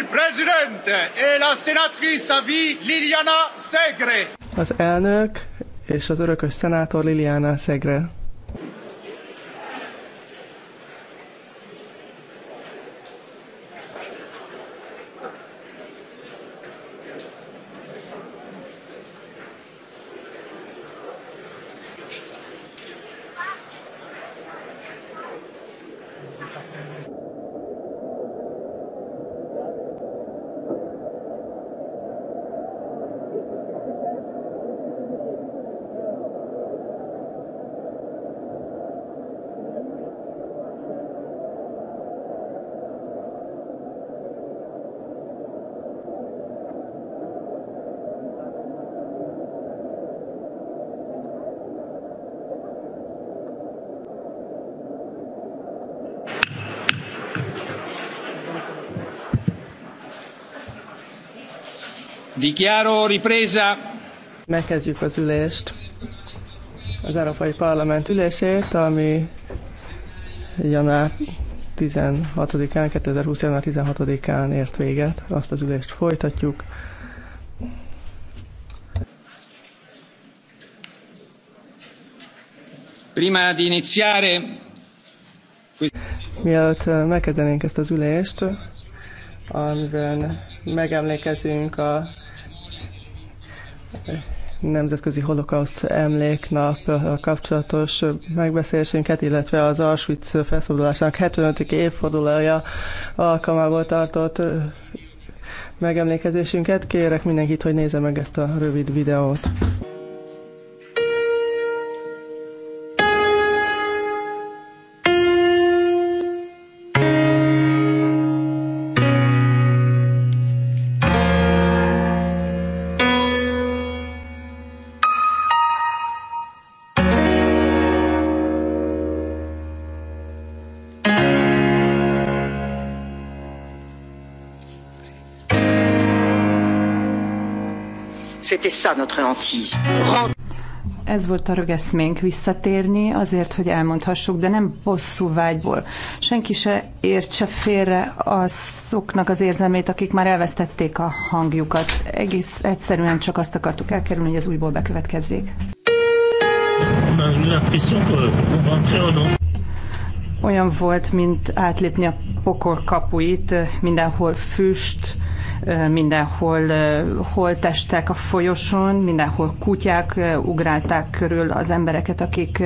Il presidente e la senatrice a vie Liliana Segre. Az elnök és az örökös szenátor Liliana Segre. Dichiaro ripresa. Megkezdjük az ülést. Az Európai Parlament ülését, ami január 16-án, 2020. január 16-án ért véget. Azt az ülést folytatjuk. Prima di iniziare Mielőtt megkezdenénk ezt az ülést, amiben megemlékezünk a Nemzetközi Holokauszt Emléknap kapcsolatos megbeszélésünket, illetve az Auschwitz felszabadulásának 75. évfordulója alkalmából tartott megemlékezésünket. Kérek mindenkit, hogy nézze meg ezt a rövid videót. C'était ça notre hantise. Rent Ez volt a rögeszménk visszatérni, azért, hogy elmondhassuk, de nem bosszú vágyból. Senki se értse félre azoknak az érzelmét, akik már elvesztették a hangjukat. Egész egyszerűen csak azt akartuk elkerülni, hogy ez újból bekövetkezzék. Olyan volt, mint átlépni a pokol kapuit, mindenhol füst, mindenhol holtestek a folyosón, mindenhol kutyák ugrálták körül az embereket, akik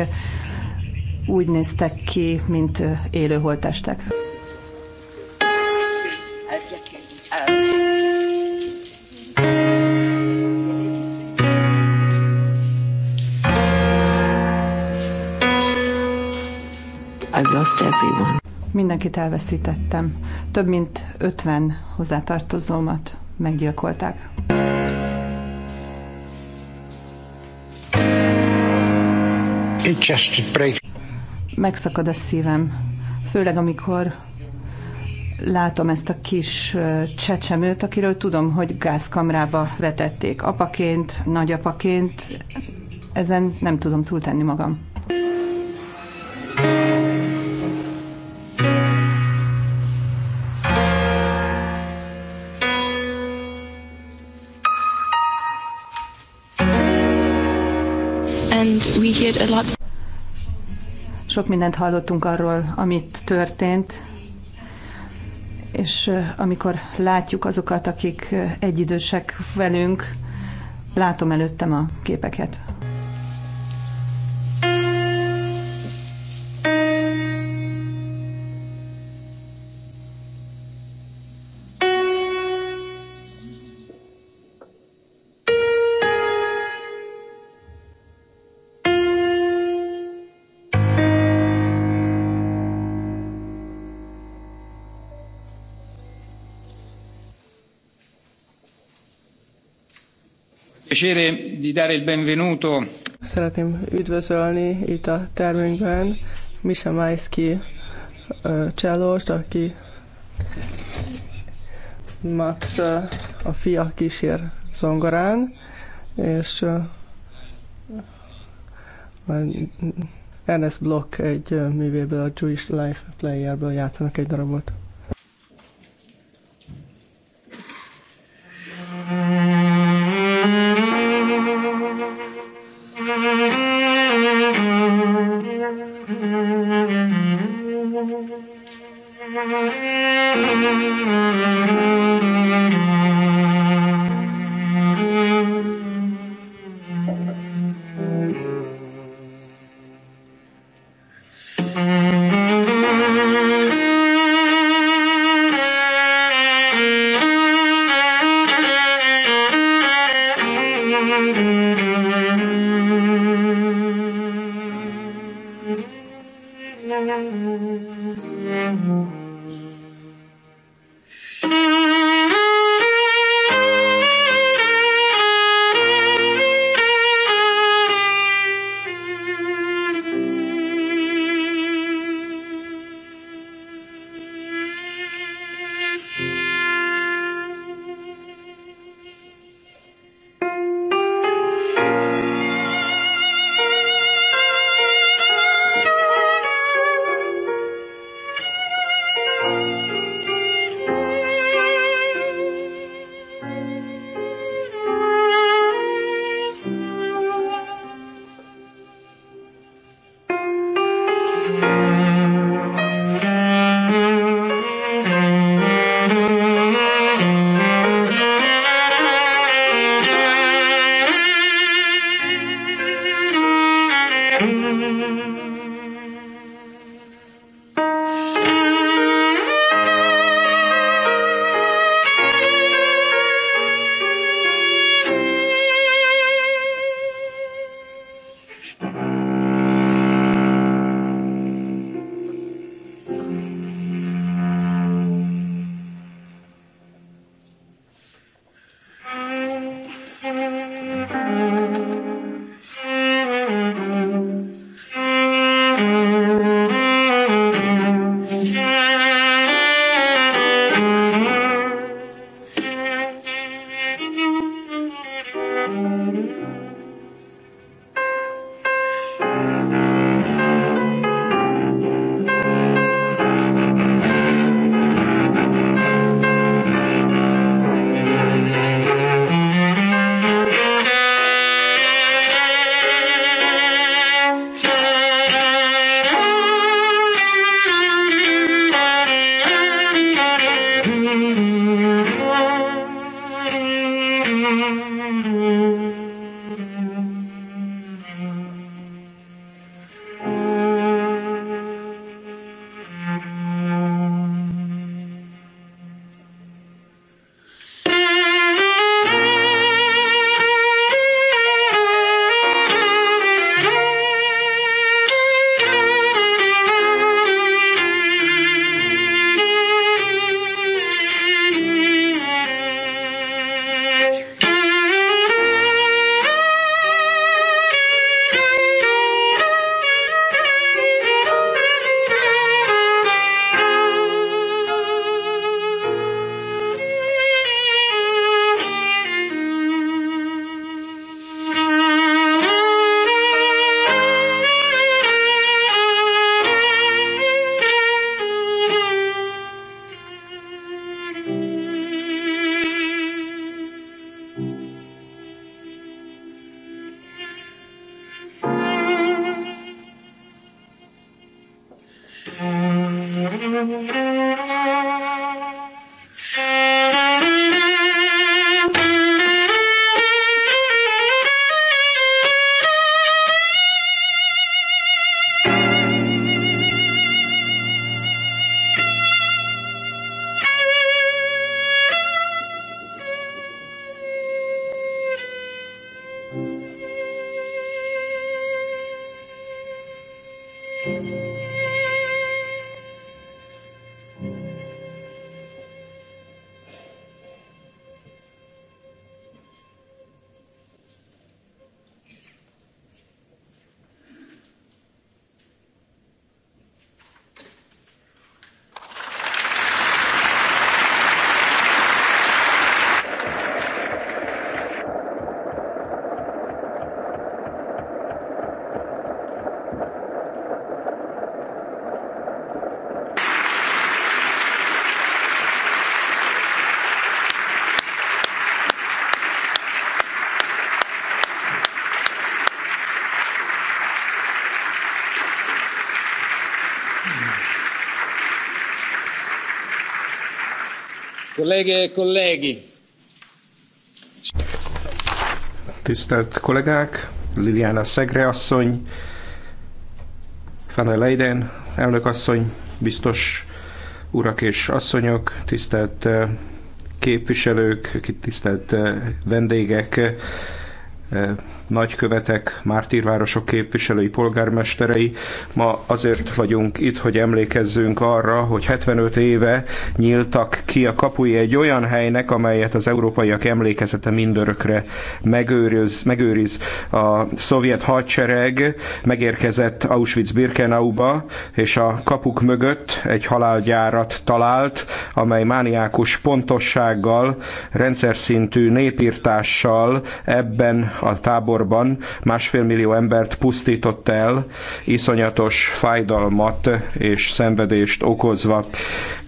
úgy néztek ki, mint élő holtestek. I've lost everyone mindenkit elveszítettem. Több mint 50 hozzátartozómat meggyilkolták. It just breaks. Megszakad a szívem, főleg amikor látom ezt a kis csecsemőt, akiről tudom, hogy gázkamrába vetették. Apaként, nagyapaként ezen nem tudom túltenni magam. and we heard a lot. Sok mindent hallottunk arról, amit történt, és amikor látjuk azokat, akik egyidősek velünk, látom előttem a képeket. Szeretném üdvözölni itt a termünkben Misa Majszki csellost, aki Max a fia kísér zongorán, és Ernest Block egy művéből, a Jewish Life Playerből játszanak egy darabot. e Tisztelt kollégák, Liliana Szegre asszony, Fanny Leiden, elnök asszony, biztos urak és asszonyok, tisztelt eh, képviselők, tisztelt eh, vendégek, eh, nagykövetek, mártírvárosok képviselői, polgármesterei. Ma azért vagyunk itt, hogy emlékezzünk arra, hogy 75 éve nyíltak ki a kapui egy olyan helynek, amelyet az európaiak emlékezete mindörökre megőriz. megőriz. A szovjet hadsereg megérkezett Auschwitz-Birkenauba, és a kapuk mögött egy halálgyárat talált, amely mániákus pontossággal, rendszer szintű népírtással ebben a tábor világháborúban másfél millió embert pusztított el, iszonyatos fájdalmat és szenvedést okozva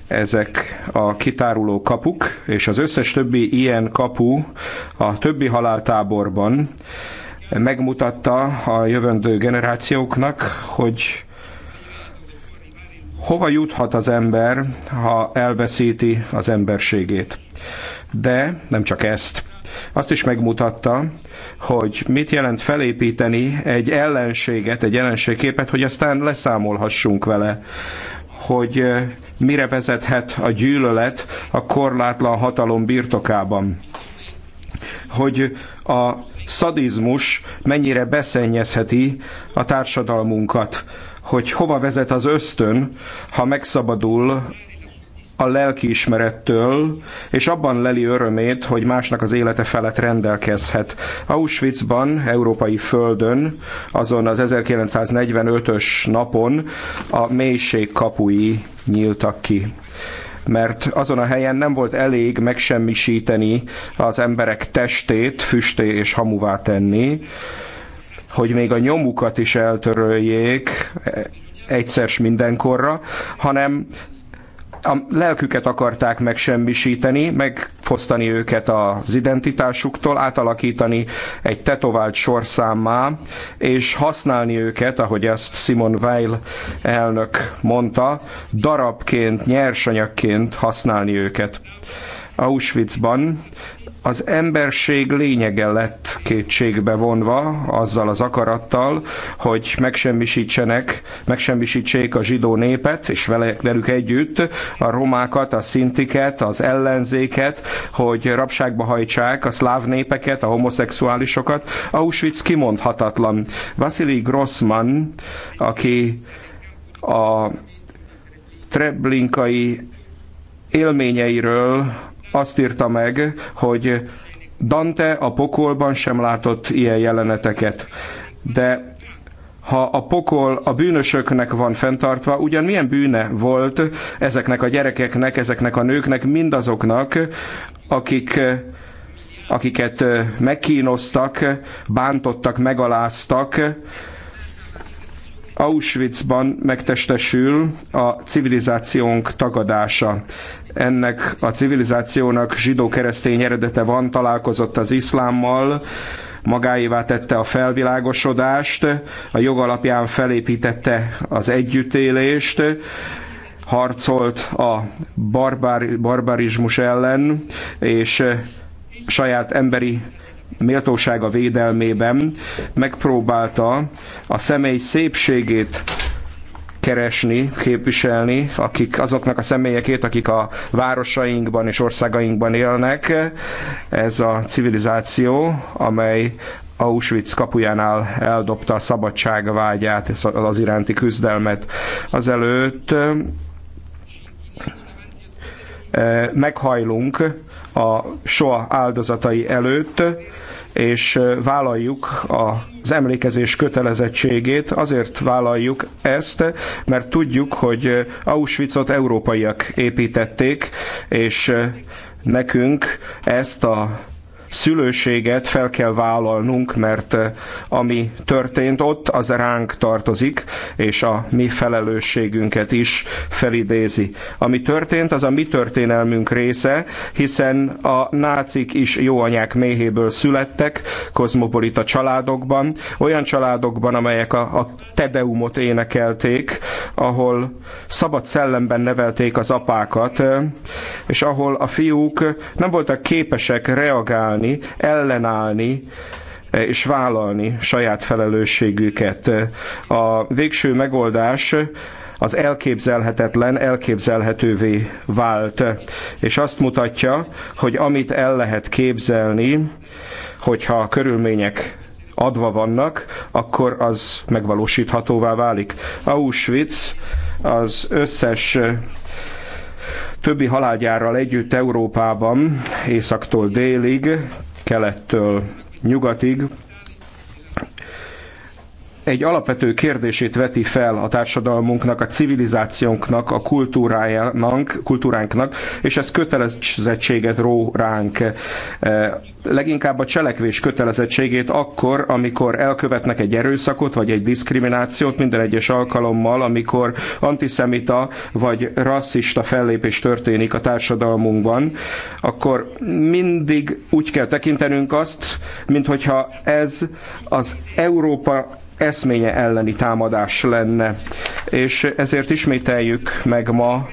ezek a kitáruló kapuk, és az összes többi ilyen kapu a többi haláltáborban megmutatta a jövendő generációknak, hogy hova juthat az ember, ha elveszíti az emberségét. De nem csak ezt. Azt is megmutatta, hogy mit jelent felépíteni egy ellenséget, egy ellenségképet, hogy aztán leszámolhassunk vele hogy mire vezethet a gyűlölet a korlátlan hatalom birtokában. Hogy a szadizmus mennyire beszennyezheti a társadalmunkat, hogy hova vezet az ösztön, ha megszabadul a lelkiismerettől, és abban leli örömét, hogy másnak az élete felett rendelkezhet. Auschwitzban, európai földön, azon az 1945-ös napon a mélység kapui nyíltak ki mert azon a helyen nem volt elég megsemmisíteni az emberek testét, füsté és hamuvá tenni, hogy még a nyomukat is eltöröljék egyszer mindenkorra, hanem a lelküket akarták megsemmisíteni, megfosztani őket az identitásuktól, átalakítani egy tetovált sorszámmá, és használni őket, ahogy ezt Simon Weil elnök mondta, darabként, nyersanyagként használni őket. Auschwitzban az emberség lényege lett kétségbe vonva azzal az akarattal, hogy megsemmisítsenek, megsemmisítsék a zsidó népet, és vele, velük együtt a romákat, a szintiket, az ellenzéket, hogy rabságba hajtsák a szláv népeket, a homoszexuálisokat. Auschwitz kimondhatatlan. Vasili Grossman, aki a Treblinkai élményeiről azt írta meg, hogy Dante a pokolban sem látott ilyen jeleneteket. De ha a pokol a bűnösöknek van fenntartva, ugyan milyen bűne volt ezeknek a gyerekeknek, ezeknek a nőknek, mindazoknak, akik akiket megkínoztak, bántottak, megaláztak. Auschwitzban megtestesül a civilizációnk tagadása. Ennek a civilizációnak zsidó-keresztény eredete van, találkozott az iszlámmal, magáévá tette a felvilágosodást, a jog alapján felépítette az együttélést, harcolt a barbár, barbarizmus ellen, és saját emberi méltósága védelmében megpróbálta a személy szépségét keresni, képviselni akik, azoknak a személyekét, akik a városainkban és országainkban élnek. Ez a civilizáció, amely Auschwitz kapujánál eldobta a szabadság vágyát, az iránti küzdelmet azelőtt. Eh, meghajlunk a soha áldozatai előtt, és vállaljuk az emlékezés kötelezettségét, azért vállaljuk ezt, mert tudjuk, hogy Auschwitzot európaiak építették, és nekünk ezt a szülőséget fel kell vállalnunk, mert eh, ami történt ott, az ránk tartozik, és a mi felelősségünket is felidézi. Ami történt, az a mi történelmünk része, hiszen a nácik is jó anyák méhéből születtek, kozmopolita családokban, olyan családokban, amelyek a, a tedeumot énekelték, ahol szabad szellemben nevelték az apákat, eh, és ahol a fiúk nem voltak képesek reagálni megállni, ellenállni, eh, és vállalni saját felelősségüket. A végső megoldás az elképzelhetetlen elképzelhetővé vált. És azt mutatja, hogy amit el lehet képzelni, hogyha a körülmények adva vannak, akkor az megvalósíthatóvá válik. Auschwitz az összes többi halálgyárral együtt Európában, északtól délig, kelettől nyugatig egy alapvető kérdését veti fel a társadalmunknak, a civilizációnknak, a kultúrájának, kultúránknak, és ez kötelezettséget ró ránk. E, leginkább a cselekvés kötelezettségét akkor, amikor elkövetnek egy erőszakot, vagy egy diszkriminációt minden egyes alkalommal, amikor antiszemita vagy rasszista fellépés történik a társadalmunkban, akkor mindig úgy kell tekintenünk azt, minthogyha ez az Európa eszménye elleni támadás lenne. És ezért ismételjük meg ma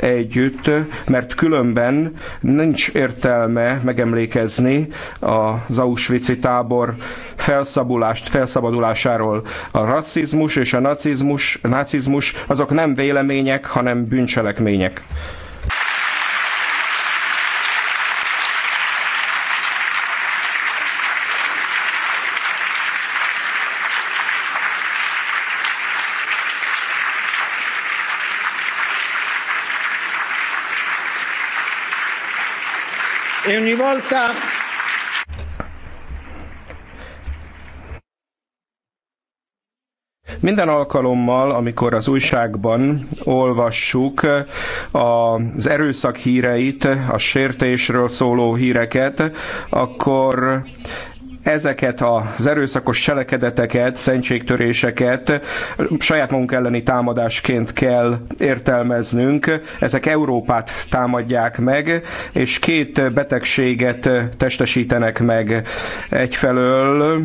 együtt, mert különben nincs értelme megemlékezni az auschwitz tábor felszabulást, felszabadulásáról. A rasszizmus és a nacizmus, a nacizmus azok nem vélemények, hanem bűncselekmények. E ogni volta Minden alkalommal, amikor az újságban olvassuk eh, az erőszak híreit, a sértésről szóló híreket, akkor ezeket az erőszakos cselekedeteket, szentségtöréseket saját magunk elleni támadásként kell értelmeznünk. Ezek Európát támadják meg, és két betegséget testesítenek meg egyfelől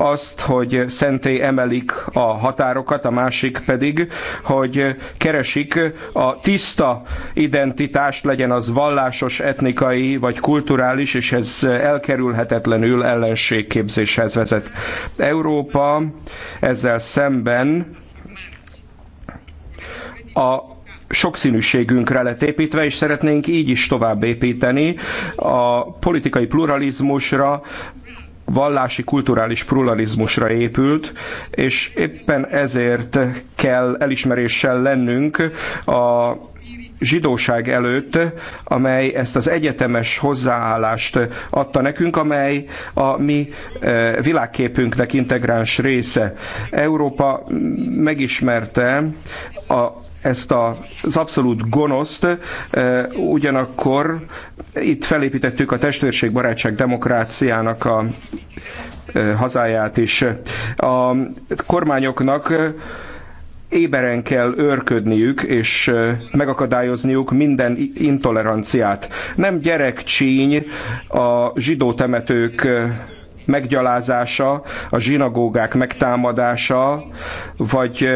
azt, hogy szenté emelik a határokat, a másik pedig, hogy keresik a tiszta identitást, legyen az vallásos, etnikai vagy kulturális, és ez elkerülhetetlenül ellenségképzéshez vezet. Európa ezzel szemben a sokszínűségünkre lett építve, és szeretnénk így is tovább építeni a politikai pluralizmusra, vallási kulturális pluralizmusra épült, és éppen ezért kell elismeréssel lennünk a zsidóság előtt, amely ezt az egyetemes hozzáállást adta nekünk, amely a mi e, világképünknek integráns része. Európa megismerte a ezt az abszolút gonoszt, e, ugyanakkor itt felépítettük a testvérség barátság demokráciának a e, hazáját is. A kormányoknak éberen kell őrködniük és e, megakadályozniuk minden intoleranciát. Nem gyerekcsíny a zsidó temetők meggyalázása, a zsinagógák megtámadása, vagy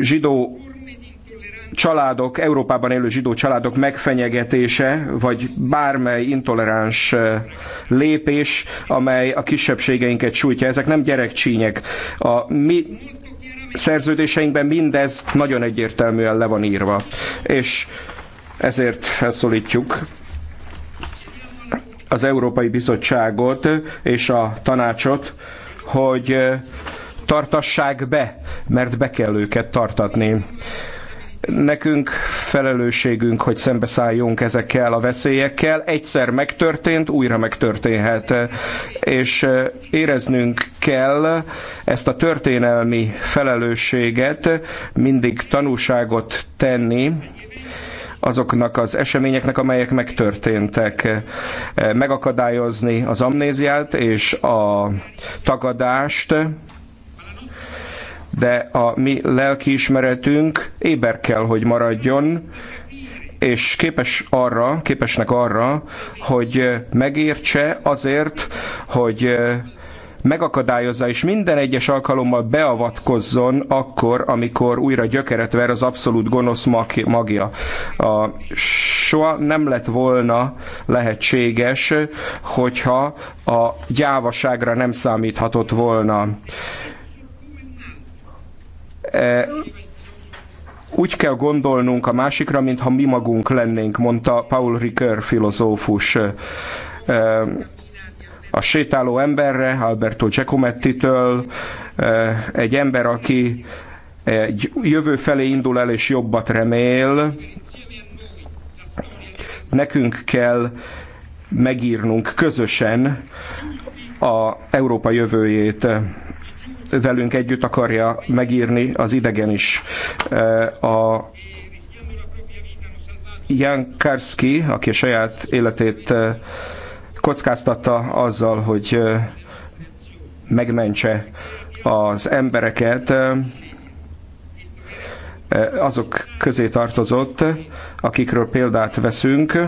zsidó családok, Európában élő zsidó családok megfenyegetése, vagy bármely intoleráns lépés, amely a kisebbségeinket sújtja. Ezek nem gyerekcsínyek. A mi szerződéseinkben mindez nagyon egyértelműen le van írva. És ezért felszólítjuk az Európai Bizottságot és a tanácsot, hogy tartassák be, mert be kell őket tartatni nekünk felelősségünk, hogy szembeszálljunk ezekkel a veszélyekkel. Egyszer megtörtént, újra megtörténhet, és éreznünk kell ezt a történelmi felelősséget, mindig tanúságot tenni, azoknak az eseményeknek, amelyek megtörténtek. Megakadályozni az amnéziát és a tagadást, de a mi lelkiismeretünk éber kell, hogy maradjon, és képes arra, képesnek arra, hogy megértse azért, hogy megakadályozza és minden egyes alkalommal beavatkozzon akkor, amikor újra gyökeret ver az abszolút gonosz magja. A soha nem lett volna lehetséges, hogyha a gyávaságra nem számíthatott volna úgy kell gondolnunk a másikra, mintha mi magunk lennénk, mondta Paul Ricoeur filozófus a sétáló emberre, Alberto Giacometti-től, egy ember, aki egy jövő felé indul el és jobbat remél, nekünk kell megírnunk közösen a Európa jövőjét velünk együtt akarja megírni az idegen is. A Jan Karski, aki a saját életét kockáztatta azzal, hogy megmentse az embereket, azok közé tartozott, akikről példát veszünk,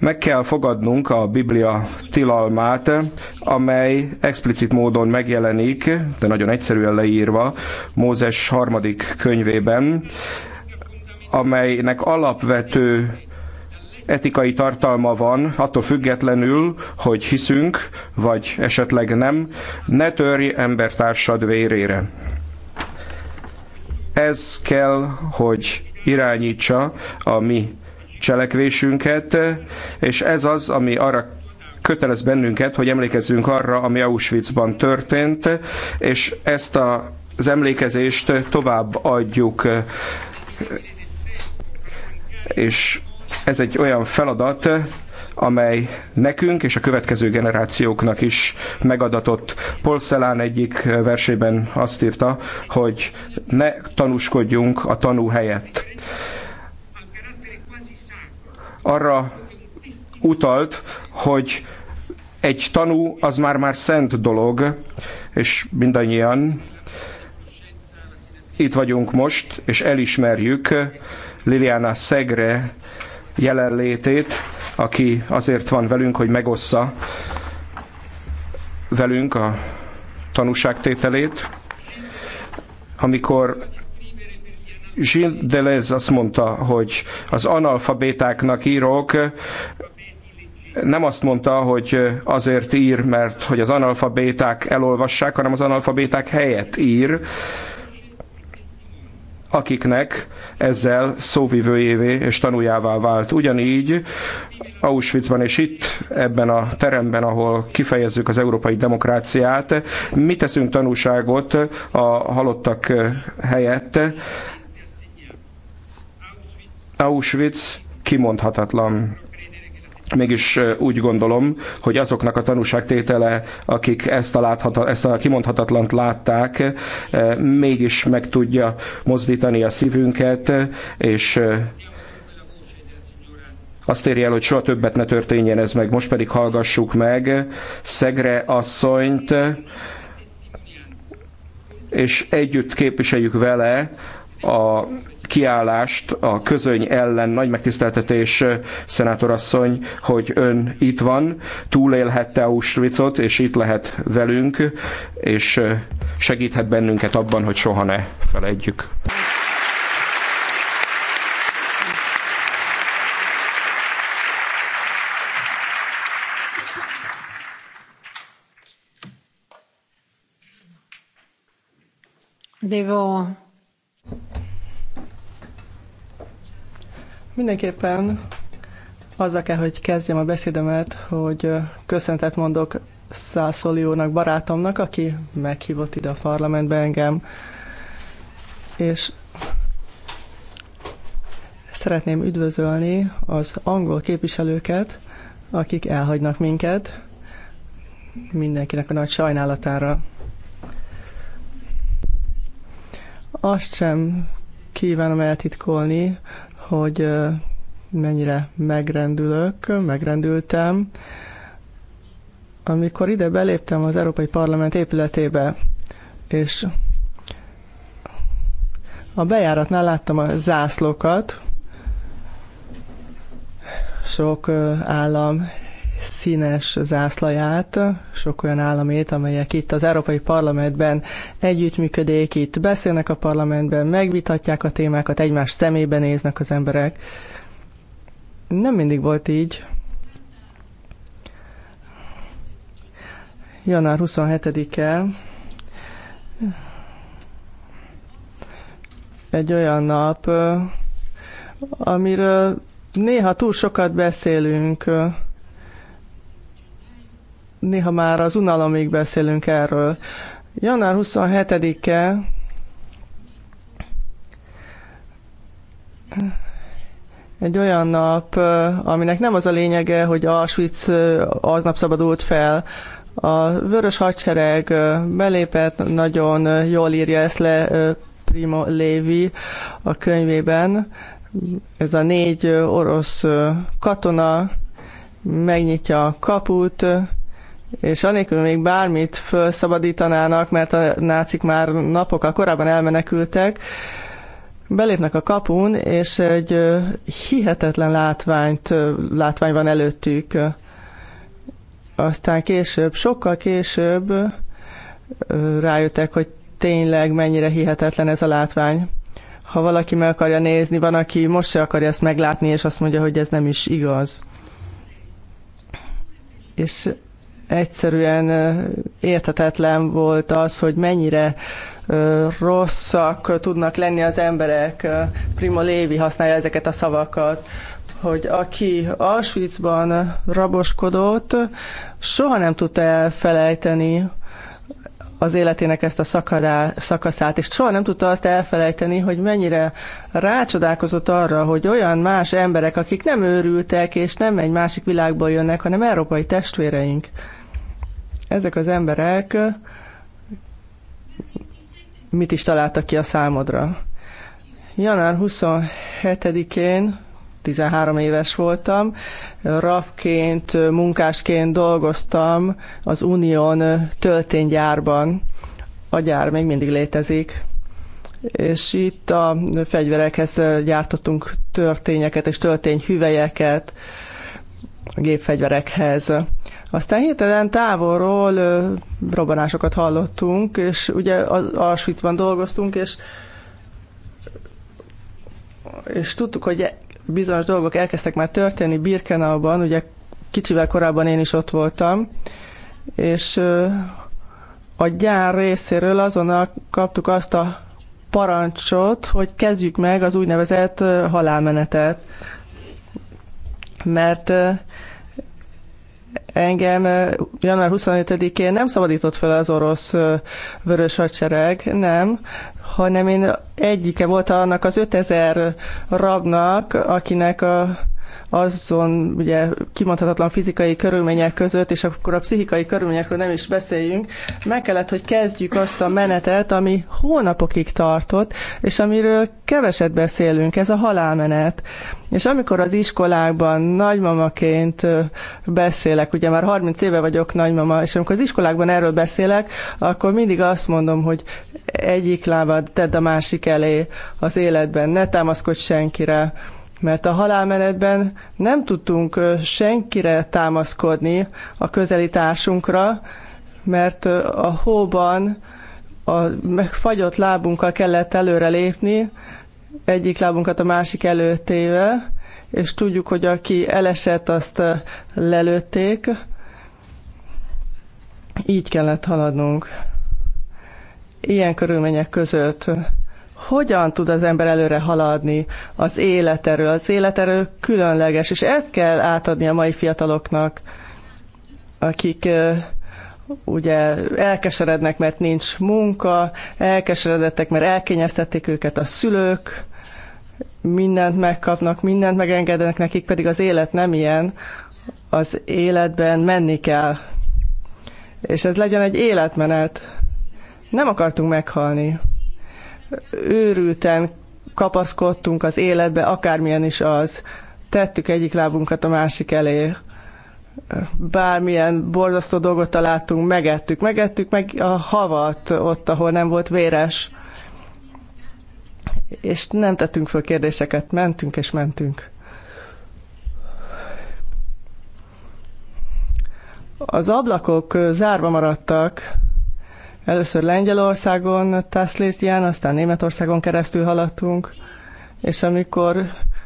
meg kell fogadnunk a Biblia tilalmát, amely explicit módon megjelenik, de nagyon egyszerűen leírva, Mózes harmadik könyvében, amelynek alapvető etikai tartalma van, attól függetlenül, hogy hiszünk, vagy esetleg nem, ne törj embertársad vérére. Ez kell, hogy irányítsa a mi cselekvésünket, és ez az, ami arra kötelez bennünket, hogy emlékezzünk arra, ami Auschwitzban történt, és ezt a, az emlékezést tovább adjuk. És ez egy olyan feladat, amely nekünk és a következő generációknak is megadatott. Paul egyik versében azt írta, hogy ne tanúskodjunk a tanú helyett arra utalt, hogy egy tanú az már-már szent dolog, és mindannyian itt vagyunk most, és elismerjük Liliana Szegre jelenlétét, aki azért van velünk, hogy megossza velünk a tanúságtételét. Amikor Gilles Deleuze azt mondta, hogy az analfabétáknak írók nem azt mondta, hogy azért ír, mert hogy az analfabéták elolvassák, hanem az analfabéták helyett ír, akiknek ezzel szóvivőjévé és tanuljává vált. Ugyanígy Auschwitzban és itt, ebben a teremben, ahol kifejezzük az európai demokráciát, mi teszünk tanúságot a halottak helyett, Auschwitz kimondhatatlan mégis úgy gondolom, hogy azoknak a tanúságtétele, akik ezt a, láthata, ezt a kimondhatatlant látták, mégis meg tudja mozdítani a szívünket, és azt érje el, hogy soha többet ne történjen ez meg. Most pedig hallgassuk meg Szegre asszonyt, és együtt képviseljük vele a kiállást a közöny ellen. Nagy megtiszteltetés, szenátorasszony, hogy ön itt van, túlélhette Auschwitzot, és itt lehet velünk, és segíthet bennünket abban, hogy soha ne felejtjük. Devo Mindenképpen azzal kell, hogy kezdjem a beszédemet, hogy köszöntet mondok Szászoliónak, barátomnak, aki meghívott ide a parlamentbe engem, és szeretném üdvözölni az angol képviselőket, akik elhagynak minket, mindenkinek a nagy sajnálatára. Azt sem kívánom eltitkolni, hogy mennyire megrendülök, megrendültem, amikor ide beléptem az Európai Parlament épületébe, és a bejáratnál láttam a zászlókat, sok állam színes zászlaját, sok olyan államét, amelyek itt az Európai Parlamentben együttműködik, itt beszélnek a parlamentben, megvitatják a témákat, egymás szemébe néznek az emberek. Nem mindig volt így. Január 27-e egy olyan nap, amiről néha túl sokat beszélünk, néha már az unalomig beszélünk erről. Január 27-e egy olyan nap, aminek nem az a lényege, hogy Auschwitz aznap szabadult fel. A vörös hadsereg belépett, nagyon jól írja ezt le Primo Levi a könyvében. Ez a négy orosz katona megnyitja a kaput, és anélkül még bármit felszabadítanának, mert a nácik már napokkal korábban elmenekültek, belépnek a kapun, és egy hihetetlen látványt, látvány van előttük. Aztán később, sokkal később rájöttek, hogy tényleg mennyire hihetetlen ez a látvány. Ha valaki meg akarja nézni, van, aki most se akarja ezt meglátni, és azt mondja, hogy ez nem is igaz. És egyszerűen érthetetlen volt az, hogy mennyire rosszak tudnak lenni az emberek. Primo Lévi használja ezeket a szavakat, hogy aki Auschwitzban raboskodott, soha nem tudta elfelejteni az életének ezt a szakadá, szakaszát, és soha nem tudta azt elfelejteni, hogy mennyire rácsodálkozott arra, hogy olyan más emberek, akik nem őrültek, és nem egy másik világból jönnek, hanem európai testvéreink, ezek az emberek mit is találtak ki a számodra? Január 27-én 13 éves voltam, rapként, munkásként dolgoztam az Unión tölténygyárban. A gyár még mindig létezik, és itt a fegyverekhez gyártottunk történyeket és töltényhüvelyeket a gépfegyverekhez. Aztán hirtelen távolról ö, robbanásokat hallottunk, és ugye az Auschwitzban dolgoztunk, és, és tudtuk, hogy bizonyos dolgok elkezdtek már történni Birkenauban, ugye kicsivel korábban én is ott voltam, és ö, a gyár részéről azonnal kaptuk azt a parancsot, hogy kezdjük meg az úgynevezett halálmenetet. Mert engem január 25-én nem szabadított fel az orosz vörös hadsereg, nem, hanem én egyike volt annak az 5000 rabnak, akinek a azon ugye kimondhatatlan fizikai körülmények között, és akkor a pszichikai körülményekről nem is beszéljünk, meg kellett, hogy kezdjük azt a menetet, ami hónapokig tartott, és amiről keveset beszélünk, ez a halálmenet. És amikor az iskolákban nagymamaként beszélek, ugye már 30 éve vagyok nagymama, és amikor az iskolákban erről beszélek, akkor mindig azt mondom, hogy egyik lábad tedd a másik elé az életben, ne támaszkodj senkire, mert a halálmenetben nem tudtunk senkire támaszkodni a közelításunkra, mert a hóban a megfagyott lábunkkal kellett előre lépni, egyik lábunkat a másik előtéve, és tudjuk, hogy aki elesett, azt lelőtték. Így kellett haladnunk. Ilyen körülmények között hogyan tud az ember előre haladni az életerről. Az életerő különleges, és ezt kell átadni a mai fiataloknak, akik ugye elkeserednek, mert nincs munka, elkeseredettek, mert elkényeztették őket a szülők, mindent megkapnak, mindent megengedenek nekik, pedig az élet nem ilyen, az életben menni kell. És ez legyen egy életmenet. Nem akartunk meghalni őrülten kapaszkodtunk az életbe, akármilyen is az. Tettük egyik lábunkat a másik elé. Bármilyen borzasztó dolgot találtunk, megettük. Megettük meg a havat ott, ahol nem volt véres. És nem tettünk föl kérdéseket, mentünk és mentünk. Az ablakok zárva maradtak, Először Lengyelországon Tászlészján, aztán Németországon keresztül haladtunk, és amikor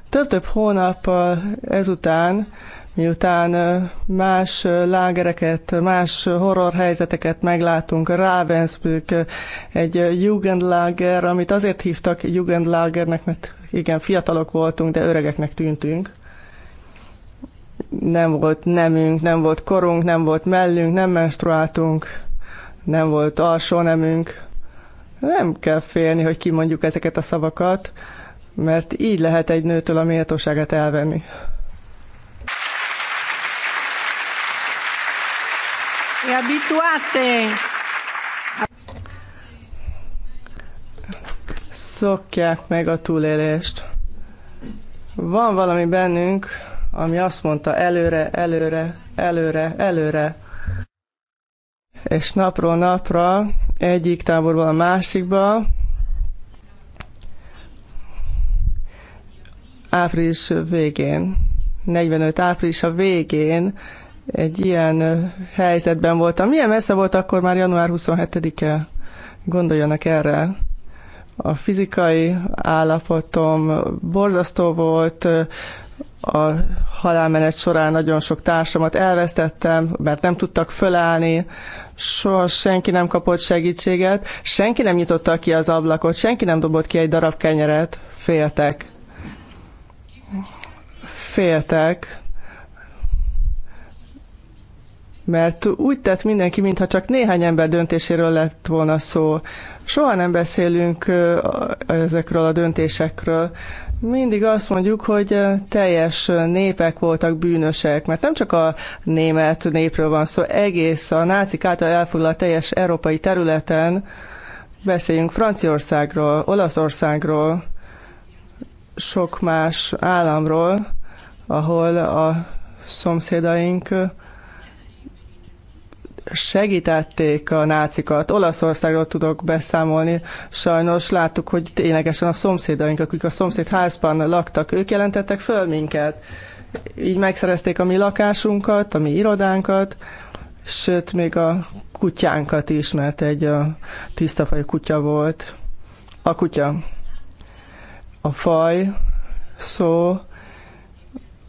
több-több hónap ezután, miután más lágereket, más horror helyzeteket meglátunk, Ravensbrück, egy Jugendlager, amit azért hívtak Jugendlagernek, mert igen, fiatalok voltunk, de öregeknek tűntünk nem volt nemünk, nem volt korunk, nem volt mellünk, nem menstruáltunk nem volt alsó nemünk. Nem kell félni, hogy kimondjuk ezeket a szavakat, mert így lehet egy nőtől a méltóságát elvenni. E abituate. Szokják meg a túlélést. Van valami bennünk, ami azt mondta előre, előre, előre, előre és napról napra egyik táborból a másikba, április végén, 45 április a végén egy ilyen helyzetben voltam. Milyen messze volt akkor már január 27-e? Gondoljanak erre. A fizikai állapotom borzasztó volt, a halálmenet során nagyon sok társamat elvesztettem, mert nem tudtak fölállni, soha senki nem kapott segítséget, senki nem nyitotta ki az ablakot, senki nem dobott ki egy darab kenyeret, féltek. Féltek. Mert úgy tett mindenki, mintha csak néhány ember döntéséről lett volna szó. Soha nem beszélünk ezekről a döntésekről. Mindig azt mondjuk, hogy teljes népek voltak bűnösek, mert nem csak a német népről van szó, egész a nácik által elfoglalt teljes európai területen beszéljünk Franciaországról, Olaszországról, sok más államról, ahol a szomszédaink segítették a nácikat. Olaszországról tudok beszámolni. Sajnos láttuk, hogy ténylegesen a szomszédaink, akik a szomszéd házban laktak, ők jelentettek föl minket. Így megszerezték a mi lakásunkat, a mi irodánkat, sőt, még a kutyánkat is, mert egy a tisztafajú kutya volt. A kutya. A faj szó,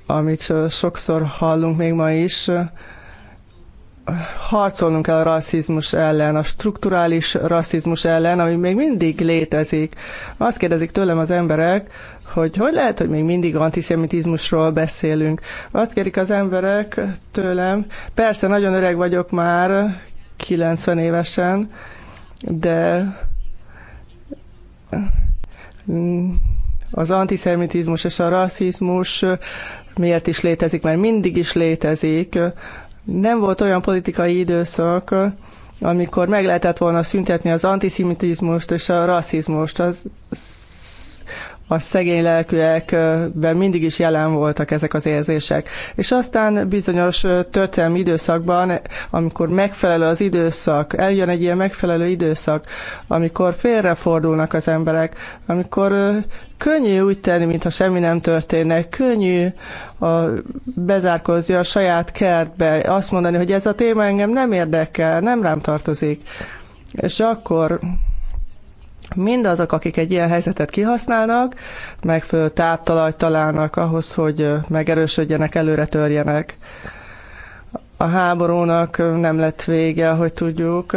amit sokszor hallunk még ma is, harcolnunk kell a rasszizmus ellen, a strukturális rasszizmus ellen, ami még mindig létezik. Azt kérdezik tőlem az emberek, hogy hogy lehet, hogy még mindig antiszemitizmusról beszélünk. Azt kérik az emberek tőlem, persze nagyon öreg vagyok már, 90 évesen, de az antiszemitizmus és a rasszizmus miért is létezik, mert mindig is létezik nem volt olyan politikai időszak, amikor meg lehetett volna szüntetni az antiszemitizmust és a rasszizmust. Az a szegény lelkűekben mindig is jelen voltak ezek az érzések. És aztán bizonyos történelmi időszakban, amikor megfelelő az időszak, eljön egy ilyen megfelelő időszak, amikor félrefordulnak az emberek, amikor könnyű úgy tenni, mintha semmi nem történne, könnyű a, bezárkozni a saját kertbe, azt mondani, hogy ez a téma engem nem érdekel, nem rám tartozik. És akkor mindazok, akik egy ilyen helyzetet kihasználnak, megfelelő táptalajt találnak ahhoz, hogy megerősödjenek, előre törjenek. A háborúnak nem lett vége, ahogy tudjuk.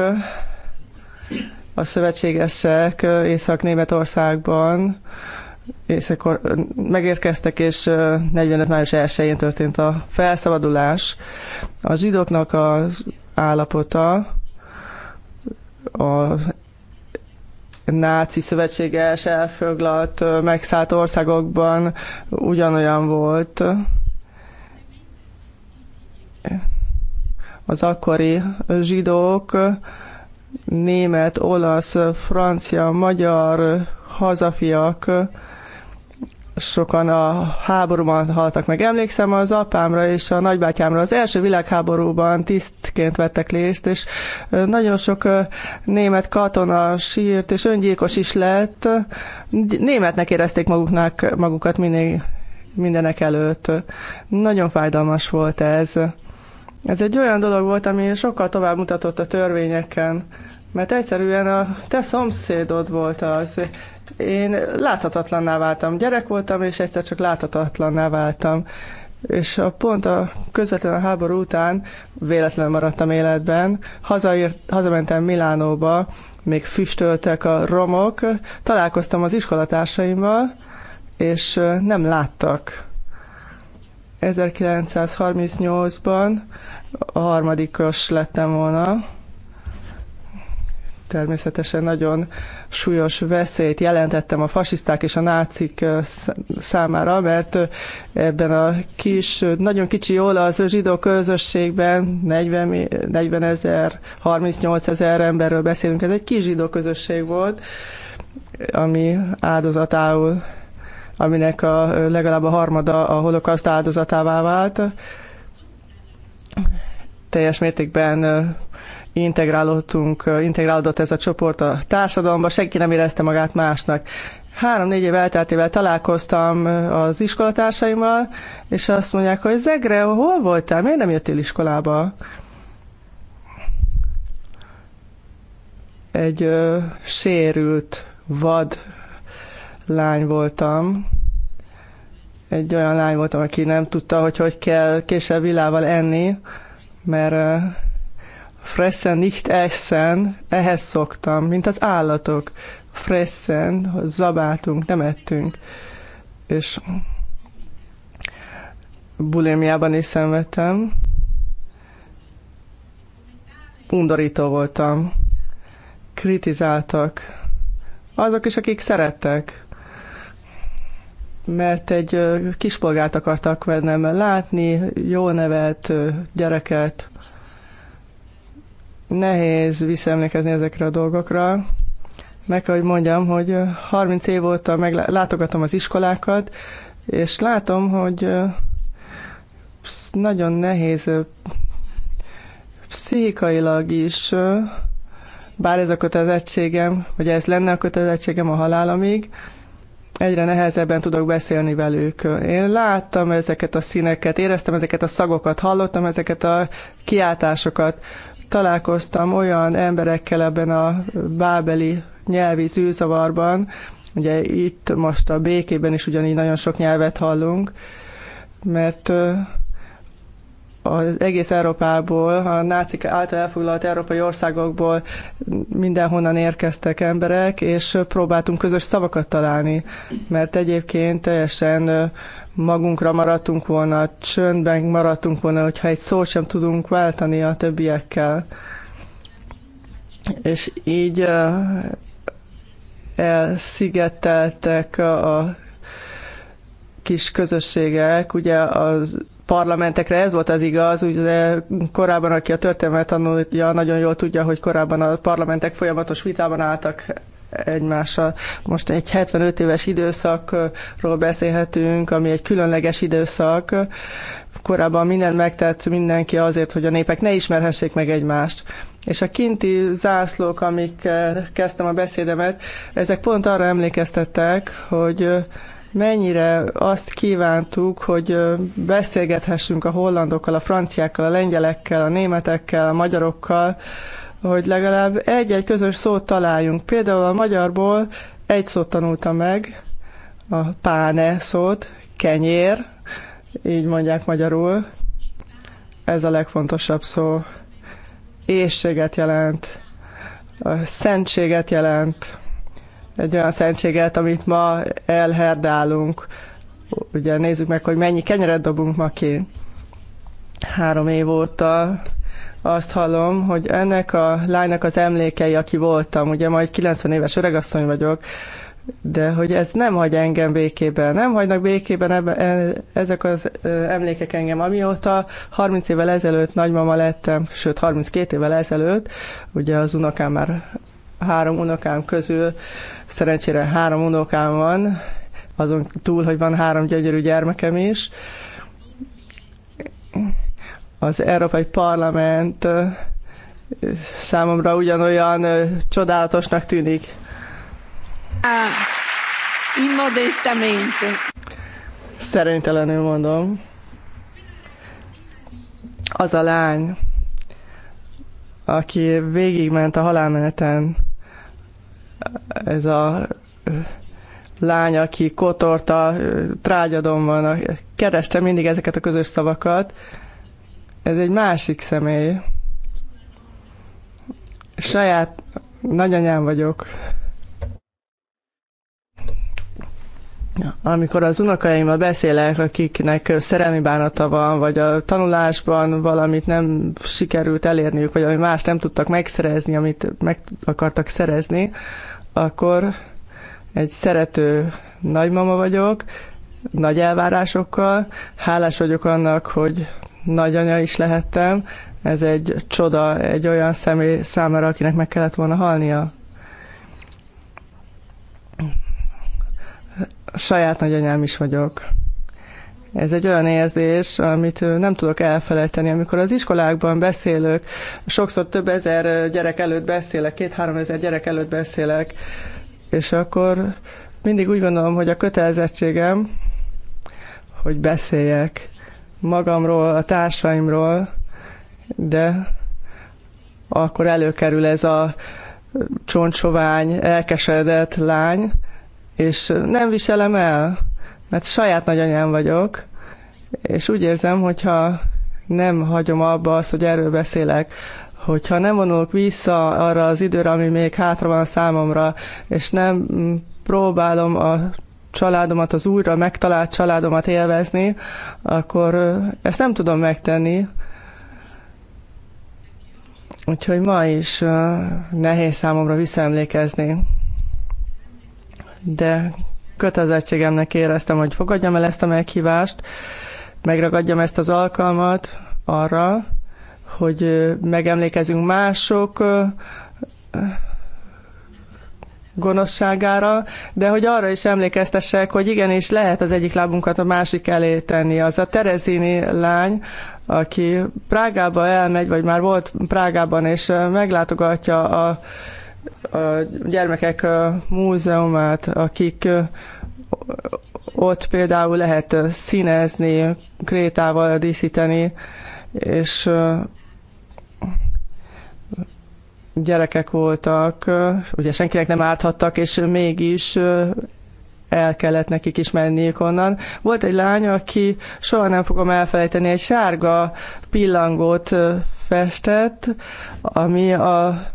A szövetségesek Észak-Németországban és akkor megérkeztek, és 45. május 1-én történt a felszabadulás. A zsidóknak az állapota a náci szövetséges elfoglalt, megszállt országokban ugyanolyan volt. Az akkori zsidók német, olasz, francia, magyar hazafiak sokan a háborúban haltak meg. Emlékszem az apámra és a nagybátyámra. Az első világháborúban tisztként vettek részt, és nagyon sok német katona sírt, és öngyilkos is lett. Németnek érezték maguknak, magukat minél, mindenek előtt. Nagyon fájdalmas volt ez. Ez egy olyan dolog volt, ami sokkal tovább mutatott a törvényeken, mert egyszerűen a te szomszédod volt az, én láthatatlanná váltam. Gyerek voltam, és egyszer csak láthatatlanná váltam. És a pont a közvetlen a háború után véletlenül maradtam életben. Hazaért, hazamentem Milánóba, még füstöltek a romok, találkoztam az iskolatársaimmal, és nem láttak. 1938-ban a harmadikos lettem volna, természetesen nagyon súlyos veszélyt jelentettem a fasiszták és a nácik számára, mert ebben a kis, nagyon kicsi olasz zsidó közösségben 40, 40 ezer, 38 ezer emberről beszélünk, ez egy kis zsidó közösség volt, ami áldozatául, aminek a, legalább a harmada a holokauszt áldozatává vált. Teljes mértékben integrálódtunk, integrálódott ez a csoport a társadalomba, senki nem érezte magát másnak. Három-négy év elteltével találkoztam az iskolatársaimmal, és azt mondják, hogy Zegre, hol voltál? Miért nem jöttél iskolába? Egy ö, sérült, vad lány voltam, egy olyan lány voltam, aki nem tudta, hogy hogy kell később villával enni, mert Fressen, nicht essen, ehhez szoktam, mint az állatok. Fressen, zabáltunk, nem ettünk. És bulimiában is szenvedtem. Undorító voltam. Kritizáltak. Azok is, akik szerettek. Mert egy kispolgárt akartak vennem látni, jó nevelt gyereket. Nehéz visszaemlékezni ezekre a dolgokra. Meg kell, hogy mondjam, hogy 30 év óta meglátogatom az iskolákat, és látom, hogy nagyon nehéz pszichikailag is, bár ez a kötelezettségem, vagy ez lenne a kötelezettségem a halálomig, egyre nehezebben tudok beszélni velük. Én láttam ezeket a színeket, éreztem ezeket a szagokat, hallottam ezeket a kiáltásokat. Találkoztam olyan emberekkel ebben a bábeli nyelvi zűzavarban, ugye itt most a békében is ugyanígy nagyon sok nyelvet hallunk, mert az egész Európából, a nácik által elfoglalt európai országokból mindenhonnan érkeztek emberek, és próbáltunk közös szavakat találni, mert egyébként teljesen magunkra maradtunk volna, csöndben maradtunk volna, hogyha egy szót sem tudunk váltani a többiekkel. És így elszigeteltek a kis közösségek, ugye az parlamentekre. Ez volt az igaz, ugye korábban, aki a történelmet tanulja, nagyon jól tudja, hogy korábban a parlamentek folyamatos vitában álltak egymással. Most egy 75 éves időszakról beszélhetünk, ami egy különleges időszak. Korábban mindent megtett mindenki azért, hogy a népek ne ismerhessék meg egymást. És a kinti zászlók, amik kezdtem a beszédemet, ezek pont arra emlékeztettek, hogy mennyire azt kívántuk, hogy beszélgethessünk a hollandokkal, a franciákkal, a lengyelekkel, a németekkel, a magyarokkal, hogy legalább egy-egy közös szót találjunk. Például a magyarból egy szót tanultam meg, a páne szót, kenyér, így mondják magyarul. Ez a legfontosabb szó. Ésséget jelent, szentséget jelent, egy olyan szentséget, amit ma elherdálunk. Ugye nézzük meg, hogy mennyi kenyeret dobunk ma ki. Három év óta azt hallom, hogy ennek a lánynak az emlékei, aki voltam, ugye majd 90 éves öregasszony vagyok, de hogy ez nem hagy engem békében, nem hagynak békében ebbe, e, ezek az e, emlékek engem. Amióta 30 évvel ezelőtt nagymama lettem, sőt 32 évvel ezelőtt, ugye az unokám már három unokám közül, szerencsére három unokám van, azon túl, hogy van három gyönyörű gyermekem is. Az Európai Parlament számomra ugyanolyan csodálatosnak tűnik. Ah, immodestamente. Szerénytelenül mondom. Az a lány, aki végigment a halálmeneten, ez a lány, aki kotorta, trágyadom van, kerestem mindig ezeket a közös szavakat. Ez egy másik személy. Saját nagyanyám vagyok. amikor az unokáimmal beszélek, akiknek szerelmi bánata van, vagy a tanulásban valamit nem sikerült elérniük, vagy ami más nem tudtak megszerezni, amit meg akartak szerezni, akkor egy szerető nagymama vagyok, nagy elvárásokkal. Hálás vagyok annak, hogy nagyanya is lehettem. Ez egy csoda egy olyan személy számára, akinek meg kellett volna halnia. A saját nagyanyám is vagyok. Ez egy olyan érzés, amit nem tudok elfelejteni. Amikor az iskolákban beszélök, sokszor több ezer gyerek előtt beszélek, két-három ezer gyerek előtt beszélek, és akkor mindig úgy gondolom, hogy a kötelezettségem, hogy beszéljek magamról, a társaimról, de akkor előkerül ez a csontsovány, elkeseredett lány, és nem viselem el, mert saját nagyanyám vagyok, és úgy érzem, hogyha nem hagyom abba azt, hogy erről beszélek, hogyha nem vonulok vissza arra az időre, ami még hátra van számomra, és nem mm, próbálom a családomat, az újra megtalált családomat élvezni, akkor ezt nem tudom megtenni. Úgyhogy ma is nehéz számomra visszaemlékezni de kötelezettségemnek éreztem, hogy fogadjam el ezt a meghívást, megragadjam ezt az alkalmat arra, hogy megemlékezünk mások gonoszságára, de hogy arra is emlékeztessek, hogy igenis lehet az egyik lábunkat a másik elé tenni. Az a Terezini lány, aki Prágába elmegy, vagy már volt Prágában, és meglátogatja a a gyermekek múzeumát, akik ott például lehet színezni, krétával díszíteni, és gyerekek voltak, ugye senkinek nem árthattak, és mégis el kellett nekik is menniük onnan. Volt egy lány, aki soha nem fogom elfelejteni, egy sárga pillangót festett, ami a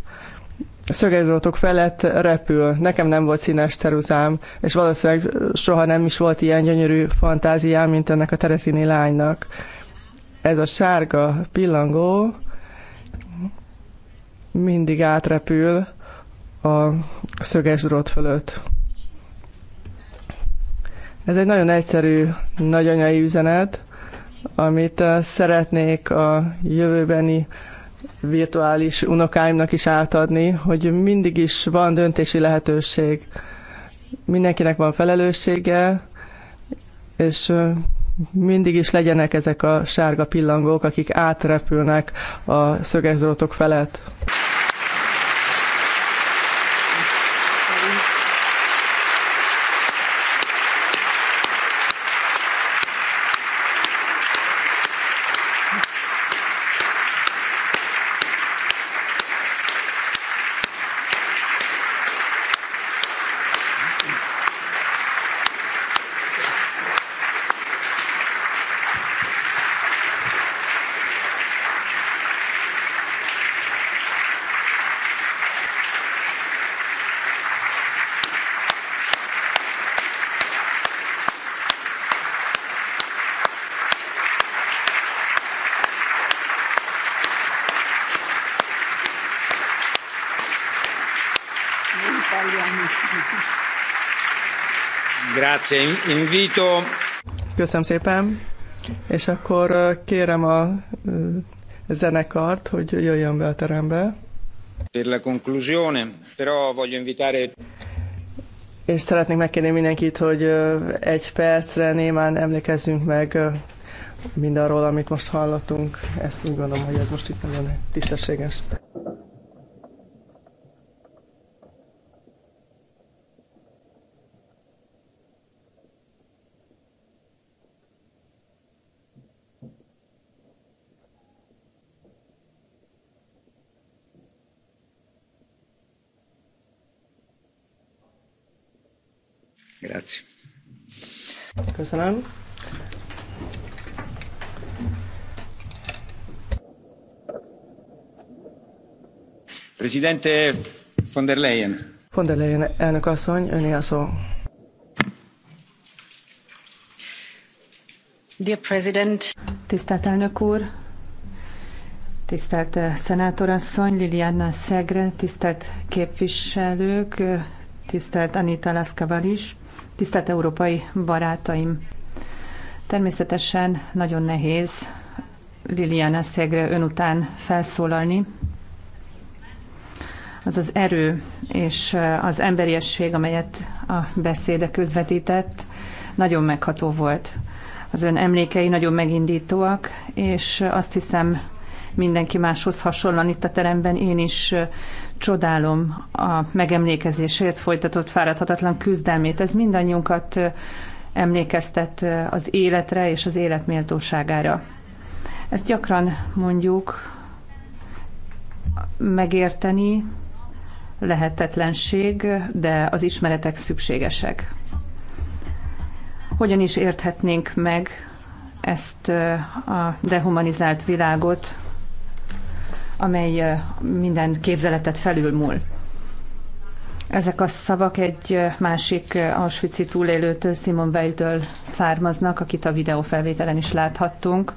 szögezrótok felett repül. Nekem nem volt színes ceruzám, és valószínűleg soha nem is volt ilyen gyönyörű fantáziám, mint ennek a tereszini lánynak. Ez a sárga pillangó mindig átrepül a szöges drót fölött. Ez egy nagyon egyszerű, nagyanyai üzenet, amit eh, szeretnék a jövőbeni virtuális unokáimnak is átadni, hogy mindig is van döntési lehetőség. Mindenkinek van felelőssége, és mindig is legyenek ezek a sárga pillangók, akik átrepülnek a szöges felett. Köszönöm szépen, és akkor kérem a zenekart, hogy jöjjön be a terembe. Per la conclusione, però voglio invitare és szeretnék megkérni mindenkit, hogy egy percre némán emlékezzünk meg mindarról, amit most hallottunk. Ezt úgy gondolom, hogy ez most itt nagyon tisztességes. Grazie. Köszönöm. Presidente von der Leyen. Von der Leyen elnök asszony, öné a szó. Dear President. Tisztelt elnök úr, tisztelt eh, szenátorasszony, Liliana Szegre, tisztelt képviselők, eh, tisztelt Anita Laszkavaris. Tisztelt európai barátaim! Természetesen nagyon nehéz Liliana Szegre ön után felszólalni. Az az erő és az emberiesség, amelyet a beszéde közvetített, nagyon megható volt. Az ön emlékei nagyon megindítóak, és azt hiszem mindenki máshoz hasonlóan itt a teremben én is csodálom a megemlékezésért folytatott fáradhatatlan küzdelmét. Ez mindannyiunkat emlékeztet az életre és az élet méltóságára. Ezt gyakran mondjuk, megérteni lehetetlenség, de az ismeretek szükségesek. Hogyan is érthetnénk meg ezt a dehumanizált világot, amely minden képzeletet felülmúl. Ezek a szavak egy másik auschwitz túlélőtől, Simon weil származnak, akit a videófelvételen is láthattunk.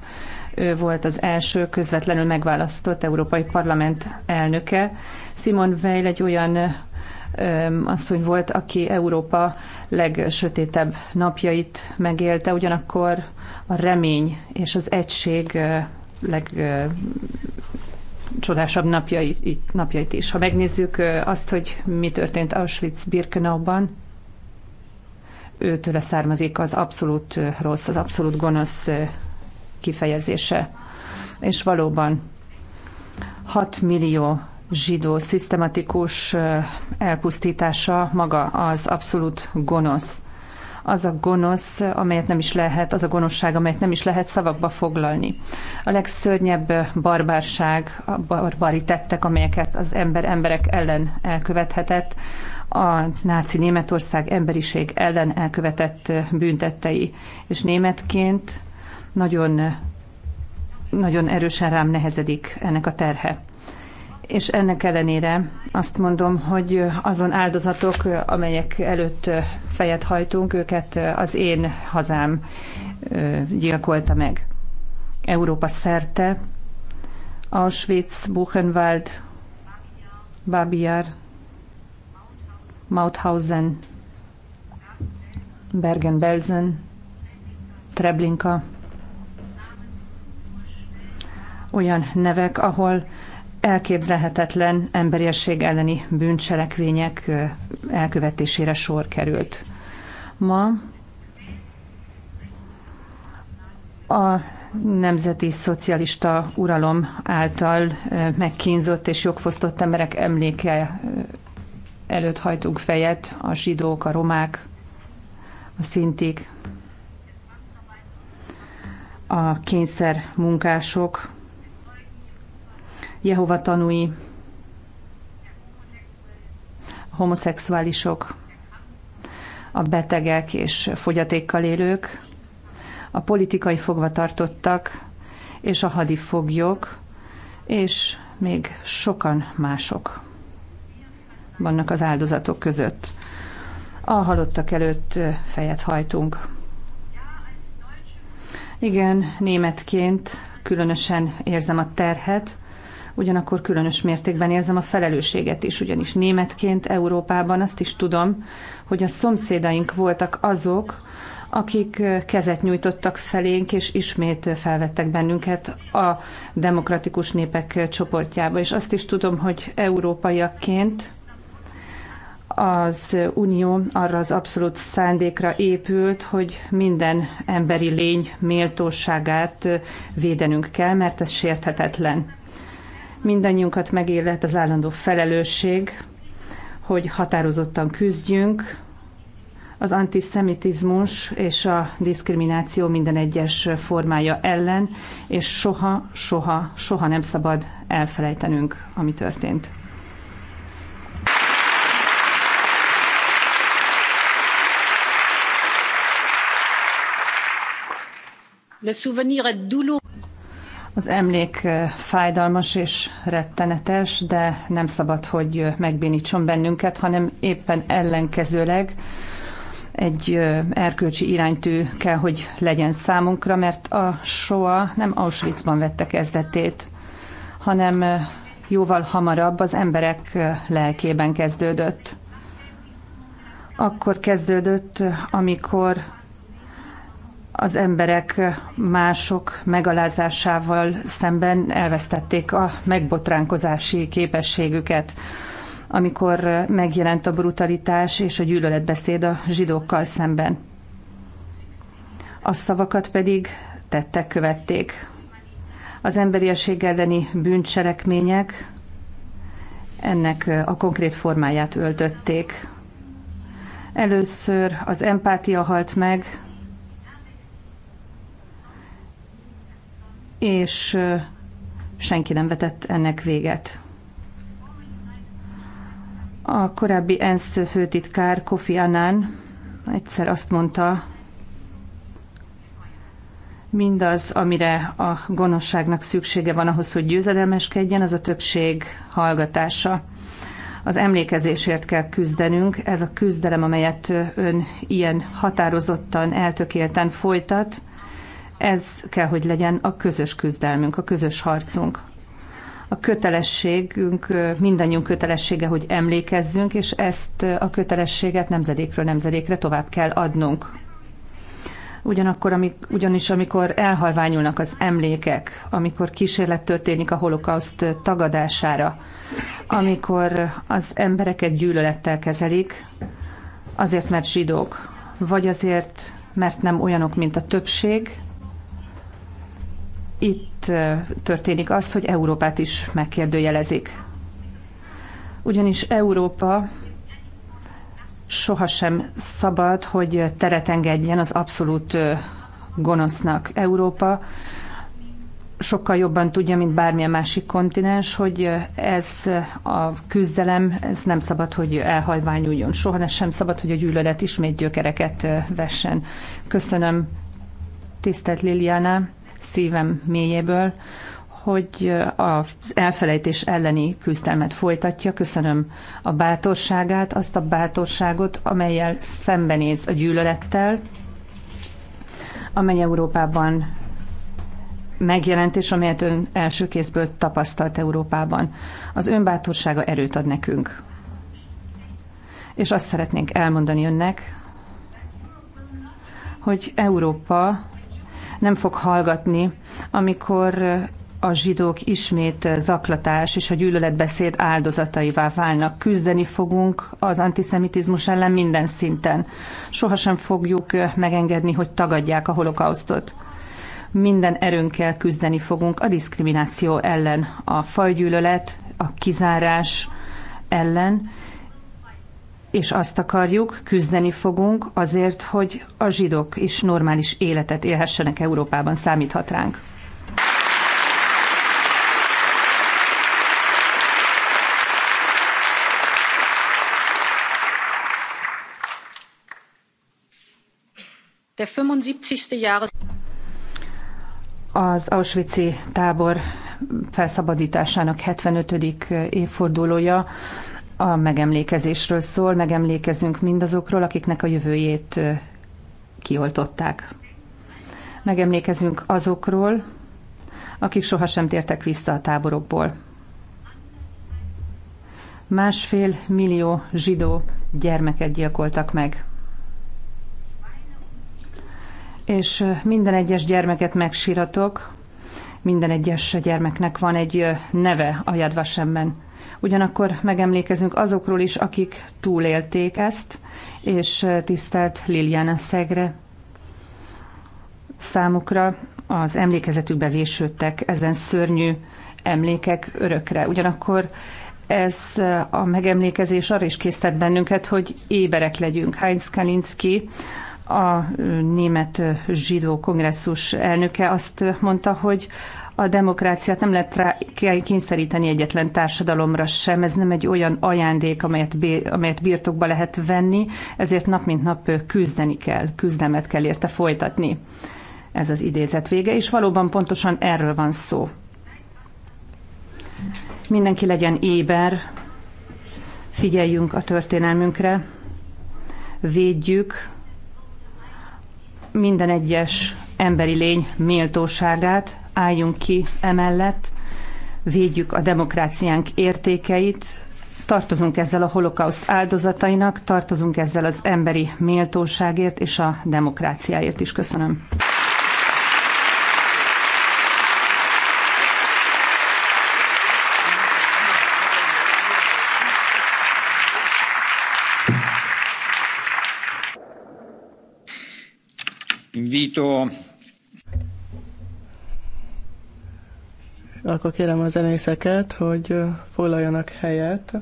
Ő volt az első közvetlenül megválasztott Európai Parlament elnöke. Simon Weil egy olyan asszony volt, aki Európa legsötétebb napjait megélte, ugyanakkor a remény és az egység leg legcsodásabb napjait, napjait is. Ha megnézzük azt, hogy mi történt auschwitz birkenau ban őtől származik az abszolút rossz, az abszolút gonosz kifejezése. És valóban 6 millió zsidó szisztematikus elpusztítása maga az abszolút gonosz az a gonosz, amelyet nem is lehet, az a gonoszság, amelyet nem is lehet szavakba foglalni. A legszörnyebb barbárság, a barbari tettek, amelyeket az ember emberek ellen elkövethetett, a náci Németország emberiség ellen elkövetett büntettei. És németként nagyon, nagyon erősen rám nehezedik ennek a terhe és ennek ellenére azt mondom, hogy azon áldozatok, amelyek előtt fejet hajtunk, őket az én hazám gyilkolta meg. Európa szerte, Auschwitz, Buchenwald, Babiar, Mauthausen, Bergen-Belsen, Treblinka, olyan nevek, ahol elképzelhetetlen emberiesség elleni bűncselekvények elkövetésére sor került. Ma a nemzeti szocialista uralom által megkínzott és jogfosztott emberek emléke előtt hajtunk fejet, a zsidók, a romák, a szintik, a kényszer munkások, Jehova tanúi, homoszexuálisok, a betegek és fogyatékkal élők, a politikai fogvatartottak és a hadifoglyok, és még sokan mások vannak az áldozatok között. A halottak előtt fejet hajtunk. Igen, németként különösen érzem a terhet, ugyanakkor különös mértékben érzem a felelősséget is, ugyanis németként Európában azt is tudom, hogy a szomszédaink voltak azok, akik kezet nyújtottak felénk, és ismét felvettek bennünket a demokratikus népek csoportjába. És azt is tudom, hogy európaiakként az Unió arra az abszolút szándékra épült, hogy minden emberi lény méltóságát védenünk kell, mert ez sérthetetlen. Mindannyiunkat megillet az állandó felelősség, hogy határozottan küzdjünk az antiszemitizmus és a diszkrimináció minden egyes formája ellen, és soha, soha, soha nem szabad elfelejtenünk, ami történt. Le souvenir est douloureux. Az emlék fájdalmas és rettenetes, de nem szabad, hogy megbénítson bennünket, hanem éppen ellenkezőleg egy erkölcsi iránytű kell, hogy legyen számunkra, mert a soa nem Auschwitzban vette kezdetét, hanem jóval hamarabb az emberek lelkében kezdődött. Akkor kezdődött, amikor az emberek mások megalázásával szemben elvesztették a megbotránkozási képességüket. Amikor megjelent a brutalitás és a gyűlöletbeszéd a zsidókkal szemben. A szavakat pedig tettek követték. Az emberiesség elleni bűncselekmények ennek a konkrét formáját öltötték. Először az empátia halt meg, és senki nem vetett ennek véget. A korábbi ENSZ főtitkár Kofi Annan egyszer azt mondta, mindaz, amire a gonoszságnak szüksége van ahhoz, hogy győzedelmeskedjen, az a többség hallgatása. Az emlékezésért kell küzdenünk, ez a küzdelem, amelyet ön ilyen határozottan, eltökélten folytat, ez kell, hogy legyen a közös küzdelmünk, a közös harcunk. A kötelességünk, mindannyiunk kötelessége, hogy emlékezzünk, és ezt a kötelességet nemzedékről nemzedékre tovább kell adnunk. Ugyanakkor, amik, ugyanis amikor elhalványulnak az emlékek, amikor kísérlet történik a holokauszt tagadására, amikor az embereket gyűlölettel kezelik, azért mert zsidók, vagy azért mert nem olyanok, mint a többség, itt történik az, hogy Európát is megkérdőjelezik. Ugyanis Európa sohasem szabad, hogy teret engedjen az abszolút gonosznak. Európa sokkal jobban tudja, mint bármilyen másik kontinens, hogy ez a küzdelem, ez nem szabad, hogy elhajványuljon. Soha ne sem szabad, hogy a gyűlölet ismét gyökereket vessen. Köszönöm, tisztelt Liliana szívem mélyéből, hogy az elfelejtés elleni küzdelmet folytatja. Köszönöm a bátorságát, azt a bátorságot, amelyel szembenéz a gyűlölettel, amely Európában megjelent, és amelyet ön első kézből tapasztalt Európában. Az bátorsága erőt ad nekünk. És azt szeretnénk elmondani önnek, hogy Európa nem fog hallgatni, amikor a zsidók ismét zaklatás és a gyűlöletbeszéd áldozataivá válnak. Küzdeni fogunk az antiszemitizmus ellen minden szinten. Sohasem fogjuk megengedni, hogy tagadják a holokausztot. Minden erőnkkel küzdeni fogunk a diszkrimináció ellen, a fajgyűlölet, a kizárás ellen, és azt akarjuk, küzdeni fogunk azért, hogy a zsidók is normális életet élhessenek Európában, számíthat ránk. 75. az auschwitz tábor felszabadításának 75. évfordulója a megemlékezésről szól, megemlékezünk mindazokról, akiknek a jövőjét kioltották. Megemlékezünk azokról, akik sohasem tértek vissza a táborokból. Másfél millió zsidó gyermeket gyilkoltak meg. És minden egyes gyermeket megsíratok, minden egyes gyermeknek van egy neve a Jadvasemben. Ugyanakkor megemlékezünk azokról is, akik túlélték ezt, és tisztelt Liliana Szegre számukra az emlékezetükbe vésődtek ezen szörnyű emlékek örökre. Ugyanakkor ez a megemlékezés arra is késztet bennünket, hogy éberek legyünk. Heinz Kalinski, a német zsidó kongresszus elnöke azt mondta, hogy a demokráciát nem lehet rá kényszeríteni egyetlen társadalomra sem, ez nem egy olyan ajándék, amelyet, amelyet birtokba lehet venni, ezért nap mint nap küzdeni kell, küzdelmet kell érte folytatni. Ez az idézet vége, és valóban pontosan erről van szó. Mindenki legyen éber, figyeljünk a történelmünkre, védjük minden egyes emberi lény méltóságát, álljunk ki emellett, védjük a demokráciánk értékeit, tartozunk ezzel a holokauszt áldozatainak, tartozunk ezzel az emberi méltóságért és a demokráciáért is. Köszönöm. Invito Akkor kérem a zenészeket, hogy foglaljanak helyet.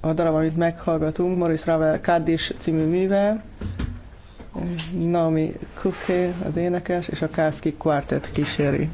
A darab, amit meghallgatunk, Maurice Ravel kádis című műve, Naomi Kuké az énekes, és a Kárszki Quartet kíséri.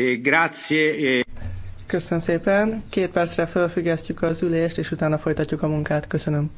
E, e- Köszönöm szépen. Két percre felfüggesztjük az ülést, és utána folytatjuk a munkát. Köszönöm.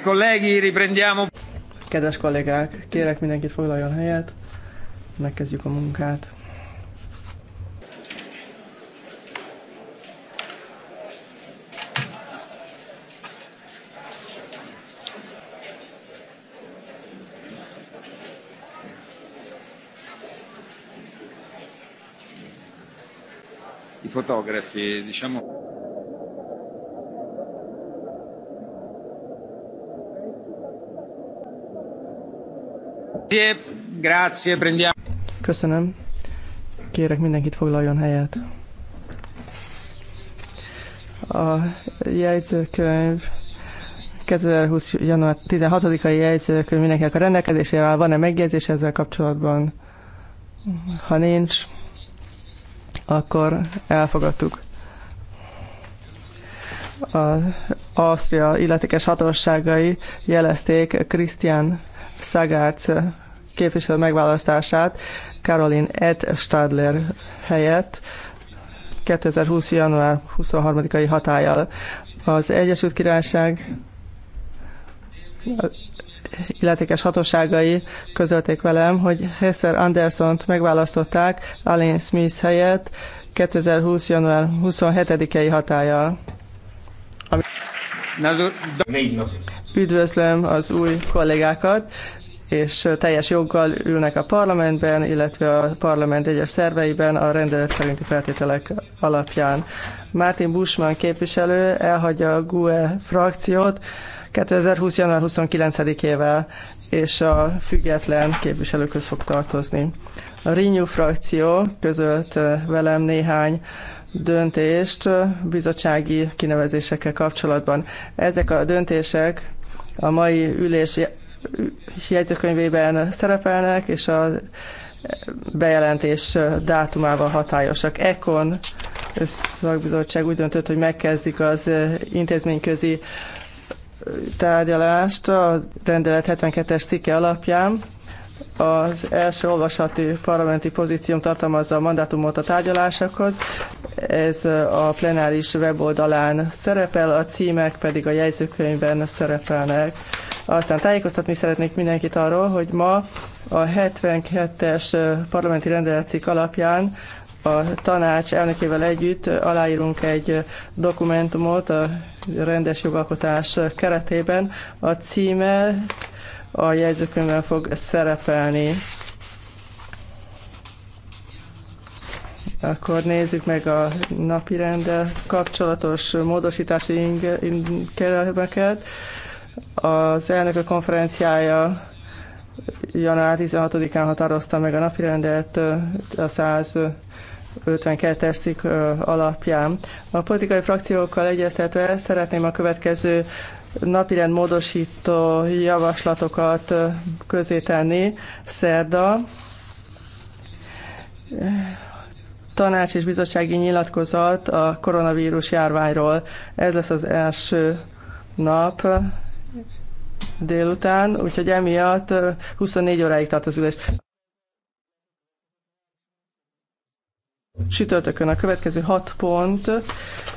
kollégi, e riprendiamo. Kedves kollégák, kérek mindenkit foglaljon helyet, megkezdjük a munkát. I fotografi, diciamo Köszönöm. Kérek mindenkit foglaljon helyet. A jegyzőkönyv 2020. január 16-ai jegyzőkönyv mindenkinek a rendelkezésére áll. Van-e megjegyzés ezzel kapcsolatban? Ha nincs, akkor elfogadtuk. A Ausztria illetékes hatóságai jelezték Christian Szagárc képviselő megválasztását Karolin Ed Stadler helyett 2020. január 23-ai hatállal. Az Egyesült Királyság illetékes hatóságai közölték velem, hogy Hesser Andersont megválasztották Alain Smith helyett 2020. január 27 ei hatállal. Ami... Üdvözlöm az új kollégákat és teljes joggal ülnek a parlamentben, illetve a parlament egyes szerveiben a rendelet szerinti feltételek alapján. Martin Bushman képviselő elhagyja a GUE frakciót 2020. január 29-ével, és a független képviselőköz fog tartozni. A Renew frakció közölt velem néhány döntést bizottsági kinevezésekkel kapcsolatban. Ezek a döntések a mai ülés jegyzőkönyvében szerepelnek, és a bejelentés dátumával hatályosak. Ekon szakbizottság úgy döntött, hogy megkezdik az intézményközi tárgyalást a rendelet 72-es cikke alapján. Az első olvasati parlamenti pozícióm tartalmazza a mandátumot a tárgyalásokhoz. Ez a plenáris weboldalán szerepel, a címek pedig a jegyzőkönyvben szerepelnek. Aztán tájékoztatni szeretnék mindenkit arról, hogy ma a 72-es parlamenti rendeletcikk alapján a tanács elnökével együtt aláírunk egy dokumentumot a rendes jogalkotás keretében. A címe a jegyzőkönyvben fog szerepelni. Akkor nézzük meg a napi rendel kapcsolatos módosítási inkelmeket. Az elnökök konferenciája január 16-án határozta meg a napirendet a 152-es cikk alapján. A politikai frakciókkal egyeztetve szeretném a következő napirend módosító javaslatokat közé tenni. Szerda, tanács és bizottsági nyilatkozat a koronavírus járványról. Ez lesz az első nap, délután, úgyhogy emiatt 24 óráig tart az ülés. Csütörtökön a következő hat pont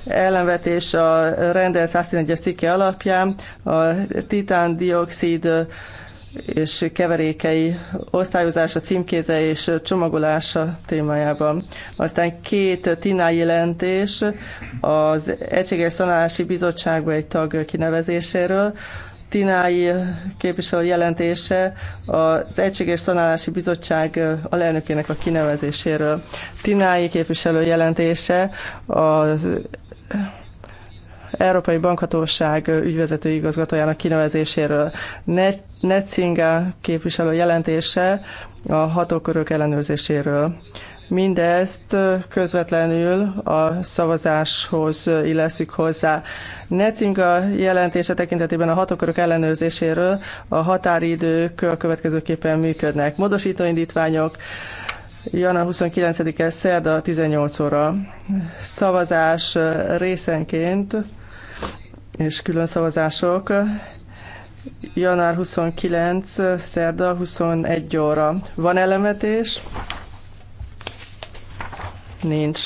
ellenvetés a rendelet 111-es cikke alapján a dioxid és keverékei osztályozása, címkéze és csomagolása témájában. Aztán két TINA jelentés az Egységes Szanálási Bizottságba egy tag kinevezéséről, Tinái képviselő jelentése az Egységes Szanálási Bizottság alelnökének a kinevezéséről. Tinái képviselő jelentése az Európai Bankhatóság ügyvezető igazgatójának kinevezéséről. Netzinga képviselő jelentése a hatókörök ellenőrzéséről. Mindezt közvetlenül a szavazáshoz illeszük hozzá a jelentése tekintetében a hatókörök ellenőrzéséről a határidők a következőképpen működnek. Módosítóindítványok, indítványok, 29-e szerda 18 óra. Szavazás részenként és külön szavazások január 29, szerda 21 óra. Van elemetés? Nincs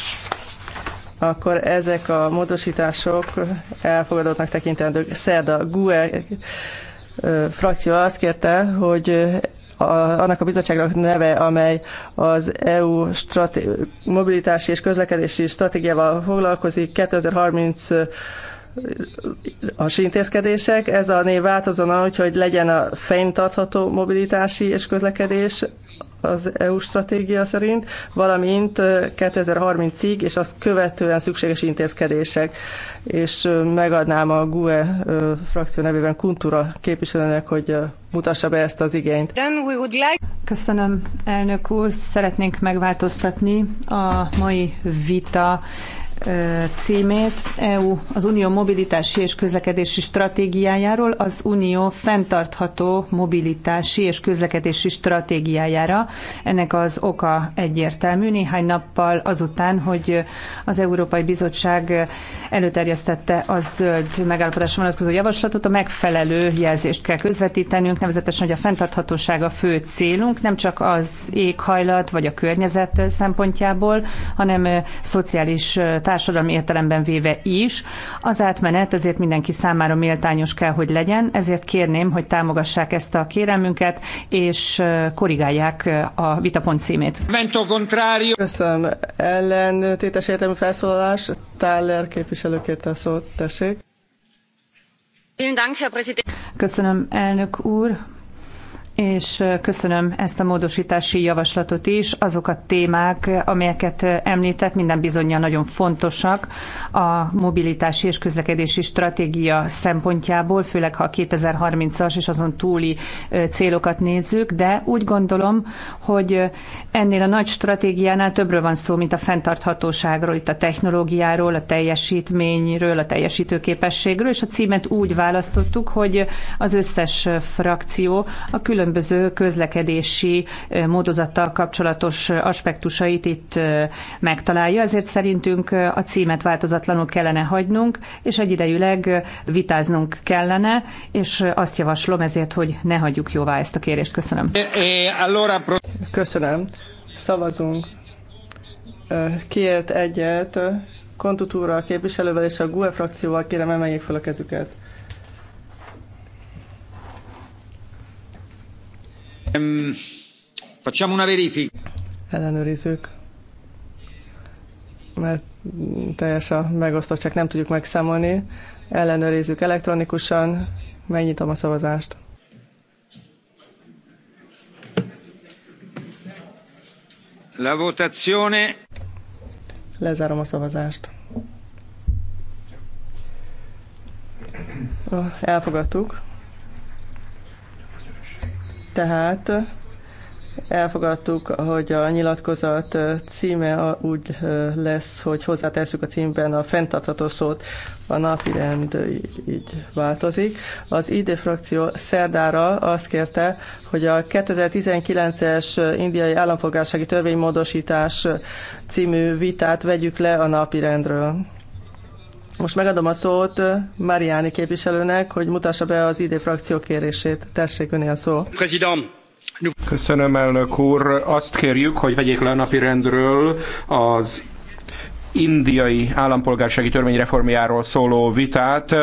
akkor ezek a módosítások elfogadottnak tekintendők. Szerda GUE frakció azt kérte, hogy a, annak a bizottságnak neve, amely az EU strate- mobilitási és közlekedési stratégiával foglalkozik, 2030 a intézkedések. Ez a név változóna, úgyhogy legyen a fenntartható mobilitási és közlekedés, az EU stratégia szerint, valamint 2030-ig, és azt követően szükséges intézkedések. És megadnám a GUE frakció nevében Kuntura képviselőnek, hogy mutassa be ezt az igényt. Köszönöm, elnök úr. Szeretnénk megváltoztatni a mai vita címét, EU az Unió mobilitási és közlekedési stratégiájáról az Unió fenntartható mobilitási és közlekedési stratégiájára. Ennek az oka egyértelmű. Néhány nappal azután, hogy az Európai Bizottság előterjesztette a zöld megállapodásra vonatkozó javaslatot, a megfelelő jelzést kell közvetítenünk, nevezetesen, hogy a fenntarthatóság a fő célunk, nem csak az éghajlat vagy a környezet szempontjából, hanem szociális társadalmi értelemben véve is. Az átmenet ezért mindenki számára méltányos kell, hogy legyen, ezért kérném, hogy támogassák ezt a kérelmünket, és korrigálják a vitapont címét. Köszönöm. tétes értelmi felszólalás. Tyler képviselő kérte a szót. Tessék. Köszönöm, elnök úr és köszönöm ezt a módosítási javaslatot is. Azok a témák, amelyeket említett, minden bizonyja nagyon fontosak a mobilitási és közlekedési stratégia szempontjából, főleg ha a 2030-as és azon túli célokat nézzük, de úgy gondolom, hogy ennél a nagy stratégiánál többről van szó, mint a fenntarthatóságról, itt a technológiáról, a teljesítményről, a teljesítőképességről, és a címet úgy választottuk, hogy az összes frakció a külön különböző közlekedési módozattal kapcsolatos aspektusait itt megtalálja, ezért szerintünk a címet változatlanul kellene hagynunk, és egyidejűleg vitáznunk kellene, és azt javaslom ezért, hogy ne hagyjuk jóvá ezt a kérést. Köszönöm. E, e, Köszönöm. Szavazunk. Kiért egyet. Kontutúra a képviselővel és a GUE frakcióval kérem emeljék fel a kezüket. Facciamo una verifica. Ellenőrizzük. Mert teljes a megosztottság, nem tudjuk megszámolni. Ellenőrizzük elektronikusan. Megnyitom a szavazást. La votazione. Lezárom a szavazást. Elfogadtuk. Tehát elfogadtuk, hogy a nyilatkozat címe úgy lesz, hogy hozzátesszük a címben a fenntartható szót, a rend így változik. Az ID e frakció szerdára azt kérte, hogy a 2019-es indiai állampolgársági törvénymódosítás című vitát vegyük le a napirendről. Most megadom a szót Mariani képviselőnek, hogy mutassa be az ID frakció kérését. Tessék öné a szó. President. Köszönöm, elnök úr. Azt kérjük, hogy vegyék le a napi rendről az indiai állampolgársági törvény reformjáról szóló vitát.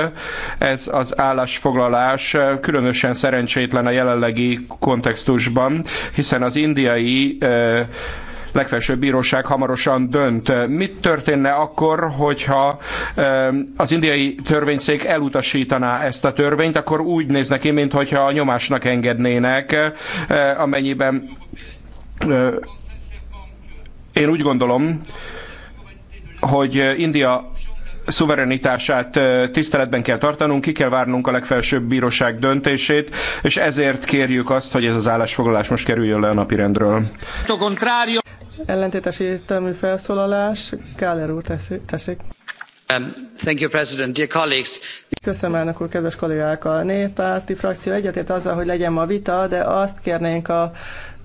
Ez az állásfoglalás különösen szerencsétlen a jelenlegi kontextusban, hiszen az indiai legfelsőbb bíróság hamarosan dönt. Mit történne akkor, hogyha eh, az indiai törvényszék elutasítaná ezt a törvényt, akkor úgy néz neki, mintha a nyomásnak engednének, eh, amennyiben eh, én úgy gondolom, hogy India szuverenitását tiszteletben kell tartanunk, ki kell várnunk a legfelsőbb bíróság döntését, és ezért kérjük azt, hogy ez az állásfoglalás most kerüljön le a napirendről. Ellentétes értelmű felszólalás. Káler úr, tessék. Um, thank you, President. Dear colleagues. Köszönöm, elnök úr, kedves kollégák! A néppárti frakció egyetért azzal, hogy legyen ma vita, de azt kérnénk a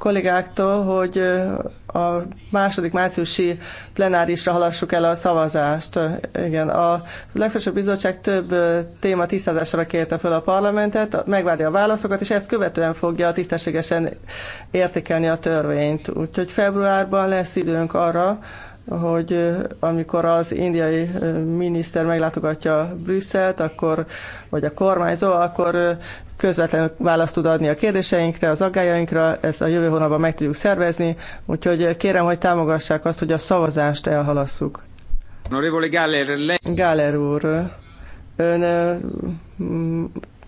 kollégáktól, hogy a második márciusi plenárisra halassuk el a szavazást. Igen, a legfelsőbb bizottság több téma tisztázásra kérte föl a parlamentet, megvárja a válaszokat, és ezt követően fogja tisztességesen értékelni a törvényt. Úgyhogy februárban lesz időnk arra, hogy amikor az indiai miniszter meglátogatja Brüsszelt, akkor, vagy a kormányzó, akkor közvetlenül választ tud adni a kérdéseinkre, az aggájainkra, ezt a jövő hónapban meg tudjuk szervezni, úgyhogy kérem, hogy támogassák azt, hogy a szavazást elhalasszuk. Gáler úr, ön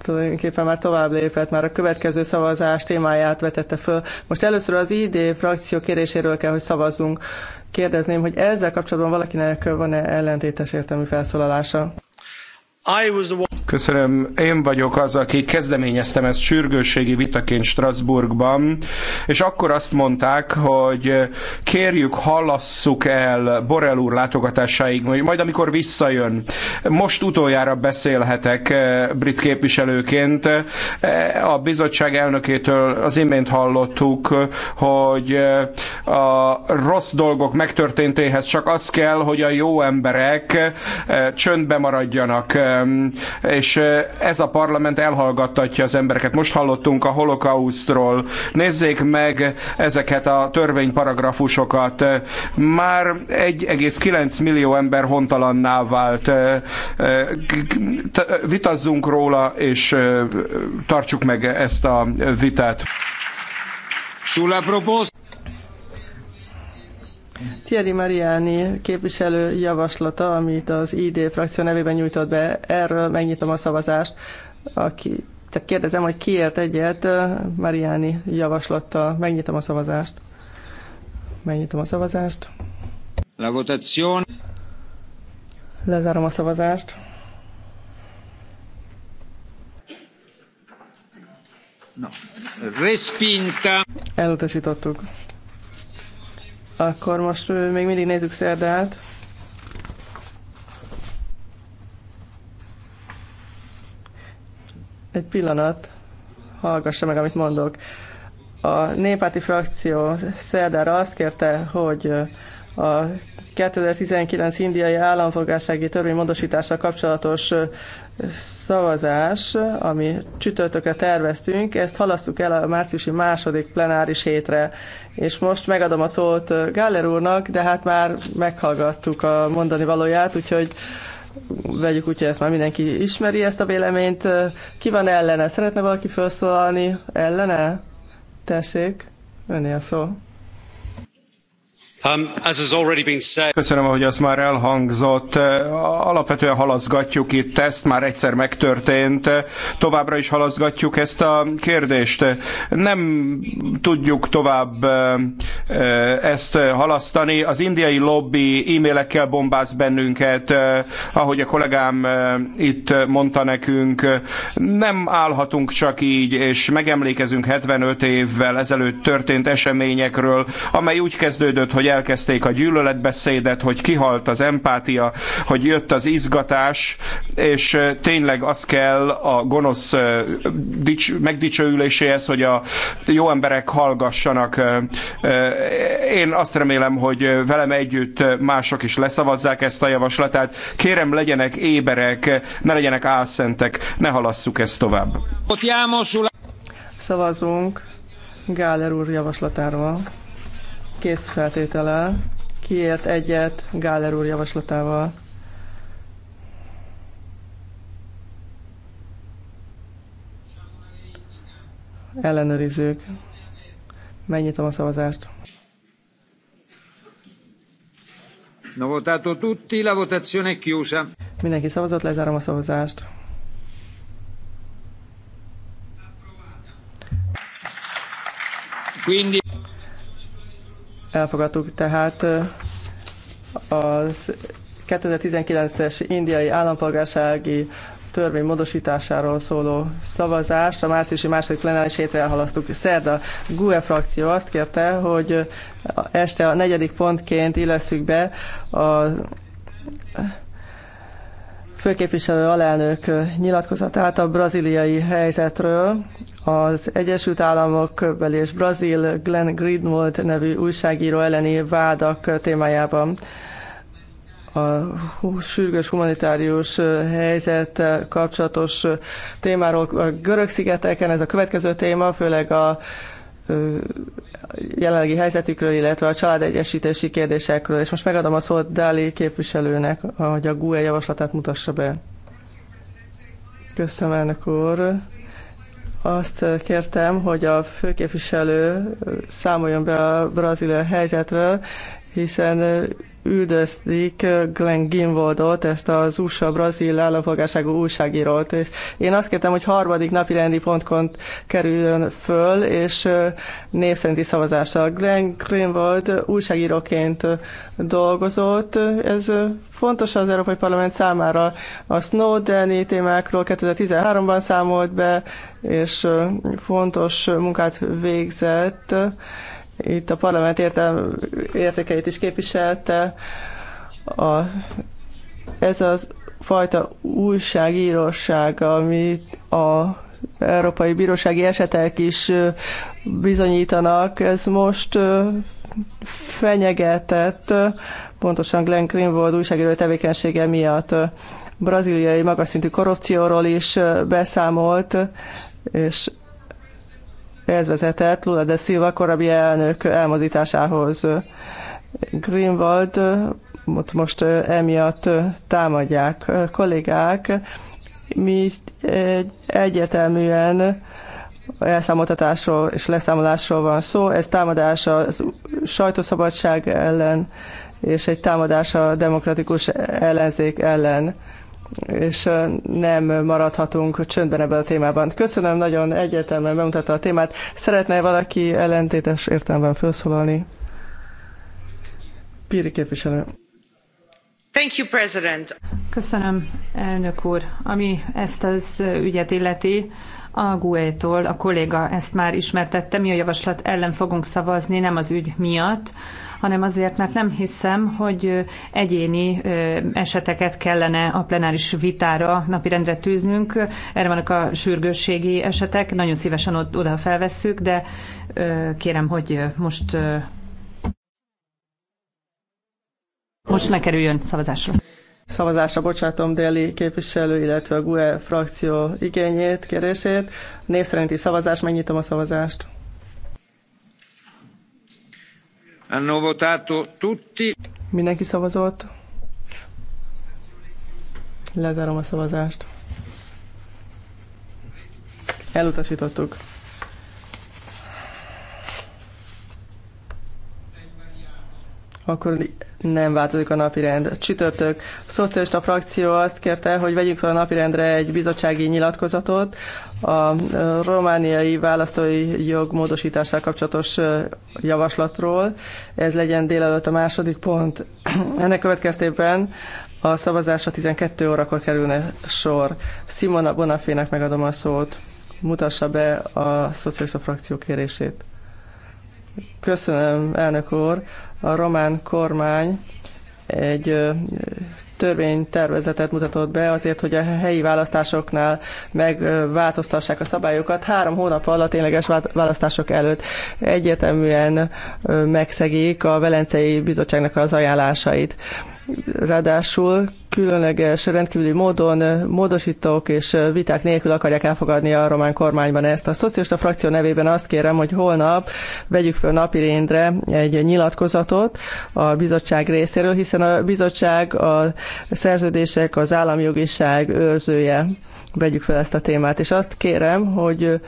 tulajdonképpen már tovább lépett, már a következő szavazás témáját vetette föl. Most először az ID frakció kéréséről kell, hogy szavazzunk kérdezném, hogy ezzel kapcsolatban valakinek van-e ellentétes értelmű felszólalása? Köszönöm. Én vagyok az, aki kezdeményeztem ezt sürgősségi vitaként Strasbourgban, és akkor azt mondták, hogy kérjük, hallasszuk el Borel úr látogatásáig, majd amikor visszajön. Most utoljára beszélhetek eh, brit képviselőként. Eh, a bizottság elnökétől az imént hallottuk, hogy eh, a rossz dolgok megtörténtéhez csak az kell, hogy a jó emberek csöndbe maradjanak és eh, ez a parlament elhallgattatja az embereket. Most hallottunk a holokausztról. Nézzék meg ezeket a törvényparagrafusokat. Eh, már 1,9 millió ember hontalanná vált. Eh, vitazzunk róla, és tartsuk meg ezt a vitát. Sulla proposta. Thierry Mariani képviselő javaslata, amit az ID frakció nevében nyújtott be, erről megnyitom a szavazást. Aki, tehát kérdezem, hogy kiért egyet Mariani javaslattal. Megnyitom a szavazást. Megnyitom a szavazást. La votazione. Lezárom a szavazást. No. Respinta. Elutasítottuk. Akkor most még mindig nézzük Szerdát. Egy pillanat, hallgassa meg, amit mondok. A néppárti frakció szerdára azt kérte, hogy a 2019 indiai államfogássági törvény módosítása kapcsolatos szavazás, ami csütörtökre terveztünk, ezt halasszuk el a márciusi második plenáris hétre. És most megadom a szót Gáller úrnak, de hát már meghallgattuk a mondani valóját, úgyhogy vegyük úgy, hogy ezt már mindenki ismeri ezt a véleményt. Ki van ellene? Szeretne valaki felszólalni? Ellene? Tessék, a szó. Um, Köszönöm, ahogy az már elhangzott. Eh, alapvetően halaszgatjuk itt ezt, már egyszer megtörtént. Továbbra is halaszgatjuk ezt a kérdést. Nem tudjuk tovább eh, ezt halasztani. Az indiai lobby e-mailekkel bombáz bennünket, eh, ahogy a kollégám itt mondta nekünk. Nem állhatunk csak így, és megemlékezünk 75 évvel ezelőtt történt eseményekről, amely úgy kezdődött, hogy elkezdték a gyűlöletbeszédet, hogy kihalt az empátia, hogy jött az izgatás, és tényleg az kell a gonosz megdicsőüléséhez, hogy a jó emberek hallgassanak. Én azt remélem, hogy velem együtt mások is leszavazzák ezt a javaslatát. Kérem, legyenek éberek, ne legyenek álszentek, ne halasszuk ezt tovább. Szavazunk Gáler úr javaslatáról kész feltétele. Kiért egyet Gáler úr javaslatával? Ellenőrizzük. Megnyitom a szavazást. No votato tutti, la votazione è chiusa. Mindenki szavazott, lezárom a szavazást. Quindi Elfogadtuk tehát az 2019-es indiai állampolgársági törvény módosításáról szóló szavazást a márciusi második plenáris hétre elhalasztuk. Szerda GUE frakció azt kérte, hogy este a negyedik pontként illeszük be a főképviselő alelnök nyilatkozatát a braziliai helyzetről. Az Egyesült Államok beli és Brazil Glenn Greenwald nevű újságíró elleni vádak témájában a sürgős humanitárius helyzet kapcsolatos témáról a görög szigeteken, ez a következő téma, főleg a jelenlegi helyzetükről, illetve a családegyesítési kérdésekről, és most megadom a szót Dali képviselőnek, hogy a GUE javaslatát mutassa be. Köszönöm, elnök úr. Azt kértem, hogy a főképviselő számoljon be a brazil helyzetről, hiszen üldözték Glenn Gimboldot, ezt az USA brazil állampolgárságú újságírót. És én azt kértem, hogy harmadik napi rendi pontkont kerüljön föl, és név szerinti szavazással. Glenn Greenwald újságíróként dolgozott. Ez fontos az Európai Parlament számára. A Snowden témákról 2013-ban számolt be, és fontos munkát végzett itt a parlament értelm, értékeit is képviselte. A, ez a fajta újságíróság, amit a európai bírósági esetek is bizonyítanak, ez most fenyegetett, pontosan Glenn Greenwald újságíró tevékenysége miatt braziliai magas szintű korrupcióról is beszámolt, és ez vezetett Lula de Silva korábbi elnök elmozításához. Greenwald most emiatt támadják kollégák. Mi egyértelműen elszámoltatásról és leszámolásról van szó. Ez támadás a sajtószabadság ellen, és egy támadás a demokratikus ellenzék ellen és nem maradhatunk csöndben ebben a témában. Köszönöm, nagyon egyértelműen bemutatta a témát. Szeretne valaki ellentétes értelemben felszólalni? Píri képviselő. Thank you, President. Köszönöm, elnök úr. Ami ezt az ügyet illeti, a GUE-tól a kolléga ezt már ismertette, mi a javaslat ellen fogunk szavazni, nem az ügy miatt, hanem azért, mert nem hiszem, hogy egyéni eseteket kellene a plenáris vitára napirendre tűznünk. Erre vannak a sürgősségi esetek, nagyon szívesen oda felvesszük, de kérem, hogy most most ne kerüljön szavazásra. Szavazásra bocsátom Déli képviselő, illetve a GUE frakció igényét, kérését. Név szerinti szavazás, megnyitom a szavazást. Hanno votato tutti. Mindenki szavazott. Lezárom a szavazást. Elutasítottuk. Akkor nem változik a napirend. Csütörtök. A szocialista frakció azt kérte, hogy vegyük fel a napirendre egy bizottsági nyilatkozatot a romániai választói jog módosítással kapcsolatos javaslatról. Ez legyen délelőtt a második pont. Ennek következtében a szavazásra 12 órakor kerülne sor. Simona Bonafének megadom a szót. Mutassa be a szocialista frakció kérését. Köszönöm, elnök úr a román kormány egy törvénytervezetet mutatott be azért, hogy a helyi választásoknál megváltoztassák a szabályokat. Három hónap alatt tényleges választások előtt egyértelműen megszegik a Velencei Bizottságnak az ajánlásait. Ráadásul különleges, rendkívüli módon eh, módosítók és eh, viták nélkül akarják elfogadni a román kormányban ezt. A szocialista frakció nevében azt kérem, hogy holnap vegyük föl napirendre egy nyilatkozatot a bizottság részéről, hiszen a bizottság a szerződések, az államjogiság őrzője. Vegyük fel ezt a témát, és azt kérem, hogy eh,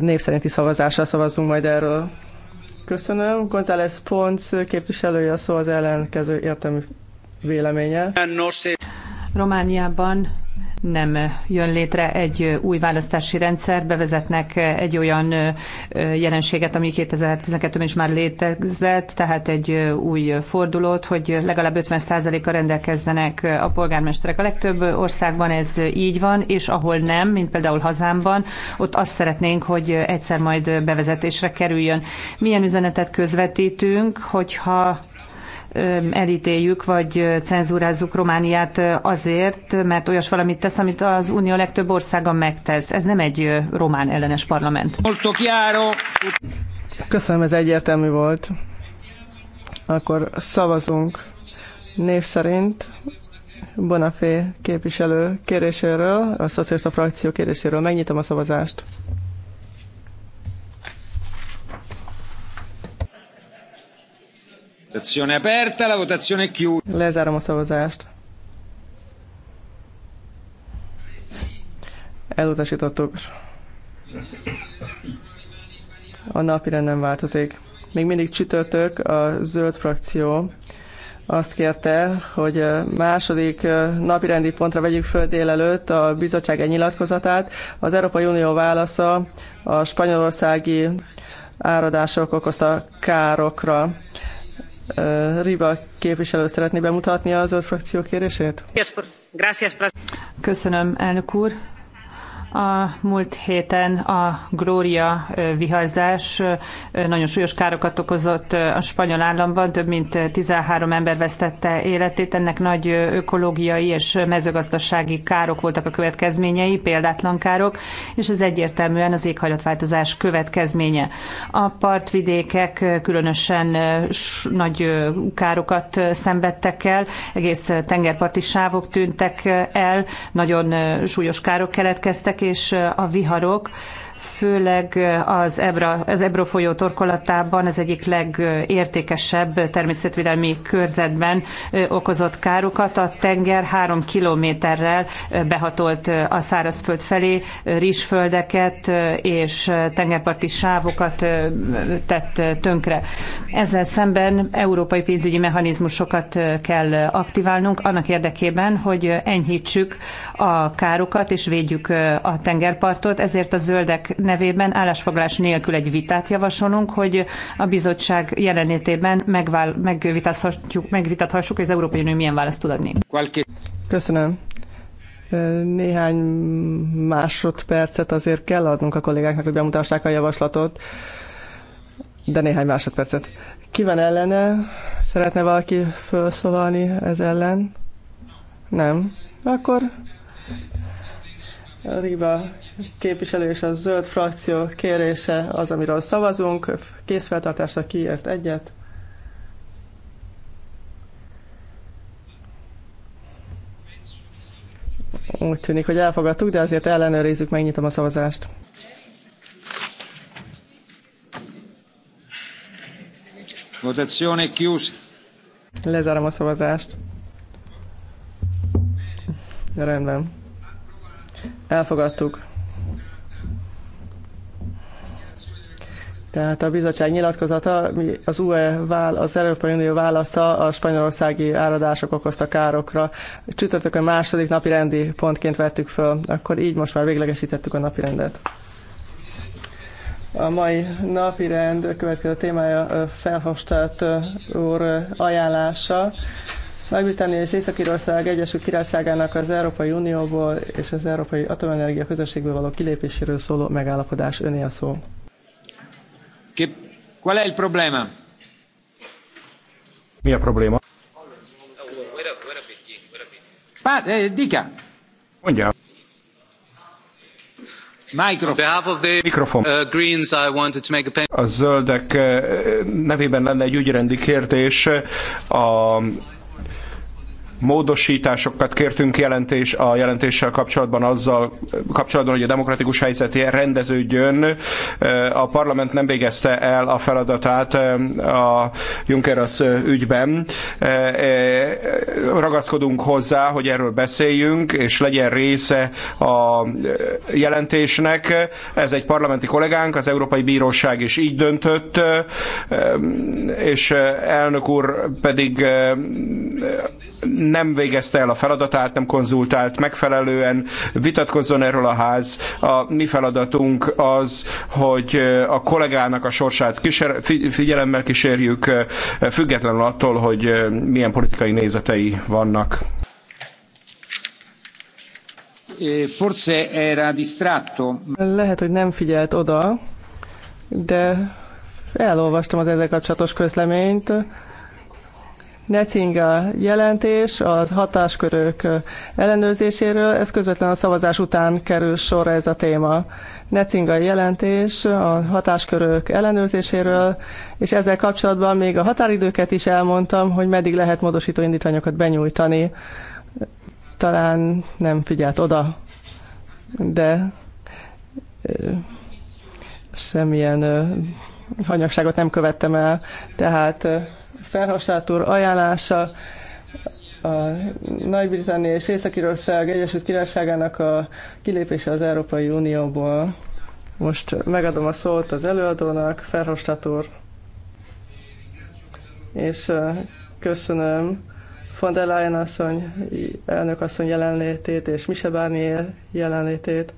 népszerinti szavazással szavazzunk majd erről. Köszönöm. González Ponc képviselője a szó az ellenkező értelmű véleménye. Romániában nem jön létre egy új választási rendszer, bevezetnek egy olyan jelenséget, ami 2012-ben is már létezett, tehát egy új fordulót, hogy legalább 50%-a rendelkezzenek a polgármesterek. A legtöbb országban ez így van, és ahol nem, mint például hazámban, ott azt szeretnénk, hogy egyszer majd bevezetésre kerüljön. Milyen üzenetet közvetítünk, hogyha elítéljük vagy cenzúrázzuk Romániát azért, mert olyas valamit tesz, amit az Unió legtöbb országa megtesz. Ez nem egy román ellenes parlament. Köszönöm, ez egyértelmű volt. Akkor szavazunk név szerint Bonafé képviselő kéréséről, a szocialista frakció kéréséről. Megnyitom a szavazást. Votazione aperta, la votazione chiusa. Lezárom a szavazást. Elutasítottuk. A napi nem változik. Még mindig csütörtök a zöld frakció azt kérte, hogy második napirendi pontra vegyük föl délelőtt a bizottság egy nyilatkozatát. Az Európai Unió válasza a spanyolországi áradások okozta károkra. Riba képviselő szeretné bemutatni az öt frakció kérését? Köszönöm, elnök úr. A múlt héten a Glória viharzás nagyon súlyos károkat okozott a spanyol államban, több mint 13 ember vesztette életét, ennek nagy ökológiai és mezőgazdasági károk voltak a következményei, példátlan károk, és ez egyértelműen az éghajlatváltozás következménye. A partvidékek különösen nagy károkat szenvedtek el, egész tengerparti sávok tűntek el, nagyon súlyos károk keletkeztek, és a viharok főleg az, Ebra, az Ebro folyó torkolatában, az egyik legértékesebb természetvédelmi körzetben okozott károkat. A tenger három kilométerrel behatolt a szárazföld felé, rizsföldeket és tengerparti sávokat tett tönkre. Ezzel szemben európai pénzügyi mechanizmusokat kell aktiválnunk annak érdekében, hogy enyhítsük a károkat és védjük a tengerpartot, ezért a zöldek nevében állásfoglalás nélkül egy vitát javasolunk, hogy a bizottság jelenlétében megvitathassuk, megvitathassuk, hogy az Európai Unió milyen választ tud adni. Köszönöm. Néhány másodpercet azért kell adnunk a kollégáknak, hogy bemutassák a javaslatot, de néhány másodpercet. Ki van ellene? Szeretne valaki felszólalni ez ellen? Nem. Akkor Riva képviselő és a zöld frakció kérése az, amiről szavazunk. Készfeltartásra kiért egyet. Úgy tűnik, hogy elfogadtuk, de azért ellenőrizzük, megnyitom a szavazást. Votazione chiusa. Lezárom a szavazást. Rendben. Elfogadtuk. Tehát a bizottság nyilatkozata, az UE vál, az Európai Unió válasza a spanyolországi áradások okozta károkra. Csütörtökön második napi rendi pontként vettük föl, akkor így most már véglegesítettük a napi rendet. A mai napi rend következő témája felhostált úr ajánlása. Nagy-Britannia és Észak-Írország Egyesült Királyságának az Európai Unióból és az Európai Atomenergia Közösségből való kilépéséről szóló megállapodás. Öné a szó. Ki... Qual è il problema? Mi a probléma? Pát, eh, dica. Mondja. Uh, Mikrofon. A zöldek eh, nevében lenne egy ügyrendi kérdés a módosításokat kértünk jelentés, a jelentéssel kapcsolatban azzal kapcsolatban, hogy a demokratikus helyzet rendeződjön. A parlament nem végezte el a feladatát a Junckerasz ügyben. Ragaszkodunk hozzá, hogy erről beszéljünk, és legyen része a jelentésnek. Ez egy parlamenti kollégánk, az Európai Bíróság is így döntött, és elnök úr pedig nem végezte el a feladatát, nem konzultált megfelelően, vitatkozzon erről a ház. A mi feladatunk az, hogy a kollégának a sorsát kísér, figyelemmel kísérjük, függetlenül attól, hogy milyen politikai nézetei vannak. E, forse era distratto. Lehet, hogy nem figyelt oda, de elolvastam az ezzel kapcsolatos közleményt. Nettinga jelentés a hatáskörök ellenőrzéséről, ez közvetlen a szavazás után kerül sorra ez a téma. Nettinga jelentés a hatáskörök ellenőrzéséről, és ezzel kapcsolatban még a határidőket is elmondtam, hogy meddig lehet módosító indítványokat benyújtani. Talán nem figyelt oda, de semmilyen hanyagságot nem követtem el, tehát Ferhofstadt úr ajánlása a Nagy-Britannia és Észak-Írország Egyesült Királyságának a kilépése az Európai Unióból. Most megadom a szót az előadónak, Ferhofstadt És köszönöm von der Leyen asszony, elnök asszony jelenlétét és Mise Barnier jelenlétét,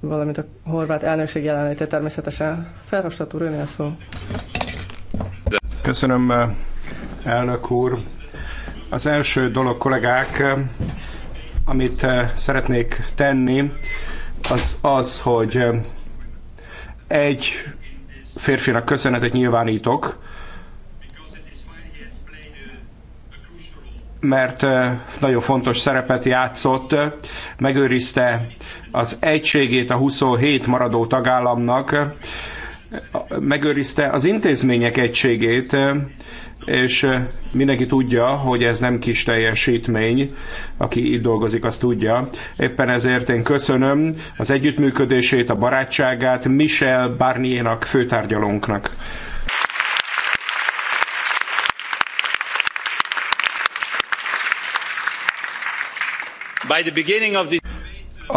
valamint a horvát elnökség jelenlétét természetesen. Ferhofstadt úr, önél szó. Köszönöm, eh, elnök úr. Az első dolog, kollégák, eh, amit eh, szeretnék tenni, az az, hogy egy férfinak köszönetet nyilvánítok, mert nagyon fontos szerepet játszott, megőrizte az egységét a 27 maradó tagállamnak, megőrizte az intézmények egységét, és mindenki tudja, hogy ez nem kis teljesítmény, aki itt dolgozik, azt tudja. Éppen ezért én köszönöm az együttműködését, a barátságát Michel Barnier-nak, főtárgyalónknak. By the beginning of the...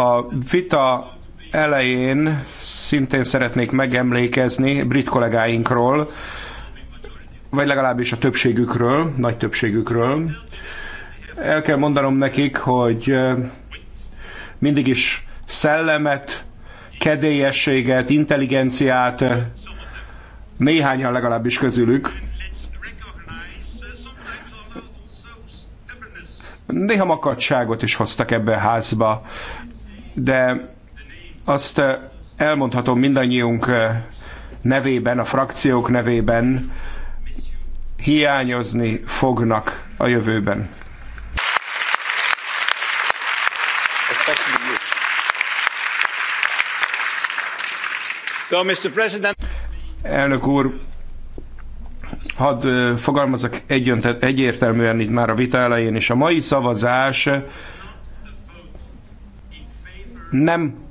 A vita elején szintén szeretnék megemlékezni brit kollégáinkról, vagy legalábbis a többségükről, nagy többségükről. El kell mondanom nekik, hogy mindig is szellemet, kedélyességet, intelligenciát, néhányan legalábbis közülük. Néha makadságot is hoztak ebbe a házba, de azt eh, elmondhatom mindannyiunk eh, nevében, a frakciók nevében, hiányozni fognak a jövőben. Mr. President. Elnök úr, hadd eh, fogalmazok egyértelműen itt már a vita elején, és a mai szavazás nem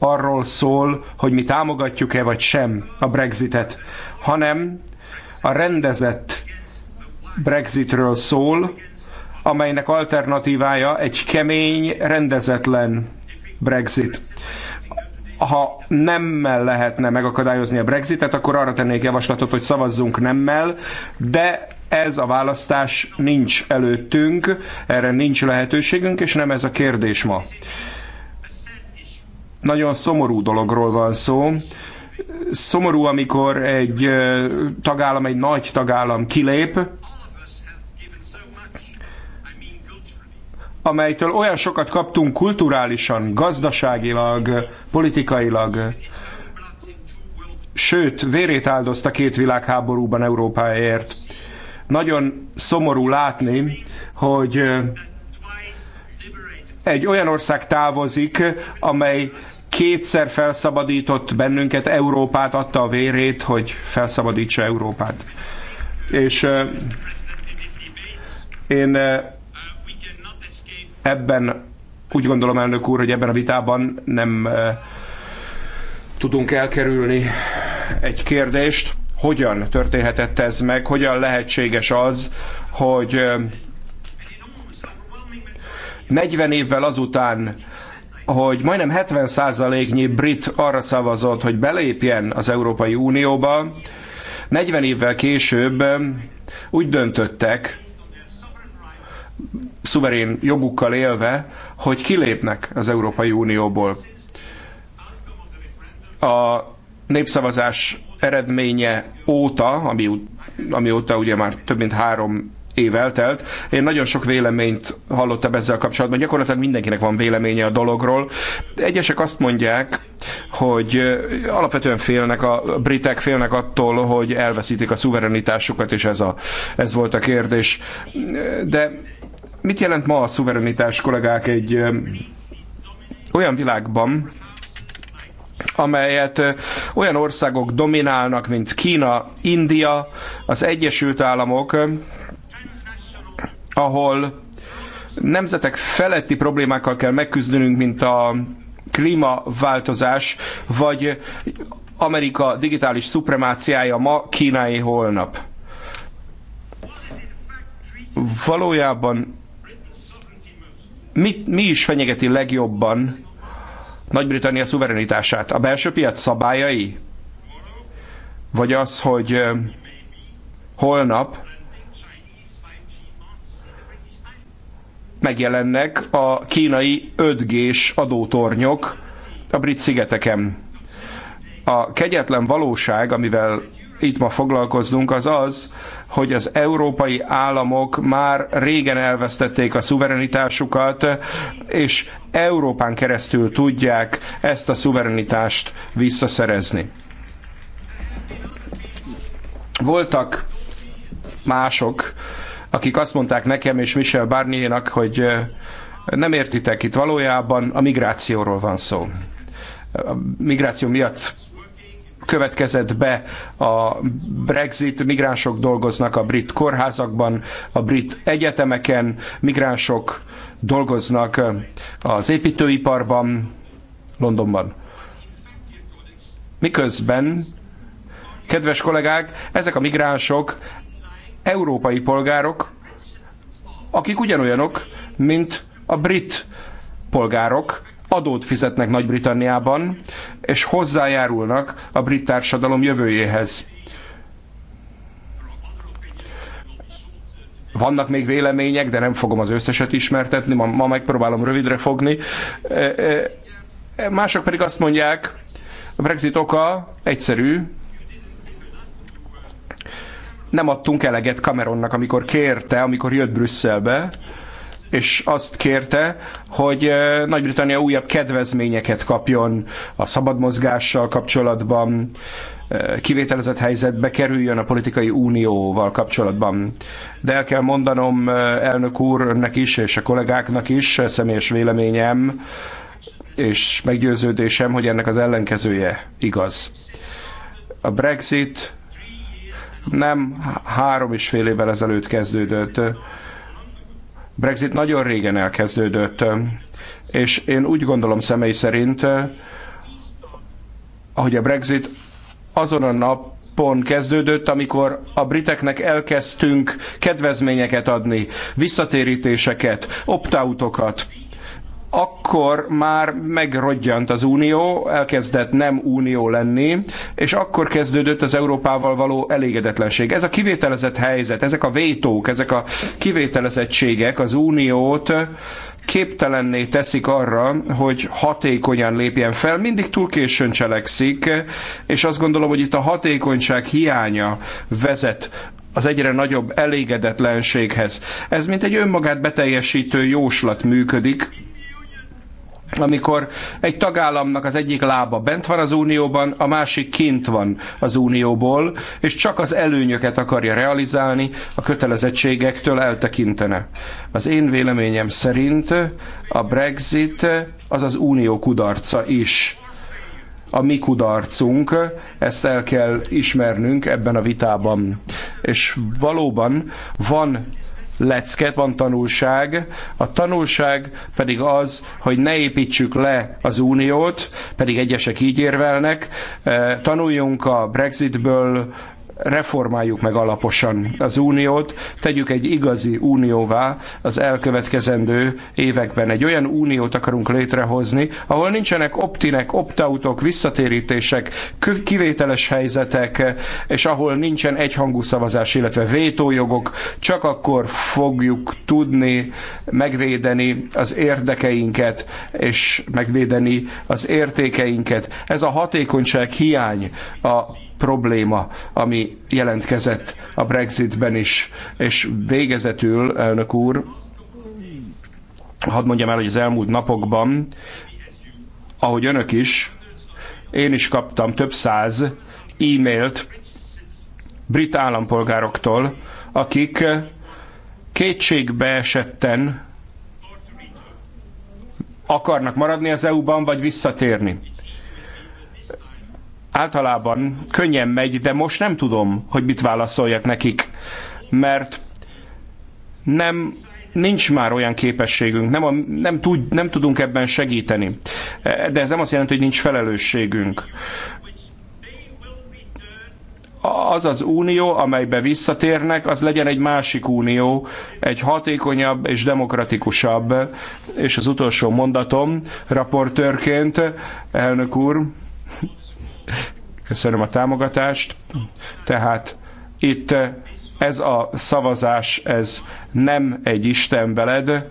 arról szól, hogy mi támogatjuk-e vagy sem a Brexitet, hanem a rendezett Brexitről szól, amelynek alternatívája egy kemény, rendezetlen Brexit. Ha nemmel lehetne megakadályozni a Brexitet, akkor arra tennék javaslatot, hogy szavazzunk nemmel, de ez a választás nincs előttünk, erre nincs lehetőségünk, és nem ez a kérdés ma nagyon szomorú dologról van szó. Szomorú, amikor egy tagállam, egy nagy tagállam kilép, amelytől olyan sokat kaptunk kulturálisan, gazdaságilag, politikailag, sőt, vérét áldozta két világháborúban Európáért. Nagyon szomorú látni, hogy egy olyan ország távozik, amely kétszer felszabadított bennünket, Európát, adta a vérét, hogy felszabadítsa Európát. És én ebben úgy gondolom, elnök úr, hogy ebben a vitában nem tudunk elkerülni egy kérdést, hogyan történhetett ez meg, hogyan lehetséges az, hogy 40 évvel azután hogy majdnem 70%-nyi brit arra szavazott, hogy belépjen az Európai Unióba, 40 évvel később um, úgy döntöttek, szuverén jogukkal élve, hogy kilépnek az Európai Unióból. A népszavazás eredménye óta, ami, amióta ugye már több mint három év eltelt. Én nagyon sok véleményt hallottam ezzel kapcsolatban, gyakorlatilag mindenkinek van véleménye a dologról. Egyesek azt mondják, hogy alapvetően félnek, a britek félnek attól, hogy elveszítik a szuverenitásukat, és ez, a, ez volt a kérdés. De mit jelent ma a szuverenitás, kollégák, egy olyan világban, amelyet olyan országok dominálnak, mint Kína, India, az Egyesült Államok, ahol nemzetek feletti problémákkal kell megküzdenünk, mint a klímaváltozás, vagy Amerika digitális szupremáciája ma, kínai holnap. Valójában mi, mi is fenyegeti legjobban Nagy-Britannia szuverenitását? A belső piac szabályai? Vagy az, hogy holnap megjelennek a kínai 5G-s adótornyok a brit szigeteken. A kegyetlen valóság, amivel itt ma foglalkozunk, az az, hogy az európai államok már régen elvesztették a szuverenitásukat, és Európán keresztül tudják ezt a szuverenitást visszaszerezni. Voltak mások, akik azt mondták nekem és Michel Barnier-nak, hogy nem értitek itt valójában, a migrációról van szó. A migráció miatt következett be a Brexit, migránsok dolgoznak a brit kórházakban, a brit egyetemeken, migránsok dolgoznak az építőiparban, Londonban. Miközben, kedves kollégák, ezek a migránsok európai polgárok, akik ugyanolyanok, mint a brit polgárok, adót fizetnek Nagy-Britanniában, és hozzájárulnak a brit társadalom jövőjéhez. Vannak még vélemények, de nem fogom az összeset ismertetni, ma, ma megpróbálom rövidre fogni. E, e, e, mások pedig azt mondják, a Brexit oka egyszerű, nem adtunk eleget Cameronnak, amikor kérte, amikor jött Brüsszelbe, és azt kérte, hogy Nagy-Britannia újabb kedvezményeket kapjon a szabadmozgással kapcsolatban, kivételezett helyzetbe kerüljön a politikai unióval kapcsolatban. De el kell mondanom elnök úrnek is, és a kollégáknak is, személyes véleményem, és meggyőződésem, hogy ennek az ellenkezője igaz. A Brexit nem három és fél évvel ezelőtt kezdődött. Brexit nagyon régen elkezdődött, és én úgy gondolom személy szerint, hogy a Brexit azon a nap, napon kezdődött, amikor a briteknek elkezdtünk kedvezményeket adni, visszatérítéseket, opt-outokat, akkor már megrodjant az unió, elkezdett nem unió lenni, és akkor kezdődött az Európával való elégedetlenség. Ez a kivételezett helyzet, ezek a vétók, ezek a kivételezettségek az uniót képtelenné teszik arra, hogy hatékonyan lépjen fel, mindig túl későn cselekszik, és azt gondolom, hogy itt a hatékonyság hiánya vezet az egyre nagyobb elégedetlenséghez. Ez mint egy önmagát beteljesítő jóslat működik, amikor egy tagállamnak az egyik lába bent van az unióban, a másik kint van az unióból, és csak az előnyöket akarja realizálni, a kötelezettségektől eltekintene. Az én véleményem szerint a Brexit az az unió kudarca is a mi kudarcunk, ezt el kell ismernünk ebben a vitában. És valóban van lecket, van tanulság. A tanulság pedig az, hogy ne építsük le az uniót, pedig egyesek így érvelnek, eh, tanuljunk a Brexitből, reformáljuk meg alaposan az uniót, tegyük egy igazi unióvá az elkövetkezendő években. Egy olyan uniót akarunk létrehozni, ahol nincsenek optinek, optautok, visszatérítések, kivételes helyzetek, és ahol nincsen egyhangú szavazás, illetve vétójogok, csak akkor fogjuk tudni megvédeni az érdekeinket, és megvédeni az értékeinket. Ez a hatékonyság hiány, a probléma, ami jelentkezett a Brexitben is. És végezetül, elnök úr, hadd mondjam el, hogy az elmúlt napokban, ahogy önök is, én is kaptam több száz e-mailt brit állampolgároktól, akik kétségbe esetten akarnak maradni az EU-ban, vagy visszatérni általában könnyen megy, de most nem tudom, hogy mit válaszoljak nekik, mert nem nincs már olyan képességünk, nem, a, nem, tud, nem tudunk ebben segíteni. De ez nem azt jelenti, hogy nincs felelősségünk. Az az unió, amelybe visszatérnek, az legyen egy másik unió, egy hatékonyabb és demokratikusabb. És az utolsó mondatom, raportőrként, elnök úr, Köszönöm a támogatást. Tehát itt ez a szavazás, ez nem egy Isten veled,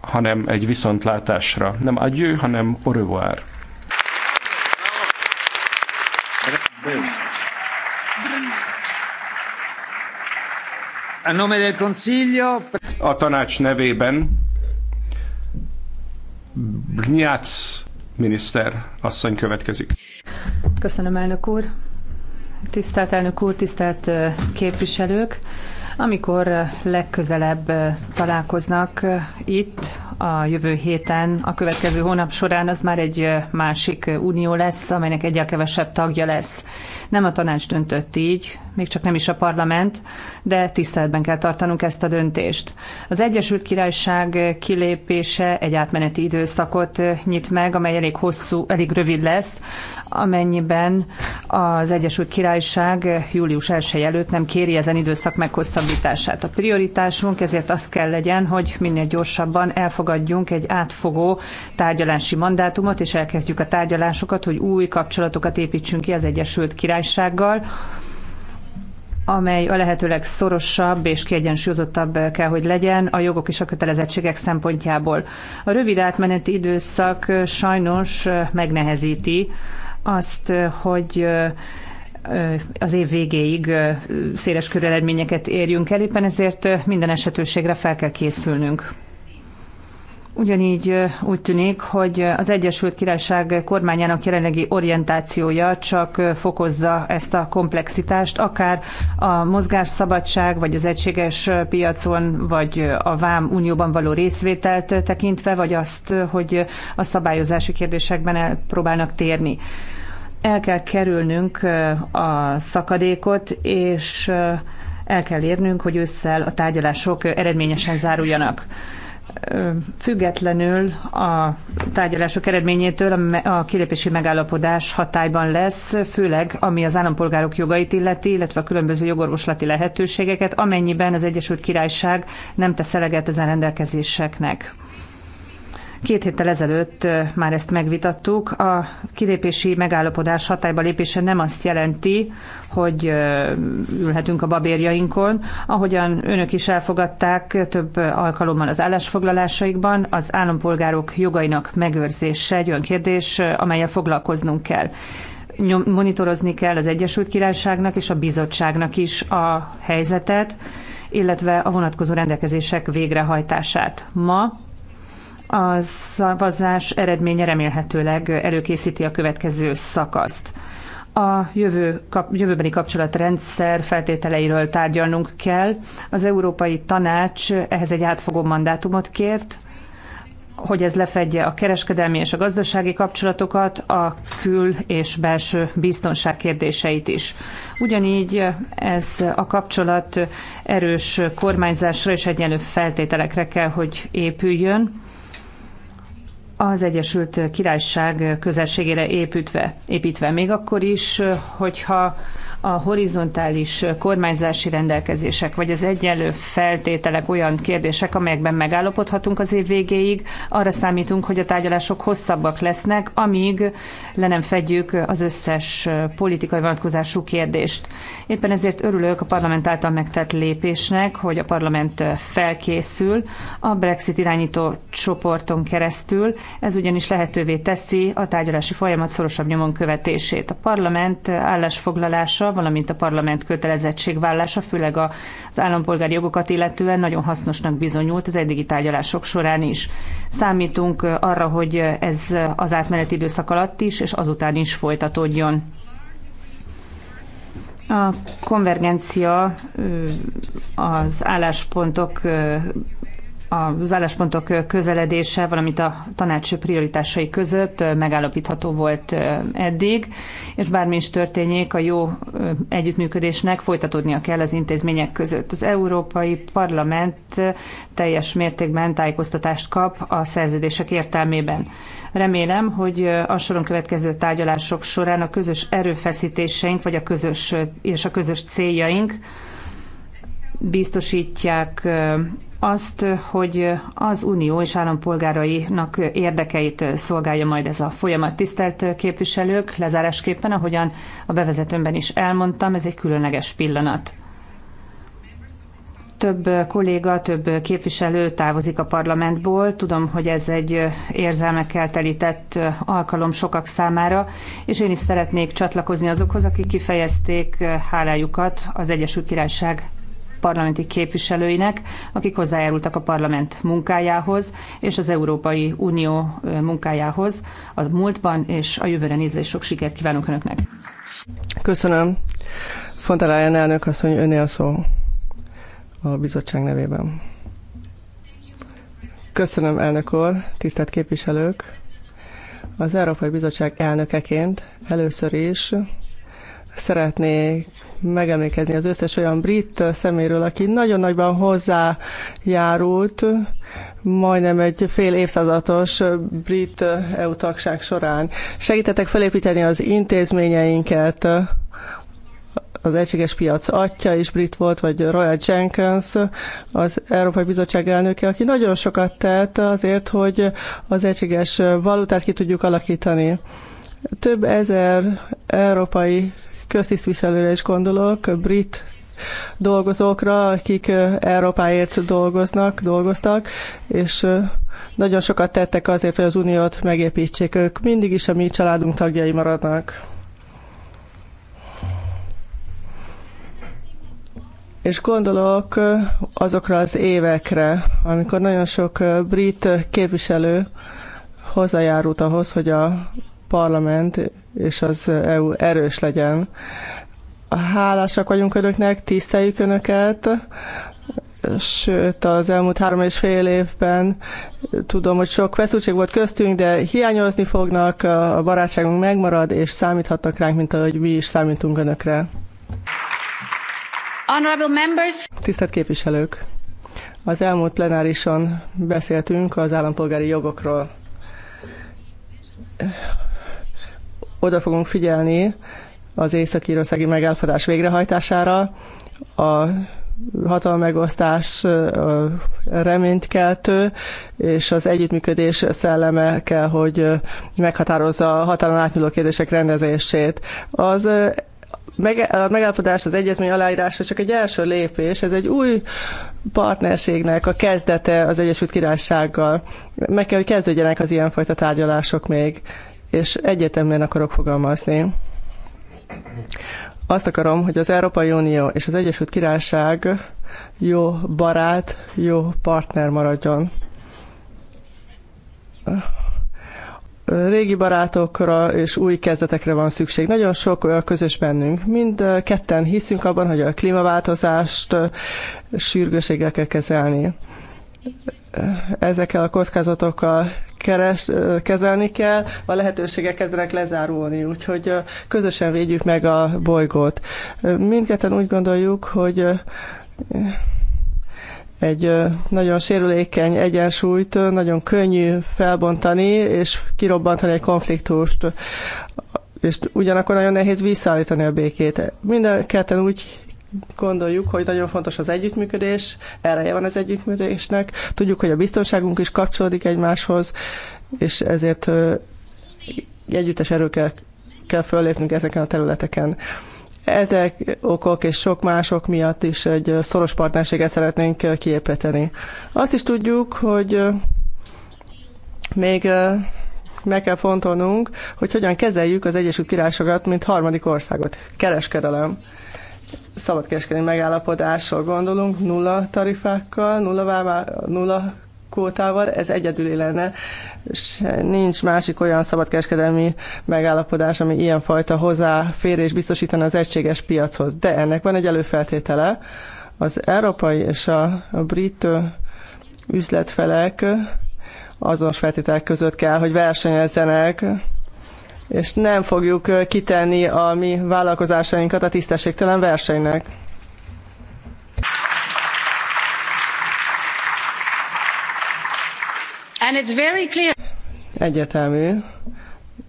hanem egy viszontlátásra. Nem adjő, hanem au revoir. A del Consiglio... A tanács nevében Brnyác miniszter asszony következik. Köszönöm, elnök úr. Tisztelt elnök úr, tisztelt képviselők! Amikor legközelebb találkoznak itt a jövő héten, a következő hónap során az már egy másik unió lesz, amelynek egyel kevesebb tagja lesz. Nem a tanács döntött így, még csak nem is a parlament, de tiszteletben kell tartanunk ezt a döntést. Az Egyesült Királyság kilépése egy átmeneti időszakot nyit meg, amely elég hosszú, elég rövid lesz, amennyiben az Egyesült Királyság július 1 előtt nem kéri ezen időszak meghosszabbítását. A prioritásunk ezért az kell legyen, hogy minél gyorsabban elfogadjunk egy átfogó tárgyalási mandátumot, és elkezdjük a tárgyalásokat, hogy új kapcsolatokat építsünk ki az Egyesült Királysággal, amely a lehető szorosabb és kiegyensúlyozottabb kell, hogy legyen a jogok és a kötelezettségek szempontjából. A rövid átmeneti időszak sajnos megnehezíti azt, hogy az év végéig széles körű eredményeket érjünk el, éppen ezért minden esetőségre fel kell készülnünk. Ugyanígy úgy tűnik, hogy az Egyesült Királyság kormányának jelenlegi orientációja csak fokozza ezt a komplexitást, akár a mozgásszabadság, vagy az egységes piacon, vagy a Vám Unióban való részvételt tekintve, vagy azt, hogy a szabályozási kérdésekben próbálnak térni. El kell kerülnünk a szakadékot, és el kell érnünk, hogy ősszel a tárgyalások eredményesen záruljanak függetlenül a tárgyalások eredményétől a kilépési megállapodás hatályban lesz, főleg ami az állampolgárok jogait illeti, illetve a különböző jogorvoslati lehetőségeket, amennyiben az Egyesült Királyság nem tesz eleget ezen rendelkezéseknek. Két héttel ezelőtt már ezt megvitattuk. A kilépési megállapodás hatályba lépése nem azt jelenti, hogy ülhetünk a babérjainkon. Ahogyan önök is elfogadták több alkalommal az állásfoglalásaikban, az állampolgárok jogainak megőrzése egy olyan kérdés, amelyel foglalkoznunk kell monitorozni kell az Egyesült Királyságnak és a bizottságnak is a helyzetet, illetve a vonatkozó rendelkezések végrehajtását. Ma a szavazás eredménye remélhetőleg előkészíti a következő szakaszt. A jövő, kap, jövőbeni kapcsolatrendszer feltételeiről tárgyalnunk kell. Az Európai Tanács ehhez egy átfogó mandátumot kért, hogy ez lefedje a kereskedelmi és a gazdasági kapcsolatokat, a kül- és belső biztonság kérdéseit is. Ugyanígy ez a kapcsolat erős kormányzásra és egyenlő feltételekre kell, hogy épüljön az Egyesült Királyság közelségére építve, építve még akkor is, hogyha a horizontális kormányzási rendelkezések, vagy az egyenlő feltételek olyan kérdések, amelyekben megállapodhatunk az év végéig. Arra számítunk, hogy a tárgyalások hosszabbak lesznek, amíg le nem fedjük az összes politikai vonatkozású kérdést. Éppen ezért örülök a parlament által megtett lépésnek, hogy a parlament felkészül a Brexit irányító csoporton keresztül. Ez ugyanis lehetővé teszi a tárgyalási folyamat szorosabb nyomon követését. A parlament állásfoglalása valamint a parlament kötelezettségvállása, főleg az állampolgári jogokat illetően nagyon hasznosnak bizonyult az eddigi tárgyalások során is. Számítunk arra, hogy ez az átmeneti időszak alatt is, és azután is folytatódjon. A konvergencia az álláspontok az álláspontok közeledése, valamint a tanács prioritásai között megállapítható volt eddig, és bármi is történjék, a jó együttműködésnek folytatódnia kell az intézmények között. Az Európai Parlament teljes mértékben tájékoztatást kap a szerződések értelmében. Remélem, hogy a soron következő tárgyalások során a közös erőfeszítéseink, vagy a közös és a közös céljaink biztosítják azt, hogy az unió és állampolgárainak érdekeit szolgálja majd ez a folyamat. Tisztelt képviselők, lezárásképpen, ahogyan a bevezetőmben is elmondtam, ez egy különleges pillanat. Több kolléga, több képviselő távozik a parlamentból. Tudom, hogy ez egy érzelmekkel telített alkalom sokak számára, és én is szeretnék csatlakozni azokhoz, akik kifejezték hálájukat az Egyesült Királyság parlamenti képviselőinek, akik hozzájárultak a parlament munkájához és az Európai Unió munkájához az múltban és a jövőre nézve is sok sikert kívánunk Önöknek. Köszönöm. Fontaláján elnök asszony, öné a szó a bizottság nevében. Köszönöm, elnök úr, tisztelt képviselők! Az Európai Bizottság elnökeként először is szeretnék megemlékezni az összes olyan brit szeméről, aki nagyon nagyban hozzájárult, majdnem egy fél évszázados brit EU tagság során. Segítettek felépíteni az intézményeinket, az egységes piac atya is brit volt, vagy Royal Jenkins, az Európai Bizottság elnöke, aki nagyon sokat tett azért, hogy az egységes valutát ki tudjuk alakítani. Több ezer európai köztisztviselőre is gondolok, brit dolgozókra, akik Európáért dolgoznak, dolgoztak, és nagyon sokat tettek azért, hogy az uniót megépítsék. Ők mindig is a mi családunk tagjai maradnak. és gondolok azokra az évekre, amikor nagyon sok brit képviselő hozzájárult ahhoz, hogy a parlament és az EU erős legyen. Hálásak vagyunk önöknek, tiszteljük önöket, sőt az elmúlt három és fél évben tudom, hogy sok feszültség volt köztünk, de hiányozni fognak, a barátságunk megmarad, és számíthatnak ránk, mint ahogy mi is számítunk önökre. Honorable members. Tisztelt képviselők! Az elmúlt plenárison beszéltünk az állampolgári jogokról oda fogunk figyelni az észak-írországi megállapodás végrehajtására, a hatalmegosztás reményt keltő, és az együttműködés szelleme kell, hogy meghatározza a határon átnyúló kérdések rendezését. Az a megállapodás, az egyezmény aláírása csak egy első lépés, ez egy új partnerségnek a kezdete az Egyesült Királysággal. Meg kell, hogy kezdődjenek az ilyenfajta tárgyalások még és egyértelműen akarok fogalmazni. Azt akarom, hogy az Európai Unió és az Egyesült Királyság jó barát, jó partner maradjon. Régi barátokra és új kezdetekre van szükség. Nagyon sok közös bennünk. Mind ketten hiszünk abban, hogy a klímaváltozást sürgőséggel kell kezelni ezekkel a kockázatokkal keres, kezelni kell, a lehetőségek kezdenek lezárulni, úgyhogy közösen védjük meg a bolygót. Mindketten úgy gondoljuk, hogy egy nagyon sérülékeny egyensúlyt nagyon könnyű felbontani és kirobbantani egy konfliktust és ugyanakkor nagyon nehéz visszaállítani a békét. Mindenketten úgy gondoljuk, hogy nagyon fontos az együttműködés, erre van az együttműködésnek. Tudjuk, hogy a biztonságunk is kapcsolódik egymáshoz, és ezért együttes erőkkel kell föllépnünk ezeken a területeken. Ezek okok és sok mások miatt is egy szoros partnerséget szeretnénk kiépíteni. Azt is tudjuk, hogy még meg kell fontolnunk, hogy hogyan kezeljük az Egyesült Királyságot, mint harmadik országot. Kereskedelem szabadkereskedelmi megállapodásról gondolunk, nulla tarifákkal, nulla, vává, nulla kótával, ez egyedüli lenne, és nincs másik olyan szabadkereskedelmi megállapodás, ami ilyenfajta hozzáférés biztosítana az egységes piachoz. De ennek van egy előfeltétele, az európai és a, a brit üzletfelek azonos feltételek között kell, hogy versenyezzenek és nem fogjuk kitenni a mi vállalkozásainkat a tisztességtelen versenynek. And it's very clear. Egyetemű,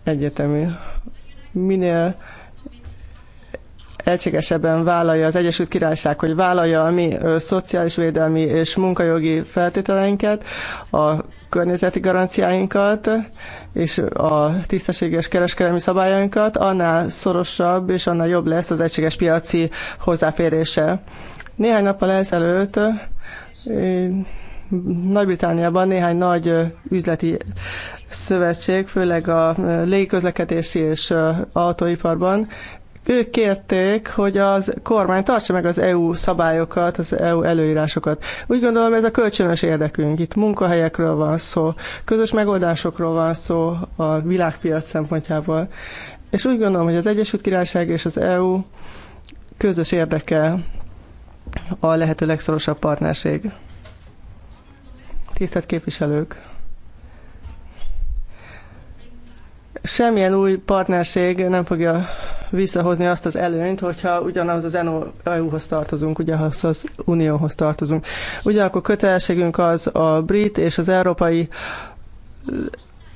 egyetemű. Minél egységesebben vállalja az Egyesült Királyság, hogy vállalja a mi szociális védelmi és munkajogi feltételeinket, a környezeti garanciáinkat és a tisztességes kereskedelmi szabályainkat, annál szorosabb és annál jobb lesz az egységes piaci hozzáférése. Néhány nappal ezelőtt eh, nagy-Britániában néhány nagy eh, üzleti szövetség, főleg a eh, légiközlekedési és autóiparban ők kérték, hogy az kormány tartsa meg az EU szabályokat, az EU előírásokat. Úgy gondolom, ez a kölcsönös érdekünk. Itt munkahelyekről van szó, közös megoldásokról van szó a világpiac szempontjából. És úgy gondolom, hogy az Egyesült Királyság és az EU közös érdeke a lehető legszorosabb partnerség. Tisztelt képviselők! Semmilyen új partnerség nem fogja visszahozni azt az előnyt, hogyha ugyanaz az EU-hoz tartozunk, ugye az az Unióhoz tartozunk. Ugyanakkor kötelességünk az a brit és az európai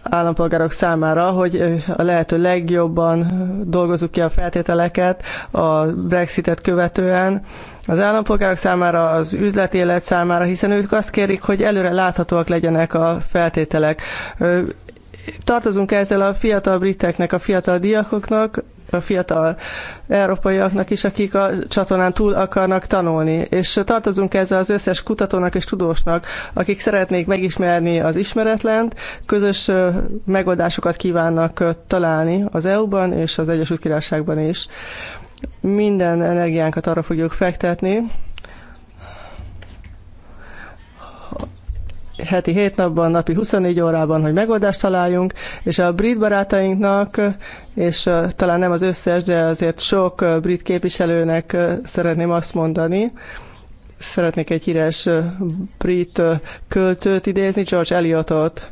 állampolgárok számára, hogy a lehető legjobban dolgozzuk ki a feltételeket a Brexitet követően, az állampolgárok számára, az üzleti élet számára, hiszen ők azt kérik, hogy előre láthatóak legyenek a feltételek. Tartozunk ezzel a fiatal briteknek, a fiatal diákoknak, a fiatal európaiaknak is, akik a csatornán túl akarnak tanulni. És tartozunk ezzel az összes kutatónak és tudósnak, akik szeretnék megismerni az ismeretlent, közös megoldásokat kívánnak találni az EU-ban és az Egyesült Királyságban is. Minden energiánkat arra fogjuk fektetni, heti 7 napban, napi 24 órában, hogy megoldást találjunk, és a brit barátainknak, és talán nem az összes, de azért sok brit képviselőnek szeretném azt mondani, szeretnék egy híres brit költőt idézni, George Eliotot,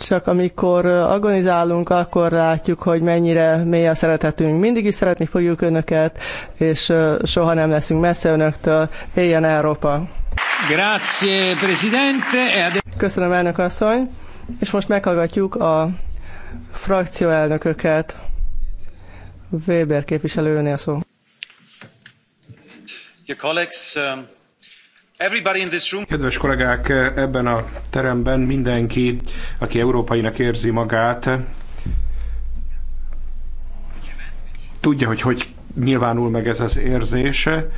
csak amikor agonizálunk, akkor látjuk, hogy mennyire mély a szeretetünk. Mindig is szeretni fogjuk önöket, és soha nem leszünk messze önöktől. Éljen Európa! Grazie, Presidente! E Köszönöm, elnök asszony! És most meghallgatjuk a frakcióelnököket. Weber képviselőnél szó. Dear colleagues, um... Kedves kollégák, ebben a teremben mindenki, aki európainak érzi magát, tudja, hogy hogy nyilvánul meg ez az érzése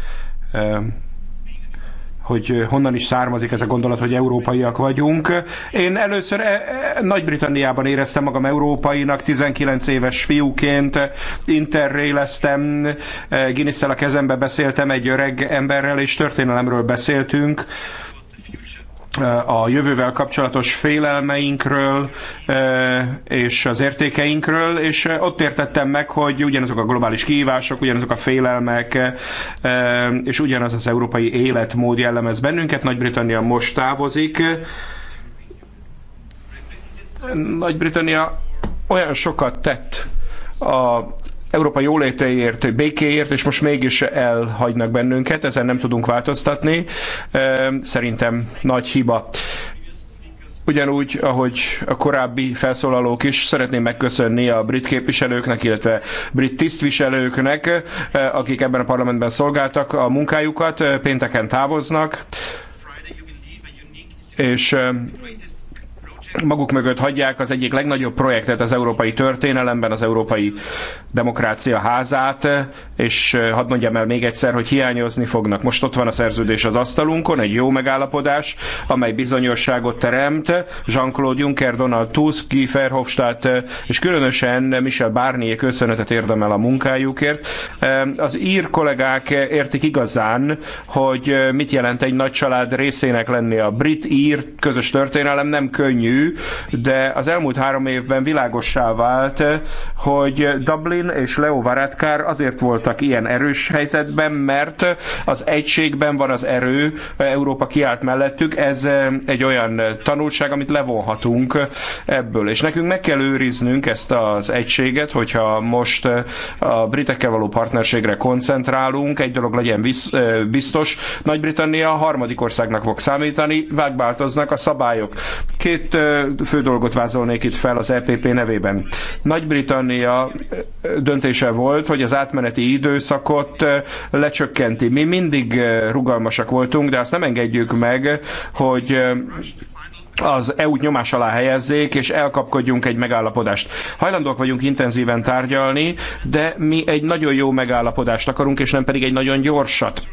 hogy honnan is származik ez a gondolat, hogy európaiak vagyunk. Én először e, e, Nagy-Britanniában éreztem magam európainak, 19 éves fiúként interréleztem, e, Guinness-szel a kezembe beszéltem egy öreg emberrel, és történelemről beszéltünk a jövővel kapcsolatos félelmeinkről e, és az értékeinkről, és e, ott értettem meg, hogy ugyanazok a globális kihívások, ugyanazok a félelmek, e, és ugyanaz az európai életmód jellemez bennünket. Nagy-Britannia most távozik. Nagy-Britannia olyan sokat tett a Európa jólétéért, békéért, és most mégis elhagynak bennünket, ezen nem tudunk változtatni. Szerintem nagy hiba. Ugyanúgy, ahogy a korábbi felszólalók is, szeretném megköszönni a brit képviselőknek, illetve brit tisztviselőknek, akik ebben a parlamentben szolgáltak a munkájukat, pénteken távoznak, és maguk mögött hagyják az egyik legnagyobb projektet az európai történelemben, az Európai Demokrácia Házát, és hadd mondjam el még egyszer, hogy hiányozni fognak. Most ott van a szerződés az asztalunkon, egy jó megállapodás, amely bizonyosságot teremt. Jean-Claude Juncker, Donald Tusk, Guy Verhofstadt, és különösen Michel Barnier köszönetet érdemel a munkájukért. Az ír kollégák értik igazán, hogy mit jelent egy nagy család részének lenni a brit-ír közös történelem, nem könnyű, de az elmúlt három évben világossá vált, hogy Dublin és Leo Varadkar azért voltak ilyen erős helyzetben, mert az egységben van az erő, Európa kiállt mellettük, ez eh, egy olyan tanulság, amit levonhatunk ebből. És nekünk meg kell őriznünk ezt az egységet, hogyha most eh, a britekkel való partnerségre koncentrálunk, egy dolog legyen eh, biztos, Nagy-Britannia harmadik országnak fog számítani, változnak a szabályok. Két fő dolgot vázolnék itt fel az EPP nevében. Nagy-Britannia döntése volt, hogy az átmeneti időszakot lecsökkenti. Mi mindig rugalmasak voltunk, de azt nem engedjük meg, hogy az EU-t nyomás alá helyezzék, és elkapkodjunk egy megállapodást. Hajlandóak vagyunk intenzíven tárgyalni, de mi egy nagyon jó megállapodást akarunk, és nem pedig egy nagyon gyorsat.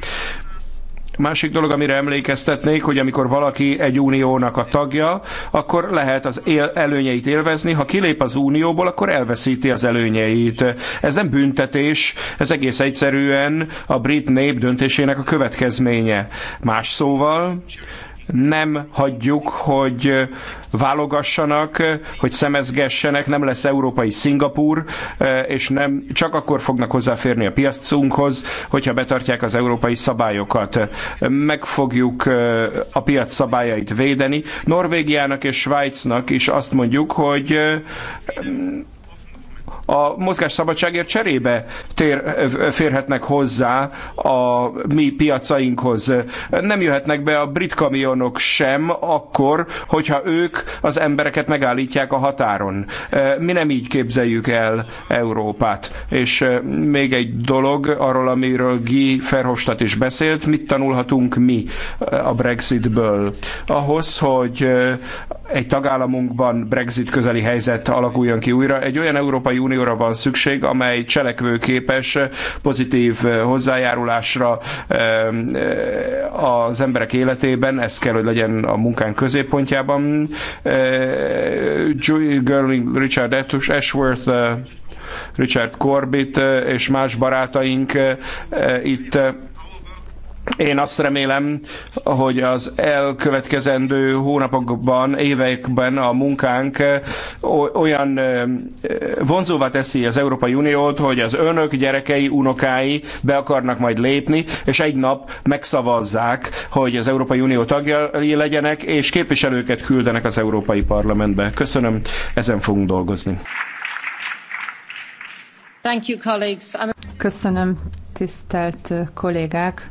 Másik dolog, amire emlékeztetnék, hogy amikor valaki egy uniónak a tagja, akkor lehet az él, előnyeit élvezni, ha kilép az unióból, akkor elveszíti az előnyeit. Ez nem büntetés, ez egész egyszerűen a brit nép döntésének a következménye. Más szóval, nem hagyjuk, hogy válogassanak, hogy szemezgessenek, nem lesz európai Szingapúr, és nem csak akkor fognak hozzáférni a piacunkhoz, hogyha betartják az európai szabályokat. Meg fogjuk a piac szabályait védeni. Norvégiának és Svájcnak is azt mondjuk, hogy a mozgásszabadságért cserébe tér, férhetnek hozzá a mi piacainkhoz. Nem jöhetnek be a brit kamionok sem akkor, hogyha ők az embereket megállítják a határon. Mi nem így képzeljük el Európát. És még egy dolog arról, amiről Guy Verhofstadt is beszélt, mit tanulhatunk mi a Brexitből. Ahhoz, hogy egy tagállamunkban Brexit közeli helyzet alakuljon ki újra, egy olyan Európai Unió unióra van szükség, amely cselekvőképes, pozitív eh, hozzájárulásra eh, az emberek életében, ez kell, hogy legyen a munkánk középpontjában. Eh, Julie Gerling, Richard Ashworth, Richard Corbett és más barátaink itt én azt remélem, hogy az elkövetkezendő hónapokban, években a munkánk olyan vonzóvá teszi az Európai Uniót, hogy az önök gyerekei, unokái be akarnak majd lépni, és egy nap megszavazzák, hogy az Európai Unió tagjai legyenek, és képviselőket küldenek az Európai Parlamentbe. Köszönöm, ezen fogunk dolgozni. Köszönöm, tisztelt kollégák!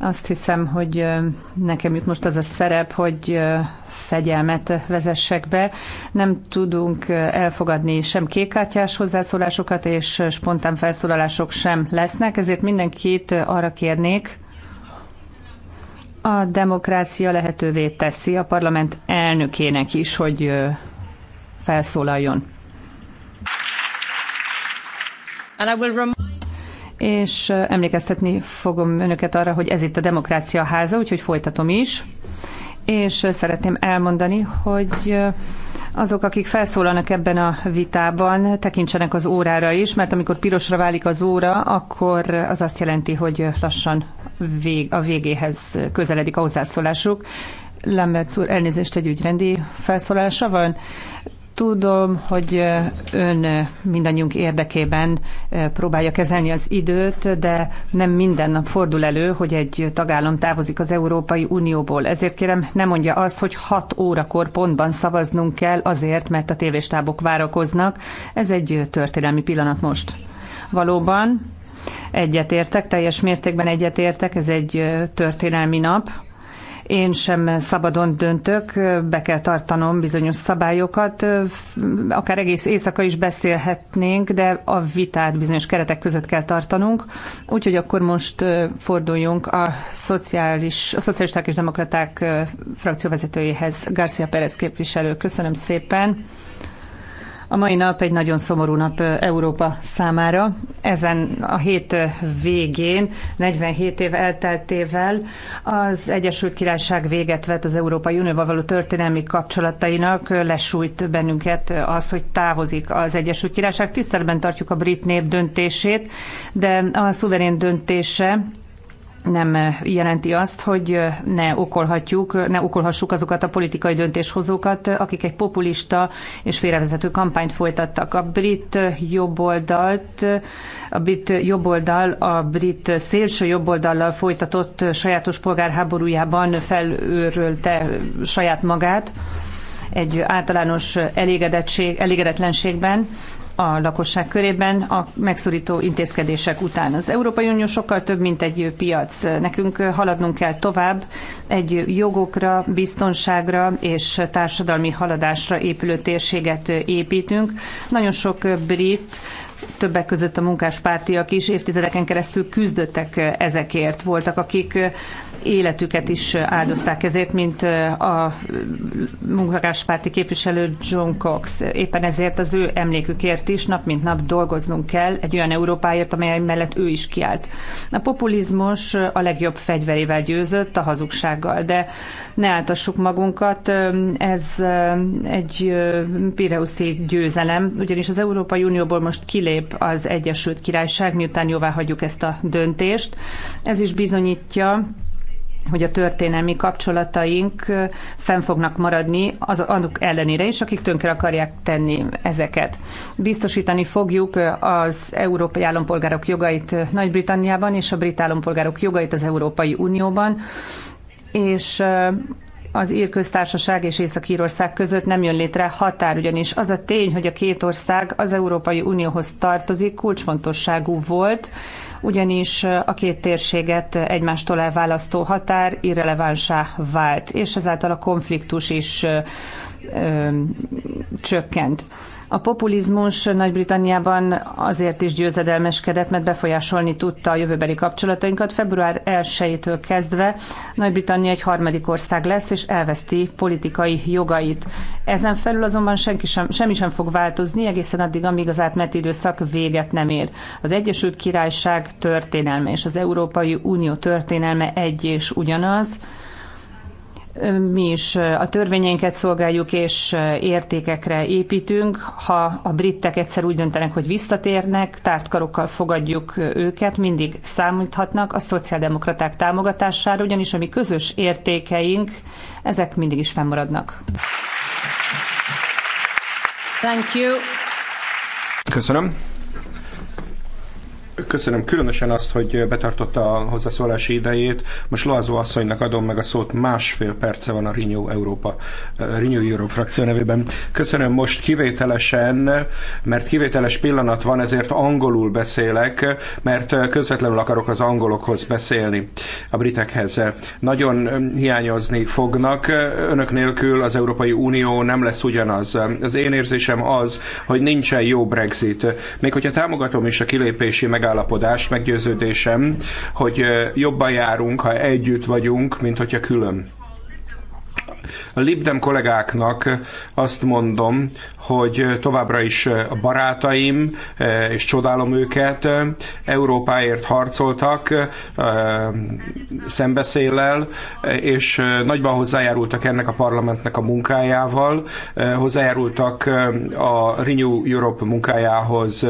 Azt hiszem, hogy nekem jut most az a szerep, hogy fegyelmet vezessek be. Nem tudunk elfogadni sem kékkártyás hozzászólásokat, és spontán felszólalások sem lesznek, ezért mindenkit arra kérnék, a demokrácia lehetővé teszi a parlament elnökének is, hogy felszólaljon. And I will remind és emlékeztetni fogom önöket arra, hogy ez itt a demokrácia háza, úgyhogy folytatom is. És szeretném elmondani, hogy azok, akik felszólalnak ebben a vitában, tekintsenek az órára is, mert amikor pirosra válik az óra, akkor az azt jelenti, hogy lassan vég, a végéhez közeledik a hozzászólásuk. Lambert úr, elnézést egy ügyrendi felszólása van. Tudom, hogy ön mindannyiunk érdekében próbálja kezelni az időt, de nem minden nap fordul elő, hogy egy tagállam távozik az Európai Unióból. Ezért kérem, ne mondja azt, hogy 6 órakor pontban szavaznunk kell azért, mert a tévéstábok várakoznak. Ez egy történelmi pillanat most. Valóban, egyetértek, teljes mértékben egyetértek, ez egy történelmi nap én sem szabadon döntök, be kell tartanom bizonyos szabályokat, akár egész éjszaka is beszélhetnénk, de a vitát bizonyos keretek között kell tartanunk. Úgyhogy akkor most forduljunk a, szociális, a szocialisták és demokraták frakcióvezetőjéhez, Garcia Perez képviselő. Köszönöm szépen. A mai nap egy nagyon szomorú nap Európa számára. Ezen a hét végén, 47 év elteltével az Egyesült Királyság véget vet az Európai Unióval való történelmi kapcsolatainak, lesújt bennünket az, hogy távozik az Egyesült Királyság. Tiszteletben tartjuk a brit nép döntését, de a szuverén döntése nem jelenti azt, hogy ne okolhatjuk, ne okolhassuk azokat a politikai döntéshozókat, akik egy populista és félrevezető kampányt folytattak. A brit jobboldalt, a brit jobboldal a brit szélső jobboldallal folytatott sajátos polgárháborújában felőrölte saját magát egy általános elégedettség, elégedetlenségben, a lakosság körében a megszorító intézkedések után. Az Európai Unió sokkal több, mint egy piac. Nekünk haladnunk kell tovább egy jogokra, biztonságra és társadalmi haladásra épülő térséget építünk. Nagyon sok brit többek között a munkáspártiak is évtizedeken keresztül küzdöttek ezekért. Voltak, akik életüket is áldozták ezért, mint a munkakáspárti képviselő John Cox. Éppen ezért az ő emlékükért is nap mint nap dolgoznunk kell egy olyan Európáért, amely mellett ő is kiállt. A populizmus a legjobb fegyverével győzött, a hazugsággal, de ne áltassuk magunkat, ez egy Pireuszi győzelem, ugyanis az Európai Unióból most kilép az Egyesült Királyság, miután jóvá hagyjuk ezt a döntést. Ez is bizonyítja, hogy a történelmi kapcsolataink fenn fognak maradni az, annak ellenére is, akik tönkre akarják tenni ezeket. Biztosítani fogjuk az európai állampolgárok jogait Nagy-Britanniában és a brit állampolgárok jogait az Európai Unióban, és az Ír köztársaság és Észak-Írország között nem jön létre határ, ugyanis az a tény, hogy a két ország az Európai Unióhoz tartozik, kulcsfontosságú volt, ugyanis a két térséget egymástól elválasztó határ irrelevánsá vált, és ezáltal a konfliktus is ö, csökkent. A populizmus Nagy-Britanniában azért is győzedelmeskedett, mert befolyásolni tudta a jövőbeli kapcsolatainkat. Február 1-től kezdve Nagy-Britannia egy harmadik ország lesz, és elveszti politikai jogait. Ezen felül azonban senki sem, semmi sem fog változni, egészen addig, amíg az átmeneti időszak véget nem ér. Az Egyesült Királyság történelme és az Európai Unió történelme egy és ugyanaz, mi is a törvényeinket szolgáljuk és értékekre építünk. Ha a britek egyszer úgy döntenek, hogy visszatérnek, tártkarokkal fogadjuk őket, mindig számíthatnak a szociáldemokraták támogatására, ugyanis a mi közös értékeink, ezek mindig is fennmaradnak. Thank you. Köszönöm. Köszönöm különösen azt, hogy betartotta a hozzászólási idejét. Most Loazó asszonynak adom meg a szót, másfél perce van a Renew Európa, eh, Renew Europe frakció nevében. Köszönöm most kivételesen, mert kivételes pillanat van, ezért angolul beszélek, mert eh, közvetlenül akarok az angolokhoz beszélni, a britekhez. Nagyon eh, hiányozni fognak, önök nélkül az Európai Unió nem lesz ugyanaz. Az én érzésem az, hogy nincsen jó Brexit. Még hogyha támogatom is a kilépési megállapodást, megállapodás, meggyőződésem, hogy jobban járunk, ha együtt vagyunk, mint hogyha külön. A Libdem kollégáknak azt mondom, hogy továbbra is a barátaim, eh, és csodálom őket, eh, Európáért harcoltak eh, szembeszéllel, és nagyban hozzájárultak ennek a parlamentnek a munkájával, hozzájárultak a Renew Europe munkájához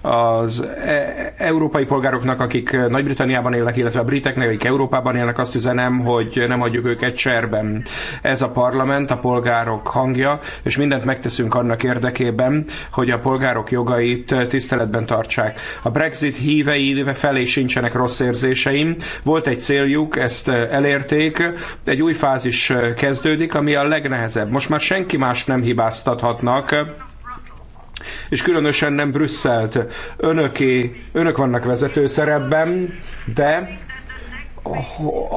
az európai polgároknak, akik Nagy-Britanniában élnek, illetve a briteknek, akik Európában élnek, azt üzenem, hogy nem hagyjuk őket cserben. Ez ez a parlament a polgárok hangja, és mindent megteszünk annak érdekében, hogy a polgárok jogait tiszteletben tartsák. A Brexit hívei felé sincsenek rossz érzéseim. Volt egy céljuk, ezt elérték. Egy új fázis kezdődik, ami a legnehezebb. Most már senki más nem hibáztathatnak és különösen nem Brüsszelt. Önöké, önök vannak vezető szerepben, de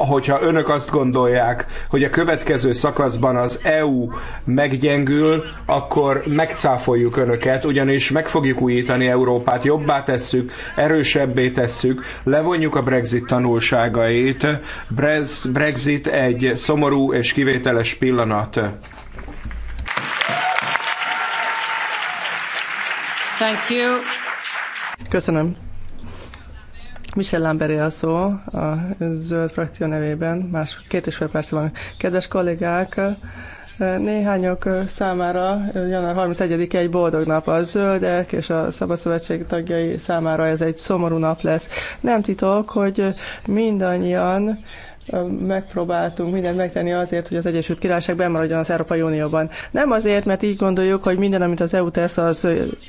hogyha önök azt gondolják, hogy a következő szakaszban az EU meggyengül, akkor megcáfoljuk önöket, ugyanis meg fogjuk újítani Európát, jobbá tesszük, erősebbé tesszük, levonjuk a Brexit tanulságait. Brexit egy szomorú és kivételes pillanat. Thank you. Köszönöm. Michel Lamberé a szó a zöld frakció nevében, más két és fél perc van. Kedves kollégák, Néhányok számára január 31-e egy boldog nap a zöldek, és a Szabadszövetség tagjai számára ez egy szomorú nap lesz. Nem titok, hogy mindannyian megpróbáltunk mindent megtenni azért, hogy az Egyesült Királyság bemaradjon az Európai Unióban. Nem azért, mert így gondoljuk, hogy minden, amit az EU tesz, az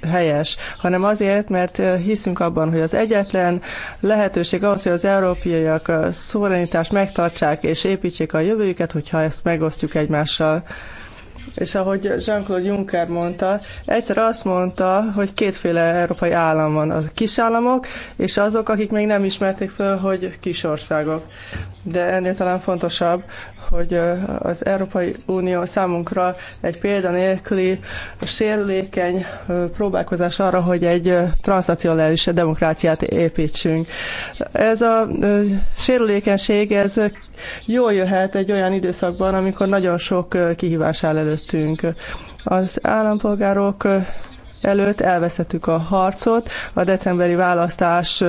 helyes, hanem azért, mert hiszünk abban, hogy az egyetlen lehetőség ahhoz, hogy az európaiak szuverenitást megtartsák és építsék a jövőjüket, hogyha ezt megosztjuk egymással. És ahogy Jean-Claude Juncker mondta, egyszer azt mondta, hogy kétféle európai állam van, a kis államok, és azok, akik még nem ismerték fel, hogy kis országok. De ennél talán fontosabb, hogy az Európai Unió számunkra egy nélküli, sérülékeny próbálkozás arra, hogy egy transnacionális demokráciát építsünk. Ez a sérülékenység, ez jól jöhet egy olyan időszakban, amikor nagyon sok kihívás áll előttünk. Az állampolgárok előtt elvesztettük a harcot. A decemberi választás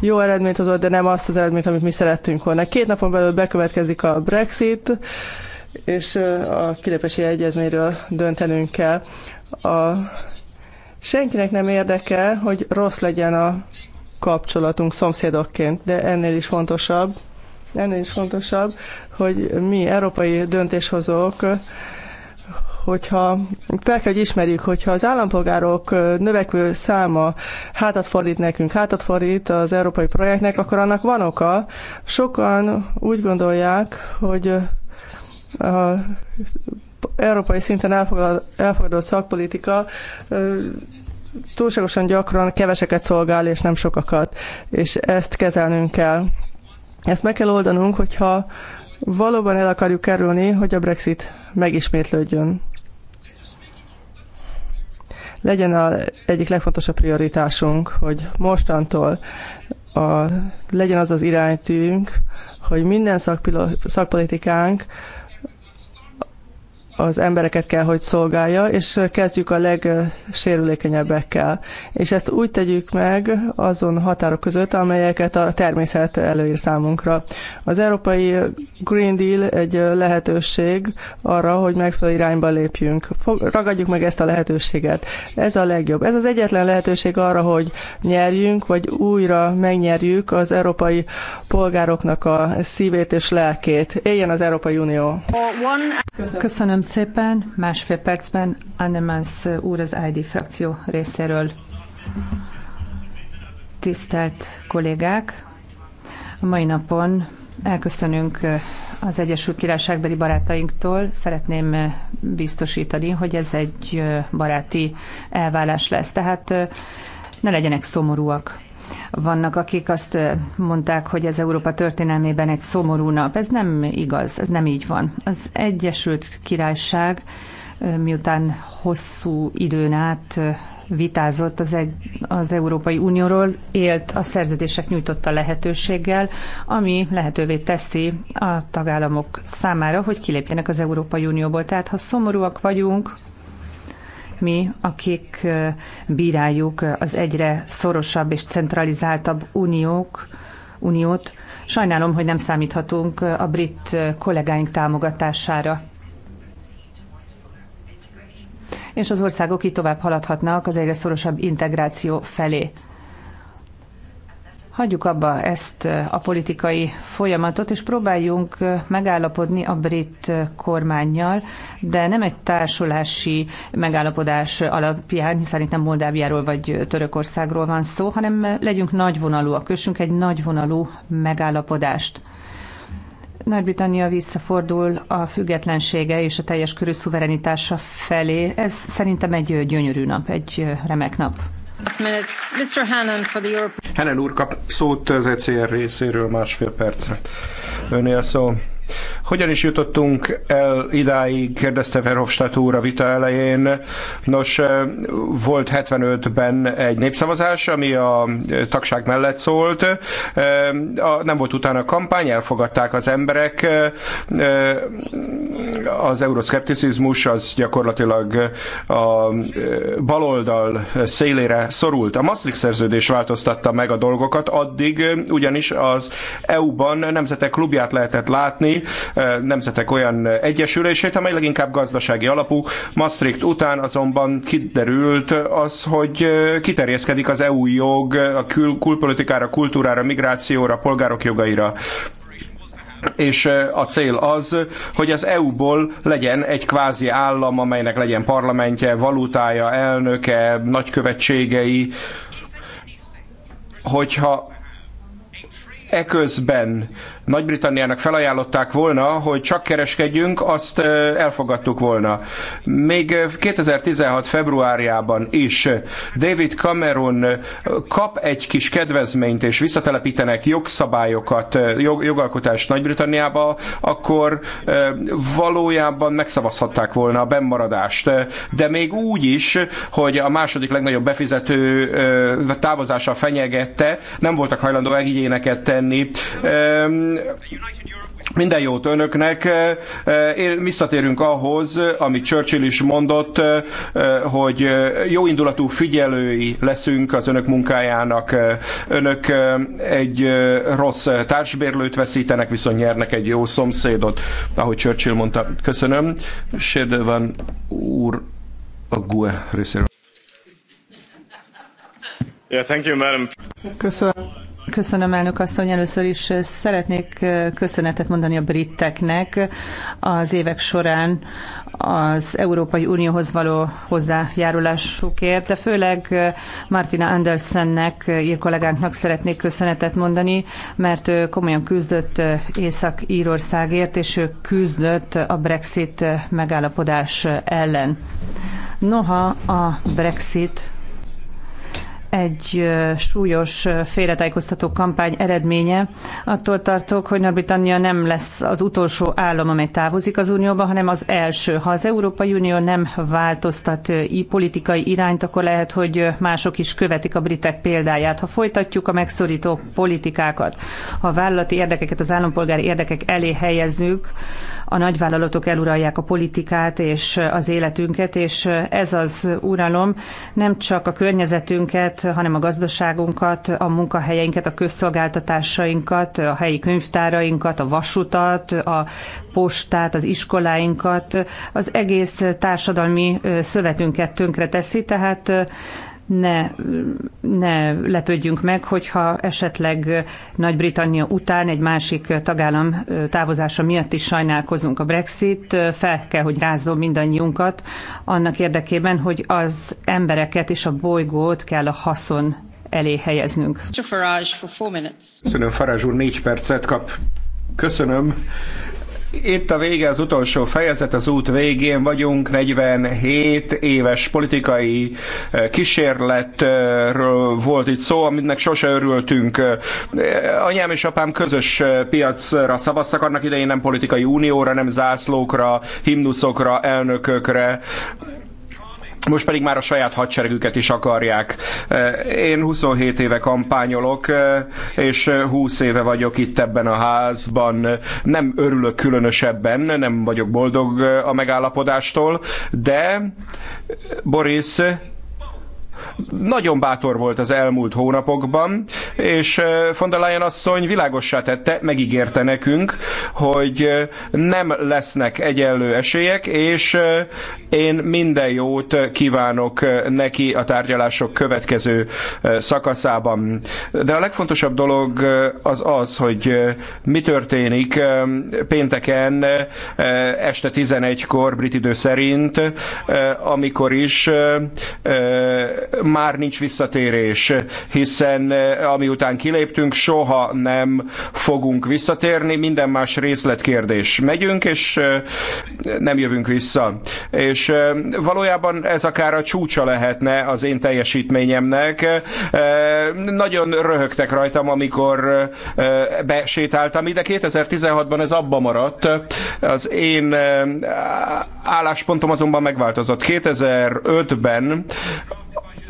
jó eredményt hozott, de nem azt az eredményt, amit mi szerettünk volna. Két napon belül bekövetkezik a Brexit, és a kilépési egyezményről döntenünk kell. A senkinek nem érdeke, hogy rossz legyen a kapcsolatunk szomszédokként, de ennél is fontosabb, ennél is fontosabb, hogy mi, európai döntéshozók, hogyha fel kell, hogy ismerjük, hogyha az állampolgárok növekvő száma hátat fordít nekünk, hátat fordít az európai projektnek, akkor annak van oka. Sokan úgy gondolják, hogy a európai szinten elfogadott szakpolitika túlságosan gyakran keveseket szolgál, és nem sokakat. És ezt kezelnünk kell. Ezt meg kell oldanunk, hogyha valóban el akarjuk kerülni, hogy a Brexit megismétlődjön legyen a egyik legfontosabb prioritásunk, hogy mostantól a, legyen az az iránytűnk, hogy minden szakpolitikánk az embereket kell, hogy szolgálja, és kezdjük a legsérülékenyebbekkel. És ezt úgy tegyük meg azon határok között, amelyeket a természet előír számunkra. Az Európai Green Deal egy lehetőség arra, hogy megfelelő irányba lépjünk. Ragadjuk meg ezt a lehetőséget. Ez a legjobb. Ez az egyetlen lehetőség arra, hogy nyerjünk, vagy újra megnyerjük az európai polgároknak a szívét és lelkét. Éljen az Európai Unió! Köszönöm. Köszönöm szépen. Másfél percben Annemans úr az ID frakció részéről. Tisztelt kollégák, a mai napon elköszönünk az Egyesült Királyságbeli barátainktól. Szeretném biztosítani, hogy ez egy baráti elválás lesz. Tehát ne legyenek szomorúak. Vannak, akik azt mondták, hogy ez Európa történelmében egy szomorú nap. Ez nem igaz, ez nem így van. Az Egyesült Királyság miután hosszú időn át vitázott az, egy, az Európai Unióról, élt a szerződések nyújtotta lehetőséggel, ami lehetővé teszi a tagállamok számára, hogy kilépjenek az Európai Unióból. Tehát ha szomorúak vagyunk, mi, akik bíráljuk az egyre szorosabb és centralizáltabb uniók, uniót. Sajnálom, hogy nem számíthatunk a brit kollégáink támogatására. És az országok így tovább haladhatnak az egyre szorosabb integráció felé. Hagyjuk abba ezt a politikai folyamatot, és próbáljunk megállapodni a brit kormányjal, de nem egy társulási megállapodás alapján, hiszen itt nem Moldáviáról vagy Törökországról van szó, hanem legyünk nagyvonalúak, kössünk egy nagyvonalú megállapodást. Nagy-Britannia visszafordul a függetlensége és a teljes körű szuverenitása felé. Ez szerintem egy gyönyörű nap, egy remek nap. Mr. Hannan, for the European... Hannan úr kap szót az ECR részéről másfél percre. Önél szó. Hogyan is jutottunk el idáig, kérdezte Verhofstadt úr a vita elején. Nos, eh, volt 75-ben egy népszavazás, ami a eh, tagság mellett szólt. Eh, nem volt utána kampány, elfogadták az emberek. Az euroszkepticizmus az gyakorlatilag a baloldal szélére szorult. A Maastricht szerződés változtatta meg a dolgokat, addig ugyanis az EU-ban nemzetek klubját lehetett látni, nemzetek olyan egyesülését, amely leginkább gazdasági alapú. Maastricht után azonban kiderült az, hogy kiterjeszkedik az EU jog a kül- külpolitikára, kultúrára, migrációra, polgárok jogaira és a cél az, hogy az EU-ból legyen egy kvázi állam, amelynek legyen parlamentje, valutája, elnöke, nagykövetségei, hogyha eközben nagy-Britanniának felajánlották volna, hogy csak kereskedjünk, azt elfogadtuk volna. Még 2016. februárjában is David Cameron kap egy kis kedvezményt, és visszatelepítenek jogszabályokat, jog, jogalkotást Nagy-Britanniába, akkor valójában megszavazhatták volna a bennmaradást. De még úgy is, hogy a második legnagyobb befizető távozása fenyegette, nem voltak hajlandó egényéneket tenni minden jót önöknek. Eh, eh, én visszatérünk ahhoz, amit Churchill is mondott, eh, hogy jó indulatú figyelői leszünk az önök munkájának. Önök egy rossz társbérlőt veszítenek, viszont nyernek egy jó szomszédot, ahogy Churchill mondta. Köszönöm. van úr a GUE részéről. Yeah, thank you, madam. Köszönöm. Köszönöm, elnök asszony. Először is eh, szeretnék eh, köszönetet mondani a briteknek az évek során az Európai Unióhoz való hozzájárulásukért, de főleg eh, Martina Andersennek, ír kollégánknak szeretnék köszönetet mondani, mert ő komolyan küzdött Észak-Írországért, és ő küzdött a Brexit megállapodás ellen. Noha a Brexit egy súlyos félretájékoztató kampány eredménye. Attól tartok, hogy Nagy-Britannia nem lesz az utolsó állam, amely távozik az Unióba, hanem az első. Ha az Európai Unió nem változtat politikai irányt, akkor lehet, hogy mások is követik a britek példáját. Ha folytatjuk a megszorító politikákat, ha a vállalati érdekeket az állampolgári érdekek elé helyezzük, a nagyvállalatok eluralják a politikát és az életünket, és ez az uralom nem csak a környezetünket, hanem a gazdaságunkat, a munkahelyeinket, a közszolgáltatásainkat, a helyi könyvtárainkat, a vasutat, a postát, az iskoláinkat, az egész társadalmi szövetünket teszi tehát ne, ne lepődjünk meg, hogyha esetleg Nagy-Britannia után egy másik tagállam távozása miatt is sajnálkozunk a Brexit. Fel kell, hogy rázzon mindannyiunkat annak érdekében, hogy az embereket és a bolygót kell a haszon elé helyeznünk. Köszönöm, Farage úr négy percet kap. Köszönöm. Itt a vége, az utolsó fejezet, az út végén vagyunk, 47 éves politikai eh, kísérletről volt itt szó, aminek sose örültünk. Eh, anyám és apám közös eh, piacra szavaztak, annak idején nem politikai unióra, nem zászlókra, himnuszokra, elnökökre most pedig már a saját hadseregüket is akarják. Én 27 éve kampányolok, és 20 éve vagyok itt ebben a házban. Nem örülök különösebben, nem vagyok boldog a megállapodástól, de Boris nagyon bátor volt az elmúlt hónapokban, és von der Leyen asszony világossá tette, megígérte nekünk, hogy nem lesznek egyenlő esélyek, és én minden jót kívánok neki a tárgyalások következő szakaszában. De a legfontosabb dolog az az, hogy mi történik pénteken este 11-kor brit idő szerint, amikor is már nincs visszatérés, hiszen eh, amiután kiléptünk, soha nem fogunk visszatérni, minden más részletkérdés. Megyünk, és eh, nem jövünk vissza. És eh, valójában ez akár a csúcsa lehetne az én teljesítményemnek. Nagyon röhögtek rajtam, amikor besétáltam ide. 2016-ban ez abba maradt. Az én álláspontom azonban megváltozott. 2005-ben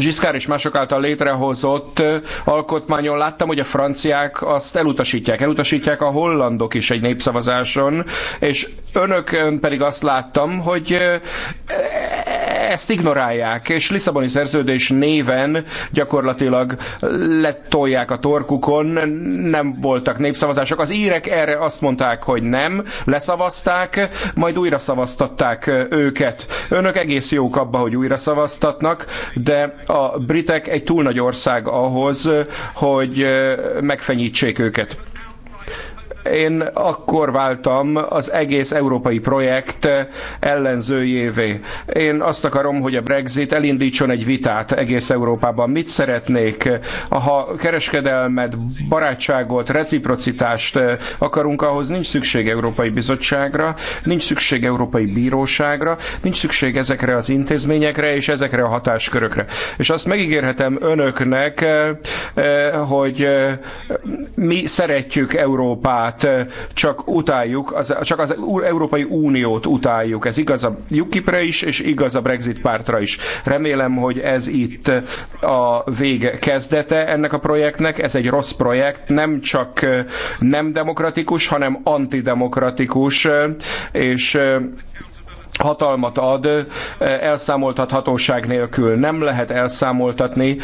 Giscard és mások által létrehozott alkotmányon láttam, hogy a franciák azt elutasítják. Elutasítják a hollandok is egy népszavazáson, és önök pedig azt láttam, hogy e, ezt ignorálják, és Lisszaboni szerződés néven gyakorlatilag letolják a torkukon, nem voltak népszavazások. Az írek erre azt mondták, hogy nem, leszavazták, majd újra szavaztatták őket. Önök egész jók abba, hogy újra szavaztatnak, de a britek egy túl nagy ország ahhoz, hogy megfenyítsék őket én akkor váltam az egész európai projekt ellenzőjévé. Én azt akarom, hogy a Brexit elindítson egy vitát egész Európában. Mit szeretnék? Ha kereskedelmet, barátságot, reciprocitást akarunk, ahhoz nincs szükség Európai Bizottságra, nincs szükség Európai Bíróságra, nincs szükség ezekre az intézményekre és ezekre a hatáskörökre. És azt megígérhetem önöknek, hogy mi szeretjük Európát, Európát csak utáljuk, az, csak az Európai Uniót utáljuk. Ez igaz a UKIP-re is, és igaz a Brexit pártra is. Remélem, hogy ez itt a vég kezdete ennek a projektnek. Ez egy rossz projekt, nem csak nem demokratikus, hanem antidemokratikus, és hatalmat ad elszámoltathatóság nélkül. Nem lehet elszámoltatni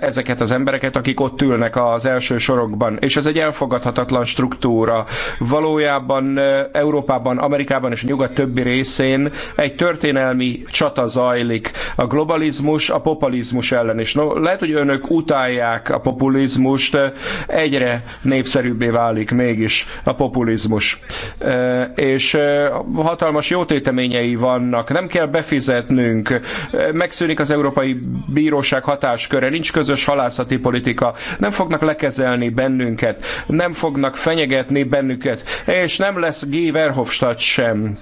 ezeket az embereket, akik ott ülnek az első sorokban. És ez egy elfogadhatatlan struktúra. Valójában Európában, Amerikában és a nyugat többi részén egy történelmi csata zajlik. A globalizmus a populizmus ellen is. No, lehet, hogy önök utálják a populizmust, egyre népszerűbbé válik mégis a populizmus. És hatalmas jótéteményei vannak, nem kell befizetnünk, megszűnik az Európai Bíróság hatásköre, nincs közös halászati politika, nem fognak lekezelni bennünket, nem fognak fenyegetni bennünket, és nem lesz G Verhofstadt sem.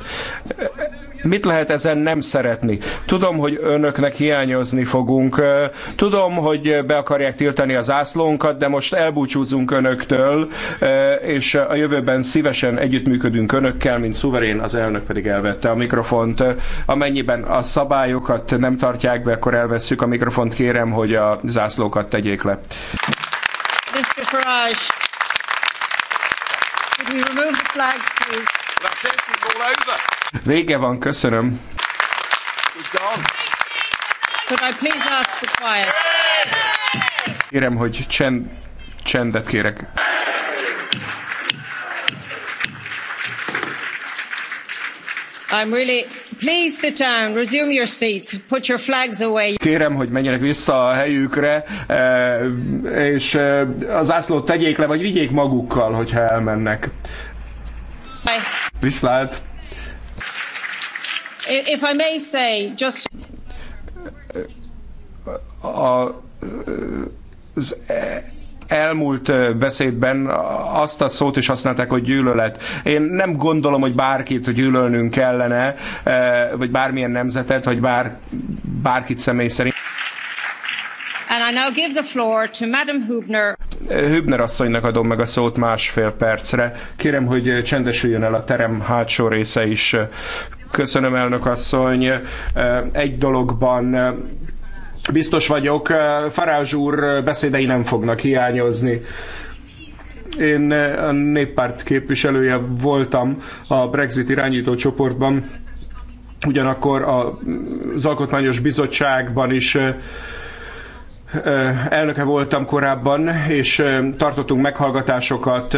Mit lehet ezen nem szeretni? Tudom, hogy önöknek hiányozni fogunk. Tudom, hogy be akarják tiltani az ászlónkat, de most elbúcsúzunk önöktől, és a jövőben szívesen együttműködünk önökkel, mint szuverén, az elnök pedig elvette a mikrofont. Amennyiben a szabályokat nem tartják be, akkor elvesszük a mikrofont. Kérem, hogy a zászlókat tegyék le. Mr. Farage, could we remove the flags, please? That's it. It's all over. Vége van, köszönöm. Kérem, hogy csend, csendet kérek. I'm really... Please sit down, resume your seats, put your flags away. Kérem, hogy menjenek vissza a helyükre, eh, és eh, az ászlót tegyék le, vagy vigyék magukkal, hogyha elmennek. Bye. Viszlát! If I may say, just... A, az elmúlt beszédben azt a szót is használták, hogy gyűlölet. Én nem gondolom, hogy bárkit gyűlölnünk kellene, vagy bármilyen nemzetet, vagy bár, bárkit személy szerint. And I now give the floor to Madam eh, Hübner asszonynak adom meg a szót másfél percre. Kérem, hogy eh, csendesüljön el a terem hátsó része is. Köszönöm, elnök asszony. Eh, egy dologban biztos vagyok, Farázs úr beszédei nem fognak hiányozni. Én a néppárt képviselője voltam a Brexit irányító csoportban, ugyanakkor az Alkotmányos Bizottságban is elnöke voltam korábban, és tartottunk meghallgatásokat,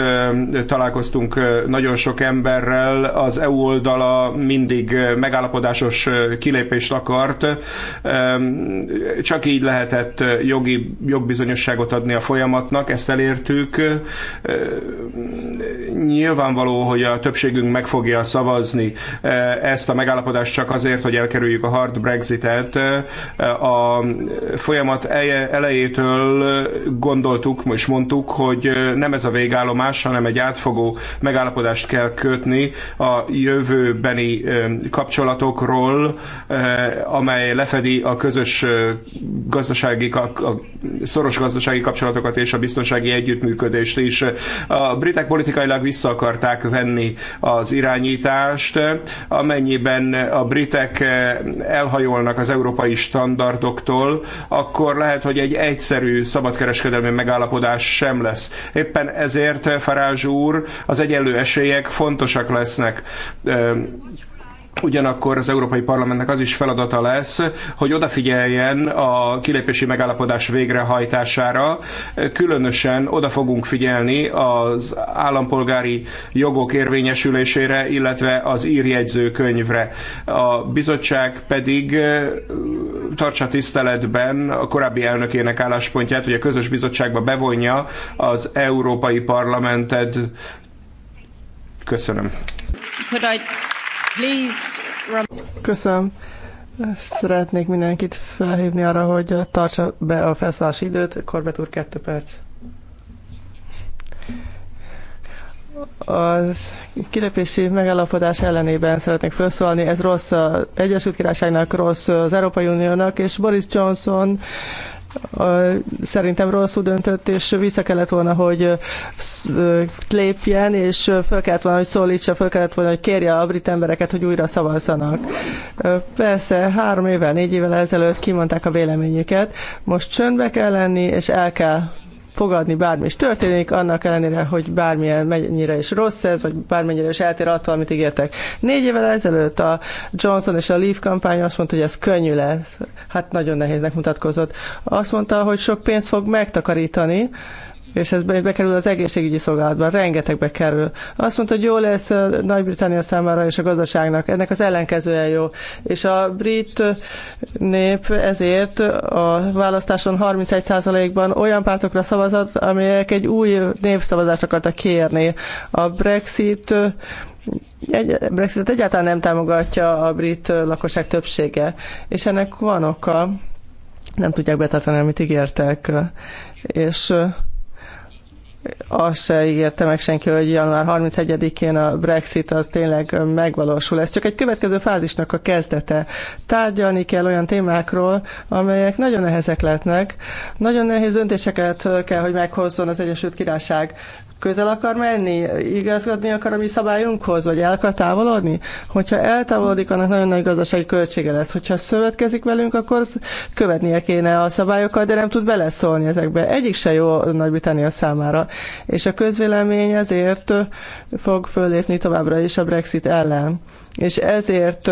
találkoztunk nagyon sok emberrel, az EU oldala mindig megállapodásos kilépést akart, csak így lehetett jogi, jogbizonyosságot adni a folyamatnak, ezt elértük. Nyilvánvaló, hogy a többségünk meg fogja szavazni ezt a megállapodást csak azért, hogy elkerüljük a hard Brexitet. A folyamat eljel elejétől gondoltuk, és mondtuk, hogy nem ez a végállomás, hanem egy átfogó megállapodást kell kötni a jövőbeni kapcsolatokról, amely lefedi a közös gazdasági, a szoros gazdasági kapcsolatokat és a biztonsági együttműködést is. A britek politikailag vissza akarták venni az irányítást, amennyiben a britek elhajolnak az európai standardoktól, akkor lehet, hogy egy egyszerű szabadkereskedelmi megállapodás sem lesz. Éppen ezért Farázs úr az egyenlő esélyek fontosak lesznek Ugyanakkor az Európai Parlamentnek az is feladata lesz, hogy odafigyeljen a kilépési megállapodás végrehajtására. Különösen oda fogunk figyelni az állampolgári jogok érvényesülésére, illetve az írjegyzőkönyvre. A bizottság pedig tartsa tiszteletben a korábbi elnökének álláspontját, hogy a közös bizottságba bevonja az Európai Parlamentet. Köszönöm. Köszönöm. Szeretnék mindenkit felhívni arra, hogy tartsa be a felszállási időt. Korbet úr, kettő perc. Az kilépési megállapodás ellenében szeretnék felszólalni. Ez rossz az Egyesült Királyságnak, rossz az Európai Uniónak, és Boris Johnson szerintem rosszul döntött, és vissza kellett volna, hogy lépjen, és föl kellett volna, hogy szólítsa, föl kellett volna, hogy kérje a brit embereket, hogy újra szavazzanak. Persze, három évvel, négy évvel ezelőtt kimondták a véleményüket, most csöndbe kell lenni, és el kell fogadni bármi is történik, annak ellenére, hogy bármilyen mennyire is rossz ez, vagy bármennyire is eltér attól, amit ígértek. Négy évvel ezelőtt a Johnson és a Leaf kampány azt mondta, hogy ez könnyű lesz. Hát nagyon nehéznek mutatkozott. Azt mondta, hogy sok pénzt fog megtakarítani, és ez bekerül az egészségügyi szolgálatban, rengeteg bekerül. Azt mondta, hogy jó lesz Nagy-Britannia számára és a gazdaságnak, ennek az ellenkezője jó. És a brit nép ezért a választáson 31%-ban olyan pártokra szavazott, amelyek egy új népszavazást akartak kérni. A Brexit egy, Brexitet egyáltalán nem támogatja a brit lakosság többsége, és ennek van oka, nem tudják betartani, amit ígértek, és azt se ígérte meg senki, hogy január 31-én a Brexit az tényleg megvalósul. Ez csak egy következő fázisnak a kezdete. Tárgyalni kell olyan témákról, amelyek nagyon nehezek lehetnek. Nagyon nehéz döntéseket kell, hogy meghozzon az Egyesült Királyság közel akar menni, igazgatni akar a mi szabályunkhoz, vagy el akar távolodni? Hogyha eltávolodik, annak nagyon nagy gazdasági költsége lesz. Hogyha szövetkezik velünk, akkor követnie kéne a szabályokat, de nem tud beleszólni ezekbe. Egyik se jó Nagy-Britannia számára. És a közvélemény ezért fog föllépni továbbra is a Brexit ellen. És ezért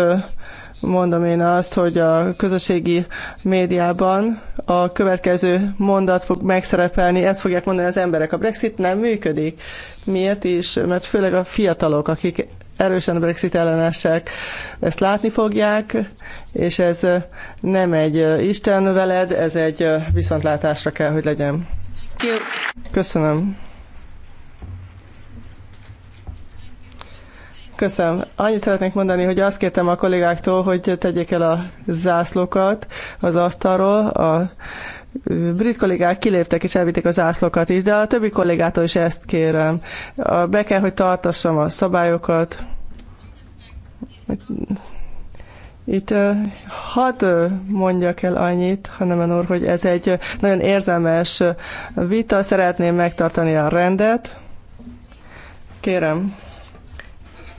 mondom én azt, hogy a közösségi médiában a következő mondat fog megszerepelni, ezt fogják mondani az emberek. A Brexit nem működik. Miért is? Mert főleg a fiatalok, akik erősen Brexit ellenesek, ezt látni fogják, és ez nem egy Isten veled, ez egy viszontlátásra kell, hogy legyen. Köszönöm. Köszönöm. Annyit szeretnék mondani, hogy azt kértem a kollégáktól, hogy tegyék el a zászlókat az asztalról. A brit kollégák kiléptek és elvitték a zászlókat is, de a többi kollégától is ezt kérem. Be kell, hogy tartassam a szabályokat. Itt hadd mondjak el annyit, hanem úr, hogy ez egy nagyon érzelmes vita, szeretném megtartani a rendet. Kérem.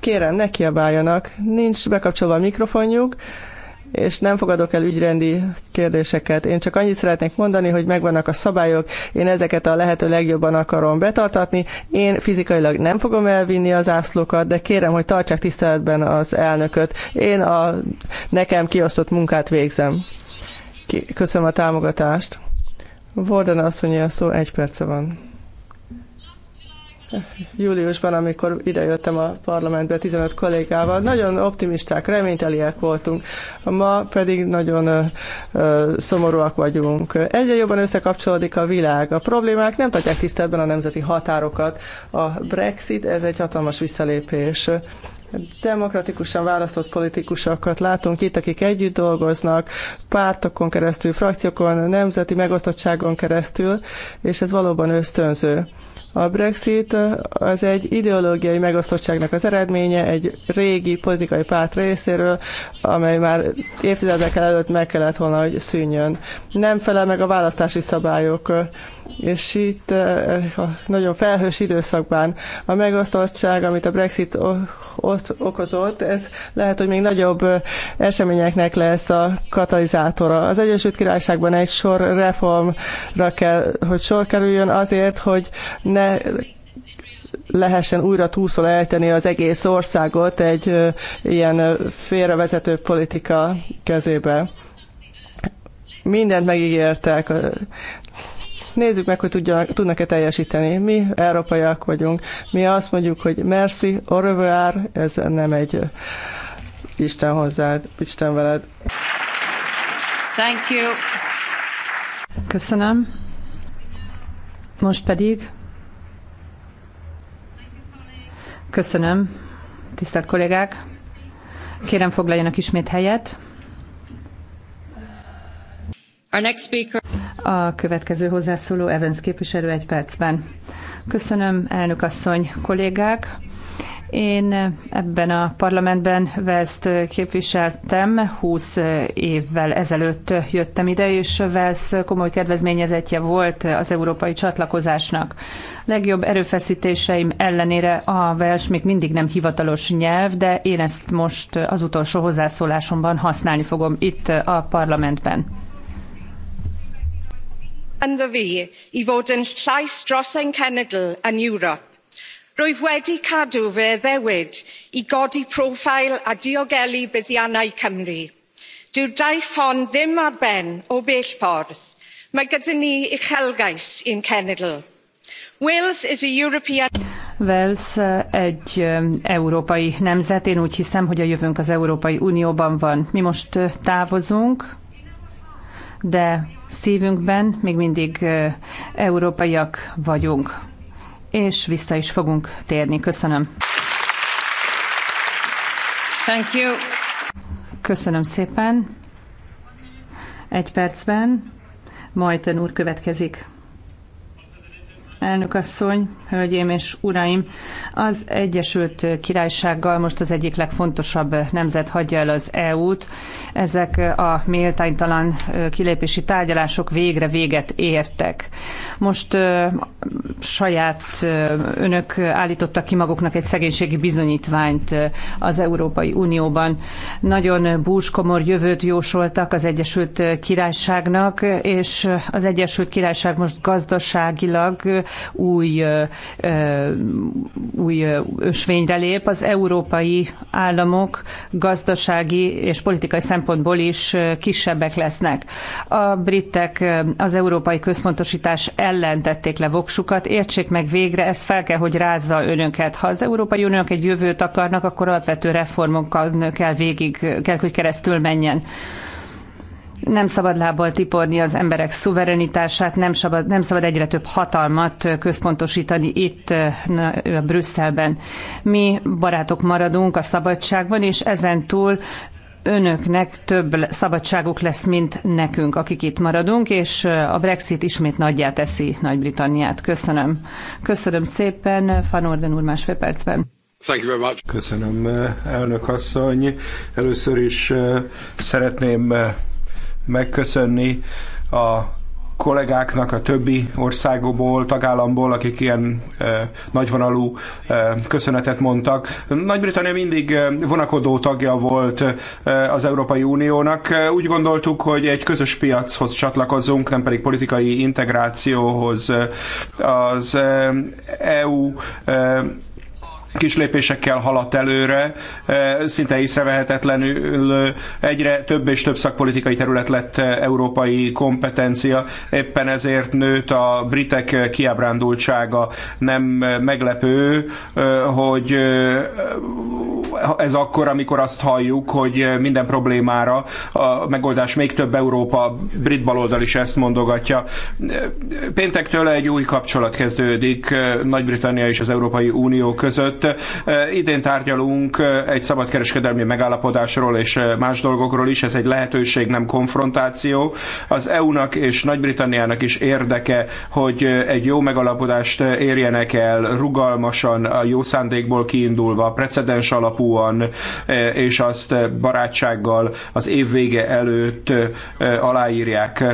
Kérem, ne kiabáljanak, nincs bekapcsolva a mikrofonjuk, és nem fogadok el ügyrendi kérdéseket. Én csak annyit szeretnék mondani, hogy megvannak a szabályok, én ezeket a lehető legjobban akarom betartatni. Én fizikailag nem fogom elvinni az ászlókat, de kérem, hogy tartsák tiszteletben az elnököt. Én a nekem kiosztott munkát végzem. Köszönöm a támogatást. Vordan asszonyi a szó, egy perce van júliusban, amikor idejöttem a parlamentbe 15 kollégával, nagyon optimisták, reményteliek voltunk, ma pedig nagyon szomorúak vagyunk. Egyre jobban összekapcsolódik a világ. A problémák nem tartják tiszteletben a nemzeti határokat. A Brexit, ez egy hatalmas visszalépés demokratikusan választott politikusokat látunk itt, akik együtt dolgoznak, pártokon keresztül, frakciókon, nemzeti megosztottságon keresztül, és ez valóban ösztönző. A Brexit az egy ideológiai megosztottságnak az eredménye, egy régi politikai párt részéről, amely már évtizedekkel előtt meg kellett volna, hogy szűnjön. Nem felel meg a választási szabályok és itt eh, eh, a nagyon felhős időszakban a megosztottság, amit a Brexit ott okozott, ez lehet, hogy még nagyobb eh, eseményeknek lesz a katalizátora. Az Egyesült Királyságban egy sor reformra kell, hogy sor kerüljön azért, hogy ne lehessen újra túlszol elteni az egész országot egy ilyen félrevezető politika kezébe mindent megígértek, Nézzük meg, hogy tudjanak, tudnak-e teljesíteni. Mi európaiak vagyunk. Mi azt mondjuk, hogy merci, au revoir, ez nem egy Isten hozzád, Isten veled. Thank you. Köszönöm. Most pedig Köszönöm, tisztelt kollégák. Kérem foglaljanak ismét helyet. Our next speaker. A következő hozzászóló Evans képviselő egy percben. Köszönöm, elnök asszony, kollégák. Én ebben a parlamentben Velszt képviseltem, 20 évvel ezelőtt jöttem ide, és Velsz komoly kedvezményezetje volt az európai csatlakozásnak. Legjobb erőfeszítéseim ellenére a Vels még mindig nem hivatalos nyelv, de én ezt most az utolsó hozzászólásomban használni fogom itt a parlamentben ynddo fi i fod yn llais dros ein cenedl yn ewrop. rwyf wedi cadw fy addewid i godi proffeil a diogelu buddiannau cymru. dyw'r daith hon ddim ar ben o bell ffordd. mae gyda ni uchelgais i'n cenedl. wales is a european. Wales e, egy e, európai nemzet. Én úgy hiszem, hogy a jövőnk az Európai Unióban van. Mi most e, távozunk, de szívünkben még mindig európaiak vagyunk, és vissza is fogunk térni. Köszönöm. Thank you. Köszönöm szépen. Egy percben. Majten úr következik. Elnök asszony, hölgyém és uraim! Az Egyesült Királysággal most az egyik legfontosabb nemzet hagyja el az EU-t. Ezek a méltánytalan kilépési tárgyalások végre véget értek. Most saját önök állítottak ki maguknak egy szegénységi bizonyítványt az Európai Unióban. Nagyon búskomor jövőt jósoltak az Egyesült Királyságnak, és az Egyesült Királyság most gazdaságilag új, új ösvényre lép. Az európai államok gazdasági és politikai szempontból is kisebbek lesznek. A britek az európai központosítás ellen tették le voksukat. Értsék meg végre, ez fel kell, hogy rázza önöket. Ha az Európai Uniónak egy jövőt akarnak, akkor alapvető reformokkal kell végig, kell, hogy keresztül menjen nem szabad lábbal tiporni az emberek szuverenitását, nem szabad, nem szabad egyre több hatalmat központosítani itt eh, a eh, Brüsszelben. Mi barátok maradunk a szabadságban, és ezen túl önöknek több szabadságuk lesz, mint nekünk, akik itt maradunk, és eh, a Brexit ismét nagyját teszi Nagy-Britanniát. Köszönöm. Köszönöm szépen, Van Orden úr másfél percben. Köszönöm, elnök asszony. Először is szeretném megköszönni a kollégáknak a többi országból, tagállamból, akik ilyen e, nagyvonalú e, köszönetet mondtak. Nagy-Britannia mindig vonakodó tagja volt e, az Európai Uniónak. Úgy gondoltuk, hogy egy közös piachoz csatlakozunk, nem pedig politikai integrációhoz. Az e, EU e, kis lépésekkel haladt előre, e, szinte észrevehetetlenül egyre több és több szakpolitikai terület lett e, európai kompetencia, éppen ezért nőtt a britek kiábrándultsága. Nem meglepő, e, hogy ez akkor, amikor azt halljuk, hogy minden problémára a megoldás még több Európa, brit baloldal is ezt mondogatja. Péntektől egy új kapcsolat kezdődik Nagy-Britannia és az Európai Unió között Idén tárgyalunk egy szabadkereskedelmi megállapodásról és más dolgokról is, ez egy lehetőség, nem konfrontáció. Az EU-nak és Nagy-Britanniának is érdeke, hogy egy jó megalapodást érjenek el rugalmasan, a jó szándékból kiindulva, precedens alapúan, és azt barátsággal az év vége előtt aláírják.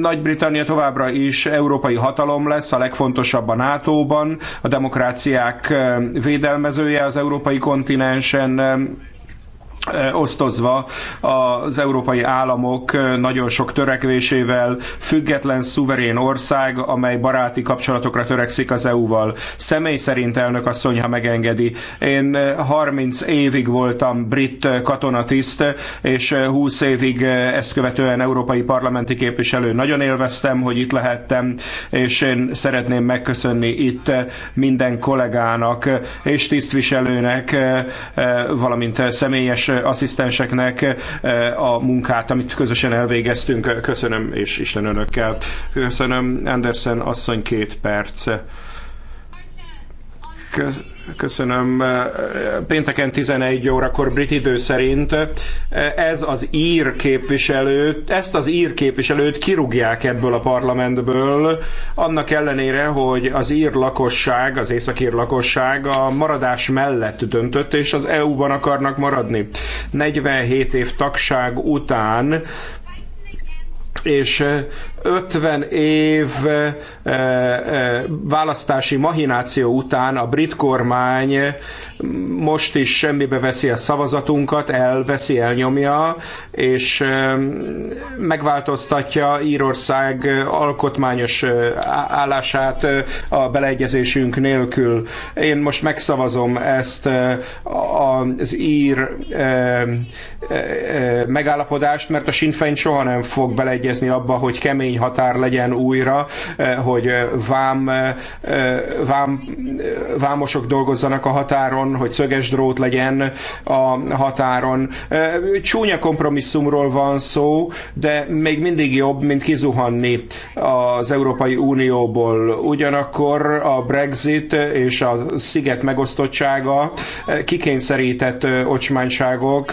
Nagy-Britannia továbbra is európai hatalom lesz, a legfontosabb a NATO-ban, a demokráciák védelmezője az európai kontinensen osztozva az európai államok nagyon sok törekvésével, független, szuverén ország, amely baráti kapcsolatokra törekszik az EU-val. Személy szerint elnök asszony, ha megengedi. Én 30 évig voltam brit katonatiszt, és 20 évig ezt követően európai parlamenti képviselő. Nagyon élveztem, hogy itt lehettem, és én szeretném megköszönni itt minden kollégának és tisztviselőnek, valamint személyes Eh, asszisztenseknek eh, a munkát, amit közösen elvégeztünk. Köszönöm, és Isten önökkel. Köszönöm, Andersen asszony, két perc. Köszönöm. Köszönöm. Pénteken 11 órakor brit idő szerint ez az ír képviselőt, ezt az ír képviselőt kirúgják ebből a parlamentből, annak ellenére, hogy az ír lakosság, az északír lakosság a maradás mellett döntött, és az EU-ban akarnak maradni. 47 év tagság után és 50 év eh, eh, választási mahináció után a brit kormány most is semmibe veszi a szavazatunkat, elveszi, elnyomja, és megváltoztatja Írország alkotmányos állását a beleegyezésünk nélkül. Én most megszavazom ezt az ír megállapodást, mert a Sinn Féin soha nem fog beleegyezni abba, hogy kemény határ legyen újra, hogy vám, vám, vámosok dolgozzanak a határon, határon, hogy szöges drót legyen a határon. Csúnya kompromisszumról van szó, de még mindig jobb, mint kizuhanni az Európai Unióból. Ugyanakkor a Brexit és a sziget megosztottsága kikényszerített ocsmányságok.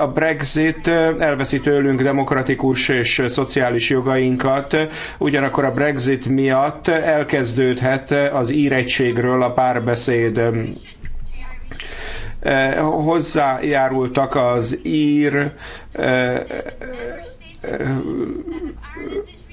A Brexit elveszi tőlünk demokratikus és szociális jogainkat, ugyanakkor a Brexit miatt elkezdődhet az írettségről a párbeszéd Eh, hozzájárultak az ír eh, eh,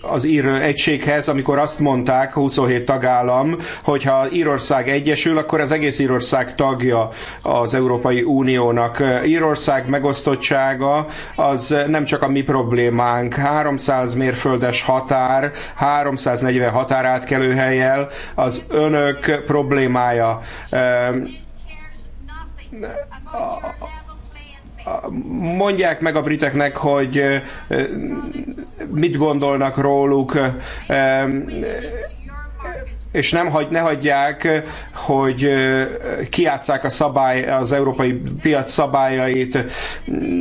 az ír egységhez, amikor azt mondták, 27 tagállam, hogy ha Írország egyesül, akkor az egész Írország tagja az Európai Uniónak. Írország megosztottsága az nem csak a mi problémánk. 300 mérföldes határ, 340 határátkelőhelyel az önök problémája mondják meg a briteknek, hogy mit gondolnak róluk, és nem hagy, ne hagyják, hogy kiátszák a szabály, az európai piac szabályait.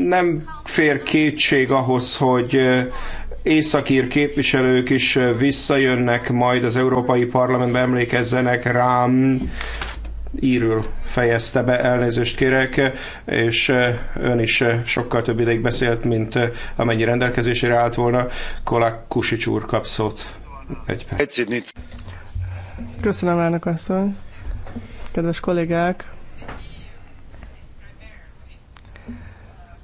Nem fér kétség ahhoz, hogy északír képviselők is visszajönnek majd az Európai Parlamentbe, emlékezzenek rám, írül fejezte be, elnézést kérek, és ön is sokkal több ideig beszélt, mint amennyi rendelkezésére állt volna. Kolák Kusics úr kap szót. Egy perc. Köszönöm, elnök asszony. Kedves kollégák,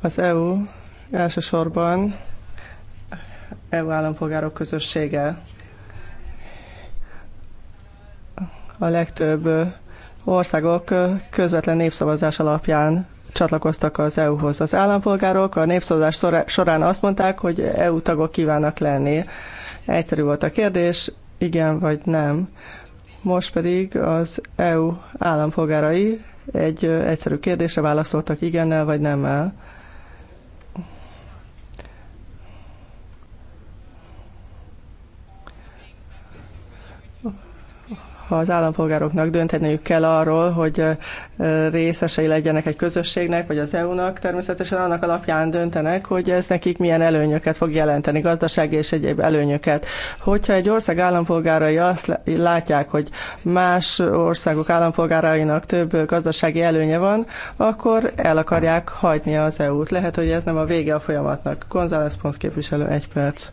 az EU elsősorban EU állampolgárok közössége. A legtöbb országok közvetlen népszavazás alapján csatlakoztak az EU-hoz. Az állampolgárok a népszavazás során azt mondták, hogy EU tagok kívánnak lenni. Egyszerű volt a kérdés, igen vagy nem. Most pedig az EU állampolgárai egy egyszerű kérdésre válaszoltak igennel vagy nemmel. ha az állampolgároknak dönteniük kell arról, hogy részesei legyenek egy közösségnek, vagy az EU-nak, természetesen annak alapján döntenek, hogy ez nekik milyen előnyöket fog jelenteni, gazdasági és egyéb előnyöket. Hogyha egy ország állampolgárai azt látják, hogy más országok állampolgárainak több gazdasági előnye van, akkor el akarják hagyni az EU-t. Lehet, hogy ez nem a vége a folyamatnak. González Pons képviselő, egy perc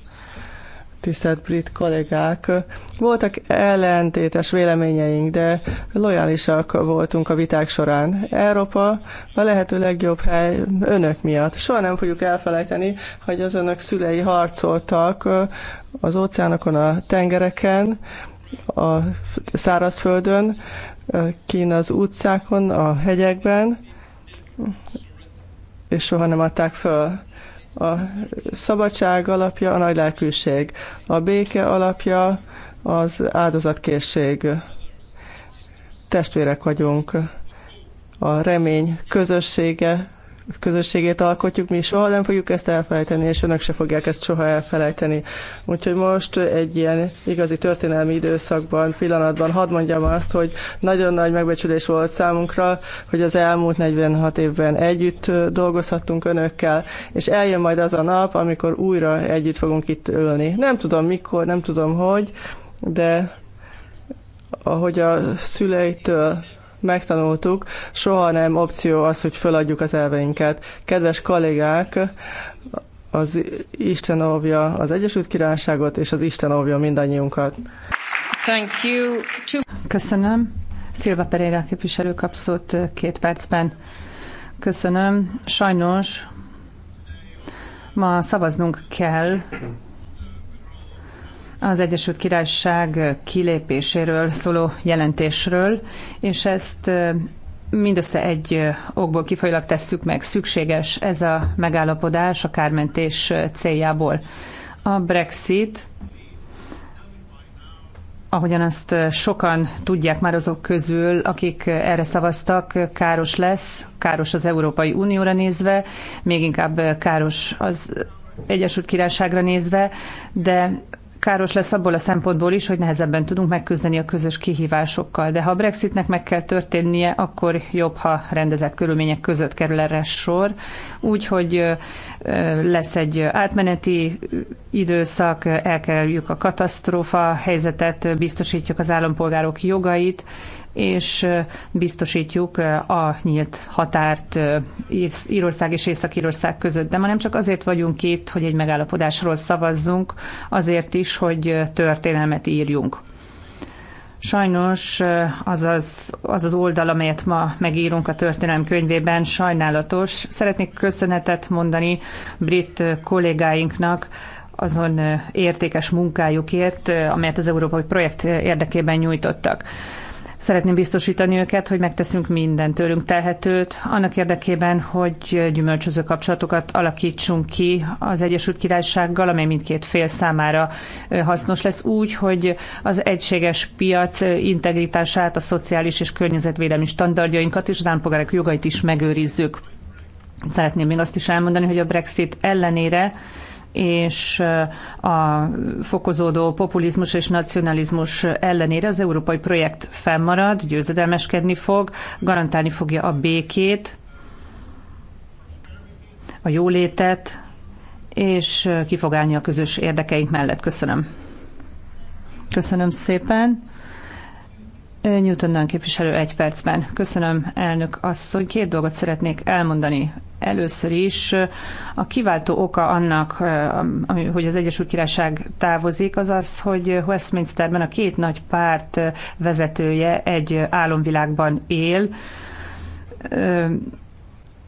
tisztelt brit kollégák, voltak ellentétes véleményeink, de lojálisak voltunk a viták során. Európa a lehető legjobb hely önök miatt. Soha nem fogjuk elfelejteni, hogy az önök szülei harcoltak az óceánokon, a tengereken, a szárazföldön, kín az utcákon, a hegyekben, és soha nem adták föl a szabadság alapja a nagy lelkűség, a béke alapja az áldozatkészség. Testvérek vagyunk. A remény közössége közösségét alkotjuk, mi soha nem fogjuk ezt elfelejteni, és önök se fogják ezt soha elfelejteni. Úgyhogy most egy ilyen igazi történelmi időszakban, pillanatban hadd mondjam azt, hogy nagyon nagy megbecsülés volt számunkra, hogy az elmúlt 46 évben együtt dolgozhattunk önökkel, és eljön majd az a nap, amikor újra együtt fogunk itt ülni. Nem tudom mikor, nem tudom hogy, de ahogy a szüleitől megtanultuk, soha nem opció az, hogy föladjuk az elveinket. Kedves kollégák, az Isten óvja az Egyesült Királyságot, és az Isten óvja mindannyiunkat. Thank you. Köszönöm. Szilva Pereira képviselő kapszott két percben. Köszönöm. Sajnos ma szavaznunk kell az Egyesült Királyság kilépéséről szóló jelentésről, és ezt mindössze egy okból kifolyólag tesszük meg. Szükséges ez a megállapodás a kármentés céljából. A Brexit, ahogyan azt sokan tudják már azok közül, akik erre szavaztak, káros lesz, káros az Európai Unióra nézve, még inkább káros az Egyesült Királyságra nézve, de káros lesz abból a szempontból is, hogy nehezebben tudunk megküzdeni a közös kihívásokkal. De ha a Brexitnek meg kell történnie, akkor jobb, ha rendezett körülmények között kerül erre sor. Úgy, hogy lesz egy átmeneti időszak, elkerüljük a katasztrófa helyzetet, biztosítjuk az állampolgárok jogait, és biztosítjuk a nyílt határt Írország és Észak-Írország között. De ma nem csak azért vagyunk itt, hogy egy megállapodásról szavazzunk, azért is, hogy történelmet írjunk. Sajnos az az, az az oldal, amelyet ma megírunk a történelem könyvében, sajnálatos. Szeretnék köszönetet mondani brit kollégáinknak, azon értékes munkájukért, amelyet az európai projekt érdekében nyújtottak. Szeretném biztosítani őket, hogy megteszünk minden tőlünk telhetőt, annak érdekében, hogy gyümölcsöző kapcsolatokat alakítsunk ki az Egyesült Királysággal, amely mindkét fél számára hasznos lesz úgy, hogy az egységes piac integritását, a szociális és környezetvédelmi standardjainkat és az állampolgárok jogait is megőrizzük. Szeretném még azt is elmondani, hogy a Brexit ellenére és a fokozódó populizmus és nacionalizmus ellenére az európai projekt fennmarad, győzedelmeskedni fog, garantálni fogja a békét, a jólétet, és ki fog állni a közös érdekeink mellett. Köszönöm. Köszönöm szépen. Newton Dunn képviselő egy percben. Köszönöm, elnök asszony. Két dolgot szeretnék elmondani. Először is a kiváltó oka annak, hogy az Egyesült Királyság távozik, az az, hogy Westminsterben a két nagy párt vezetője egy álomvilágban él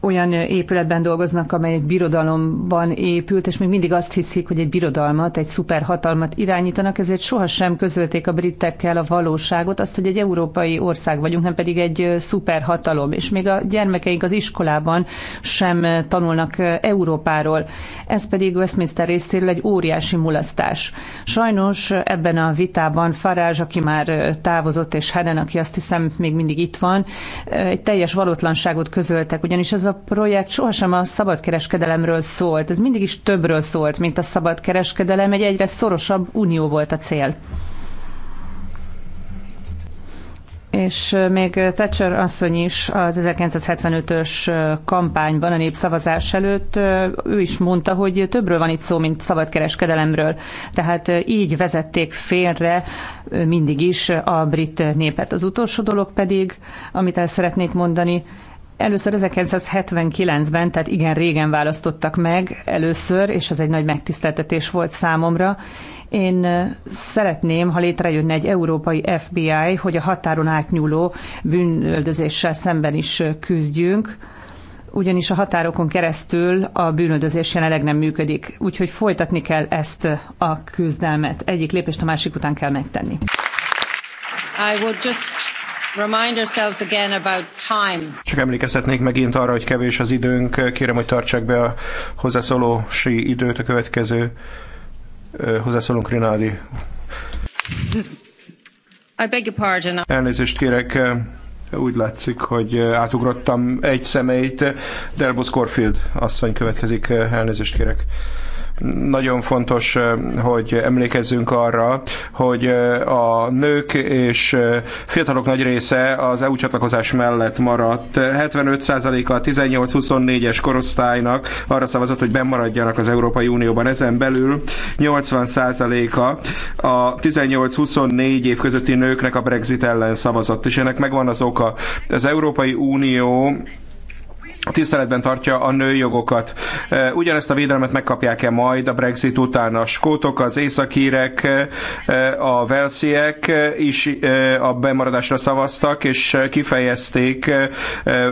olyan épületben dolgoznak, amely egy birodalomban épült, és még mindig azt hiszik, hogy egy birodalmat, egy szuperhatalmat irányítanak, ezért sohasem közölték a britekkel a valóságot, azt, hogy egy európai ország vagyunk, nem pedig egy szuperhatalom. És még a gyermekeink az iskolában sem tanulnak Európáról. Ez pedig Westminster részéről egy óriási mulasztás. Sajnos ebben a vitában Farázs, aki már távozott, és Helen, aki azt hiszem még mindig itt van, egy teljes valótlanságot közöltek, ugyanis ez a projekt sohasem a szabadkereskedelemről szólt, ez mindig is többről szólt, mint a szabadkereskedelem, egy egyre szorosabb unió volt a cél. És még Thatcher asszony is az 1975-ös kampányban a népszavazás előtt ő is mondta, hogy többről van itt szó, mint szabadkereskedelemről. Tehát így vezették félre mindig is a brit népet. Az utolsó dolog pedig, amit el szeretnék mondani, Először 1979-ben, tehát igen régen választottak meg először, és ez egy nagy megtiszteltetés volt számomra. Én szeretném, ha létrejönne egy európai FBI, hogy a határon átnyúló bűnöldözéssel szemben is küzdjünk ugyanis a határokon keresztül a bűnöldözés jelenleg nem működik. Úgyhogy folytatni kell ezt a küzdelmet. Egyik lépést a másik után kell megtenni. I would just csak emlékeztetnék megint arra, hogy kevés az időnk. Kérem, hogy tartsák be a hozzászólósi időt a következő hozzászólónk, Rinaldi. I beg your pardon. Elnézést kérek, úgy látszik, hogy átugrottam egy személyt. Delbos Corfield asszony következik, elnézést kérek. Nagyon fontos, hogy emlékezzünk arra, hogy a nők és fiatalok nagy része az EU csatlakozás mellett maradt. 75%-a a 18-24-es korosztálynak arra szavazott, hogy bemaradjanak az Európai Unióban. Ezen belül 80%-a a 18-24 év közötti nőknek a Brexit ellen szavazott, és ennek megvan az oka. Az Európai Unió tiszteletben tartja a nőjogokat. Ugyanezt a védelmet megkapják-e majd a Brexit után a skótok, az északírek, a velsziek is a bemaradásra szavaztak, és kifejezték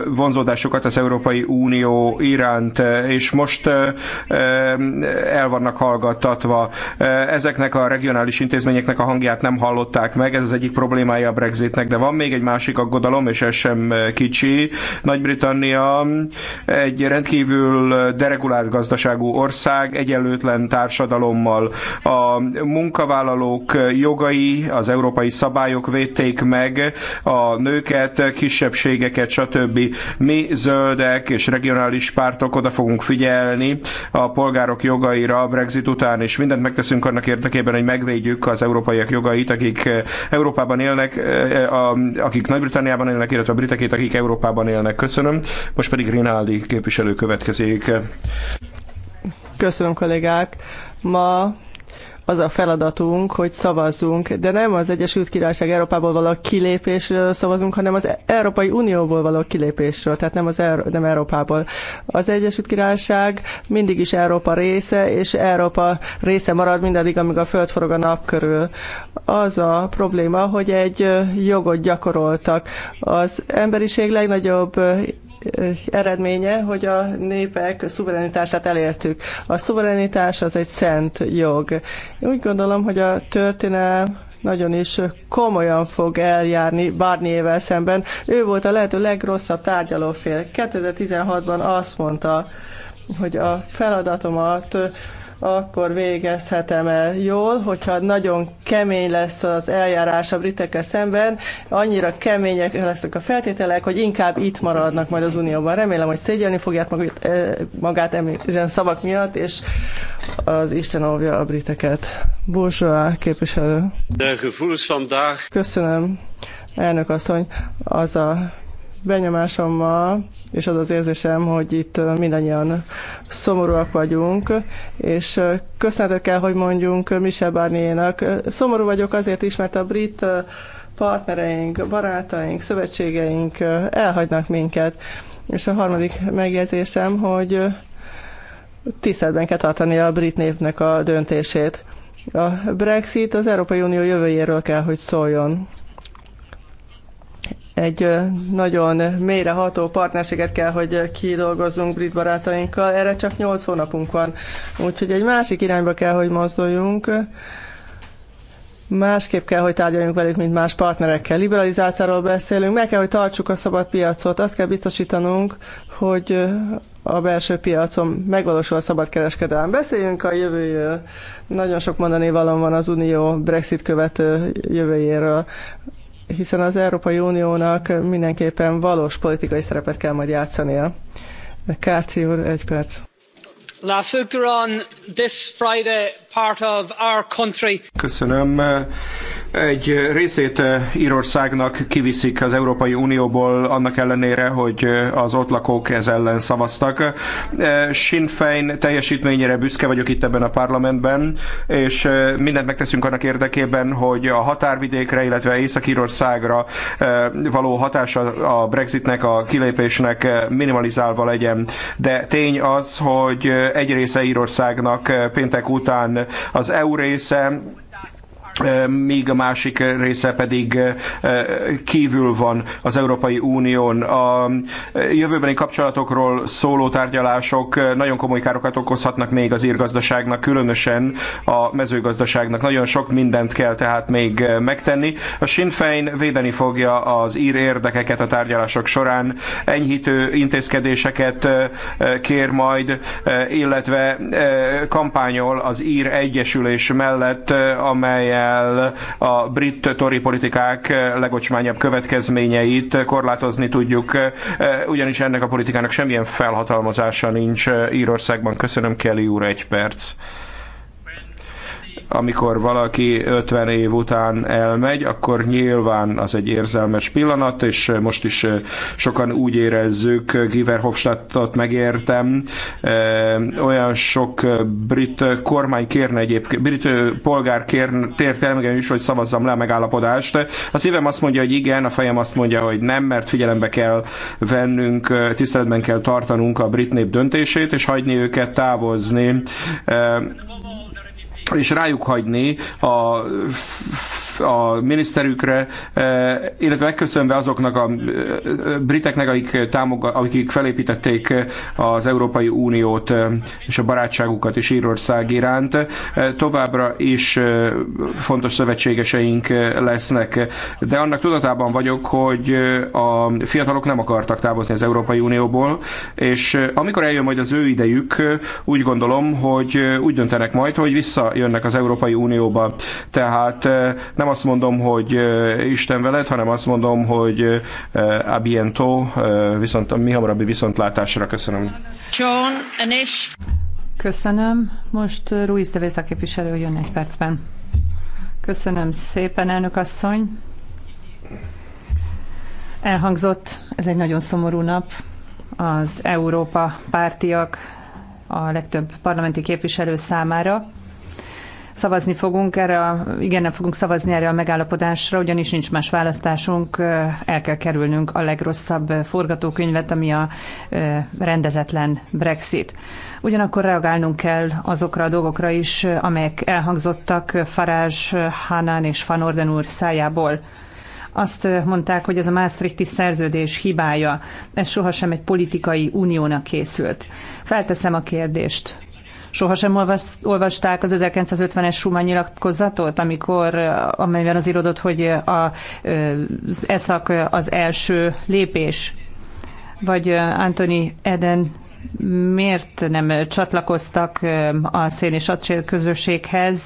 vonzódásukat az Európai Unió iránt, és most el vannak hallgattatva. Ezeknek a regionális intézményeknek a hangját nem hallották meg, ez az egyik problémája a Brexitnek, de van még egy másik aggodalom, és ez sem kicsi. Nagy-Britannia egy rendkívül deregulált gazdaságú ország, egyenlőtlen társadalommal. A munkavállalók jogai, az európai szabályok védték meg a nőket, kisebbségeket, stb. Mi zöldek és regionális pártok oda fogunk figyelni a polgárok jogaira a Brexit után, és mindent megteszünk annak érdekében, hogy megvédjük az európaiak jogait, akik Európában élnek, eh, akik Nagy-Britanniában élnek, illetve a britekét, akik Európában élnek. Köszönöm. Most pedig pedig Rinaldi képviselő következik. Köszönöm kollégák. Ma az a feladatunk, hogy szavazzunk, de nem az Egyesült Királyság Európából való kilépésről szavazunk, hanem az Európai Unióból való kilépésről, tehát nem, az Euró- nem Európából. Az Egyesült Királyság mindig is Európa része, és Európa része marad mindaddig, amíg a föld forog a nap körül. Az a probléma, hogy egy jogot gyakoroltak. Az emberiség legnagyobb Eh, eredménye, hogy a népek szuverenitását elértük. A szuverenitás az egy szent jog. Én úgy gondolom, hogy a történelem nagyon is komolyan fog eljárni Barnier-vel szemben. Ő volt a lehető legrosszabb tárgyalófél. 2016-ban azt mondta, hogy a feladatomat akkor végezhetem el jól, hogyha nagyon kemény lesz az eljárás a britekkel szemben, annyira kemények lesznek a feltételek, hogy inkább itt maradnak majd az Unióban. Remélem, hogy szégyelni fogják eh, magát, magát ezen szavak miatt, és az Isten óvja a briteket. Bourgeois képviselő. Köszönöm, elnök asszony. Az a benyomásommal, és az az érzésem, hogy itt mindannyian szomorúak vagyunk, és köszönetet kell, hogy mondjunk Michel Barnier-nak. Szomorú vagyok azért is, mert a brit partnereink, barátaink, szövetségeink elhagynak minket. És a harmadik megjegyzésem, hogy tiszteletben kell tartani a brit népnek a döntését. A Brexit az Európai Unió jövőjéről kell, hogy szóljon egy nagyon mélyreható partnerséget kell, hogy kidolgozzunk brit barátainkkal. Erre csak 8 hónapunk van, úgyhogy egy másik irányba kell, hogy mozduljunk. Másképp kell, hogy tárgyaljunk velük, mint más partnerekkel. Liberalizációról beszélünk, meg kell, hogy tartsuk a szabad piacot. Azt kell biztosítanunk, hogy a belső piacon megvalósul a szabadkereskedelem. Beszéljünk a jövőjéről. Nagyon sok mondani való van az Unió Brexit követő jövőjéről hiszen az Európai Uniónak mindenképpen valós politikai szerepet kell majd játszania. Kárci úr, egy perc. Köszönöm egy részét eh, Írországnak kiviszik az Európai Unióból, annak ellenére, hogy eh, az ott lakók ez ellen szavaztak. Eh, Sinn Féin teljesítményére büszke vagyok itt ebben a parlamentben, és mindent megteszünk annak érdekében, hogy a határvidékre, illetve Észak-Írországra való hatása a Brexitnek, a kilépésnek minimalizálva legyen. De tény az, hogy egy része Írországnak péntek után az EU része, míg a másik része pedig kívül van az Európai Unión. A jövőbeni kapcsolatokról szóló tárgyalások nagyon komoly károkat okozhatnak még az írgazdaságnak, különösen a mezőgazdaságnak. Nagyon sok mindent kell tehát még megtenni. A Sinn Féin védeni fogja az ír érdekeket a tárgyalások során, enyhítő intézkedéseket kér majd, illetve kampányol az ír egyesülés mellett, amelyen ezzel a brit tori politikák legocsmányabb következményeit korlátozni tudjuk, ugyanis ennek a politikának semmilyen felhatalmazása nincs Írországban. Köszönöm, Kelly úr, egy perc amikor valaki 50 év után elmegy, akkor nyilván az egy érzelmes pillanat, és most is eh, sokan úgy érezzük, eh, Giver Hofstadtot megértem, eh, olyan sok brit kormány kérne egyébként, brit polgár kérte meg is, hogy szavazzam le a megállapodást. A szívem azt mondja, hogy igen, a fejem azt mondja, hogy nem, mert figyelembe kell vennünk, tiszteletben kell tartanunk a brit nép döntését, és hagyni őket távozni és rájuk hagyni a a miniszterükre, e, illetve megköszönve azoknak a e, briteknek, akik, támogat, akik felépítették az Európai Uniót e, és a barátságukat is Írország iránt. Továbbra is fontos szövetségeseink lesznek, de annak tudatában vagyok, hogy a fiatalok nem akartak távozni az Európai Unióból, és amikor eljön majd az ő idejük, úgy gondolom, hogy úgy döntenek majd, hogy visszajönnek az Európai Unióba. Tehát nem nem azt mondom, hogy Isten veled, hanem azt mondom, hogy a viszont a mi hamarabbi viszontlátásra köszönöm. John, és... Köszönöm. Most Ruiz de Véza képviselő jön egy percben. Köszönöm szépen, elnök asszony. Elhangzott, ez egy nagyon szomorú nap. Az Európa pártiak a legtöbb parlamenti képviselő számára. Szavazni fogunk erre, a, igen, nem fogunk szavazni erre a megállapodásra, ugyanis nincs más választásunk, el kell kerülnünk a legrosszabb forgatókönyvet, ami a rendezetlen Brexit. Ugyanakkor reagálnunk kell azokra a dolgokra is, amelyek elhangzottak Farage, Hanan és Van Orden úr szájából azt mondták, hogy ez a Maastrichti szerződés hibája, ez sohasem egy politikai uniónak készült. Felteszem a kérdést. Sohasem olvasták az 1950-es Schumann nyilatkozatot, amikor, amelyben az irodott, hogy a, az ESZAK az első lépés, vagy Anthony Eden miért nem csatlakoztak a szén és acél közösséghez?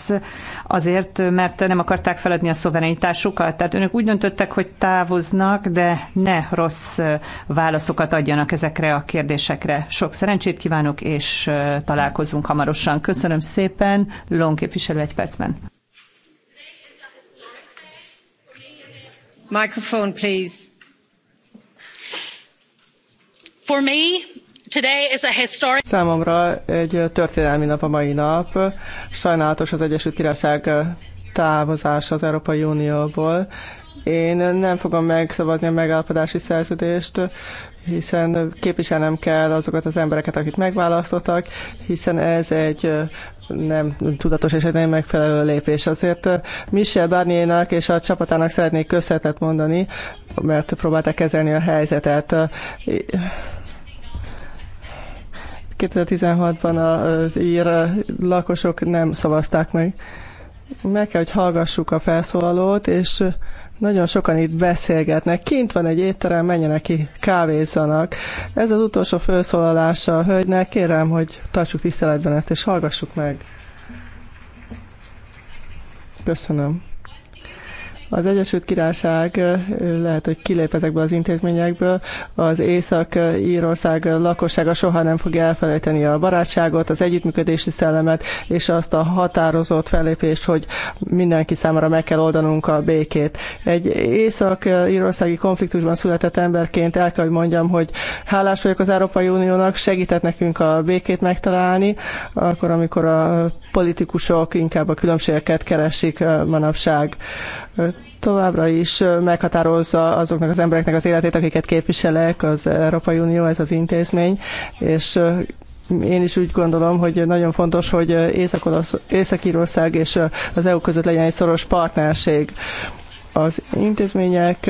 Azért, mert nem akarták feladni a szuverenitásukat. Tehát önök úgy döntöttek, hogy távoznak, de ne rossz válaszokat adjanak ezekre a kérdésekre. Sok szerencsét kívánok, és találkozunk hamarosan. Köszönöm szépen. Long képviselő egy percben. Microphone, please. For me, Számomra egy történelmi nap a mai nap. Sajnálatos az Egyesült Királyság távozása az Európai Unióból. Én nem fogom megszavazni a megállapodási szerződést, hiszen képviselnem kell azokat az embereket, akik megválasztottak, hiszen ez egy nem tudatos és egy nem megfelelő lépés. Azért Michel Barniernak és a csapatának szeretnék köszönetet mondani, mert próbálták kezelni a helyzetet 2016-ban az ír lakosok nem szavazták meg. Meg kell, hogy hallgassuk a felszólalót, és nagyon sokan itt beszélgetnek. Kint van egy étterem, menjenek ki, kávézzanak. Ez az utolsó felszólalása a hölgynek. Kérem, hogy tartsuk tiszteletben ezt, és hallgassuk meg. Köszönöm. Az Egyesült Királyság lehet, hogy kilép ezekből az intézményekből. Az Észak-Írország lakossága soha nem fogja elfelejteni a barátságot, az együttműködési szellemet, és azt a határozott fellépést, hogy mindenki számára meg kell oldanunk a békét. Egy Észak-Írországi konfliktusban született emberként el kell, hogy mondjam, hogy hálás vagyok az Európai Uniónak, segített nekünk a békét megtalálni, akkor, amikor a politikusok inkább a különbségeket keresik manapság továbbra is meghatározza azoknak az embereknek az életét, akiket képviselek, az Európai Unió, ez az intézmény, és én is úgy gondolom, hogy nagyon fontos, hogy Észak-Írország és az EU között legyen egy szoros partnerség. Az intézmények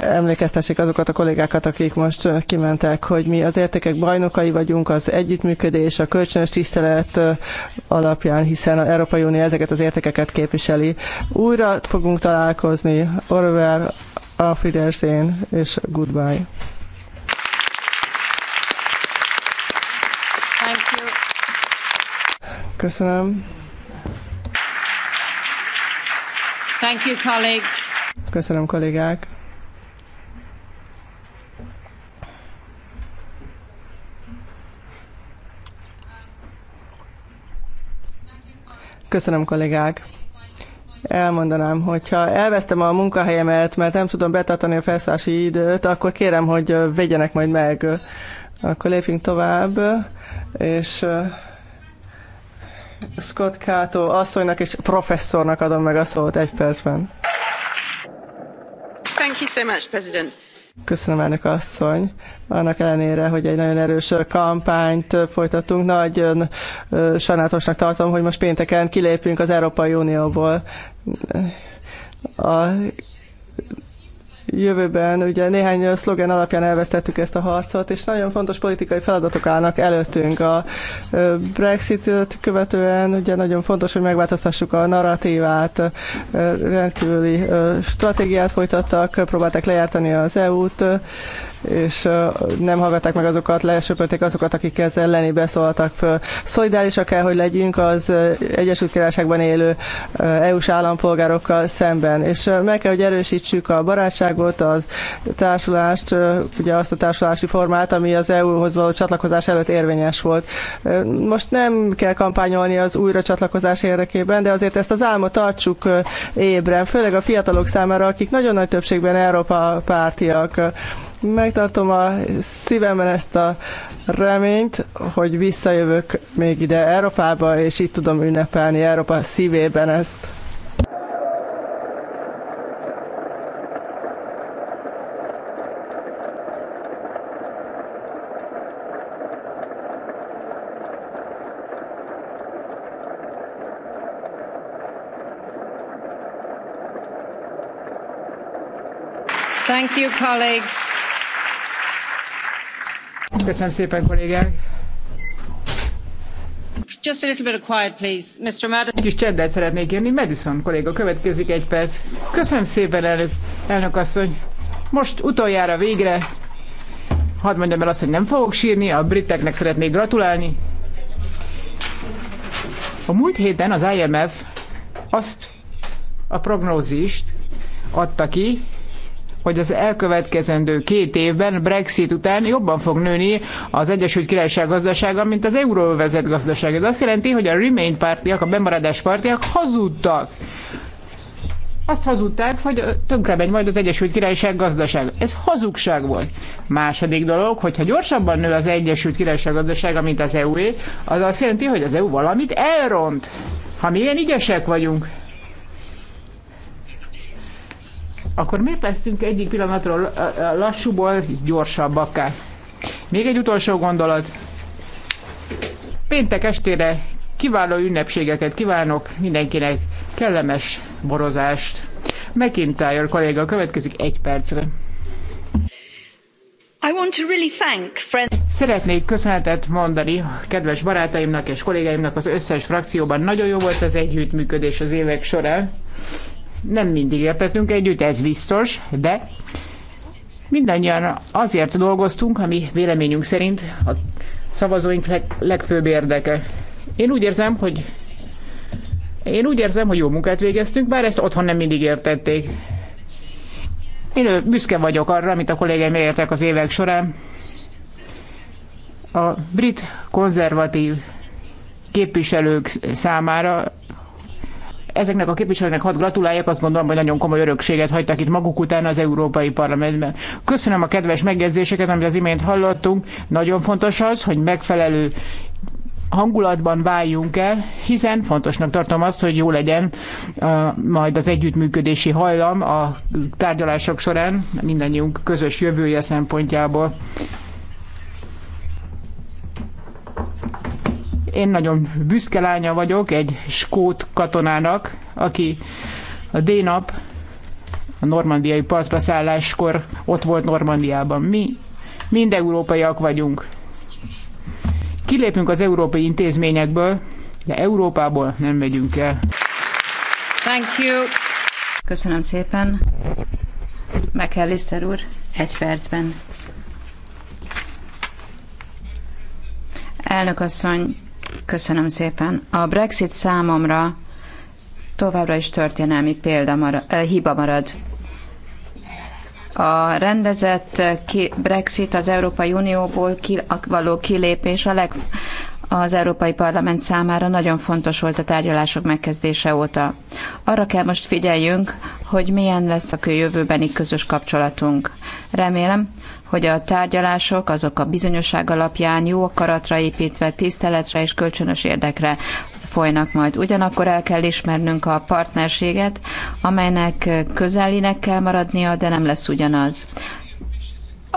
emlékeztessék azokat a kollégákat, akik most kimentek, hogy mi az értékek bajnokai vagyunk, az együttműködés, a kölcsönös tisztelet alapján, hiszen az Európai Unió ezeket az értékeket képviseli. Újra fogunk találkozni. Orver, a Fiderzén, és goodbye. Köszönöm. Thank you, colleagues. Köszönöm, kollégák. Köszönöm, kollégák! Elmondanám, hogyha elvesztem a munkahelyemet, mert nem tudom betartani a felszállási időt, akkor kérem, hogy vegyenek majd meg. Akkor lépjünk tovább, és uh, Scott Kato asszonynak és professzornak adom meg a szót egy percben. Thank you so much, President. Köszönöm, elnök asszony. Annak ellenére, hogy egy nagyon erős kampányt folytatunk, nagyon sajnálatosnak tartom, hogy most pénteken kilépünk az Európai Unióból. A jövőben. Ugye néhány szlogen alapján elvesztettük ezt a harcot, és nagyon fontos politikai feladatok állnak előttünk. A brexit követően ugye nagyon fontos, hogy megváltoztassuk a narratívát, rendkívüli stratégiát folytattak, próbálták lejártani az EU-t, és nem hallgatták meg azokat, lesöpörték azokat, akik ezzel elleni beszóltak föl. Szolidárisak kell, hogy legyünk az Egyesült Királyságban élő EU-s állampolgárokkal szemben, és meg kell, hogy erősítsük a barátságot, a társulást, ugye azt a társulási formát, ami az EU-hoz való csatlakozás előtt érvényes volt. Most nem kell kampányolni az újra csatlakozás érdekében, de azért ezt az álmot tartsuk ébren, főleg a fiatalok számára, akik nagyon nagy többségben Európa pártiak Megtartom a szívemben ezt a reményt, hogy visszajövök még ide Európába, és itt tudom ünnepelni Európa szívében ezt. thank you colleagues. Köszönöm szépen, kollégák! Just a little bit of quiet, please. Mr. Madison. Kis csendet szeretnék kérni. Madison kolléga, következik egy perc. Köszönöm szépen, elnök, elnök asszony. Most utoljára végre, hadd mondjam el azt, hogy nem fogok sírni, a briteknek szeretnék gratulálni. A múlt héten az IMF azt a prognózist adta ki, hogy az elkövetkezendő két évben Brexit után jobban fog nőni az Egyesült Királyság gazdasága, mint az euróvezet gazdaság. Ez azt jelenti, hogy a Remain pártiak, a bemaradás pártiak hazudtak. Azt hazudták, hogy tönkre megy majd az Egyesült Királyság gazdaság. Ez hazugság volt. Második dolog, hogyha gyorsabban nő az Egyesült Királyság gazdasága, mint az EU-é, az azt jelenti, hogy az EU valamit elront. Ha mi ilyen ügyesek vagyunk, akkor miért leszünk egyik pillanatról lassúból gyorsabbakká? Még egy utolsó gondolat. Péntek estére kiváló ünnepségeket kívánok mindenkinek, kellemes borozást. McIntyre kolléga következik egy percre. I want to really thank Szeretnék köszönetet mondani kedves barátaimnak és kollégáimnak az összes frakcióban. Nagyon jó volt az együttműködés az évek során, nem mindig értettünk együtt, ez biztos, de mindannyian azért dolgoztunk, ami véleményünk szerint a szavazóink leg, legfőbb érdeke. Én úgy érzem, hogy én úgy érzem, hogy jó munkát végeztünk, bár ezt otthon nem mindig értették. Én büszke vagyok arra, amit a kollégáim értek az évek során. A brit konzervatív képviselők számára ezeknek a képviselőknek hadd gratuláljak, azt gondolom, hogy nagyon komoly örökséget hagytak itt maguk után az Európai Parlamentben. Köszönöm a kedves megjegyzéseket, amit az imént hallottunk. Nagyon fontos az, hogy megfelelő hangulatban váljunk el, hiszen fontosnak tartom azt, hogy jó legyen uh, majd az együttműködési hajlam a tárgyalások során mindannyiunk közös jövője szempontjából. Én nagyon büszke lánya vagyok egy skót katonának, aki a D-nap a normandiai partra szálláskor ott volt Normandiában. Mi mind európaiak vagyunk. Kilépünk az európai intézményekből, de Európából nem megyünk el. Thank you. Köszönöm szépen. McAllister úr, egy percben. Elnök asszony, Köszönöm szépen. A Brexit számomra továbbra is történelmi példa marad, eh, hiba marad. A rendezett Brexit az Európai Unióból ki, való kilépés a leg, az Európai Parlament számára nagyon fontos volt a tárgyalások megkezdése óta. Arra kell most figyeljünk, hogy milyen lesz a jövőbeni közös kapcsolatunk. Remélem, hogy a tárgyalások azok a bizonyosság alapján jó akaratra építve, tiszteletre és kölcsönös érdekre folynak majd. Ugyanakkor el kell ismernünk a partnerséget, amelynek közelinek kell maradnia, de nem lesz ugyanaz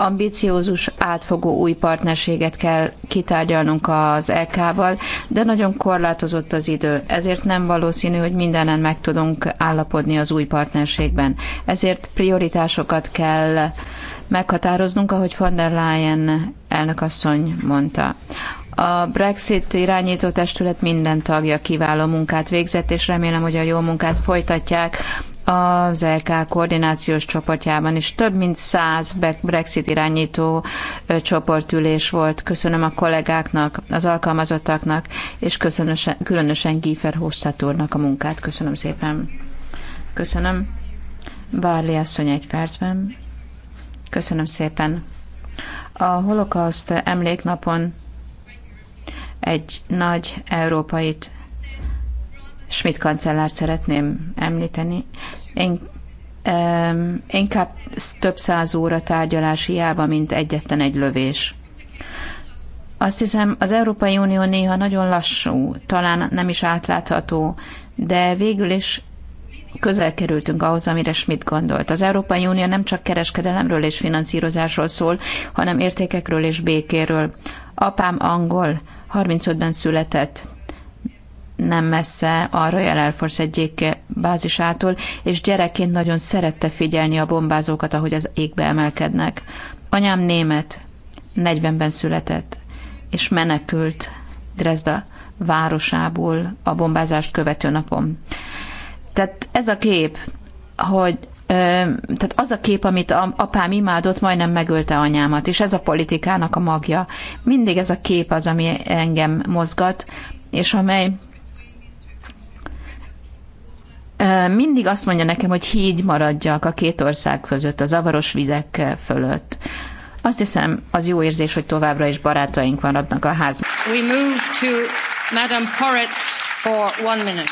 ambiciózus, átfogó új partnerséget kell kitárgyalnunk az ek val de nagyon korlátozott az idő, ezért nem valószínű, hogy mindenen meg tudunk állapodni az új partnerségben. Ezért prioritásokat kell meghatároznunk, ahogy von der Leyen elnökasszony mondta. A Brexit irányító testület minden tagja kiváló munkát végzett, és remélem, hogy a jó munkát folytatják az LK koordinációs csoportjában is. Több mint száz Brexit irányító csoportülés volt. Köszönöm a kollégáknak, az alkalmazottaknak, és köszönösen, különösen Giefer Hosszatúrnak a munkát. Köszönöm szépen. Köszönöm. Bárli asszony egy percben. Köszönöm szépen. A holokauszt emléknapon egy nagy európai Schmidt kancellárt szeretném említeni. Én um, inkább több száz óra tárgyalás hiába, mint egyetlen egy lövés. Azt hiszem, az Európai Unió néha nagyon lassú, talán nem is átlátható, de végül is közel kerültünk ahhoz, amire Schmidt gondolt. Az Európai Unió nem csak kereskedelemről és finanszírozásról szól, hanem értékekről és békéről. Apám angol, 35-ben született, nem messze a Royal Air Force egyik bázisától, és gyerekként nagyon szerette figyelni a bombázókat, ahogy az égbe emelkednek. Anyám német, 40-ben született, és menekült Dresda városából a bombázást követő napon. Tehát ez a kép, hogy tehát az a kép, amit apám imádott, majdnem megölte anyámat, és ez a politikának a magja. Mindig ez a kép az, ami engem mozgat, és amely mindig azt mondja nekem, hogy híd maradjak a két ország között, a zavaros vizek fölött. Azt hiszem, az jó érzés, hogy továbbra is barátaink maradnak a házban. We move to Madame Porritt for one minute.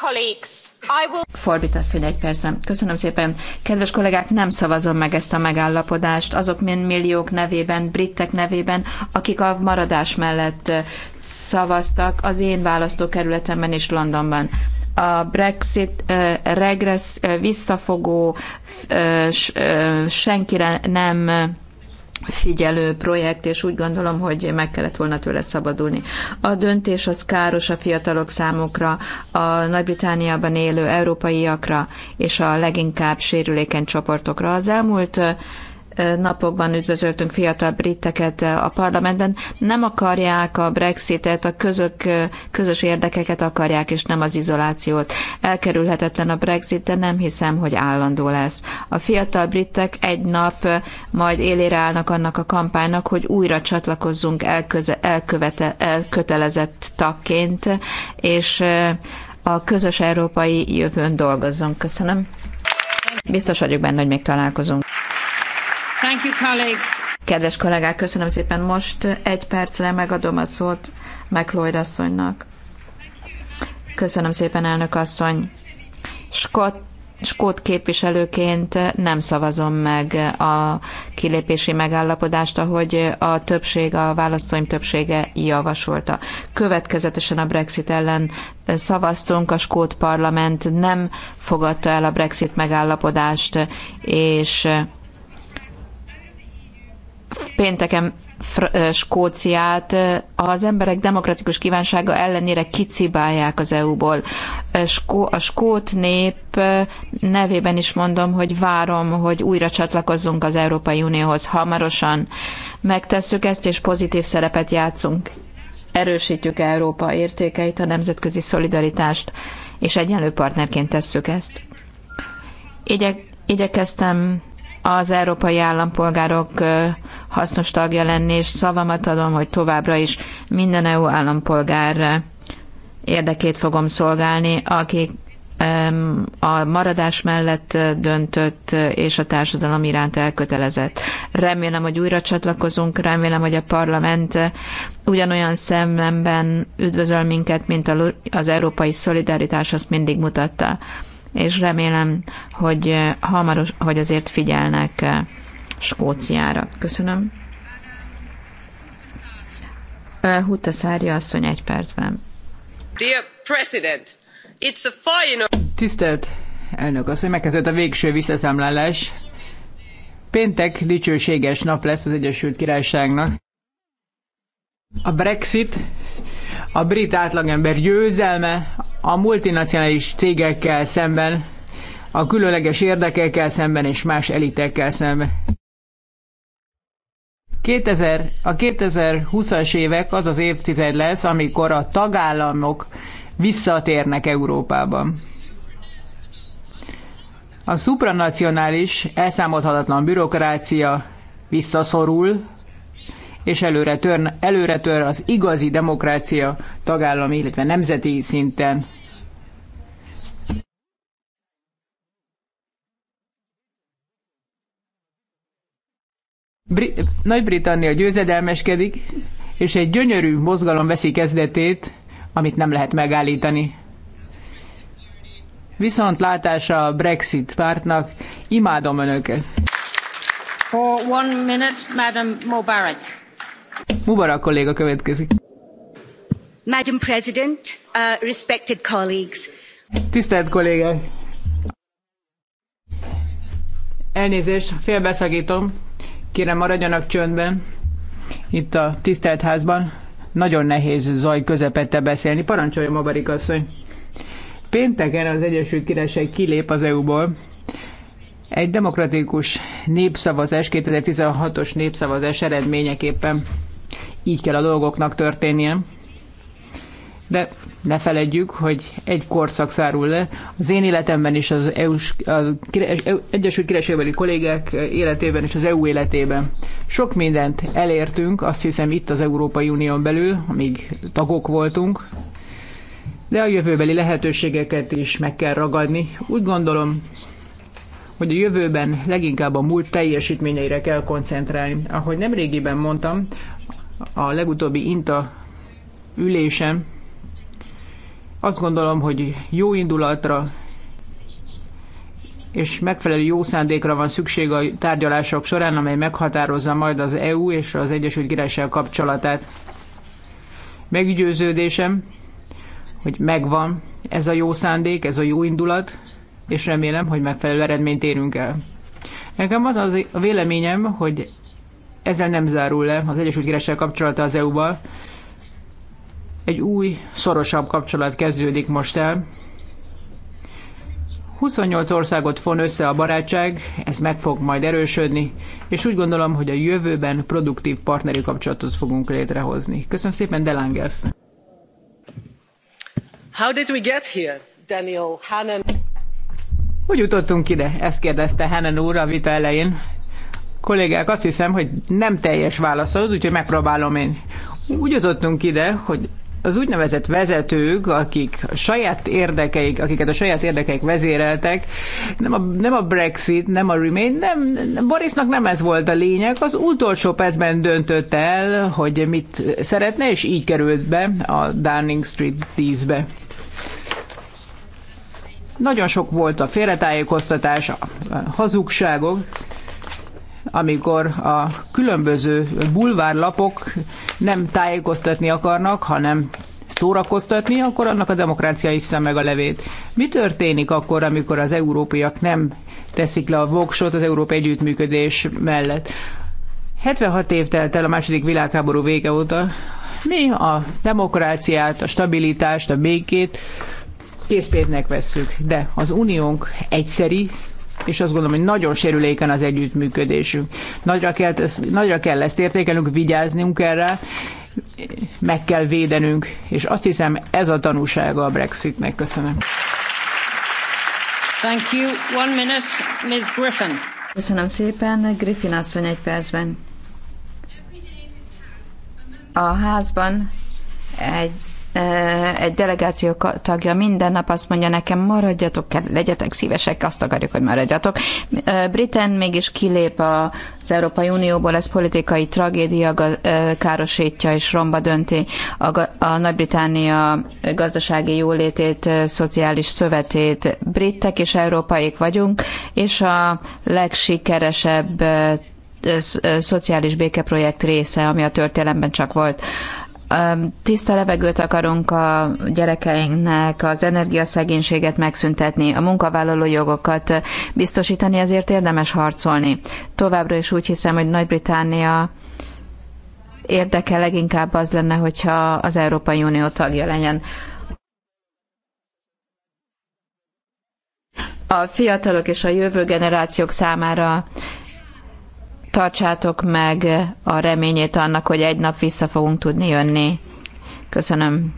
Will... hogy egy percben. Köszönöm szépen. Kedves kollégák, nem szavazom meg ezt a megállapodást azok mint milliók nevében, britek nevében, akik a maradás mellett eh, szavaztak az én választókerületemben és Londonban a Brexit eh, regressz, eh, visszafogó, senkire nem figyelő projekt, és úgy gondolom, hogy meg kellett volna tőle szabadulni. A döntés az káros a fiatalok számukra, a Nagy-Britániában élő európaiakra és a leginkább sérülékeny csoportokra. Az elmúlt napokban üdvözöltünk fiatal briteket a parlamentben, nem akarják a Brexitet, a közök, közös érdekeket akarják, és nem az izolációt. Elkerülhetetlen a Brexit, de nem hiszem, hogy állandó lesz. A fiatal britek egy nap majd élére állnak annak a kampánynak, hogy újra csatlakozzunk elköze, elkövete, elkötelezett tagként, és a közös európai jövőn dolgozzunk. Köszönöm. Biztos vagyok benne, hogy még találkozunk. Thank you, colleagues. Kedves kollégák, köszönöm szépen. Most egy percre megadom a szót McLeod asszonynak. Köszönöm szépen, elnök asszony. Scott skót képviselőként nem szavazom meg a kilépési megállapodást, ahogy a többség, a választóim többsége javasolta. Következetesen a Brexit ellen szavaztunk, a skót parlament nem fogadta el a Brexit megállapodást, és pénteken Skóciát az emberek demokratikus kívánsága ellenére kicibálják az EU-ból. A skót nép nevében is mondom, hogy várom, hogy újra csatlakozzunk az Európai Unióhoz hamarosan. Megtesszük ezt, és pozitív szerepet játszunk. Erősítjük Európa értékeit, a nemzetközi szolidaritást, és egyenlő partnerként tesszük ezt. Igye, igyekeztem az európai állampolgárok hasznos tagja lenni, és szavamat adom, hogy továbbra is minden EU állampolgár érdekét fogom szolgálni, akik a maradás mellett döntött és a társadalom iránt elkötelezett. Remélem, hogy újra csatlakozunk, remélem, hogy a parlament ugyanolyan szememben üdvözöl minket, mint az európai szolidaritás azt mindig mutatta és remélem, hogy eh, hamaros, hogy azért figyelnek eh, Skóciára. Köszönöm. Eh, Szárja asszony egy percben. Dear President, it's a final... Tisztelt elnök asszony, megkezdődött a végső visszaszámlálás. Péntek dicsőséges nap lesz az Egyesült Királyságnak. A Brexit a brit átlagember győzelme a multinacionális cégekkel szemben, a különleges érdekekkel szemben és más elitekkel szemben. 2000, a 2020-as évek az az évtized lesz, amikor a tagállamok visszatérnek Európában. A supranacionális, elszámolhatatlan bürokrácia visszaszorul, és előre tör, előre tör az igazi demokrácia tagállami, illetve nemzeti szinten. Bri- Nagy-Britannia győzedelmeskedik, és egy gyönyörű mozgalom veszi kezdetét, amit nem lehet megállítani. Viszont látása a Brexit pártnak. Imádom önöket! For one minute, Madam Mubarak. Mubarak kolléga következik. Madam President, uh, respected colleagues. Tisztelt kollégák! Elnézést, félbeszakítom. Kérem, maradjanak csöndben. Itt a tisztelt házban nagyon nehéz zaj közepette beszélni. Parancsolja, Mabarik asszony! Pénteken az Egyesült Királyság kilép az EU-ból, egy demokratikus népszavazás, 2016-os népszavazás eredményeképpen így kell a dolgoknak történnie. De ne feledjük, hogy egy korszak szárul le. Az én életemben is, az EU-s, az Egyesült Királyságbeli kollégák életében és az EU életében. Sok mindent elértünk, azt hiszem itt az Európai Unión belül, amíg tagok voltunk, de a jövőbeli lehetőségeket is meg kell ragadni. Úgy gondolom, hogy a jövőben leginkább a múlt teljesítményeire kell koncentrálni. Ahogy nemrégiben mondtam, a legutóbbi INTA ülésem, azt gondolom, hogy jó indulatra és megfelelő jó szándékra van szükség a tárgyalások során, amely meghatározza majd az EU és az Egyesült Királyság kapcsolatát. Meggyőződésem, hogy megvan ez a jó szándék, ez a jó indulat, és remélem, hogy megfelelő eredményt érünk el. Nekem az az a véleményem, hogy ezzel nem zárul le az Egyesült Királyság kapcsolata az EU-val. Egy új, szorosabb kapcsolat kezdődik most el. 28 országot von össze a barátság, ez meg fog majd erősödni, és úgy gondolom, hogy a jövőben produktív partneri kapcsolatot fogunk létrehozni. Köszönöm szépen, Delangesz! How did we get here, Daniel Hannan? Hogy jutottunk ide? Ezt kérdezte Hennen úr a vita elején. Kollégák, azt hiszem, hogy nem teljes válaszod, úgyhogy megpróbálom én. Úgy jutottunk ide, hogy az úgynevezett vezetők, akik a saját érdekeik, akiket a saját érdekeik vezéreltek, nem a, nem a Brexit, nem a Remain, nem, Borisnak nem ez volt a lényeg, az utolsó percben döntött el, hogy mit szeretne, és így került be a Downing Street 10-be. Nagyon sok volt a félretájékoztatás, a hazugságok, amikor a különböző bulvárlapok nem tájékoztatni akarnak, hanem szórakoztatni, akkor annak a demokrácia is meg a levét. Mi történik akkor, amikor az európaiak nem teszik le a voksot az európai együttműködés mellett? 76 év telt el a második világháború vége óta. Mi a demokráciát, a stabilitást, a békét készpénznek vesszük, de az uniónk egyszeri, és azt gondolom, hogy nagyon sérüléken az együttműködésünk. Nagyra kell, nagyra kell ezt értékelnünk, vigyáznunk erre, meg kell védenünk, és azt hiszem ez a tanúsága a Brexitnek. Köszönöm. Thank you. One minute, Ms. Griffin. Köszönöm szépen, Griffin asszony egy percben. A házban egy egy delegáció tagja minden nap azt mondja nekem, maradjatok, legyetek szívesek, azt akarjuk, hogy maradjatok. Briten mégis kilép az Európai Unióból, ez politikai tragédia károsítja és romba dönti a, nagy británia gazdasági jólétét, szociális szövetét. Britek és európaiak vagyunk, és a legsikeresebb szociális békeprojekt része, ami a történelemben csak volt tiszta levegőt akarunk a gyerekeinknek, az energiaszegénységet megszüntetni, a munkavállaló jogokat biztosítani, ezért érdemes harcolni. Továbbra is úgy hiszem, hogy Nagy-Britannia érdeke leginkább az lenne, hogyha az Európai Unió tagja legyen. A fiatalok és a jövő generációk számára tartsátok meg a reményét annak, hogy egy nap vissza fogunk tudni jönni. Köszönöm.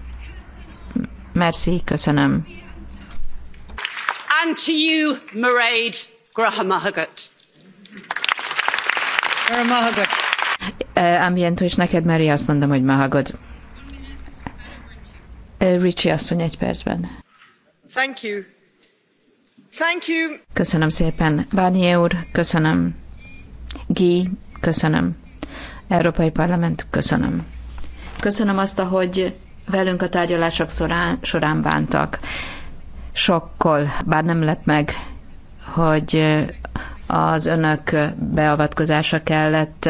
Merci, köszönöm. And to you, Mairead Graham-Mahagat. Graham-Mahagat. Ambiento, eh, és neked, Mary, azt mondom, hogy Mahagod. Eh, Ricsi asszony egy percben. Thank you. Thank you. Köszönöm szépen. Bárnyi úr, köszönöm G, köszönöm. Európai Parlament, köszönöm. Köszönöm azt, ahogy velünk a tárgyalások során, során bántak. Sokkal, bár nem lett meg, hogy az önök beavatkozása kellett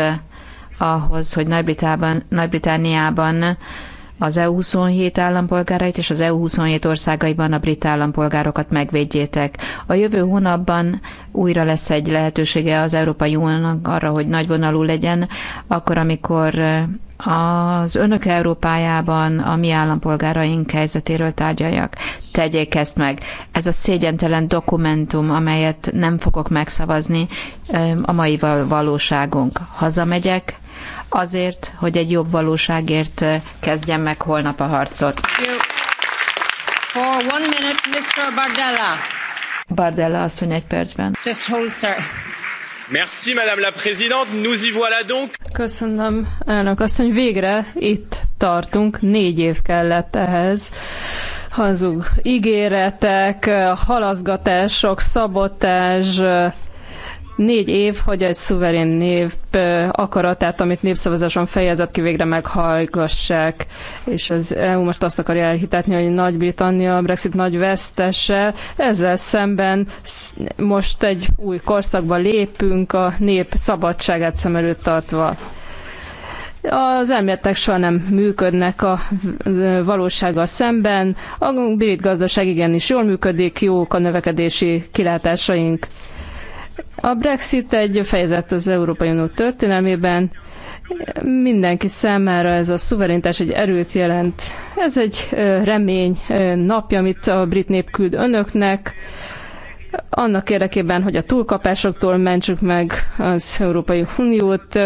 ahhoz, hogy Nagy-Britániában, Nagy-Britániában az EU27 állampolgárait és az EU27 országaiban a brit állampolgárokat megvédjétek. A jövő hónapban újra lesz egy lehetősége az Európai Uniónak arra, hogy nagyvonalú legyen, akkor, amikor eh, az önök Európájában a mi állampolgáraink helyzetéről tárgyaljak. Tegyék ezt meg. Ez a szégyentelen dokumentum, amelyet nem fogok megszavazni, eh, a mai valóságunk. Hazamegyek, azért, hogy egy jobb valóságért eh, kezdjem meg holnap a harcot. For one minute, Mr. Bardella. Bardella asszony egy percben. Just hold, sir. Merci, Madame la Présidente. Nous y voilà donc. Köszönöm, elnök asszony. Végre itt tartunk. Négy év kellett ehhez hazug ígéretek, eh, halaszgatások, szabotás, eh, négy év, hogy egy szuverén nép akaratát, amit népszavazáson fejezett ki, végre meghallgassák. És az EU most azt akarja elhitetni, hogy Nagy-Britannia, a Brexit nagy vesztese. Ezzel szemben most egy új korszakba lépünk a nép szabadságát szem előtt tartva. Az elméletek soha nem működnek a valósággal szemben. A brit gazdaság igenis jól működik, jók a növekedési kilátásaink. A Brexit egy fejezet az Európai Unió történelmében. Mindenki számára ez a szuverenitás egy erőt jelent. Ez egy remény napja, amit a brit nép küld önöknek annak érdekében, hogy a túlkapásoktól mentsük meg az Európai Uniót,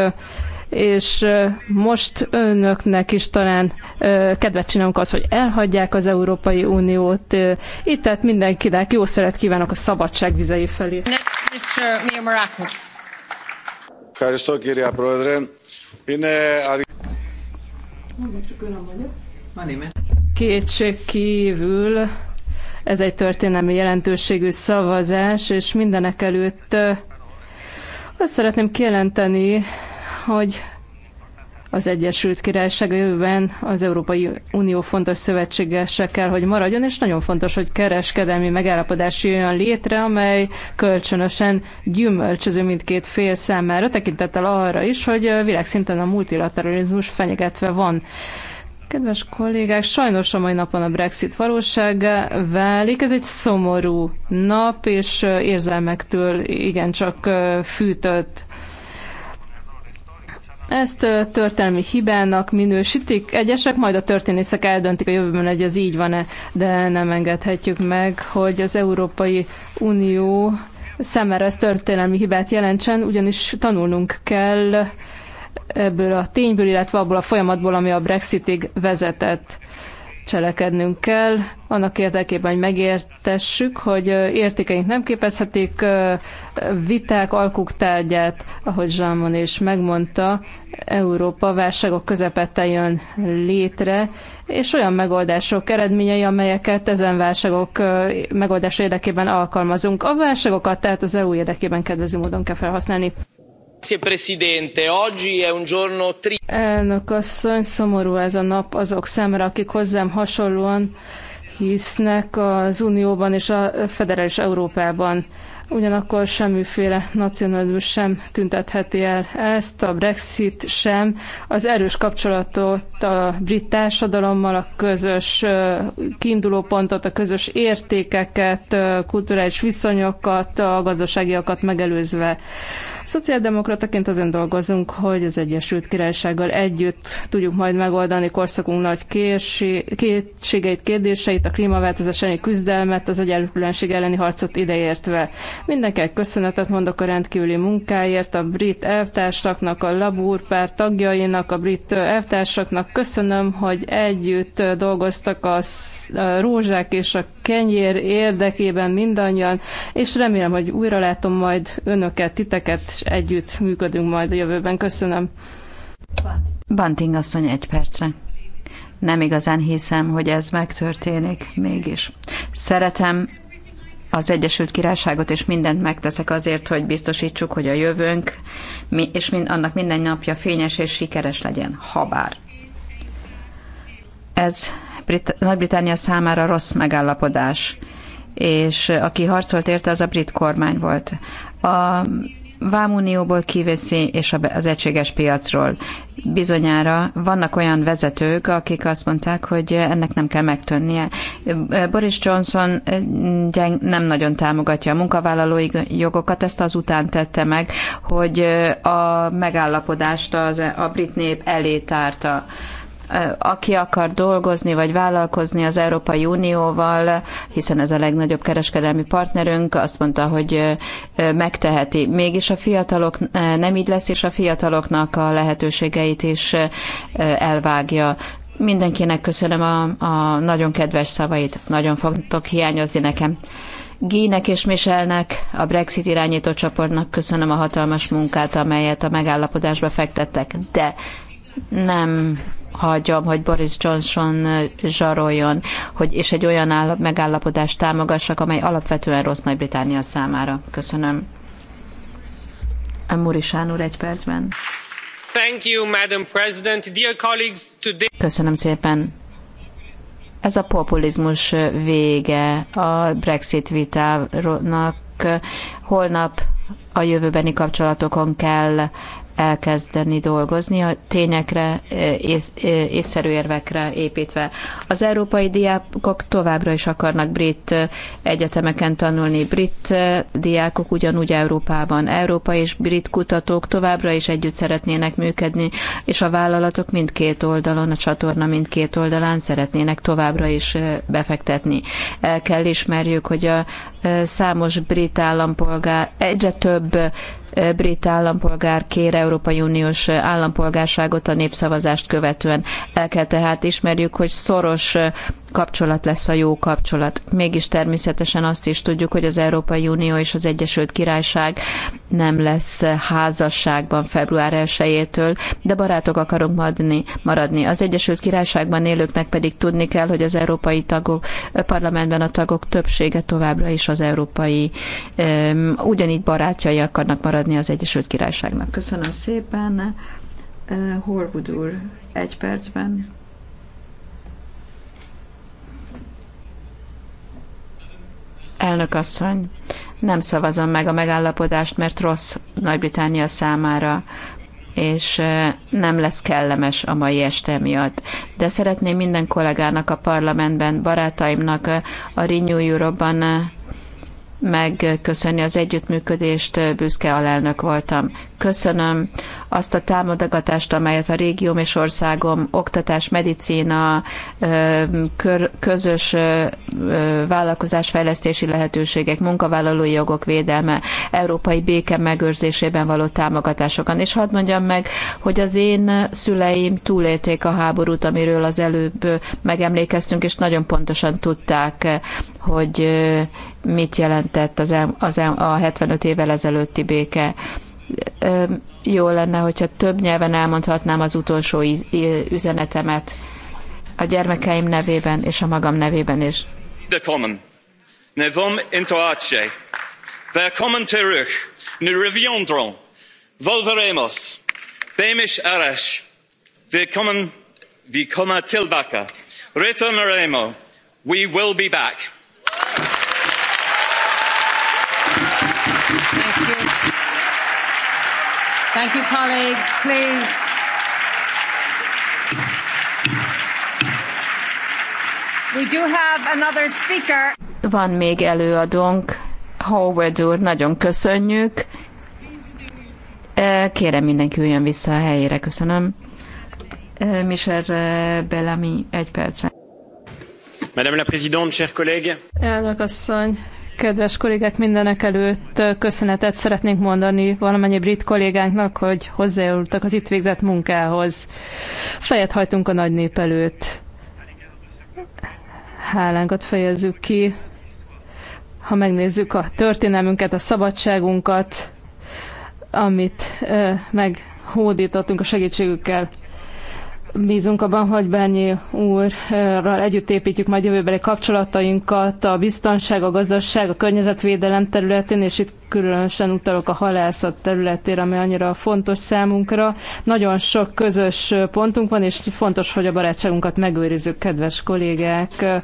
és most önöknek is talán kedvet csinálunk az, hogy elhagyják az Európai Uniót. Itt tehát mindenkinek jó szeret kívánok a szabadság vizei felé. Ευχαριστώ κυρία Πρόεδρε. Είναι Kétség kívül ez egy történelmi jelentőségű szavazás, és mindenek előtt azt szeretném kijelenteni, hogy az Egyesült Királyság jövőben az Európai Unió fontos szövetségese kell, hogy maradjon, és nagyon fontos, hogy kereskedelmi megállapodás jöjjön létre, amely kölcsönösen gyümölcsöző mindkét fél számára, tekintettel arra is, hogy világszinten a multilateralizmus fenyegetve van. Kedves kollégák, sajnos a mai napon a Brexit valósága válik. Ez egy szomorú nap, és érzelmektől igencsak fűtött. Ezt történelmi hibának minősítik egyesek, majd a történészek eldöntik a jövőben, hogy ez így van-e, de nem engedhetjük meg, hogy az Európai Unió szemmel ez történelmi hibát jelentsen, ugyanis tanulnunk kell ebből a tényből, illetve abból a folyamatból, ami a Brexitig vezetett cselekednünk kell, annak érdekében, hogy megértessük, hogy értékeink nem képezhetik viták alkuk tárgyát, ahogy Zsámon is megmondta, Európa válságok közepette jön létre, és olyan megoldások eredményei, amelyeket ezen válságok megoldása érdekében alkalmazunk. A válságokat tehát az EU érdekében kedvező módon kell felhasználni. Elnök asszony, szomorú ez a nap azok számára, akik hozzám hasonlóan hisznek az Unióban és a Federális Európában. Ugyanakkor semmiféle nacionalizmus sem tüntetheti el ezt, a Brexit sem. Az erős kapcsolatot a brit társadalommal, a közös kiindulópontot, a közös értékeket, kulturális viszonyokat, a gazdaságiakat megelőzve Szociáldemokrataként azon dolgozunk, hogy az Egyesült Királysággal együtt tudjuk majd megoldani korszakunk nagy kétségeit, kérdéseit, a klímaváltozás elleni küzdelmet, az egyenlőtlenség elleni harcot ideértve. Mindenkinek köszönetet mondok a rendkívüli munkáért, a brit elvtársaknak, a Labour tagjainak, a brit elvtársaknak. Köszönöm, hogy együtt dolgoztak a rózsák és a kenyér érdekében mindannyian, és remélem, hogy újra látom majd önöket, titeket és együtt működünk majd a jövőben. Köszönöm. Banting asszony egy percre. Nem igazán hiszem, hogy ez megtörténik, mégis. Szeretem az Egyesült Királyságot, és mindent megteszek azért, hogy biztosítsuk, hogy a jövőnk, mi és mind, annak minden napja fényes és sikeres legyen, habár. Ez Brit- Nagy-Britannia számára rossz megállapodás, és aki harcolt érte, az a brit kormány volt. A vámunióból kiveszi, és az egységes piacról. Bizonyára vannak olyan vezetők, akik azt mondták, hogy ennek nem kell megtönnie. Boris Johnson eh, nem nagyon támogatja a munkavállalói jogokat, ezt azután tette meg, hogy eh, a megállapodást az, eh, a brit nép elé tárta aki akar dolgozni vagy vállalkozni az Európai Unióval, hiszen ez a legnagyobb kereskedelmi partnerünk, azt mondta, hogy megteheti. Mégis a fiatalok nem így lesz, és a fiataloknak a lehetőségeit is elvágja. Mindenkinek köszönöm a, a nagyon kedves szavait, nagyon fogtok hiányozni nekem. Gének és Michelnek, a Brexit irányító csoportnak köszönöm a hatalmas munkát, amelyet a megállapodásba fektettek, de nem hagyjam, hogy Boris Johnson zsaroljon, hogy, és egy olyan áll, megállapodást támogassak, amely alapvetően rossz Nagy-Británia számára. Köszönöm. Muri Sánúr egy percben. Thank you, Madam President. Dear colleagues, today... Köszönöm szépen. Ez a populizmus vége a Brexit vitának. Holnap a jövőbeni kapcsolatokon kell elkezdeni dolgozni a tényekre, és észszerű érvekre építve. Az európai diákok továbbra is akarnak brit egyetemeken tanulni. Brit diákok ugyanúgy Európában. Európa és brit kutatók továbbra is együtt szeretnének működni, és a vállalatok mindkét oldalon, a csatorna mindkét oldalán szeretnének továbbra is befektetni. El kell ismerjük, hogy a számos brit állampolgár, egyre több brit állampolgár kér Európai Uniós állampolgárságot a népszavazást követően. El kell tehát ismerjük, hogy szoros kapcsolat lesz a jó kapcsolat. Mégis természetesen azt is tudjuk, hogy az Európai Unió és az Egyesült Királyság nem lesz házasságban február 1-től, de barátok akarunk maradni, maradni. Az Egyesült Királyságban élőknek pedig tudni kell, hogy az európai tagok, a parlamentben a tagok többsége továbbra is az európai, um, ugyanígy barátjai akarnak maradni az Egyesült Királyságnak. Köszönöm szépen. Uh, Horvud úr, egy percben. Elnök asszony, nem szavazom meg a megállapodást, mert rossz Nagy-Britannia számára, és nem lesz kellemes a mai este miatt. De szeretném minden kollégának a parlamentben, barátaimnak a Renew Europe-ban megköszönni az együttműködést, büszke alelnök voltam. Köszönöm azt a támogatást, amelyet a régióm és országom oktatás, medicína, közös vállalkozásfejlesztési lehetőségek, munkavállalói jogok védelme, európai béke megőrzésében való támogatásokon. És hadd mondjam meg, hogy az én szüleim túlélték a háborút, amiről az előbb megemlékeztünk, és nagyon pontosan tudták, hogy mit jelentett az, el, az el, a 75 évvel ezelőtti béke. Jó lenne, hogyha több nyelven elmondhatnám az utolsó íz, üzenetemet a gyermekeim nevében és a magam nevében is. De Ne vom intoace. Ne Volveremos. Bemis tilbaka. We will be back. Thank you, colleagues. Please. We do have another speaker. Van még előadónk, Howard úr, nagyon köszönjük. Eh, kérem mindenki üljön vissza a helyére, köszönöm. Eh, Michel eh, Bellamy, egy percre. Madame la Présidente, chers collègues. Elnök asszony, Kedves kollégák, mindenek előtt köszönetet szeretnénk mondani valamennyi brit kollégánknak, hogy hozzájárultak az itt végzett munkához. Fejet hajtunk a nagy nép előtt. Hálánkat fejezzük ki. Ha megnézzük a történelmünket, a szabadságunkat, amit meghódítottunk a segítségükkel. Bízunk abban, hogy Bernyi úrral együtt építjük majd jövőbeli kapcsolatainkat a biztonság, a gazdaság, a környezetvédelem területén, és itt különösen utalok a halászat területére, ami annyira fontos számunkra. Nagyon sok közös pontunk van, és fontos, hogy a barátságunkat megőrizzük, kedves kollégák.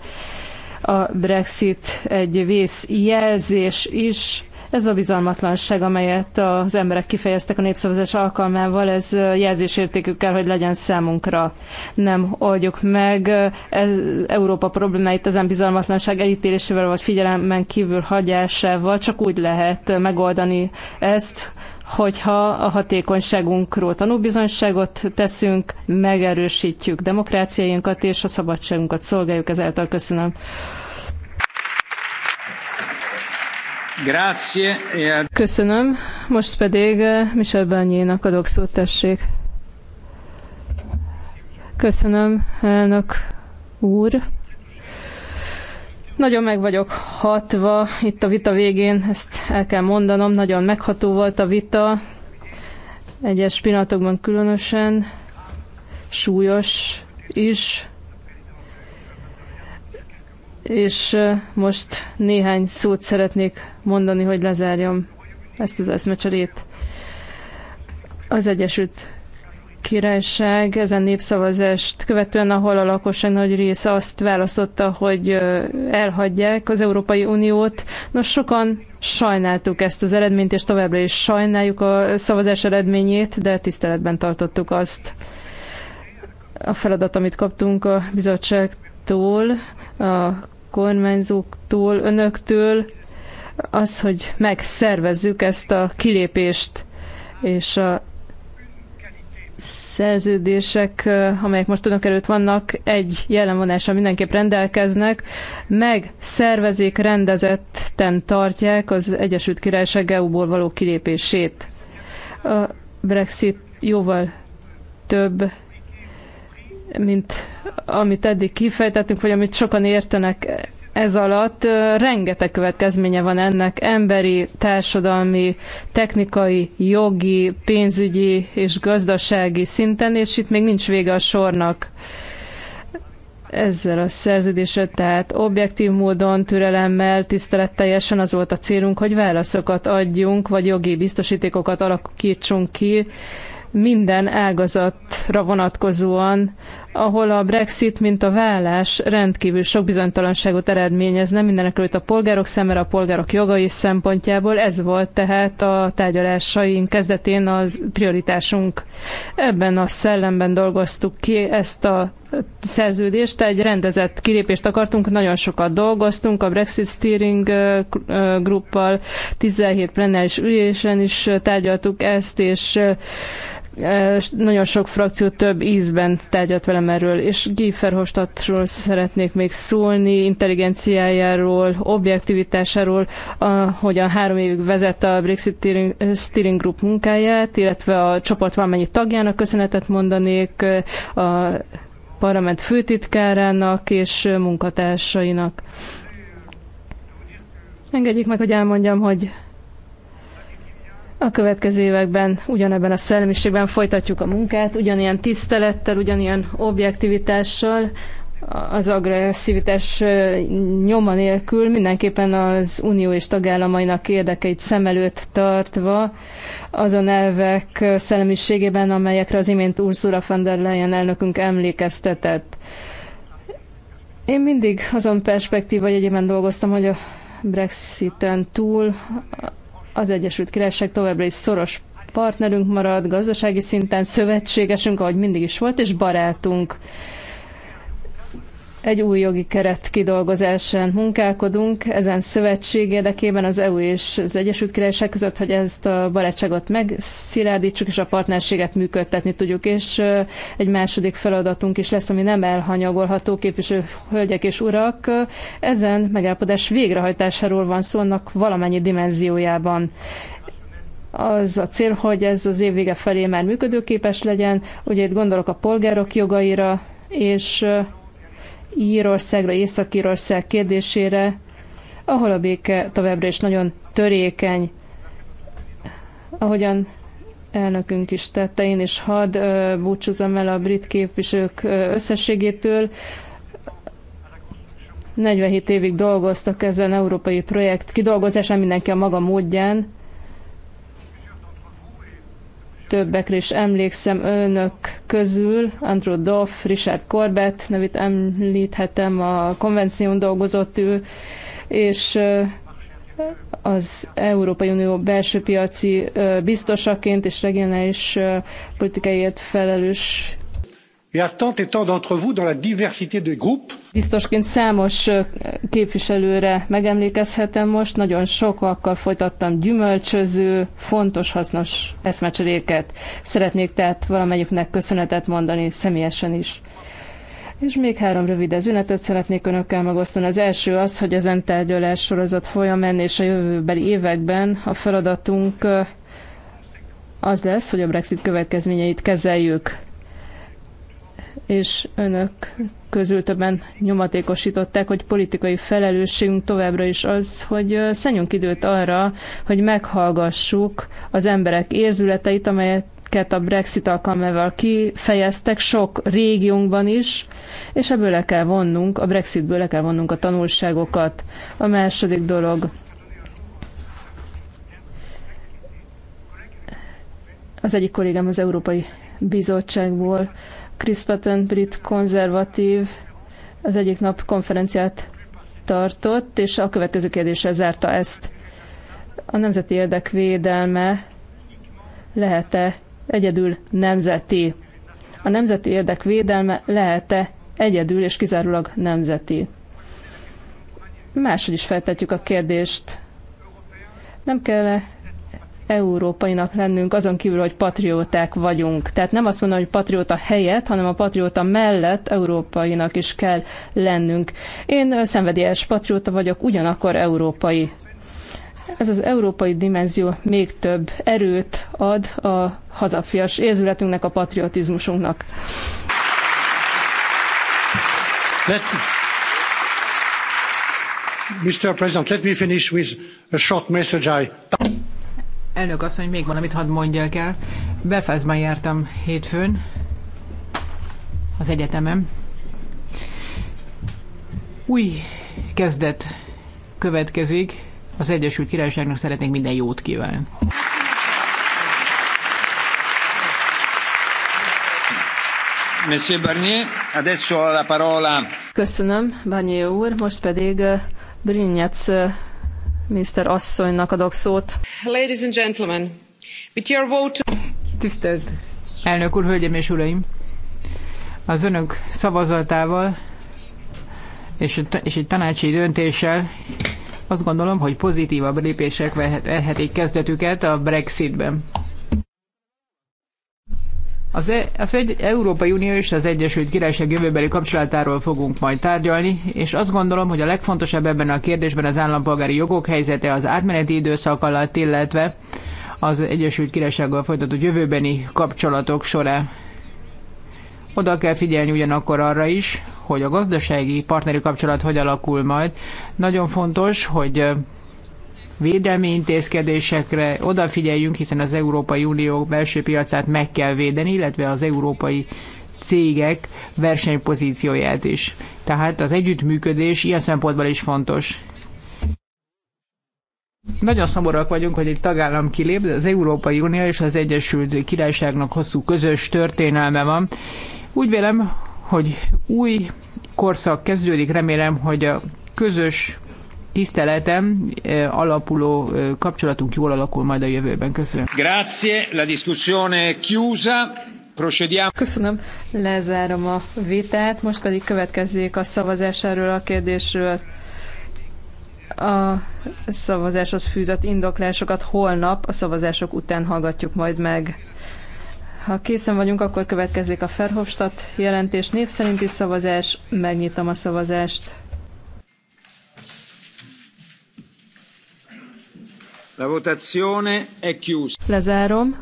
A Brexit egy vészjelzés is, ez a bizalmatlanság, amelyet az emberek kifejeztek a népszavazás alkalmával, ez jelzésértékű kell, hogy legyen számunkra. Nem oldjuk meg ez, Európa problémáit ezen bizalmatlanság elítélésével vagy figyelemen kívül hagyásával, csak úgy lehet megoldani ezt, hogyha a hatékonyságunkról tanúbizonyságot teszünk, megerősítjük demokráciáinkat és a szabadságunkat szolgáljuk, ezáltal köszönöm. E Köszönöm. Most pedig eh, Michel Bányénak adok szót, tessék. Köszönöm, elnök úr. Nagyon meg vagyok hatva itt a vita végén, ezt el kell mondanom, nagyon megható volt a vita, egyes pillanatokban különösen súlyos is és most néhány szót szeretnék mondani, hogy lezárjam ezt az eszmecserét. Az Egyesült Királyság ezen népszavazást követően, ahol a lakosság nagy része azt választotta, hogy elhagyják az Európai Uniót. Nos, sokan sajnáltuk ezt az eredményt, és továbbra is sajnáljuk a szavazás eredményét, de tiszteletben tartottuk azt. A feladat, amit kaptunk a bizottságtól, a kormányzóktól, önöktől az, hogy megszervezzük ezt a kilépést és a szerződések, amelyek most önök előtt vannak, egy jelenvonással mindenképp rendelkeznek, meg szervezik, rendezetten tartják az Egyesült Királyság EU-ból való kilépését. A Brexit jóval több mint amit eddig kifejtettünk, vagy amit sokan értenek ez alatt, rengeteg következménye van ennek emberi, társadalmi, technikai, jogi, pénzügyi és gazdasági szinten, és itt még nincs vége a sornak ezzel a szerződésre, tehát objektív módon, türelemmel, tiszteletteljesen az volt a célunk, hogy válaszokat adjunk, vagy jogi biztosítékokat alakítsunk ki minden ágazatra vonatkozóan, ahol a Brexit, mint a vállás rendkívül sok bizonytalanságot eredményezne mindenekelőtt a polgárok szemére, a polgárok jogai szempontjából. Ez volt tehát a tárgyalásaink kezdetén az prioritásunk. Ebben a szellemben dolgoztuk ki ezt a szerződést, egy rendezett kilépést akartunk, nagyon sokat dolgoztunk a Brexit Steering Gruppal, 17 plenáris ülésen is tárgyaltuk ezt, és nagyon sok frakció több ízben tárgyalt velem erről, és Guy Verhofstadtról szeretnék még szólni, intelligenciájáról, objektivitásáról, hogyan három évig vezet a Brexit Steering, Steering Group munkáját, illetve a csoport valamennyi tagjának köszönetet mondanék, a parlament főtitkárának és munkatársainak. Engedjék meg, hogy elmondjam, hogy a következő években ugyanebben a szellemiségben folytatjuk a munkát, ugyanilyen tisztelettel, ugyanilyen objektivitással, az agresszivitás nyoma nélkül, mindenképpen az unió és tagállamainak érdekeit szem előtt tartva, azon elvek szellemiségében, amelyekre az imént Ursula von der Leyen elnökünk emlékeztetett. Én mindig azon perspektíva jegyében dolgoztam, hogy a Brexiten túl az Egyesült Királyság továbbra is szoros partnerünk marad, gazdasági szinten szövetségesünk, ahogy mindig is volt, és barátunk egy új jogi keret kidolgozásán munkálkodunk, ezen szövetség érdekében az EU és az Egyesült Királyság között, hogy ezt a barátságot megszilárdítsuk, és a partnerséget működtetni tudjuk. És egy második feladatunk is lesz, ami nem elhanyagolható, képviselő hölgyek és urak. Ezen megállapodás végrehajtásáról van szó, annak valamennyi dimenziójában az a cél, hogy ez az év vége felé már működőképes legyen. Ugye itt gondolok a polgárok jogaira, és Írországra, Észak-Írország kérdésére, ahol a béke továbbra is nagyon törékeny. Ahogyan elnökünk is tette, én is hadd búcsúzom el a brit képviselők összességétől. 47 évig dolgoztak ezen európai projekt kidolgozásán, mindenki a maga módján legtöbbekre is emlékszem önök közül, Andrew Doff, Richard Corbett nevét említhetem, a konvención dolgozott ő, és az Európai Unió belső piaci biztosaként és regionális politikaiért felelős Biztosként számos képviselőre megemlékezhetem most, nagyon sokakkal folytattam gyümölcsöző, fontos, hasznos eszmecseréket. Szeretnék tehát valamelyiknek köszönetet mondani személyesen is. És még három rövid üzenetet szeretnék önökkel megosztani. Az első az, hogy ezen tárgyalás sorozat folyamán és a jövőbeli években a feladatunk az lesz, hogy a Brexit következményeit kezeljük és önök közül többen nyomatékosították, hogy politikai felelősségünk továbbra is az, hogy szenjünk időt arra, hogy meghallgassuk az emberek érzületeit, amelyet a Brexit alkalmával kifejeztek sok régiónkban is, és ebből le kell vonnunk, a Brexitből le kell vonnunk a tanulságokat. A második dolog, az egyik kollégám az Európai Bizottságból Chris Patton, brit konzervatív, az egyik nap konferenciát tartott, és a következő kérdéssel zárta ezt. A nemzeti érdek védelme lehet-e egyedül nemzeti? A nemzeti érdek védelme lehet-e egyedül és kizárólag nemzeti? Máshogy is feltetjük a kérdést. Nem kell -e európainak lennünk, azon kívül, hogy patrióták vagyunk. Tehát nem azt mondom, hogy patrióta helyett, hanem a patrióta mellett európainak is kell lennünk. Én szenvedélyes patrióta vagyok, ugyanakkor európai. Ez az európai dimenzió még több erőt ad a hazafias érzületünknek, a patriotizmusunknak. Let, Mr. President, let me finish with a short message I... Elnök asszony, még valamit hadd mondjak el. Belfastban jártam hétfőn az egyetemem. Új kezdet következik. Az Egyesült Királyságnak szeretnék minden jót kívánni. Monsieur Barnier, adesso la parola. Köszönöm, Barnier úr. Most pedig eh, Brignec eh, miniszter asszonynak adok szót. Ladies and gentlemen, with your vote... Tisztelt elnök úr, hölgyeim és uraim! Az önök szavazatával és, és egy tanácsi döntéssel azt gondolom, hogy pozitívabb lépések vehetik kezdetüket a Brexitben. Az, e, az egy, Európai Unió és az Egyesült Királyság jövőbeli kapcsolatáról fogunk majd tárgyalni, és azt gondolom, hogy a legfontosabb ebben a kérdésben az állampolgári jogok helyzete az átmeneti időszak alatt, illetve az Egyesült Királysággal folytatott jövőbeni kapcsolatok során. Oda kell figyelni ugyanakkor arra is, hogy a gazdasági partneri kapcsolat hogy alakul majd. Nagyon fontos, hogy védelmi intézkedésekre odafigyeljünk, hiszen az Európai Unió belső piacát meg kell védeni, illetve az európai cégek versenypozícióját is. Tehát az együttműködés ilyen szempontból is fontos. Nagyon szomorúak vagyunk, hogy egy tagállam kilép, de az Európai Unió és az Egyesült Királyságnak hosszú közös történelme van. Úgy vélem, hogy új korszak kezdődik, remélem, hogy a közös tiszteletem alapuló kapcsolatunk jól alakul majd a jövőben. Köszönöm. Grazie, la discussione chiusa. Köszönöm. Lezárom a vitát, most pedig következzék a szavazás erről a kérdésről. A szavazáshoz fűzött indoklásokat holnap a szavazások után hallgatjuk majd meg. Ha készen vagyunk, akkor következik a Ferhofstadt jelentés név szerinti szavazás. Megnyitom a szavazást. La votazione è chiusa. Lezárom.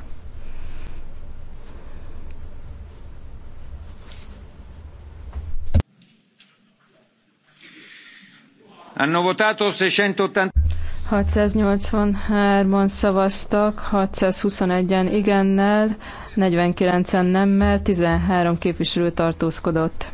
Hanno votato 680. 683-an szavaztak, 621-en igennel, 49-en nemmel, 13 képviselő tartózkodott.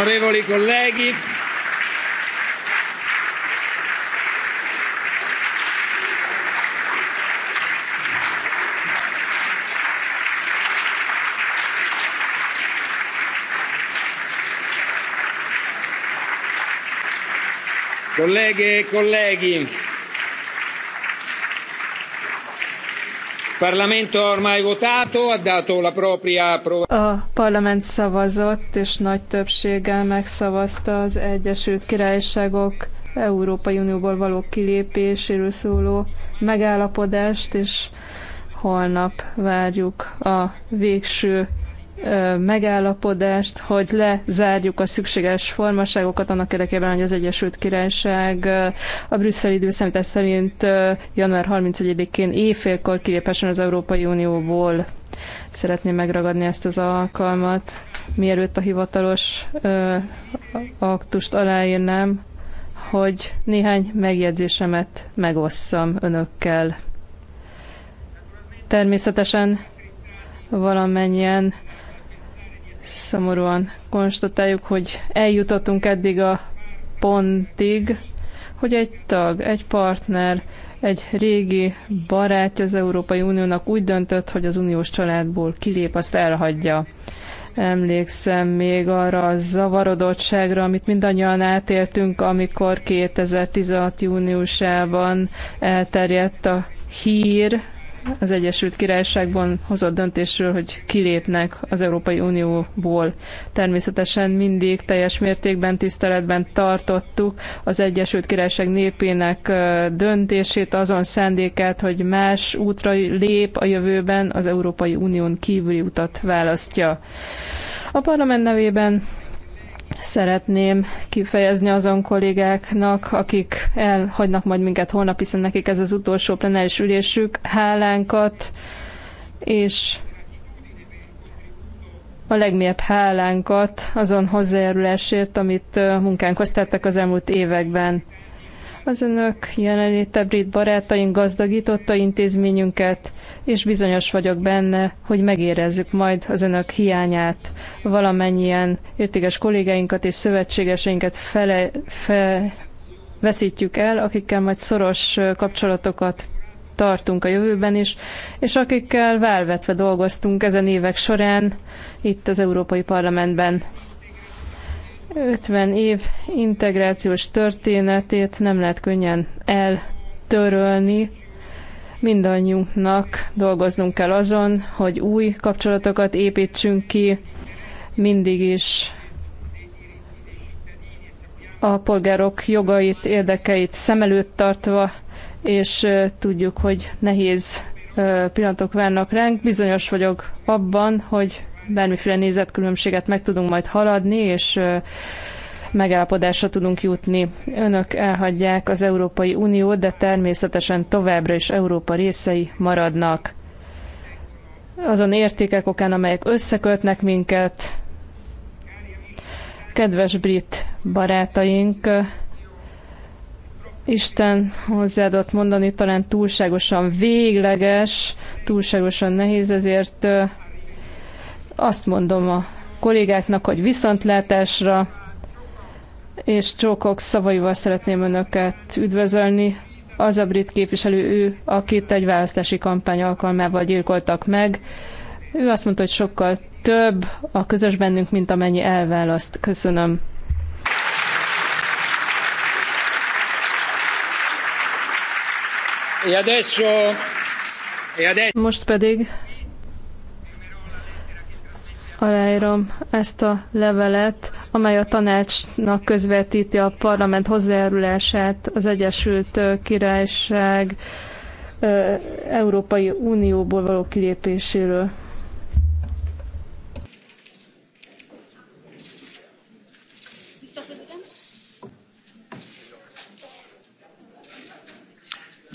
Onorevoli colleghi, colleghe e colleghi, A parlament szavazott, és nagy többséggel megszavazta az Egyesült Királyságok Európai Unióból való kilépéséről szóló megállapodást, és holnap várjuk a végső megállapodást, hogy lezárjuk a szükséges formaságokat annak érdekében, hogy az Egyesült Királyság a brüsszeli időszámítás szerint január 31-én éjfélkor kilépessen az Európai Unióból. Szeretném megragadni ezt az alkalmat, mielőtt a hivatalos aktust aláírnám, hogy néhány megjegyzésemet megosszam önökkel. Természetesen valamennyien Szomorúan konstatáljuk, hogy eljutottunk eddig a pontig, hogy egy tag, egy partner, egy régi barátja az Európai Uniónak úgy döntött, hogy az uniós családból kilép, azt elhagyja. Emlékszem még arra a zavarodottságra, amit mindannyian átéltünk, amikor 2016. júniusában elterjedt a hír, az Egyesült Királyságban hozott döntésről, hogy kilépnek az Európai Unióból. Természetesen mindig teljes mértékben tiszteletben tartottuk az Egyesült Királyság népének döntését, azon szándékát, hogy más útra lép a jövőben, az Európai Unión kívüli utat választja. A parlament nevében Szeretném kifejezni azon kollégáknak, akik elhagynak majd minket holnap, hiszen nekik ez az utolsó plenáris ülésük, hálánkat, és a legmélyebb hálánkat azon hozzájárulásért, amit munkánkhoz tettek az elmúlt években. Az önök jelenléte brit barátaink gazdagította intézményünket, és bizonyos vagyok benne, hogy megérezzük majd az önök hiányát, valamennyien értékes kollégáinkat és szövetségeseinket fele, fe, veszítjük el, akikkel majd szoros kapcsolatokat tartunk a jövőben is, és akikkel válvetve dolgoztunk ezen évek során itt az Európai Parlamentben. 50 év integrációs történetét nem lehet könnyen eltörölni. Mindannyiunknak dolgoznunk kell azon, hogy új kapcsolatokat építsünk ki, mindig is a polgárok jogait, érdekeit szem előtt tartva, és tudjuk, hogy nehéz pillanatok várnak ránk. Bizonyos vagyok abban, hogy bármiféle nézetkülönbséget meg tudunk majd haladni, és megállapodásra tudunk jutni. Önök elhagyják az Európai Uniót, de természetesen továbbra is Európa részei maradnak. Azon értékek okán, amelyek összekötnek minket, kedves brit barátaink, Isten hozzáadott mondani talán túlságosan végleges, túlságosan nehéz, ezért azt mondom a kollégáknak, hogy viszontlátásra, és csókok szavaival szeretném önöket üdvözölni. Az a brit képviselő ő, akit egy választási kampány alkalmával gyilkoltak meg. Ő azt mondta, hogy sokkal több a közös bennünk, mint amennyi elválaszt. Köszönöm. E e Most pedig aláírom ezt a levelet, amely a tanácsnak közvetíti a parlament hozzájárulását az Egyesült Királyság Európai Unióból való kilépéséről.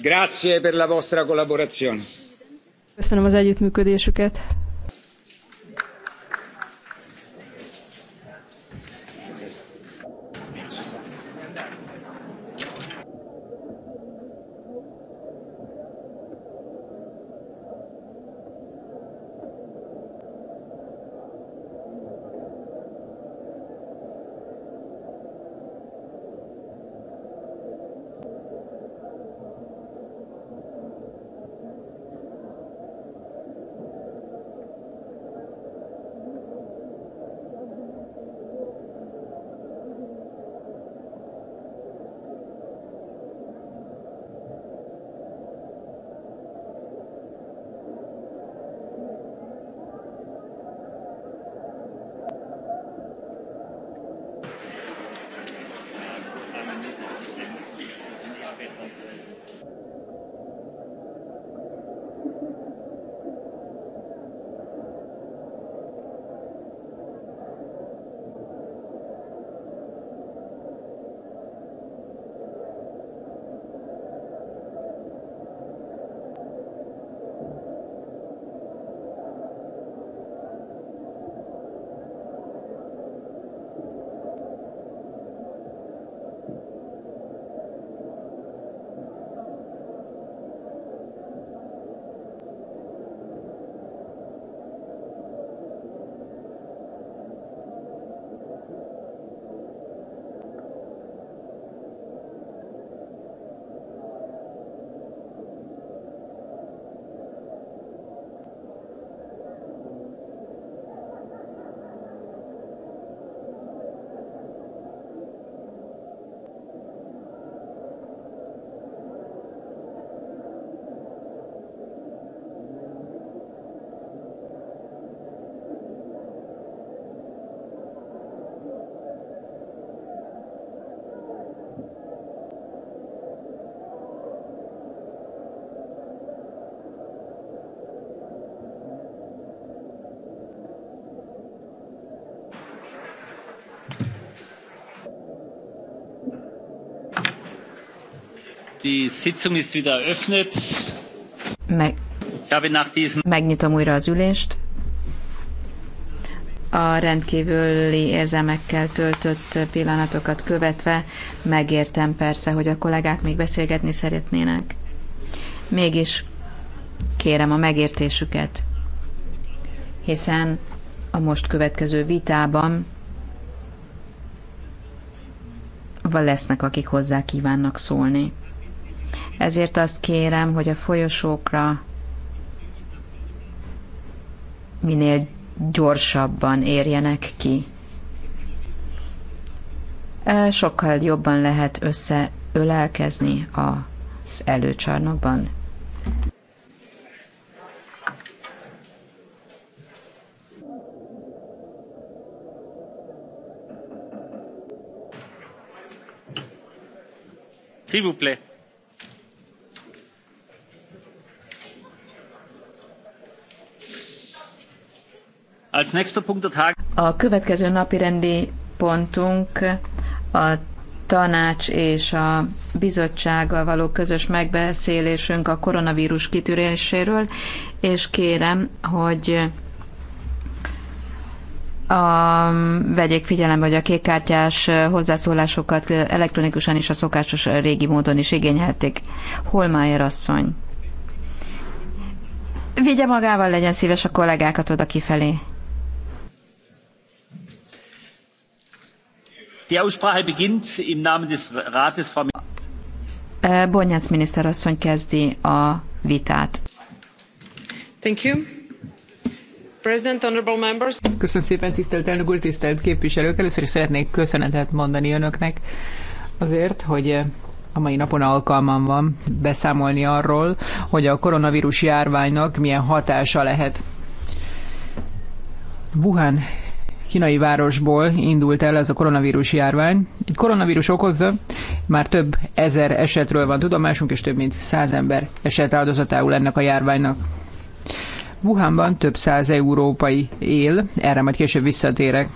Grazie per la vostra collaborazione. Köszönöm az együttműködésüket. Meg... Megnyitom újra az ülést. A rendkívüli érzelmekkel töltött pillanatokat követve megértem persze, hogy a kollégák még beszélgetni szeretnének. Mégis kérem a megértésüket, hiszen a most következő vitában lesznek, akik hozzá kívánnak szólni. Ezért azt kérem, hogy a folyosókra minél gyorsabban érjenek ki. Sokkal jobban lehet összeölelkezni az előcsarnokban. S'il vous plaît. A következő napi rendi pontunk a tanács és a bizottsággal való közös megbeszélésünk a koronavírus kitűréséről, és kérem, hogy a, vegyék figyelembe, hogy a kékkártyás hozzászólásokat elektronikusan és a szokásos régi módon is igényelték. Holmájer asszony. Vigye magával, legyen szíves a kollégákat oda kifelé. Die miniszter asszony äh, miniszterasszony kezdi a vitát. Thank you. Köszönöm szépen, tisztelt elnök úr, tisztelt képviselők. Először is szeretnék köszönetet mondani önöknek azért, hogy eh, a mai napon alkalmam van beszámolni arról, hogy a koronavírus járványnak milyen hatása lehet. Wuhan kínai városból indult el ez a koronavírus járvány. Egy koronavírus okozza, már több ezer esetről van tudomásunk, és több mint száz ember esett áldozatául ennek a járványnak. Wuhanban több száz európai él, erre majd később visszatérek.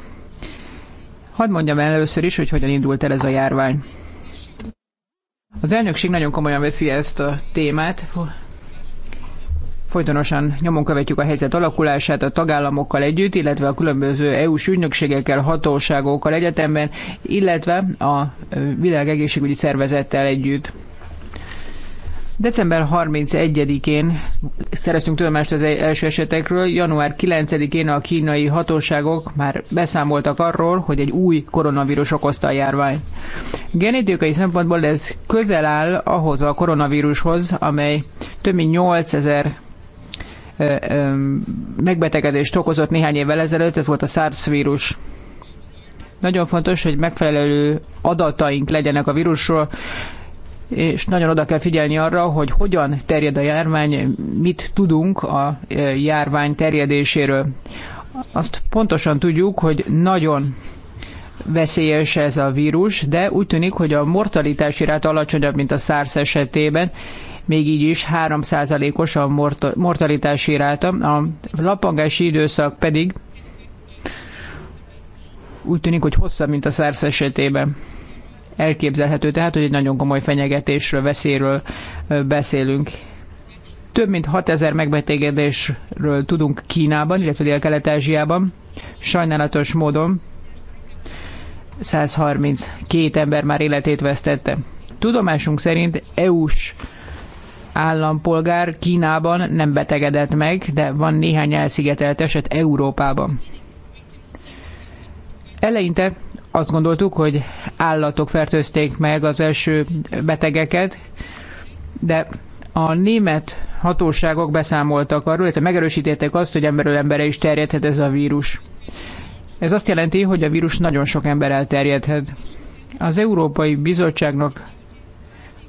Hadd mondjam el először is, hogy hogyan indult el ez a járvány. Az elnökség nagyon komolyan veszi ezt a témát, Folytonosan nyomon követjük a helyzet alakulását a tagállamokkal együtt, illetve a különböző EU-s ügynökségekkel, hatóságokkal egyetemben, illetve a világ egészségügyi szervezettel együtt. December 31-én szereztünk tudomást az első esetekről, január 9-én a kínai hatóságok már beszámoltak arról, hogy egy új koronavírus okozta a járvány. Genetikai szempontból ez közel áll ahhoz a koronavírushoz, amely több mint 8000 megbetegedést okozott néhány évvel ezelőtt, ez volt a SARS vírus. Nagyon fontos, hogy megfelelő adataink legyenek a vírusról, és nagyon oda kell figyelni arra, hogy hogyan terjed a járvány, mit tudunk a járvány terjedéséről. Azt pontosan tudjuk, hogy nagyon veszélyes ez a vírus, de úgy tűnik, hogy a mortalitási rát alacsonyabb, mint a SARS esetében, még így is 3%-os a mortalitási ráta, a lappangási időszak pedig úgy tűnik, hogy hosszabb, mint a SARS esetében. Elképzelhető tehát, hogy egy nagyon komoly fenyegetésről, veszélyről beszélünk. Több mint 6000 megbetegedésről tudunk Kínában, illetve a kelet ázsiában Sajnálatos módon 132 ember már életét vesztette. Tudomásunk szerint EU-s állampolgár Kínában nem betegedett meg, de van néhány elszigetelt eset Európában. Eleinte azt gondoltuk, hogy állatok fertőzték meg az első betegeket, de a német hatóságok beszámoltak arról, illetve megerősítették azt, hogy emberről emberre is terjedhet ez a vírus. Ez azt jelenti, hogy a vírus nagyon sok ember elterjedhet. Az Európai Bizottságnak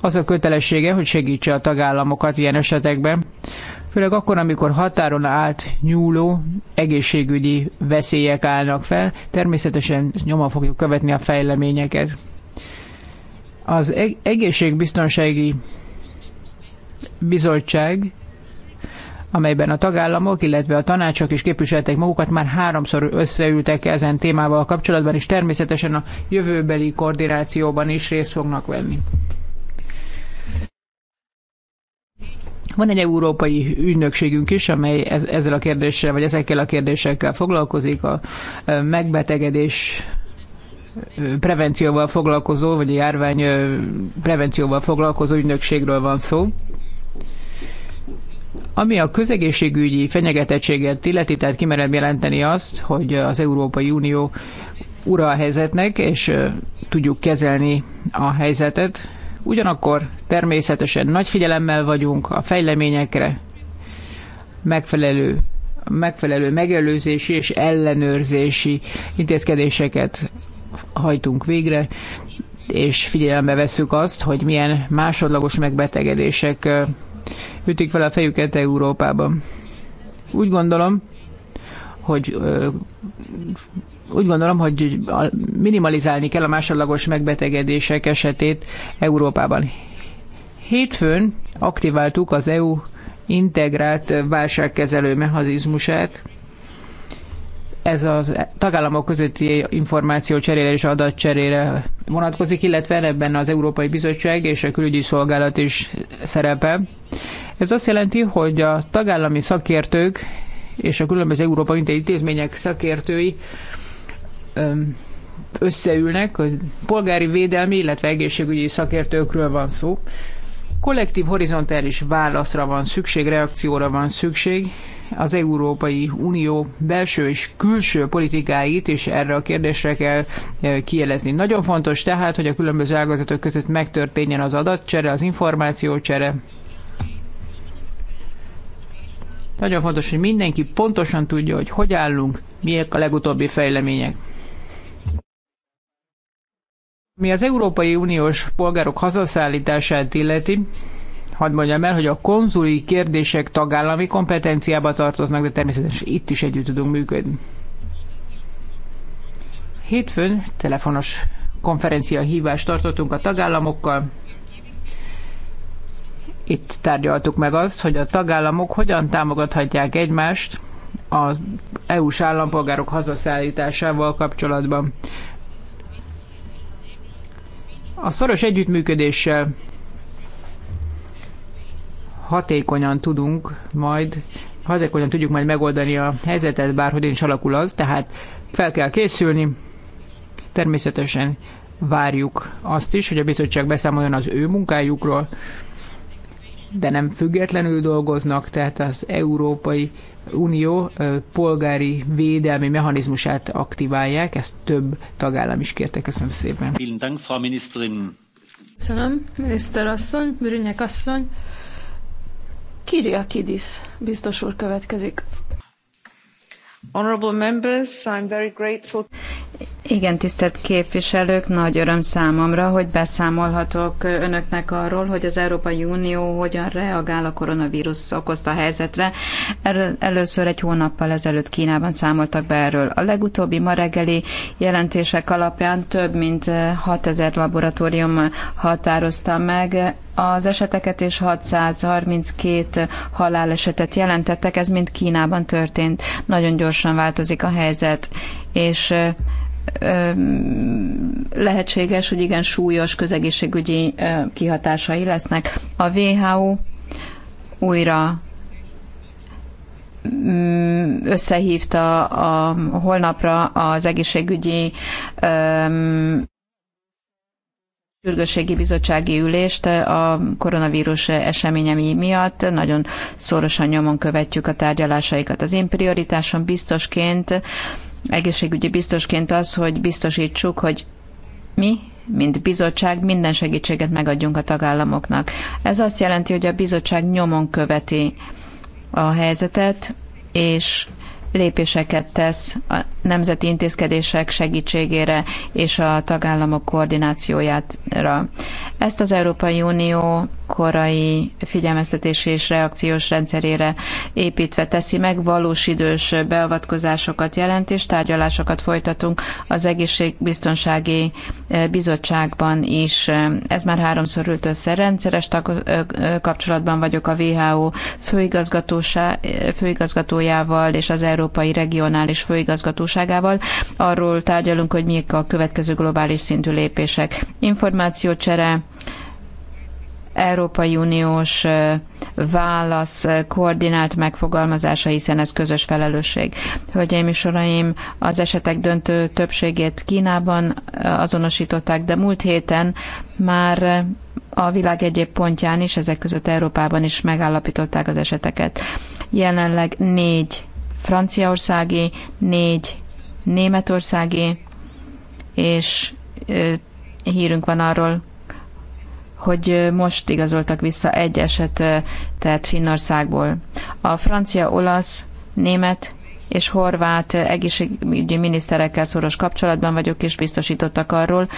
az a kötelessége, hogy segítse a tagállamokat ilyen esetekben, főleg akkor, amikor határon át nyúló egészségügyi veszélyek állnak fel, természetesen nyoma fogjuk követni a fejleményeket. Az egészségbiztonsági bizottság amelyben a tagállamok, illetve a tanácsok is képviselték magukat, már háromszor összeültek ezen témával kapcsolatban, és természetesen a jövőbeli koordinációban is részt fognak venni. Van egy európai ügynökségünk is, amely ez, ezzel a kérdéssel, vagy ezekkel a kérdésekkel foglalkozik, a megbetegedés prevencióval foglalkozó, vagy a járvány prevencióval foglalkozó ügynökségről van szó. Ami a közegészségügyi fenyegetettséget illeti, tehát kimerem jelenteni azt, hogy az Európai Unió ura a helyzetnek, és tudjuk kezelni a helyzetet, Ugyanakkor természetesen nagy figyelemmel vagyunk a fejleményekre, megfelelő megfelelő megelőzési és ellenőrzési intézkedéseket hajtunk végre, és figyelembe vesszük azt, hogy milyen másodlagos megbetegedések ütik fel a fejüket Európában. Úgy gondolom, hogy úgy gondolom, hogy minimalizálni kell a másodlagos megbetegedések esetét Európában. Hétfőn aktiváltuk az EU integrált válságkezelő mechanizmusát. Ez a tagállamok közötti információ cserére és adatcserére vonatkozik, illetve ebben az Európai Bizottság és a Külügyi Szolgálat is szerepe. Ez azt jelenti, hogy a tagállami szakértők és a különböző európai intézmények szakértői összeülnek, hogy polgári védelmi, illetve egészségügyi szakértőkről van szó. Kollektív horizontális válaszra van szükség, reakcióra van szükség. Az Európai Unió belső és külső politikáit is erre a kérdésre kell kielezni. Nagyon fontos tehát, hogy a különböző ágazatok között megtörténjen az adatcsere, az információcsere, nagyon fontos, hogy mindenki pontosan tudja, hogy hogy állunk, miek a legutóbbi fejlemények. Mi az Európai Uniós polgárok hazaszállítását illeti, hadd mondjam el, hogy a konzuli kérdések tagállami kompetenciába tartoznak, de természetesen itt is együtt tudunk működni. Hétfőn telefonos konferencia hívást tartottunk a tagállamokkal. Itt tárgyaltuk meg azt, hogy a tagállamok hogyan támogathatják egymást az EU-s állampolgárok hazaszállításával kapcsolatban. A szoros együttműködéssel hatékonyan tudunk majd, hatékonyan tudjuk majd megoldani a helyzetet, bárhogy is alakul az, tehát fel kell készülni, természetesen várjuk azt is, hogy a bizottság beszámoljon az ő munkájukról, de nem függetlenül dolgoznak, tehát az Európai Unió polgári védelmi mechanizmusát aktiválják, ezt több tagállam is kérte. Köszönöm szépen. Köszönöm, miniszter asszony, Brünyek asszony. Kiriakidis biztos úr következik. Honorable members, I'm very grateful. Igen, tisztelt képviselők, nagy öröm számomra, hogy beszámolhatok önöknek arról, hogy az Európai Unió hogyan reagál a koronavírus okozta helyzetre. Először egy hónappal ezelőtt Kínában számoltak be erről. A legutóbbi ma reggeli jelentések alapján több mint 6000 eh, laboratórium határozta meg az eseteket és 632 halálesetet jelentettek, ez mind Kínában történt. Nagyon gyorsan változik a helyzet, és eh, lehetséges, hogy igen súlyos közegészségügyi kihatásai lesznek. A WHO újra mm, összehívta a holnapra az egészségügyi sürgősségi bizottsági ülést a koronavírus eseményei miatt. Nagyon szorosan nyomon követjük a tárgyalásaikat. Az én prioritásom biztosként egészségügyi biztosként az, hogy biztosítsuk, hogy mi, mint bizottság, minden segítséget megadjunk a tagállamoknak. Ez azt jelenti, hogy a bizottság nyomon követi a helyzetet, és lépéseket tesz a nemzeti intézkedések segítségére és a tagállamok koordinációjára. Ezt az Európai Unió korai figyelmeztetési és reakciós rendszerére építve teszi meg, valós idős beavatkozásokat jelent, és tárgyalásokat folytatunk az Egészségbiztonsági Bizottságban is. Ez már háromszor ült össze. Rendszeres kapcsolatban vagyok a WHO főigazgatójával és az Európai Regionális Főigazgatóságával. Arról tárgyalunk, hogy mik a következő globális szintű lépések. Információcsere, Európai Uniós válasz koordinált megfogalmazása, hiszen ez közös felelősség. Hölgyeim és uraim, az esetek döntő többségét Kínában azonosították, de múlt héten már a világ egyéb pontján is, ezek között Európában is megállapították az eseteket. Jelenleg négy franciaországi, négy németországi, és hírünk van arról, hogy most igazoltak vissza egy esetet tehát Finnországból. A francia, olasz, német és horvát egészségügyi miniszterekkel szoros kapcsolatban vagyok, és biztosítottak arról,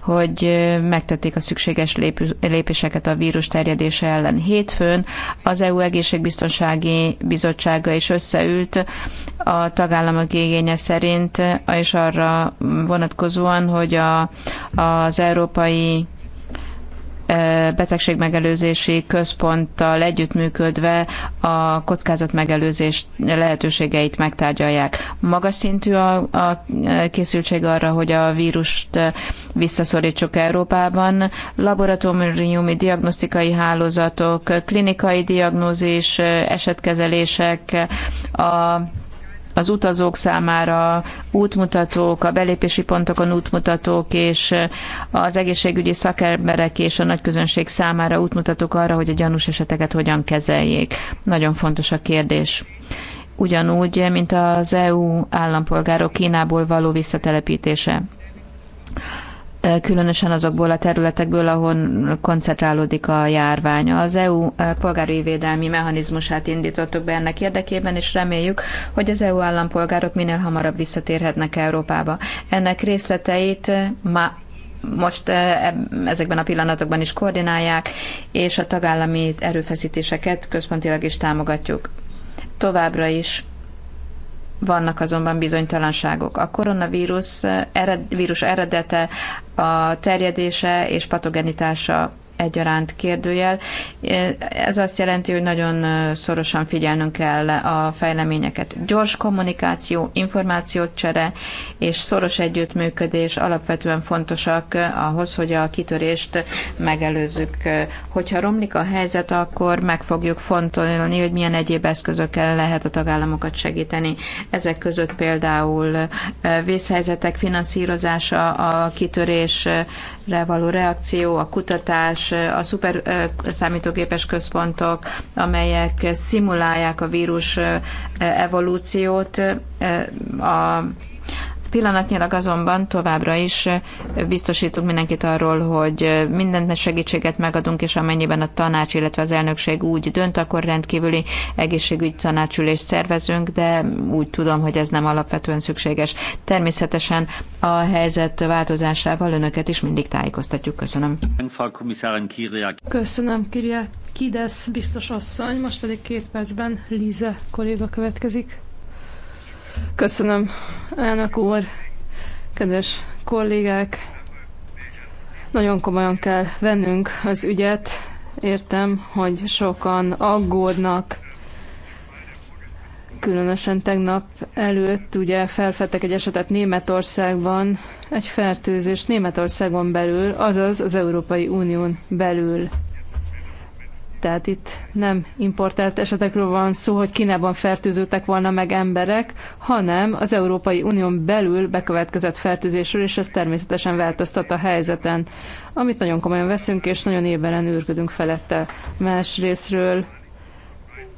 hogy megtették a szükséges lépéseket a vírus terjedése ellen. Hétfőn az EU Egészségbiztonsági Bizottsága is összeült a tagállamok igénye szerint, és arra vonatkozóan, hogy a, az európai betegségmegelőzési központtal együttműködve a kockázatmegelőzés lehetőségeit megtárgyalják. Magas szintű a, a készültség arra, hogy a vírust visszaszorítsuk Európában. Laboratóriumi diagnosztikai hálózatok, klinikai diagnózis, esetkezelések, a az utazók számára útmutatók, a belépési pontokon útmutatók, és az egészségügyi szakemberek és a nagyközönség számára útmutatók arra, hogy a gyanús eseteket hogyan kezeljék. Nagyon fontos a kérdés ugyanúgy, mint az EU állampolgárok Kínából való visszatelepítése különösen azokból a területekből, ahol koncentrálódik a járvány. Az EU polgári védelmi mechanizmusát indítottuk be ennek érdekében, és reméljük, hogy az EU állampolgárok minél hamarabb visszatérhetnek Európába. Ennek részleteit ma most ezekben a pillanatokban is koordinálják, és a tagállami erőfeszítéseket központilag is támogatjuk. Továbbra is vannak azonban bizonytalanságok. A koronavírus eh, ered, vírus eredete, a terjedése és patogenitása egyaránt kérdőjel. Ez azt jelenti, hogy nagyon szorosan figyelnünk kell a fejleményeket. Gyors kommunikáció, információt csere és szoros együttműködés alapvetően fontosak ahhoz, hogy a kitörést megelőzzük. Hogyha romlik a helyzet, akkor meg fogjuk fontolni, hogy milyen egyéb eszközökkel lehet a tagállamokat segíteni. Ezek között például vészhelyzetek finanszírozása, a kitörés való reakció, a kutatás, a szuper számítógépes központok, amelyek szimulálják a vírus evolúciót, a Pillanatnyilag azonban továbbra is biztosítunk mindenkit arról, hogy mindent segítséget megadunk, és amennyiben a tanács, illetve az elnökség úgy dönt, akkor rendkívüli egészségügyi tanácsülést szervezünk, de úgy tudom, hogy ez nem alapvetően szükséges. Természetesen a helyzet változásával önöket is mindig tájékoztatjuk. Köszönöm. Köszönöm, Kiriak Kides, biztos asszony. Most pedig két percben Líze kolléga következik. Köszönöm, elnök úr, kedves kollégák. Nagyon komolyan kell vennünk az ügyet. Értem, hogy sokan aggódnak különösen tegnap előtt ugye felfedtek egy esetet Németországban, egy fertőzést Németországon belül, azaz az Európai Unión belül. Tehát itt nem importált esetekről van szó, hogy Kínában fertőződtek volna meg emberek, hanem az Európai Unión belül bekövetkezett fertőzésről, és ez természetesen változtat a helyzeten, amit nagyon komolyan veszünk, és nagyon éberen őrködünk felette. Másrésztről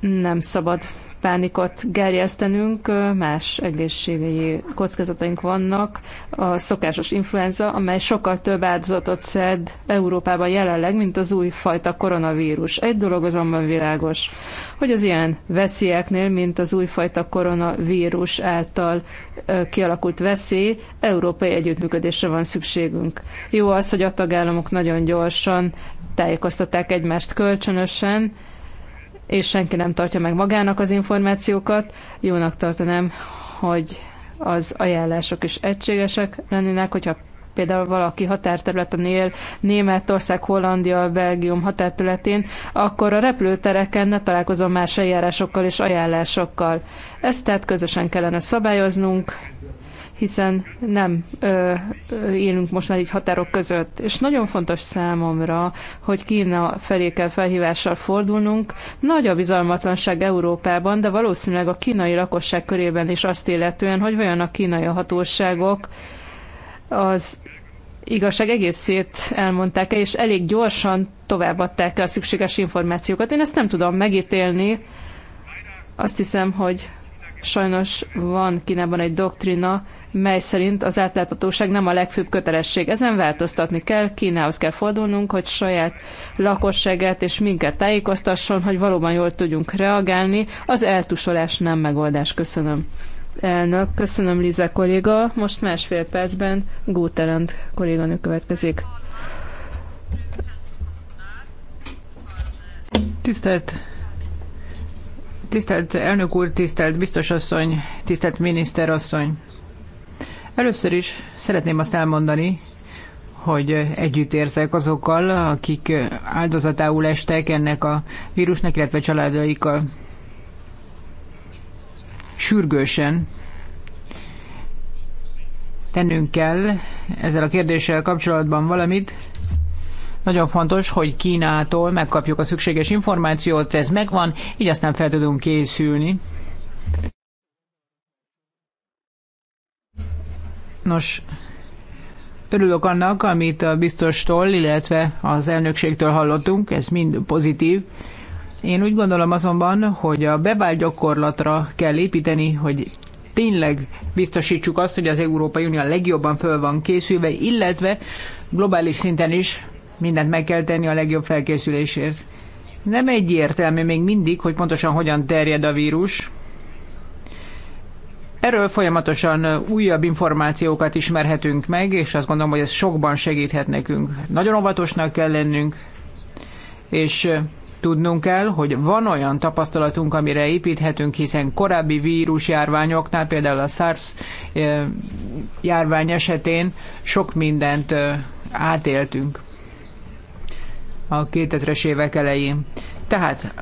nem szabad pánikot gerjesztenünk, más egészségügyi kockázataink vannak. A szokásos influenza, amely sokkal több áldozatot szed Európában jelenleg, mint az új fajta koronavírus. Egy dolog azonban világos, hogy az ilyen veszélyeknél, mint az fajta koronavírus által kialakult veszély, európai együttműködésre van szükségünk. Jó az, hogy a tagállamok nagyon gyorsan tájékoztatták egymást kölcsönösen, és senki nem tartja meg magának az információkat. Jónak tartanám, hogy az ajánlások is egységesek lennének, hogyha például valaki határterületen él, Németország, Hollandia, Belgium határterületén, akkor a repülőtereken ne találkozom más eljárásokkal és ajánlásokkal. Ezt tehát közösen kellene szabályoznunk, hiszen nem ö, ö, élünk most már így határok között. És nagyon fontos számomra, hogy Kína felé kell felhívással fordulnunk. Nagy a bizalmatlanság Európában, de valószínűleg a kínai lakosság körében is azt illetően, hogy vajon a kínai hatóságok az igazság egészét elmondták-e, és elég gyorsan továbbadták-e a szükséges információkat. Én ezt nem tudom megítélni. Azt hiszem, hogy Sajnos van Kínában egy doktrina, mely szerint az átláthatóság nem a legfőbb kötelesség. Ezen változtatni kell, Kínához kell fordulnunk, hogy saját lakosságát és minket tájékoztasson, hogy valóban jól tudjunk reagálni. Az eltusolás nem megoldás. Köszönöm. Elnök, köszönöm Liza kolléga. Most másfél percben Guterand kolléganő következik. Tisztelt Tisztelt elnök úr, tisztelt biztosasszony, tisztelt asszony. Először is szeretném azt elmondani, hogy együtt érzek azokkal, akik áldozatául estek ennek a vírusnak, illetve családaikkal. Sürgősen tennünk kell ezzel a kérdéssel kapcsolatban valamit, nagyon fontos, hogy Kínától megkapjuk a szükséges információt, ez megvan, így aztán fel tudunk készülni. Nos, örülök annak, amit a biztostól, illetve az elnökségtől hallottunk, ez mind pozitív. Én úgy gondolom azonban, hogy a bevált gyakorlatra kell építeni, hogy tényleg biztosítsuk azt, hogy az Európai Unió legjobban föl van készülve, illetve globális szinten is mindent meg kell tenni a legjobb felkészülésért. Nem egyértelmű még mindig, hogy pontosan hogyan terjed a vírus. Erről folyamatosan újabb információkat ismerhetünk meg, és azt gondolom, hogy ez sokban segíthet nekünk. Nagyon óvatosnak kell lennünk, és tudnunk kell, hogy van olyan tapasztalatunk, amire építhetünk, hiszen korábbi vírusjárványoknál, például a SARS eh, járvány esetén sok mindent eh, átéltünk a 2000-es évek elején. Tehát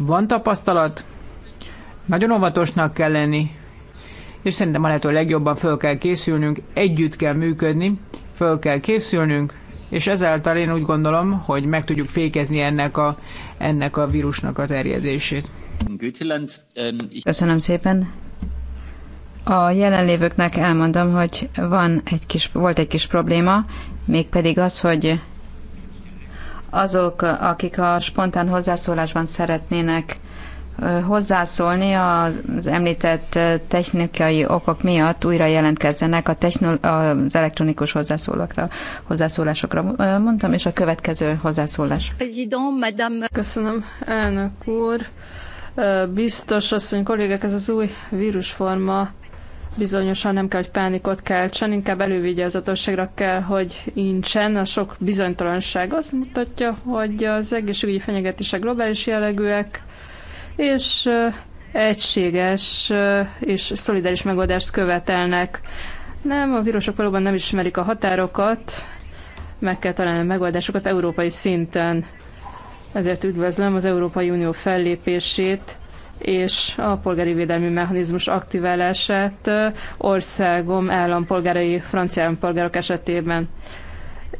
van tapasztalat, nagyon óvatosnak kell lenni, és szerintem a lehető legjobban föl kell készülnünk, együtt kell működni, föl kell készülnünk, és ezáltal én úgy gondolom, hogy meg tudjuk fékezni ennek a, ennek a vírusnak a terjedését. Ähm, Köszönöm szépen. A jelenlévőknek elmondom, hogy van egy kis, volt egy kis probléma, mégpedig az, hogy azok, akik a spontán hozzászólásban szeretnének hozzászólni az említett technikai okok miatt újra jelentkezzenek a technol- az elektronikus hozzászólókra, hozzászólásokra. Mondtam, és a következő hozzászólás. Köszönöm, elnök úr. Biztos asszony kollégák, ez az új vírusforma bizonyosan nem kell, hogy pánikot keltsen, inkább elővigyázatosságra kell, hogy incsen. A sok bizonytalanság azt mutatja, hogy az egészségügyi fenyegetések globális jellegűek, és egységes és szolidáris megoldást követelnek. Nem, a vírusok valóban nem ismerik a határokat, meg kell találni a megoldásokat európai szinten. Ezért üdvözlöm az Európai Unió fellépését, és a polgári védelmi mechanizmus aktiválását országom állampolgárai, francia állampolgárok esetében.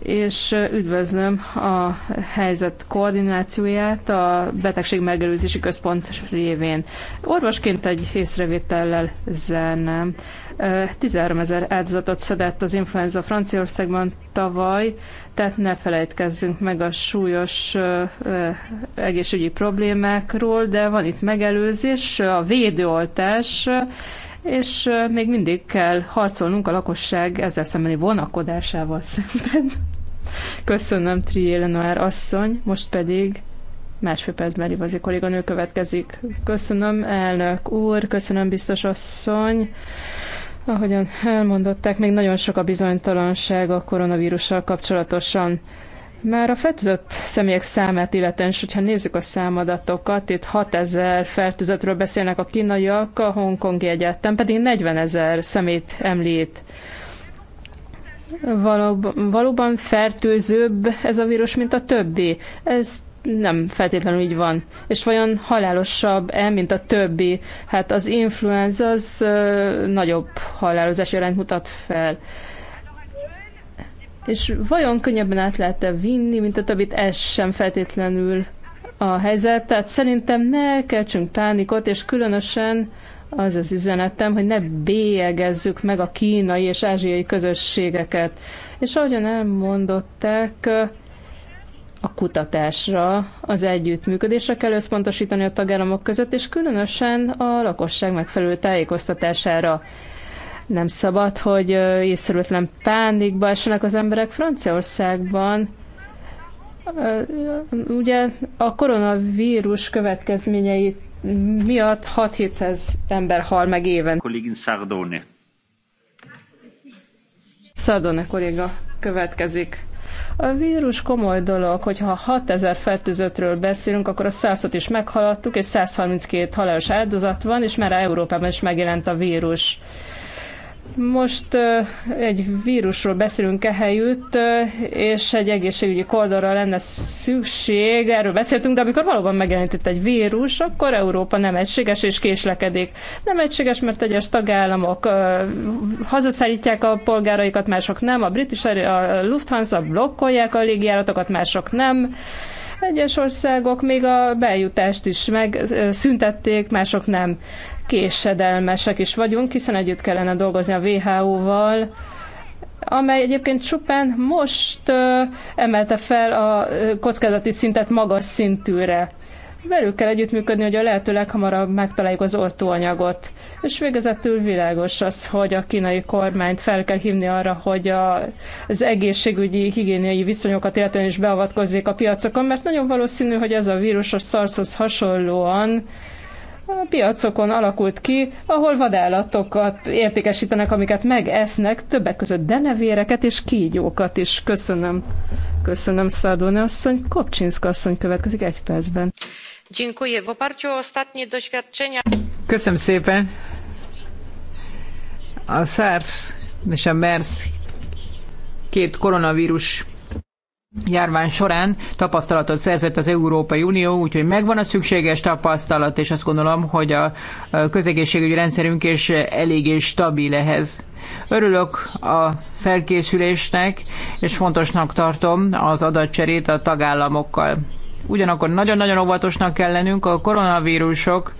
És üdvözlöm a helyzet koordinációját a betegség megelőzési központ révén. Orvosként egy észrevétellel zárnám. 13 ezer áldozatot szedett az influenza Franciaországban tavaly, tehát ne felejtkezzünk meg a súlyos egészségügyi problémákról, de van itt megelőzés, a védőoltás, és még mindig kell harcolnunk a lakosság ezzel szembeni vonakodásával szemben. Köszönöm, Triélenár asszony, most pedig másfél percben igazi kolléganő következik. Köszönöm, elnök úr, köszönöm, biztos asszony. Ahogyan elmondották, még nagyon sok a bizonytalanság a koronavírussal kapcsolatosan. Már a fertőzött személyek számát illetően, és hogyha nézzük a számadatokat, itt 6000 fertőzöttről beszélnek a kínaiak, a hongkongi egyetem pedig 40 ezer szemét említ. Valóban, valóban fertőzőbb ez a vírus, mint a többi. Ez nem feltétlenül így van. És vajon halálosabb-e, mint a többi? Hát az influenza az ö, nagyobb halálozási arányt mutat fel. És vajon könnyebben át lehet-e vinni, mint a többit? Ez sem feltétlenül a helyzet. Tehát szerintem ne keltsünk pánikot, és különösen az az üzenetem, hogy ne bélyegezzük meg a kínai és ázsiai közösségeket. És ahogyan elmondották, a kutatásra, az együttműködésre kell összpontosítani a tagállamok között, és különösen a lakosság megfelelő tájékoztatására. Nem szabad, hogy észrevetlen pánikba esenek az emberek Franciaországban. Ugye a koronavírus következményei miatt 6-700 ember hal meg éven. Kollégin Sardone. Sardone kolléga következik. A vírus komoly dolog, hogyha 6000 fertőzöttről beszélünk, akkor a 100 is meghaladtuk, és 132 halálos áldozat van, és már Európában is megjelent a vírus. Most egy vírusról beszélünk ehelyütt, és egy egészségügyi koldalra lenne szükség, erről beszéltünk, de amikor valóban megjelent itt egy vírus, akkor Európa nem egységes és késlekedik. Nem egységes, mert egyes tagállamok hazaszállítják a polgáraikat, mások nem, a British a Lufthansa blokkolják a légijáratokat, mások nem. Egyes országok még a bejutást is megszüntették, mások nem késedelmesek is vagyunk, hiszen együtt kellene dolgozni a WHO-val, amely egyébként csupán most ö, emelte fel a kockázati szintet magas szintűre. Velük kell együttműködni, hogy a lehető leghamarabb megtaláljuk az oltóanyagot. És végezetül világos az, hogy a kínai kormányt fel kell hívni arra, hogy a, az egészségügyi, higiéniai viszonyokat illetően is beavatkozzék a piacokon, mert nagyon valószínű, hogy ez a vírus a szarszhoz hasonlóan a piacokon alakult ki, ahol vadállatokat értékesítenek, amiket megesznek, többek között denevéreket és kígyókat is. Köszönöm. Köszönöm, Szardóne asszony. Kopcsinszka asszony következik egy percben. Köszönöm szépen. A SARS és a MERS két koronavírus járvány során tapasztalatot szerzett az Európai Unió, úgyhogy megvan a szükséges tapasztalat, és azt gondolom, hogy a közegészségügyi rendszerünk is eléggé stabil ehhez. Örülök a felkészülésnek, és fontosnak tartom az adatcserét a tagállamokkal. Ugyanakkor nagyon-nagyon óvatosnak kell lennünk, a koronavírusok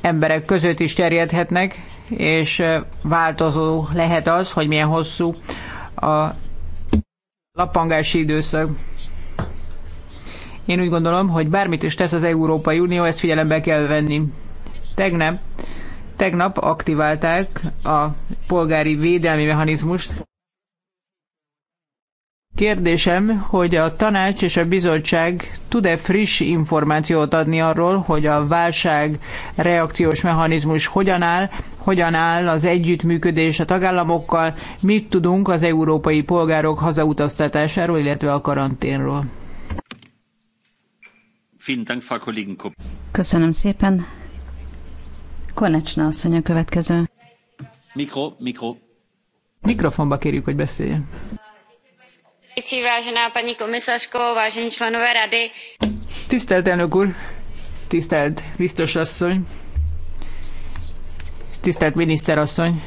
emberek között is terjedhetnek, és változó lehet az, hogy milyen hosszú a lappangási időszak. Én úgy gondolom, hogy bármit is tesz az Európai Unió, ezt figyelembe kell venni. Tegnap, tegnap aktiválták a polgári védelmi mechanizmust. Kérdésem, hogy a tanács és a bizottság tud-e friss információt adni arról, hogy a válság reakciós mechanizmus hogyan áll, hogyan áll az együttműködés a tagállamokkal, mit tudunk az európai polgárok hazautaztatásáról, illetve a karanténról. Köszönöm szépen. Konecsna asszony a következő. Mikro, mikro. Mikrofonba kérjük, hogy beszéljen. Tisztelt elnök úr, tisztelt biztos asszony, tisztelt miniszterasszony.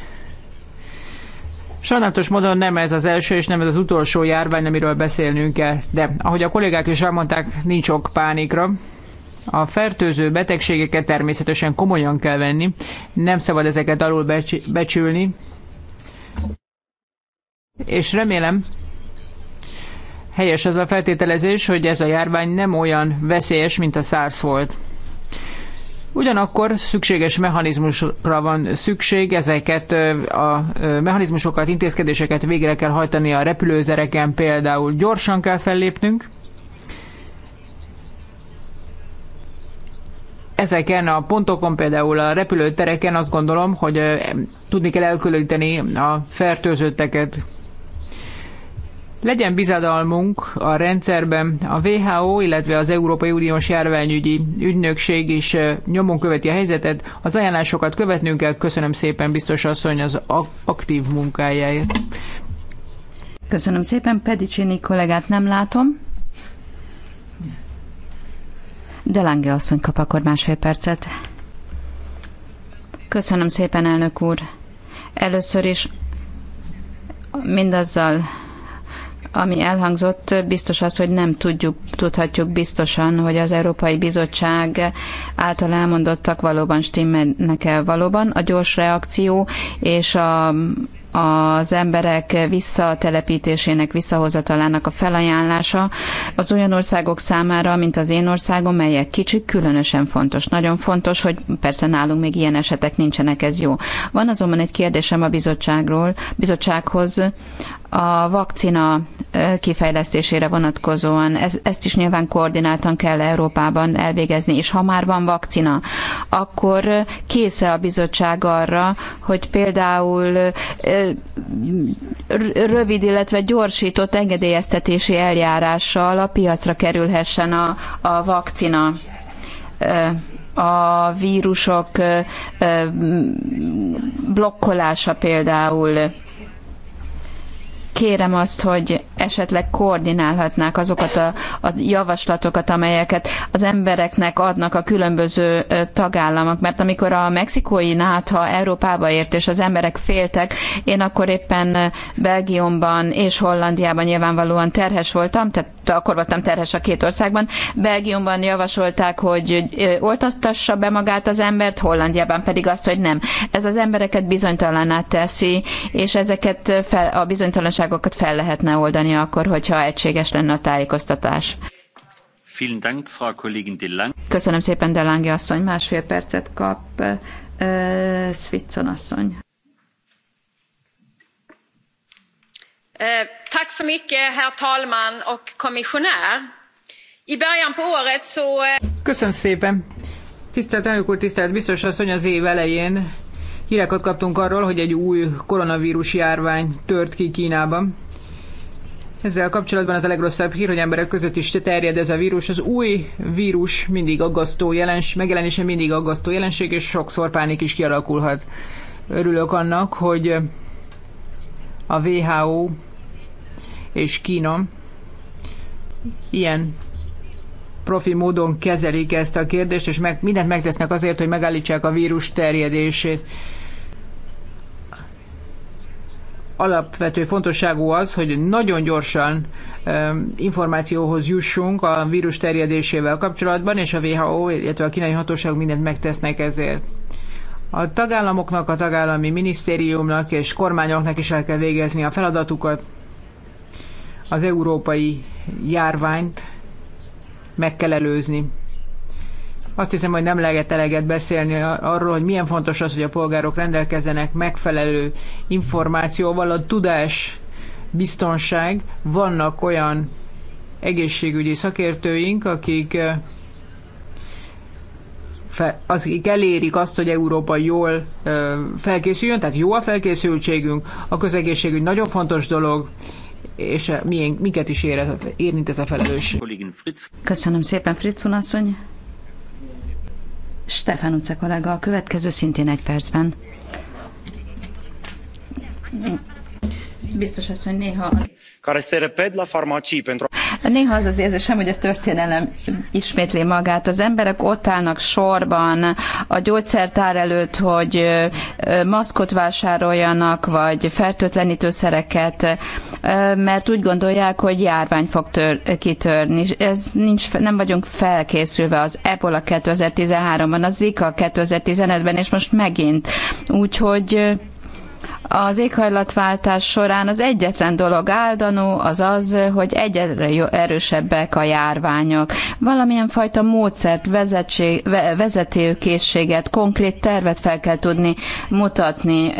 Sajnálatos módon nem ez az első és nem ez az utolsó járvány, amiről beszélnünk kell, de ahogy a kollégák is elmondták, nincs ok pánikra. A fertőző betegségeket természetesen komolyan kell venni, nem szabad ezeket alul becsülni, és remélem, Helyes az a feltételezés, hogy ez a járvány nem olyan veszélyes, mint a SARS volt. Ugyanakkor szükséges mechanizmusra van szükség, ezeket a mechanizmusokat, intézkedéseket végre kell hajtani a repülőtereken, például gyorsan kell fellépnünk. Ezeken a pontokon, például a repülőtereken azt gondolom, hogy tudni kell elkülöníteni a fertőzötteket legyen bizadalmunk a rendszerben. A WHO, illetve az Európai Uniós Járványügyi Ügynökség is nyomon követi a helyzetet. Az ajánlásokat követnünk kell. Köszönöm szépen, biztos asszony, az aktív munkájáért. Köszönöm szépen, Pedicsini kollégát nem látom. De Lange asszony kap akkor másfél percet. Köszönöm szépen, elnök úr. Először is mindazzal ami elhangzott, biztos az, hogy nem tudjuk, tudhatjuk biztosan, hogy az Európai Bizottság által elmondottak valóban stimmelnek-e valóban. A gyors reakció és a, az emberek visszatelepítésének, visszahozatalának a felajánlása az olyan országok számára, mint az én országom, melyek kicsik, különösen fontos. Nagyon fontos, hogy persze nálunk még ilyen esetek nincsenek, ez jó. Van azonban egy kérdésem a bizottságról, bizottsághoz, a vakcina kifejlesztésére vonatkozóan. Ez, ezt is nyilván koordináltan kell Európában elvégezni, és ha már van vakcina, akkor késze a bizottság arra, hogy például rövid, illetve gyorsított engedélyeztetési eljárással a piacra kerülhessen a, a vakcina a vírusok blokkolása például kérem azt, hogy esetleg koordinálhatnák azokat a, a javaslatokat, amelyeket az embereknek adnak a különböző tagállamok, mert amikor a mexikói nátha Európába ért, és az emberek féltek, én akkor éppen Belgiumban és Hollandiában nyilvánvalóan terhes voltam, tehát akkor voltam terhes a két országban. Belgiumban javasolták, hogy oltattassa be magát az embert, Hollandiában pedig azt, hogy nem. Ez az embereket bizonytalanná teszi, és ezeket fel, a bizonytalanság hiányosságokat fel lehetne oldani akkor, hogyha egységes lenne a tájékoztatás. Köszönöm szépen, Delangi asszony. Másfél percet kap uh, Svitson asszony. Tack så mycket, herr talman och kommissionär. I början på året så... Köszönöm szépen. Tisztelt elnök úr, tisztelt biztos asszony, az év elején Híreket kaptunk arról, hogy egy új koronavírus járvány tört ki Kínában. Ezzel kapcsolatban az a legrosszabb hír, hogy emberek között is terjed ez a vírus. Az új vírus mindig aggasztó jelens, megjelenése mindig aggasztó jelenség, és sokszor pánik is kialakulhat. Örülök annak, hogy a WHO és Kína ilyen profi módon kezelik ezt a kérdést, és meg, mindent megtesznek azért, hogy megállítsák a vírus terjedését alapvető fontosságú az, hogy nagyon gyorsan információhoz jussunk a vírus terjedésével kapcsolatban, és a WHO, illetve a kínai hatóság mindent megtesznek ezért. A tagállamoknak, a tagállami minisztériumnak és kormányoknak is el kell végezni a feladatukat. Az európai járványt meg kell előzni. Azt hiszem, hogy nem lehet eleget beszélni arról, hogy milyen fontos az, hogy a polgárok rendelkezzenek megfelelő információval. A tudás, biztonság, vannak olyan egészségügyi szakértőink, akik eh, akik elérik azt, hogy Európa jól eh, felkészüljön, tehát jó a felkészültségünk, a közegészségügy nagyon fontos dolog, és eh, milyen, minket is ér, érint ez a felelősség. Köszönöm szépen, Fritz asszony. Stefan utca kollega a következő szintén egy percben. Biztos az, hogy néha az... Care se repet la farmacii pentru... Néha az az érzésem, hogy a történelem ismétli magát. Az emberek ott állnak sorban a gyógyszertár előtt, hogy maszkot vásároljanak, vagy fertőtlenítőszereket, mert úgy gondolják, hogy járvány fog tör- kitörni. Ez nincs, nem vagyunk felkészülve az Ebola 2013-ban, a Zika 2015-ben, és most megint. Úgyhogy az éghajlatváltás során az egyetlen dolog áldanó az az, hogy egyre erősebbek a járványok. Valamilyen fajta módszert, vezetőkészséget, konkrét tervet fel kell tudni mutatni.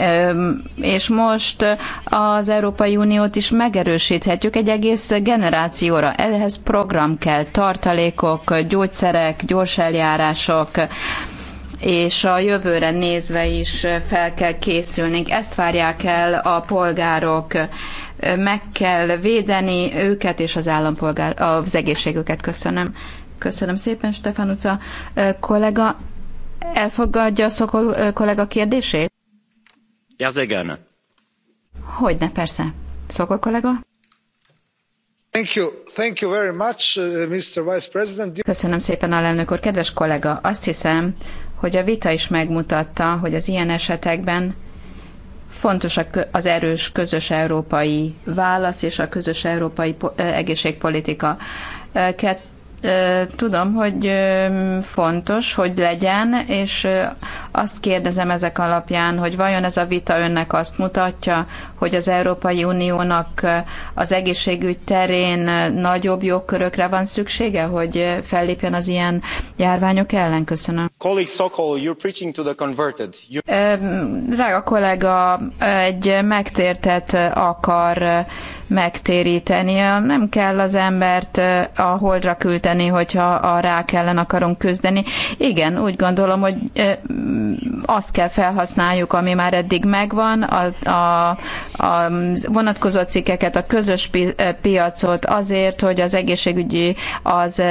És most az Európai Uniót is megerősíthetjük egy egész generációra. Ehhez program kell, tartalékok, gyógyszerek, gyors eljárások, és a jövőre nézve is fel kell készülnünk. Ezt várják el a polgárok. Meg kell védeni őket és az állampolgár, az egészségüket. Köszönöm. Köszönöm szépen, Stefan Uca. Kollega, elfogadja a Szokol kollega kérdését? Ja, sehr gerne. Hogyne, persze. Szokol kollega? Uh, Köszönöm szépen, alelnök úr. Kedves kollega, azt hiszem, hogy a vita is megmutatta, hogy az ilyen esetekben fontos az erős közös európai válasz és a közös európai eh, egészségpolitika. Eh, tudom, hogy fontos, hogy legyen, és azt kérdezem ezek alapján, hogy vajon ez a vita önnek azt mutatja, hogy az Európai Uniónak az egészségügy terén nagyobb jogkörökre van szüksége, hogy fellépjen az ilyen járványok ellen? Köszönöm. Colleague Sokol, you're preaching to the converted. Drága kollega, egy megtértet akar megtéríteni. Nem kell az embert a holdra küldeni, hogyha a rák ellen akarunk küzdeni. Igen, úgy gondolom, hogy azt kell felhasználjuk, ami már eddig megvan, a, a, a vonatkozó cikkeket, a közös piacot azért, hogy az egészségügyi az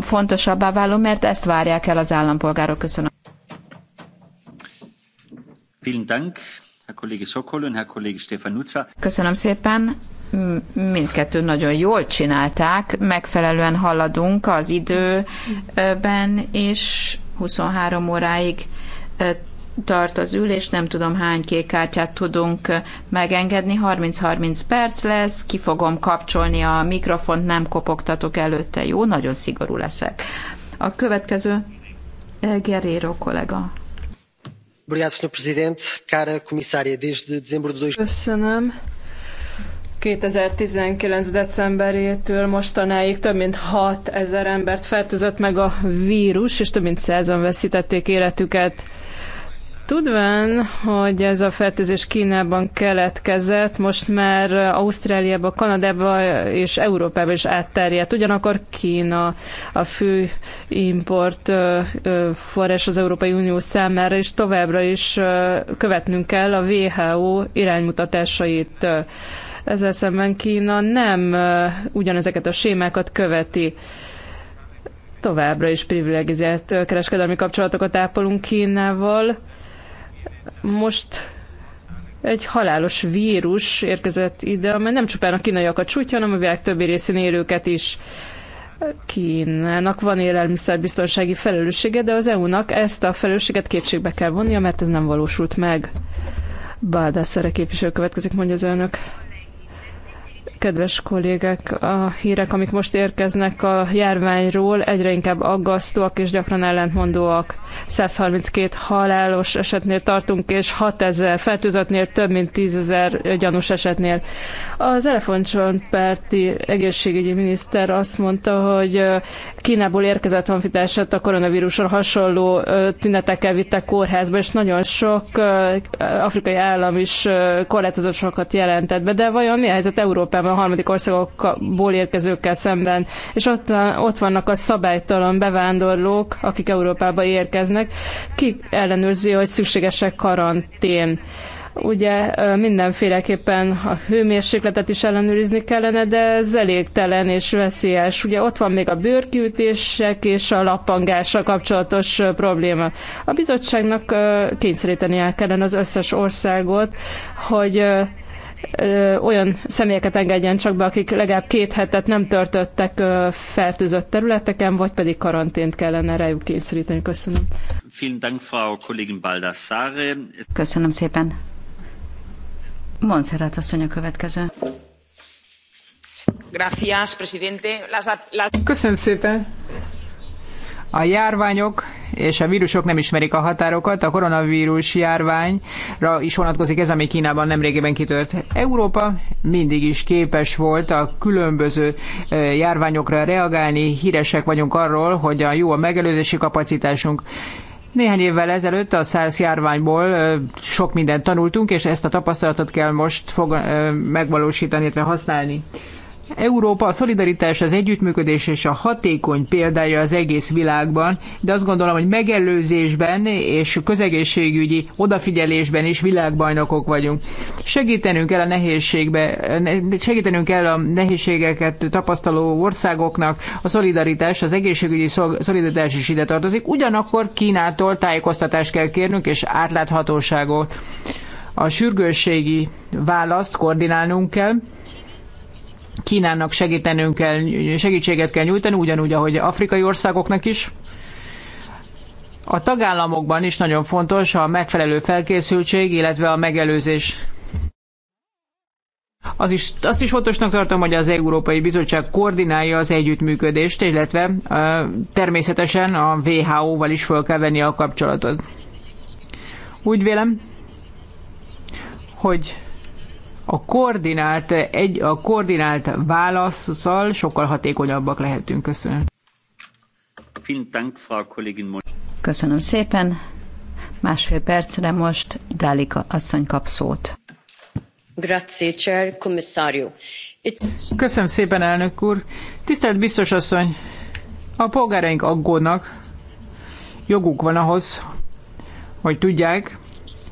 fontosabbá váló, mert ezt várják el az állampolgárok. Köszönöm. Vielen Dank. Köszönöm szépen. Mindkettő nagyon jól csinálták, megfelelően haladunk az időben, és 23 óráig tart az ülés, nem tudom hány kék kártyát tudunk megengedni, 30-30 perc lesz, ki fogom kapcsolni a mikrofont, nem kopogtatok előtte, jó? Nagyon szigorú leszek. A következő Gerero kollega. Köszönöm. 2019. decemberétől mostanáig több mint 6 ezer embert fertőzött meg a vírus, és több mint százan veszítették életüket. Tudván, hogy ez a fertőzés Kínában keletkezett, most már Ausztráliába, Kanadába és Európába is átterjedt. Ugyanakkor Kína a fő import forrás az Európai Unió számára, és továbbra is követnünk kell a WHO iránymutatásait. Ezzel szemben Kína nem ugyanezeket a sémákat követi továbbra is privilegizált kereskedelmi kapcsolatokat ápolunk Kínával, most egy halálos vírus érkezett ide, amely nem csupán a kínaiakat sújtja, hanem a világ többi részén élőket is. Kínának van élelmiszerbiztonsági felelőssége, de az EU-nak ezt a felelősséget kétségbe kell vonnia, mert ez nem valósult meg. Bádászere képviselő következik, mondja az elnök. Kedves kollégek, a hírek, amik most érkeznek a járványról, egyre inkább aggasztóak és gyakran ellentmondóak. 132 halálos esetnél tartunk, és 6000 fertőzöttnél több mint 10.000 gyanús esetnél. Az Perti egészségügyi miniszter azt mondta, hogy Kínából érkezett honfitársat a koronavírusról hasonló tünetekkel vitte kórházba, és nagyon sok afrikai állam is korlátozásokat jelentett be. De vajon mi a helyzet Európában a harmadik országokból érkezőkkel szemben? És ott, ott vannak a szabálytalan bevándorlók, akik Európába érkeznek. Ki ellenőrzi, hogy szükségesek karantén? Ugye mindenféleképpen a hőmérsékletet is ellenőrizni kellene, de ez elégtelen és veszélyes. Ugye ott van még a bőrkiütések és a lappangással kapcsolatos probléma. A bizottságnak kényszerítenie kellene az összes országot, hogy olyan személyeket engedjen csak be, akik legalább két hetet nem törtöttek fertőzött területeken, vagy pedig karantént kellene rájuk kényszeríteni. Köszönöm. Köszönöm szépen. Montserrat asszony a következő. Gracias, presidente. Köszönöm szépen. A járványok és a vírusok nem ismerik a határokat. A koronavírus járványra is vonatkozik ez, ami Kínában nemrégében kitört. Európa mindig is képes volt a különböző eh, járványokra reagálni. Híresek vagyunk arról, hogy a jó a megelőzési kapacitásunk. Néhány évvel ezelőtt a SARS járványból sok mindent tanultunk, és ezt a tapasztalatot kell most fog, megvalósítani, illetve használni. Európa a szolidaritás, az együttműködés és a hatékony példája az egész világban, de azt gondolom, hogy megelőzésben és közegészségügyi odafigyelésben is világbajnokok vagyunk. Segítenünk kell a nehézségbe, segítenünk kell a nehézségeket tapasztaló országoknak, a szolidaritás, az egészségügyi szolidaritás is ide tartozik, ugyanakkor Kínától tájékoztatást kell kérnünk és átláthatóságot. A sürgősségi választ koordinálnunk kell, Kínának segítenünk kell, segítséget kell nyújtani, ugyanúgy, ahogy afrikai országoknak is. A tagállamokban is nagyon fontos a megfelelő felkészültség, illetve a megelőzés. Az is, azt is fontosnak tartom, hogy az Európai Bizottság koordinálja az együttműködést, illetve természetesen a WHO-val is fel kell venni a kapcsolatot. Úgy vélem, hogy a koordinált, egy, a koordinált válaszszal sokkal hatékonyabbak lehetünk. Köszönöm. Köszönöm szépen. Másfél percre most Dálika asszony kap szót. Köszönöm szépen, elnök úr. Tisztelt biztos asszony, a polgáraink aggódnak, joguk van ahhoz, hogy tudják,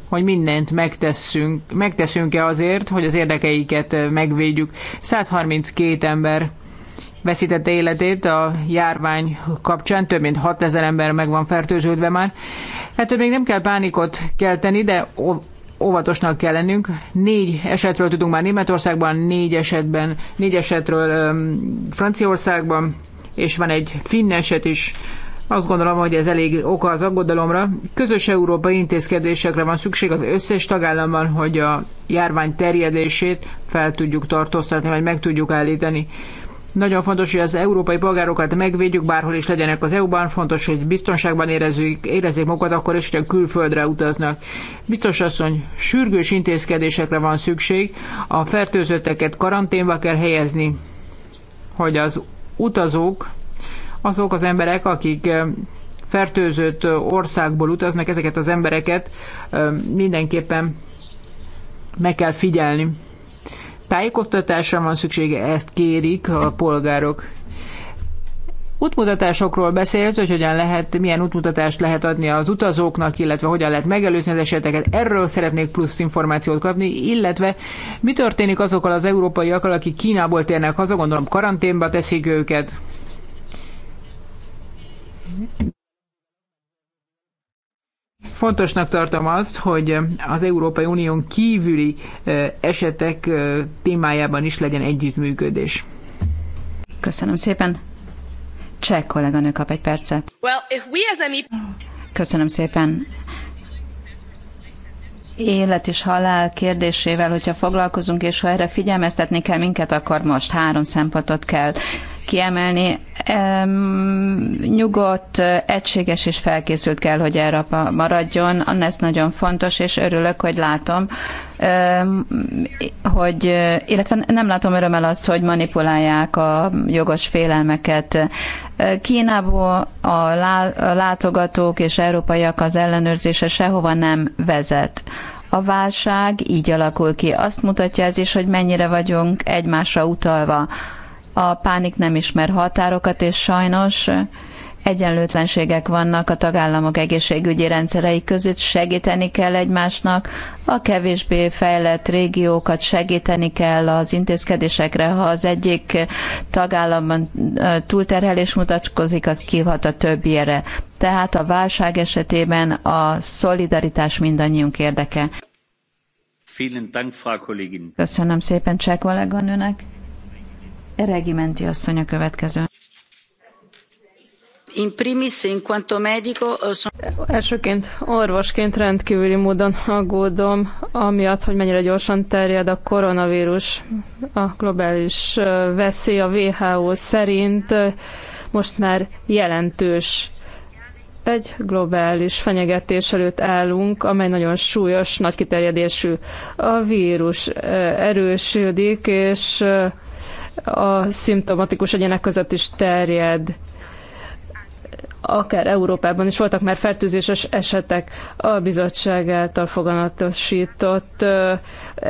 hogy mindent megteszünk, megteszünk-e azért, hogy az érdekeiket megvédjük. 132 ember veszítette életét a járvány kapcsán, több mint 6000 ember meg van fertőződve már. Ettől még nem kell pánikot kelteni, de óvatosnak kell lennünk. Négy esetről tudunk már Németországban, négy esetben, négy esetről um, Franciaországban, és van egy finn eset is, azt gondolom, hogy ez elég oka az aggodalomra. Közös európai intézkedésekre van szükség az összes tagállamban, hogy a járvány terjedését fel tudjuk tartóztatni, vagy meg tudjuk állítani. Nagyon fontos, hogy az európai polgárokat megvédjük, bárhol is legyenek az EU-ban, fontos, hogy biztonságban érezzük, érezzék magukat akkor is, hogyha külföldre utaznak. Biztos asszony, sürgős intézkedésekre van szükség, a fertőzötteket karanténba kell helyezni, hogy az utazók azok az emberek, akik fertőzött országból utaznak, ezeket az embereket mindenképpen meg kell figyelni. Tájékoztatásra van szüksége, ezt kérik a polgárok. Útmutatásokról beszélt, hogy hogyan lehet, milyen útmutatást lehet adni az utazóknak, illetve hogyan lehet megelőzni az eseteket. Erről szeretnék plusz információt kapni, illetve mi történik azokkal az európaiakkal, akik Kínából térnek haza, gondolom karanténba teszik őket. Fontosnak tartom azt, hogy az Európai Unión kívüli esetek témájában is legyen együttműködés. Köszönöm szépen. Cseh kolléganő kap egy percet. Well, if we as e Köszönöm szépen élet és halál kérdésével, hogyha foglalkozunk, és ha erre figyelmeztetni kell minket, akkor most három szempontot kell kiemelni. Nyugodt, egységes és felkészült kell, hogy erre maradjon. Ez nagyon fontos, és örülök, hogy látom, hogy, illetve nem látom örömmel azt, hogy manipulálják a jogos félelmeket. Kínából a látogatók és európaiak az ellenőrzése sehova nem vezet. A válság így alakul ki. Azt mutatja ez is, hogy mennyire vagyunk egymásra utalva a pánik nem ismer határokat, és sajnos egyenlőtlenségek vannak a tagállamok egészségügyi rendszerei között, segíteni kell egymásnak, a kevésbé fejlett régiókat segíteni kell az intézkedésekre, ha az egyik tagállamban túlterhelés mutatkozik, az kihat a többiere. Tehát a válság esetében a szolidaritás mindannyiunk érdeke. Köszönöm szépen Cseh kolléganőnek. Regimenti asszony a következő. In primis, in quanto medico, eh, son... Elsőként orvosként rendkívüli módon aggódom, amiatt, hogy mennyire gyorsan terjed a koronavírus, a globális eh, veszély a WHO szerint eh, most már jelentős egy globális fenyegetés előtt állunk, amely nagyon súlyos, nagy kiterjedésű. A vírus erősödik, és a szimptomatikus egyenek között is terjed akár Európában is voltak már fertőzéses esetek a bizottság által foganatosított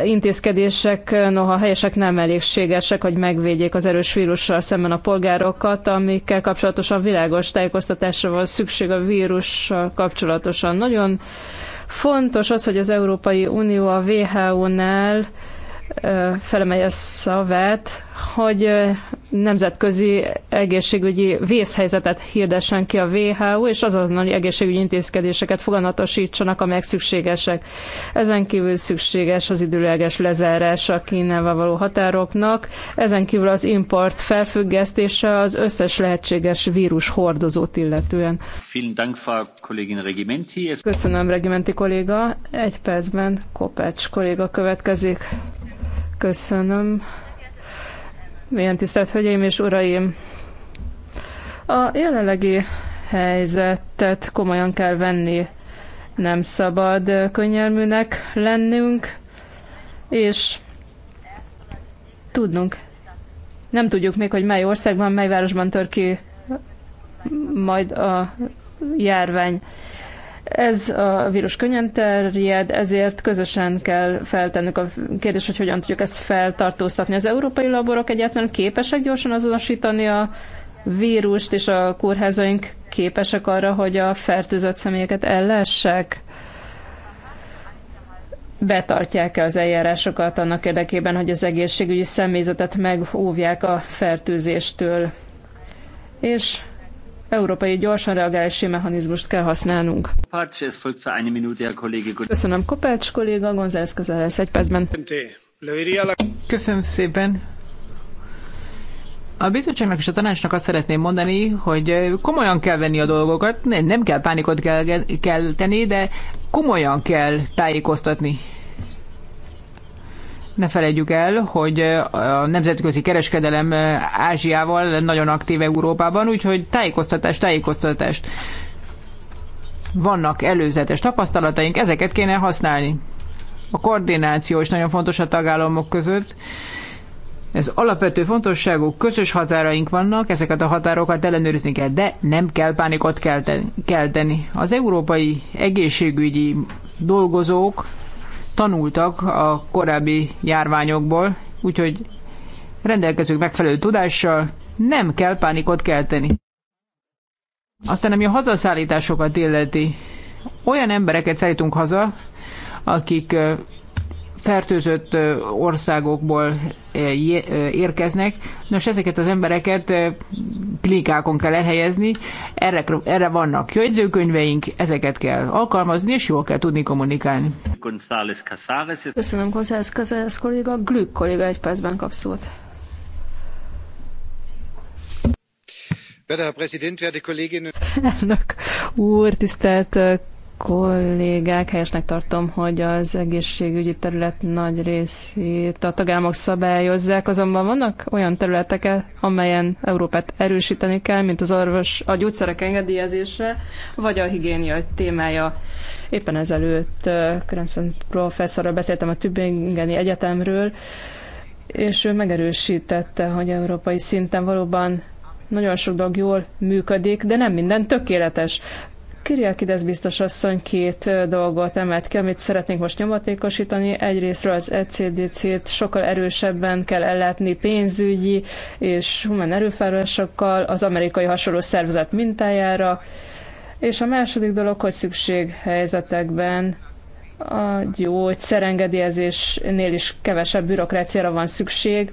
intézkedések, noha helyesek nem elégségesek, hogy megvédjék az erős vírussal szemben a polgárokat, amikkel kapcsolatosan világos tájékoztatásra van szükség a vírussal kapcsolatosan. Nagyon fontos az, hogy az Európai Unió a WHO-nál felemelje szavát, hogy nemzetközi egészségügyi vészhelyzetet hirdessen ki a WHO, és azonnal egészségügyi intézkedéseket foganatosítsanak, amelyek szükségesek. Ezen kívül szükséges az időleges lezárás a Kínával való határoknak, ezen kívül az import felfüggesztése az összes lehetséges vírus hordozót illetően. Köszönöm, Regimenti kolléga. Egy percben Kopecs kolléga következik. Köszönöm. Milyen tisztelt Hölgyeim és Uraim! A jelenlegi helyzetet komolyan kell venni. Nem szabad könnyelműnek lennünk, és tudnunk. Nem tudjuk még, hogy mely országban, mely városban tör ki majd a járvány. Ez a vírus könnyen terjed, ezért közösen kell feltennünk a kérdést, hogy hogyan tudjuk ezt feltartóztatni. Az európai laborok egyáltalán képesek gyorsan azonosítani a vírust, és a kórházaink képesek arra, hogy a fertőzött személyeket ellessek? Betartják-e az eljárásokat annak érdekében, hogy az egészségügyi személyzetet megóvják a fertőzéstől? És európai gyorsan reagálási mechanizmust kell használnunk. Köszönöm Kopács kolléga, González közel lesz egy percben. Köszönöm szépen. A bizottságnak és a tanácsnak azt szeretném mondani, hogy komolyan kell venni a dolgokat, nem kell pánikot kell, kell tenni, de komolyan kell tájékoztatni. Ne felejtjük el, hogy a nemzetközi kereskedelem Ázsiával nagyon aktív Európában, úgyhogy tájékoztatást, tájékoztatást. Vannak előzetes tapasztalataink, ezeket kéne használni. A koordináció is nagyon fontos a tagállamok között. Ez alapvető fontosságú, közös határaink vannak, ezeket a határokat ellenőrizni kell, de nem kell pánikot kelteni. Az európai egészségügyi dolgozók tanultak a korábbi járványokból, úgyhogy rendelkezők megfelelő tudással nem kell pánikot kelteni. Aztán ami a hazaszállításokat illeti, olyan embereket szállítunk haza, akik fertőzött országokból érkeznek. Nos, ezeket az embereket klinikákon kell elhelyezni, erre, erre vannak jegyzőkönyveink, ezeket kell alkalmazni, és jól kell tudni kommunikálni. Köszönöm, González Cazares kolléga. Glück kolléga egy percben kap szót. Elnök úr, tisztelt kollégák, helyesnek tartom, hogy az egészségügyi terület nagy részét a tagállamok szabályozzák, azonban vannak olyan területek, amelyen Európát erősíteni kell, mint az orvos a gyógyszerek engedélyezése, vagy a higiénia témája. Éppen ezelőtt Kremszen professzorral beszéltem a Tübingeni Egyetemről, és ő megerősítette, hogy európai szinten valóban nagyon sok dolog jól működik, de nem minden tökéletes. Kiriakides biztos asszony két dolgot emelt ki, amit szeretnénk most nyomatékosítani. Egyrésztről az ECDC-t sokkal erősebben kell ellátni pénzügyi és humán erőforrásokkal az amerikai hasonló szervezet mintájára. És a második dolog, hogy szükség helyzetekben a gyógyszerengedélyezésnél is kevesebb bürokráciára van szükség,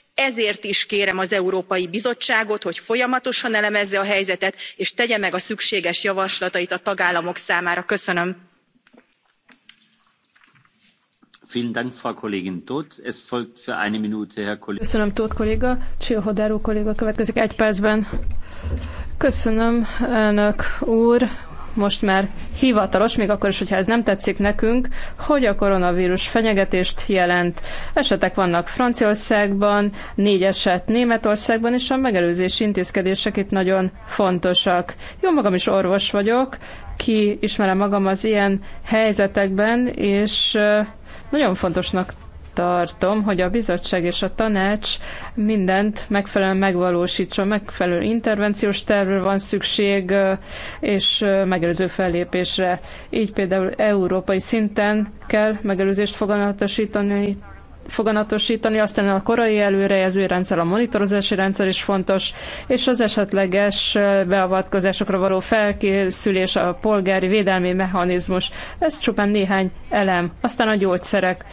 ezért is kérem az európai bizottságot hogy folyamatosan elemezze a helyzetet és tegye meg a szükséges javaslatait a tagállamok számára. köszönöm. Köszönöm, következik Köszönöm, elnök úr most már hivatalos, még akkor is, hogyha ez nem tetszik nekünk, hogy a koronavírus fenyegetést jelent. Esetek vannak Franciaországban, négy eset Németországban, és a megelőzési intézkedések itt nagyon fontosak. Jó magam is orvos vagyok, ki ismerem magam az ilyen helyzetekben, és nagyon fontosnak tartom, hogy a bizottság és a tanács mindent megfelelően megvalósítson, megfelelő intervenciós tervre van szükség, és megelőző fellépésre. Így például európai szinten kell megelőzést foganatosítani, foganatosítani, aztán a korai előrejelző rendszer, a monitorozási rendszer is fontos, és az esetleges beavatkozásokra való felkészülés, a polgári védelmi mechanizmus, ez csupán néhány elem, aztán a gyógyszerek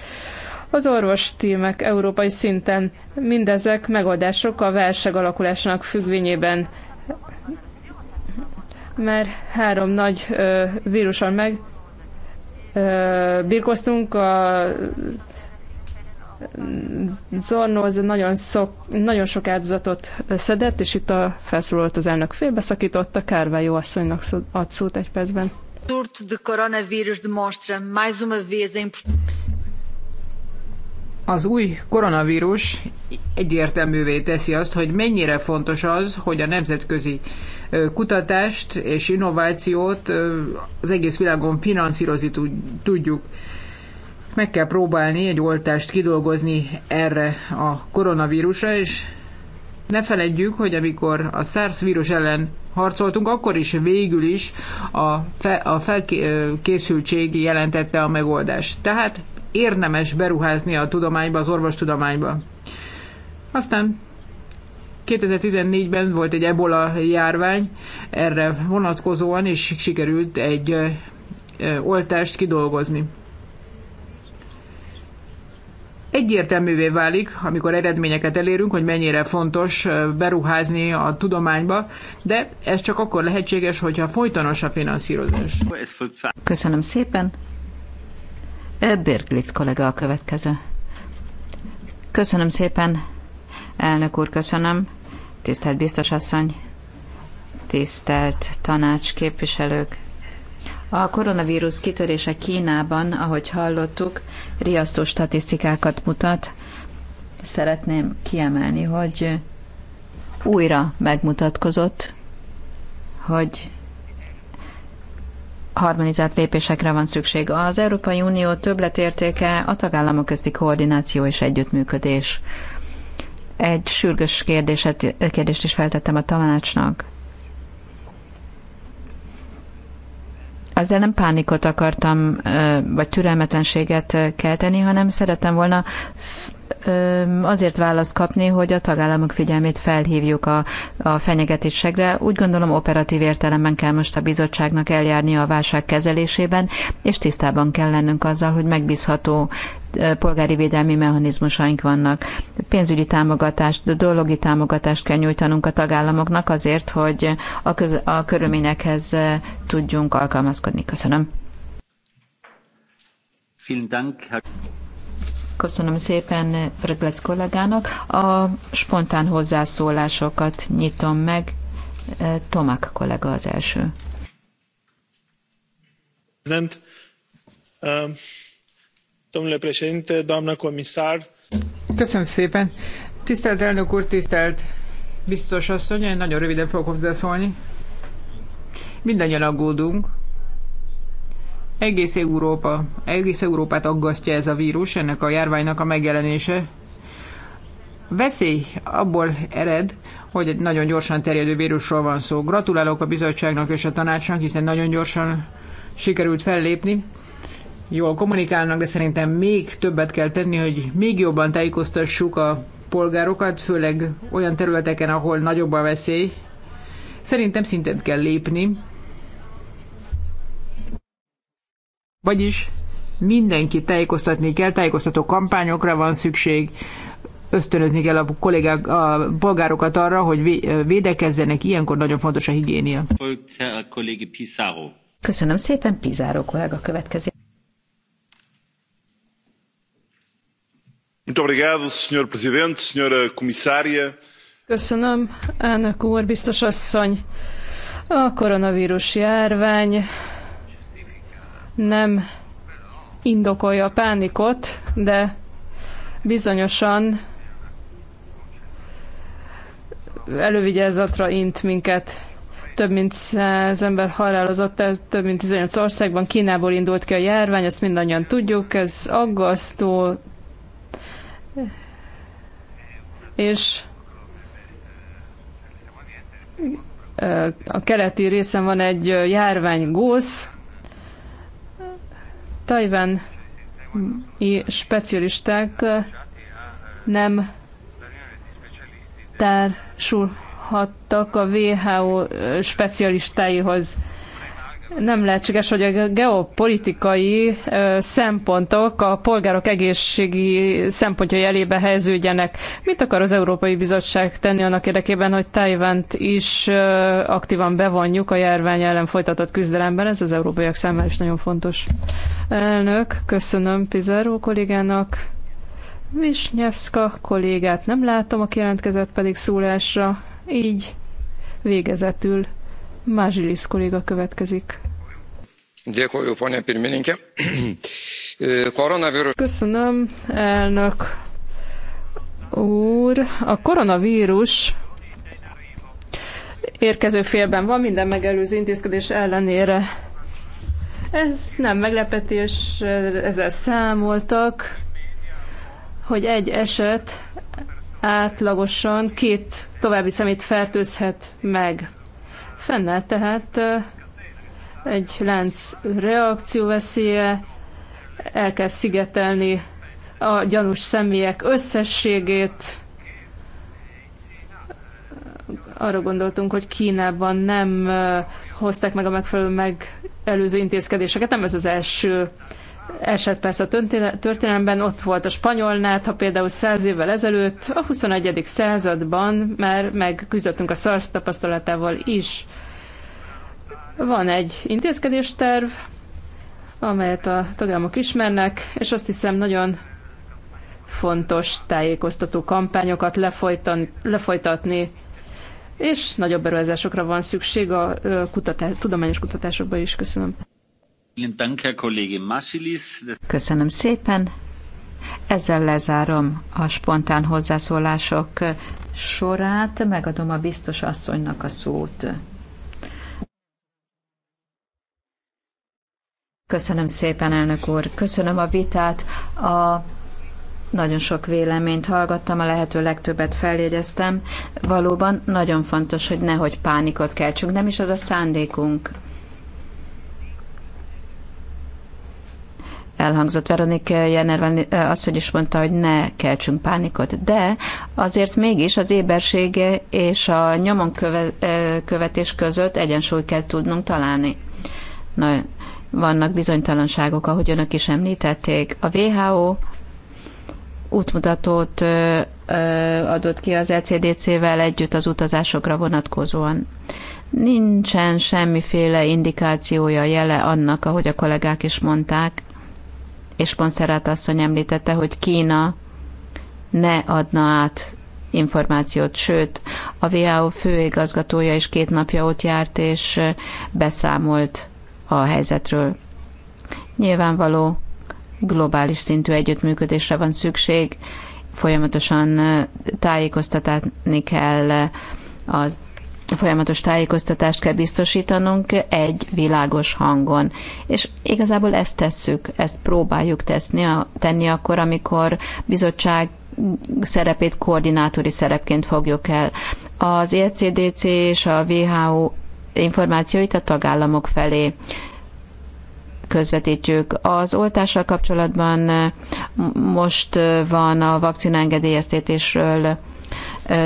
az orvostímek európai szinten. Mindezek megoldások a válság alakulásának függvényében. mert három nagy ö, víruson meg ö, birkoztunk, a az nagyon, szok, nagyon sok áldozatot szedett, és itt a felszólalt az elnök félbeszakította, jó asszonynak ad szót egy percben. Az új koronavírus egyértelművé teszi azt, hogy mennyire fontos az, hogy a nemzetközi kutatást és innovációt az egész világon finanszírozni tudjuk. Meg kell próbálni egy oltást kidolgozni erre a koronavírusra, és ne feledjük, hogy amikor a SARS vírus ellen harcoltunk, akkor is végül is a, fe, a felkészültség jelentette a megoldást. Tehát érdemes beruházni a tudományba, az orvostudományba. Aztán 2014-ben volt egy ebola járvány, erre vonatkozóan is sikerült egy oltást kidolgozni. Egyértelművé válik, amikor eredményeket elérünk, hogy mennyire fontos beruházni a tudományba, de ez csak akkor lehetséges, hogyha folytonos a finanszírozás. Köszönöm szépen. Eh, Birglitz kollega a következő. Köszönöm szépen, elnök úr, köszönöm. Tisztelt biztosasszony, tisztelt tanács képviselők. A koronavírus kitörése Kínában, ahogy hallottuk, riasztó statisztikákat mutat. Szeretném kiemelni, hogy újra megmutatkozott, hogy harmonizált lépésekre van szükség. Az Európai Unió többletértéke a tagállamok közti koordináció és együttműködés. Egy sürgős kérdéset, kérdést is feltettem a tanácsnak. Ezzel nem pánikot akartam, vagy türelmetlenséget kelteni, hanem szerettem volna azért választ kapni, hogy a tagállamok figyelmét felhívjuk a, a fenyegetésekre. Úgy gondolom operatív értelemben kell most a bizottságnak eljárni a válság kezelésében, és tisztában kell lennünk azzal, hogy megbízható polgári védelmi mechanizmusaink vannak. Pénzügyi támogatást, dologi támogatást kell nyújtanunk a tagállamoknak azért, hogy a, köz, a körülményekhez tudjunk alkalmazkodni. Köszönöm. Köszönöm szépen Freglec kollégának. A spontán hozzászólásokat nyitom meg. Tomák kollega az első. Um, Köszönöm szépen. Tisztelt elnök úr, tisztelt biztos asszony, én nagyon röviden fogok hozzászólni. Mindannyian aggódunk, egész, Európa, egész Európát aggasztja ez a vírus, ennek a járványnak a megjelenése. Veszély abból ered, hogy egy nagyon gyorsan terjedő vírusról van szó. Gratulálok a bizottságnak és a tanácsnak, hiszen nagyon gyorsan sikerült fellépni. Jól kommunikálnak, de szerintem még többet kell tenni, hogy még jobban tájékoztassuk a polgárokat, főleg olyan területeken, ahol nagyobb a veszély. Szerintem szintet kell lépni, Vagyis mindenki tájékoztatni kell, tájékoztató kampányokra van szükség, ösztönözni kell a kollégák, a polgárokat arra, hogy védekezzenek, ilyenkor nagyon fontos a higiénia. Köszönöm szépen, Pizáró kollega következik. Muito obrigado, Sr. Presidente, Sra. Comissária. Köszönöm, elnök úr, biztos asszony. A koronavírus járvány nem indokolja a pánikot, de bizonyosan elővigyázatra int minket. Több mint száz ember halálozott el, több mint 18 országban. Kínából indult ki a járvány, ezt mindannyian tudjuk, ez aggasztó. És a keleti részen van egy járványgósz, Tajván specialisták nem társulhattak a WHO specialistáihoz nem lehetséges, hogy a geopolitikai szempontok a polgárok egészségi szempontjai elébe helyeződjenek. Mit akar az Európai Bizottság tenni annak érdekében, hogy Tajvant is aktívan bevonjuk a járvány ellen folytatott küzdelemben? Ez az európaiak számára is nagyon fontos. Elnök, köszönöm Pizarro kollégának. Visnyevska kollégát nem látom, aki jelentkezett pedig szólásra. Így végezetül Mázsilisz kolléga következik. Köszönöm, elnök úr. A koronavírus érkező félben van minden megelőző intézkedés ellenére. Ez nem meglepetés, ezzel számoltak, hogy egy eset átlagosan két további szemét fertőzhet meg. Fennáll tehát egy lánc reakció veszélye, el kell szigetelni a gyanús személyek összességét. Arra gondoltunk, hogy Kínában nem hozták meg a megfelelő megelőző intézkedéseket, nem ez az első eset persze a történelemben, ott volt a spanyolnát, ha például száz évvel ezelőtt, a 21. században már megküzdöttünk a SARS tapasztalatával is. Van egy intézkedésterv, amelyet a tagállamok ismernek, és azt hiszem nagyon fontos tájékoztató kampányokat lefolytan, lefolytatni, és nagyobb beruházásokra van szükség a kutatás, tudományos kutatásokban is. Köszönöm. Köszönöm szépen. Ezzel lezárom a spontán hozzászólások sorát, megadom a biztos asszonynak a szót. Köszönöm szépen, elnök úr. Köszönöm a vitát. A nagyon sok véleményt hallgattam, a lehető legtöbbet feljegyeztem. Valóban nagyon fontos, hogy nehogy pánikot keltsünk, nem is az a szándékunk. elhangzott. Veronik Jenner hogy is mondta, hogy ne keltsünk pánikot, de azért mégis az ébersége és a nyomon követés között egyensúly kell tudnunk találni. Na, vannak bizonytalanságok, ahogy önök is említették. A WHO útmutatót adott ki az ECDC-vel együtt az utazásokra vonatkozóan. Nincsen semmiféle indikációja, jele annak, ahogy a kollégák is mondták, és Ponszerát asszony említette, hogy Kína ne adna át információt, sőt, a WHO főigazgatója is két napja ott járt, és beszámolt a helyzetről. Nyilvánvaló, globális szintű együttműködésre van szükség, folyamatosan tájékoztatni kell az folyamatos tájékoztatást kell biztosítanunk egy világos hangon. És igazából ezt tesszük, ezt próbáljuk teszni, tenni akkor, amikor bizottság szerepét koordinátori szerepként fogjuk el. Az ECDC és a WHO információit a tagállamok felé közvetítjük. Az oltással kapcsolatban most van a vakcina engedélyeztetésről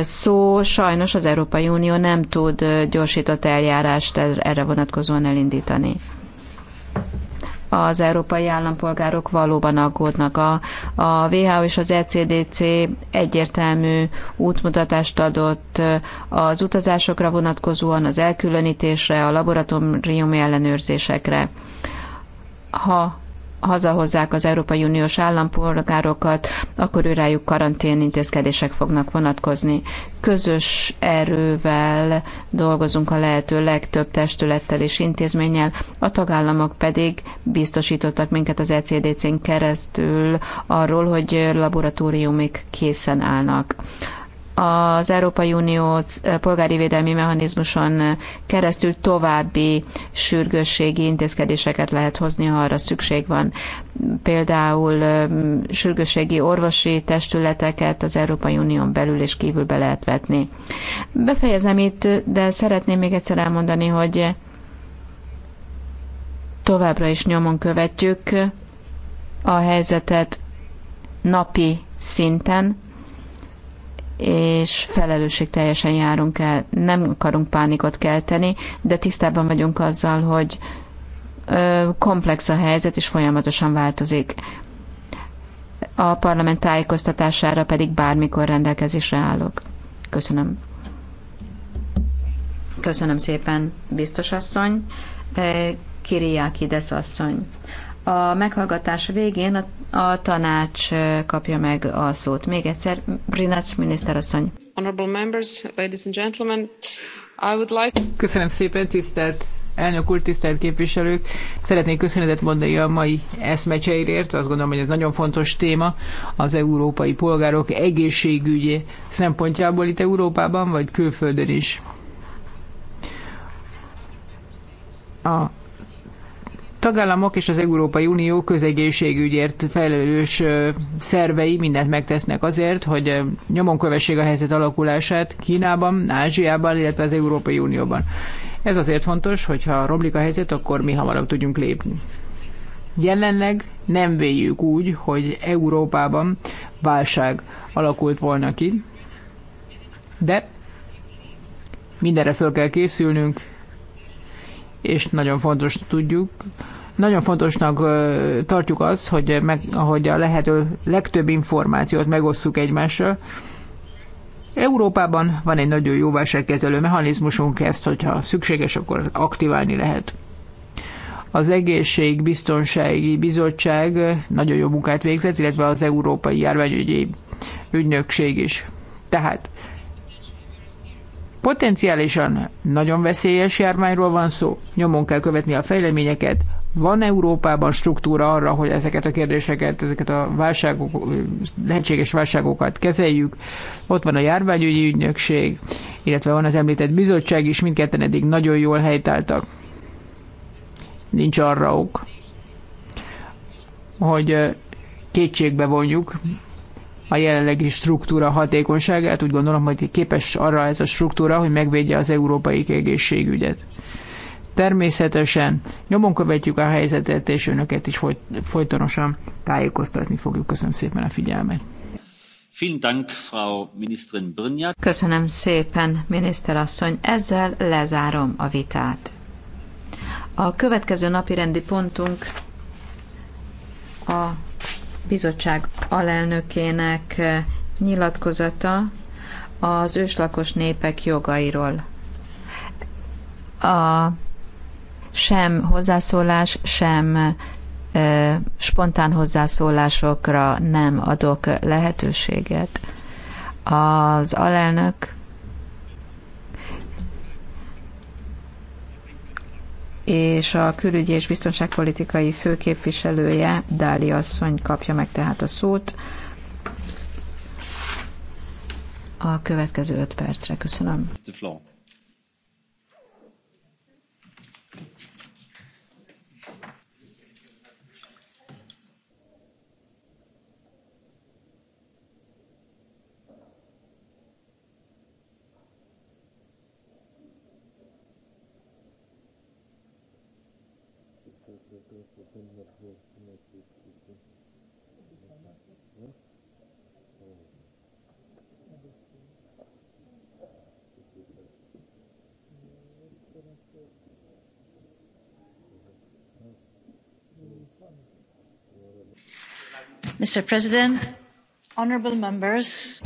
szó. Sajnos az Európai Unió nem tud gyorsított eljárást er-, erre vonatkozóan elindítani az európai állampolgárok valóban aggódnak. A, a WHO és az ECDC egyértelmű útmutatást adott az utazásokra vonatkozóan, az elkülönítésre, a laboratóriumi ellenőrzésekre. Ha hazahozzák az Európai Uniós állampolgárokat, akkor őrájuk karantén intézkedések fognak vonatkozni. Közös erővel dolgozunk a lehető legtöbb testülettel és intézménnyel, a tagállamok pedig biztosítottak minket az ECDC-n keresztül arról, hogy laboratóriumik készen állnak az Európai Unió eh, polgári védelmi mechanizmuson keresztül további sürgősségi intézkedéseket lehet hozni, ha arra szükség van. Például eh, sürgősségi orvosi testületeket az Európai Unión belül és kívül be lehet vetni. Befejezem itt, de szeretném még egyszer elmondani, hogy továbbra is nyomon követjük a helyzetet napi szinten, és felelősség teljesen járunk el. Nem akarunk pánikot kelteni, de tisztában vagyunk azzal, hogy komplex a helyzet, és folyamatosan változik. A parlament tájékoztatására pedig bármikor rendelkezésre állok. Köszönöm. Köszönöm szépen, biztos asszony. Kiriákides asszony a meghallgatás végén a, a tanács kapja meg a szót. Még egyszer, Brinac miniszterasszony. Honorable members, ladies and gentlemen, I would like... Köszönöm szépen, tisztelt elnök úr, tisztelt képviselők! Szeretnék köszönetet mondani a mai eszmecseirért, azt gondolom, hogy ez nagyon fontos téma az európai polgárok egészségügyi szempontjából itt Európában, vagy külföldön is. A tagállamok és az Európai Unió közegészségügyért felelős szervei mindent megtesznek azért, hogy nyomon kövessék a helyzet alakulását Kínában, Ázsiában, illetve az Európai Unióban. Ez azért fontos, hogyha romlik a helyzet, akkor mi hamarabb tudjunk lépni. Jelenleg nem véljük úgy, hogy Európában válság alakult volna ki, de mindenre föl kell készülnünk, és nagyon fontos tudjuk, nagyon fontosnak tartjuk azt, hogy, meg, hogy a lehető legtöbb információt megosszuk egymással. Európában van egy nagyon jó válságkezelő mechanizmusunk, ezt, hogyha szükséges, akkor aktiválni lehet. Az Egészségbiztonsági Bizottság nagyon jó munkát végzett, illetve az Európai Járványügyi Ügynökség is. Tehát Potenciálisan nagyon veszélyes járványról van szó, nyomon kell követni a fejleményeket, van Európában struktúra arra, hogy ezeket a kérdéseket, ezeket a válságok, lehetséges válságokat kezeljük. Ott van a járványügyi ügynökség, illetve van az említett bizottság is, mindketten eddig nagyon jól helytáltak. Nincs arra ok, hogy kétségbe vonjuk a jelenlegi struktúra hatékonyságát. Úgy gondolom, hogy képes arra ez a struktúra, hogy megvédje az európai egészségügyet. Természetesen nyomon követjük a helyzetet, és önöket is folyt, folytonosan tájékoztatni fogjuk. Köszönöm szépen a figyelmet. Köszönöm szépen, miniszterasszony. Ezzel lezárom a vitát. A következő napi rendi pontunk a bizottság alelnökének eh, nyilatkozata az őslakos népek jogairól. A sem hozzászólás, sem ö, eh, spontán hozzászólásokra nem adok lehetőséget. Az alelnök és a külügyi és biztonságpolitikai főképviselője, Dáli asszony kapja meg tehát a szót. A következő öt percre köszönöm. The floor.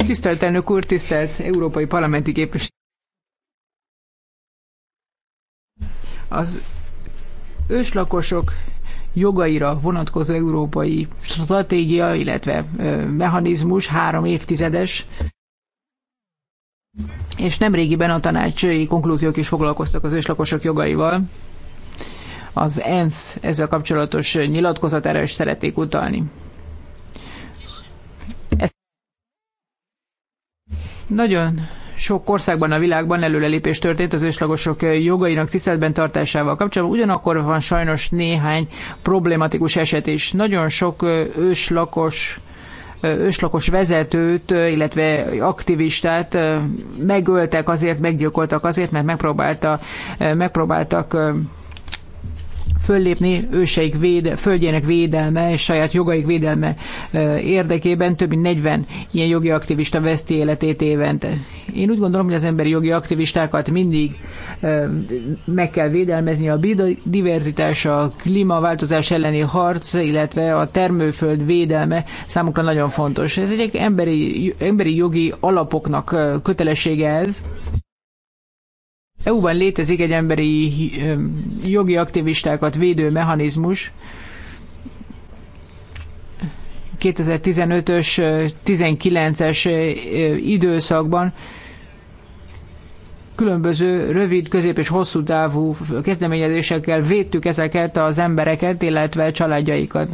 Tisztelt elnök úr, tisztelt európai parlamenti képviselő. Az őslakosok jogaira vonatkozó európai stratégia, illetve mechanizmus három évtizedes, és nemrégiben a tanácsi konklúziók is foglalkoztak az őslakosok jogaival. Az ENSZ ezzel kapcsolatos nyilatkozatára is szeretnék utalni. Nagyon sok országban a világban előrelépés történt az őslagosok jogainak tiszteletben tartásával kapcsolatban, ugyanakkor van sajnos néhány problematikus eset is. Nagyon sok őslakos őslakos vezetőt, illetve aktivistát megöltek azért, meggyilkoltak azért, mert megpróbálta, megpróbáltak föllépni őseik véde, földjének védelme, saját jogaik védelme érdekében. Több mint 40 ilyen jogi aktivista veszti életét évente. Én úgy gondolom, hogy az emberi jogi aktivistákat mindig meg kell védelmezni a biodiverzitás, a klímaváltozás elleni harc, illetve a termőföld védelme számukra nagyon fontos. Ez egy emberi, emberi jogi alapoknak kötelessége ez. EU-ban létezik egy emberi jogi aktivistákat védő mechanizmus, 2015-ös, 19-es időszakban különböző rövid, közép és hosszú távú kezdeményezésekkel védtük ezeket az embereket, illetve családjaikat.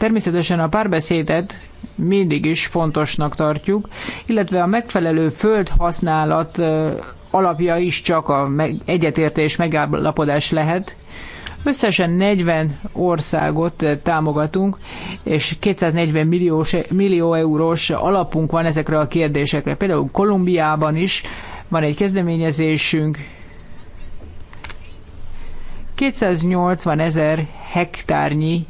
Természetesen a párbeszédet mindig is fontosnak tartjuk, illetve a megfelelő földhasználat alapja is csak a egyetértés megállapodás lehet. Összesen 40 országot támogatunk, és 240 millió, millió eurós alapunk van ezekre a kérdésekre. Például Kolumbiában is van egy kezdeményezésünk, 280 ezer hektárnyi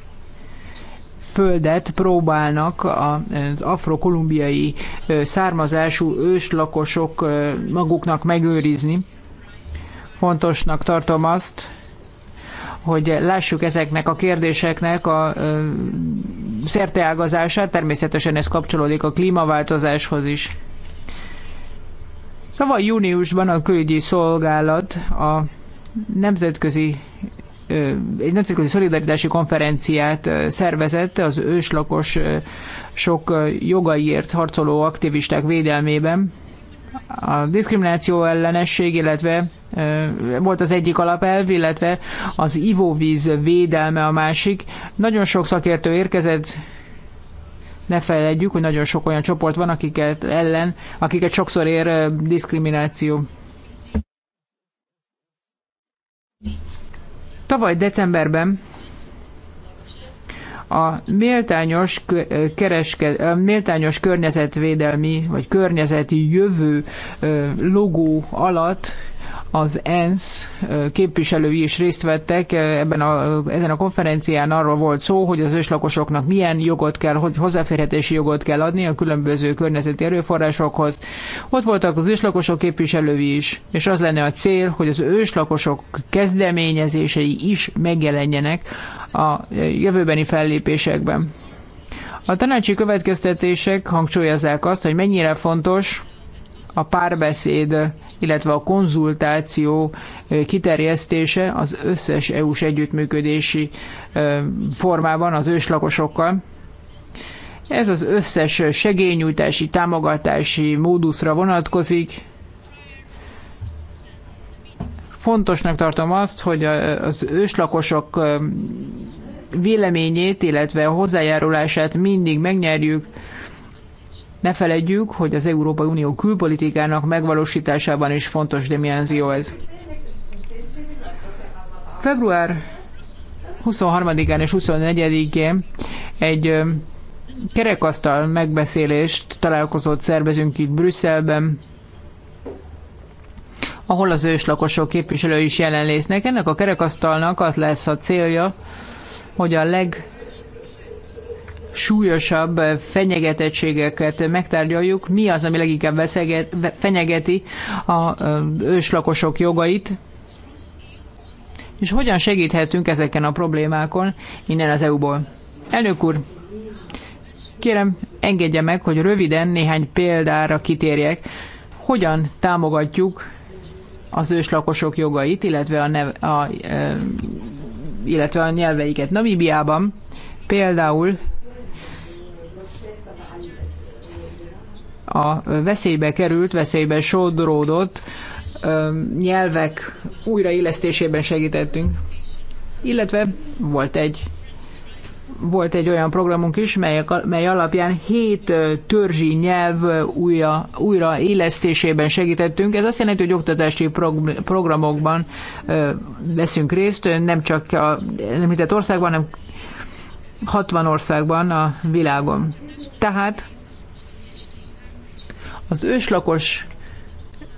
földet próbálnak az afrokolumbiai származású őslakosok maguknak megőrizni. Fontosnak tartom azt, hogy lássuk ezeknek a kérdéseknek a szerteágazását, természetesen ez kapcsolódik a klímaváltozáshoz is. Szóval júniusban a külügyi szolgálat a nemzetközi egy nemzetközi szolidaritási konferenciát szervezett az őslakos sok jogaiért harcoló aktivisták védelmében. A diszkrimináció ellenesség, illetve volt az egyik alapelv, illetve az ivóvíz védelme a másik. Nagyon sok szakértő érkezett, ne felejtjük, hogy nagyon sok olyan csoport van, akiket ellen, akiket sokszor ér diszkrimináció. Tavaly decemberben a méltányos, kereske, a méltányos környezetvédelmi vagy környezeti jövő logó alatt az ENSZ képviselői is részt vettek ebben a, ezen a konferencián arról volt szó, hogy az őslakosoknak milyen jogot kell, hogy hozzáférhetési jogot kell adni a különböző környezeti erőforrásokhoz. Ott voltak az őslakosok képviselői is, és az lenne a cél, hogy az őslakosok kezdeményezései is megjelenjenek a jövőbeni fellépésekben. A tanácsi következtetések hangsúlyozzák azt, hogy mennyire fontos a párbeszéd illetve a konzultáció kiterjesztése az összes EU-s együttműködési formában az őslakosokkal. Ez az összes segélynyújtási, támogatási módusra vonatkozik. Fontosnak tartom azt, hogy az őslakosok véleményét, illetve hozzájárulását mindig megnyerjük ne feledjük, hogy az Európai Unió külpolitikának megvalósításában is fontos dimenzió ez. Február 23-án és 24-én egy kerekasztal megbeszélést találkozott, szervezünk itt Brüsszelben, ahol az őslakosok képviselői is jelen lesznek. Ennek a kerekasztalnak az lesz a célja, hogy a leg súlyosabb fenyegetettségeket megtárgyaljuk, mi az, ami leginkább veszeget, fenyegeti a őslakosok jogait, és hogyan segíthetünk ezeken a problémákon innen az EU-ból. Elnök úr, kérem, engedje meg, hogy röviden néhány példára kitérjek, hogyan támogatjuk az őslakosok jogait, illetve a, nev, a, e, illetve a nyelveiket. Namibiában például a veszélybe került, veszélybe sodródott nyelvek újraélesztésében segítettünk. Illetve volt egy volt egy olyan programunk is, mely, mely alapján hét törzsi nyelv újra, újraélesztésében segítettünk. Ez azt jelenti, hogy oktatási programokban veszünk részt, nem csak a említett országban, hanem 60 országban a világon. Tehát az őslakos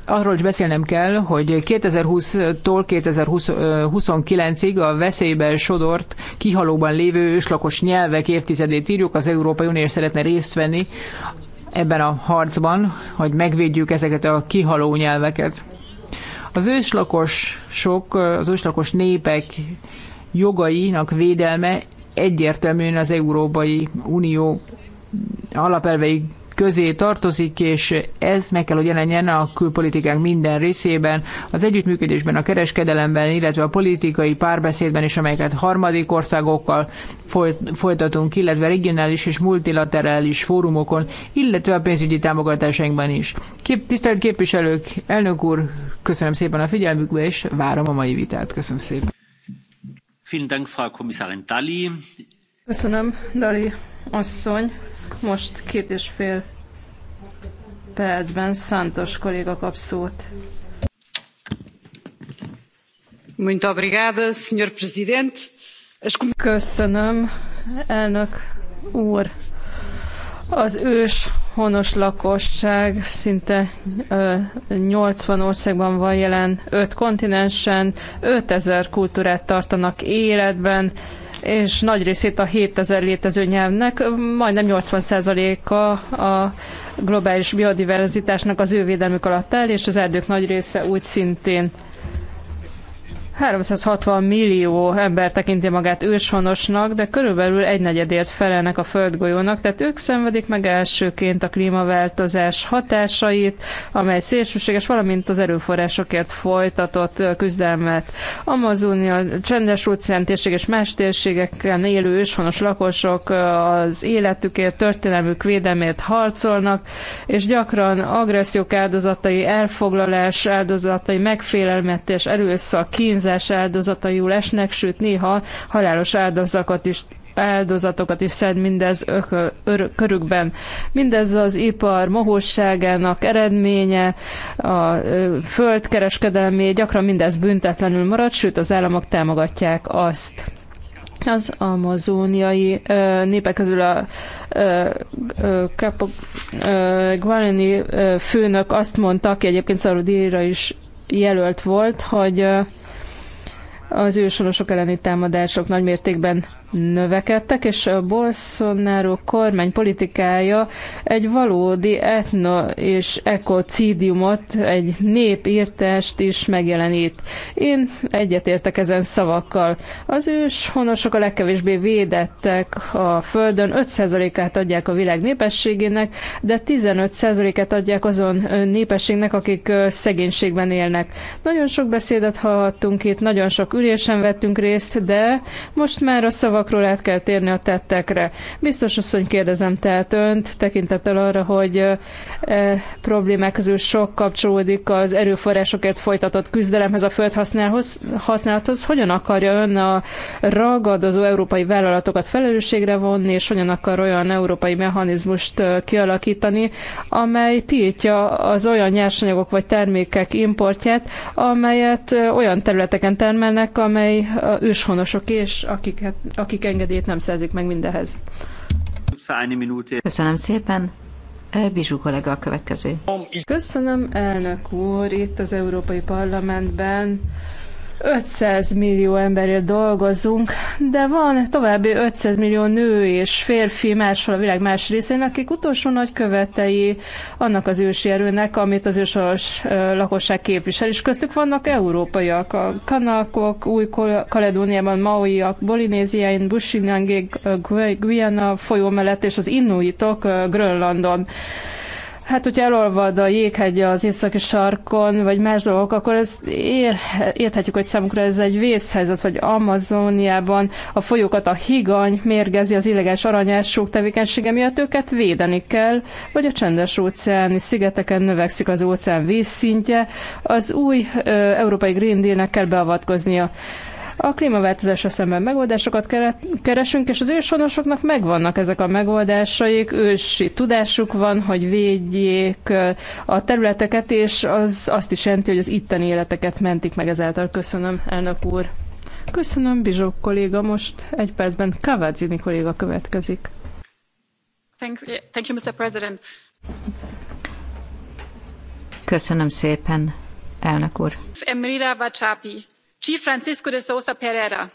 arról is beszélnem kell, hogy 2020-tól 2029-ig a veszélybe sodort, kihalóban lévő őslakos nyelvek évtizedét írjuk, az Európai Unió szeretne részt venni ebben a harcban, hogy megvédjük ezeket a kihaló nyelveket. Az őslakos sok, az őslakos népek jogainak védelme egyértelműen az Európai Unió alapelvei közé tartozik, és ez meg kell, hogy jelenjen a külpolitikánk minden részében, az együttműködésben, a kereskedelemben, illetve a politikai párbeszédben is, amelyeket harmadik országokkal folytatunk, illetve regionális és multilaterális fórumokon, illetve a pénzügyi támogatásainkban is. Kép, tisztelt képviselők, elnök úr, köszönöm szépen a figyelmükbe, és várom a mai vitát. Köszönöm szépen. Vielen Dank, Frau Kommissarin Köszönöm, Dali asszony. Most két és fél percben Szántos kolléga kap szót. Muito obrigada, Sr. Presidente. Köszönöm, elnök úr. Az ős honos lakosság szinte 80 országban van jelen, 5 kontinensen, 5000 kultúrát tartanak életben, és nagy részét a 7000 létező nyelvnek, majdnem 80%-a a globális biodiverzitásnak az ő védelmük alatt áll, és az erdők nagy része úgy szintén 360 millió ember tekinti magát őshonosnak, de körülbelül egy felelnek a földgolyónak, tehát ők szenvedik meg elsőként a klímaváltozás hatásait, amely szélsőséges, valamint az erőforrásokért folytatott küzdelmet. Amazonia, csendes óceán térség és más térségeken élő őshonos lakosok az életükért, történelmük védelmét harcolnak, és gyakran agressziók áldozatai, elfoglalás áldozatai, megfélelmet és erőszak, kínzás, kínzás áldozataiul esnek, sőt néha halálos áldozatokat is áldozatokat is szed mindez ökö, ör, körükben. Mindez az ipar mohóságának eredménye, a földkereskedelmé, gyakran mindez büntetlenül marad, sőt az államok támogatják azt. Az amazóniai ö, népek közül a Guarani főnök azt mondta, aki egyébként Szarudíjra is jelölt volt, hogy ö, az ősorosok elleni támadások nagymértékben növekedtek, és a Bolsonaro kormány politikája egy valódi etno és ekocidiumot, egy népírtást is megjelenít. Én egyetértek ezen szavakkal. Az őshonosok a legkevésbé védettek a Földön, 5%-át adják a világ népességének, de 15%-át adják azon népességnek, akik szegénységben élnek. Nagyon sok beszédet hallhattunk itt, nagyon sok ülésen vettünk részt, de most már a szavak szavakról át kell térni a tettekre. Biztos asszony kérdezem tehát önt, tekintettel arra, hogy e, problémák közül sok kapcsolódik az erőforrásokért folytatott küzdelemhez, a földhasználathoz. Hogyan akarja ön a ragadozó európai vállalatokat felelősségre vonni, és hogyan akar olyan európai mechanizmust kialakítani, amely tiltja az olyan nyersanyagok vagy termékek importját, amelyet olyan területeken termelnek, amely őshonosok és akiket, akik akik engedélyt nem szerzik meg mindehez. Köszönöm szépen. Bizsú kollega a következő. Köszönöm, elnök úr, itt az Európai Parlamentben 500 millió emberért dolgozunk, de van további 500 millió nő és férfi máshol a világ más részén, akik utolsó nagy követei annak az ősi erőnek, amit az ősoros lakosság képvisel, és köztük vannak európaiak, a kanakok, új Kaledóniában maoiak, bolinéziáin, Bushinangék, Guyana folyó mellett, és az inuitok Grönlandon. Hát, hogyha elolvad a jéghegy az északi sarkon, vagy más dolgok, akkor ezt ér, érthetjük, hogy számukra ez egy vészhelyzet, vagy Amazoniában a folyókat a higany mérgezi az illegális aranyások tevékenysége miatt, őket védeni kell, vagy a csendes óceáni szigeteken növekszik az óceán vízszintje, az új ö, európai Green Dealnek kell beavatkoznia. A klímaváltozásra szemben megoldásokat keresünk, és az őshonosoknak megvannak ezek a megoldásaik, ősi tudásuk van, hogy védjék a területeket, és az azt is jelenti, hogy az itteni életeket mentik meg ezáltal. Köszönöm, elnök úr. Köszönöm, Bizsók kolléga. Most egy percben Kavadzini kolléga következik. thank you, Mr. President. Köszönöm szépen, elnök úr. Emrida Francisco de Sousa Pereira.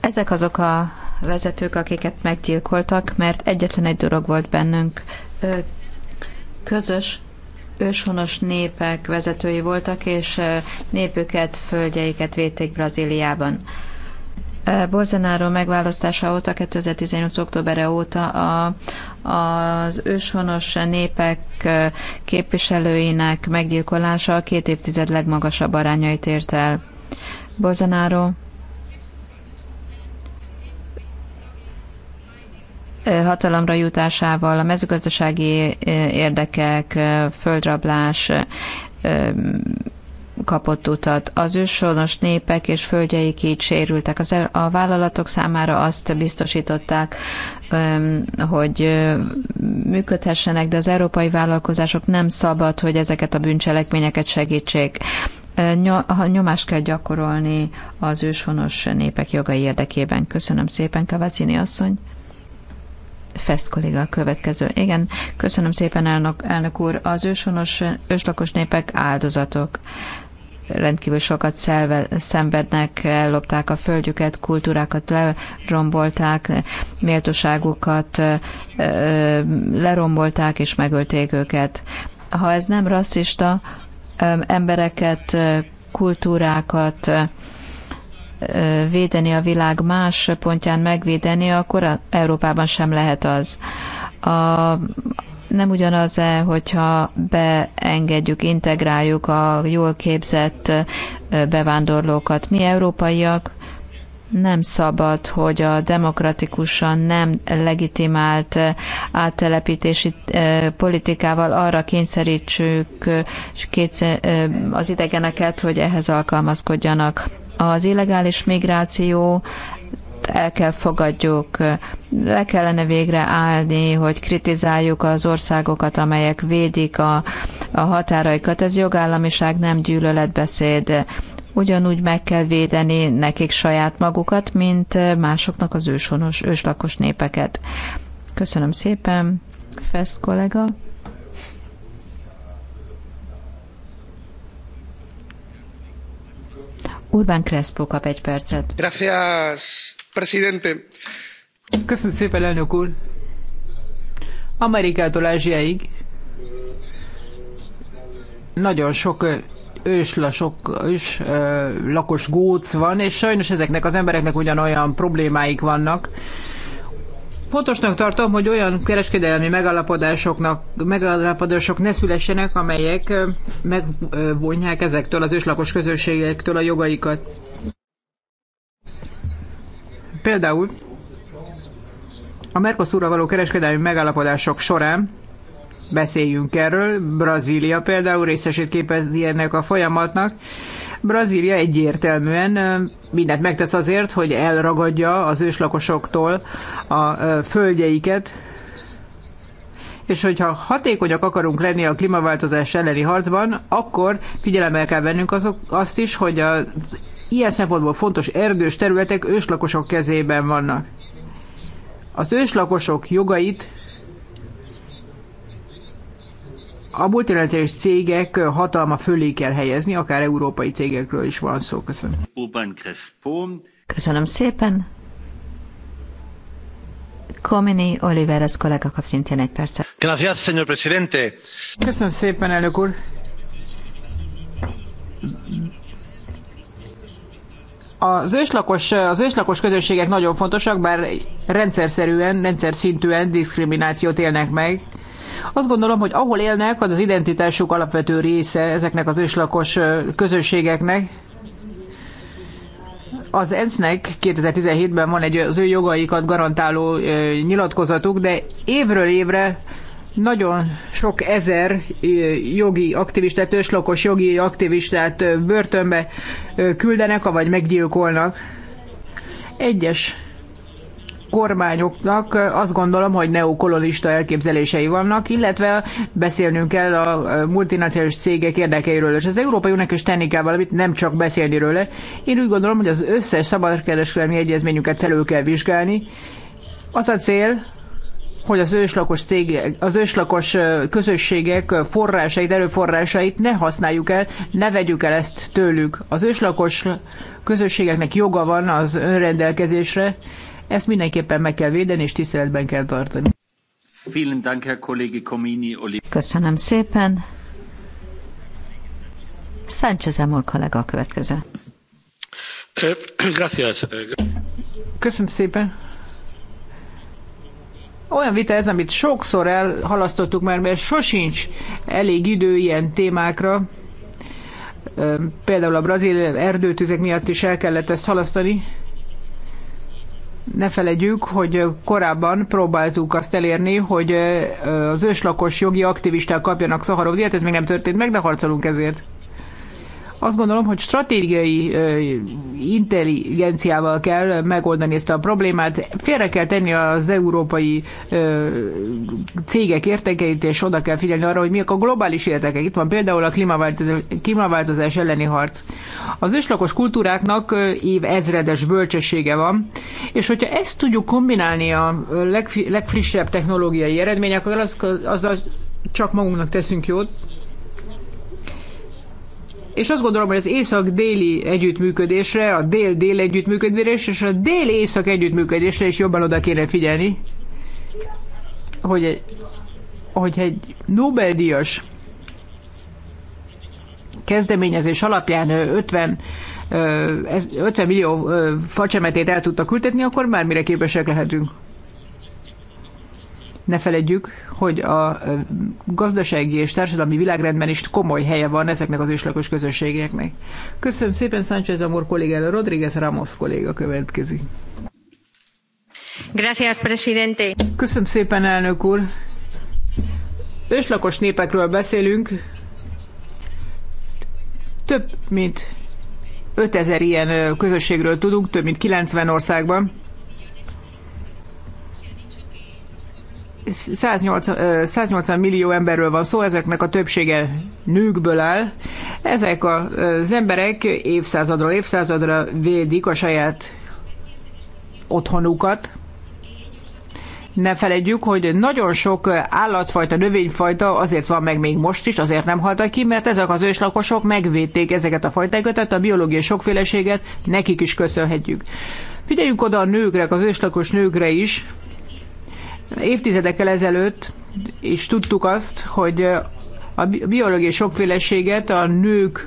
Ezek azok a vezetők, akiket meggyilkoltak, mert egyetlen egy dolog volt bennünk. Közös őshonos népek vezetői voltak, és népüket, földjeiket védték Brazíliában. Bolsonaro megválasztása óta, 2018. októberre óta a, az őshonos népek képviselőinek meggyilkolása a két évtized legmagasabb arányait ért el. Bolsonaro hatalomra jutásával a mezőgazdasági érdekek, földrablás, kapott utat. Az őshonos népek és földjeik így sérültek. Az, a vállalatok számára azt biztosították, hogy működhessenek, de az európai vállalkozások nem szabad, hogy ezeket a bűncselekményeket segítsék. Nyomást kell gyakorolni az őshonos népek jogai érdekében. Köszönöm szépen, Kavacini asszony. Fesz, kolléga a következő. Igen, köszönöm szépen, elnök, elnök úr. Az őshonos, őslakos népek áldozatok rendkívül sokat szelve, szenvednek, ellopták a földjüket, kultúrákat lerombolták, méltóságukat lerombolták és megölték őket. Ha ez nem rasszista, embereket, kultúrákat, védeni a világ más pontján megvédeni, akkor Európában sem lehet az. A, nem ugyanaz-e, hogyha beengedjük, integráljuk a jól képzett bevándorlókat? Mi európaiak nem szabad, hogy a demokratikusan nem legitimált áttelepítési politikával arra kényszerítsük az idegeneket, hogy ehhez alkalmazkodjanak. Az illegális migráció el kell fogadjuk, le kellene végre állni, hogy kritizáljuk az országokat, amelyek védik a, a határaikat. Ez jogállamiság, nem gyűlöletbeszéd. Ugyanúgy meg kell védeni nekik saját magukat, mint másoknak az őshonos, őslakos népeket. Köszönöm szépen, Fest kollega. Urbán Crespo kap egy percet. Gracias. Köszönöm szépen, elnök úr. Amerikától Ázsiáig nagyon sok őslasok, ős lakos góc van, és sajnos ezeknek az embereknek ugyanolyan problémáik vannak. Fontosnak tartom, hogy olyan kereskedelmi megállapodásoknak, megállapodások ne szülessenek, amelyek megvonják ezektől az őslakos közösségektől a jogaikat. Például a Mercosurra való kereskedelmi megállapodások során beszéljünk erről. Brazília például részesét képezi ennek a folyamatnak. Brazília egyértelműen mindent megtesz azért, hogy elragadja az őslakosoktól a földjeiket, és hogyha hatékonyak akarunk lenni a klímaváltozás elleni harcban, akkor figyelemmel kell vennünk azok, azt is, hogy a ilyen szempontból fontos erdős területek őslakosok kezében vannak. Az őslakosok jogait a multinacionális cégek hatalma fölé kell helyezni, akár európai cégekről is van szó. Köszönöm. Köszönöm szépen. Komini Oliveres kollega kap szintén egy percet. Gracias, señor presidente. Köszönöm szépen, elnök úr az őslakos, az őslakos közösségek nagyon fontosak, bár rendszerszerűen, rendszer szintűen diszkriminációt élnek meg. Azt gondolom, hogy ahol élnek, az az identitásuk alapvető része ezeknek az őslakos közösségeknek. Az ENSZ-nek 2017-ben van egy az ő jogaikat garantáló nyilatkozatuk, de évről évre nagyon sok ezer jogi aktivistát, őslakos jogi aktivistát börtönbe küldenek, vagy meggyilkolnak. Egyes kormányoknak azt gondolom, hogy neokolonista elképzelései vannak, illetve beszélnünk kell a multinacionális cégek érdekeiről, és az Európai Uniónak is tenni kell valamit, nem csak beszélni róla. Én úgy gondolom, hogy az összes szabadkereskedelmi egyezményünket felül kell vizsgálni. Az a cél, hogy az őslakos, cég, az őslakos közösségek forrásait, erőforrásait ne használjuk el, ne vegyük el ezt tőlük. Az őslakos közösségeknek joga van az önrendelkezésre, ezt mindenképpen meg kell védeni és tiszteletben kell tartani. Köszönöm szépen. Sánchez Amor kollega a következő. Eh, Köszönöm szépen. Olyan vita ez, amit sokszor elhalasztottuk már, mert sosincs elég idő ilyen témákra. Például a brazil erdőtüzek miatt is el kellett ezt halasztani. Ne felejtjük, hogy korábban próbáltuk azt elérni, hogy az őslakos jogi aktivisták kapjanak Szaharov díjat, ez még nem történt meg, de harcolunk ezért. Azt gondolom, hogy stratégiai intelligenciával kell megoldani ezt a problémát. Félre kell tenni az európai cégek értékeit és oda kell figyelni arra, hogy miak a globális értékek. Itt van például a klímaváltozás, elleni harc. Az őslakos kultúráknak év ezredes bölcsessége van, és hogyha ezt tudjuk kombinálni a legfrissebb technológiai eredményekkel, az, az csak magunknak teszünk jót, és azt gondolom, hogy az észak-déli együttműködésre, a dél-dél együttműködésre és a dél-észak együttműködésre is jobban oda kéne figyelni, hogy egy, hogy egy Nobel-díjas kezdeményezés alapján 50 50 millió facsemetét el tudtak ültetni, akkor mire képesek lehetünk. Ne feledjük, hogy a gazdasági és társadalmi világrendben is komoly helye van ezeknek az őslakos közösségeknek. Köszönöm szépen Sánchez Amor kollégára, Rodríguez Ramos kolléga következik. Gracias, presidente. Köszönöm szépen, elnök úr. Őslakos népekről beszélünk. Több mint 5000 ilyen közösségről tudunk, több mint 90 országban. 180, 180 millió emberről van szó, ezeknek a többsége nőkből áll. Ezek az emberek évszázadról évszázadra védik a saját otthonukat. Ne feledjük, hogy nagyon sok állatfajta, növényfajta azért van meg még most is, azért nem haltak ki, mert ezek az őslakosok megvédték ezeket a fajtákat, tehát a biológiai sokféleséget nekik is köszönhetjük. Figyeljünk oda a nőkre, az őslakos nőkre is, Évtizedekkel ezelőtt is tudtuk azt, hogy a biológiai sokféleséget a nők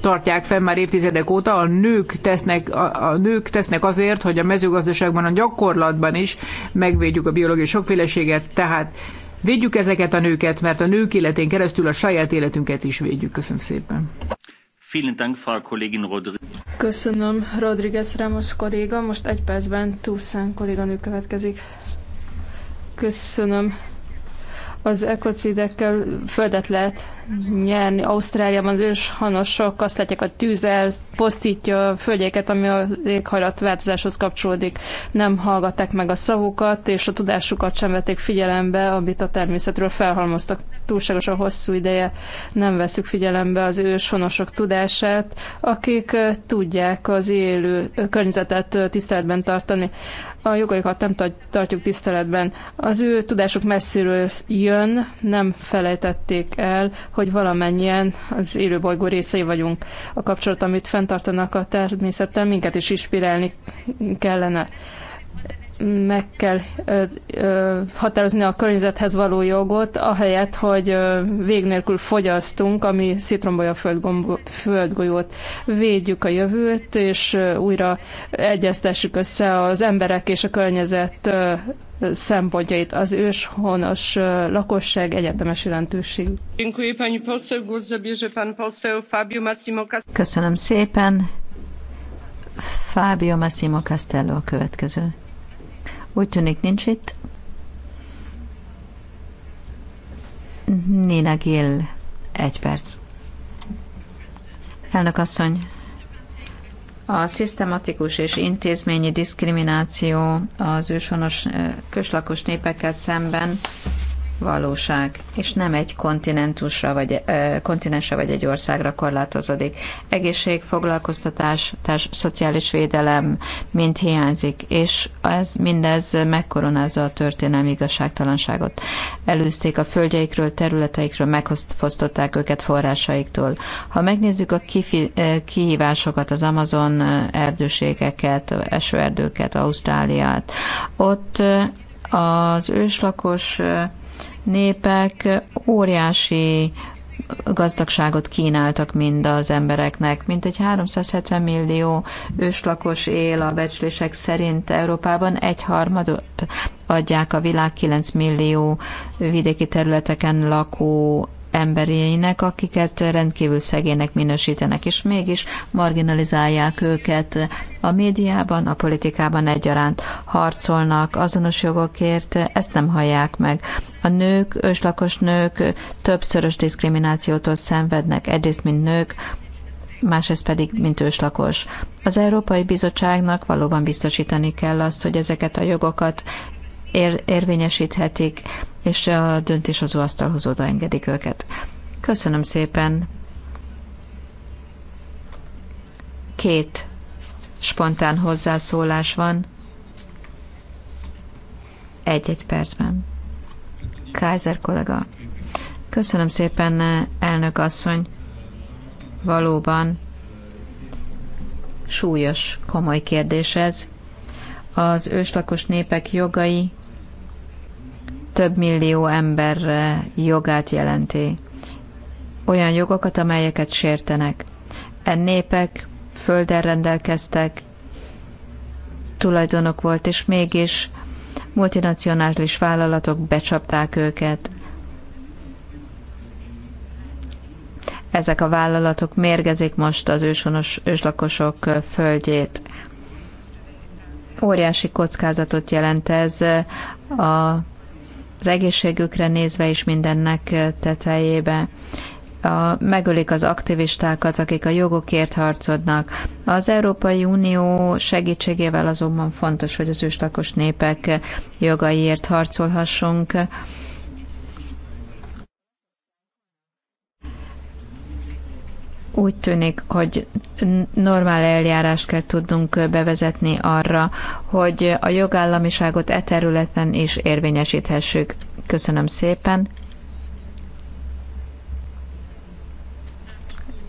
tartják fenn már évtizedek óta, a nők tesznek, a, a nők tesznek azért, hogy a mezőgazdaságban, a gyakorlatban is megvédjük a biológiai sokféleséget, tehát védjük ezeket a nőket, mert a nők életén keresztül a saját életünket is védjük. Köszönöm szépen. Köszönöm, Rodriguez Ramos kolléga. Most egy percben Tusszán kolléganő következik. Köszönöm. Az ekocidekkel földet lehet nyerni Ausztráliában az őshanosok azt látják, a tűzel posztítja a földjéket, ami az változáshoz kapcsolódik. Nem hallgatták meg a szavukat, és a tudásukat sem vették figyelembe, amit a természetről felhalmoztak. Túlságosan hosszú ideje nem veszük figyelembe az őshonosok tudását, akik eh, tudják az élő környezetet eh, tiszteletben tartani a jogaikat nem tartjuk tiszteletben. Az ő tudásuk messziről jön, nem felejtették el, hogy valamennyien az élőbolygó részei vagyunk. A kapcsolat, amit fenntartanak a természettel, minket is inspirálni kellene meg kell ö, ö, határozni a környezethez való jogot, ahelyett, hogy ö, vég nélkül fogyasztunk, ami szitrombolja a földgolyót. Védjük a jövőt, és ö, újra egyeztessük össze az emberek és a környezet ö, szempontjait. Az őshonos ö, lakosság egyetemes jelentőség. Köszönöm szépen. Fábio Massimo Castello a következő. Úgy tűnik nincs itt. Nina Gill, egy perc. Elnök asszony, a szisztematikus és intézményi diszkrimináció az őshonos köslakos népekkel szemben valóság, és nem egy kontinentusra vagy, kontinensre vagy egy országra korlátozódik. Egészség, foglalkoztatás, társ, szociális védelem mind hiányzik, és ez mindez megkoronázza a történelmi igazságtalanságot. Elűzték a földjeikről, területeikről, megfosztották őket forrásaiktól. Ha megnézzük a kifi, kihívásokat, az Amazon erdőségeket, esőerdőket, Ausztráliát, ott az őslakos népek óriási gazdagságot kínáltak mind az embereknek. mint egy 370 millió őslakos él a becslések szerint Európában, egy harmadot adják a világ 9 millió vidéki területeken lakó emberjeinek, akiket rendkívül szegénynek minősítenek, és mégis marginalizálják őket a médiában, a politikában egyaránt harcolnak azonos jogokért, ezt nem hallják meg. A nők, őslakos nők többszörös diszkriminációtól szenvednek, egyrészt mint nők, másrészt pedig, mint őslakos. Az Európai Bizottságnak valóban biztosítani kell azt, hogy ezeket a jogokat ér, érvényesíthetik, és a döntéshozó asztalhoz odaengedik őket. Köszönöm szépen! Két spontán hozzászólás van. Egy-egy percben. Kaiser kollega. Köszönöm szépen, elnök asszony. Valóban súlyos, komoly kérdés ez. Az őslakos népek jogai több millió ember eh, jogát jelenti. Olyan jogokat, amelyeket sértenek. E népek földen rendelkeztek, tulajdonok volt, és mégis multinacionális vállalatok becsapták őket. Ezek a vállalatok mérgezik most az ősonos őslakosok eh, földjét. Óriási kockázatot jelent ez eh, a az egészségükre nézve is mindennek tetejébe. A, megölik az aktivistákat, akik a jogokért harcodnak. Az Európai Unió segítségével azonban fontos, hogy az őslakos népek jogaiért harcolhassunk úgy tűnik, hogy normál eljárást kell tudnunk bevezetni arra, hogy a jogállamiságot e területen is érvényesíthessük. Köszönöm szépen.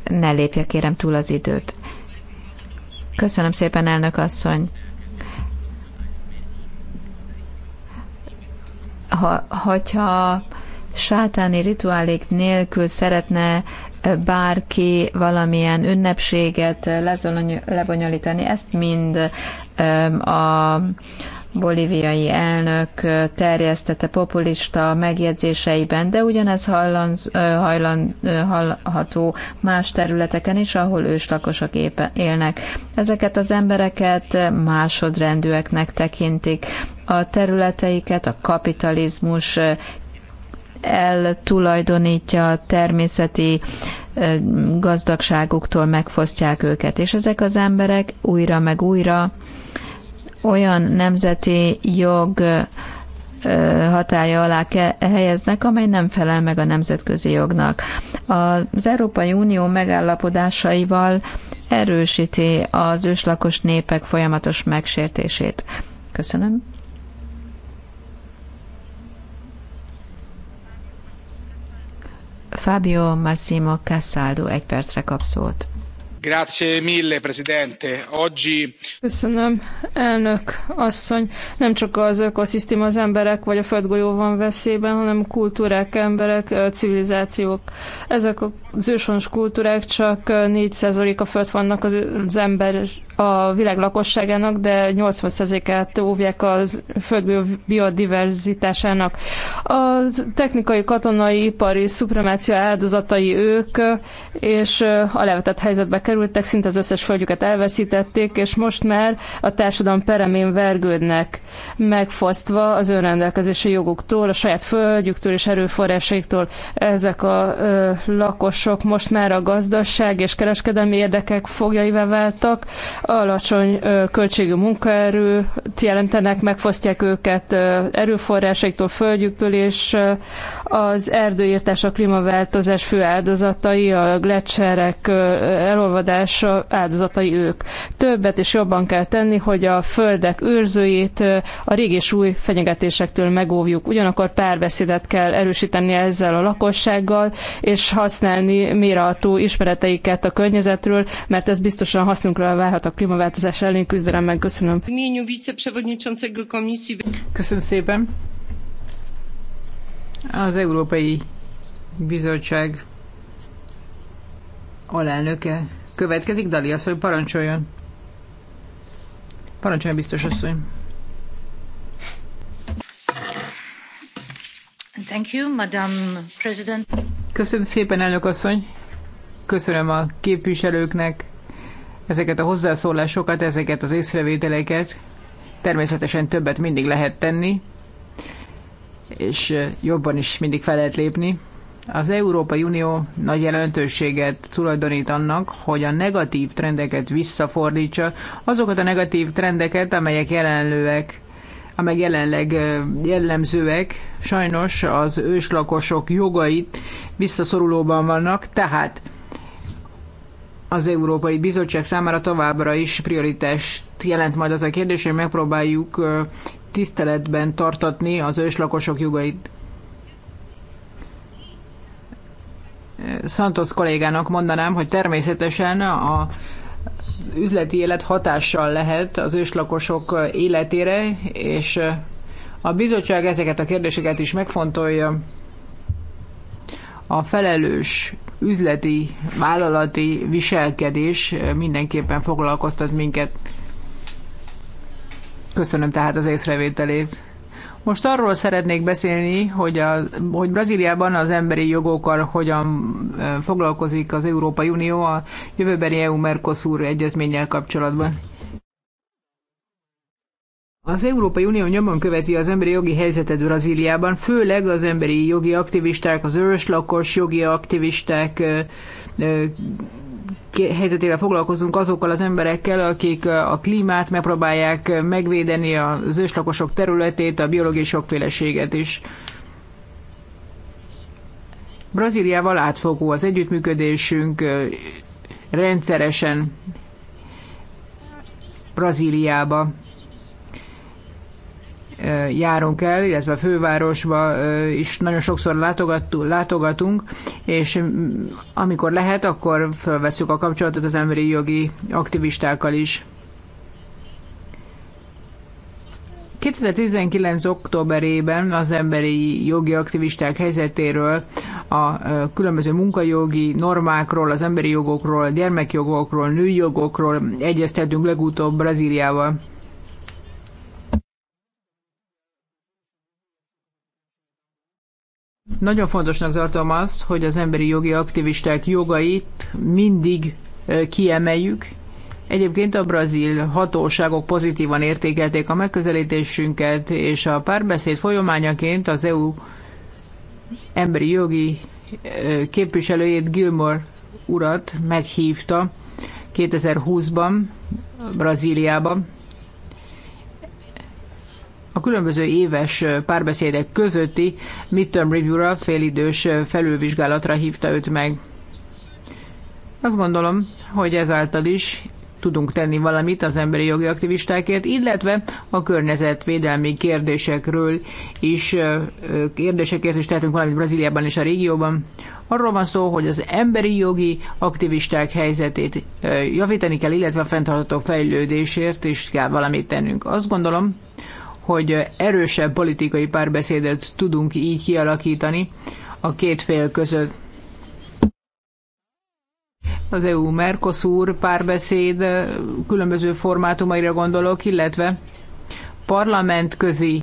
Ne lépje kérem túl az időt. Köszönöm szépen, elnök asszony. Ha, hogyha sátáni rituálék nélkül szeretne bárki valamilyen ünnepséget lebonyolítani, ezt mind a bolíviai elnök terjesztette populista megjegyzéseiben, de ugyanez hajlanz, hajlan, hallható más területeken is, ahol őslakosok élnek. Ezeket az embereket másodrendűeknek tekintik, a területeiket a kapitalizmus eltulajdonítja a természeti gazdagságuktól, megfosztják őket. És ezek az emberek újra meg újra olyan nemzeti jog hatája alá helyeznek, amely nem felel meg a nemzetközi jognak. Az Európai Unió megállapodásaival erősíti az őslakos népek folyamatos megsértését. Köszönöm. Fábio Massimo Cassaldo egy percre kap szót. Grazie mille, Presidente. Oggi... Köszönöm, elnök asszony. Nem csak az ökoszisztéma az emberek vagy a földgolyó van veszélyben, hanem kultúrák, emberek, civilizációk. Ezek az őshonos kultúrák csak 4% a föld vannak az ember a világ lakosságának, de 80%-át óvják a föld biodiverzitásának. A technikai, katonai, ipari szupremácia áldozatai ők, és alávetett helyzetbe kerültek, szinte az összes földjüket elveszítették, és most már a társadalom peremén vergődnek, megfosztva az önrendelkezési joguktól, a saját földjüktől és erőforrásaiktól. Ezek a ö, lakosok most már a gazdaság és kereskedelmi érdekek fogjaivá váltak, alacsony költségű munkaerőt jelentenek, megfosztják őket erőforrásaiktól, földjüktől, és az erdőírtás a klímaváltozás fő áldozatai, a gletszerek elolvadása áldozatai ők. Többet és jobban kell tenni, hogy a földek őrzőjét a régi és új fenyegetésektől megóvjuk. Ugyanakkor párbeszédet kell erősíteni ezzel a lakossággal, és használni mérható ismereteiket a környezetről, mert ez biztosan hasznunkra válhat a klímaváltozás elleni küzdelemben. Köszönöm. Köszönöm szépen. Az Európai Bizottság alelnöke következik. Dali asszony, parancsoljon. Parancsoljon, biztos asszony. Thank you, Madam President. Köszönöm szépen, elnök asszony. Köszönöm a képviselőknek, ezeket a hozzászólásokat, ezeket az észrevételeket. Természetesen többet mindig lehet tenni, és jobban is mindig fel lehet lépni. Az Európai Unió nagy jelentőséget tulajdonít annak, hogy a negatív trendeket visszafordítsa, azokat a negatív trendeket, amelyek jelenlőek, amelyek jelenleg jellemzőek, sajnos az őslakosok jogait visszaszorulóban vannak, tehát az Európai Bizottság számára továbbra is prioritást jelent majd az a kérdés, hogy megpróbáljuk tiszteletben tartatni az őslakosok jogait. Santos kollégának mondanám, hogy természetesen a üzleti élet hatással lehet az őslakosok életére, és a bizottság ezeket a kérdéseket is megfontolja. A felelős üzleti, vállalati viselkedés mindenképpen foglalkoztat minket. Köszönöm tehát az észrevételét. Most arról szeretnék beszélni, hogy, a, hogy Brazíliában az emberi jogokkal hogyan eh, foglalkozik az Európai Unió a jövőbeni EU-Mercosur egyezménnyel kapcsolatban. Az Európai Unió nyomon követi az emberi jogi helyzetet Brazíliában, főleg az emberi jogi aktivisták, az őslakos jogi aktivisták helyzetével foglalkozunk azokkal az emberekkel, akik a klímát megpróbálják megvédeni, az őslakosok területét, a biológiai sokféleséget is. Brazíliával átfogó az együttműködésünk, rendszeresen Brazíliába járunk el, illetve a fővárosba is nagyon sokszor látogatunk, és amikor lehet, akkor felveszünk a kapcsolatot az emberi jogi aktivistákkal is. 2019. októberében az emberi jogi aktivisták helyzetéről, a különböző munkajogi normákról, az emberi jogokról, gyermekjogokról, nőjogokról egyeztetünk legutóbb Brazíliával. Nagyon fontosnak tartom azt, hogy az emberi jogi aktivisták jogait mindig kiemeljük. Egyébként a brazil hatóságok pozitívan értékelték a megközelítésünket, és a párbeszéd folyamányaként az EU emberi jogi képviselőjét Gilmore urat meghívta 2020-ban Brazíliában a különböző éves párbeszédek közötti midterm review-ra, félidős felülvizsgálatra hívta őt meg. Azt gondolom, hogy ezáltal is tudunk tenni valamit az emberi jogi aktivistákért, illetve a környezetvédelmi kérdésekről is, kérdésekért is tehetünk valamit Brazíliában és a régióban. Arról van szó, hogy az emberi jogi aktivisták helyzetét javítani kell, illetve a fenntartható fejlődésért is kell valamit tennünk. Azt gondolom, hogy erősebb politikai párbeszédet tudunk így kialakítani a két fél között. Az EU-Mercosur párbeszéd különböző formátumaira gondolok, illetve parlamentközi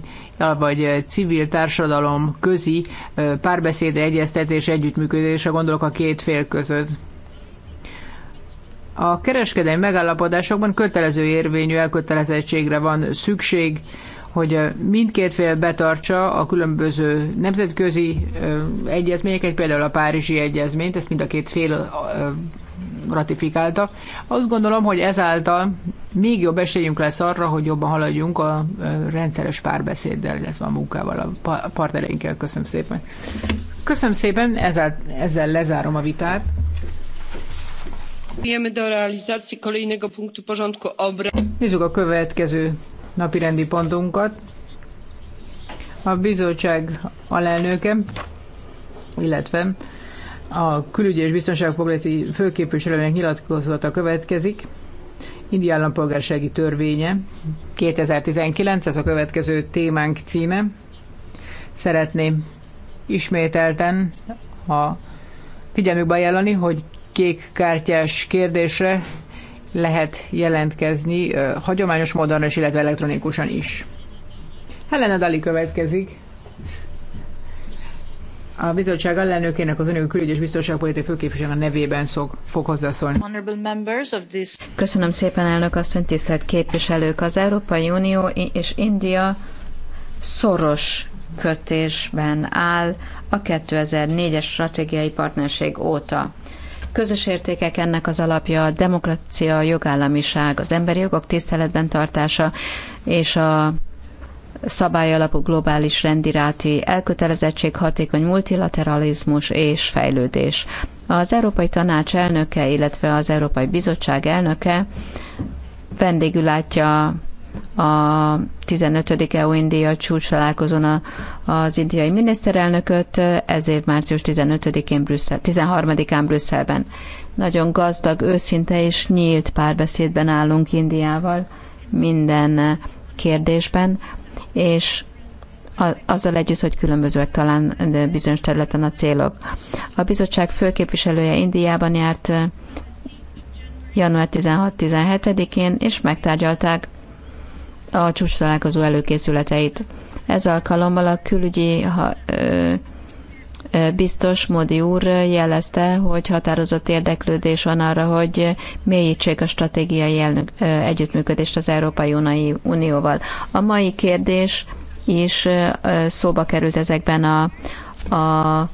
vagy civil társadalom közi párbeszéd, egyeztetés, együttműködésre gondolok a két fél között. A kereskedelmi megállapodásokban kötelező érvényű elkötelezettségre van szükség, hogy mindkét fél betartsa a különböző nemzetközi egyezményeket, például a Párizsi Egyezményt, ezt mind a két fél ratifikálta. Azt gondolom, hogy ezáltal még jobb esélyünk lesz arra, hogy jobban haladjunk a rendszeres párbeszéddel, illetve a munkával, a partnereinkkel. Köszönöm szépen. Köszönöm szépen, ezzel, ezzel lezárom a vitát. Nézzük a következő Napi rendi pontunkat. A bizottság alelnöke, illetve a külügyi és biztonságpolitikai főképviselőnek nyilatkozata következik. Indi állampolgársági törvénye 2019, ez a következő témánk címe. Szeretném ismételten a figyelmükbe ajánlani, hogy kék kártyás kérdésre lehet jelentkezni hagyományos módon és illetve elektronikusan is. Helena Dali következik. A bizottság alelnökének az önök Külügy és Biztonságpolitikai Főképviselő nevében szok, fog hozzászólni. Köszönöm szépen, elnök asszony, tisztelt képviselők! Az Európai Unió és India szoros kötésben áll a 2004-es stratégiai partnerség óta. Közös értékek ennek az alapja a demokrácia, a jogállamiság, az emberi jogok tiszteletben tartása és a szabályalapú globális rendiráti elkötelezettség, hatékony multilateralizmus és fejlődés. Az Európai Tanács elnöke, illetve az Európai Bizottság elnöke vendégül látja a 15. EU-India csúcs találkozón az indiai miniszterelnököt, ez év március 15-én Brüsszel, 13-án Brüsszelben. Nagyon gazdag, őszinte és nyílt párbeszédben állunk Indiával minden kérdésben, és azzal együtt, hogy különbözőek talán bizonyos területen a célok. A bizottság főképviselője Indiában járt január 16-17-én, és megtárgyalták a csúcs találkozó előkészületeit. Ez alkalommal a külügyi ha, ö, biztos Modi úr jelezte, hogy határozott érdeklődés van arra, hogy mélyítsék a stratégiai elnök, együttműködést az Európai Unióval. A mai kérdés is szóba került ezekben a, a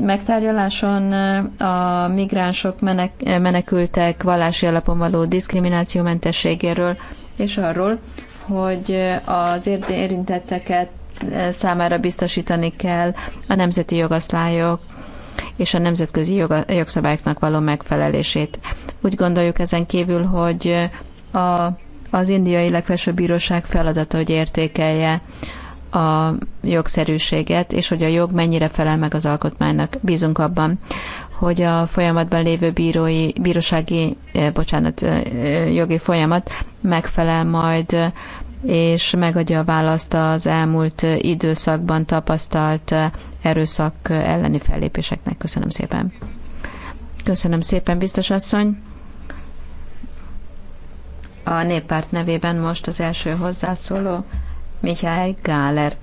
megtárgyaláson a migránsok, menek, menekültek vallási alapon való diszkriminációmentességéről, és arról, hogy az érintetteket számára biztosítani kell a nemzeti jogaszlályok és a nemzetközi joga, jogszabályoknak való megfelelését. Úgy gondoljuk ezen kívül, hogy a, az indiai legfelsőbb bíróság feladata, hogy értékelje a jogszerűséget, és hogy a jog mennyire felel meg az alkotmánynak. Bízunk abban, hogy a folyamatban lévő bírói, bírósági, eh, bocsánat, eh, eh jogi folyamat megfelel majd és megadja a választ az elmúlt eh, időszakban tapasztalt eh, erőszak elleni fellépéseknek. Köszönöm szépen. Köszönöm szépen, biztos asszony. A néppárt nevében most az első hozzászóló Mihály Gáler.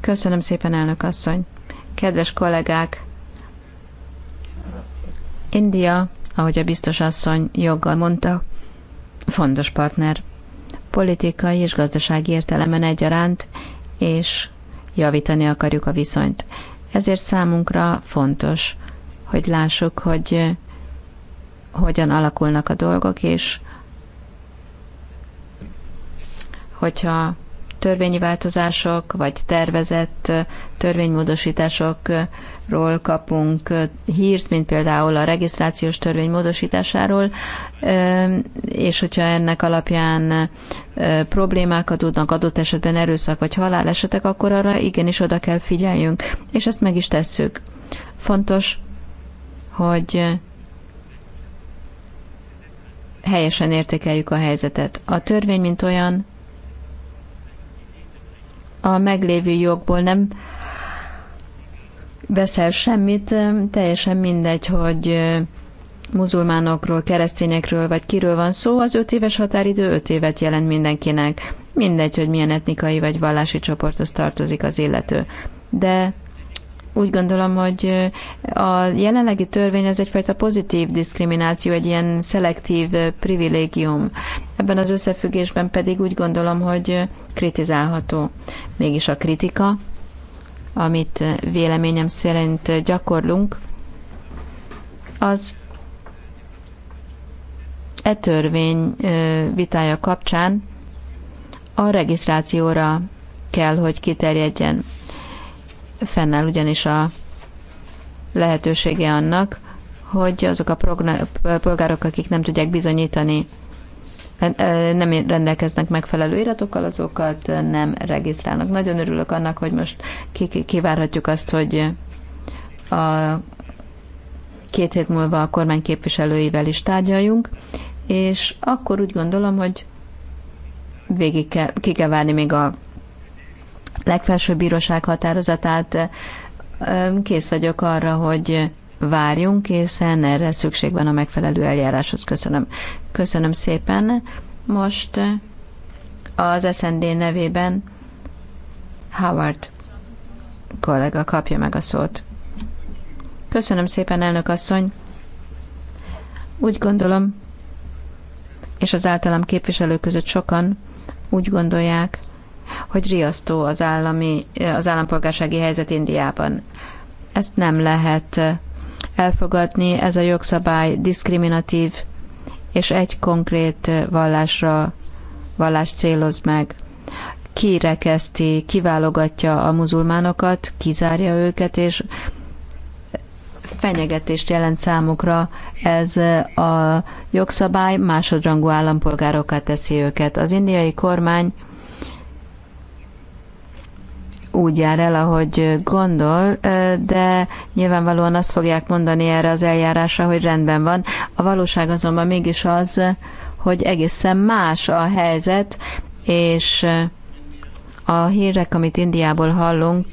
Köszönöm szépen, elnök asszony. Kedves kollégák, India, ahogy a biztos asszony joggal mondta, fontos partner. Politikai és gazdasági értelemben egyaránt, és javítani akarjuk a viszonyt. Ezért számunkra fontos, hogy lássuk, hogy eh, hogyan alakulnak a dolgok, és hogyha törvényi változások vagy tervezett törvénymódosításokról kapunk hírt, mint például a regisztrációs törvény módosításáról, és hogyha ennek alapján problémák adódnak, adott esetben erőszak vagy halálesetek, akkor arra igenis oda kell figyeljünk, és ezt meg is tesszük. Fontos, hogy helyesen értékeljük a helyzetet. A törvény, mint olyan, a meglévő jogból nem veszel semmit, teljesen mindegy, hogy muzulmánokról, keresztényekről vagy kiről van szó, az öt éves határidő öt évet jelent mindenkinek. Mindegy, hogy milyen etnikai vagy vallási csoporthoz tartozik az illető. De úgy gondolom, hogy a jelenlegi törvény ez egyfajta pozitív diszkrimináció, egy ilyen szelektív privilégium. Ebben az összefüggésben pedig úgy gondolom, hogy kritizálható. Mégis a kritika, amit véleményem szerint gyakorlunk, az e törvény vitája kapcsán a regisztrációra kell, hogy kiterjedjen. Fennáll ugyanis a lehetősége annak, hogy azok a polgárok, akik nem tudják bizonyítani, nem rendelkeznek megfelelő iratokkal, azokat nem regisztrálnak. Nagyon örülök annak, hogy most kivárhatjuk azt, hogy a két hét múlva a kormány képviselőivel is tárgyaljunk, és akkor úgy gondolom, hogy végig kell, ki kell várni még a legfelsőbb bíróság határozatát kész vagyok arra, hogy várjunk, készen erre szükség van a megfelelő eljáráshoz. Köszönöm. Köszönöm szépen. Most az SND nevében Howard kollega kapja meg a szót. Köszönöm szépen, elnök asszony. Úgy gondolom, és az általam képviselők között sokan úgy gondolják, hogy riasztó az, állami, az állampolgársági helyzet Indiában. Ezt nem lehet elfogadni, ez a jogszabály diszkriminatív, és egy konkrét vallásra, vallás céloz meg. Kirekeszti, kiválogatja a muzulmánokat, kizárja őket, és fenyegetést jelent számukra ez a jogszabály, másodrangú állampolgárokat teszi őket. Az indiai kormány úgy jár el, ahogy gondol, de nyilvánvalóan azt fogják mondani erre az eljárásra, hogy rendben van. A valóság azonban mégis az, hogy egészen más a helyzet, és a hírek, amit Indiából hallunk,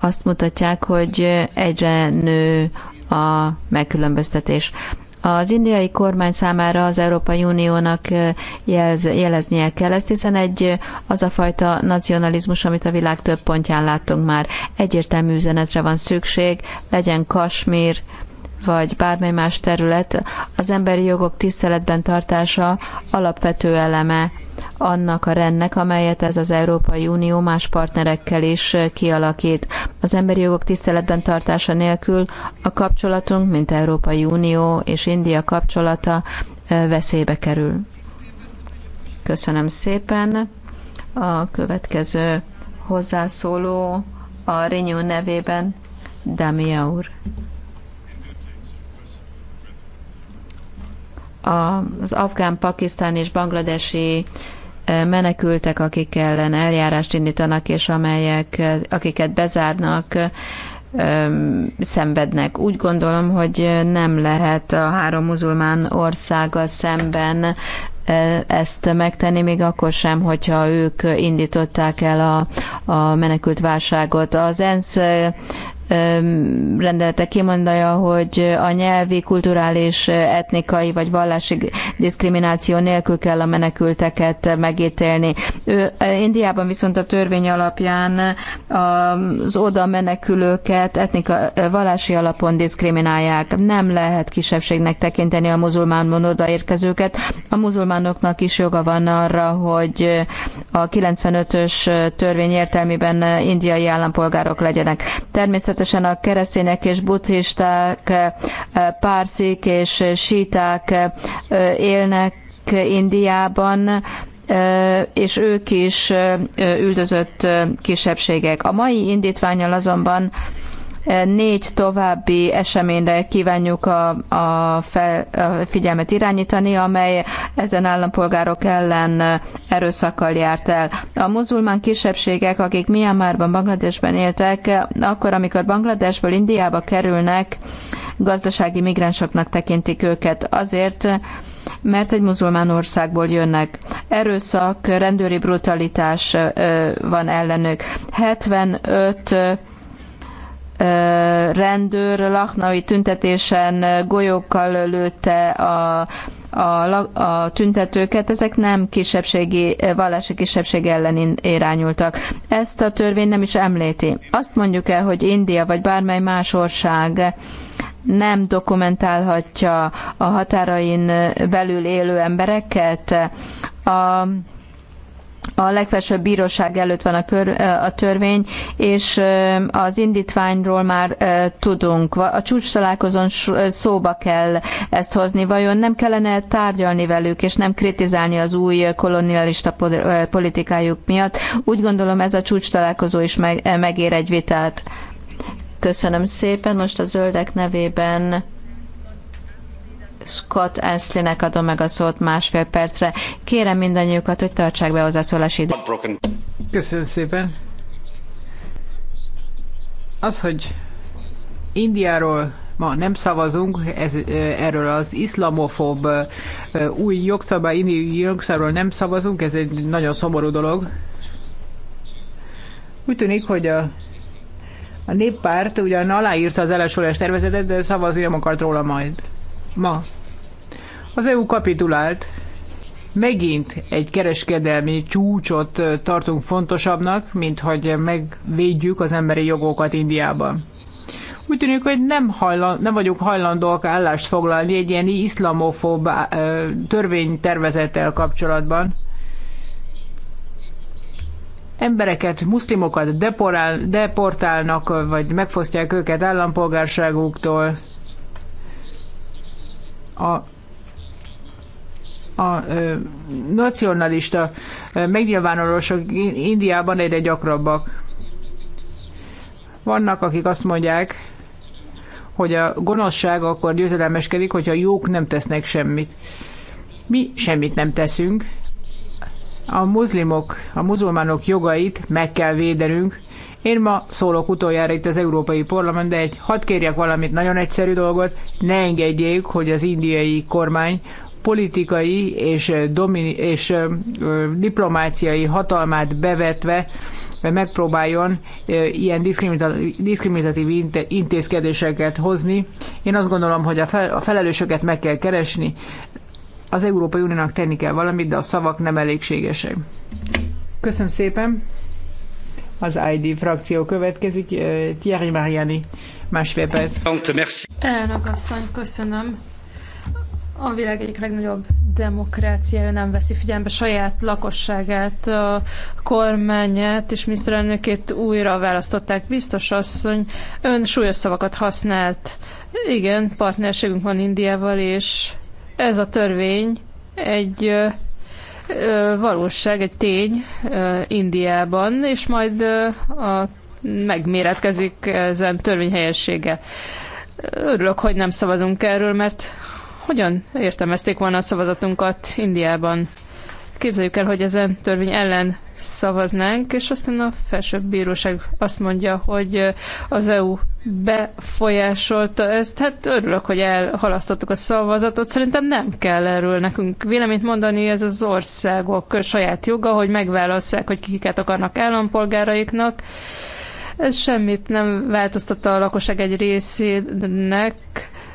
azt mutatják, hogy egyre nő a megkülönböztetés. Az indiai kormány számára az Európai Uniónak jelz, jeleznie kell ezt, hiszen egy az a fajta nacionalizmus, amit a világ több pontján látunk már. Egyértelmű üzenetre van szükség, legyen Kasmír, vagy bármely más terület, az emberi jogok tiszteletben tartása alapvető eleme annak a rendnek, amelyet ez az Európai Unió más partnerekkel is kialakít. Az emberi jogok tiszteletben tartása nélkül a kapcsolatunk, mint Európai Unió és India kapcsolata veszélybe kerül. Köszönöm szépen. A következő hozzászóló a Renew nevében Damia úr. az afgán, pakisztán és bangladesi menekültek, akik ellen eljárást indítanak, és amelyek, akiket bezárnak, szenvednek. Úgy gondolom, hogy nem lehet a három muzulmán országa szemben ezt megtenni, még akkor sem, hogyha ők indították el a, a menekült válságot. Az ENSZ rendelete kimondja, hogy a nyelvi, kulturális, etnikai vagy vallási diszkrimináció nélkül kell a menekülteket megítélni. Ő, Indiában viszont a törvény alapján az oda menekülőket etnika, vallási alapon diszkriminálják. Nem lehet kisebbségnek tekinteni a muzulmánon odaérkezőket. A muzulmánoknak is joga van arra, hogy a 95-ös törvény értelmében indiai állampolgárok legyenek. Természetesen természetesen a keresztények és buddhisták, eh, párszik és síták eh, élnek Indiában, eh, és ők is üldözött kisebbségek. A mai indítványal azonban Négy további eseményre kívánjuk a, a, fel, a figyelmet irányítani, amely ezen állampolgárok ellen erőszakkal járt el. A muzulmán kisebbségek, akik Myanmarban, Bangladesben éltek, akkor, amikor Bangladesből Indiába kerülnek, gazdasági migránsoknak tekintik őket. Azért, mert egy muzulmán országból jönnek. Erőszak, rendőri brutalitás van ellenük. 75 rendőr lachnai tüntetésen golyókkal lőtte a, a, a tüntetőket, ezek nem kisebbségi, vallási kisebbség ellen irányultak. Ezt a törvény nem is említi. Azt mondjuk el, hogy India vagy bármely más ország nem dokumentálhatja a határain belül élő embereket. A a legfelsőbb bíróság előtt van a, kör, a törvény, és az indítványról már tudunk. A csúcs találkozón szóba kell ezt hozni. Vajon nem kellene tárgyalni velük, és nem kritizálni az új kolonialista politikájuk miatt? Úgy gondolom ez a csúcs találkozó is meg, megér egy vitát. Köszönöm szépen, most a zöldek nevében Scott Enslinek adom meg a szót másfél percre. Kérem mindannyiukat, hogy tartsák be hozzászólási időt. Köszönöm szépen. Az, hogy Indiáról ma nem szavazunk, ez, erről az iszlamofób új jogszabály, indiai jogszabályról nem szavazunk, ez egy nagyon szomorú dolog. Úgy tűnik, hogy a a néppárt ugyan aláírta az elesülés tervezetet, de szavazni nem akart róla majd. Ma. Az EU kapitulált, megint egy kereskedelmi csúcsot tartunk fontosabbnak, mint hogy megvédjük az emberi jogokat Indiában. Úgy tűnik, hogy nem, hajlan, nem vagyunk hajlandóak állást foglalni egy ilyen iszlamofób törvénytervezettel kapcsolatban. Embereket, muszlimokat deporál, deportálnak, vagy megfosztják őket állampolgárságuktól. A a nacionalista megnyilvánulások Indiában egyre gyakrabbak. Vannak, akik azt mondják, hogy a gonoszság akkor győzelemeskedik, hogyha jók nem tesznek semmit. Mi semmit nem teszünk. A muzlimok, a muzulmánok jogait meg kell védenünk. Én ma szólok utoljára itt az Európai Parlament, de egy, hadd kérjek valamit, nagyon egyszerű dolgot, ne engedjék, hogy az indiai kormány politikai és, eh, domini- és eh, diplomáciai hatalmát bevetve eh, megpróbáljon ilyen diszkriminatív intézkedéseket hozni. Én azt gondolom, hogy a, felelősöket meg kell keresni. Az Európai Uniónak tenni kell valamit, de a szavak nem elégségesek. Köszönöm szépen! az ID frakció következik. Thierry Mariani, másfél perc. Elnök asszony, köszönöm a világ egyik legnagyobb demokráciája nem veszi figyelembe saját lakosságát, a kormányát és miniszterelnökét újra választották. Biztos asszony, ön súlyos szavakat használt. Igen, partnerségünk van Indiával, és ez a törvény egy valóság, egy tény Indiában, és majd a, megméretkezik ezen törvényhelyessége. Örülök, hogy nem szavazunk erről, mert hogyan értelmezték volna a szavazatunkat Indiában? Képzeljük el, hogy ezen törvény ellen szavaznánk, és aztán a felsőbb bíróság azt mondja, hogy az EU befolyásolta ezt. Hát örülök, hogy elhalasztottuk a szavazatot. Szerintem nem kell erről nekünk véleményt mondani. Ez az országok saját joga, hogy megválasszák, hogy kiket akarnak állampolgáraiknak. Ez semmit nem változtatta a lakosság egy részének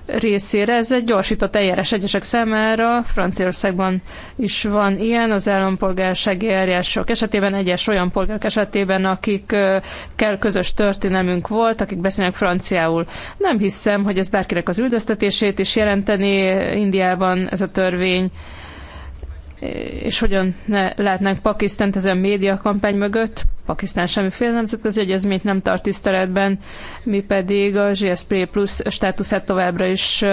részére. Ez egy gyorsított eljárás egyesek számára. Franciaországban is van ilyen az állampolgársági eljárások esetében, egyes olyan polgárok esetében, akikkel közös történelmünk volt, akik beszélnek franciául. Nem hiszem, hogy ez bárkinek az üldöztetését is jelenteni Indiában ez a törvény és hogyan ne látnánk Pakisztánt ezen média kampány mögött. Pakisztán semmiféle nemzetközi egyezményt nem tart tiszteletben, mi pedig a GSP plusz státuszát továbbra is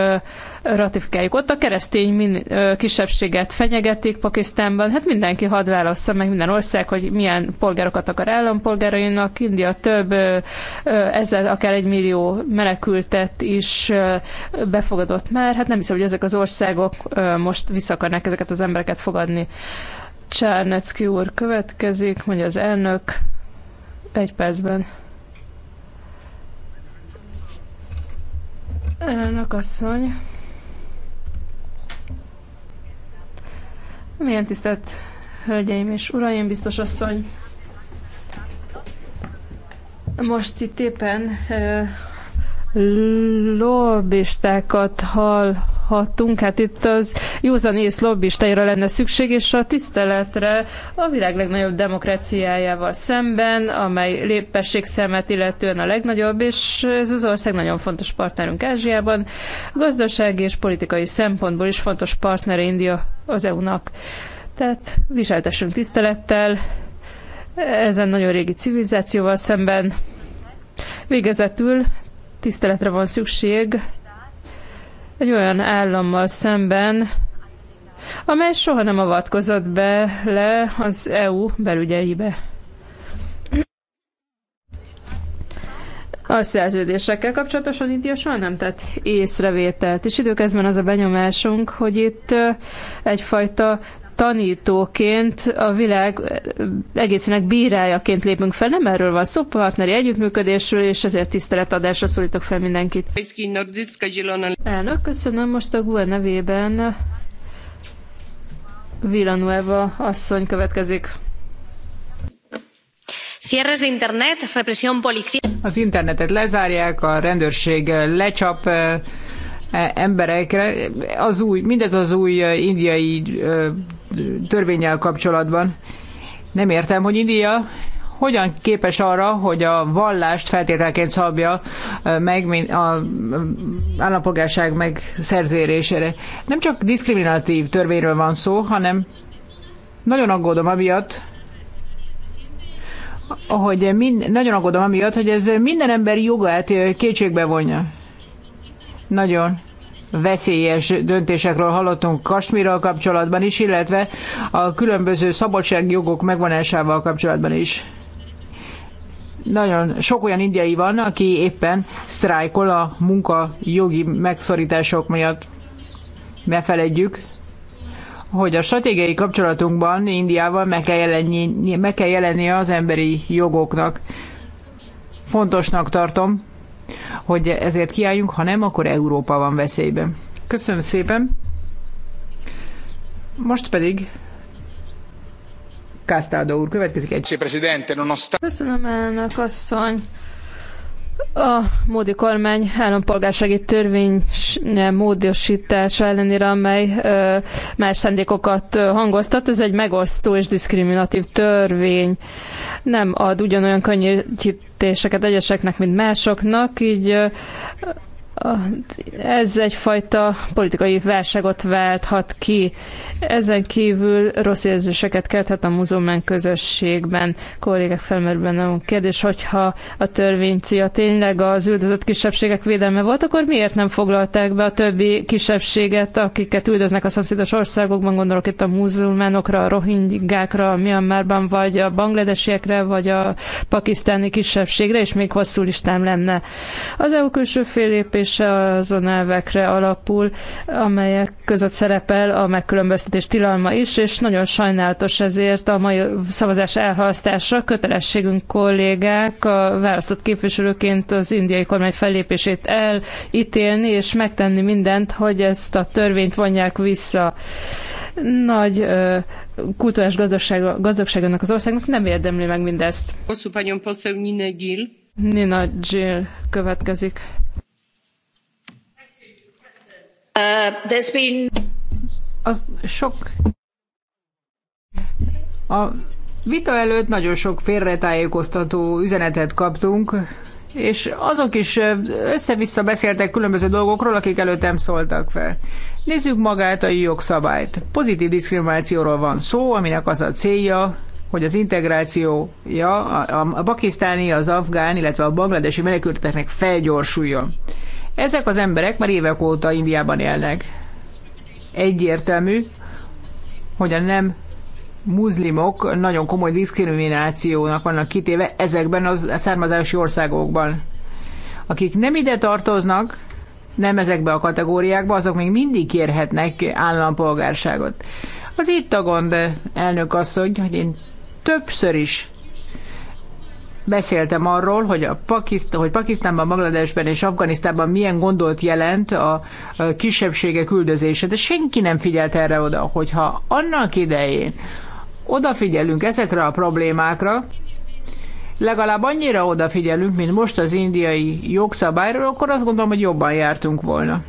ratifikáljuk. Ott a keresztény kisebbséget fenyegetik Pakisztánban, hát mindenki hadd válaszza meg minden ország, hogy milyen polgárokat akar állampolgárainak. India több ezzel akár egy millió menekültet is befogadott már, hát nem hiszem, hogy ezek az országok most vissza akarnák ezeket az embereket fogadni. Csárnecki úr következik, mondja az elnök egy percben. Elnök asszony. Milyen tisztelt hölgyeim és uraim, biztos asszony. Most itt éppen lobbistákat hallhatunk. Hát itt az józan ész lobbistaira lenne szükség, és a tiszteletre a világ legnagyobb demokráciájával szemben, amely lépességszemet illetően a legnagyobb, és ez az ország nagyon fontos partnerünk Ázsiában. Gazdasági és politikai szempontból is fontos partnere India az EU-nak. Tehát viseltessünk tisztelettel, ezen nagyon régi civilizációval szemben. Végezetül tiszteletre van szükség egy olyan állammal szemben, amely soha nem avatkozott be le az EU belügyeibe. A szerződésekkel kapcsolatosan India soha nem tett észrevételt, és időközben az a benyomásunk, hogy itt egyfajta tanítóként, a világ egészének bírájaként lépünk fel. Nem erről van szó, partneri együttműködésről, és ezért tiszteletadásra szólítok fel mindenkit. Elnök, köszönöm most a GUE nevében. Villanueva asszony következik. Cierres de internet, represión policial. Az internetet lezárják, a rendőrség lecsap eh, emberekre. Az új, mindez az új eh, indiai eh, törvényel kapcsolatban. Nem értem, hogy India hogyan képes arra, hogy a vallást feltételként szabja meg a állampolgárság megszerzérésére. Nem csak diszkriminatív törvényről van szó, hanem nagyon aggódom amiatt, hogy mind, nagyon aggódom amiatt, hogy ez minden ember jogát kétségbe vonja. Nagyon veszélyes döntésekről hallottunk Kasmirral kapcsolatban is, illetve a különböző szabadságjogok megvonásával kapcsolatban is. Nagyon sok olyan indiai van, aki éppen sztrájkol a munka jogi megszorítások miatt. Ne feledjük, hogy a stratégiai kapcsolatunkban Indiával meg kell, jelenni, meg kell jelenni az emberi jogoknak. Fontosnak tartom, hogy ezért kiálljunk, ha nem, akkor Európa van veszélyben. Köszönöm szépen! Most pedig Kásztáldó úr következik egy. Köszönöm elnök asszony! A módi kormány állampolgársági törvény módosítása ellenére, amely ö, más szándékokat hangoztat, ez egy megosztó és diszkriminatív törvény. Nem ad ugyanolyan könnyítéseket egyeseknek, mint másoknak, így ö, ez egyfajta politikai válságot válthat ki. Ezen kívül rossz érzéseket kelthet a muzulmán közösségben. Kollégek felmerül bennem a kérdés, hogyha a törvény célja tényleg az üldözött kisebbségek védelme volt, akkor miért nem foglalták be a többi kisebbséget, akiket üldöznek a szomszédos országokban, gondolok itt a muzulmánokra, a rohingyákra, a Myanmarban, vagy a bangladesiekre, vagy a pakisztáni kisebbségre, és még hosszú listám lenne. Az EU külső félépés kérdése azon elvekre alapul, amelyek között szerepel a megkülönböztetés tilalma is, és nagyon sajnálatos ezért a mai szavazás elhalasztásra kötelességünk kollégák a választott képviselőként az indiai kormány fellépését elítélni, és megtenni mindent, hogy ezt a törvényt vonják vissza. Nagy ö, kultúrás gazdagság, ennek az országnak nem érdemli meg mindezt. Nina Gill következik. Uh, there's been... Az sok... A vita előtt nagyon sok félretájékoztató üzenetet kaptunk, és azok is össze-vissza beszéltek különböző dolgokról, akik előttem szóltak fel. Nézzük magát a jogszabályt. Pozitív diszkriminációról van szó, aminek az a célja, hogy az integrációja a, a, a pakisztáni, az afgán, illetve a bangladesi menekülteknek felgyorsuljon. Ezek az emberek már évek óta Indiában élnek. Egyértelmű, hogy a nem muzlimok nagyon komoly diszkriminációnak vannak kitéve ezekben a származási országokban. Akik nem ide tartoznak, nem ezekbe a kategóriákba, azok még mindig kérhetnek állampolgárságot. Az itt a gond, elnök asszony, hogy én többször is Beszéltem arról, hogy, a Pakiszt- hogy Pakisztánban, Bangladesben és Afganisztánban milyen gondolt jelent a kisebbségek üldözése, de senki nem figyelt erre oda, hogyha annak idején odafigyelünk ezekre a problémákra, legalább annyira odafigyelünk, mint most az indiai jogszabályról, akkor azt gondolom, hogy jobban jártunk volna.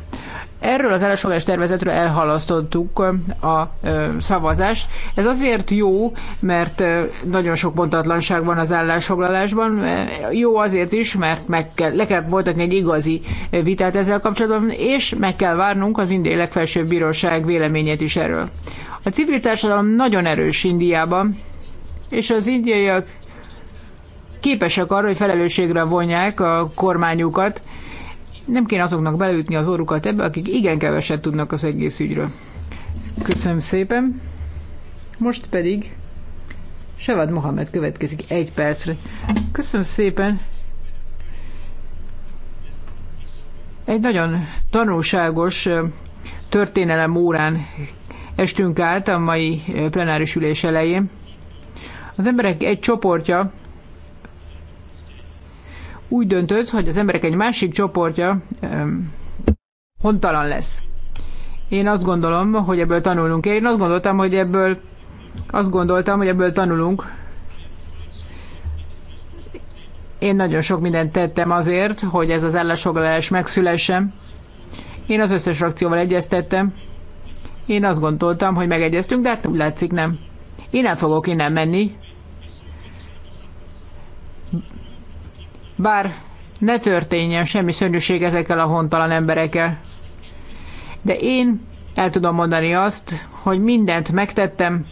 Erről az állásfoglalás tervezetről elhalasztottuk a szavazást. Ez azért jó, mert nagyon sok pontatlanság van az állásfoglalásban. Jó azért is, mert meg kell, le kell folytatni egy igazi vitát ezzel kapcsolatban, és meg kell várnunk az indiai legfelsőbb bíróság véleményét is erről. A civil társadalom nagyon erős Indiában, és az indiaiak képesek arra, hogy felelősségre vonják a kormányukat, nem kéne azoknak beleütni az orrukat ebbe, akik igen keveset tudnak az egész ügyről. Köszönöm szépen. Most pedig Sevad Mohamed következik egy percre. Köszönöm szépen. Egy nagyon tanulságos történelem órán estünk át a mai plenáris ülés elején. Az emberek egy csoportja úgy döntött, hogy az emberek egy másik csoportja hontalan lesz. Én azt gondolom, hogy ebből tanulunk. Én azt gondoltam, hogy ebből azt gondoltam, hogy ebből tanulunk. Én nagyon sok mindent tettem azért, hogy ez az ellensoglalás megszülessen. Én az összes frakcióval egyeztettem. Én azt gondoltam, hogy megegyeztünk, de hát úgy látszik nem. Én el fogok innen menni bár ne történjen semmi szörnyűség ezekkel a hontalan emberekkel. De én el tudom mondani azt, hogy mindent megtettem,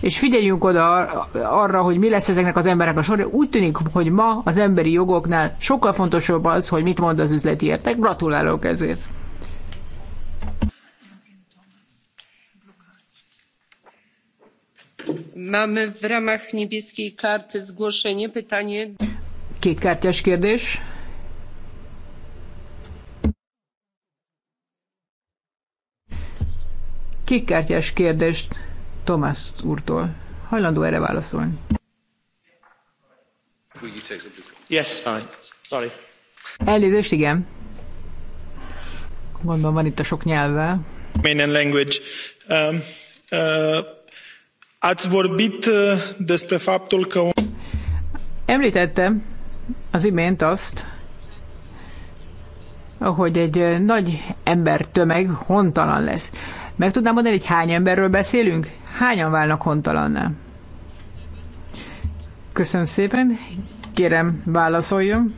és figyeljünk oda arra, hogy mi lesz ezeknek az emberek a sorja. Úgy tűnik, hogy ma az emberi jogoknál sokkal fontosabb az, hogy mit mond az üzleti értek. Gratulálok ezért! Mamy w ramach niebieskiej karty zgłoszenie pytanie. Kékkártyás kérdés. Kékkártyás kérdést Tomás úrtól. Hajlandó erre válaszolni? Yes, I. Sorry. Elnézést, igen. Gondolom van itt a sok nyelve. Romanian language. Um, uh, ați vorbit uh, despre faptul că... Említettem, az imént azt, hogy egy nagy ember tömeg hontalan lesz. Meg tudnám mondani, hogy hány emberről beszélünk? Hányan válnak hontalanná? Köszönöm szépen. Kérem, válaszoljon.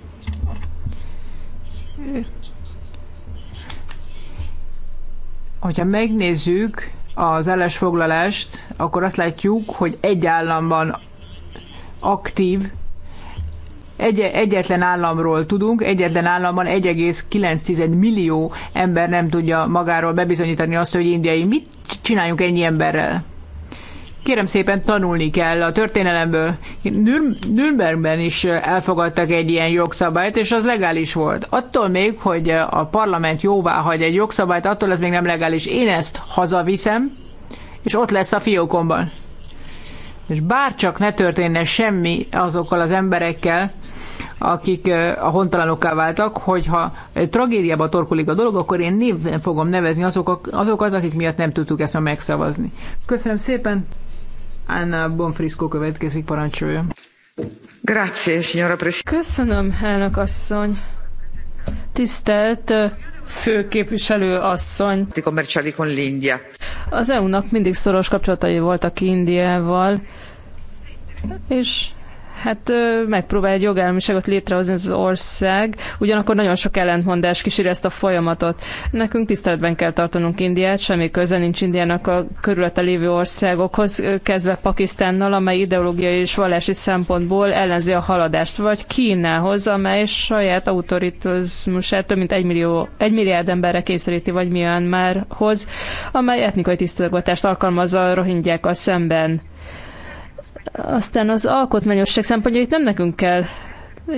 Hogyha megnézzük az ellesfoglalást, akkor azt látjuk, hogy egy államban aktív egy, egyetlen államról tudunk, egyetlen államban 1,9 millió ember nem tudja magáról bebizonyítani azt, hogy indiai. Mit csináljunk ennyi emberrel? Kérem szépen, tanulni kell a történelemből. Nürnbergben is elfogadtak egy ilyen jogszabályt, és az legális volt. Attól még, hogy a parlament jóvá hagy egy jogszabályt, attól ez még nem legális. Én ezt hazaviszem, és ott lesz a fiókomban. És bárcsak ne történne semmi azokkal az emberekkel, akik a hontalanokká váltak, hogyha tragédiába torkolik a dolog, akkor én névben fogom nevezni azokat, azokat, akik miatt nem tudtuk ezt ma megszavazni. Köszönöm szépen! Anna Bonfrisco következik, parancsolja. Grazie, signora Presidente. Köszönöm, elnök asszony. Tisztelt főképviselő asszony. Az EU-nak mindig szoros kapcsolatai voltak Indiával, és Hát megpróbál egy jogállamiságot létrehozni az ország, ugyanakkor nagyon sok ellentmondás kíséri ezt a folyamatot. Nekünk tiszteletben kell tartanunk Indiát, semmi köze nincs Indiának a körülete lévő országokhoz, kezdve Pakisztánnal, amely ideológiai és vallási szempontból ellenzi a haladást, vagy Kínához, amely saját autoritizmusát több mint egy, millió, egy milliárd emberre kényszeríti, vagy Myanmarhoz, amely etnikai tisztogatást alkalmaz a rohingyákkal szemben aztán az alkotmányosság szempontjait nem nekünk kell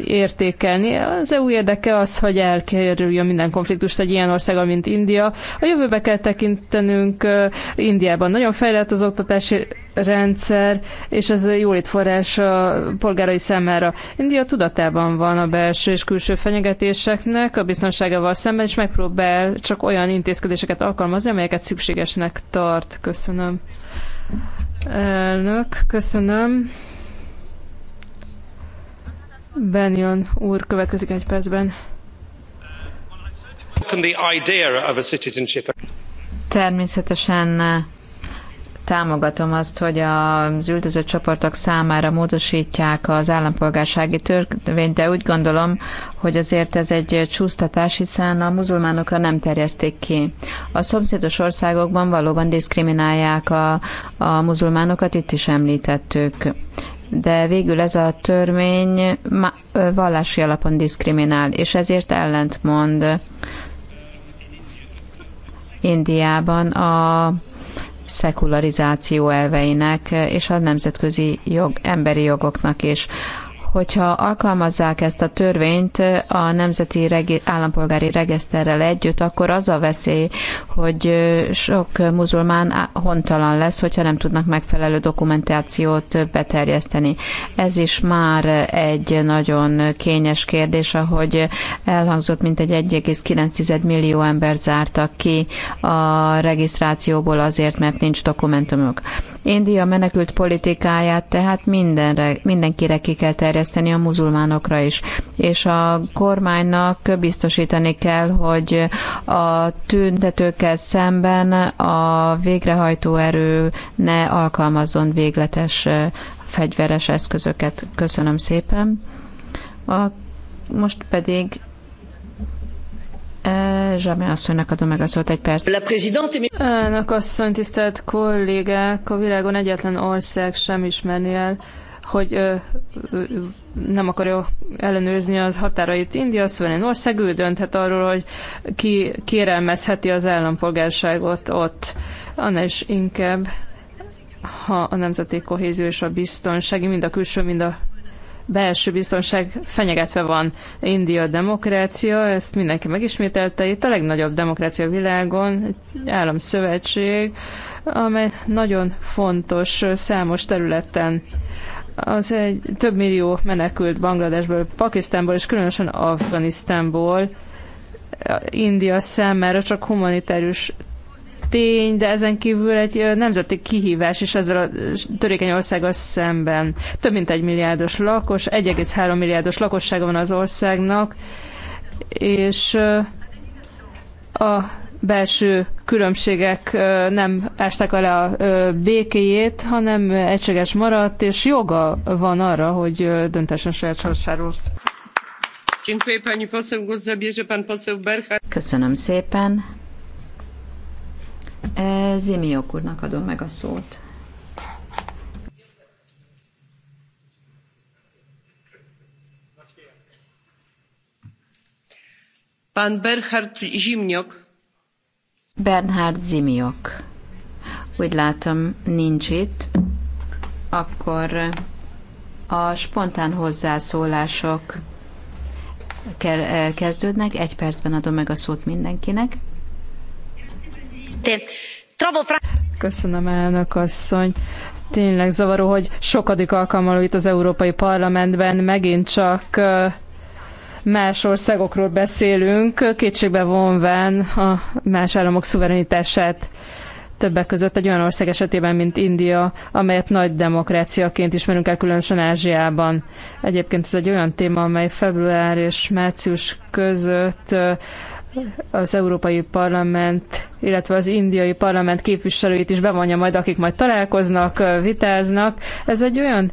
értékelni. Az EU érdeke az, hogy elkerüljön minden konfliktust egy ilyen országgal, mint India. A jövőbe kell tekintenünk Indiában. Nagyon fejlett az oktatási rendszer, és ez forrás a polgárai számára. India tudatában van a belső és külső fenyegetéseknek, a biztonságával szemben, és megpróbál csak olyan intézkedéseket alkalmazni, amelyeket szükségesnek tart. Köszönöm. Elnök, köszönöm. Benyon úr következik egy percben. Természetesen támogatom azt, hogy az üldözött csoportok számára módosítják az állampolgársági törvényt, de úgy gondolom, hogy azért ez egy csúsztatás, hiszen a muzulmánokra nem terjeszték ki. A szomszédos országokban valóban diszkriminálják a, a muzulmánokat, itt is említettük. De végül ez a törvény vallási alapon diszkriminál, és ezért ellentmond Indiában a szekularizáció elveinek és a nemzetközi jog, emberi jogoknak és hogyha alkalmazzák ezt a törvényt a Nemzeti Regi- Állampolgári Regiszterrel együtt, akkor az a veszély, hogy sok muzulmán hontalan lesz, hogyha nem tudnak megfelelő dokumentációt beterjeszteni. Ez is már egy nagyon kényes kérdés, ahogy elhangzott, mint egy 1,9 millió ember zártak ki a regisztrációból azért, mert nincs dokumentumok. India menekült politikáját tehát mindenre, mindenkire ki kell terjeszteni, kiterjeszteni a muzulmánokra is. És a kormánynak biztosítani kell, hogy a tüntetőkkel szemben a végrehajtó erő ne alkalmazzon végletes fegyveres eszközöket. Köszönöm szépen. A, most pedig Zsámi asszonynak adom meg a szót egy perc. Elnök asszony, tisztelt kollégák, a világon egyetlen ország sem ismerni el hogy nem akarja ellenőrizni az határait. India egy ország, ő dönthet arról, hogy ki kérelmezheti az állampolgárságot ott. Annál is inkább, ha a nemzeti kohézió és a biztonsági, mind a külső, mind a belső biztonság fenyegetve van. India demokrácia, ezt mindenki megismételte, itt a legnagyobb demokrácia a világon, egy államszövetség, amely nagyon fontos számos területen az egy több millió menekült Bangladesből, Pakisztánból és különösen Afganisztánból India számára csak humanitárius tény, de ezen kívül egy nemzeti kihívás is ezzel a törékeny országgal szemben. Több mint egy milliárdos lakos, 1,3 milliárdos lakossága van az országnak, és a belső különbségek nem ásták alá a békéjét, hanem egységes maradt, és joga van arra, hogy döntessen saját sorsáról. Köszönöm szépen. E, Zimiok úrnak adom meg a szót. Pan Berhard Zimniok Bernhard Zimiok. Úgy látom, nincs itt. Akkor eh, a spontán hozzászólások eh, kezdődnek. Egy percben adom meg a szót mindenkinek. Köszönöm, elnök asszony tényleg zavaró, hogy sokadik alkalommal itt az Európai Parlamentben megint csak eh, más országokról beszélünk, kétségbe vonván a más államok szuverenitását többek között egy olyan ország esetében, mint India, amelyet nagy demokráciaként ismerünk el, különösen Ázsiában. Egyébként ez egy olyan téma, amely február és március között az Európai Parlament, illetve az indiai parlament képviselőit is bevonja majd, akik majd találkoznak, vitáznak. Ez egy olyan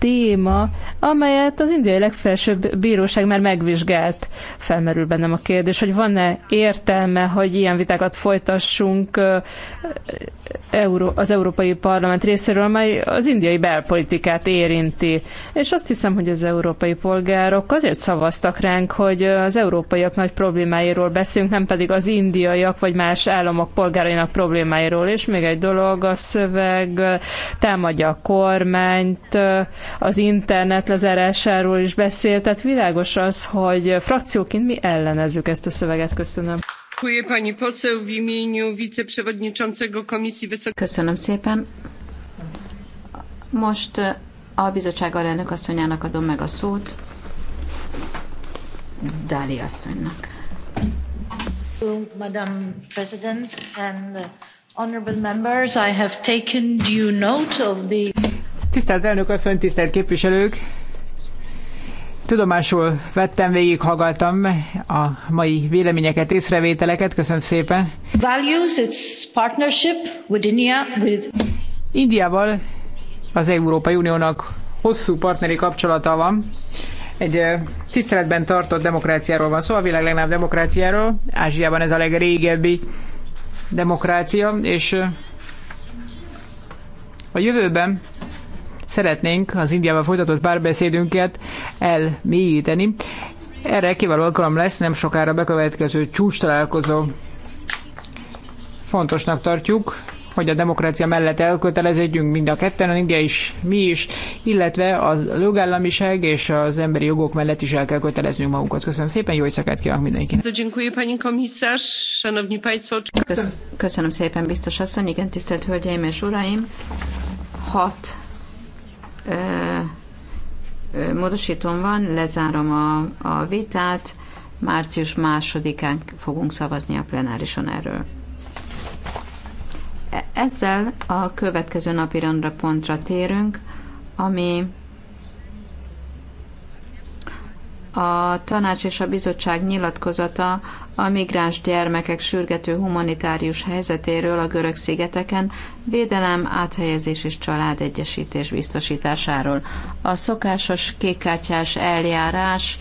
téma, amelyet az indiai legfelsőbb bíróság már megvizsgált. Felmerül bennem a kérdés, hogy van-e értelme, hogy ilyen vitákat folytassunk az Európai Parlament részéről, amely az indiai belpolitikát érinti. És azt hiszem, hogy az európai polgárok azért szavaztak ránk, hogy az európaiak nagy problémáiról beszélünk, nem pedig az indiaiak vagy más államok polgárainak problémáiról. És még egy dolog, a szöveg támadja a kormányt, az internet lezárásáról is beszélt, tehát világos az, hogy frakcióként mi ellenezzük ezt a szöveget. Köszönöm. Köszönöm szépen. Most e, a bizottság alelnök asszonyának adom meg a szót. Dali asszonynak. Madam President and honorable members, I have taken due note of the Tisztelt elnök asszony, tisztelt képviselők! Tudomásul vettem, végighallgattam a mai véleményeket, észrevételeket. Köszönöm szépen. Values its partnership with India, with... Indiával az Európai Uniónak hosszú partneri kapcsolata van. Egy tiszteletben tartott demokráciáról van szó, a világ legnagyobb demokráciáról. Ázsiában ez a legrégebbi demokrácia, és a jövőben szeretnénk az Indiában folytatott párbeszédünket elmélyíteni. Erre kiváló alkalom lesz nem sokára bekövetkező csúcs találkozó. Fontosnak tartjuk, hogy a demokrácia mellett elköteleződjünk mind a ketten, India is, mi is, illetve a jogállamiság és az emberi jogok mellett is el kell köteleznünk magunkat. Köszönöm szépen, jó éjszakát kívánok mindenkinek. Köszönöm szépen, biztos asszony, igen, tisztelt hölgyeim és uraim. Hat módosítom van, lezárom a, a vitát, március másodikán fogunk szavazni a plenárison erről. E, ezzel a következő napi pontra térünk, ami a tanács és a bizottság nyilatkozata a migráns gyermekek sürgető humanitárius helyzetéről a görög szigeteken védelem, áthelyezés és családegyesítés biztosításáról. A szokásos kékkártyás eljárás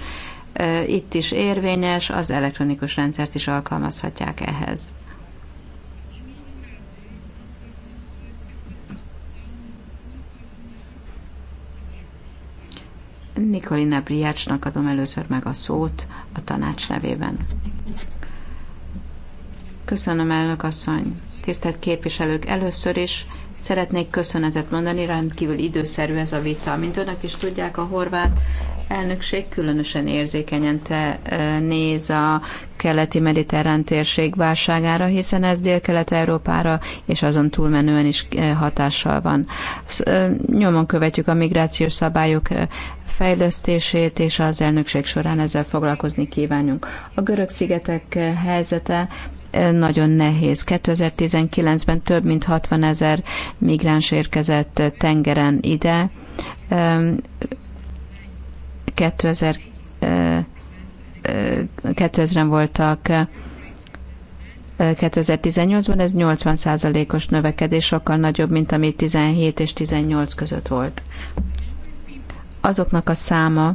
itt is érvényes, az elektronikus rendszert is alkalmazhatják ehhez. Nikolina Briácsnak adom először meg a szót a tanács nevében. Köszönöm, elnök asszony. Tisztelt képviselők, először is szeretnék köszönetet mondani, rendkívül időszerű ez a vita. Mint önök is tudják, a horvát elnökség különösen érzékenyen te néz a keleti mediterrán térség válságára, hiszen ez Dél-Kelet-Európára és azon túlmenően is hatással van. Nyomon követjük a migrációs szabályok fejlesztését, és az elnökség során ezzel foglalkozni kívánunk. A görög szigetek helyzete e, nagyon nehéz. 2019-ben több mint 60 ezer migráns érkezett tengeren ide. 2000, 2000-en e, e, voltak 2018-ban, ez 80 os növekedés, sokkal nagyobb, mint ami 17 és 18 között volt azoknak a száma,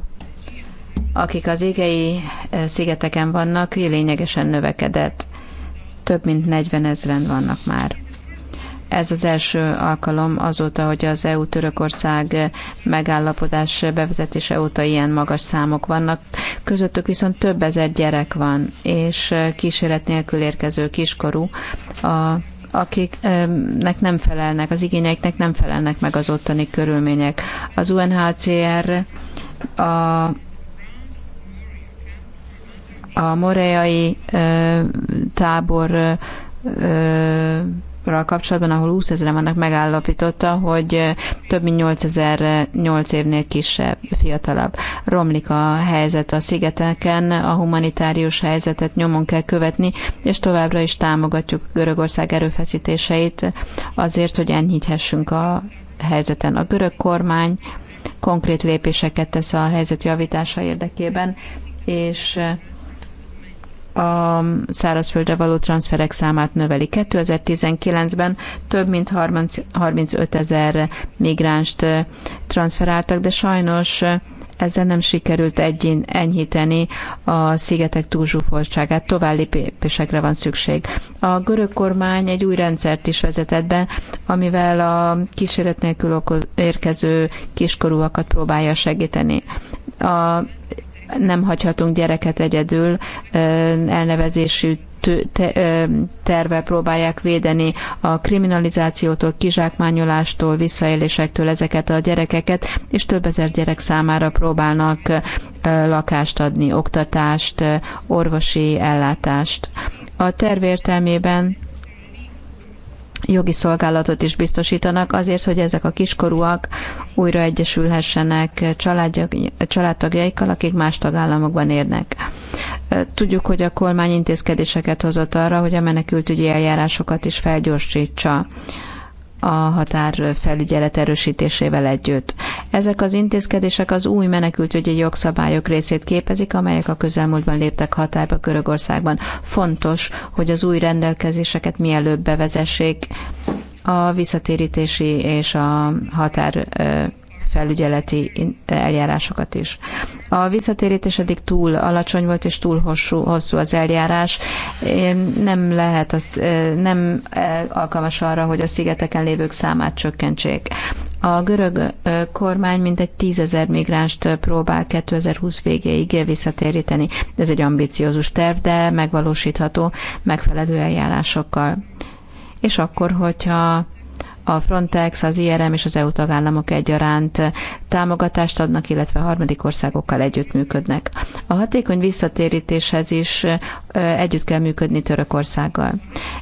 akik az égei szigeteken vannak, lényegesen növekedett. Több mint 40 ezeren vannak már. Ez az első alkalom azóta, hogy az EU-Törökország megállapodás bevezetése óta ilyen magas számok vannak. Közöttük viszont több ezer gyerek van, és kíséret nélkül érkező kiskorú a akiknek nem felelnek, az igényeknek nem felelnek meg az ottani körülmények. Az UNHCR a a moreai tábor kapcsolatban, ahol 20 ezeren vannak, megállapította, hogy több mint 8 ezer 8 évnél kisebb, fiatalabb. Romlik a helyzet a szigeteken, a humanitárius helyzetet nyomon kell követni, és továbbra is támogatjuk Görögország erőfeszítéseit azért, hogy enyhíthessünk a helyzeten. A görög kormány konkrét lépéseket tesz a helyzet javítása érdekében, és a szárazföldre való transferek számát növeli. 2019-ben több mint 30, 35 ezer migránst transferáltak, de sajnos ezzel nem sikerült egyén enyhíteni a szigetek túlzsúfoltságát. További lépésekre van szükség. A görög kormány egy új rendszert is vezetett be, amivel a kísérlet nélkül érkező kiskorúakat próbálja segíteni. A nem hagyhatunk gyereket egyedül, elnevezésű terve próbálják védeni a kriminalizációtól, kizsákmányolástól, visszaélésektől ezeket a gyerekeket, és több ezer gyerek számára próbálnak lakást adni, oktatást, orvosi ellátást. A terv értelmében jogi szolgálatot is biztosítanak azért, hogy ezek a kiskorúak újra egyesülhessenek családtagjaikkal, akik más tagállamokban érnek. Tudjuk, hogy a kormány intézkedéseket hozott arra, hogy a menekültügyi eljárásokat is felgyorsítsa a határfelügyelet erősítésével együtt. Ezek az intézkedések az új menekültügyi jogszabályok részét képezik, amelyek a közelmúltban léptek hatályba Görögországban. Fontos, hogy az új rendelkezéseket mielőbb bevezessék a visszatérítési és a határ felügyeleti eljárásokat is. A visszatérítés eddig túl alacsony volt és túl hosszú, hosszú az eljárás. Nem lehet, az, nem alkalmas arra, hogy a szigeteken lévők számát csökkentsék. A görög kormány mintegy tízezer migránst próbál 2020 végéig visszatéríteni. Ez egy ambiciózus terv, de megvalósítható megfelelő eljárásokkal. És akkor, hogyha a Frontex, az IRM és az EU tagállamok egyaránt támogatást adnak, illetve harmadik országokkal együttműködnek. A hatékony visszatérítéshez is együtt kell működni Törökországgal.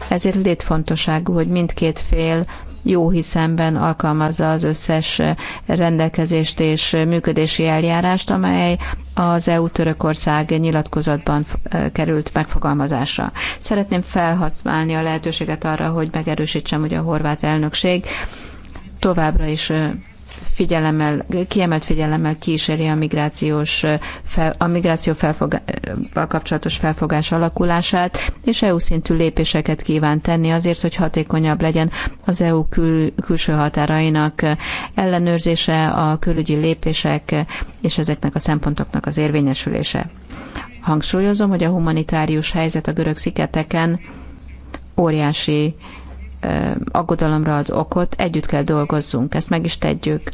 Ezért létfontosságú, hogy mindkét fél jó hiszemben alkalmazza az összes rendelkezést és működési eljárást, amely az EU-Törökország nyilatkozatban eh, került megfogalmazásra. Szeretném felhasználni a lehetőséget arra, hogy megerősítsem, hogy a horvát elnökség továbbra is eh, figyelemmel, kiemelt figyelemmel kíséri a migrációs, a migráció felfogával kapcsolatos felfogás alakulását, és EU szintű lépéseket kíván tenni azért, hogy hatékonyabb legyen az EU kül, külső határainak ellenőrzése, a külügyi lépések és ezeknek a szempontoknak az érvényesülése. Hangsúlyozom, hogy a humanitárius helyzet a görög sziketeken óriási aggodalomra ad okot, együtt kell dolgozzunk, ezt meg is tegyük,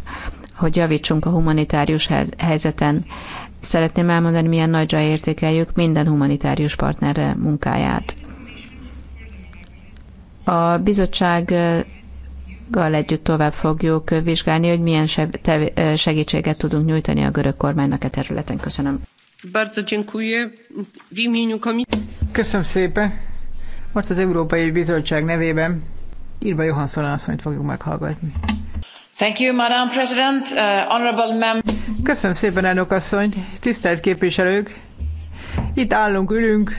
hogy javítsunk a humanitárius helyzeten. Szeretném elmondani, milyen nagyra értékeljük minden humanitárius partnerre munkáját. A bizottsággal együtt tovább fogjuk vizsgálni, hogy milyen segítséget tudunk nyújtani a görög kormánynak e területen. Köszönöm. Köszönöm szépen. Most az Európai Bizottság nevében Irva Johansson asszonyt fogjuk meghallgatni. Thank you, Madam President. Uh, honorable mem- Köszönöm szépen, elnök asszony. Tisztelt képviselők! Itt állunk, ülünk,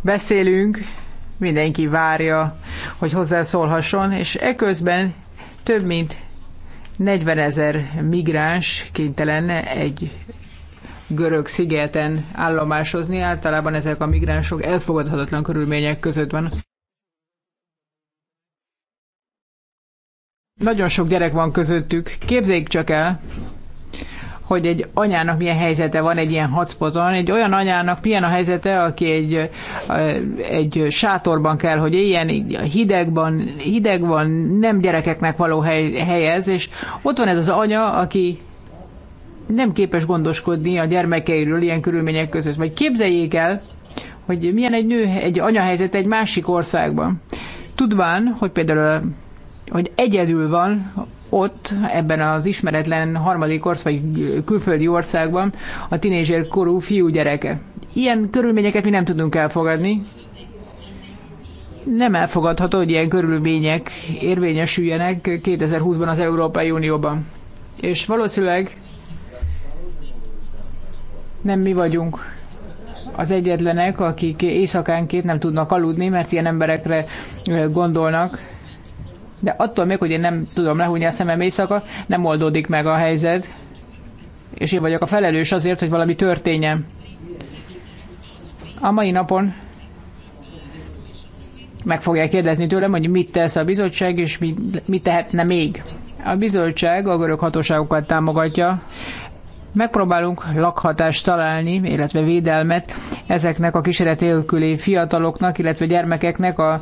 beszélünk, mindenki várja, hogy hozzászólhasson, és eközben több mint 40 ezer migráns kénytelen egy görög szigeten állomásozni. Általában ezek a migránsok elfogadhatatlan körülmények között van. Nagyon sok gyerek van közöttük. Képzeljék csak el, hogy egy anyának milyen helyzete van egy ilyen hotspoton, egy olyan anyának milyen a helyzete, aki egy, eh, egy sátorban kell, hogy ilyen van, hideg van, nem gyerekeknek való hely, helyez, és ott van ez az anya, aki nem képes gondoskodni a gyermekeiről ilyen körülmények között. Vagy képzeljék el, hogy milyen egy nő, egy anya helyzet egy másik országban. Tudván, hogy például hogy egyedül van ott, ebben az ismeretlen harmadik ország, vagy külföldi országban a tinézsér korú fiú gyereke. Ilyen körülményeket mi nem tudunk elfogadni. Nem elfogadható, hogy ilyen körülmények érvényesüljenek 2020-ban az Európai Unióban. És valószínűleg nem mi vagyunk az egyetlenek, akik éjszakánként nem tudnak aludni, mert ilyen emberekre gondolnak. De attól még, hogy én nem tudom lehúnyni a szemem éjszaka, nem oldódik meg a helyzet, és én vagyok a felelős azért, hogy valami történjen. A mai napon meg fogják kérdezni tőlem, hogy mit tesz a bizottság, és mit, mit tehetne még. A bizottság a görög hatóságokat támogatja, Megpróbálunk lakhatást találni, illetve védelmet ezeknek a kísérlet nélküli fiataloknak, illetve gyermekeknek a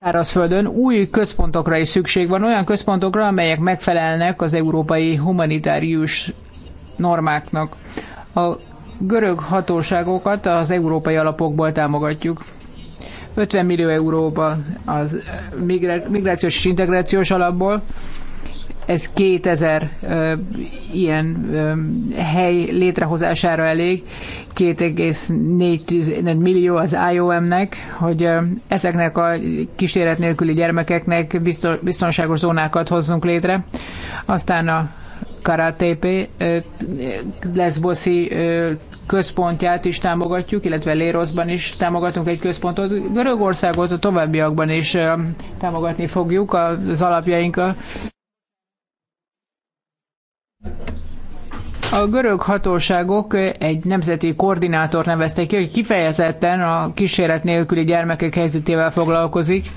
szárazföldön új központokra is szükség van, olyan központokra, amelyek megfelelnek az európai humanitárius normáknak. A görög hatóságokat az európai alapokból támogatjuk. 50 millió euróba az migrációs és integrációs alapból, ez 2000 ö, ilyen ö, hely létrehozására elég, 2,4 millió az IOM-nek, hogy ö, ezeknek a kíséret nélküli gyermekeknek biztonságos zónákat hozzunk létre. Aztán a Karatepe leszboszi központját is támogatjuk, illetve Lérosban is támogatunk egy központot. Görögországot a továbbiakban is támogatni fogjuk az alapjaink A görög hatóságok egy nemzeti koordinátor neveztek ki, aki kifejezetten a kísérlet nélküli gyermekek helyzetével foglalkozik.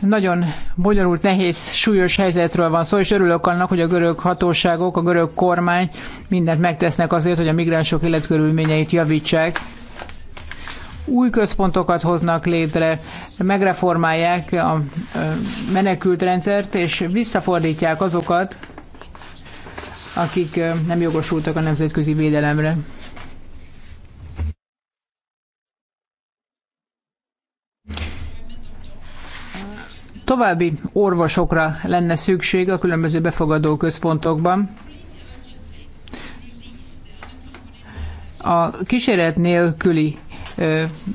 Nagyon bonyolult, nehéz, súlyos helyzetről van szó, és örülök annak, hogy a görög hatóságok, a görög kormány mindent megtesznek azért, hogy a migránsok életkörülményeit javítsák új központokat hoznak létre, megreformálják a menekültrendszert, és visszafordítják azokat, akik nem jogosultak a nemzetközi védelemre. További orvosokra lenne szükség a különböző befogadó központokban. A kíséret nélküli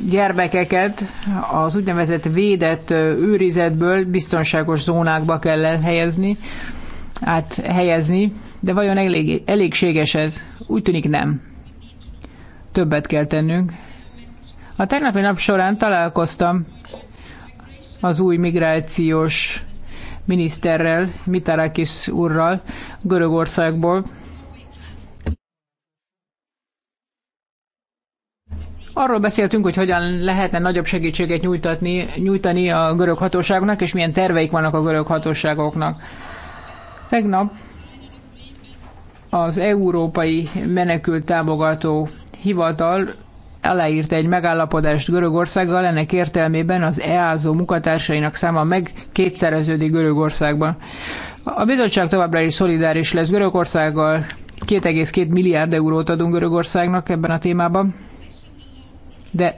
gyermekeket az úgynevezett védett őrizetből biztonságos zónákba kell helyezni, át helyezni. De vajon elég, elégséges ez? Úgy tűnik nem. Többet kell tennünk. A tegnapi nap során találkoztam az új migrációs miniszterrel, Mitarakis úrral Görögországból. Arról beszéltünk, hogy hogyan lehetne nagyobb segítséget nyújtatni, nyújtani a görög hatóságnak, és milyen terveik vannak a görög hatóságoknak. Tegnap az Európai Menekült Támogató Hivatal aláírta egy megállapodást Görögországgal, ennek értelmében az EASO munkatársainak száma meg kétszereződik Görögországban. A bizottság továbbra is szolidáris lesz Görögországgal, 2,2 milliárd eurót adunk Görögországnak ebben a témában, de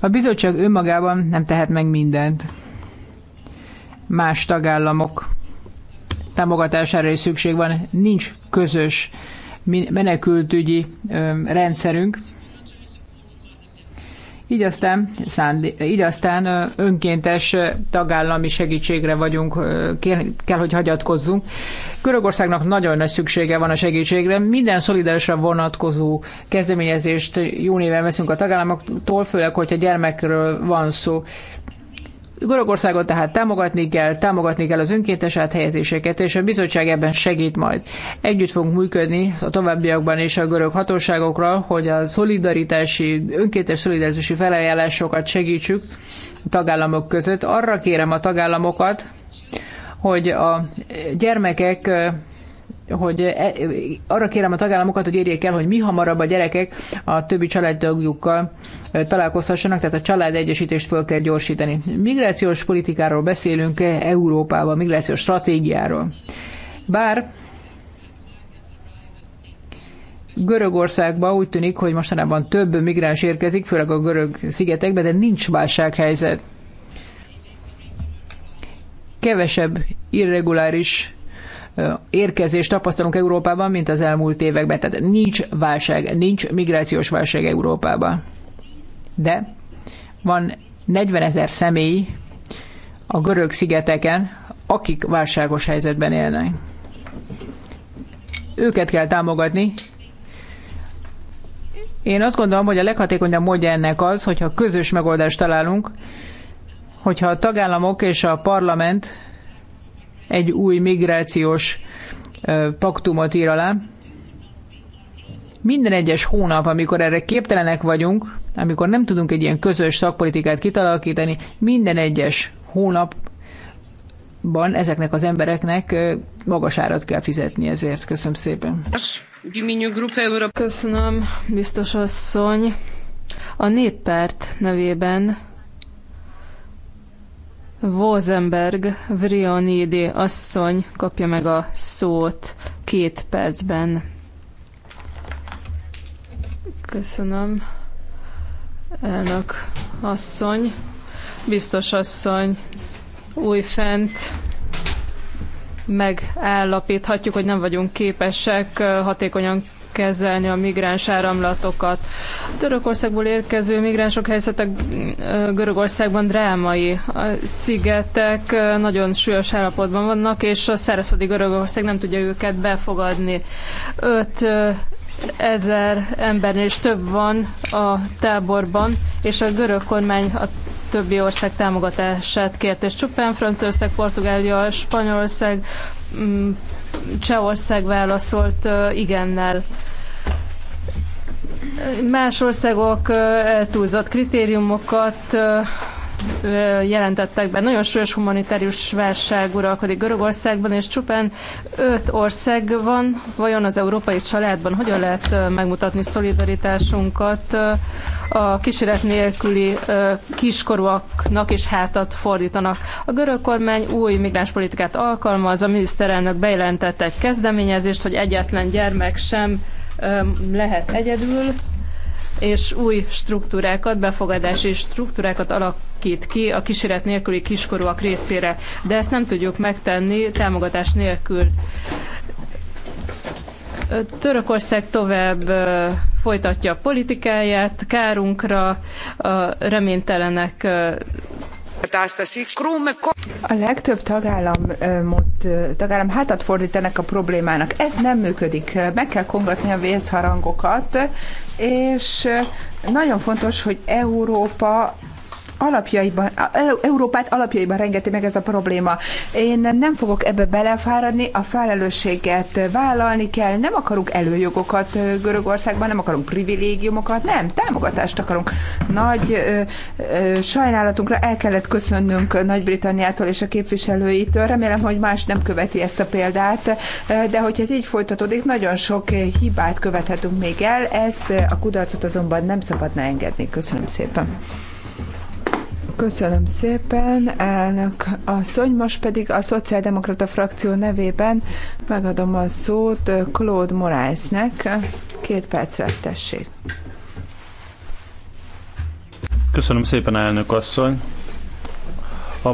a bizottság önmagában nem tehet meg mindent. Más tagállamok támogatására is szükség van, nincs közös menekültügyi rendszerünk. Így aztán, szándé, így aztán önkéntes tagállami segítségre vagyunk, kell, hogy hagyatkozzunk. Görögországnak nagyon nagy szüksége van a segítségre. Minden szolidárisra vonatkozó kezdeményezést jó néven veszünk a tagállamoktól, főleg, hogyha gyermekről van szó. Görögországot tehát támogatni kell, támogatni kell az önkéntes áthelyezéseket, és a bizottság ebben segít majd. Együtt fogunk működni a továbbiakban és a görög hatóságokra, hogy a szolidaritási, önkéntes szolidaritási felajánlásokat segítsük a tagállamok között. Arra kérem a tagállamokat, hogy a gyermekek hogy e, arra kérem a tagállamokat, hogy érjék el, hogy mi hamarabb a gyerekek a többi családtagjukkal találkozhassanak, tehát a család egyesítést föl kell gyorsítani. Migrációs politikáról beszélünk e, Európában, migrációs stratégiáról. Bár Görögországban úgy tűnik, hogy mostanában több migráns érkezik, főleg a görög szigetekbe, de nincs válsághelyzet. Kevesebb irreguláris érkezést tapasztalunk Európában, mint az elmúlt években. Tehát nincs válság, nincs migrációs válság Európában. De van 40 ezer személy a görög szigeteken, akik válságos helyzetben élnek. Őket kell támogatni. Én azt gondolom, hogy a leghatékonyabb módja ennek az, hogyha közös megoldást találunk, hogyha a tagállamok és a parlament egy új migrációs paktumot ír alá. Minden egyes hónap, amikor erre képtelenek vagyunk, amikor nem tudunk egy ilyen közös szakpolitikát kitalakítani, minden egyes hónapban ezeknek az embereknek magas árat kell fizetni ezért. Köszönöm szépen. Köszönöm, biztos asszony. A néppárt nevében Wozenberg Vrionidi asszony kapja meg a szót két percben. Köszönöm, elnök asszony, biztos asszony, újfent megállapíthatjuk, hogy nem vagyunk képesek hatékonyan kezelni a migráns áramlatokat. A Törökországból érkező migránsok helyzetek Görögországban drámai. A szigetek nagyon súlyos állapotban vannak, és a szárazföldi Görögország nem tudja őket befogadni. Öt ezer embernél is több van a táborban, és a görög kormány a többi ország támogatását kért, és csupán Franciaország, Portugália, Spanyolország, mm, Csehország válaszolt igennel. Más országok eltúlzott kritériumokat jelentettek be. Nagyon súlyos humanitárius válság uralkodik Görögországban, és csupán öt ország van. Vajon az európai családban hogyan lehet megmutatni szolidaritásunkat a kísérlet nélküli kiskorúaknak is hátat fordítanak? A görög kormány új migránspolitikát alkalmaz, a miniszterelnök bejelentette egy kezdeményezést, hogy egyetlen gyermek sem lehet egyedül és új struktúrákat, befogadási struktúrákat alakít ki a kísérlet nélküli kiskorúak részére. De ezt nem tudjuk megtenni támogatás nélkül. Törökország tovább folytatja a politikáját, kárunkra, a reménytelenek a legtöbb tagállam, tagállam hátat fordít ennek a problémának. Ez nem működik. Meg kell kongatni a vészharangokat, és nagyon fontos, hogy Európa alapjaiban, Európát alapjaiban rengeti meg ez a probléma. Én nem fogok ebbe belefáradni, a felelősséget vállalni kell, nem akarunk előjogokat Görögországban, nem akarunk privilégiumokat, nem, támogatást akarunk. Nagy ö, ö, sajnálatunkra el kellett köszönnünk Nagy-Britanniától és a képviselőitől, remélem, hogy más nem követi ezt a példát, de hogy ez így folytatódik, nagyon sok hibát követhetünk még el, ezt a kudarcot azonban nem szabadna engedni. Köszönöm szépen. Köszönöm szépen, elnök asszony. Most pedig a Szociáldemokrata frakció nevében megadom a szót Claude Moraesnek. Két percre tessék. Köszönöm szépen, elnök asszony. A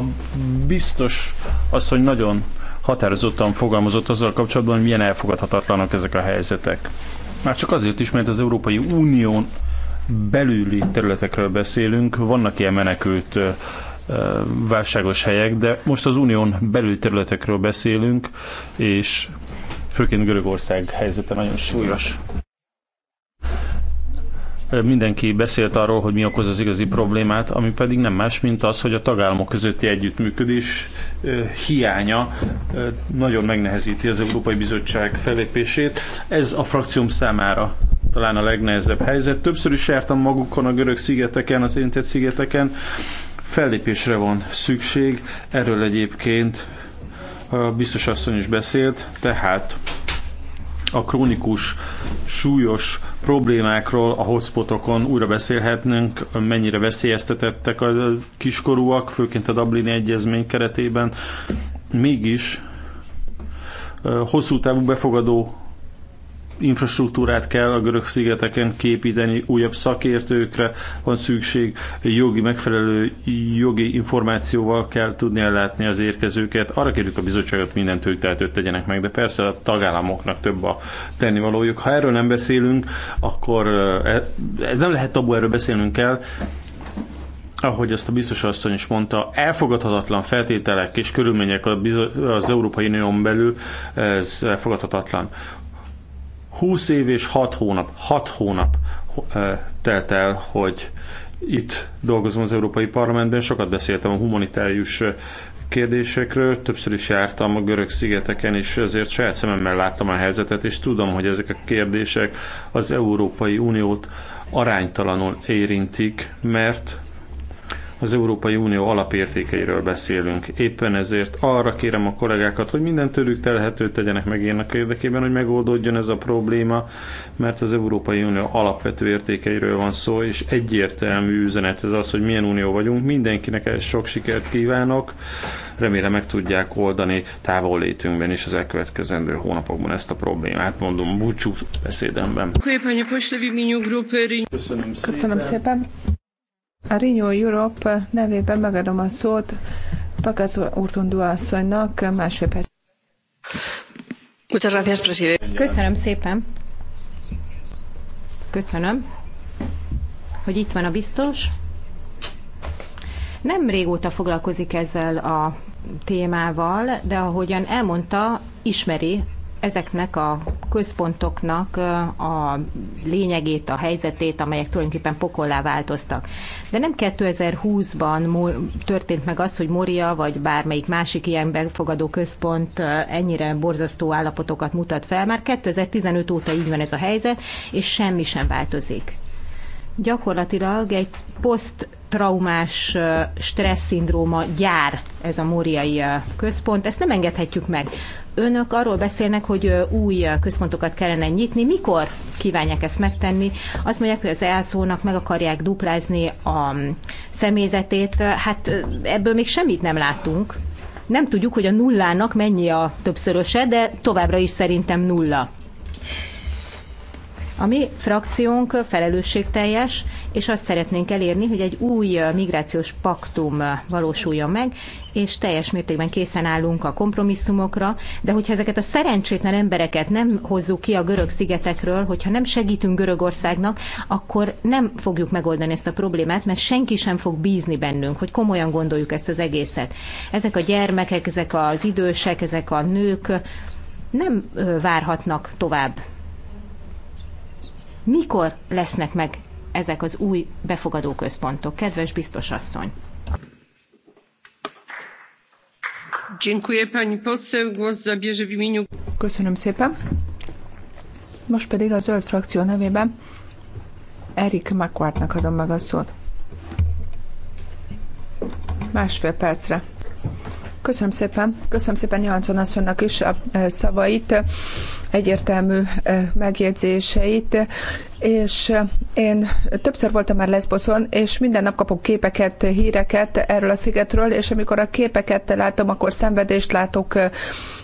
biztos asszony nagyon határozottan fogalmazott azzal kapcsolatban, hogy milyen elfogadhatatlanak ezek a helyzetek. Már csak azért is, mert az Európai Unión belüli területekről beszélünk, vannak ilyen menekült válságos helyek, de most az unión belüli területekről beszélünk, és főként Görögország helyzete nagyon súlyos. Mindenki beszélt arról, hogy mi okoz az igazi problémát, ami pedig nem más, mint az, hogy a tagállamok közötti együttműködés hiánya nagyon megnehezíti az Európai Bizottság fellépését. Ez a frakcióm számára talán a legnehezebb helyzet. Többször is jártam magukon a görög szigeteken, az érintett szigeteken. Fellépésre van szükség, erről egyébként a biztos asszony is beszélt, tehát a krónikus, súlyos problémákról a hotspotokon újra beszélhetnünk, mennyire veszélyeztetettek a kiskorúak, főként a Dublini Egyezmény keretében. Mégis hosszú távú befogadó infrastruktúrát kell a görög szigeteken képíteni, újabb szakértőkre van szükség, jogi megfelelő jogi információval kell tudni ellátni az érkezőket. Arra kérjük a bizottságot mindent ők tehetőt tegyenek meg, de persze a tagállamoknak több a tennivalójuk. Ha erről nem beszélünk, akkor eh, ez nem lehet tabu, erről beszélnünk kell, ahogy azt a biztos asszony is mondta, elfogadhatatlan feltételek és körülmények az Európai Unión belül, ez elfogadhatatlan. 20 év és 6 hónap, 6 hónap telt el, hogy itt dolgozom az Európai Parlamentben, sokat beszéltem a humanitárius kérdésekről, többször is jártam a görög szigeteken, és ezért saját szememmel láttam a helyzetet, és tudom, hogy ezek a kérdések az Európai Uniót aránytalanul érintik, mert az Európai Unió alapértékeiről beszélünk. Éppen ezért arra kérem a kollégákat, hogy minden tőlük telhetőt tegyenek meg ennek érdekében, hogy megoldódjon ez a probléma, mert az Európai Unió alapvető értékeiről van szó, és egyértelmű üzenet ez az, hogy milyen unió vagyunk. Mindenkinek ez sok sikert kívánok. Remélem meg tudják oldani távol létünkben is az elkövetkezendő hónapokban ezt a problémát, mondom búcsú beszédemben. Köszönöm szépen. Köszönöm szépen. A Renew Europe nevében megadom a szót Pakaz Urtundu asszonynak másfél perc. Köszönöm szépen. Köszönöm, hogy itt van a biztos. Nem régóta foglalkozik ezzel a témával, de ahogyan elmondta, ismeri ezeknek a központoknak a lényegét, a helyzetét, amelyek tulajdonképpen pokollá változtak. De nem 2020-ban történt meg az, hogy Moria vagy bármelyik másik ilyen befogadó központ ennyire borzasztó állapotokat mutat fel. Már 2015 óta így van ez a helyzet, és semmi sem változik. Gyakorlatilag egy poszt traumás stresszindróma gyár ez a Móriai központ. Ezt nem engedhetjük meg. Önök arról beszélnek, hogy új központokat kellene nyitni. Mikor kívánják ezt megtenni? Azt mondják, hogy az elszónak meg akarják duplázni a személyzetét. Hát ebből még semmit nem látunk. Nem tudjuk, hogy a nullának mennyi a többszöröse, de továbbra is szerintem nulla. A mi frakciónk felelősségteljes, és azt szeretnénk elérni, hogy egy új migrációs paktum valósuljon meg, és teljes mértékben készen állunk a kompromisszumokra, de hogyha ezeket a szerencsétlen embereket nem hozzuk ki a görög szigetekről, hogyha nem segítünk Görögországnak, akkor nem fogjuk megoldani ezt a problémát, mert senki sem fog bízni bennünk, hogy komolyan gondoljuk ezt az egészet. Ezek a gyermekek, ezek az idősek, ezek a nők nem várhatnak tovább mikor lesznek meg ezek az új befogadó központok. Kedves biztos asszony! Köszönöm szépen. Most pedig a zöld frakció nevében Erik Makvártnak adom meg a szót. Másfél percre. Köszönöm szépen, köszönöm szépen Johansson asszonynak is a e, szavait egyértelmű megjegyzéseit, és én többször voltam már Leszboszon, és minden nap kapok képeket, híreket erről a szigetről, és amikor a képeket látom, akkor szenvedést látok,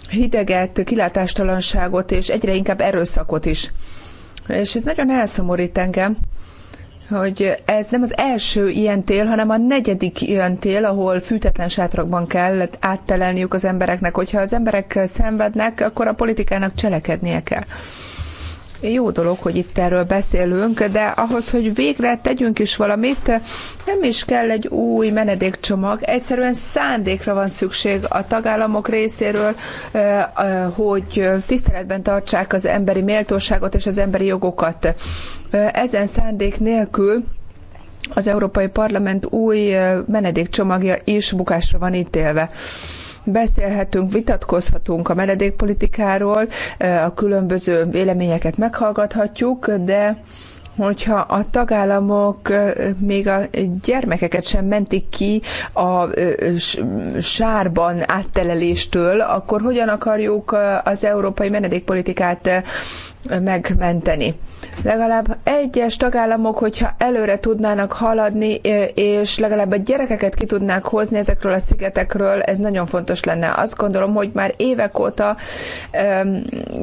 hideget, kilátástalanságot, és egyre inkább erőszakot is. És ez nagyon elszomorít engem, hogy ez nem az első ilyen tél, hanem a negyedik ilyen tél, ahol fűtetlen sátrakban kell áttelelniük az embereknek. Hogyha az emberek szenvednek, akkor a politikának cselekednie kell. Jó dolog, hogy itt erről beszélünk, de ahhoz, hogy végre tegyünk is valamit, nem is kell egy új menedékcsomag, egyszerűen szándékra van szükség a tagállamok részéről, hogy tiszteletben tartsák az emberi méltóságot és az emberi jogokat. Ezen szándék nélkül az Európai Parlament új menedékcsomagja is bukásra van ítélve beszélhetünk, vitatkozhatunk a menedékpolitikáról, a különböző véleményeket meghallgathatjuk, de hogyha a tagállamok még a gyermekeket sem mentik ki a sárban átteleléstől, akkor hogyan akarjuk az európai menedékpolitikát megmenteni? legalább egyes tagállamok, hogyha előre tudnának haladni, e, és legalább a gyerekeket ki tudnák hozni ezekről a szigetekről, ez nagyon fontos lenne. Azt gondolom, hogy már évek óta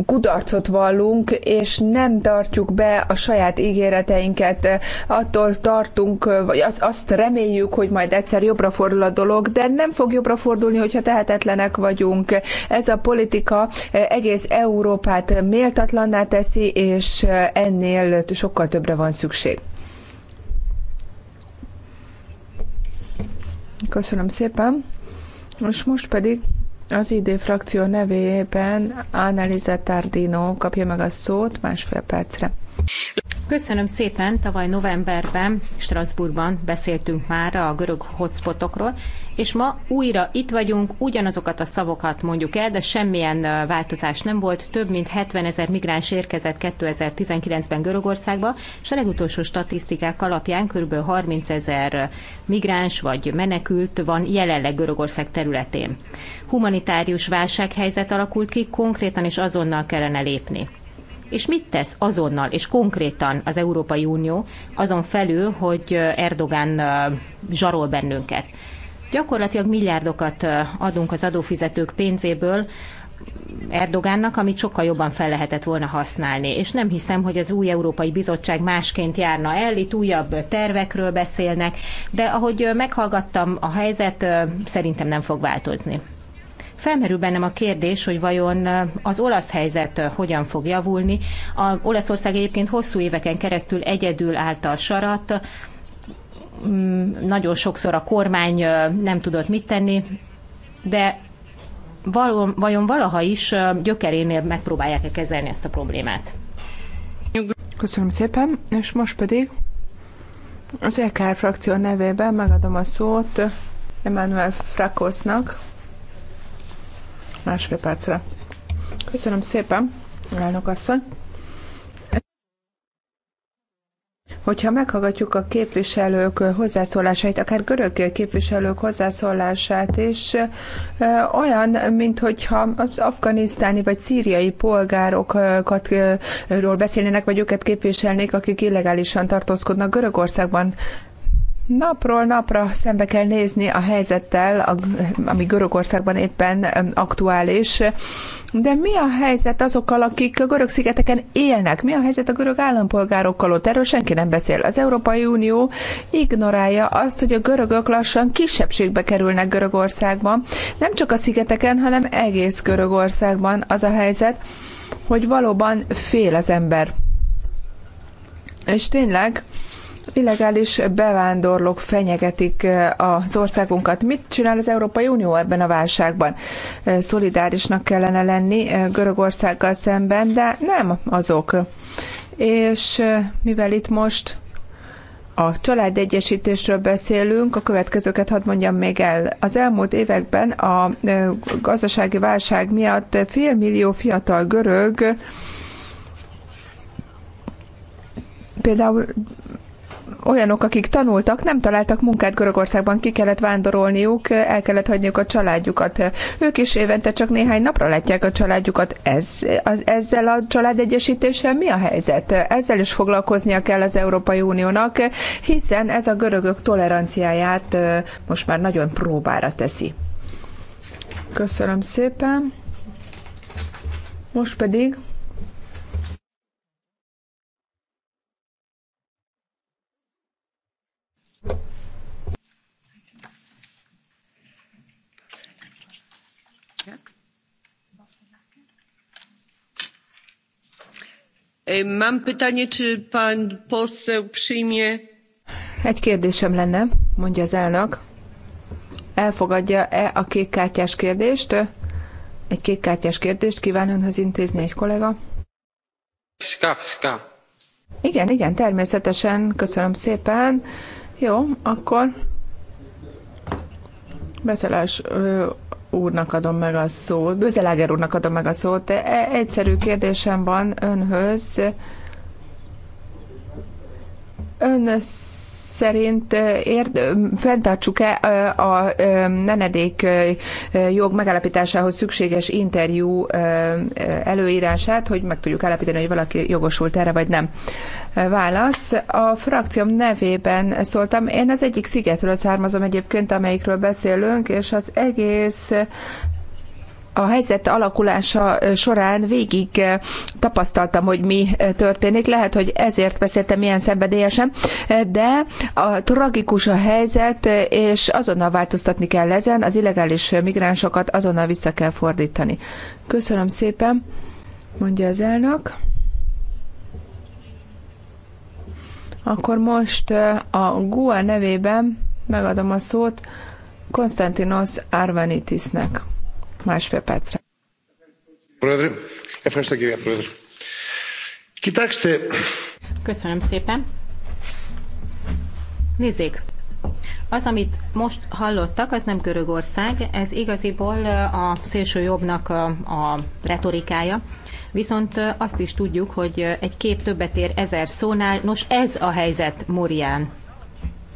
kudarcot vallunk, és nem tartjuk be a saját ígéreteinket. Attól tartunk, vagy azt reméljük, hogy majd egyszer jobbra fordul a dolog, de nem fog jobbra fordulni, hogyha tehetetlenek vagyunk. Ez a politika e, egész Európát méltatlanná teszi, és en ennél sokkal többre van szükség. Köszönöm szépen. És most pedig az ID frakció nevében Annalisa Tardino kapja meg a szót másfél percre. Köszönöm szépen, tavaly novemberben Strasbourgban beszéltünk már a görög hotspotokról, és ma újra itt vagyunk, ugyanazokat a szavokat mondjuk el, de semmilyen változás nem volt. Több mint 70 ezer migráns érkezett 2019-ben Görögországba, és a legutolsó statisztikák alapján kb. 30 ezer migráns vagy menekült van jelenleg Görögország területén. Humanitárius válsághelyzet alakult ki, konkrétan és azonnal kellene lépni és mit tesz azonnal és konkrétan az Európai Unió azon felül, hogy Erdogán zsarol bennünket. Gyakorlatilag milliárdokat adunk az adófizetők pénzéből, Erdogánnak, amit sokkal jobban fel lehetett volna használni. És nem hiszem, hogy az új Európai Bizottság másként járna el, itt újabb tervekről beszélnek, de ahogy meghallgattam, a helyzet szerintem nem fog változni. Felmerül bennem a kérdés, hogy vajon az olasz helyzet hogyan fog javulni. A Olaszország egyébként hosszú éveken keresztül egyedül állt a sarat, mm, nagyon sokszor a kormány nem tudott mit tenni, de való, vajon valaha is gyökerénél megpróbálják-e kezelni ezt a problémát? Köszönöm szépen, és most pedig az EKR frakció nevében megadom a szót Emmanuel Frakosznak másfél percre. Köszönöm szépen, elnök asszony. hogyha meghallgatjuk a képviselők hozzászólásait, akár görög képviselők hozzászólását is, olyan, mintha az afganisztáni vagy szíriai polgárokat ról beszélnének, vagy őket képviselnék, akik illegálisan tartózkodnak Görögországban. Napról napra szembe kell nézni a helyzettel, ami Görögországban éppen aktuális. De mi a helyzet azokkal, akik a görög szigeteken élnek? Mi a helyzet a görög állampolgárokkal ott? Erről senki nem beszél. Az Európai Unió ignorálja azt, hogy a görögök lassan kisebbségbe kerülnek Görögországban. Nem csak a szigeteken, hanem egész Görögországban az a helyzet, hogy valóban fél az ember. És tényleg, illegális bevándorlók fenyegetik az országunkat. Mit csinál az Európai Unió ebben a válságban? Szolidárisnak kellene lenni Görögországgal szemben, de nem azok. És mivel itt most a családegyesítésről beszélünk, a következőket hadd mondjam még el. Az elmúlt években a gazdasági válság miatt félmillió fiatal görög például olyanok, akik tanultak, nem találtak munkát Görögországban, ki kellett vándorolniuk, el kellett hagyniuk a családjukat. Ők is évente csak néhány napra látják a családjukat. Ez, az, ezzel a családegyesítéssel mi a helyzet? Ezzel is foglalkoznia kell az Európai Uniónak, hiszen ez a görögök toleranciáját most már nagyon próbára teszi. Köszönöm szépen. Most pedig Mam pytanie, czy pan poseł przyjmie... Egy kérdésem lenne, mondja az elnök. Elfogadja-e a kékkártyás kérdést? Egy kékkártyás kérdést kíván önhöz intézni egy kollega. Ska, ska. Igen, igen, természetesen, köszönöm szépen. Jó, akkor beszélés úrnak adom meg a szót, Bőzeláger úrnak adom meg a szót. E, egyszerű kérdésem van önhöz. Ön szerint érd, fenntartsuk-e a menedék jog megállapításához szükséges interjú előírását, hogy meg tudjuk állapítani, hogy valaki jogosult erre vagy nem. Válasz. A frakcióm nevében szóltam. Én az egyik szigetről származom egyébként, amelyikről beszélünk, és az egész a helyzet alakulása során végig tapasztaltam, hogy mi történik. Lehet, hogy ezért beszéltem ilyen szenvedélyesen, de a tragikus a helyzet, és azonnal változtatni kell ezen, az illegális migránsokat azonnal vissza kell fordítani. Köszönöm szépen, mondja az elnök. Akkor most a GUA nevében megadom a szót Konstantinos Arvanitisnek másfél percre. Köszönöm szépen. Nézzék, az, amit most hallottak, az nem Görögország, ez igaziból a szélső jobbnak a, a retorikája. Viszont azt is tudjuk, hogy egy kép többet ér ezer szónál. Nos, ez a helyzet Morián.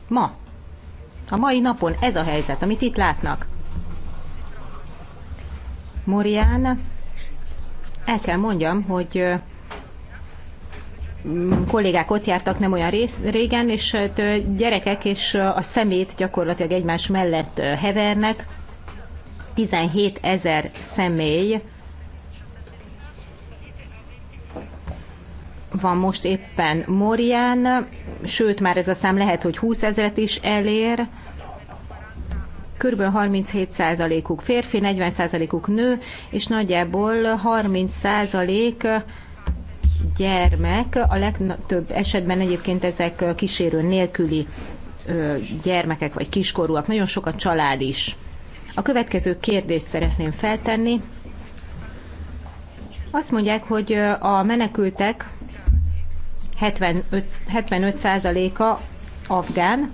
Ma. A mai napon ez a helyzet, amit itt látnak. Morián. El kell mondjam, hogy kollégák ott jártak nem olyan rész, régen, és hát, gyerekek és a szemét gyakorlatilag egymás mellett hevernek. 17 ezer személy van most éppen Morián, sőt már ez a szám lehet, hogy 20 ezeret is elér kb. 37%-uk férfi, 40%-uk nő, és nagyjából 30% gyermek, a legtöbb esetben egyébként ezek kísérő nélküli gyermekek vagy kiskorúak, nagyon sok a család is. A következő kérdést szeretném feltenni. Azt mondják, hogy a menekültek 75, 75 afgán,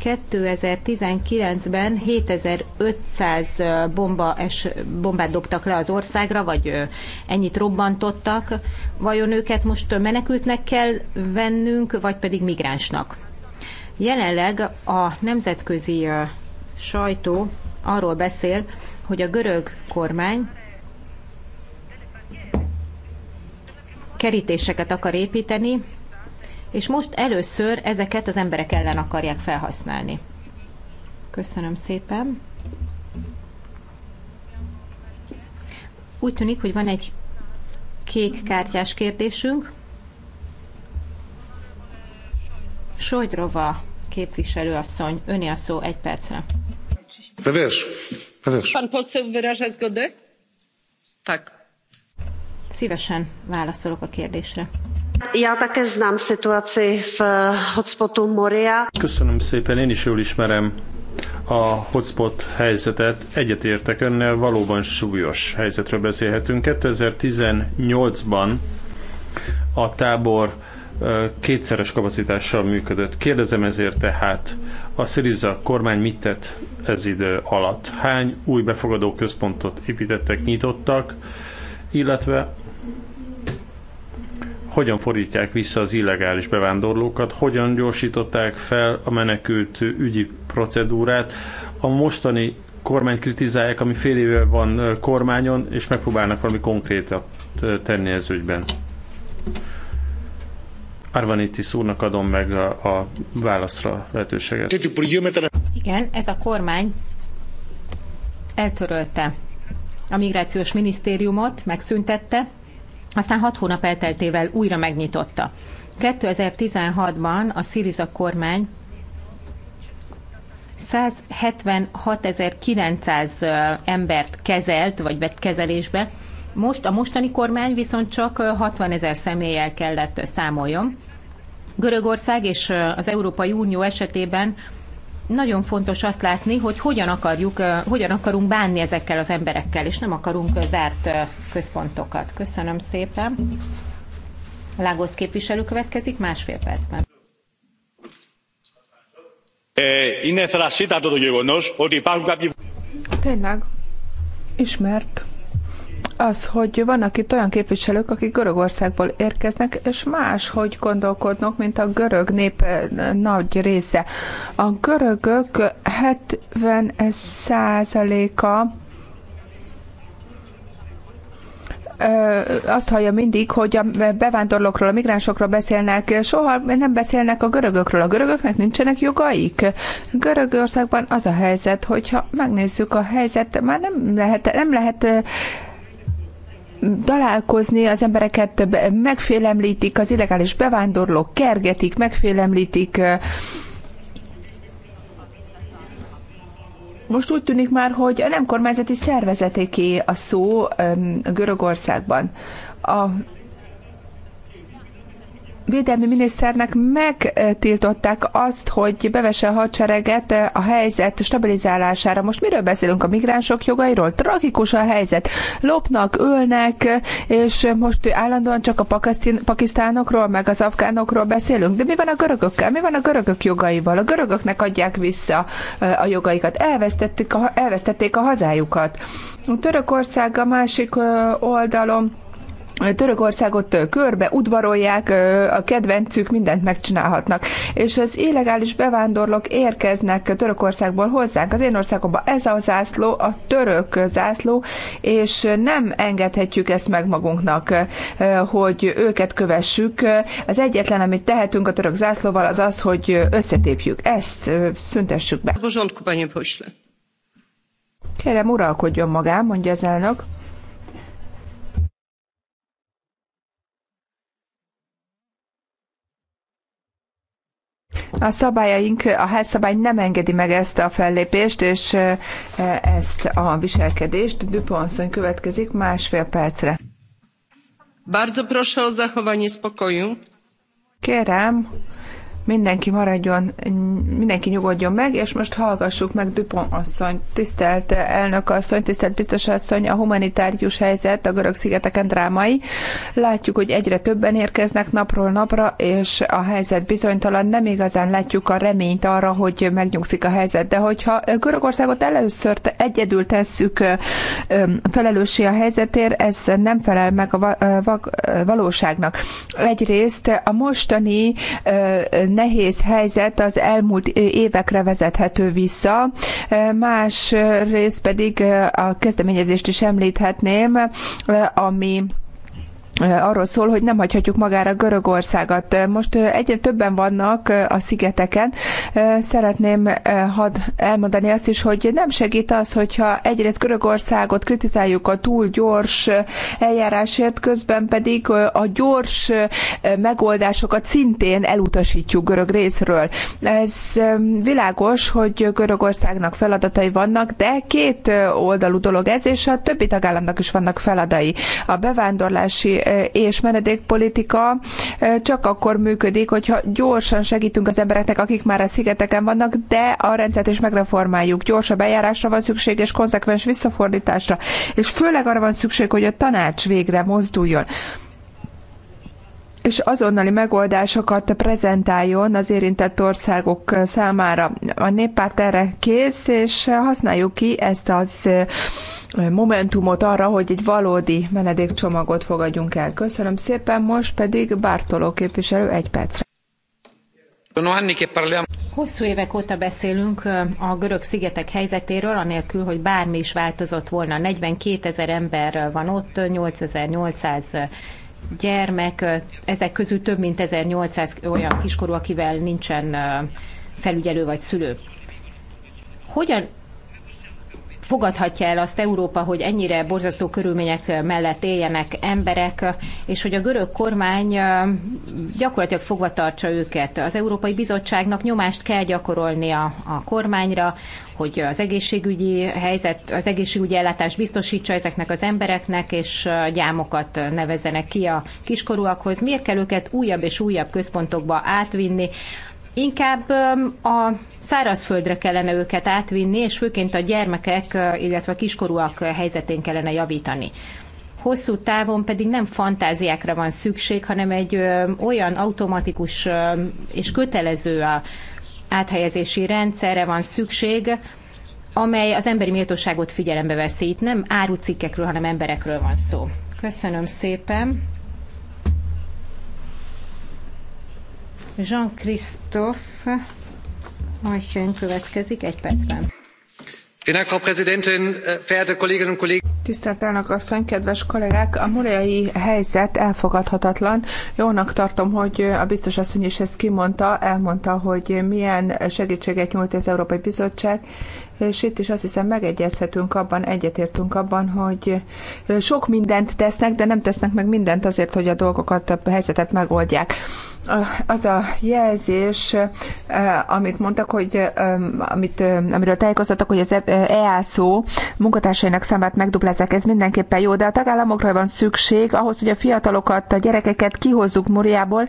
2019-ben 7500 bomba es, bombát dobtak le az országra, vagy ennyit robbantottak. Vajon őket most menekültnek kell vennünk, vagy pedig migránsnak? Jelenleg a nemzetközi sajtó arról beszél, hogy a görög kormány kerítéseket akar építeni, és most először ezeket az emberek ellen akarják felhasználni. Köszönöm szépen. Úgy tűnik, hogy van egy kék kártyás kérdésünk. Sojdrova asszony, öné a szó egy percre. Beves, beves. Pan poseł wyraża zgodę? Tak. Szívesen válaszolok a kérdésre. Já také znám situaci v eh, hotspotu Moria. Köszönöm szépen, én is jól ismerem a hotspot helyzetet. Egyetértek önnel, valóban súlyos helyzetről beszélhetünk. 2018-ban a tábor eh, kétszeres kapacitással működött. Kérdezem ezért tehát, a Syriza kormány mit tett ez idő alatt? Hány új befogadó központot építettek, nyitottak, illetve hogyan fordítják vissza az illegális bevándorlókat, hogyan gyorsították fel a menekült ügyi procedúrát. A mostani kormány kritizálják, ami fél éve van kormányon, és megpróbálnak valami konkrétat tenni ez ügyben. Arvanitis szúrnak adom meg a, a válaszra lehetőséget. Igen, ez a kormány eltörölte a migrációs minisztériumot, megszüntette, aztán hat hónap elteltével újra megnyitotta. 2016-ban a Sziriza kormány 176.900 embert kezelt, vagy vett kezelésbe. Most a mostani kormány viszont csak 60 ezer személlyel kellett számoljon. Görögország és az Európai Unió esetében nagyon fontos azt látni, hogy hogyan, akarjuk, hogyan akarunk bánni ezekkel az emberekkel, és nem akarunk zárt központokat. Köszönöm szépen. Lágosz képviselő következik másfél percben. Tényleg, ismert az, hogy vannak itt olyan képviselők, akik Görögországból érkeznek, és máshogy gondolkodnak, mint a görög nép eh, nagy része. A görögök 70 százaléka eh, azt hallja mindig, hogy a bevándorlókról, a migránsokról beszélnek, soha nem beszélnek a görögökről. A görögöknek nincsenek jogaik. Görögországban az a helyzet, hogyha megnézzük a helyzet, már nem lehet, nem lehet eh, találkozni, az embereket megfélemlítik, az illegális bevándorlók kergetik, megfélemlítik. Most úgy tűnik már, hogy a nem kormányzati szervezetéké a szó Görögországban. A védelmi miniszternek megtiltották azt, hogy bevesse a hadsereget eh, a helyzet stabilizálására. Most miről beszélünk a migránsok jogairól? Tragikus a helyzet. Lopnak, ölnek, és most állandóan csak a pakisztánokról, meg az afgánokról beszélünk. De mi van a görögökkel? Mi van a görögök jogaival? A görögöknek adják vissza eh, a jogaikat. Elvesztettük a, elvesztették a hazájukat. Törökország a másik eh, oldalon Törökországot körbe udvarolják, a kedvencük mindent megcsinálhatnak. És az illegális bevándorlók érkeznek Törökországból hozzánk. Az én országomban ez a zászló, a török zászló, és nem engedhetjük ezt meg magunknak, hogy őket kövessük. Az egyetlen, amit tehetünk a török zászlóval, az az, hogy összetépjük. Ezt szüntessük be. Kérem, uralkodjon magám, mondja az elnök. A szabályaink, a házszabály nem engedi meg ezt a fellépést, és ezt a viselkedést. Duponszony következik másfél percre. Bardzo proszę o zachowanie spokoju. Kérem, mindenki maradjon, mindenki nyugodjon meg, és most hallgassuk meg Dupont asszony, tisztelt elnök asszony, tisztelt biztos asszony, a humanitárius helyzet a görög szigeteken drámai. Látjuk, hogy egyre többen érkeznek napról napra, és a helyzet bizonytalan, nem igazán látjuk a reményt arra, hogy megnyugszik a helyzet. De hogyha Görögországot először egyedül tesszük felelőssé a helyzetért, ez nem felel meg a valóságnak. Egyrészt a mostani nehéz helyzet az elmúlt évekre vezethető vissza, más rész pedig a kezdeményezést is említhetném, ami Eh, arról szól, hogy nem hagyhatjuk magára Görögországot. Eh, most eh, egyre többen vannak a szigeteken. Szeretném had elmondani azt is, hogy nem segít az, hogyha egyrészt Görögországot kritizáljuk a túl gyors eljárásért, közben pedig a gyors megoldásokat szintén elutasítjuk görög részről. Ez világos, hogy Görögországnak feladatai vannak, de két oldalú dolog ez, és a többi tagállamnak is vannak feladai. A bevándorlási és menedékpolitika csak akkor működik, hogyha gyorsan segítünk az embereknek, akik már a szigeteken vannak, de a rendszert is megreformáljuk. Gyorsabb eljárásra van szükség, és konzekvens visszafordításra. És főleg arra van szükség, hogy a tanács végre mozduljon és azonnali megoldásokat prezentáljon az érintett országok számára. A néppárt erre kész, és használjuk ki ezt az momentumot arra, hogy egy valódi menedékcsomagot fogadjunk el. Köszönöm szépen, most pedig Bartoló képviselő egy percre. Hosszú évek óta beszélünk a görög szigetek helyzetéről, anélkül, hogy bármi is változott volna. 42 ezer ember van ott, 8800 gyermek, ezek közül több mint 1800 olyan kiskorú, akivel nincsen felügyelő vagy szülő. Hogyan fogadhatja el azt Európa, hogy ennyire borzasztó körülmények mellett éljenek emberek, és hogy a görög kormány gyakorlatilag fogva tartsa őket. Az Európai Bizottságnak nyomást kell gyakorolnia a kormányra, hogy az egészségügyi helyzet, az egészségügyi ellátás biztosítsa ezeknek az embereknek, és gyámokat nevezzenek ki a kiskorúakhoz. Miért kell őket újabb és újabb központokba átvinni? Inkább a szárazföldre kellene őket átvinni, és főként a gyermekek, illetve a kiskorúak helyzetén kellene javítani. Hosszú távon pedig nem fantáziákra van szükség, hanem egy olyan automatikus és kötelező a áthelyezési rendszerre van szükség, amely az emberi méltóságot figyelembe veszi. Itt nem árucikkekről, hanem emberekről van szó. Köszönöm szépen. Jean-Christophe Majchen következik egy percben. Äh, Tisztelt elnök asszony, kedves kollégák! A mureai helyzet elfogadhatatlan. Jónak tartom, hogy a biztos asszony is ezt kimondta, elmondta, hogy milyen segítséget nyújt az Európai Bizottság, és itt is azt hiszem megegyezhetünk abban, egyetértünk abban, hogy sok mindent tesznek, de nem tesznek meg mindent azért, hogy a dolgokat, a helyzetet megoldják az a jelzés, eh, amit mondtak, hogy amit, amiről tájékoztattak, hogy az e- EASZO munkatársainak számát megduplázzák, ez mindenképpen jó, de a tagállamokra van szükség ahhoz, hogy a fiatalokat, a gyerekeket kihozzuk Moriából,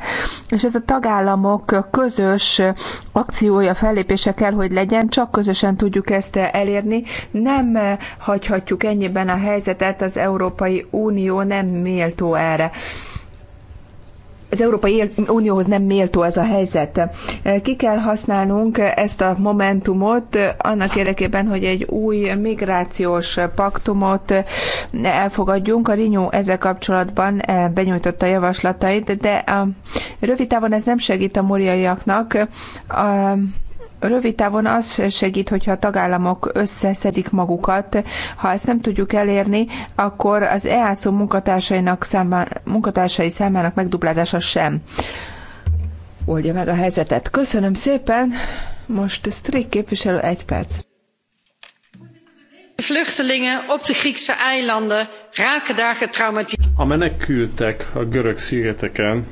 és ez a tagállamok közös akciója, fellépése kell, hogy legyen, csak közösen tudjuk ezt elérni. Nem hagyhatjuk ennyiben a helyzetet, az Európai Unió nem méltó erre az Európai Unióhoz nem méltó ez a helyzet. Ki kell használnunk ezt a momentumot annak érdekében, hogy egy új migrációs paktumot elfogadjunk. A Rinyó ezzel kapcsolatban benyújtotta javaslatait, de a rövid távon ez nem segít a moriaiaknak. A Rövid távon az segít, hogyha a tagállamok összeszedik magukat. Ha ezt nem tudjuk elérni, akkor az EASZO munkatársainak számá, munkatársai számának megduplázása sem oldja meg a helyzetet. Köszönöm szépen! Most Strik képviselő egy perc. A menekültek a görög szigeteken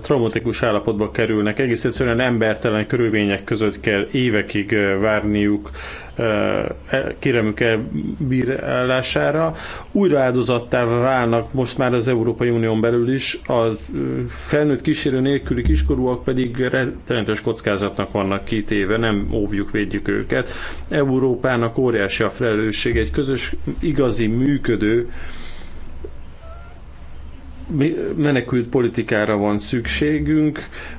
traumatikus állapotba kerülnek. Egész egyszerűen embertelen körülmények között kell évekig várniuk e, kéremük elbírálására. Újra áldozattá válnak most már az Európai Unión belül is, a felnőtt kísérő nélküli kiskorúak pedig rettenetes kockázatnak vannak kitéve, nem óvjuk, védjük őket. Európának óriási a felelősség, egy közös, igazi, működő menekült politikára van szükségünk,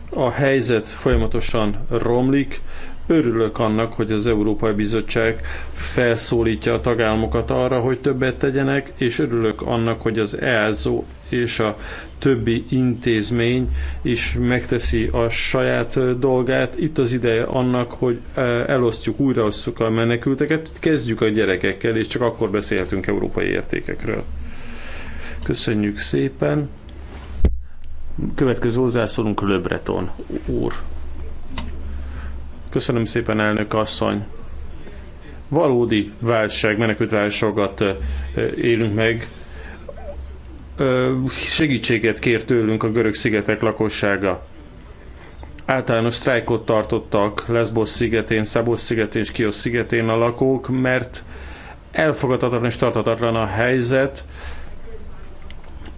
a helyzet folyamatosan romlik, örülök annak, hogy az Európai Bizottság felszólítja a tagállamokat arra, hogy többet tegyenek, és örülök annak, hogy az ELZO és a többi intézmény is megteszi a saját dolgát. Itt az ideje annak, hogy e, elosztjuk, újraosztjuk a menekülteket, kezdjük a gyerekekkel, és csak akkor beszélhetünk európai értékekről. Köszönjük szépen. Következő hozzászólunk Löbreton úr. Köszönöm szépen, elnök asszony. Valódi válság, menekült válságot élünk meg. Segítséget kért tőlünk a görög szigetek lakossága. Általános sztrájkot tartottak Lesbos szigetén, Szabos szigetén és Kios szigetén a lakók, mert elfogadhatatlan és tartatatlan a helyzet,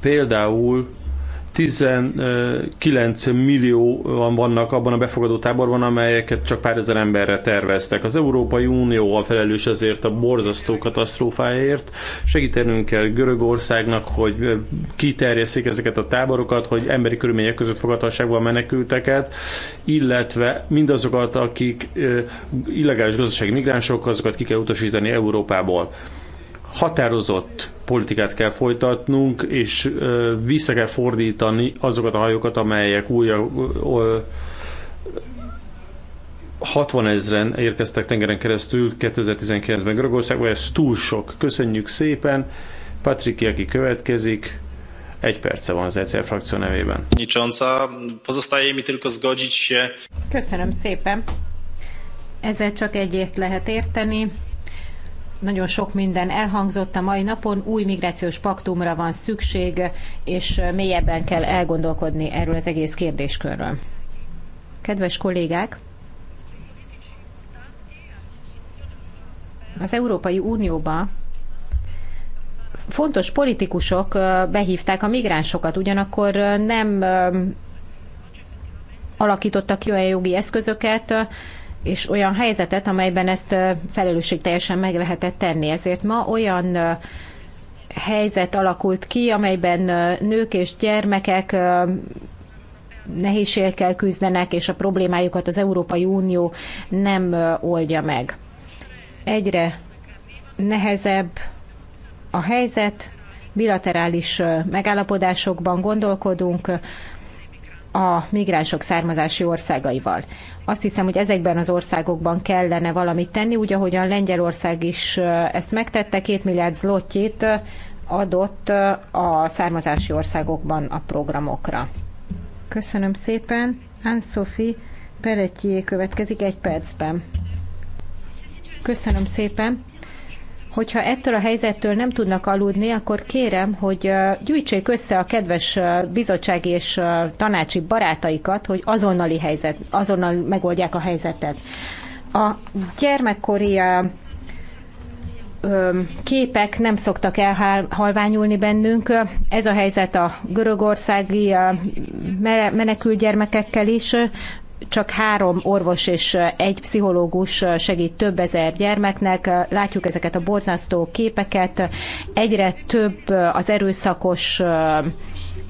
Például 19 van vannak abban a befogadó táborban, amelyeket csak pár ezer emberre terveztek. Az Európai Unió a felelős ezért a borzasztó katasztrófáért. Segítenünk kell Görögországnak, hogy kiterjesszék ezeket a táborokat, hogy emberi körülmények között fogadhassák a menekülteket, illetve mindazokat, akik illegális gazdasági migránsok, azokat ki kell utasítani Európából határozott politikát kell folytatnunk, és vissza kell fordítani azokat a hajókat, amelyek újra 60 ezeren érkeztek tengeren keresztül 2019-ben Görögországba, ez túl sok. Köszönjük szépen. Patrik, aki következik, egy perce van az ECR frakció nevében. Köszönöm szépen. Ezzel csak egyet lehet érteni, nagyon sok minden elhangzott a mai napon, új migrációs paktumra van szükség, és mélyebben kell elgondolkodni erről az egész kérdéskörről. Kedves kollégák! Az Európai Unióba fontos politikusok behívták a migránsokat, ugyanakkor nem alakítottak ki olyan jogi eszközöket, és olyan helyzetet, amelyben ezt felelősségteljesen meg lehetett tenni. Ezért ma olyan helyzet alakult ki, amelyben nők és gyermekek nehézségekkel küzdenek, és a problémájukat az Európai Unió nem oldja meg. Egyre nehezebb a helyzet, bilaterális megállapodásokban gondolkodunk, a migránsok származási országaival. Azt hiszem, hogy ezekben az országokban kellene valamit tenni, úgy ahogyan Lengyelország is ezt megtette, két milliárd zlotjét adott a származási országokban a programokra. Köszönöm szépen. Anne-Sophie Peretjé következik egy percben. Köszönöm szépen. Hogyha ettől a helyzettől nem tudnak aludni, akkor kérem, hogy gyűjtsék össze a kedves bizottsági és tanácsi barátaikat, hogy azonnali helyzet, azonnal megoldják a helyzetet. A gyermekkori képek nem szoktak elhalványulni bennünk. Ez a helyzet a görögországi menekülgyermekekkel is csak három orvos és egy pszichológus segít több ezer gyermeknek. Látjuk ezeket a borzasztó képeket. Egyre több az erőszakos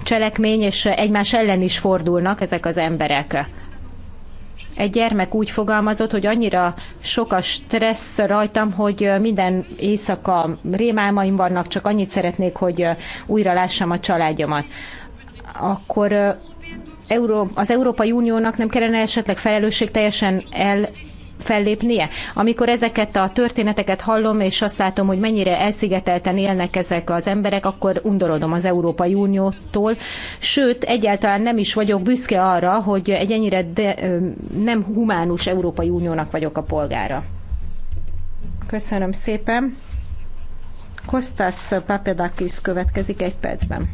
cselekmény, és egymás ellen is fordulnak ezek az emberek. Egy gyermek úgy fogalmazott, hogy annyira sok a stressz rajtam, hogy minden éjszaka rémálmaim vannak, csak annyit szeretnék, hogy újra lássam a családjamat. Akkor Euró, az Európai Uniónak nem kellene esetleg felelősség teljesen el fellépnie? Amikor ezeket a történeteket hallom, és azt látom, hogy mennyire elszigetelten élnek ezek az emberek, akkor undorodom az Európai Uniótól. Sőt, egyáltalán nem is vagyok büszke arra, hogy egy ennyire de, nem humánus Európai Uniónak vagyok a polgára. Köszönöm szépen. Kostas Papadakis következik egy percben.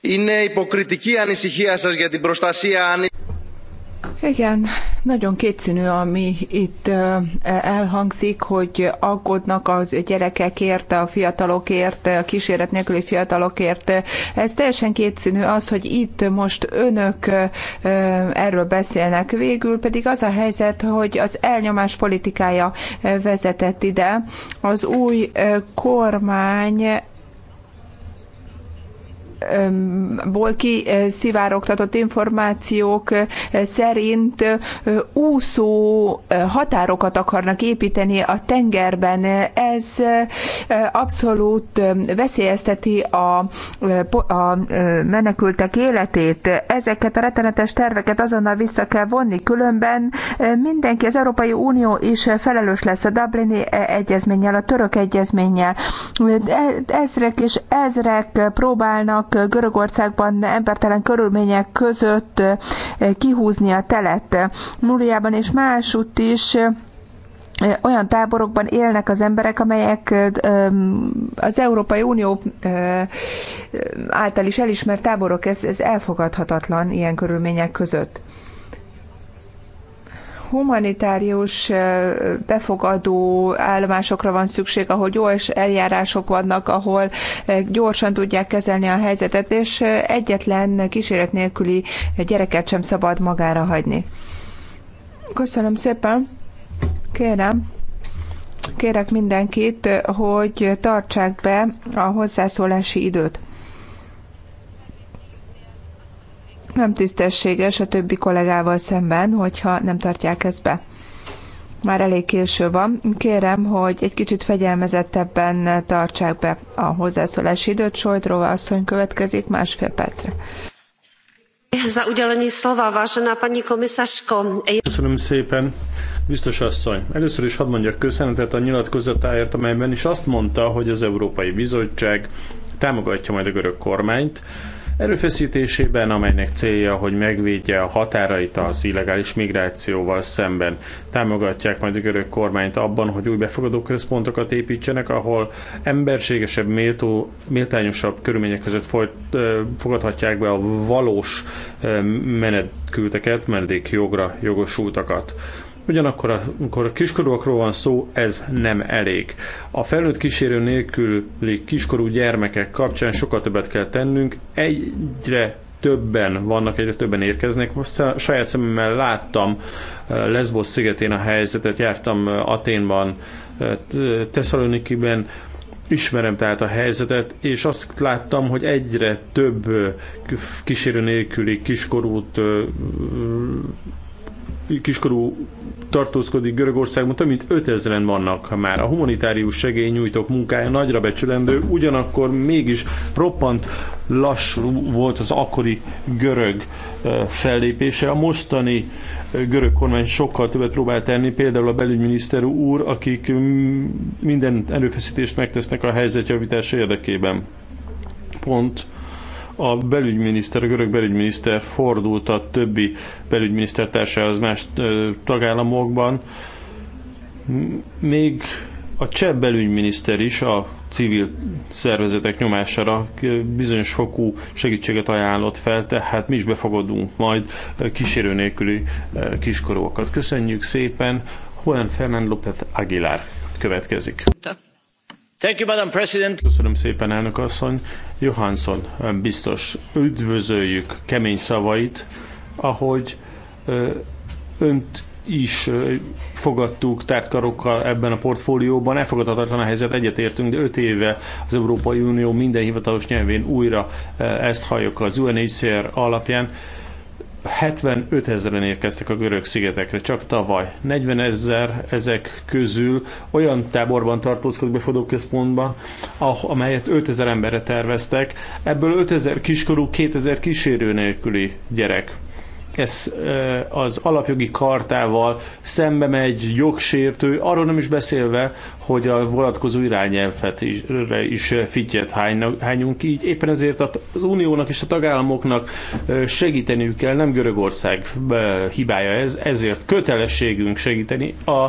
Είναι υποκριτική ανησυχία σας για την προστασία igen, nagyon kétszínű, ami itt e, elhangzik, hogy aggódnak az gyerekekért, a fiatalokért, a kíséret nélküli fiatalokért. Ez teljesen kétszínű az, hogy itt most önök e, erről beszélnek. Végül pedig az a helyzet, hogy az elnyomás politikája vezetett ide. Az új kormány ból kiszivárogtatott információk eh, szerint eh, úszó eh, határokat akarnak építeni a tengerben. Ez abszolút veszélyezteti a, a menekültek életét. Ezeket a rettenetes terveket azonnal vissza kell vonni, különben mindenki, az Európai Unió is felelős lesz a Dublini egyezménnyel, a török egyezménnyel. Ezrek és ezrek próbálnak próbáltak Görögországban embertelen körülmények között kihúzni a telet. Múriában és másutt is olyan táborokban élnek az emberek, amelyek az Európai Unió által is elismert táborok, ez, ez elfogadhatatlan ilyen körülmények között humanitárius befogadó állomásokra van szükség, ahol gyors eljárások vannak, ahol gyorsan tudják kezelni a helyzetet, és egyetlen kíséret nélküli gyereket sem szabad magára hagyni. Köszönöm szépen. Kérem kérek mindenkit, hogy tartsák be a hozzászólási időt. nem tisztességes a többi kollégával szemben, hogyha nem tartják ezt be. Már elég késő van. Kérem, hogy egy kicsit fegyelmezettebben tartsák be a hozzászólási időt. Sojdrova asszony következik másfél percre. Köszönöm szépen. Biztos asszony, először is hadd mondjak köszönetet a nyilatkozatáért, amelyben is azt mondta, hogy az Európai Bizottság támogatja majd a görög kormányt, erőfeszítésében, amelynek célja, hogy megvédje a határait az illegális migrációval szemben. Támogatják majd a görög kormányt abban, hogy új befogadó központokat építsenek, ahol emberségesebb, méltó, méltányosabb körülmények között folyt, fogadhatják be a valós menekülteket, menedékjogra jogosultakat. Ugyanakkor, amikor a kiskorúakról van szó, ez nem elég. A felnőtt kísérő nélküli kiskorú gyermekek kapcsán sokkal többet kell tennünk, egyre többen vannak, egyre többen érkeznek. Most saját szememmel láttam eh, Lesbos szigetén a helyzetet, jártam eh, Aténban, eh, Tesszalonikiben, ismerem tehát a helyzetet, és azt láttam, hogy egyre több kísérő nélküli kiskorút kiskorú tartózkodik Görögországban, több mint 5000-en vannak már. A humanitárius segélynyújtók munkája nagyra becsülendő, ugyanakkor mégis roppant lassú volt az akkori görög fellépése. A mostani görög kormány sokkal többet próbál tenni, például a belügyminiszter úr, akik minden erőfeszítést megtesznek a helyzet javítása érdekében. Pont a belügyminiszter, a görög belügyminiszter fordult a többi belügyminisztertársához más tagállamokban. Még a cseh belügyminiszter is a civil szervezetek nyomására bizonyos fokú segítséget ajánlott fel, tehát mi is befogadunk majd kísérő nélküli kiskorúakat. Köszönjük szépen! Juan Fernán López Aguilar következik. Thank you, Madam President. Köszönöm szépen, elnök asszony. Johansson eh, biztos üdvözöljük kemény szavait, ahogy eh, önt is eh, fogadtuk tártkarokkal ebben a portfólióban. Elfogadhatatlan a helyzet, egyetértünk, de öt éve az Európai Unió minden hivatalos nyelvén újra ezt halljuk az UNHCR alapján. 75 ezeren érkeztek a görög szigetekre csak tavaly. 40 ezer ezek közül olyan táborban tartózkodik befogadóközpontban, ah, amelyet 5 ezer emberre terveztek. Ebből 5 ezer kiskorú, 2 ezer kísérő nélküli gyerek ez az alapjogi kartával szembe megy, jogsértő, arról nem is beszélve, hogy a vonatkozó irányelvet is, is fityet hányunk így. Éppen ezért az uniónak és a tagállamoknak segíteniük kell, nem Görögország hibája ez, ezért kötelességünk segíteni a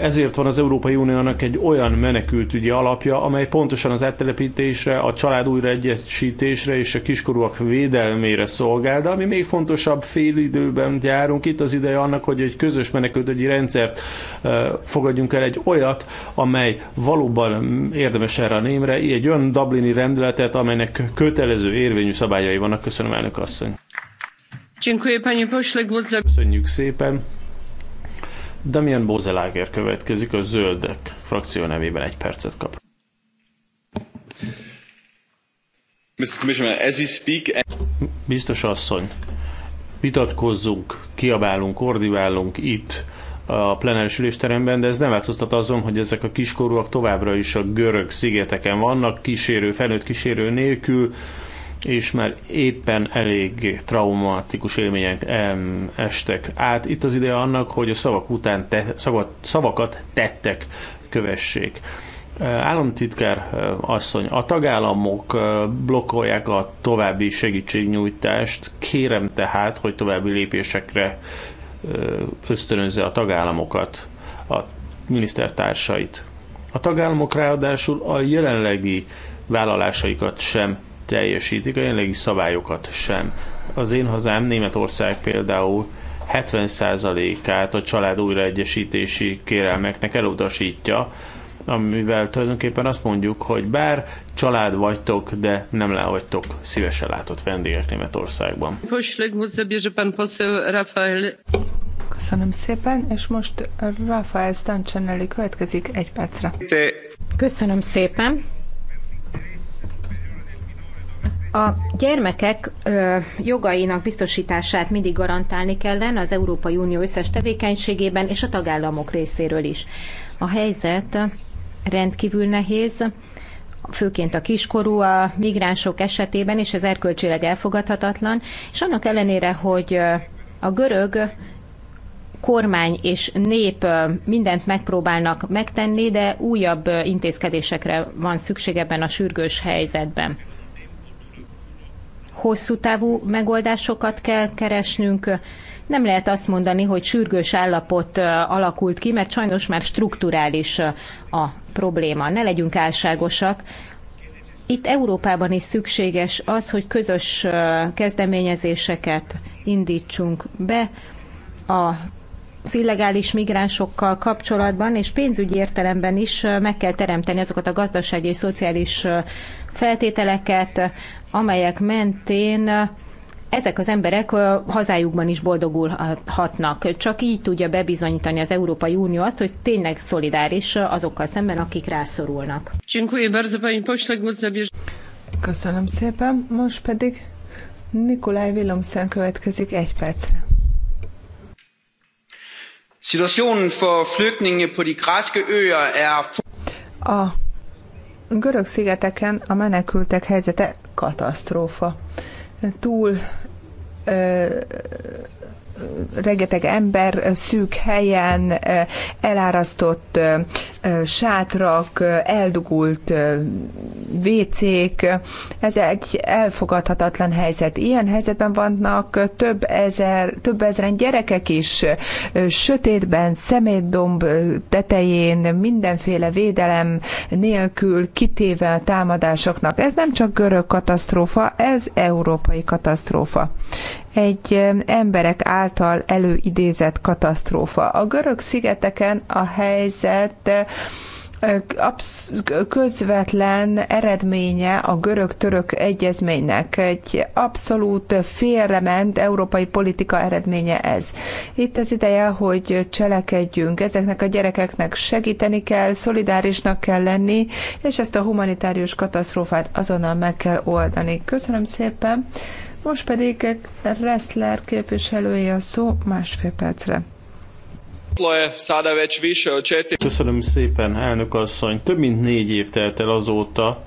ezért van az Európai Uniónak egy olyan menekültügyi alapja, amely pontosan az áttelepítésre, a család újraegyesítésre és a kiskorúak védelmére szolgál, de ami még fontosabb, fél időben járunk, itt az ideje annak, hogy egy közös menekültügyi rendszert fogadjunk el, egy olyat, amely valóban érdemes erre a némre, egy olyan Dublini rendeletet, amelynek kötelező érvényű szabályai vannak. Köszönöm, elnök asszony! Köszönjük szépen! Damien Bozeláger következik a Zöldek frakció nevében egy percet kap. Mr. Commissioner, as we speak... Biztos asszony, vitatkozzunk, kiabálunk, ordiválunk itt, a plenáris ülésteremben, de ez nem változtat azon, hogy ezek a kiskorúak továbbra is a görög szigeteken vannak, kísérő, felnőtt kísérő nélkül, és már éppen elég traumatikus élmények estek át. Itt az ideje annak, hogy a szavak után te, szavak, szavakat tettek kövessék. Államtitkár asszony, a tagállamok blokkolják a további segítségnyújtást, kérem tehát, hogy további lépésekre ösztönözze a tagállamokat, a minisztertársait. A tagállamok ráadásul a jelenlegi vállalásaikat sem teljesítik a jelenlegi szabályokat sem. Az én hazám Németország például 70%-át a család újraegyesítési kérelmeknek elutasítja, amivel tulajdonképpen azt mondjuk, hogy bár család vagytok, de nem lehagytok szívesen látott vendégek Németországban. Köszönöm szépen, és most Rafael Stancsanelli következik egy percre. Köszönöm szépen. A gyermekek jogainak biztosítását mindig garantálni kellene az Európai Unió összes tevékenységében és a tagállamok részéről is. A helyzet rendkívül nehéz, főként a kiskorú, a migránsok esetében, és ez erkölcsileg elfogadhatatlan, és annak ellenére, hogy a görög kormány és nép mindent megpróbálnak megtenni, de újabb intézkedésekre van szükség ebben a sürgős helyzetben hosszú távú megoldásokat kell keresnünk. Nem lehet azt mondani, hogy sürgős állapot alakult ki, mert sajnos már strukturális a probléma. Ne legyünk álságosak. Itt Európában is szükséges az, hogy közös kezdeményezéseket indítsunk be a az illegális migránsokkal kapcsolatban, és pénzügyi értelemben is meg kell teremteni azokat a gazdasági és szociális feltételeket, amelyek mentén ezek az emberek hazájukban is boldogulhatnak. Csak így tudja bebizonyítani az Európai Unió azt, hogy tényleg szolidáris azokkal szemben, akik rászorulnak. Köszönöm szépen. Most pedig Nikolaj Willumsen következik egy percre. Situationen for flygtninge på de græske øer er... A görög szigeteken a menekültek helyzete katasztrófa. Túl rengeteg ember szűk helyen, elárasztott sátrak, eldugult vécék. Ez egy elfogadhatatlan helyzet. Ilyen helyzetben vannak több, ezer, több ezeren gyerekek is, sötétben, szemétdomb tetején, mindenféle védelem nélkül kitéve a támadásoknak. Ez nem csak görög katasztrófa, ez európai katasztrófa egy emberek által előidézett katasztrófa. A görög szigeteken a helyzet közvetlen eredménye a görög-török egyezménynek. Egy abszolút félrement európai politika eredménye ez. Itt az ideje, hogy cselekedjünk. Ezeknek a gyerekeknek segíteni kell, szolidárisnak kell lenni, és ezt a humanitárius katasztrófát azonnal meg kell oldani. Köszönöm szépen! Most pedig Ressler képviselője a szó másfél percre. Köszönöm szépen, elnök asszony. Több mint négy év telt el azóta,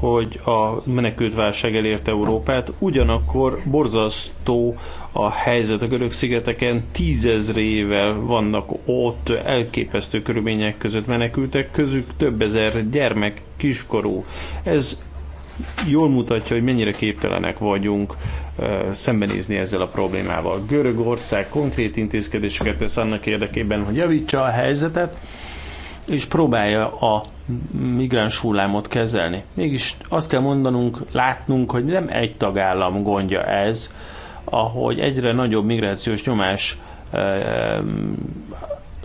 hogy a menekültválság elérte Európát, ugyanakkor borzasztó a helyzet a görög szigeteken, tízezrével vannak ott elképesztő körülmények között menekültek, közük több ezer gyermek, kiskorú. Ez jól mutatja, hogy mennyire képtelenek vagyunk szembenézni ezzel a problémával. Görögország konkrét intézkedéseket tesz annak érdekében, hogy javítsa a helyzetet, és próbálja a migráns hullámot kezelni. Mégis azt kell mondanunk, látnunk, hogy nem egy tagállam gondja ez, ahogy egyre nagyobb migrációs nyomás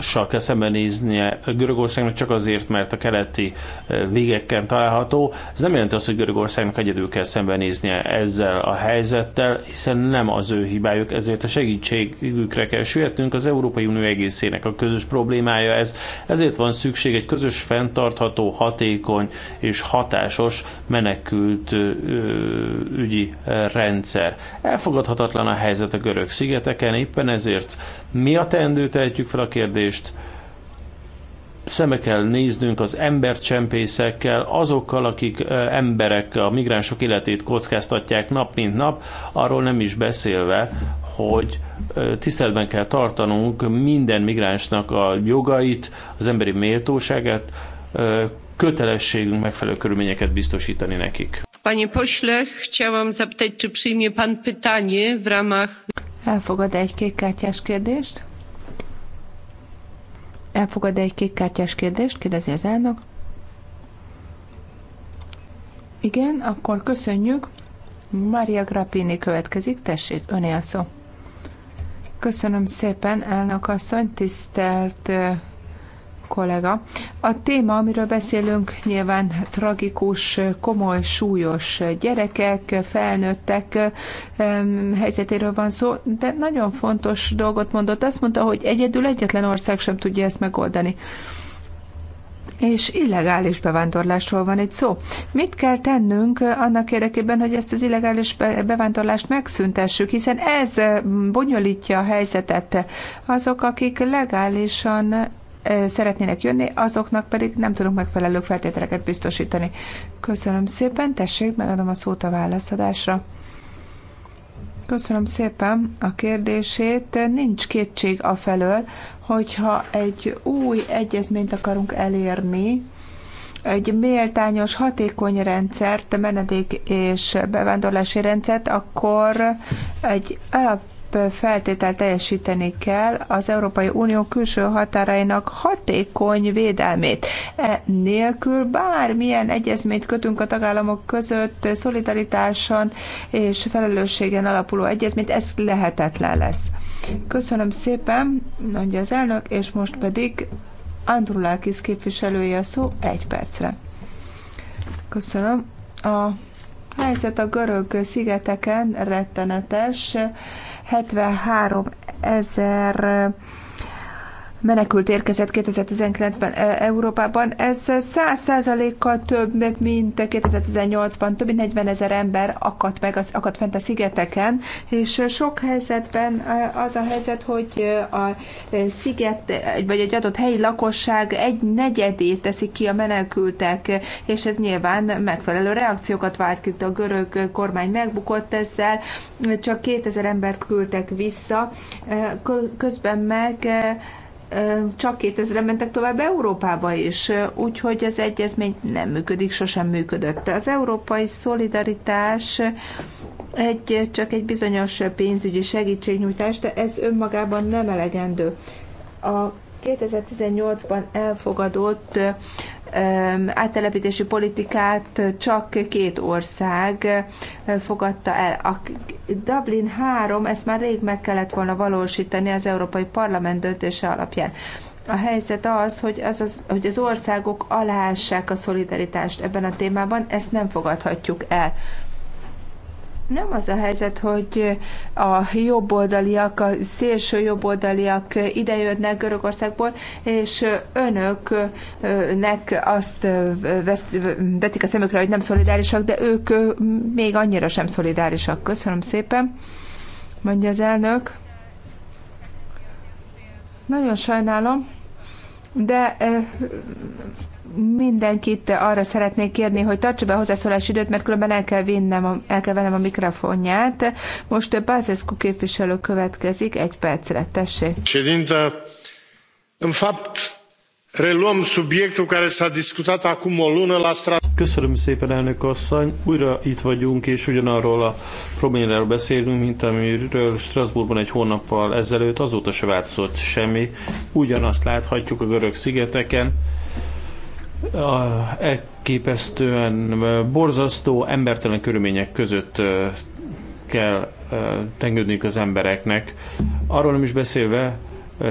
Sa kell szembenéznie Görögországnak csak azért, mert a keleti e, végekken található. Ez nem jelenti azt, hogy Görögországnak egyedül kell szembenéznie ezzel a helyzettel, hiszen nem az ő hibájuk, ezért a segítségükre kell süllyednünk. Az Európai Unió egészének a közös problémája ez. Ezért van szükség egy közös, fenntartható, hatékony és hatásos menekült e, e, ügyi rendszer. Elfogadhatatlan a helyzet a görög szigeteken, éppen ezért mi a teendő, tehetjük fel a kérdést, szembe kell néznünk az embercsempészekkel, azokkal, akik emberek, a migránsok életét kockáztatják nap mint nap, arról nem is beszélve, hogy tiszteletben kell tartanunk minden migránsnak a jogait, az emberi méltóságát, kötelességünk megfelelő körülményeket biztosítani nekik. Panie pośle, chciałam zapytać, czy przyjmie pan pytanie w ramach... Elfogad -e egy kékkártyás kérdést? Elfogad -e egy kékkártyás kérdést? Kérdezi az elnök. Igen, akkor köszönjük. Maria Grappini következik, tessék, öné a szó. Köszönöm szépen, elnök asszony, tisztelt kollega. A téma, amiről beszélünk, nyilván tragikus, komoly, súlyos gyerekek, felnőttek helyzetéről van szó, de nagyon fontos dolgot mondott. Azt mondta, hogy egyedül egyetlen ország sem tudja ezt megoldani és illegális bevándorlásról van itt szó. Mit kell tennünk annak érdekében, hogy ezt az illegális bevándorlást megszüntessük, hiszen ez bonyolítja a helyzetet. Azok, akik legálisan szeretnének jönni, azoknak pedig nem tudunk megfelelő feltételeket biztosítani. Köszönöm szépen, tessék, megadom a szót a válaszadásra. Köszönöm szépen a kérdését. Nincs kétség a felől, hogyha egy új egyezményt akarunk elérni, egy méltányos, hatékony rendszert, menedék és bevándorlási rendszert, akkor egy alap több feltételt teljesíteni kell az Európai Unió külső határainak hatékony védelmét. E nélkül bármilyen egyezményt kötünk a tagállamok között, szolidaritáson és felelősségen alapuló egyezményt, ez lehetetlen lesz. Köszönöm szépen, mondja az elnök, és most pedig Andrulákis képviselője a szó egy percre. Köszönöm. A helyzet a görög szigeteken rettenetes. 73 ezer menekült érkezett 2019-ben e, Európában. Ez 100%-kal több, mint 2018-ban. Több mint 40 ezer ember akadt, meg, akadt fent a szigeteken, és sok helyzetben e, az a helyzet, hogy e, a sziget, vagy egy adott helyi lakosság egy negyedét teszik ki a menekültek, és ez nyilván megfelelő reakciókat vált ki. A görög kormány megbukott ezzel, csak 2000 embert küldtek vissza, közben meg csak 2000-re mentek tovább Európába is, úgyhogy az egyezmény nem működik, sosem működött. Az európai szolidaritás egy, csak egy bizonyos pénzügyi segítségnyújtás, de ez önmagában nem elegendő. A 2018-ban elfogadott áttelepítési politikát csak két ország fogadta el. A Dublin 3, ezt már rég meg kellett volna valósítani az Európai Parlament döntése alapján. A helyzet az, hogy az, az, hogy az országok aláássák a szolidaritást ebben a témában, ezt nem fogadhatjuk el. Nem az a helyzet, hogy a jobboldaliak, a szélső jobboldaliak idejönnek Görögországból, és önöknek azt vetik a szemükre, hogy nem szolidárisak, de ők még annyira sem szolidárisak. Köszönöm szépen, mondja az elnök. Nagyon sajnálom de mindenkit arra szeretnék kérni, hogy tartsa be a hozzászólási időt, mert különben el kell, vinnem a, el kell vennem a mikrofonját. Most Bazescu képviselő következik, egy percre, tessék. Ședintă, în fapt, Reluăm subiectul care s-a discutat acum o lună la strat. Köszönöm szépen, elnök asszony. Újra itt vagyunk, és ugyanarról a problémáról beszélünk, mint amiről Strasbourgban egy hónappal ezelőtt, azóta se változott semmi. Ugyanazt láthatjuk a görög szigeteken. Elképesztően borzasztó, embertelen körülmények között kell tengődniük az embereknek. Arról nem is beszélve,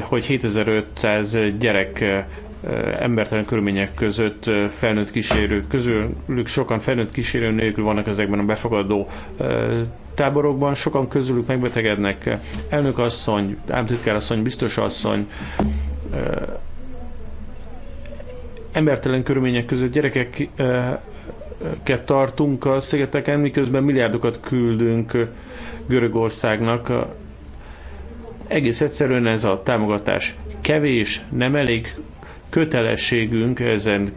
hogy 7500 gyerek embertelen körülmények között felnőtt kísérők közülük sokan felnőtt kísérő nélkül vannak ezekben a befogadó táborokban, sokan közülük megbetegednek elnök asszony, asszony, biztos asszony, embertelen körülmények között gyerekeket tartunk a szigeteken, miközben milliárdokat küldünk Görögországnak. Egész egyszerűen ez a támogatás kevés, nem elég, kötelességünk ezen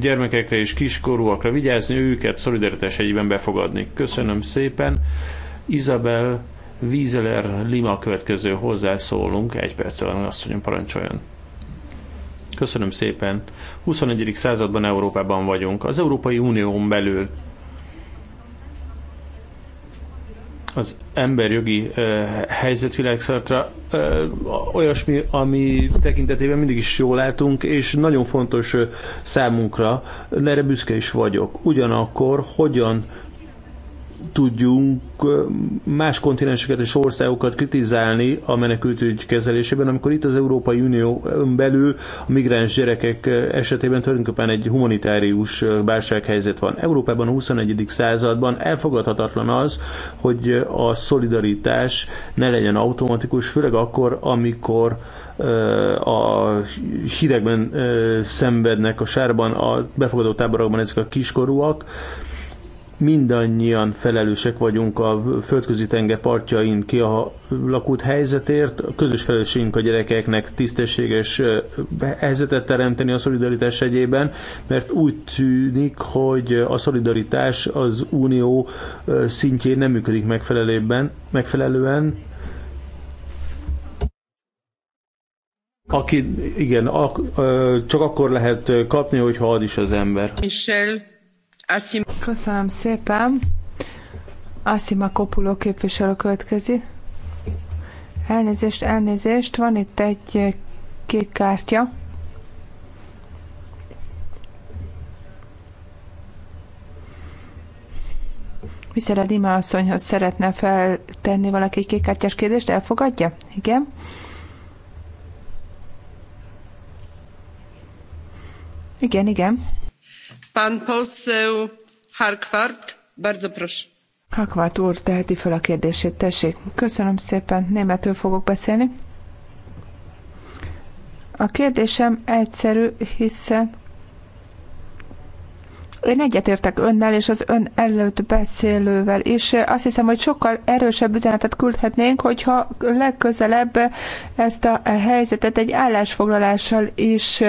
gyermekekre és kiskorúakra vigyázni, őket szolidaritás egyben befogadni. Köszönöm szépen. Isabel Wieseler Lima következő hozzászólunk. Egy perc van, asszonyom, parancsoljon. Köszönöm szépen. 21. században Európában vagyunk. Az Európai Unión belül az emberjogi helyzet világszartra olyasmi, ami tekintetében mindig is jól látunk, és nagyon fontos számunkra, erre büszke is vagyok. Ugyanakkor hogyan tudjunk más kontinenseket és országokat kritizálni a menekültügy kezelésében, amikor itt az Európai Unió belül a migráns gyerekek esetében tulajdonképpen egy humanitárius válsághelyzet van. Európában a 21. században elfogadhatatlan az, hogy a szolidaritás ne legyen automatikus, főleg akkor, amikor a hidegben szenvednek a sárban, a befogadó táborokban ezek a kiskorúak, mindannyian felelősek vagyunk a földközi tenge partjain ki a kialakult helyzetért. A közös felelősségünk a gyerekeknek tisztességes helyzetet teremteni a szolidaritás egyében, mert úgy tűnik, hogy a szolidaritás az unió szintjén nem működik megfelelően, megfelelően aki, igen, ak, csak akkor lehet kapni, hogyha ad is az ember. Michel Köszönöm szépen. Asszima Kopuló képviselő következik. Elnézést, elnézést, van itt egy kék kártya. Viszere Lima asszonyhoz szeretne feltenni valaki egy kékkártyás kérdést, elfogadja? Igen. Igen, igen. Pán poseł Harkvart, bardzo proszę. Hakvát úr teheti fel a kérdését, tessék. Köszönöm szépen, németül fogok beszélni. A kérdésem egyszerű, hiszen én egyetértek önnel és az ön előtt beszélővel, és azt hiszem, hogy sokkal erősebb üzenetet küldhetnénk, hogyha legközelebb ezt a helyzetet egy állásfoglalással is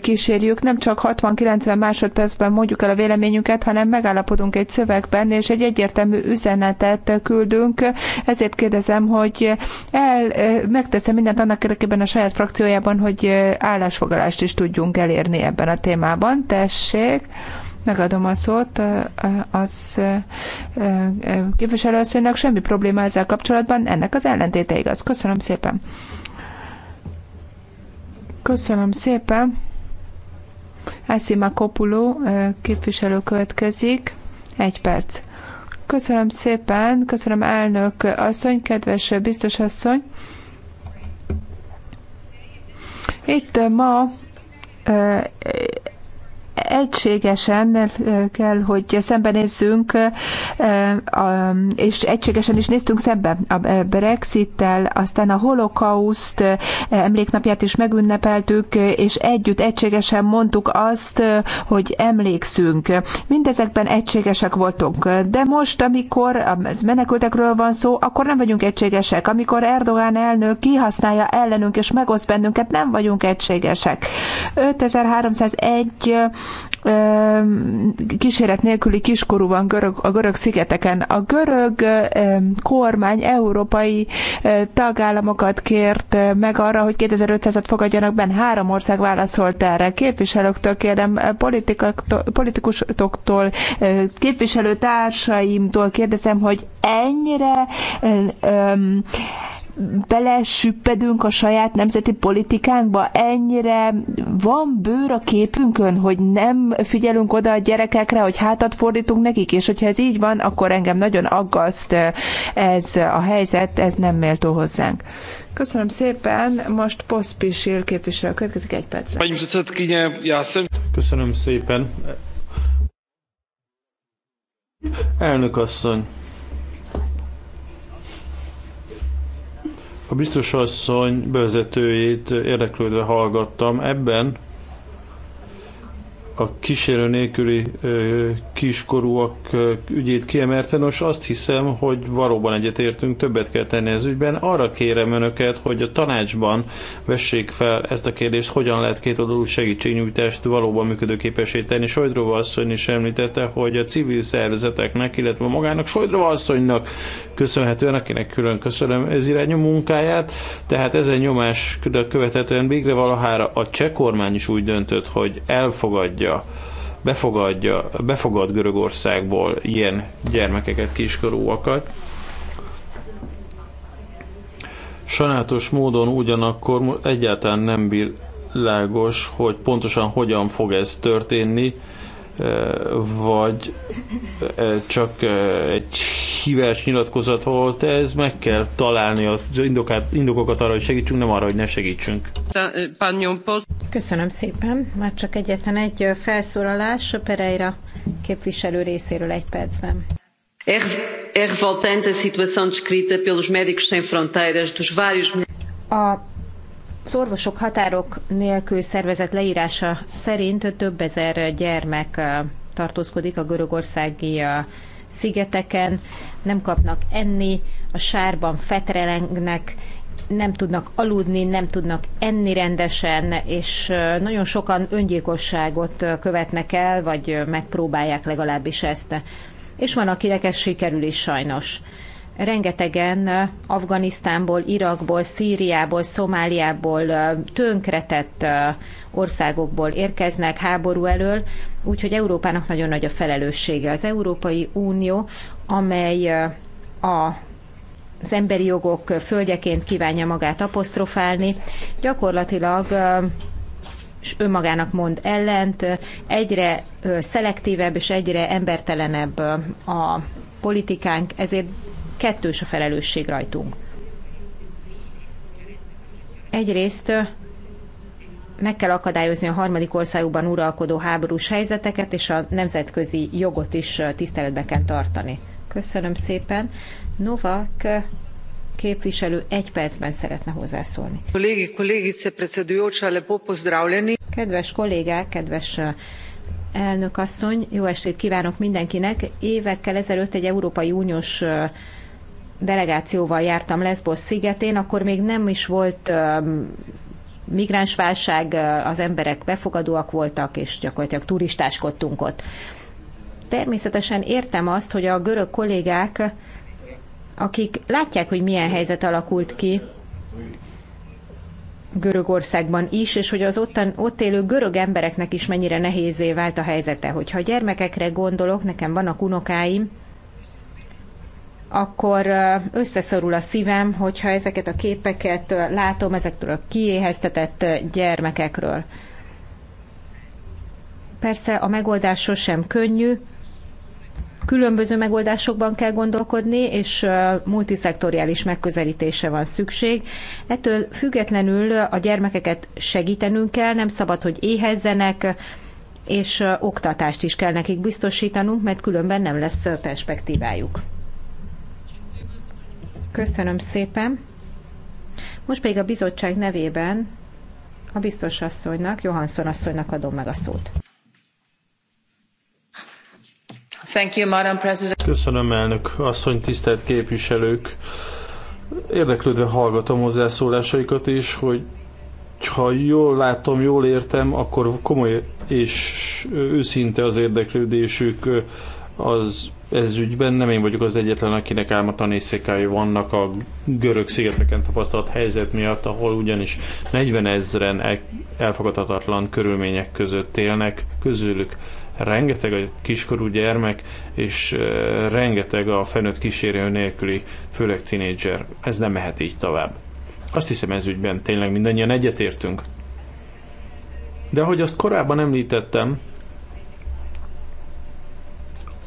kísérjük. Nem csak 60-90 másodpercben mondjuk el a véleményünket, hanem megállapodunk egy szövegben, és egy egyértelmű üzenetet küldünk. Ezért kérdezem, hogy el, megteszem mindent annak érdekében a saját frakciójában, hogy állásfoglalást is tudjunk elérni ebben a témában. Tessék! Megadom a szót az asszonynak semmi probléma ezzel kapcsolatban, ennek az ellentéte igaz. Köszönöm szépen. Köszönöm szépen. Eszima Kopuló képviselő következik. Egy perc. Köszönöm szépen, köszönöm elnök asszony, kedves biztos asszony. Itt ma egységesen eh, kell, hogy szembenézzünk, eh, és egységesen is néztünk szembe a eh, Brexit-tel, aztán a holokauszt emléknapját is megünnepeltük, és együtt egységesen mondtuk azt, hogy emlékszünk. Mindezekben egységesek voltunk, de most, amikor a menekültekről van szó, akkor nem vagyunk egységesek. Amikor Erdogán elnök kihasználja ellenünk és megoszt bennünket, nem vagyunk egységesek. 5301 kíséret nélküli van görög, a görög szigeteken. A görög kormány európai tagállamokat kért meg arra, hogy 2500-at fogadjanak benne. Három ország válaszolt erre. Képviselőktől kérdem, politikusoktól, képviselőtársaimtól kérdezem, hogy ennyire belesüppedünk a saját nemzeti politikánkba? Ennyire van bőr a képünkön, hogy nem figyelünk oda a gyerekekre, hogy hátat fordítunk nekik, és hogyha ez így van, akkor engem nagyon aggaszt ez a helyzet, ez nem méltó hozzánk. Köszönöm szépen, most Poszpisil képviselő következik egy percre. Köszönöm szépen. Elnök asszony, A biztos asszony bevezetőjét érdeklődve hallgattam. Ebben a kísérő nélküli kiskorúak ügyét kiemelte. Nos, azt hiszem, hogy valóban egyetértünk, többet kell tenni az ügyben. Arra kérem önöket, hogy a tanácsban vessék fel ezt a kérdést, hogyan lehet kétoldalú segítségnyújtást valóban működőképessé tenni. Sojdrova asszony is említette, hogy a civil szervezeteknek, illetve magának Sojdrova asszonynak köszönhetően, akinek külön köszönöm ez irányú munkáját, tehát ezen nyomás követhetően végre valahára a cseh kormány is úgy döntött, hogy elfogadja befogadja, befogadja, befogad Görögországból ilyen gyermekeket, kiskorúakat. Sajnálatos módon ugyanakkor egyáltalán nem világos, hogy pontosan hogyan fog ez történni, vagy csak egy hívás nyilatkozat volt, ez meg kell találni az indokát, indokokat arra, hogy segítsünk, nem arra, hogy ne segítsünk. Köszönöm szépen. Már csak egyetlen egy felszólalás Pereira képviselő részéről egy percben. É, é a situação descrita pelos médicos sem fronteiras dos vários a az orvosok határok nélkül szervezet leírása szerint több ezer gyermek tartózkodik a görögországi szigeteken, nem kapnak enni, a sárban fetrelengnek, nem tudnak aludni, nem tudnak enni rendesen, és nagyon sokan öngyilkosságot követnek el, vagy megpróbálják legalábbis ezt. És van, akinek ez sikerül is sajnos rengetegen Afganisztánból, Irakból, Szíriából, Szomáliából, tönkretett országokból érkeznek háború elől, úgyhogy Európának nagyon nagy a felelőssége. Az Európai Unió, amely a az emberi jogok földjeként kívánja magát apostrofálni, gyakorlatilag és önmagának mond ellent, egyre szelektívebb és egyre embertelenebb a politikánk, ezért kettős a felelősség rajtunk. Egyrészt meg kell akadályozni a harmadik országokban uralkodó háborús helyzeteket, és a nemzetközi jogot is tiszteletbe kell tartani. Köszönöm szépen. Novak képviselő egy percben szeretne hozzászólni. Kollégi, kollégice, Kedves kollégák, kedves elnök asszony, jó estét kívánok mindenkinek. Évekkel ezelőtt egy Európai Uniós delegációval jártam Lesbos szigetén, akkor még nem is volt migránsválság, az emberek befogadóak voltak, és gyakorlatilag turistáskodtunk ott. Természetesen értem azt, hogy a görög kollégák, akik látják, hogy milyen helyzet alakult ki Görögországban is, és hogy az ottan, ott élő görög embereknek is mennyire nehézé vált a helyzete. Hogyha a gyermekekre gondolok, nekem vannak unokáim, akkor összeszorul a szívem, hogyha ezeket a képeket látom ezektől a kiéheztetett gyermekekről. Persze a megoldás sosem könnyű, különböző megoldásokban kell gondolkodni, és multiszektoriális megközelítése van szükség. Ettől függetlenül a gyermekeket segítenünk kell, nem szabad, hogy éhezzenek, és oktatást is kell nekik biztosítanunk, mert különben nem lesz perspektívájuk. Köszönöm szépen. Most pedig a bizottság nevében a biztos asszonynak, Johansson asszonynak adom meg a szót. Thank you, Madam President. Köszönöm, elnök asszony, tisztelt képviselők. Érdeklődve hallgatom hozzászólásaikat is, hogy ha jól látom, jól értem, akkor komoly és őszinte az érdeklődésük az ez ügyben. Nem én vagyok az egyetlen, akinek álma éjszékái vannak a görög szigeteken tapasztalt helyzet miatt, ahol ugyanis 40 ezeren elfogadhatatlan körülmények között élnek, közülük rengeteg a kiskorú gyermek, és rengeteg a felnőtt kísérő nélküli, főleg tinédzser. Ez nem mehet így tovább. Azt hiszem ez ügyben tényleg mindannyian egyetértünk. De ahogy azt korábban említettem,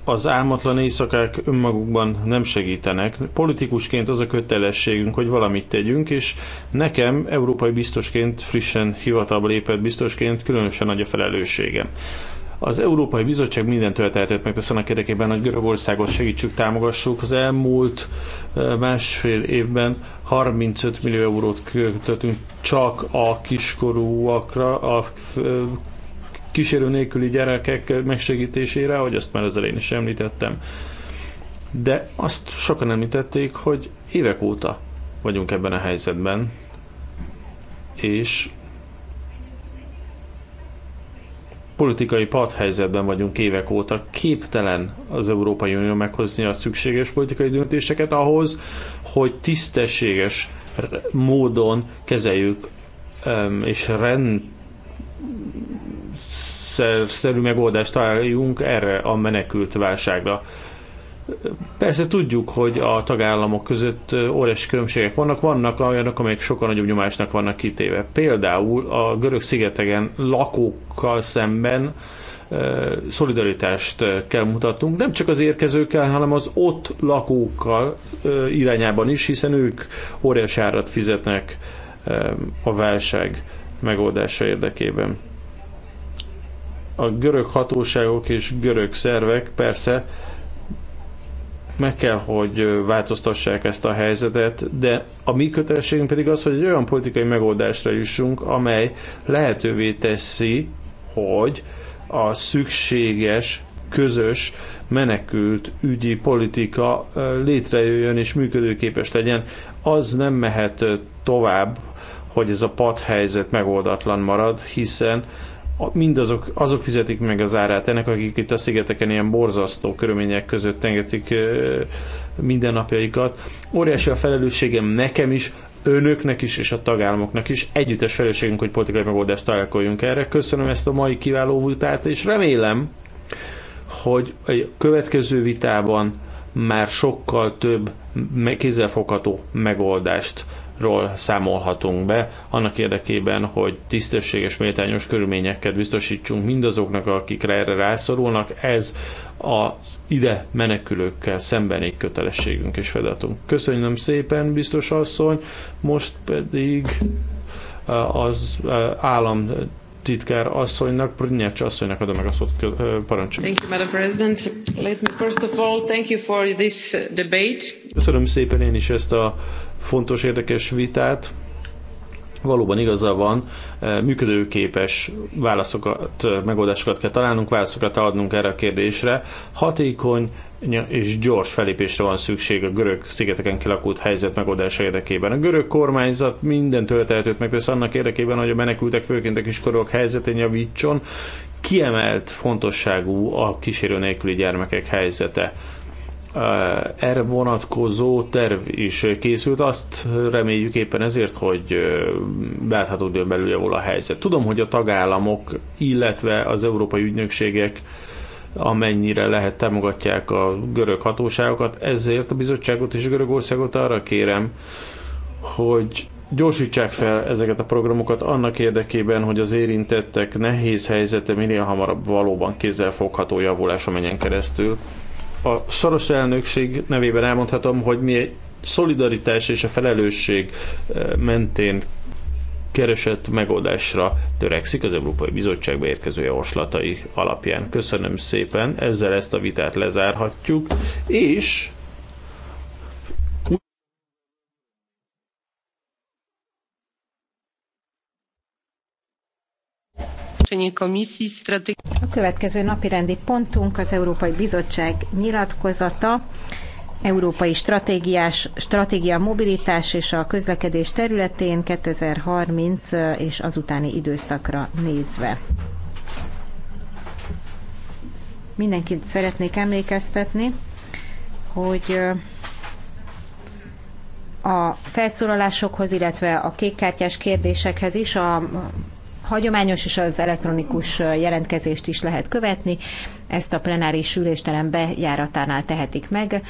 az álmatlan éjszakák önmagukban nem segítenek. Politikusként az a kötelességünk, hogy valamit tegyünk, és nekem, európai biztosként, frissen hivatalba lépett biztosként különösen nagy a felelősségem. Az Európai Bizottság mindentől tehetett meg tesz annak érdekében, hogy Görögországot segítsük, támogassuk. Az elmúlt másfél évben 35 millió eurót költöttünk csak a kiskorúakra, a kísérő nélküli gyerekek megsegítésére, ahogy azt már az elején is említettem. De azt sokan említették, hogy évek óta vagyunk ebben a helyzetben, és politikai padhelyzetben vagyunk évek óta, képtelen az Európai Unió meghozni a szükséges politikai döntéseket ahhoz, hogy tisztességes módon kezeljük és rend szerű megoldást találjunk erre a menekült válságra. Persze tudjuk, hogy a tagállamok között óriási különbségek vannak, vannak olyanok, amelyek sokkal nagyobb nyomásnak vannak kitéve. Például a görög szigetegen lakókkal szemben szolidaritást kell mutatnunk, nem csak az érkezőkkel, hanem az ott lakókkal irányában is, hiszen ők óriási árat fizetnek a válság megoldása érdekében. A görög hatóságok és görög szervek persze meg kell, hogy változtassák ezt a helyzetet, de a mi kötelességünk pedig az, hogy egy olyan politikai megoldásra jussunk, amely lehetővé teszi, hogy a szükséges, közös menekült ügyi politika létrejöjjön és működőképes legyen. Az nem mehet tovább, hogy ez a padhelyzet megoldatlan marad, hiszen mindazok azok fizetik meg az árát ennek, akik itt a szigeteken ilyen borzasztó körülmények között engedik mindennapjaikat. Óriási a felelősségem nekem is, önöknek is és a tagállamoknak is. Együttes felelősségünk, hogy politikai megoldást találkozunk erre. Köszönöm ezt a mai kiváló vitát, és remélem, hogy a következő vitában már sokkal több kézzelfogható megoldást ról számolhatunk be, annak érdekében, hogy tisztességes, méltányos körülményeket biztosítsunk mindazoknak, akik erre rászorulnak. Ez az ide menekülőkkel szembeni kötelességünk és feladatunk. Köszönöm szépen, biztos asszony, most pedig eh, az eh, állam titkár asszonynak, Prnyács asszonynak adom meg a szót, eh, parancsolja. Thank you, Madam President. Let me first of all thank you for this debate. Köszönöm szépen én is ezt a fontos, érdekes vitát. Valóban igaza van, e, működőképes válaszokat, e, megoldásokat kell találnunk, válaszokat adnunk erre a kérdésre. Hatékony és gyors felépésre van szükség a görög szigeteken kilakult helyzet megoldása érdekében. A görög kormányzat minden töltelhetőt megtesz annak érdekében, hogy a menekültek, főként a kiskorúak helyzetén javítson. Kiemelt fontosságú a kísérő nélküli gyermekek helyzete Eh, erre vonatkozó terv is készült. Azt reméljük éppen ezért, hogy belátható eh, időn belül javul a helyzet. Tudom, hogy a tagállamok, illetve az európai ügynökségek amennyire lehet támogatják a görög hatóságokat, ezért a bizottságot és Görögországot arra kérem, hogy gyorsítsák fel ezeket a programokat annak érdekében, hogy az érintettek nehéz helyzete minél hamarabb valóban kézzelfogható javulása menjen keresztül a soros elnökség nevében elmondhatom, hogy mi egy szolidaritás és a felelősség eh, mentén keresett megoldásra törekszik az Európai Bizottság beérkező javaslatai alapján. Köszönöm szépen, ezzel ezt a vitát lezárhatjuk, és A következő napirendi pontunk az Európai Bizottság nyilatkozata, Európai Stratégiás, Stratégia Mobilitás és a Közlekedés területén 2030 eh, és az utáni időszakra nézve. Mindenkit szeretnék emlékeztetni, hogy eh, a felszólalásokhoz, illetve a kékkártyás kérdésekhez is a hagyományos és az elektronikus jelentkezést is lehet követni. Ezt a plenáris ülésterem bejáratánál tehetik meg.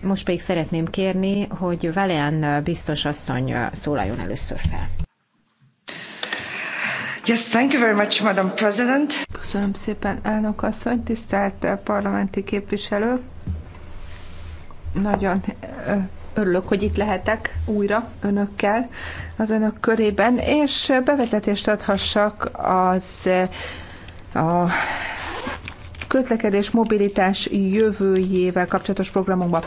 Most pedig szeretném kérni, hogy Valéan biztos asszony szólaljon először fel. Yes, thank you very much, Madam President. Köszönöm szépen, elnök asszony, tisztelt parlamenti képviselők. Nagyon Örülök, hogy itt lehetek újra önökkel az önök körében, és bevezetést adhassak az a közlekedés, mobilitás jövőjével kapcsolatos programunkba.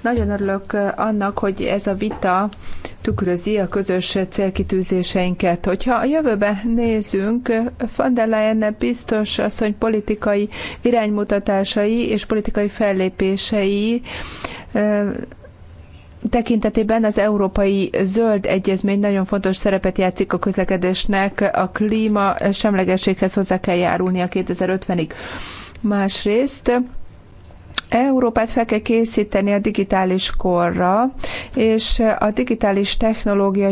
Nagyon örülök annak, hogy ez a vita tükrözi a közös célkitűzéseinket. Hogyha a jövőbe nézünk, van der Leyen biztos hogy politikai iránymutatásai és politikai fellépései tekintetében az Európai Zöld Egyezmény nagyon fontos szerepet játszik a közlekedésnek, a klíma semlegességhez hozzá kell járulni a 2050-ig. Másrészt Európát fel kell készíteni a digitális korra, és a digitális technológia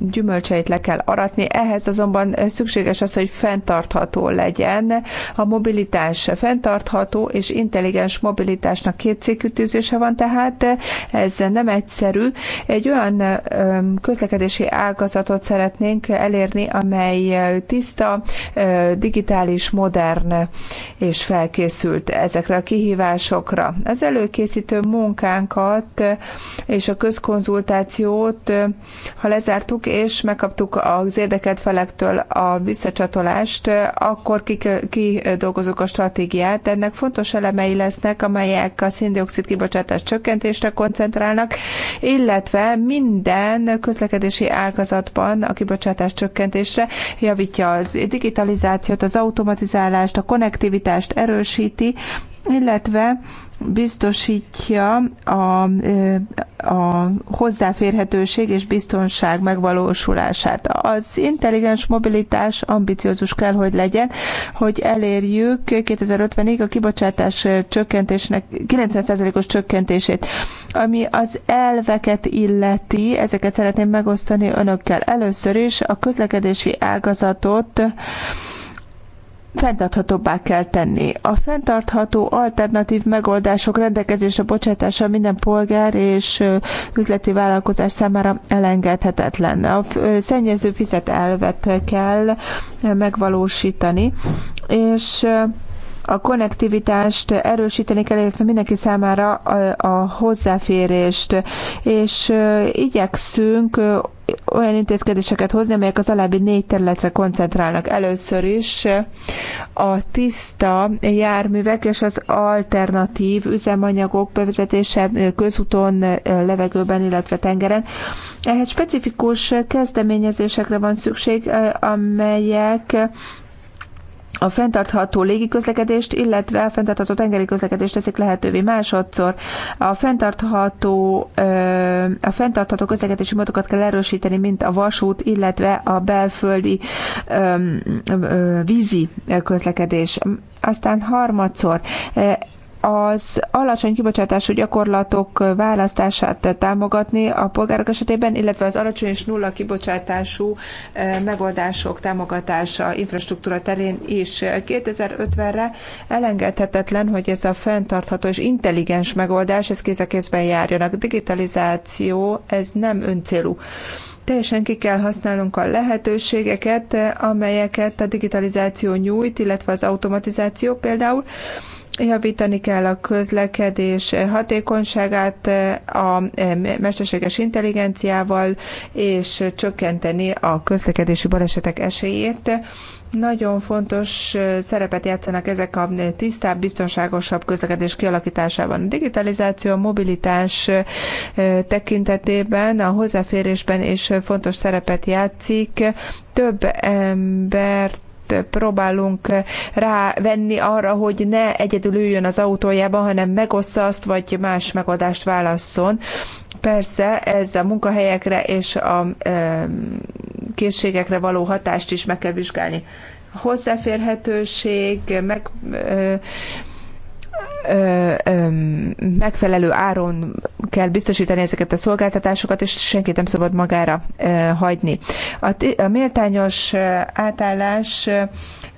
gyümölcseit le kell aratni. Ehhez azonban szükséges az, hogy fenntartható legyen. A mobilitás fenntartható és intelligens mobilitásnak két célkütőzése van, tehát ez nem egyszerű. Egy olyan közlekedési ágazatot szeretnénk elérni, amely tiszta, digitális, modern és felkészült ezekre a kihívásokra ajánlásokra. Az előkészítő munkánkat és a közkonzultációt, ha lezártuk és megkaptuk az érdekelt felektől a visszacsatolást, akkor kidolgozunk a stratégiát. Ennek fontos elemei lesznek, amelyek a széndiokszid kibocsátás csökkentésre koncentrálnak, illetve minden közlekedési ágazatban a kibocsátás csökkentésre javítja az digitalizációt, az automatizálást, a konnektivitást erősíti, illetve biztosítja a, a hozzáférhetőség és biztonság megvalósulását. Az intelligens mobilitás ambiciózus kell, hogy legyen, hogy elérjük 2050-ig a kibocsátás csökkentésnek 90%-os csökkentését. Ami az elveket illeti, ezeket szeretném megosztani önökkel. Először is a közlekedési ágazatot fenntarthatóbbá kell tenni. A fenntartható alternatív megoldások rendelkezésre bocsátása minden polgár és üzleti vállalkozás számára elengedhetetlen. A szennyező fizet elvet kell megvalósítani, és a konnektivitást erősíteni kell, illetve mindenki számára a, a hozzáférést, és igyekszünk olyan intézkedéseket hozni, amelyek az alábbi négy területre koncentrálnak. Először is a tiszta járművek és az alternatív üzemanyagok bevezetése közúton, levegőben, illetve tengeren. Ehhez specifikus kezdeményezésekre van szükség, amelyek a fenntartható légiközlekedést, illetve a fenntartható tengeri közlekedést teszik lehetővé másodszor. A fenntartható, a fenntartható közlekedési módokat kell erősíteni, mint a vasút, illetve a belföldi vízi közlekedés. Aztán harmadszor az alacsony kibocsátású gyakorlatok választását támogatni a polgárok esetében, illetve az alacsony és nulla kibocsátású eh, megoldások támogatása infrastruktúra terén is. 2050-re elengedhetetlen, hogy ez a fenntartható és intelligens megoldás, ez kéz a kézben járjon. A digitalizáció, ez nem öncélú teljesen ki kell használnunk a lehetőségeket, amelyeket a digitalizáció nyújt, illetve az automatizáció például, javítani kell a közlekedés hatékonyságát a mesterséges intelligenciával, és csökkenteni a közlekedési balesetek esélyét. Nagyon fontos szerepet játszanak ezek a tisztább, biztonságosabb közlekedés kialakításában. A digitalizáció, a mobilitás tekintetében, a hozzáférésben is fontos szerepet játszik. Több embert próbálunk rávenni arra, hogy ne egyedül üljön az autójában, hanem megossza azt, vagy más megoldást válasszon. Persze ez a munkahelyekre és a készségekre való hatást is meg kell vizsgálni. Hozzáférhetőség, meg megfelelő áron kell biztosítani ezeket a szolgáltatásokat, és senkit nem szabad magára hagyni. A, a méltányos átállás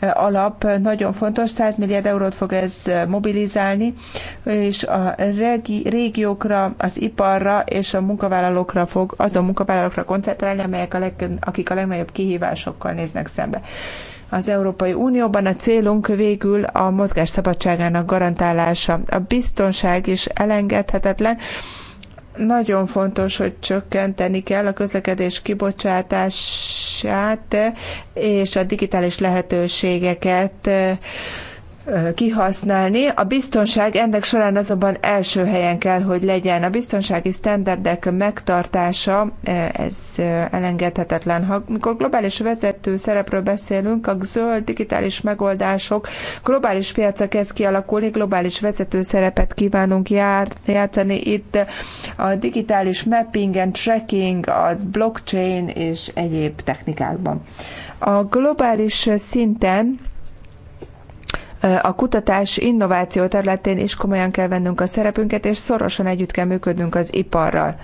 alap nagyon fontos, 100 milliárd eurót fog ez mobilizálni, és a regi, régiókra, az iparra és a munkavállalókra fog, azon munkavállalókra koncentrálni, amelyek a leg, akik a legnagyobb kihívásokkal néznek szembe az Európai Unióban. A célunk végül a mozgás szabadságának garantálása. A biztonság is elengedhetetlen. Nagyon fontos, hogy csökkenteni kell a közlekedés kibocsátását és a digitális lehetőségeket kihasználni. A biztonság ennek során azonban első helyen kell, hogy legyen. A biztonsági sztenderdek megtartása, ez elengedhetetlen. Ha mikor globális vezető szerepről beszélünk, a zöld digitális megoldások globális piaca kezd kialakulni, globális vezető szerepet kívánunk jár, játszani. Itt a digitális mapping and tracking, a blockchain és egyéb technikákban. A globális szinten a kutatás innováció területén is komolyan kell vennünk a szerepünket, és szorosan együtt kell működnünk az iparral.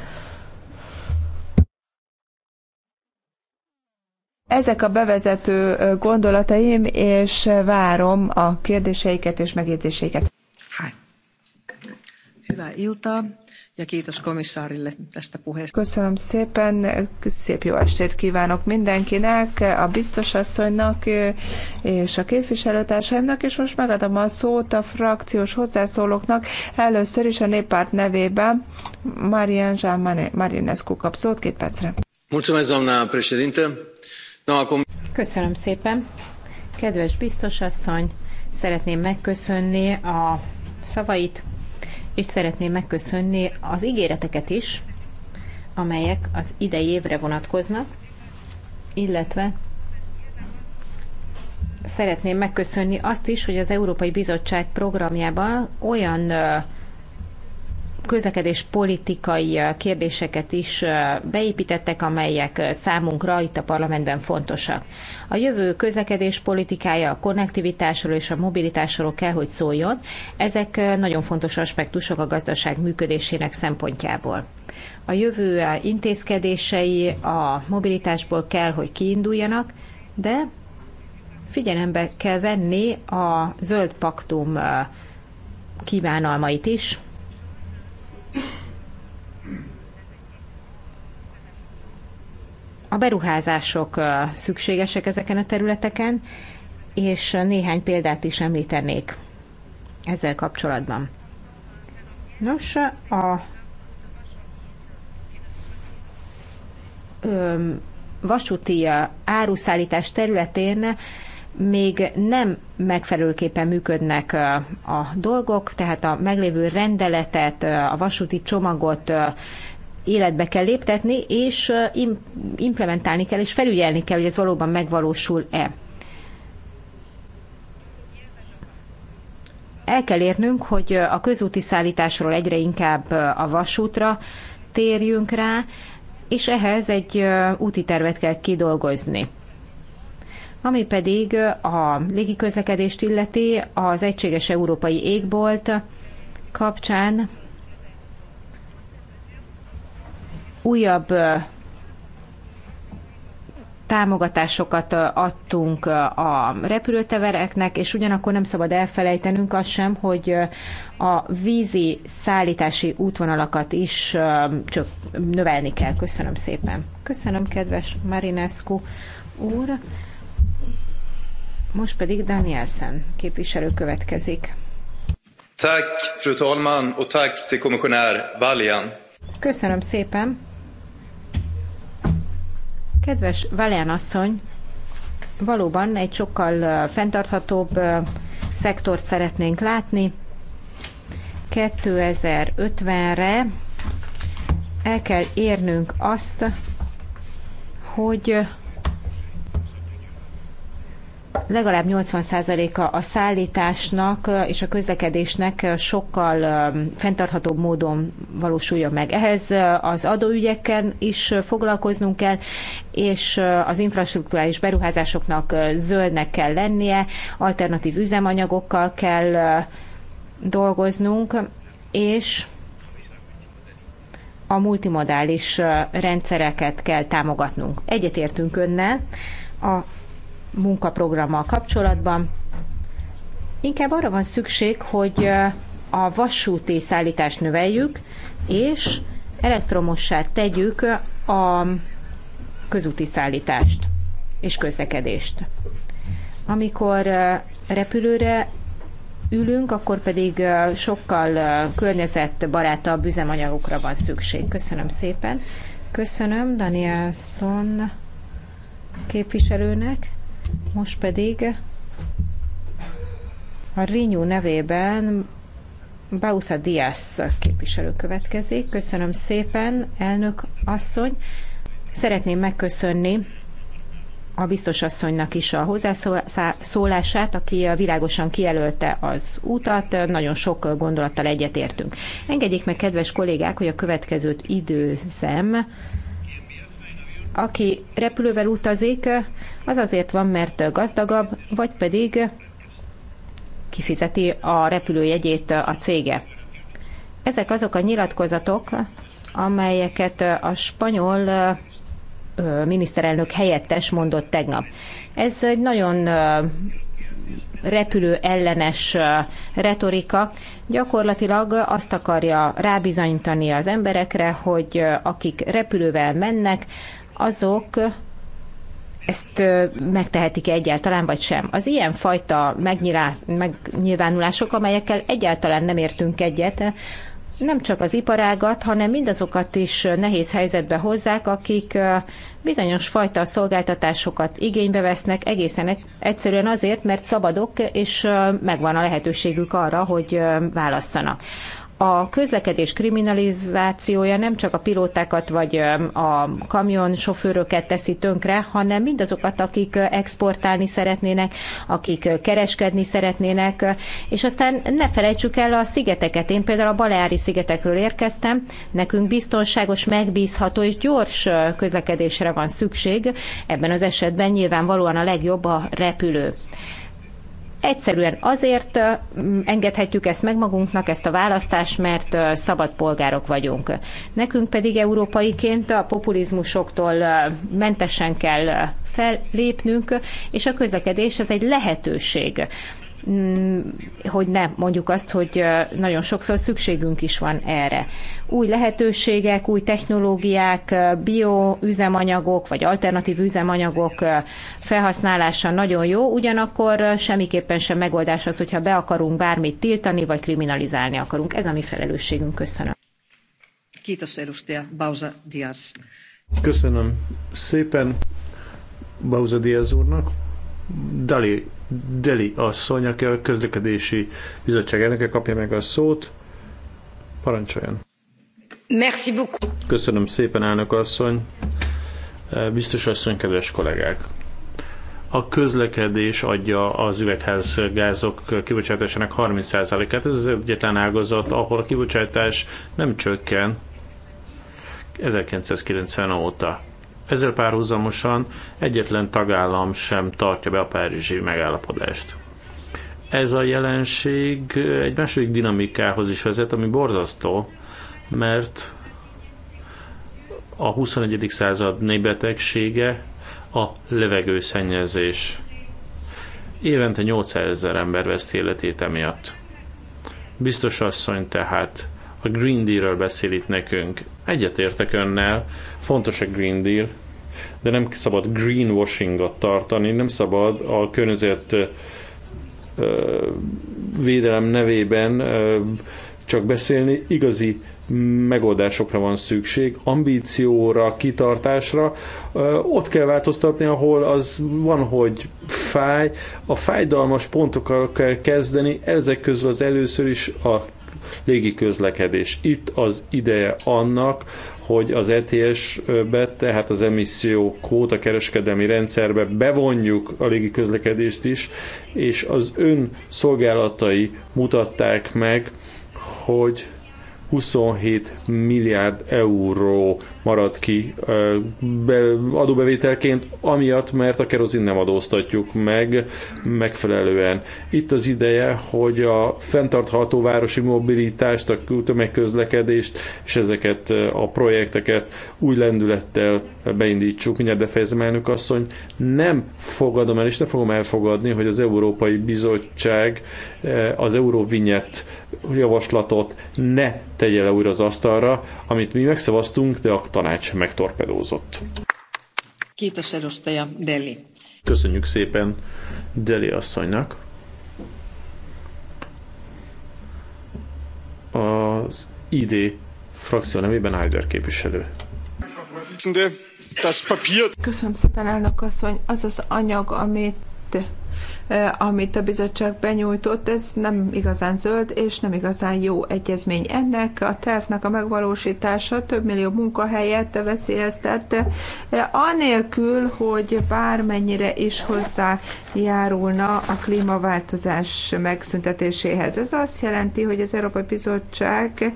Ezek a bevezető gondolataim, és várom a kérdéseiket és megjegyzéseiket. Hi. Hüvá Ilta, Ja kiitos komissaarille tästä puheesta. Köszönöm szépen, szép jó estét kívánok mindenkinek, a biztosasszonynak és a képviselőtársaimnak, és most megadom a szót a frakciós hozzászólóknak. Először is a néppárt nevében Marian Zsámane, Marinescu kap szót két percre. Köszönöm szépen. Kedves biztosasszony, szeretném megköszönni a szavait, és szeretném megköszönni az ígéreteket is, amelyek az idei évre vonatkoznak, illetve szeretném megköszönni azt is, hogy az Európai Bizottság programjában olyan közlekedés politikai kérdéseket is beépítettek, amelyek számunkra itt a parlamentben fontosak. A jövő közlekedés politikája a konnektivitásról és a mobilitásról kell, hogy szóljon. Ezek nagyon fontos aspektusok a gazdaság működésének szempontjából. A jövő intézkedései a mobilitásból kell, hogy kiinduljanak, de figyelembe kell venni a zöld paktum kívánalmait is, a beruházások szükségesek ezeken a területeken, és néhány példát is említenék ezzel kapcsolatban. Nos, a vasúti áruszállítás területén még nem megfelelőképpen működnek a dolgok, tehát a meglévő rendeletet, a vasúti csomagot életbe kell léptetni, és implementálni kell, és felügyelni kell, hogy ez valóban megvalósul-e. El kell érnünk, hogy a közúti szállításról egyre inkább a vasútra térjünk rá, és ehhez egy úti tervet kell kidolgozni. Ami pedig a légiközlekedést illeti, az egységes európai égbolt kapcsán újabb támogatásokat adtunk a repülőtevereknek, és ugyanakkor nem szabad elfelejtenünk azt sem, hogy a vízi szállítási útvonalakat is csak növelni kell. Köszönöm szépen. Köszönöm, kedves Marinescu úr. Most pedig Danielsen képviselő következik. Tack, fru talman, och tack till kommissionär Valian. Köszönöm szépen. Kedves Valian asszony, valóban egy sokkal fenntarthatóbb szektort szeretnénk látni. 2050-re el kell érnünk azt, hogy legalább 80%-a a szállításnak és a közlekedésnek sokkal fenntarthatóbb módon valósuljon meg. Ehhez az adóügyeken is foglalkoznunk kell, és az infrastruktúrális beruházásoknak zöldnek kell lennie, alternatív üzemanyagokkal kell dolgoznunk, és a multimodális rendszereket kell támogatnunk. Egyetértünk önnel, a munkaprogrammal kapcsolatban. Inkább arra van szükség, hogy a vasúti szállítást növeljük, és elektromossá tegyük a közúti szállítást és közlekedést. Amikor repülőre ülünk, akkor pedig sokkal környezetbarátabb üzemanyagokra van szükség. Köszönöm szépen. Köszönöm Danielson képviselőnek. Most pedig a Rinyú nevében Bauta Diaz képviselő következik. Köszönöm szépen, elnök asszony. Szeretném megköszönni a biztos asszonynak is a hozzászólását, aki világosan kijelölte az útat, nagyon sok gondolattal egyetértünk. Engedjék meg, kedves kollégák, hogy a következőt időzem aki repülővel utazik, az azért van, mert gazdagabb, vagy pedig kifizeti a repülőjegyét a cége. Ezek azok a nyilatkozatok, amelyeket a spanyol miniszterelnök helyettes mondott tegnap. Ez egy nagyon repülő ellenes retorika gyakorlatilag azt akarja rábizonyítani az emberekre, hogy akik repülővel mennek, azok ezt megtehetik -e egyáltalán, vagy sem. Az ilyen fajta megnyilvánulások, amelyekkel egyáltalán nem értünk egyet, nem csak az iparágat, hanem mindazokat is nehéz helyzetbe hozzák, akik bizonyos fajta szolgáltatásokat igénybe vesznek, egészen e-, egyszerűen azért, mert szabadok, és megvan a lehetőségük arra, hogy válasszanak a közlekedés kriminalizációja nem csak a pilótákat vagy a kamionsofőröket teszi tönkre, hanem mindazokat, akik exportálni szeretnének, akik kereskedni szeretnének, és aztán ne felejtsük el a szigeteket. Én például a Baleári szigetekről érkeztem, nekünk biztonságos, megbízható és gyors közlekedésre van szükség, ebben az esetben nyilvánvalóan a legjobb a repülő. Egyszerűen azért engedhetjük ezt meg magunknak, ezt a választást, mert szabad polgárok vagyunk. Nekünk pedig európaiként a populizmusoktól mentesen kell fellépnünk, és a közlekedés ez egy lehetőség. Mm, hogy ne mondjuk azt, hogy nagyon sokszor szükségünk is van erre. Új lehetőségek, új technológiák, bioüzemanyagok vagy alternatív üzemanyagok felhasználása nagyon jó, ugyanakkor semmiképpen sem megoldás az, hogyha be akarunk bármit tiltani vagy kriminalizálni akarunk. Ez a mi felelősségünk. Köszönöm. Diaz. Köszönöm szépen Bausa Diaz úrnak. Dali Deli asszony, aki a közlekedési bizottság elnöke kapja meg a szót. Parancsoljon! Merci beaucoup. Köszönöm szépen, elnök asszony! Eh, biztos asszony, kedves kollégák! a közlekedés adja az üvegházgázok kibocsátásának 30%-át. Ez az egyetlen ágazat, ahol a kibocsátás nem csökken 1990 óta. Ezzel párhuzamosan egyetlen tagállam sem tartja be a párizsi megállapodást. Ez a jelenség egy második dinamikához is vezet, ami borzasztó, mert a 21. század népbetegsége a levegőszennyezés. Évente 800 ezer ember veszti életét emiatt. Biztos asszony tehát a Green Deal-ről beszél itt nekünk. Egyetértek önnel, fontos a Green Deal, de nem szabad greenwashingot tartani, nem szabad a környezet védelem nevében csak beszélni, igazi megoldásokra van szükség, ambícióra, kitartásra. Ott kell változtatni, ahol az van, hogy fáj. A fájdalmas pontokkal kell kezdeni, ezek közül az először is a légi közlekedés. Itt az ideje annak, hogy az ETS-be, tehát az emisszió a kereskedelmi rendszerbe bevonjuk a légi közlekedést is, és az ön szolgálatai mutatták meg, hogy 27 milliárd euró marad ki adóbevételként, amiatt, mert a kerozin nem adóztatjuk meg megfelelően. Itt az ideje, hogy a fenntartható városi mobilitást, a tömegközlekedést és ezeket a projekteket új lendülettel beindítsuk. Mindjárt befejezem, elnök asszony. Nem fogadom el, és nem fogom elfogadni, hogy az Európai Bizottság az Euróvinyet javaslatot ne tegye le újra az asztalra, amit mi megszavaztunk, de a tanács megtorpedózott. Kétes erosztaja, Deli. Köszönjük szépen Deli asszonynak. Az ID frakció nevében Heider képviselő. Köszönöm szépen, elnök asszony. Az az anyag, amit amit a bizottság benyújtott, ez nem igazán zöld és nem igazán jó egyezmény. Ennek a tervnek a megvalósítása több millió munkahelyet veszélyeztette, anélkül, hogy bármennyire is hozzájárulna a klímaváltozás megszüntetéséhez. Ez azt jelenti, hogy az Európai Bizottság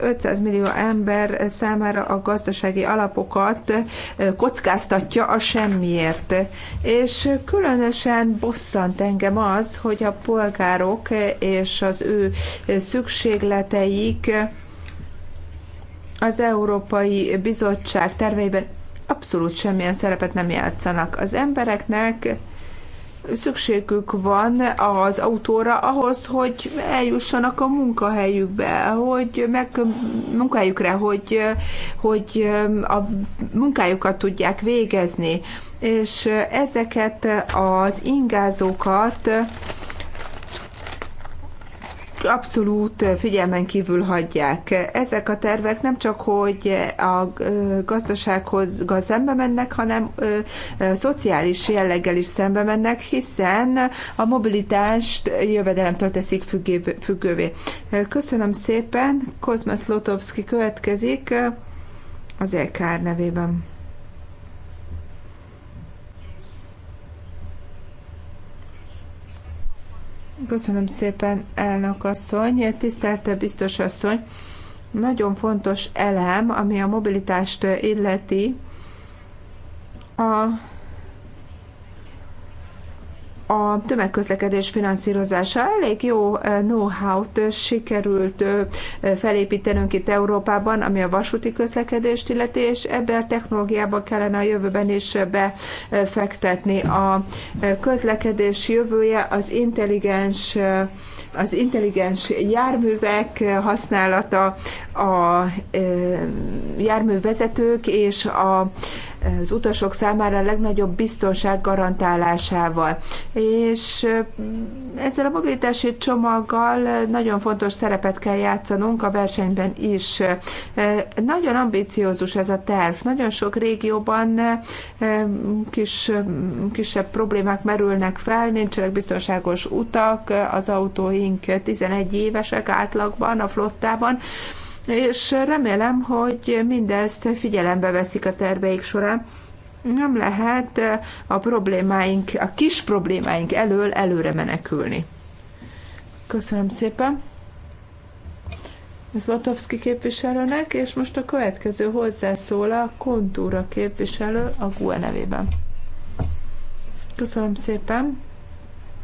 500 millió ember számára a gazdasági alapokat kockáztatja a semmiért. És különösen bosszal bosszant engem az, hogy a polgárok és az ő szükségleteik az Európai Bizottság terveiben abszolút semmilyen szerepet nem játszanak. Az embereknek szükségük van az autóra ahhoz, hogy eljussanak a munkahelyükbe, hogy meg munkahelyükre, hogy, hogy um, a munkájukat tudják végezni. És ezeket az ingázókat abszolút figyelmen kívül hagyják. Ezek a tervek nem csak, hogy a gazdasághoz szembe mennek, hanem szociális jelleggel is szembe mennek, hiszen a mobilitást jövedelemtől teszik függővé. Köszönöm szépen, Kozmasz Lotovski következik az EKR nevében. Köszönöm szépen, elnök asszony. Tisztelte biztos asszony, nagyon fontos elem, ami a mobilitást illeti, a a tömegközlekedés finanszírozása. Elég jó eh, know-how-t sikerült eh, felépítenünk itt Európában, ami a vasúti közlekedést illeti, és ebben a technológiában kellene a jövőben is befektetni. Eh, a közlekedés jövője az intelligens az intelligens járművek használata, a járművezetők és a az utasok számára a legnagyobb biztonság garantálásával. És ezzel a mobilitási csomaggal nagyon fontos szerepet kell játszanunk a versenyben is. Nagyon ambiciózus ez a terv. Nagyon sok régióban kis, kisebb problémák merülnek fel, nincsenek biztonságos utak, az autóink 11 évesek átlagban a flottában, és remélem, hogy mindezt figyelembe veszik a terveik során. Nem lehet a problémáink, a kis problémáink elől előre menekülni. Köszönöm szépen. Zlatowski képviselőnek, és most a következő hozzászól a Kontúra képviselő a GUE nevében. Köszönöm szépen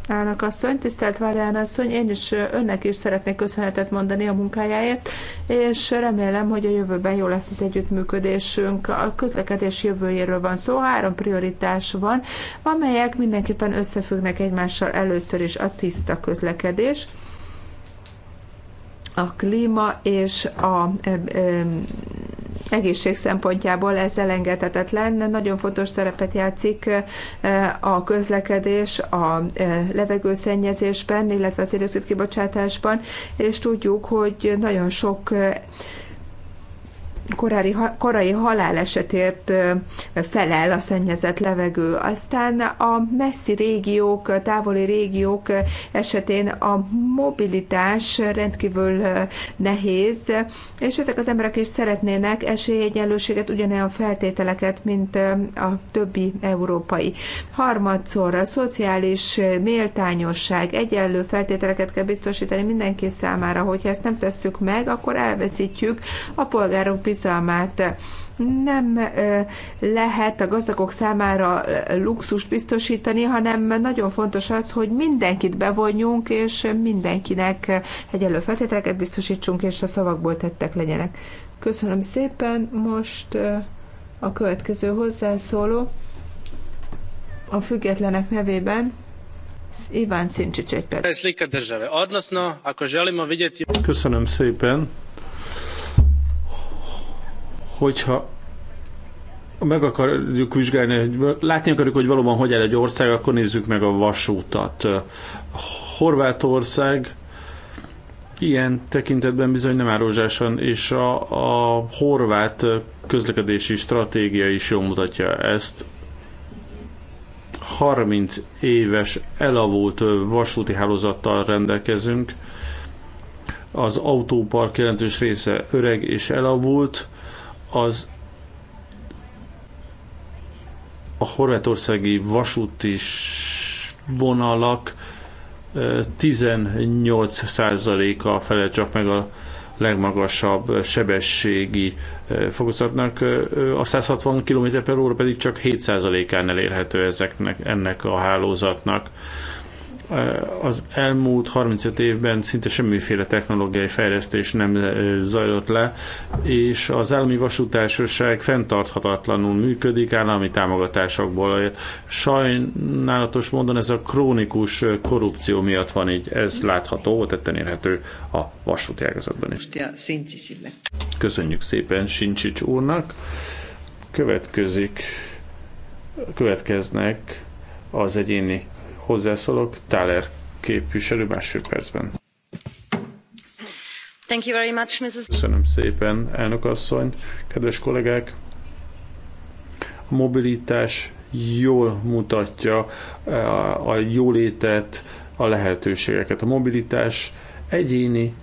a asszony, tisztelt Várján asszony, én is önnek is szeretnék köszönetet mondani a munkájáért, és remélem, hogy a jövőben jó lesz az együttműködésünk. A közlekedés jövőjéről van szó, három prioritás van, amelyek mindenképpen összefüggnek egymással először is a tiszta közlekedés, a klíma és a egészség szempontjából ez elengedhetetlen. Nagyon fontos szerepet játszik eh, a közlekedés a eh, levegőszennyezésben, illetve a széndiokszid kibocsátásban, és tudjuk, hogy nagyon sok eh, korári, korai halálesetért felel a szennyezett levegő. Aztán a messzi régiók, távoli régiók esetén a mobilitás rendkívül nehéz, és ezek az emberek is szeretnének esélyegyenlőséget, ugyanolyan feltételeket, mint a többi európai. Harmadszor a szociális méltányosság, egyenlő feltételeket kell biztosítani mindenki számára, hogyha ezt nem tesszük meg, akkor elveszítjük a polgárok biztonságát bizalmát. Nem lehet a gazdagok számára luxust biztosítani, hanem nagyon fontos az, hogy mindenkit bevonjunk, és mindenkinek egyenlő feltételeket biztosítsunk, és a szavakból tettek legyenek. Köszönöm szépen, most a következő hozzászóló a függetlenek nevében Iván Szincsics egy perc. Köszönöm szépen hogyha meg akarjuk vizsgálni, hogy látni akarjuk, hogy valóban hogy áll egy ország, akkor nézzük meg a vasútat. Horvátország ilyen tekintetben bizony nem árózsásan, és a, a horvát közlekedési stratégia is jól mutatja ezt. 30 éves elavult vasúti hálózattal rendelkezünk. Az autópark jelentős része öreg és elavult az a horvátországi vasúti vonalak 18%-a felel csak meg a legmagasabb sebességi fokozatnak, a 160 km h pedig csak 7%-án elérhető ezeknek, ennek a hálózatnak. Eh, az elmúlt 35 évben szinte semmiféle technológiai fejlesztés nem eh, zajlott le, és az állami vasútársaság fenntarthatatlanul működik állami támogatásokból. Sajnálatos módon ez a krónikus eh, korrupció miatt van így, ez látható, tetten érhető a vasúti ágazatban is. Köszönjük szépen Sincsics úrnak. Következik, következnek az egyéni hozzászólok. Thaler képviselő másodpercben. Thank you very much, Mrs. Köszönöm szépen, elnök asszony, kedves kollégák! A mobilitás jól mutatja eh, a jólétet, a lehetőségeket. A mobilitás egyéni,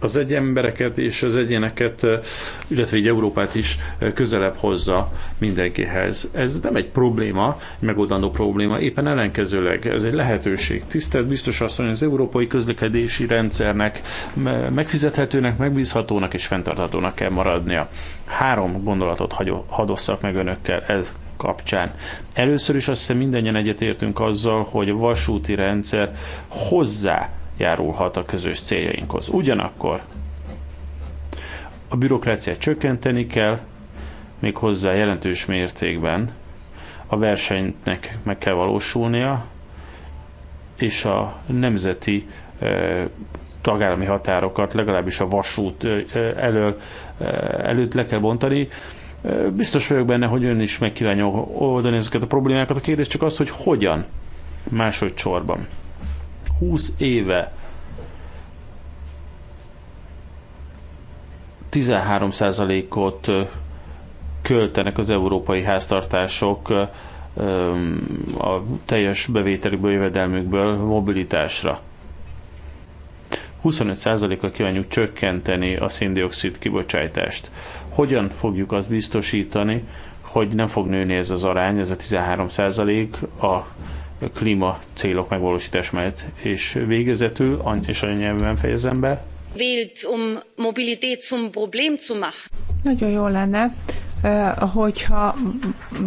az egy embereket és az egyéneket, illetve egy Európát is közelebb hozza mindenkihez. Ez nem egy probléma, egy megoldandó probléma, éppen ellenkezőleg ez egy lehetőség. Tisztelt biztos asszony, az európai közlekedési rendszernek megfizethetőnek, megbízhatónak és fenntarthatónak kell maradnia. Három gondolatot hadosszak meg önökkel ez kapcsán. Először is azt hiszem mindannyian egyetértünk azzal, hogy a vasúti rendszer hozzá járulhat a közös céljainkhoz. Ugyanakkor a bürokráciát csökkenteni kell, még hozzá jelentős mértékben a versenynek meg kell valósulnia, és a nemzeti e, tagállami határokat, legalábbis a vasút e, e, elől, előtt le kell bontani. Biztos vagyok benne, hogy ön is megkívánja oldani ezeket a problémákat. A kérdés csak az, hogy hogyan másodszorban. 20 éve 13%-ot költenek az európai háztartások a teljes bevételükből, jövedelmükből mobilitásra. 25 a kívánjuk csökkenteni a széndiokszid kibocsátást. Hogyan fogjuk azt biztosítani, hogy nem fog nőni ez az arány, ez a 13 a klíma célok megvalósítás mellett. És végezetül, és anyanyelven fejezem be, wählt, um Mobilität zum Problem zu machen. Nagyon jó lenne, hogyha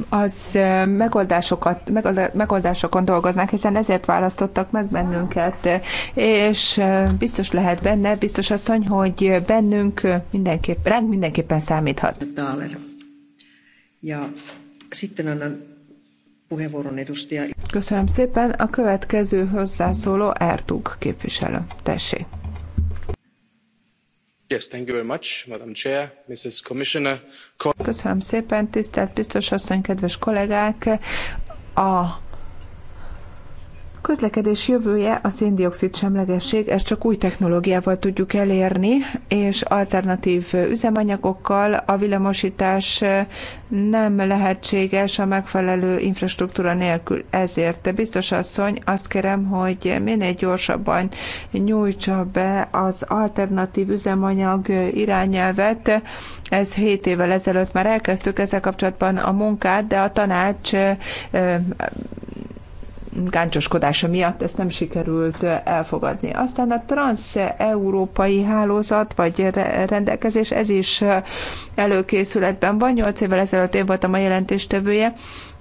az megoldásokat, megoldásokon dolgoznak, hiszen ezért választottak meg bennünket, és biztos lehet benne, biztos asszony, hogy bennünk mindenképp, ránk mindenképpen számíthat. Ja, sitten annan Köszönöm szépen. A következő hozzászóló Ertug képviselő. Tessék. Yes, thank you very much, Madam Chair, Mrs. Commissioner. Köszönöm szépen, tisztelt biztos asszony, kedves kollégák! A közlekedés jövője a széndiokszid semlegesség, ezt csak új technológiával tudjuk elérni, és alternatív üzemanyagokkal a villamosítás nem lehetséges a megfelelő infrastruktúra nélkül. Ezért biztos asszony, azt kérem, hogy minél gyorsabban nyújtsa be az alternatív üzemanyag irányelvet. Ez 7 évvel ezelőtt már elkezdtük ezzel kapcsolatban a munkát, de a tanács gáncsoskodása miatt ezt nem sikerült elfogadni. Aztán a transz-európai hálózat vagy rendelkezés, ez is előkészületben van. Nyolc évvel ezelőtt én voltam a jelentéstevője.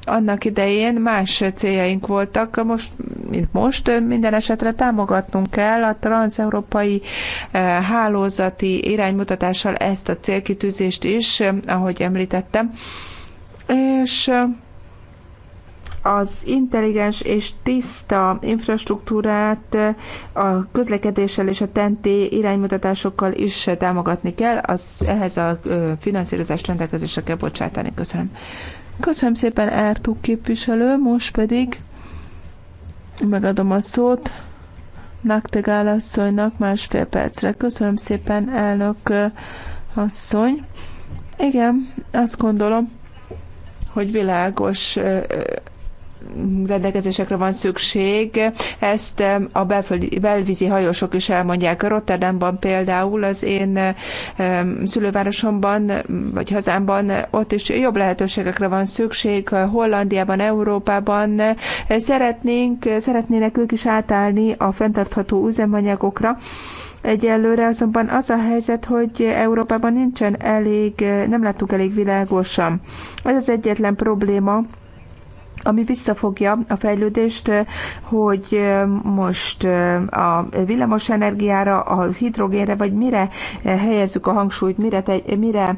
Annak idején más céljaink voltak, most, mint most, minden esetre támogatnunk kell a transeurópai hálózati iránymutatással ezt a célkitűzést is, ahogy említettem. És az intelligens és tiszta infrastruktúrát a közlekedéssel és a tenti iránymutatásokkal is támogatni kell, az ehhez a finanszírozást rendelkezésre kell bocsátani. Köszönöm. Köszönöm szépen, Ertug képviselő, most pedig megadom a szót Naktegál asszonynak másfél percre. Köszönöm szépen, elnök asszony. Igen, azt gondolom, hogy világos rendelkezésekre van szükség. Ezt a belföldi, belvízi hajósok is elmondják. Rotterdamban például az én szülővárosomban, vagy hazámban ott is jobb lehetőségekre van szükség. Hollandiában, Európában szeretnénk, szeretnének ők is átállni a fenntartható üzemanyagokra. Egyelőre azonban az a helyzet, hogy Európában nincsen elég, nem láttuk elég világosan. Ez az egyetlen probléma, ami visszafogja a fejlődést, eh, hogy eh, most eh, a villamos energiára, a hidrogénre, vagy mire helyezzük a hangsúlyt, mire, te, mire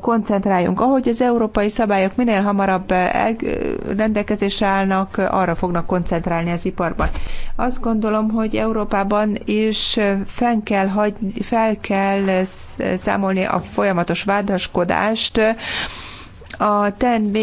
koncentráljunk. Ahogy az európai szabályok minél hamarabb el, rendelkezésre állnak, arra fognak koncentrálni az iparban. Azt gondolom, hogy Európában is fenn kell hagy, fel kell számolni a folyamatos vádaskodást, a TNB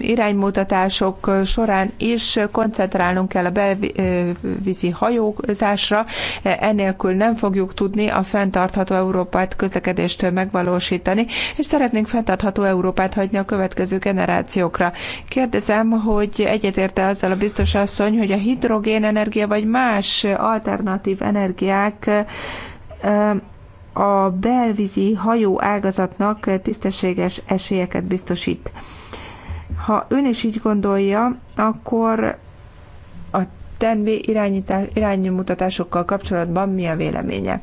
iránymutatások során is koncentrálnunk kell a belvízi hajózásra, enélkül nem fogjuk tudni a fenntartható Európát közlekedéstől megvalósítani, és szeretnénk fenntartható Európát hagyni a következő generációkra. Kérdezem, hogy egyetérte azzal a biztos asszony, hogy a hidrogénenergia vagy más alternatív energiák a belvízi hajó ágazatnak tisztességes esélyeket biztosít. Ha ön is így gondolja, akkor a TNB iránymutatásokkal kapcsolatban mi a véleménye?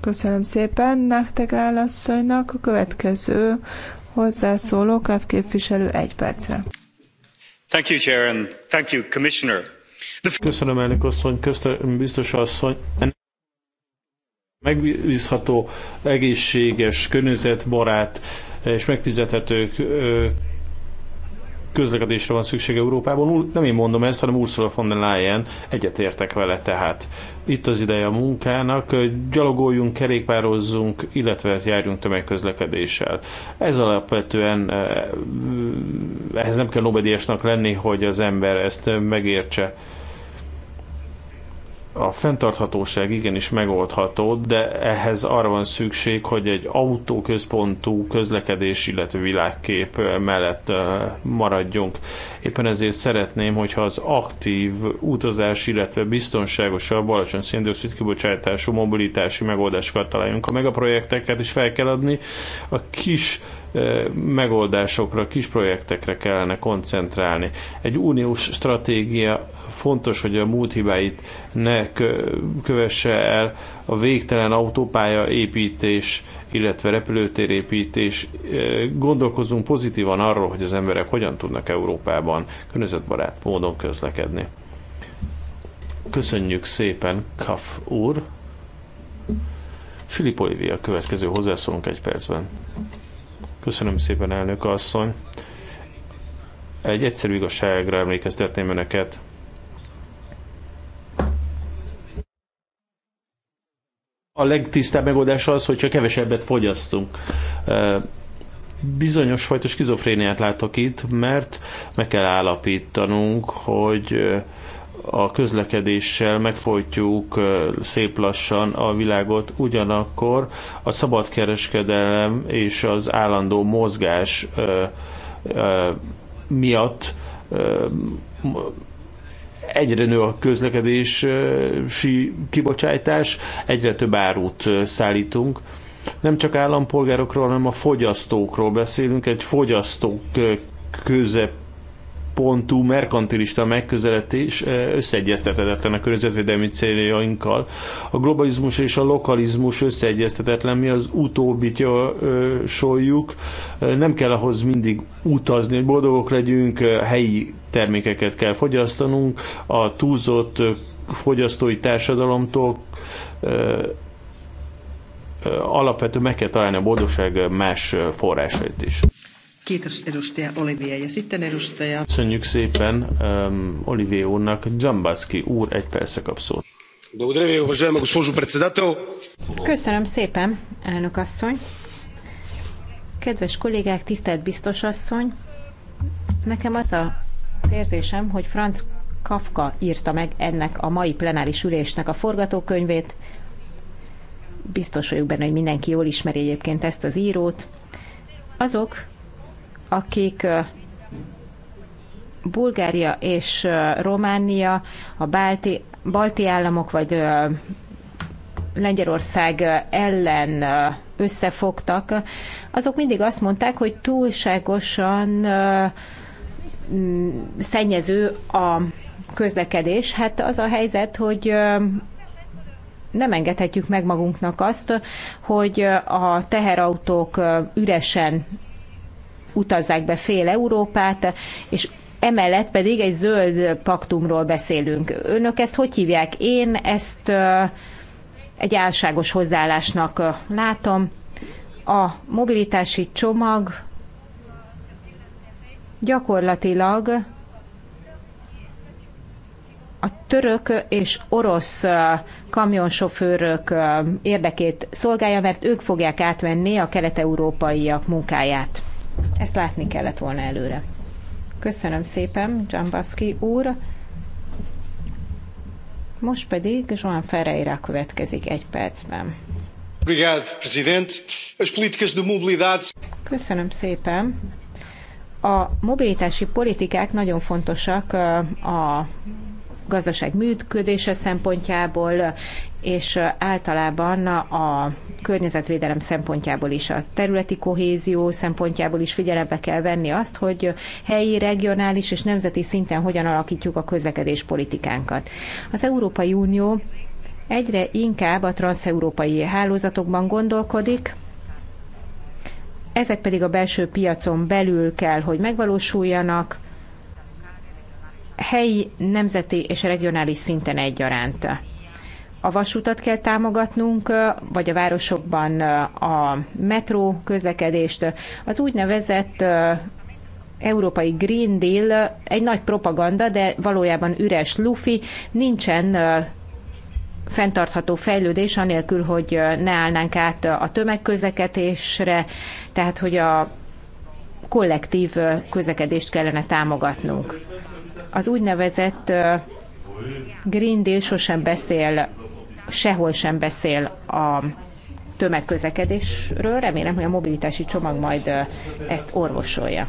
Köszönöm szépen nektek állasszonynak. A következő hozzászóló képviselő egy percre. Thank you, Chair, and thank you, Commissioner. Köszönöm, elnök asszony, köszönöm, biztos asszony. Megbízható, egészséges, környezetbarát és megfizethető közlekedésre van szükség Európában. Nem én mondom ezt, hanem Ursula von der Leyen egyetértek vele tehát. Itt az ideje a munkának, gyalogoljunk, kerékpározzunk, illetve járjunk tömegközlekedéssel. Ez alapvetően eh, ehhez nem kell nobediásnak lenni, hogy az ember ezt megértse a fenntarthatóság igenis megoldható, de ehhez arra van szükség, hogy egy autóközpontú közlekedés, illetve világkép mellett maradjunk. Éppen ezért szeretném, hogyha az aktív utazás, illetve biztonságosabb, alacsony széndiokszid kibocsátású mobilitási megoldásokat találjunk. A megaprojekteket is fel kell adni, a kis megoldásokra, kis projektekre kellene koncentrálni. Egy uniós stratégia Fontos, hogy a múlt hibáit ne kövesse el a végtelen autópálya építés, illetve építés. E, Gondolkozunk pozitívan arról, hogy az emberek hogyan tudnak Európában környezetbarát módon közlekedni. Köszönjük szépen, Kaf úr! Filip Olivia következő hozzászólunk egy percben. Köszönöm szépen, elnök asszony! Egy egyszerű igazságra emlékeztetném önöket. a legtisztább megoldás az, hogyha kevesebbet fogyasztunk. Bizonyos fajta skizofréniát látok itt, mert meg kell állapítanunk, hogy a közlekedéssel megfojtjuk szép lassan a világot, ugyanakkor a szabadkereskedelem és az állandó mozgás miatt egyre nő a közlekedési kibocsátás, egyre több árut szállítunk. Nem csak állampolgárokról, hanem a fogyasztókról beszélünk, egy fogyasztók közep pontú merkantilista megközelítés eh, összeegyeztetetlen a környezetvédelmi céljainkkal. A globalizmus és a lokalizmus összeegyeztetetlen, mi az utóbbit javasoljuk. Eh, nem kell ahhoz mindig utazni, hogy boldogok legyünk, eh, helyi termékeket kell fogyasztanunk, a túlzott fogyasztói társadalomtól alapvetően meg kell találni a boldogság más forrásait is. Kiitos edustaja Olivia. Ja sitten edustaja... Köszönjük szépen um, Olivier úrnak. Dzsambaszki úr egy persze kap szót. Köszönöm szépen, elnök asszony. Kedves kollégák, tisztelt biztos asszony, nekem az a az érzésem, hogy Franz Kafka írta meg ennek a mai plenáris ülésnek a forgatókönyvét. Biztos vagyok benne, hogy mindenki jól ismeri egyébként ezt az írót. Azok, akik Bulgária és Románia, a Balti, balti államok vagy Lengyelország ellen összefogtak, azok mindig azt mondták, hogy túlságosan mm, szennyező a közlekedés. Hát az a helyzet, hogy nem engedhetjük meg magunknak azt, hogy a teherautók üresen utazzák be fél Európát, és emellett pedig egy zöld paktumról beszélünk. Önök ezt hogy hívják? Én ezt egy álságos hozzáállásnak látom. A mobilitási csomag gyakorlatilag a török és orosz kamionsofőrök érdekét szolgálja, mert ők fogják átvenni a kelet-európaiak munkáját. Ezt látni kellett volna előre. Köszönöm szépen, Jambaszki úr. Most pedig Joan Ferreira következik egy percben. Köszönöm szépen. A mobilitási politikák nagyon fontosak a gazdaság működése szempontjából, és általában a környezetvédelem szempontjából is, a területi kohézió szempontjából is figyelembe kell venni azt, hogy helyi, regionális és nemzeti szinten hogyan alakítjuk a közlekedés politikánkat. Az Európai Unió egyre inkább a transeurópai hálózatokban gondolkodik, ezek pedig a belső piacon belül kell, hogy megvalósuljanak, helyi, nemzeti és regionális szinten egyaránt a vasutat kell támogatnunk, vagy a városokban a metró közlekedést. Az úgynevezett európai Green Deal egy nagy propaganda, de valójában üres lufi, nincsen fenntartható fejlődés, anélkül, hogy ne állnánk át a tömegközlekedésre, tehát hogy a kollektív közlekedést kellene támogatnunk. Az úgynevezett Green Deal sosem beszél sehol sem beszél a tömegközlekedésről. Remélem, hogy a mobilitási csomag majd ezt orvosolja.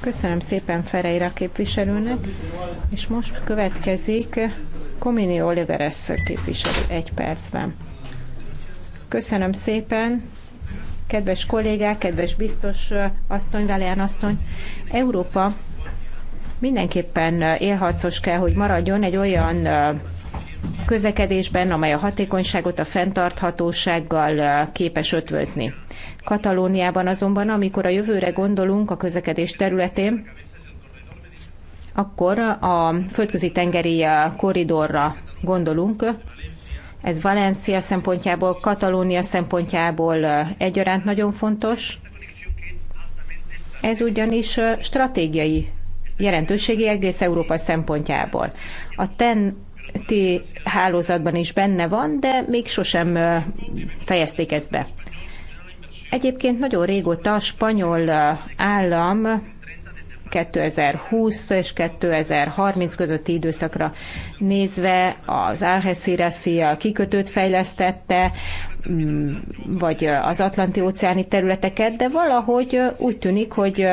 Köszönöm szépen Ferreira képviselőnek, és most következik Komini Oliveres képviselő egy percben. Köszönöm szépen, kedves kollégák, kedves biztos asszony, Valéán asszony. Európa mindenképpen élharcos kell, hogy maradjon egy olyan közlekedésben, amely a hatékonyságot a fenntarthatósággal képes ötvözni. Katalóniában azonban, amikor a jövőre gondolunk a közlekedés területén, akkor a földközi tengeri korridorra gondolunk. Ez Valencia szempontjából, Katalónia szempontjából egyaránt nagyon fontos. Ez ugyanis stratégiai jelentőségi egész Európa szempontjából. A TEN ti hálózatban is benne van, de még sosem fejezték ezt be. Egyébként nagyon régóta a spanyol állam 2020 és 2030 közötti időszakra nézve az algeciras kikötőt fejlesztette, mm, vagy az Atlanti-óceáni területeket, de valahogy úgy tűnik, hogy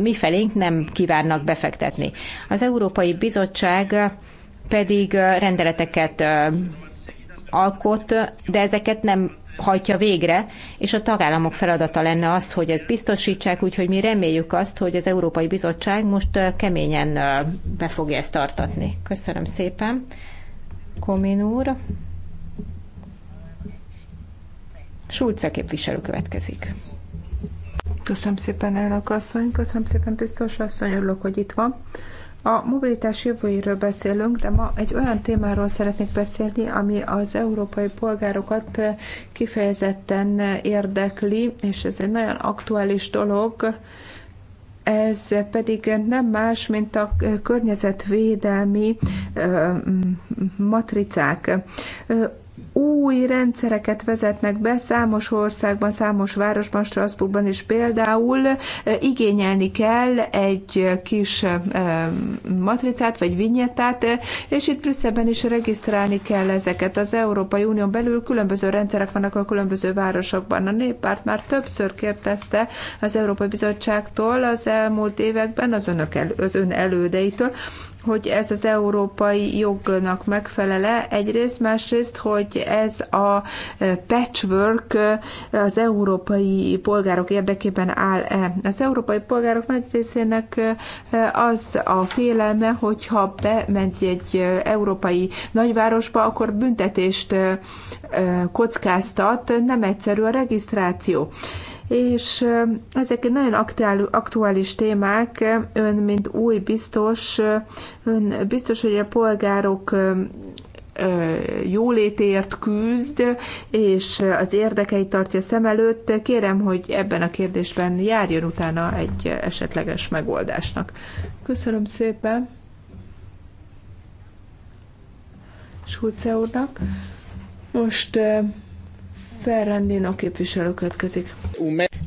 mi nem kívánnak befektetni. Az Európai Bizottság pedig rendeleteket alkot, de ezeket nem hajtja végre, és a tagállamok feladata lenne az, hogy ezt biztosítsák, úgyhogy mi reméljük azt, hogy az Európai Bizottság most keményen be fogja ezt tartatni. Köszönöm szépen. Komin úr. Schulze képviselő következik. Köszönöm szépen, elnök asszony, köszönöm szépen, biztos asszony, örülök, hogy itt van. A mobilitás jövőjéről beszélünk, de ma egy olyan témáról szeretnék beszélni, ami az európai polgárokat kifejezetten érdekli, és ez egy nagyon aktuális dolog. Ez pedig nem más, mint a környezetvédelmi matricák új rendszereket vezetnek be számos országban, számos városban, Strasbourgban is például eh, igényelni kell egy kis eh, matricát vagy vinyettát, eh, és itt Brüsszelben is regisztrálni kell ezeket. Az Európai Unión belül különböző rendszerek vannak a különböző városokban. A néppárt már többször kérdezte az Európai Bizottságtól az elmúlt években, az önök el, az ön elődeitől, hogy ez az európai jognak megfelele egyrészt, másrészt, hogy ez a e, patchwork e, az európai polgárok érdekében áll-e. Az európai polgárok nagy részének e, az a félelme, hogyha bement egy európai nagyvárosba, akkor büntetést kockáztat, nem egyszerű a regisztráció és ezek nagyon aktuális témák. Ön, mint új biztos, ön biztos, hogy a polgárok jólétért küzd, és az érdekeit tartja szem előtt. Kérem, hogy ebben a kérdésben járjon utána egy esetleges megoldásnak. Köszönöm szépen. Sulce úrnak. Most Ferrandino képviselő következik.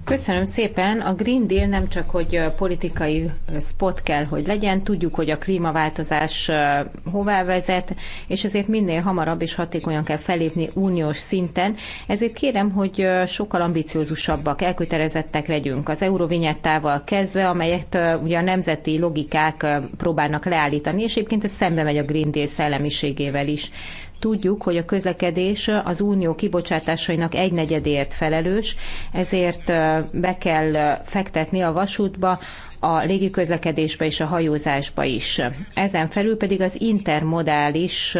Köszönöm szépen. A Green Deal nem csak, hogy politikai spot kell, hogy legyen, tudjuk, hogy a klímaváltozás hová vezet, és ezért minél hamarabb és hatékonyan kell felépni uniós szinten. Ezért kérem, hogy sokkal ambiciózusabbak, elkötelezettek legyünk. Az euróvinyettával kezdve, amelyet ugye a nemzeti logikák próbálnak leállítani, és egyébként ez szembe megy a Green Deal szellemiségével is. Tudjuk, hogy a közlekedés az unió kibocsátásainak egynegyedért felelős, ezért be kell fektetni a vasútba, a légiközlekedésbe és a hajózásba is. Ezen felül pedig az intermodális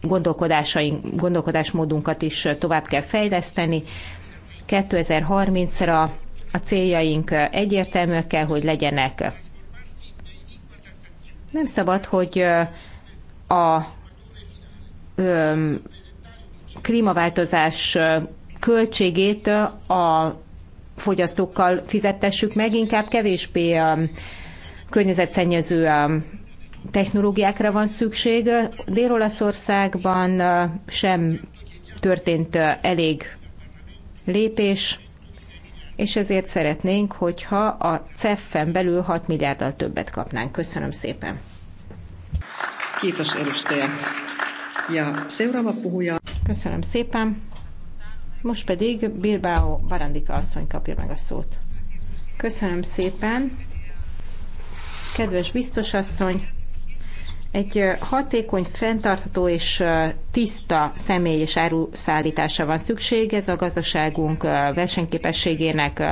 gondolkodásaink, gondolkodásmódunkat is tovább kell fejleszteni. 2030-ra a céljaink egyértelműek kell, hogy legyenek. Nem szabad, hogy a klímaváltozás költségét a fogyasztókkal fizettessük meg, inkább kevésbé környezetszennyező technológiákra van szükség. Dél-Olaszországban sem történt elég lépés, és ezért szeretnénk, hogyha a CEF-en belül 6 milliárddal többet kapnánk. Köszönöm szépen! Kiitos, edustaja. Ja seuraava puhuja. Köszönöm szépen. Most pedig Bilbao Barandika asszony kapja meg a szót. Köszönöm szépen. Kedves biztos asszony, egy hatékony, fenntartható és tiszta személy és áruszállítása van szükség. Ez a gazdaságunk versenyképességének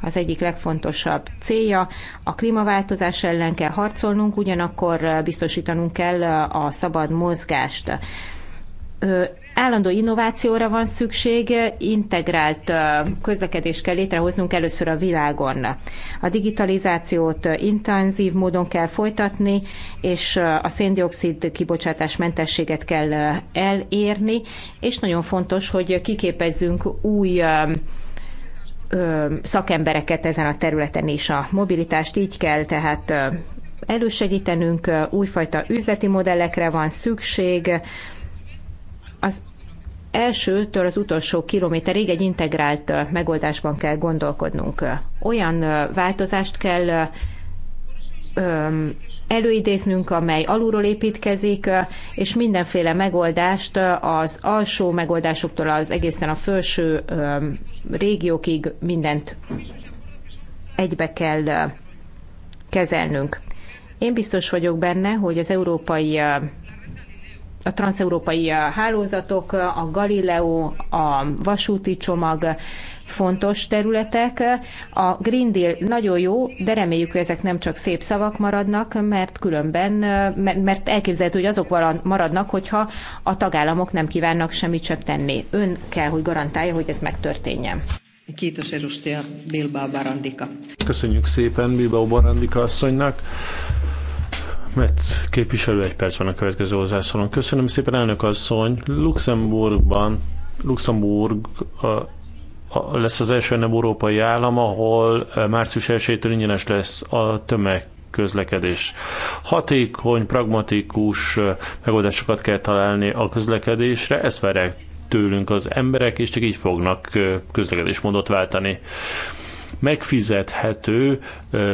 az egyik legfontosabb célja. A klímaváltozás ellen kell harcolnunk, ugyanakkor biztosítanunk kell a szabad mozgást állandó innovációra van szükség, integrált közlekedést kell létrehoznunk először a világon. A digitalizációt intenzív módon kell folytatni, és a széndiokszid kibocsátás mentességet kell elérni, és nagyon fontos, hogy kiképezzünk új szakembereket ezen a területen is. A mobilitást így kell tehát elősegítenünk, újfajta üzleti modellekre van szükség, az elsőtől az utolsó kilométerig egy integrált megoldásban kell gondolkodnunk. Olyan változást kell előidéznünk, amely alulról építkezik, és mindenféle megoldást az alsó megoldásoktól az egészen a felső régiókig mindent egybe kell kezelnünk. Én biztos vagyok benne, hogy az európai a transeurópai uh, hálózatok, a Galileo, a vasúti csomag fontos területek. A Green Deal nagyon jó, de reméljük, hogy ezek nem csak szép szavak maradnak, mert különben, uh, mert elképzelhető, hogy azok maradnak, hogyha a tagállamok nem kívánnak semmit sem tenni. Ön kell, hogy garantálja, hogy ez megtörténjen. Kétos Erustia Bilbao Barandika. Köszönjük szépen Bilbao Barandika asszonynak. Metz képviselő egy percben a következő hozzászólón. Köszönöm szépen, elnök asszony. Luxemburgban, Luxemburg a lesz az első nem európai állam, ahol eh, március 1-től ingyenes lesz a tömeg közlekedés. Hatékony, pragmatikus eh, megoldásokat kell találni a közlekedésre, ezt várják tőlünk az emberek, és csak így fognak eh, közlekedésmódot váltani megfizethető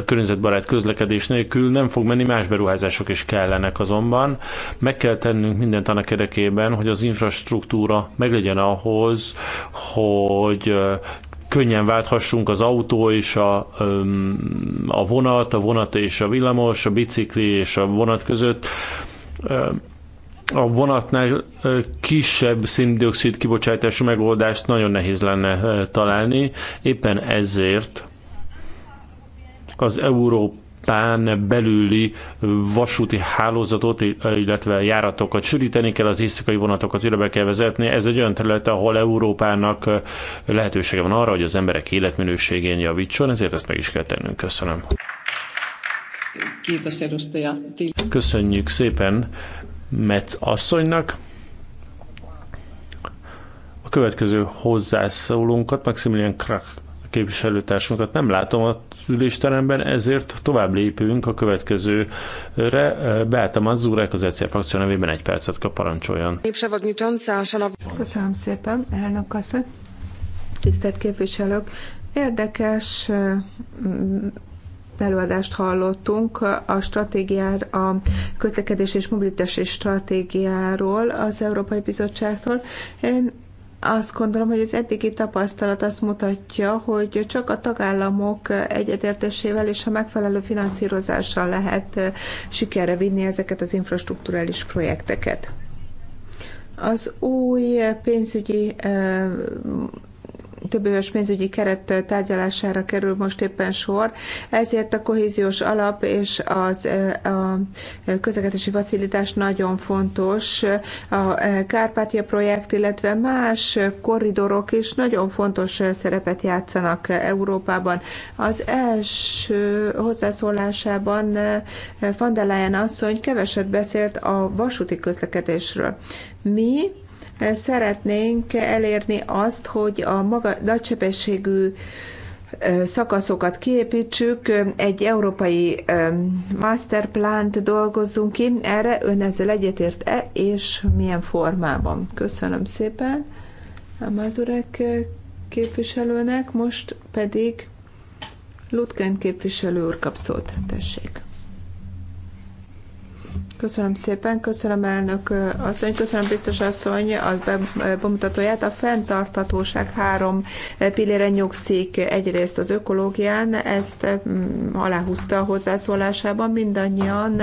környezetbarát közlekedés nélkül nem fog menni, más beruházások is kellenek azonban. Meg kell tennünk mindent annak érdekében, hogy az infrastruktúra meglegyen ahhoz, hogy könnyen válthassunk az autó és a, a vonat, a vonat és a villamos, a bicikli és a vonat között a vonatnál kisebb szindioxid kibocsátású megoldást nagyon nehéz lenne találni. Éppen ezért az Európán belüli vasúti hálózatot, illetve járatokat sűríteni kell, az éjszakai vonatokat ide be kell vezetni. Ez egy olyan terület, ahol Európának lehetősége van arra, hogy az emberek életminőségén javítson, ezért ezt meg is kell tennünk. Köszönöm. Köszönjük szépen Metz asszonynak. A következő hozzászólónkat, Maximilian Krak képviselőtársunkat nem látom a ülésteremben, ezért tovább lépünk a következőre. Beáta Mazzurek az ECR frakció nevében egy percet kap, parancsoljon. Köszönöm szépen, elnök asszony. Tisztelt képviselők, érdekes előadást hallottunk a stratégiár, a közlekedés és mobilitási stratégiáról az Európai Bizottságtól. Én azt gondolom, hogy az eddigi tapasztalat azt mutatja, hogy csak a tagállamok egyetértésével és a megfelelő finanszírozással lehet eh, sikerre vinni ezeket az infrastruktúrális projekteket. Az új eh, pénzügyi eh, több éves pénzügyi keret tárgyalására kerül most éppen sor, ezért a kohéziós alap és az, a közlekedési facilitás nagyon fontos. A Kárpátia projekt, illetve más korridorok is nagyon fontos szerepet játszanak Európában. Az első hozzászólásában van asszony keveset beszélt a vasúti közlekedésről. Mi Szeretnénk elérni azt, hogy a maga, nagysebességű szakaszokat kiépítsük, egy európai masterplant dolgozzunk ki. Erre ön ezzel egyetért-e, és milyen formában? Köszönöm szépen a Mazurek képviselőnek, most pedig Lutgen képviselő úr kap szót. Tessék. Köszönöm szépen, köszönöm elnök asszony, köszönöm biztos asszony a bemutatóját. A fenntarthatóság három pillére nyugszik egyrészt az ökológián, ezt aláhúzta a hozzászólásában mindannyian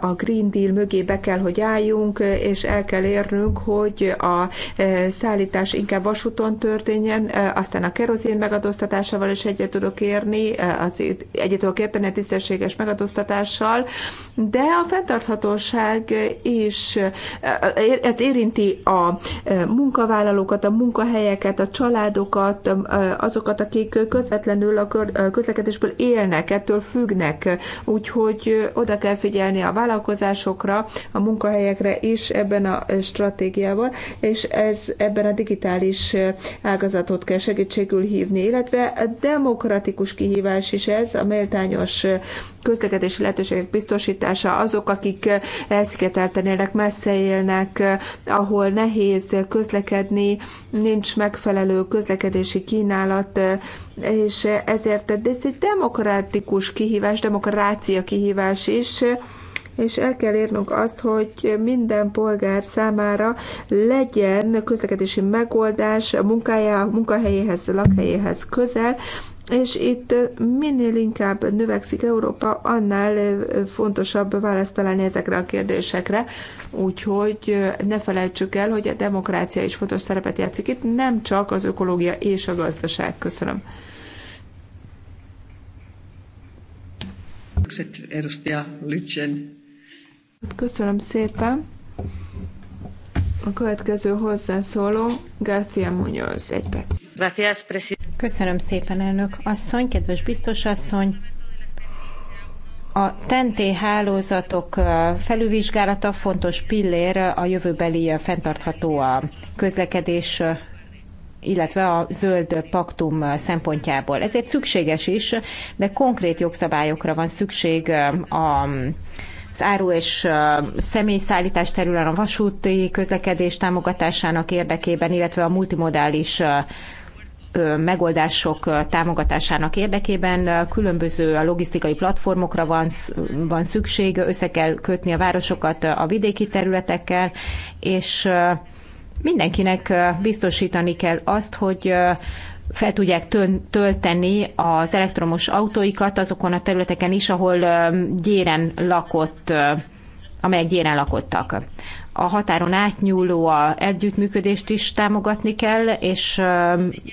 a Green Deal mögé be kell, hogy álljunk, és el kell érnünk, hogy a szállítás inkább vasúton történjen, aztán a kerozin megadóztatásával is egyet tudok érni, az, egyet tudok érteni a tisztességes megadóztatással, de a fenntarthatóság is, ez érinti a munkavállalókat, a munkahelyeket, a családokat, azokat, akik közvetlenül a közlekedésből élnek, ettől függnek, úgyhogy oda kell figyelni a vállalkozásokra, a munkahelyekre is ebben a stratégiával, és ez ebben a digitális ágazatot kell segítségül hívni, illetve a demokratikus kihívás is ez, a méltányos közlekedési lehetőségek biztosítása, azok, akik elszigetelten élnek, messze élnek, ahol nehéz közlekedni, nincs megfelelő közlekedési kínálat, és ezért ez egy demokratikus kihívás, demokrácia kihívás is, és el kell érnünk azt, hogy minden polgár számára legyen közlekedési megoldás a munkája, munkahelyéhez, lakhelyéhez közel, és itt minél inkább növekszik Európa, annál fontosabb választ találni ezekre a kérdésekre, úgyhogy ne felejtsük el, hogy a demokrácia is fontos szerepet játszik itt, nem csak az ökológia és a gazdaság. Köszönöm. Köszönöm szépen. A következő hozzászóló García Munoz, egy perc. Gracias, Köszönöm szépen, elnök asszony, kedves biztos asszony. A TNT hálózatok felülvizsgálata fontos pillér a jövőbeli fenntartható a közlekedés illetve a zöld paktum szempontjából. Ezért szükséges is, de konkrét jogszabályokra van szükség a az áru és személyszállítás területen a vasúti közlekedés támogatásának érdekében, illetve a multimodális megoldások támogatásának érdekében. Különböző a logisztikai platformokra van, van szükség, össze kell kötni a városokat a vidéki területekkel, és mindenkinek biztosítani kell azt, hogy fel tudják tölteni az elektromos autóikat azokon a területeken is, ahol gyéren lakott, amelyek gyéren lakottak a határon átnyúló a együttműködést is támogatni kell, és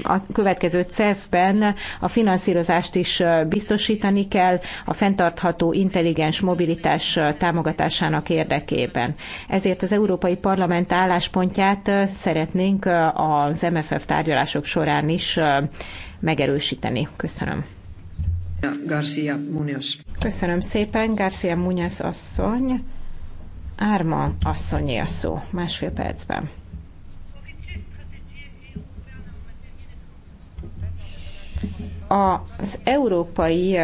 a következő CEF-ben a finanszírozást is biztosítani kell a fenntartható intelligens mobilitás támogatásának érdekében. Ezért az Európai Parlament álláspontját szeretnénk az MFF tárgyalások során is megerősíteni. Köszönöm. Garcia Munoz. Köszönöm szépen, Garcia Munoz asszony. Árma asszonyé a szó, másfél percben. Az európai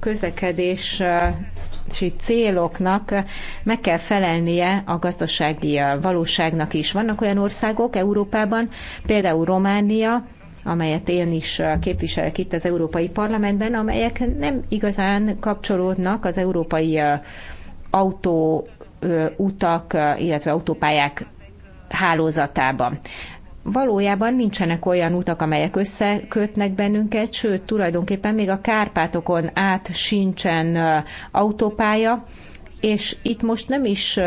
közlekedés céloknak meg kell felelnie a gazdasági valóságnak is. Vannak olyan országok Európában, például Románia, amelyet én is képviselek itt az Európai Parlamentben, amelyek nem igazán kapcsolódnak az európai autó utak, illetve autópályák hálózatában. Valójában nincsenek olyan utak, amelyek összekötnek bennünket, sőt, tulajdonképpen még a Kárpátokon át sincsen autópálya, és itt most nem is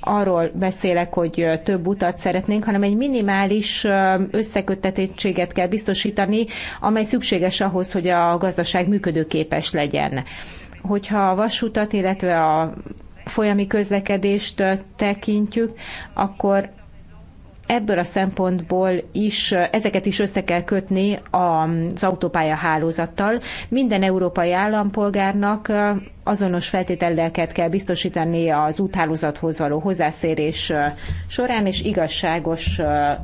arról beszélek, hogy több utat szeretnénk, hanem egy minimális összeköttetettséget kell biztosítani, amely szükséges ahhoz, hogy a gazdaság működőképes legyen. Hogyha a vasutat, illetve a folyami közlekedést tekintjük, akkor ebből a szempontból is ezeket is össze kell kötni az autópálya hálózattal. Minden európai állampolgárnak azonos feltételeket kell biztosítani az úthálózathoz való hozzászérés során, és igazságos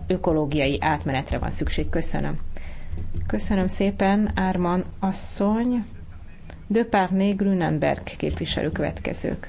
ökológiai átmenetre van szükség. Köszönöm. Köszönöm szépen, Árman asszony. Döpárné Grünenberg képviselő következők.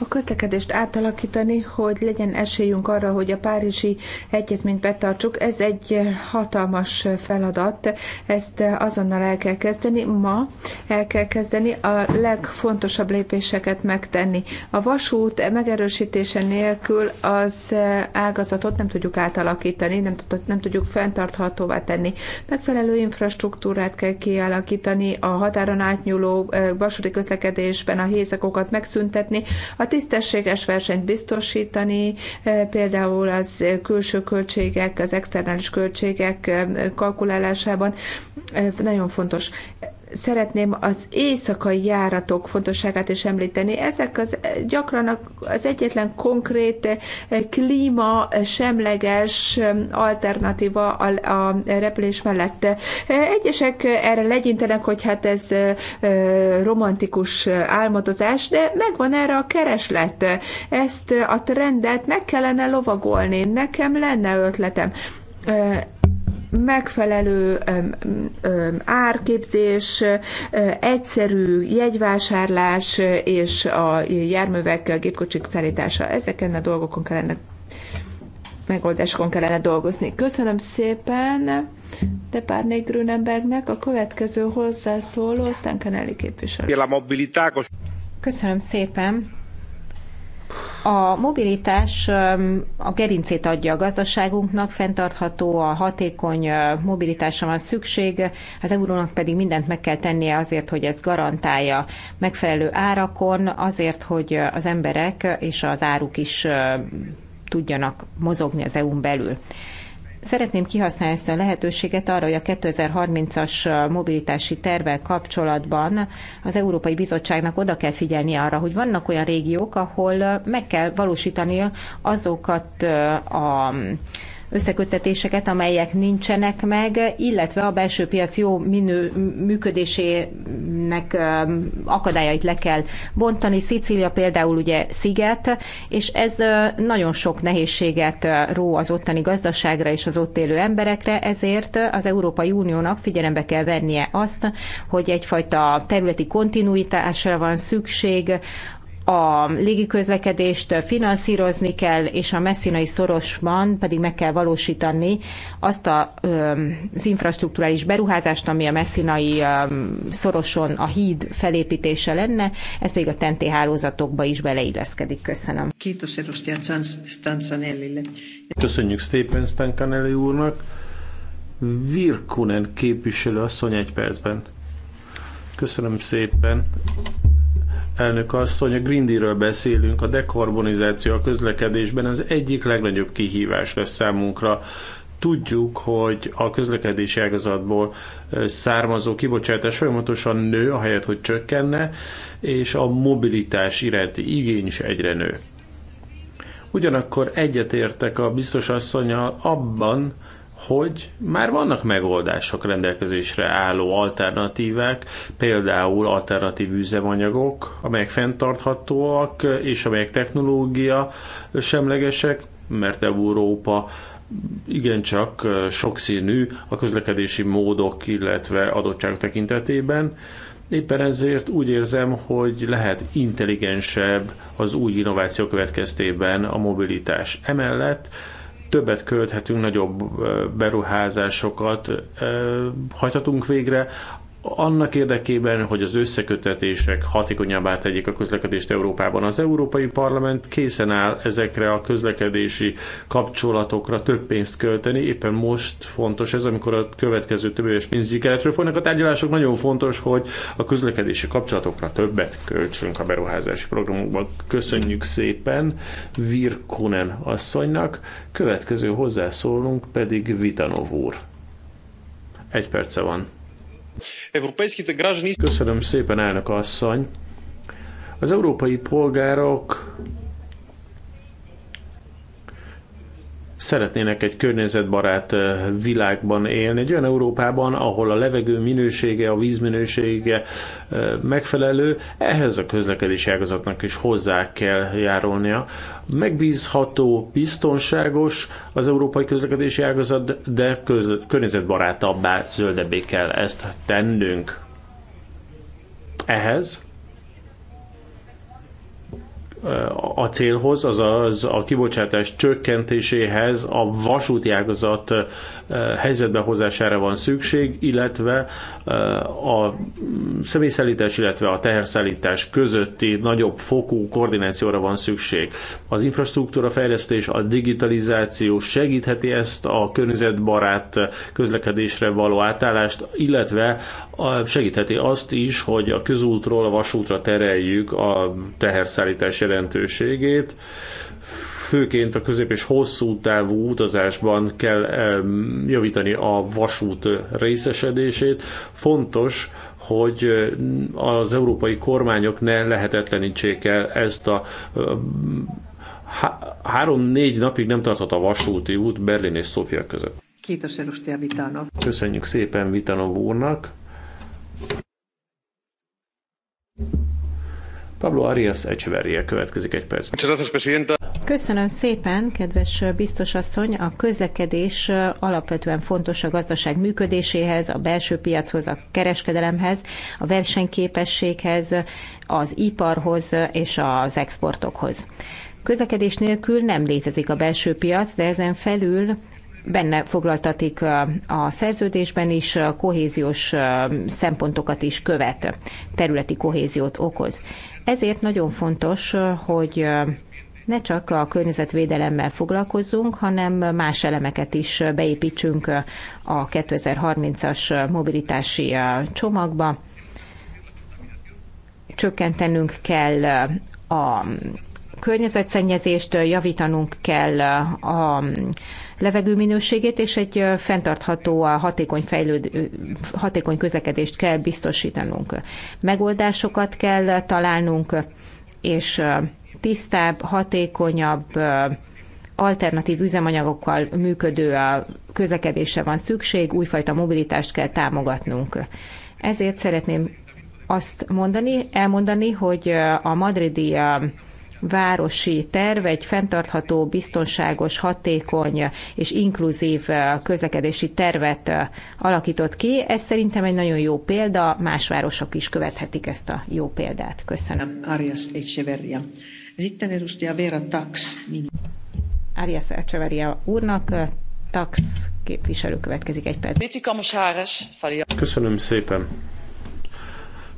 a közlekedést átalakítani, hogy legyen esélyünk arra, hogy a Párizsi Egyezményt betartsuk. Ez egy hatalmas feladat, ezt azonnal el kell kezdeni, ma el kell kezdeni a legfontosabb lépéseket megtenni. A vasút megerősítése nélkül az ágazatot nem tudjuk átalakítani, nem, tud, nem tudjuk fenntarthatóvá tenni. Megfelelő infrastruktúrát kell kialakítani, a határon átnyúló vasúti közlekedésben a hézakokat megszüntetni, a tisztességes versenyt biztosítani, e, például az külső költségek, az externális költségek e, kalkulálásában e, nagyon fontos szeretném az éjszakai járatok fontosságát is említeni. Ezek az gyakran az egyetlen konkrét eh, klíma semleges eh, alternatíva a, a repülés mellett. Eh, egyesek erre legyintenek, hogy hát ez romantikus álmodozás, de megvan erre a kereslet. Ezt a trendet meg kellene lovagolni. Nekem lenne ötletem megfelelő árképzés, egyszerű jegyvásárlás és a járművekkel gépkocsik szállítása. Ezeken a dolgokon kellene megoldásokon kellene dolgozni. Köszönöm szépen de Párné Grünembergnek a következő hozzászóló Sztenkeneli képviselő. Köszönöm szépen. A mobilitás a gerincét adja a gazdaságunknak, fenntartható, a hatékony mobilitásra van szükség, az eurónak pedig mindent meg kell tennie azért, hogy ez garantálja megfelelő árakon, azért, hogy az emberek és az áruk is tudjanak mozogni az EU-n belül. Szeretném kihasználni ezt a lehetőséget arra, hogy a 2030-as mobilitási tervel kapcsolatban az Európai Bizottságnak oda kell figyelni arra, hogy vannak olyan régiók, ahol meg kell valósítani azokat a összeköttetéseket, amelyek nincsenek meg, illetve a belső piac jó minő, működésének akadályait le kell bontani. Szicília például ugye sziget, és ez nagyon sok nehézséget ró az ottani gazdaságra és az ott élő emberekre, ezért az Európai Uniónak figyelembe kell vennie azt, hogy egyfajta területi kontinuitásra van szükség, a légiközlekedést finanszírozni kell, és a messzinai szorosban pedig meg kell valósítani azt a, az infrastruktúrális beruházást, ami a messzinai szoroson a híd felépítése lenne, ez pedig a TNT hálózatokba is beleilleszkedik. Köszönöm. Köszönjük szépen Stancanelli úrnak. Virkunen képviselő asszony egy percben. Köszönöm szépen elnök asszony, a Green Deal-ről beszélünk, a dekarbonizáció a közlekedésben az egyik legnagyobb kihívás lesz számunkra. Tudjuk, hogy a közlekedési ágazatból származó kibocsátás folyamatosan nő, ahelyett, hogy csökkenne, és a mobilitás iránti igény is egyre nő. Ugyanakkor egyetértek a biztos asszonyal abban, hogy már vannak megoldások rendelkezésre álló alternatívák, például alternatív üzemanyagok, amelyek fenntarthatóak és amelyek technológia semlegesek, mert Európa igencsak sokszínű a közlekedési módok, illetve adottságok tekintetében. Éppen ezért úgy érzem, hogy lehet intelligensebb az új innováció következtében a mobilitás. Emellett többet költhetünk, nagyobb beruházásokat hajthatunk végre, annak érdekében, hogy az összekötetések hatékonyabbá tegyék a közlekedést Európában. Az Európai Parlament készen áll ezekre a közlekedési kapcsolatokra több pénzt költeni. Éppen most fontos ez, amikor a következő több éves pénzügyi keretről folynak a tárgyalások. Nagyon fontos, hogy a közlekedési kapcsolatokra többet költsünk a beruházási programokban. Köszönjük szépen Virkunen asszonynak. Következő hozzászólunk pedig Vitanov úr. Egy perce van. Köszönöm szépen, elnök asszony! Az európai polgárok szeretnének egy környezetbarát világban élni, egy olyan Európában, ahol a levegő minősége, a víz minősége megfelelő, ehhez a közlekedési ágazatnak is hozzá kell járulnia. Megbízható, biztonságos az európai közlekedési ágazat, de közle- környezetbarátabbá, zöldebbé kell ezt tennünk. Ehhez a célhoz, azaz a kibocsátás csökkentéséhez a vasúti ágazat eh, helyzetbe hozására van szükség, illetve eh, a személyszállítás, illetve a teherszállítás közötti nagyobb fokú koordinációra van szükség. Az infrastruktúra fejlesztés, a digitalizáció segítheti ezt a környezetbarát eh, közlekedésre való átállást, illetve segítheti azt is, hogy a közútról a vasútra tereljük a teherszállítás jelentőségét. Főként a közép és hosszú távú utazásban kell javítani a vasút részesedését. Fontos, hogy mm, az európai kormányok ne lehetetlenítsék el ezt a három-négy napig nem tarthat a vasúti út Berlin és Szofia között. Kétos Vitanov. Köszönjük szépen Vitanov úrnak. Pablo Arias Echeverria következik egy perc. Köszönöm szépen, kedves biztos asszony. A közlekedés alapvetően fontos a gazdaság működéséhez, a belső piachoz, a kereskedelemhez, a versenyképességhez, az iparhoz és az exportokhoz. Közlekedés nélkül nem létezik a belső piac, de ezen felül benne foglaltatik a szerződésben is, kohéziós szempontokat is követ, területi kohéziót okoz. Ezért nagyon fontos, hogy ne csak a környezetvédelemmel foglalkozzunk, hanem más elemeket is beépítsünk a 2030-as mobilitási csomagba. Csökkentenünk kell a környezetszennyezést, javítanunk kell a levegő minőségét, és egy fenntartható, hatékony, fejlőd, hatékony közlekedést kell biztosítanunk. Megoldásokat kell találnunk, és tisztább, hatékonyabb, alternatív üzemanyagokkal működő a közlekedésre van szükség, újfajta mobilitást kell támogatnunk. Ezért szeretném azt mondani, elmondani, hogy a madridi városi terv egy fenntartható, biztonságos, hatékony és inkluzív közlekedési tervet alakított ki. Ez szerintem egy nagyon jó példa, más városok is követhetik ezt a jó példát. Köszönöm. Arias Echeverria. Sitten edustaja Vera Tax. Arias Echeverria úrnak Tax képviselő következik egy perc. Köszönöm szépen.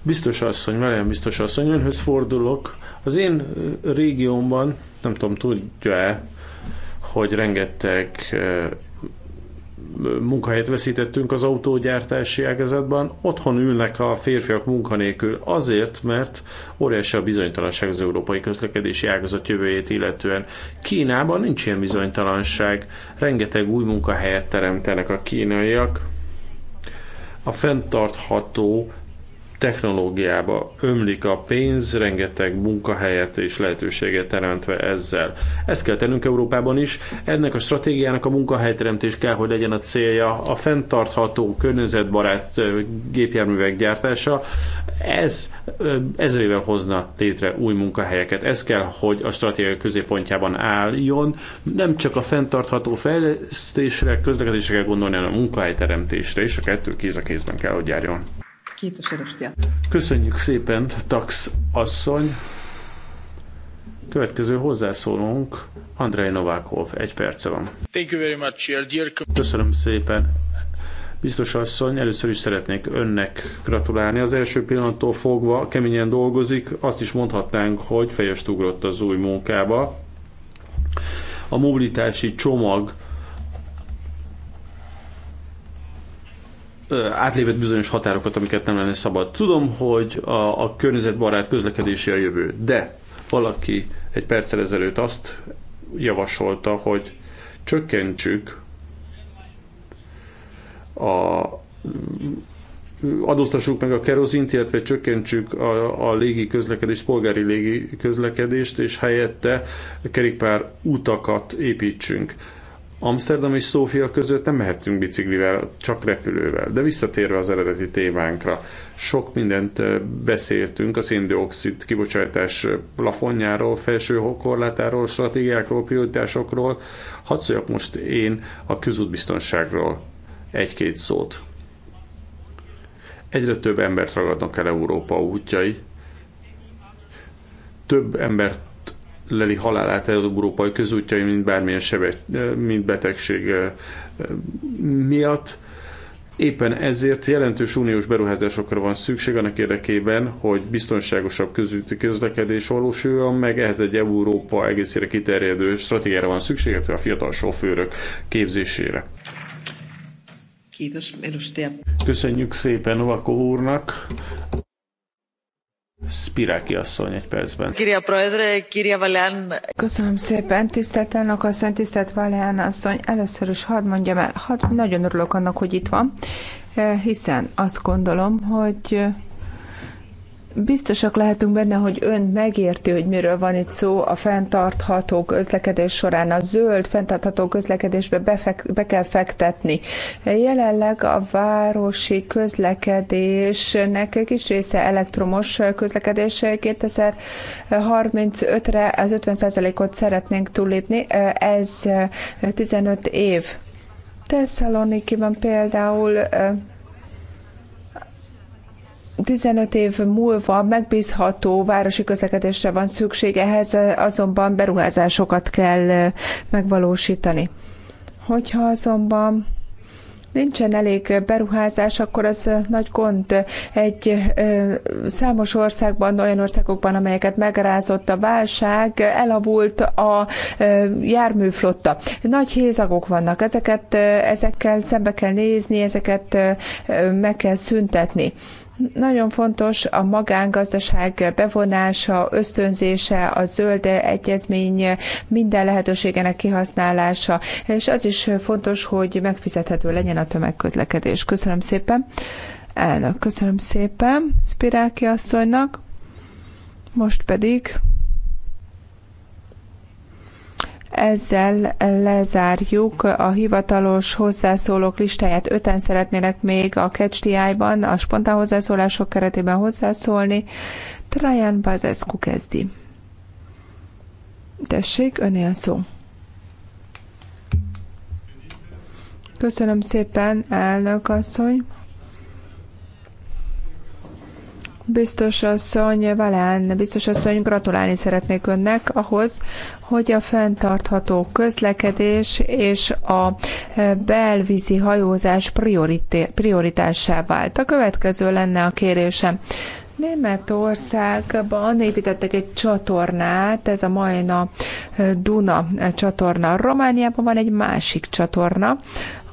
Biztos asszony, velem biztos asszony, önhöz fordulok. Az én régiómban, nem tudom, tudja-e, hogy rengeteg munkahelyet veszítettünk az autógyártási ágazatban, otthon ülnek a férfiak munkanélkül azért, mert óriási a bizonytalanság az európai közlekedési ágazat jövőjét illetően. Kínában nincs ilyen bizonytalanság, rengeteg új munkahelyet teremtenek a kínaiak, a fenntartható technológiába ömlik a pénz, rengeteg munkahelyet és lehetőséget teremtve ezzel. Ezt kell tennünk Európában is. Ennek a stratégiának a munkahelyteremtés kell, hogy legyen a célja. A fenntartható, környezetbarát gépjárművek gyártása, ez ezrével hozna létre új munkahelyeket. Ez kell, hogy a stratégia középpontjában álljon. Nem csak a fenntartható fejlesztésre, közlekedésre kell gondolni, hanem a munkahelyteremtésre, és a kettő kéz a kézben kell, hogy járjon. Kiitos edustaja. Köszönjük szépen, Tax asszony. Következő hozzászólónk, Andrei Novákov, egy perce van. Thank you very much, dear. Köszönöm szépen. Biztos asszony, először is szeretnék önnek gratulálni. Az első pillanattól fogva keményen dolgozik, azt is mondhatnánk, hogy fejest ugrott az új munkába. A mobilitási csomag átlépett bizonyos határokat, amiket nem lenne szabad. Tudom, hogy a, a környezetbarát közlekedési a jövő, de valaki egy perccel ezelőtt azt javasolta, hogy csökkentsük a adóztassuk meg a kerozint, illetve csökkentsük a, a légi közlekedést, polgári légi közlekedést, és helyette kerékpár utakat építsünk. Amsterdam és Szófia között nem mehetünk biciklivel, csak repülővel. De visszatérve az eredeti témánkra, sok mindent beszéltünk a széndiokszid kibocsátás plafonjáról, felső korlátáról, stratégiákról, prioritásokról. Hadd szóljak most én a közútbiztonságról egy-két szót. Egyre több embert ragadnak el Európa útjai, több embert leli halálát európai közútjai, mint bármilyen sebe, mint betegség eh, miatt. Éppen ezért jelentős uniós beruházásokra van szükség annak érdekében, hogy biztonságosabb közúti közlekedés valósuljon, meg ehhez egy Európa egészére kiterjedő stratégiára van szükség, a fiatal sofőrök képzésére. Köszönjük szépen Novakó úrnak Spiráki asszony egy percben. Kiria Proedre, Kiria Valen. Köszönöm szépen, tisztelt elnök asszony, tisztelt Valen asszony. Először is hadd mondjam el, hadd nagyon örülök annak, hogy itt van, eh, hiszen azt gondolom, hogy Biztosak lehetünk benne, hogy ön megérti, hogy miről van itt szó a fenntartható közlekedés során. A zöld fenntartható közlekedésbe befek, be kell fektetni. Jelenleg a városi közlekedésnek kis része elektromos közlekedés. 2035-re az 50%-ot szeretnénk túllépni. Ez 15 év. van például 15 év múlva megbízható városi közlekedésre van szükség, ehhez azonban beruházásokat kell megvalósítani. Hogyha azonban nincsen elég beruházás, akkor az nagy gond. Egy számos országban, olyan országokban, amelyeket megrázott a válság, elavult a járműflotta. Nagy hézagok vannak, ezeket, ezekkel szembe kell nézni, ezeket meg kell szüntetni. Nagyon fontos a magángazdaság bevonása, ösztönzése, a zöld egyezmény minden lehetőségének kihasználása, és az is fontos, hogy megfizethető legyen a tömegközlekedés. Köszönöm szépen. Elnök, köszönöm szépen Spiráki asszonynak. Most pedig ezzel lezárjuk a hivatalos hozzászólók listáját. Öten szeretnének még a KCTI-ban a spontán hozzászólások keretében hozzászólni. Trajan Bazescu kezdi. Tessék, a szó. Köszönöm szépen, elnök asszony. Biztos asszony, Valán, biztos asszony, gratulálni szeretnék önnek ahhoz, hogy a fenntartható közlekedés és a e, belvízi hajózás prioritássá vált. A következő lenne a kérésem. Németországban építettek egy csatornát, ez a Majna e, Duna e, csatorna. Romániában van egy másik csatorna,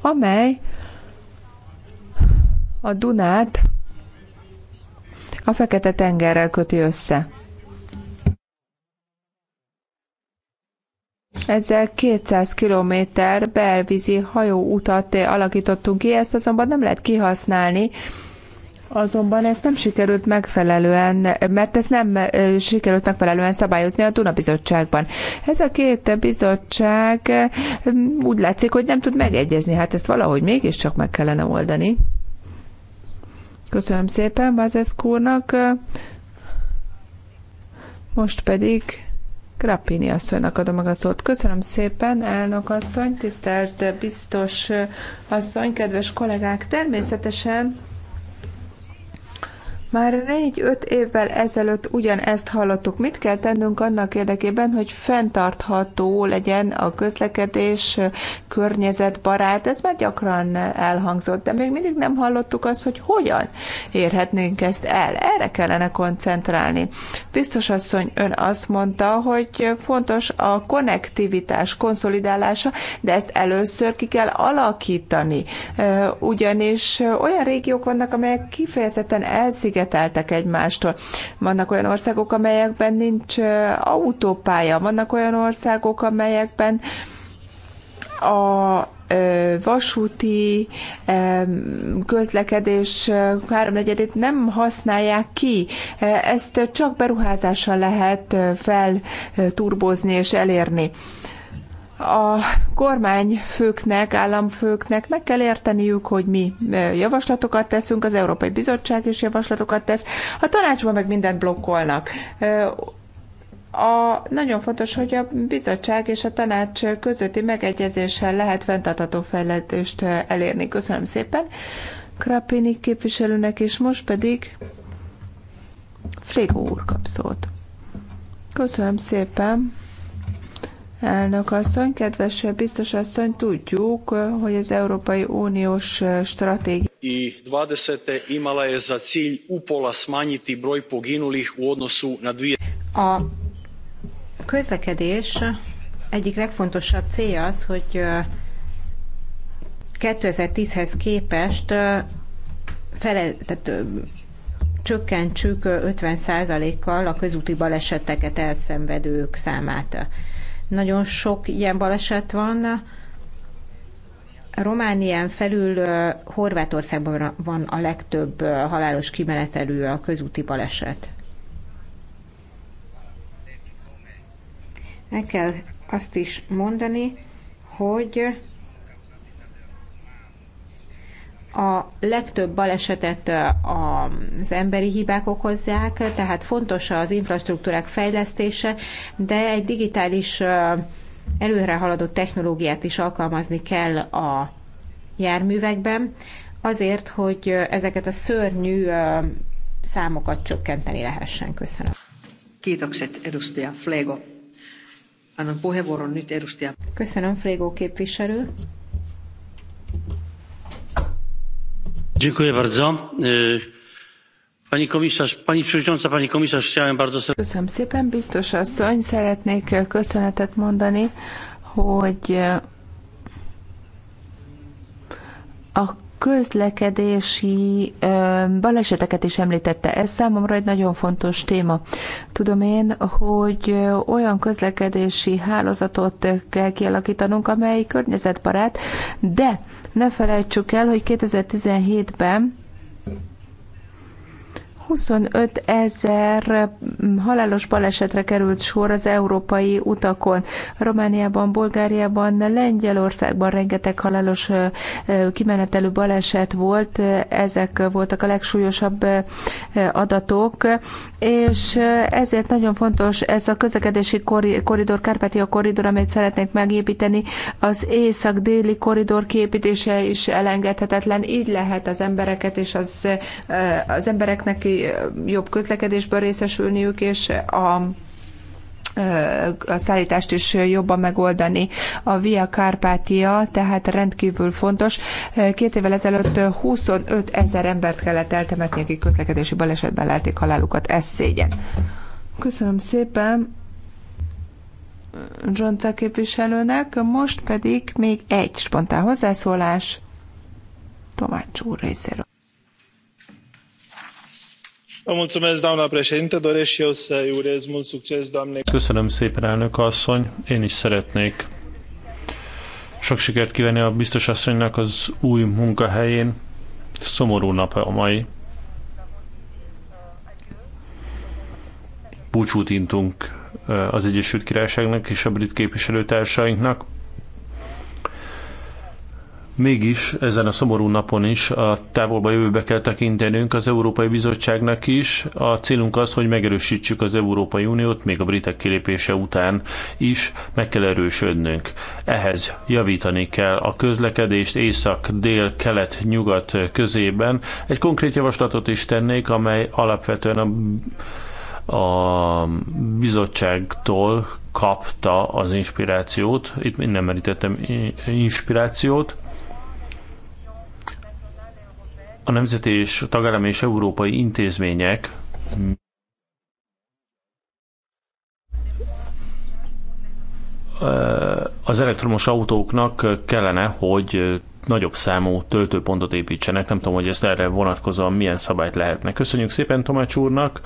amely a Dunát a Fekete tengerrel köti össze. Ezzel 200 kilométer belvízi hajóutat alakítottunk ki, ezt azonban nem lehet kihasználni, Azonban ezt nem sikerült megfelelően, mert ezt nem sikerült megfelelően szabályozni a Duna Bizottságban. Ez a két bizottság úgy látszik, hogy nem tud megegyezni, hát ezt valahogy mégiscsak meg kellene oldani. Köszönöm szépen Bazeszk úrnak. Most pedig Grappini asszonynak adom meg a szót. Köszönöm szépen, elnök asszony, tisztelt biztos asszony, kedves kollégák. Természetesen már négy-öt évvel ezelőtt ugyanezt hallottuk. Mit kell tennünk annak érdekében, hogy fenntartható legyen a közlekedés, környezetbarát? Ez már gyakran elhangzott, de még mindig nem hallottuk azt, hogy hogyan érhetnénk ezt el. Erre kellene koncentrálni. Biztos asszony, ön azt mondta, hogy fontos a konnektivitás konszolidálása, de ezt először ki kell alakítani. Ugyanis olyan régiók vannak, amelyek kifejezetten elszigetelnek, szigeteltek egymástól. Vannak olyan országok, amelyekben nincs autópálya, vannak olyan országok, amelyekben a vasúti közlekedés háromnegyedét nem használják ki. Ezt csak beruházással lehet felturbozni és elérni a kormányfőknek, államfőknek meg kell érteniük, hogy mi javaslatokat teszünk, az Európai Bizottság is javaslatokat tesz, a tanácsban meg mindent blokkolnak. A, nagyon fontos, hogy a bizottság és a tanács közötti megegyezéssel lehet fenntartható fejlődést elérni. Köszönöm szépen. Krapini képviselőnek, és most pedig Frigo úr kap szót. Köszönöm szépen. Elnök asszony, kedves biztos asszony, tudjuk, hogy az Európai Uniós stratégia i 20. imala je za cilj upola smanjiti broj poginulih u odnosu na dvije... A közlekedés egyik legfontosabb célja az, hogy 2010-hez képest fele, tehát, csökkentsük 50%-kal a közúti baleseteket elszenvedők számát. Nagyon sok ilyen baleset van. Románián felül Horvátországban van a legtöbb halálos kimenetelő a közúti baleset. El kell azt is mondani, hogy a legtöbb balesetet az emberi hibák okozzák, tehát fontos az infrastruktúrák fejlesztése, de egy digitális előre haladott technológiát is alkalmazni kell a járművekben, azért, hogy ezeket a szörnyű számokat csökkenteni lehessen. Köszönöm. Kiitokset, edustaja Flego. Annan puheenvuoron nyt edustaja. Köszönöm, Flego képviselő köszönöm szépen biztos asszony szeretnék e, köszönetet mondani hogy e, a közlekedési baleseteket is említette. Ez számomra egy nagyon fontos téma. Tudom én, hogy olyan közlekedési hálózatot kell kialakítanunk, amely környezetbarát, de ne felejtsük el, hogy 2017-ben 25 ezer halálos balesetre került sor az európai utakon. Romániában, Bulgáriában, Lengyelországban rengeteg halálos kimenetelő baleset volt, ezek voltak a legsúlyosabb adatok, és ezért nagyon fontos ez a közlekedési koridor, Kárpátia koridor, amit szeretnénk megépíteni, az észak-déli koridor kiépítése is elengedhetetlen, így lehet az embereket és az, az embereknek jobb közlekedésben részesülniük, és a a szállítást is jobban megoldani. A Via Carpatia tehát rendkívül fontos. Két évvel ezelőtt 25 ezer embert kellett eltemetni, akik közlekedési balesetben lelték halálukat. Ez szégyen. Köszönöm szépen John C. képviselőnek. Most pedig még egy spontán hozzászólás Tomács úr részéről doamnă președintă doresc și eu să îi urez mult succes doamnei. Köszönöm szépen, elnök asszony. Én is szeretnék sok sikert kívánni a biztos asszonynak az új munkahelyén. Szomorú nap a mai. Búcsút intunk eh, az Egyesült Királyságnak és a brit képviselőtársainknak. Mégis ezen a szomorú napon is a távolba jövőbe kell tekintenünk az Európai Bizottságnak is. A célunk az, hogy megerősítsük az Európai Uniót, még a britek kilépése után is meg kell erősödnünk. Ehhez javítani kell a közlekedést észak, dél, kelet, nyugat közében. Egy konkrét javaslatot is tennék, amely alapvetően a a bizottságtól kapta az inspirációt, itt nem merítettem inspirációt, a nemzeti és tagállami és európai intézmények az elektromos autóknak kellene, hogy nagyobb számú töltőpontot építsenek. Nem tudom, hogy ezt erre vonatkozóan milyen szabályt lehetne. Köszönjük szépen Tomács úrnak.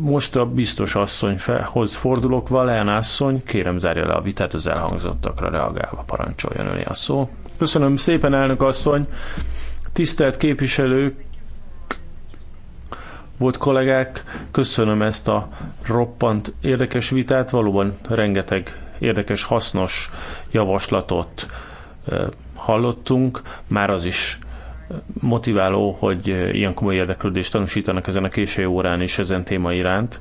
Most a biztos asszonyhoz fordulok. Valen asszony, kérem zárja le a vitát az elhangzottakra reagálva. Parancsoljon öné a szó. Köszönöm szépen, elnök asszony. Tisztelt képviselők, volt kollégák, köszönöm ezt a roppant érdekes vitát, valóban rengeteg érdekes, hasznos javaslatot hallottunk, már az is motiváló, hogy ilyen komoly érdeklődést tanúsítanak ezen a késői órán is ezen téma iránt.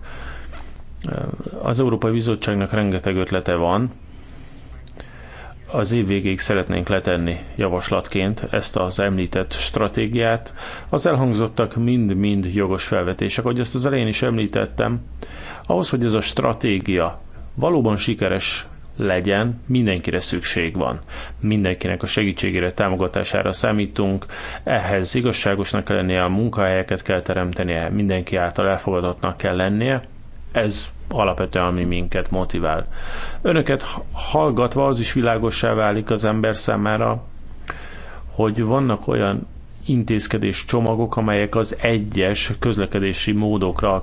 Az Európai Bizottságnak rengeteg ötlete van, az év végéig szeretnénk letenni javaslatként ezt az említett stratégiát. Az elhangzottak mind-mind jogos felvetések, ahogy ezt az elején is említettem. Ahhoz, hogy ez a stratégia valóban sikeres legyen, mindenkire szükség van. Mindenkinek a segítségére, támogatására számítunk, ehhez igazságosnak kell lennie, a munkahelyeket kell teremtenie, mindenki által elfogadatnak kell lennie. Ez alapvetően ami minket motivál. Önöket hallgatva az is világosá válik az ember számára, hogy vannak olyan intézkedés csomagok, amelyek az egyes közlekedési módokra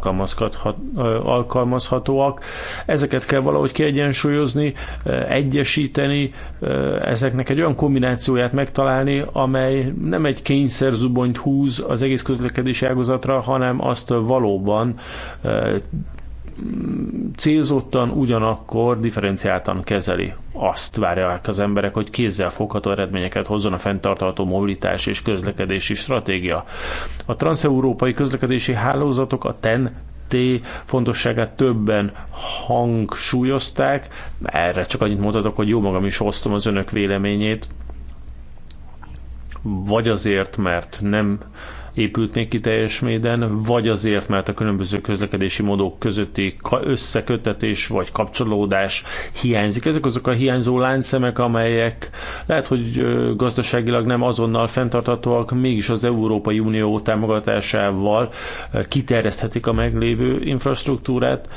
alkalmazhatóak. Ezeket kell valahogy kiegyensúlyozni, egyesíteni, ezeknek egy olyan kombinációját megtalálni, amely nem egy kényszerzubonyt húz az egész közlekedési ágazatra, hanem azt valóban célzottan, ugyanakkor differenciáltan kezeli. Azt várják az emberek, hogy kézzel fogható eredményeket hozzon a fenntartható mobilitás és közlekedési stratégia. A transeurópai közlekedési hálózatok a TEN T fontosságát többen hangsúlyozták. Erre csak annyit mondhatok, hogy jó magam is osztom az önök véleményét. Vagy azért, mert nem épült még ki teljes méden, vagy azért, mert a különböző közlekedési módok közötti összekötetés vagy kapcsolódás hiányzik. Ezek azok a hiányzó láncszemek, amelyek lehet, hogy gazdaságilag nem azonnal fenntarthatóak, mégis az Európai Unió támogatásával kiterjeszthetik a meglévő infrastruktúrát,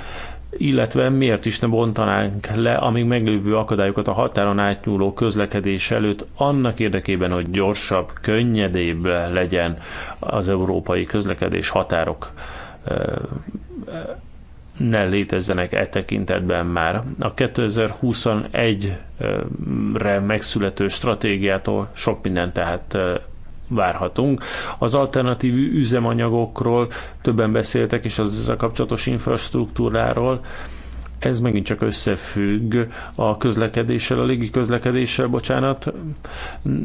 illetve miért is ne bontanánk le a még meglévő akadályokat a határon átnyúló közlekedés előtt annak érdekében, hogy gyorsabb, könnyedébb legyen az európai közlekedés határok ne létezzenek e tekintetben már. A 2021-re megszülető stratégiától sok minden tehát várhatunk. Az alternatív üzemanyagokról többen beszéltek, és az a kapcsolatos infrastruktúráról ez megint csak összefügg a közlekedéssel, a légi közlekedéssel, bocsánat,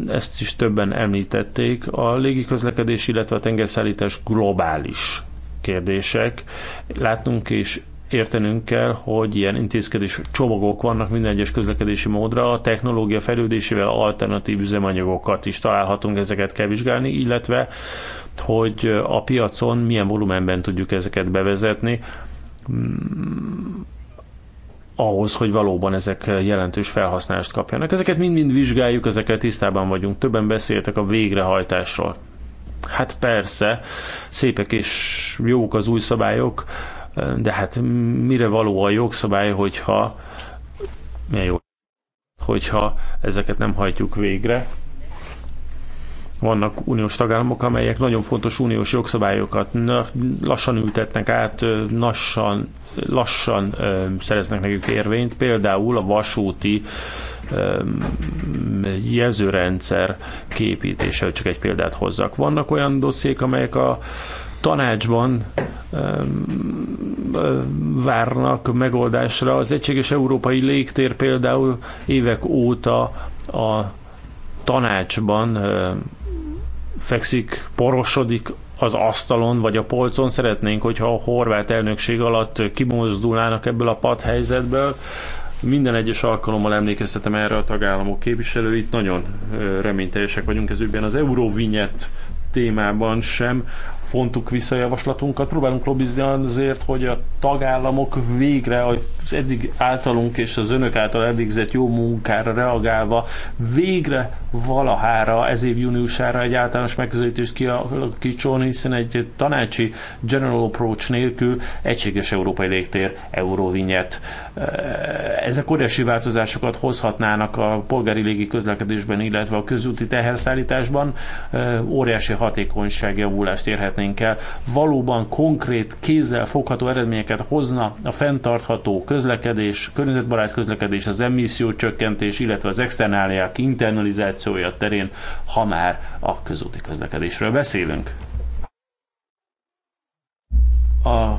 ezt is többen említették. A légi közlekedés, illetve a tengerszállítás globális kérdések. Látnunk és értenünk kell, hogy ilyen intézkedés csomagok vannak minden egyes közlekedési módra, a technológia fejlődésével alternatív üzemanyagokat is találhatunk, ezeket kell vizsgálni, illetve hogy a piacon milyen volumenben tudjuk ezeket bevezetni, mm, ahhoz, hogy valóban ezek jelentős felhasználást kapjanak. Ezeket mind-mind vizsgáljuk, ezekkel tisztában vagyunk. Többen beszéltek a végrehajtásról. Hát persze, szépek és jók az új szabályok, de hát mire való a jogszabály, hogyha milyen jó, hogyha ezeket nem hajtjuk végre. Vannak uniós tagállamok, amelyek nagyon fontos uniós jogszabályokat lassan ültetnek át, lassan, lassan szereznek nekik érvényt, például a vasúti jelzőrendszer képítése, csak egy példát hozzak. Vannak olyan dossziék, amelyek a tanácsban várnak megoldásra. Az egységes európai légtér például évek óta a tanácsban fekszik, porosodik az asztalon vagy a polcon. Szeretnénk, hogyha a horvát elnökség alatt kimozdulnának ebből a padhelyzetből. Minden egyes alkalommal emlékeztetem erre a tagállamok képviselőit, nagyon reményteljesek vagyunk ez ügyben. Az Eurovinyet témában sem fontuk vissza a javaslatunkat. Próbálunk lobbizni azért, hogy a tagállamok végre az eddig általunk és az önök által eddigzett jó munkára reagálva végre valahára ez év júniusára egy általános megközelítést kialakítson, hiszen egy tanácsi general approach nélkül egységes európai légtér, euróvinyet. Eh, ezek óriási változásokat hozhatnának a polgári légi közlekedésben, illetve a közúti teherszállításban. Eh, óriási hatékonyságjavulást érhet érhetnénk el, valóban konkrét, kézzel fogható eredményeket hozna a fenntartható közlekedés, környezetbarát közlekedés, az emisszió csökkentés, illetve az externáliák internalizációja terén, ha már a közúti közlekedésről beszélünk. A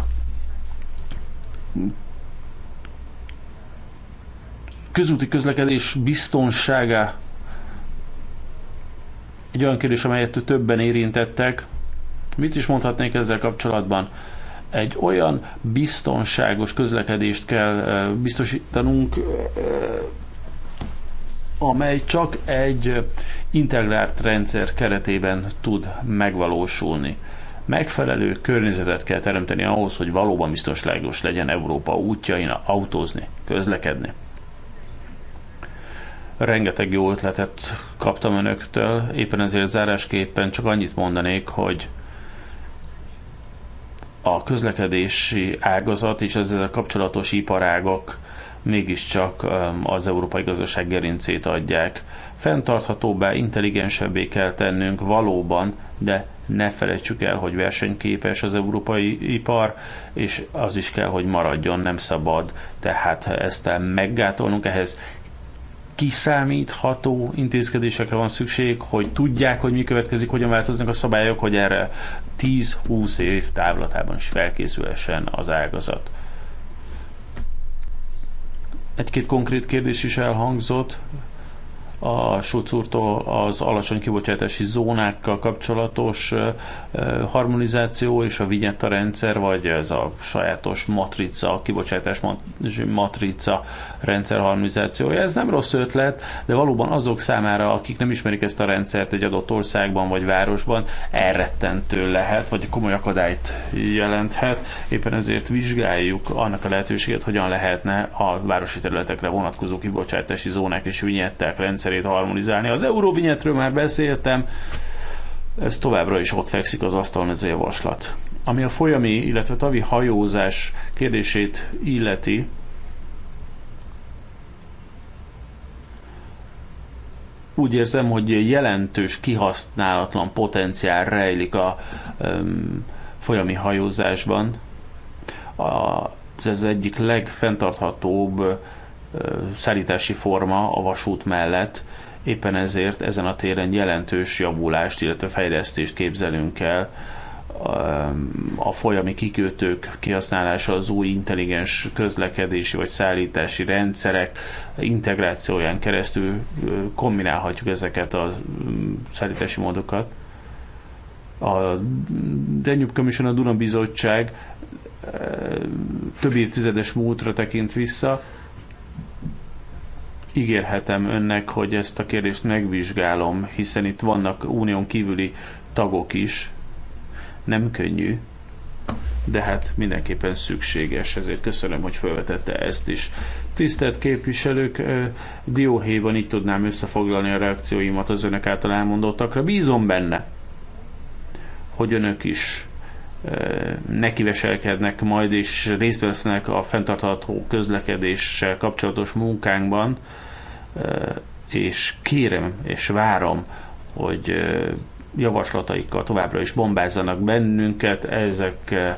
közúti közlekedés biztonsága egy olyan kérdés, amelyet többen érintettek, Mit is mondhatnék ezzel kapcsolatban? Egy olyan biztonságos közlekedést kell biztosítanunk, amely csak egy integrált rendszer keretében tud megvalósulni. Megfelelő környezetet kell teremteni ahhoz, hogy valóban biztonságos legyen Európa útjain autózni, közlekedni. Rengeteg jó ötletet kaptam önöktől, éppen ezért zárásképpen csak annyit mondanék, hogy a közlekedési ágazat és ezzel kapcsolatos iparágak mégiscsak um, az európai gazdaság gerincét adják. Fentarthatóbbá, intelligensebbé kell tennünk valóban, de ne felejtsük el, hogy versenyképes az európai ipar, és az is kell, hogy maradjon, nem szabad. Tehát ezt meggátolnunk, ehhez kiszámítható intézkedésekre van szükség, hogy tudják, hogy mi következik, hogyan változnak a szabályok, hogy erre 10-20 év távlatában is felkészülhessen az ágazat. Egy-két konkrét kérdés is elhangzott, a Schulz úrtól az alacsony kibocsátási zónákkal kapcsolatos harmonizáció és a vinyetta rendszer, vagy ez a sajátos matrica, a kibocsátás matrica rendszer harmonizációja. Ez nem rossz ötlet, de valóban azok számára, akik nem ismerik ezt a rendszert egy adott országban vagy városban, elrettentő lehet, vagy komoly akadályt jelenthet. Éppen ezért vizsgáljuk annak a lehetőséget, hogyan lehetne a városi területekre vonatkozó kibocsátási zónák és vinyetták rendszer rendszerét harmonizálni. Az euróvinyetről már beszéltem, ez továbbra is ott fekszik az asztalon ez a javaslat. Ami a folyami, illetve tavi hajózás kérdését illeti, úgy érzem, hogy jelentős, kihasználatlan potenciál rejlik a um, folyami hajózásban. A, ez az egyik legfenntarthatóbb szállítási forma a vasút mellett, éppen ezért ezen a téren jelentős javulást, illetve fejlesztést képzelünk el. A folyami kikötők kihasználása az új intelligens közlekedési vagy szállítási rendszerek integrációján keresztül kombinálhatjuk ezeket a szállítási módokat. A Danube Commission, a Duna Bizottság több évtizedes múltra tekint vissza, Ígérhetem önnek, hogy ezt a kérdést megvizsgálom, hiszen itt vannak unión kívüli tagok is. Nem könnyű, de hát mindenképpen szükséges, ezért köszönöm, hogy felvetette ezt is. Tisztelt képviselők, dióhéjban így tudnám összefoglalni a reakcióimat az önök által elmondottakra. Bízom benne, hogy önök is nekiveselkednek majd és részt vesznek a fenntartható közlekedéssel kapcsolatos munkánkban, és kérem és várom, hogy javaslataikkal továbbra is bombázzanak bennünket, ezeket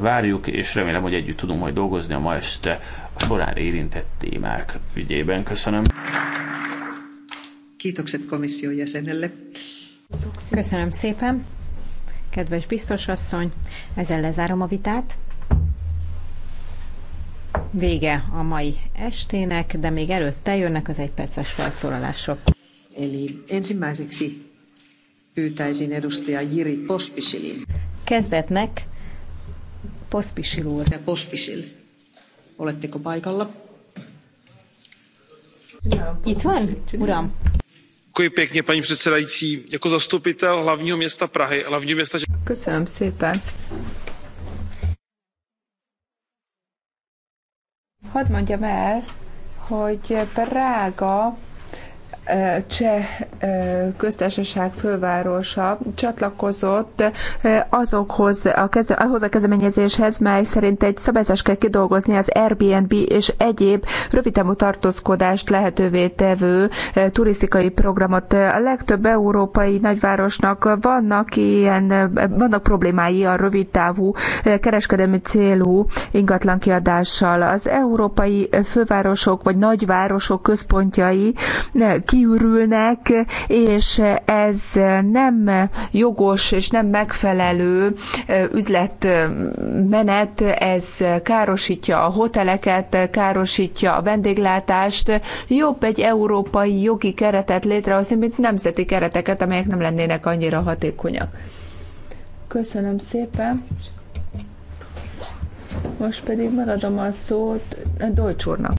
várjuk, és remélem, hogy együtt tudunk majd dolgozni a ma este a során érintett témák ügyében. Köszönöm. Kiitokset komisszió Köszönöm szépen kedves biztosasszony, ezzel lezárom a vitát. Vége a mai estének, de még előtte jönnek az egyperces felszólalások. Eli ensimmäiseksi pyytäisin edustaja Jiri Pospisilin. Kezdetnek Pospisil úr. Ja Pospisil, oletteko paikalla? Itt van, uram? paní předsedající jako zastupitel hlavního města prahy a hlavního města. hogy Prága cseh köztársaság fővárosa csatlakozott azokhoz a keze, ahhoz a kezdeményezéshez, mely szerint egy szabályzást kell kidolgozni az Airbnb és egyéb rövidtávú tartózkodást lehetővé tevő turisztikai programot. A legtöbb európai nagyvárosnak vannak ilyen, vannak problémái a rövidtávú kereskedelmi célú ingatlan kiadással. Az európai fővárosok vagy nagyvárosok központjai ki kiürülnek, és ez nem jogos és nem megfelelő üzletmenet, ez károsítja a hoteleket, károsítja a vendéglátást. Jobb egy európai jogi keretet létrehozni, mint nemzeti kereteket, amelyek nem lennének annyira hatékonyak. Köszönöm szépen. Most pedig megadom a szót Dolcsúrnak.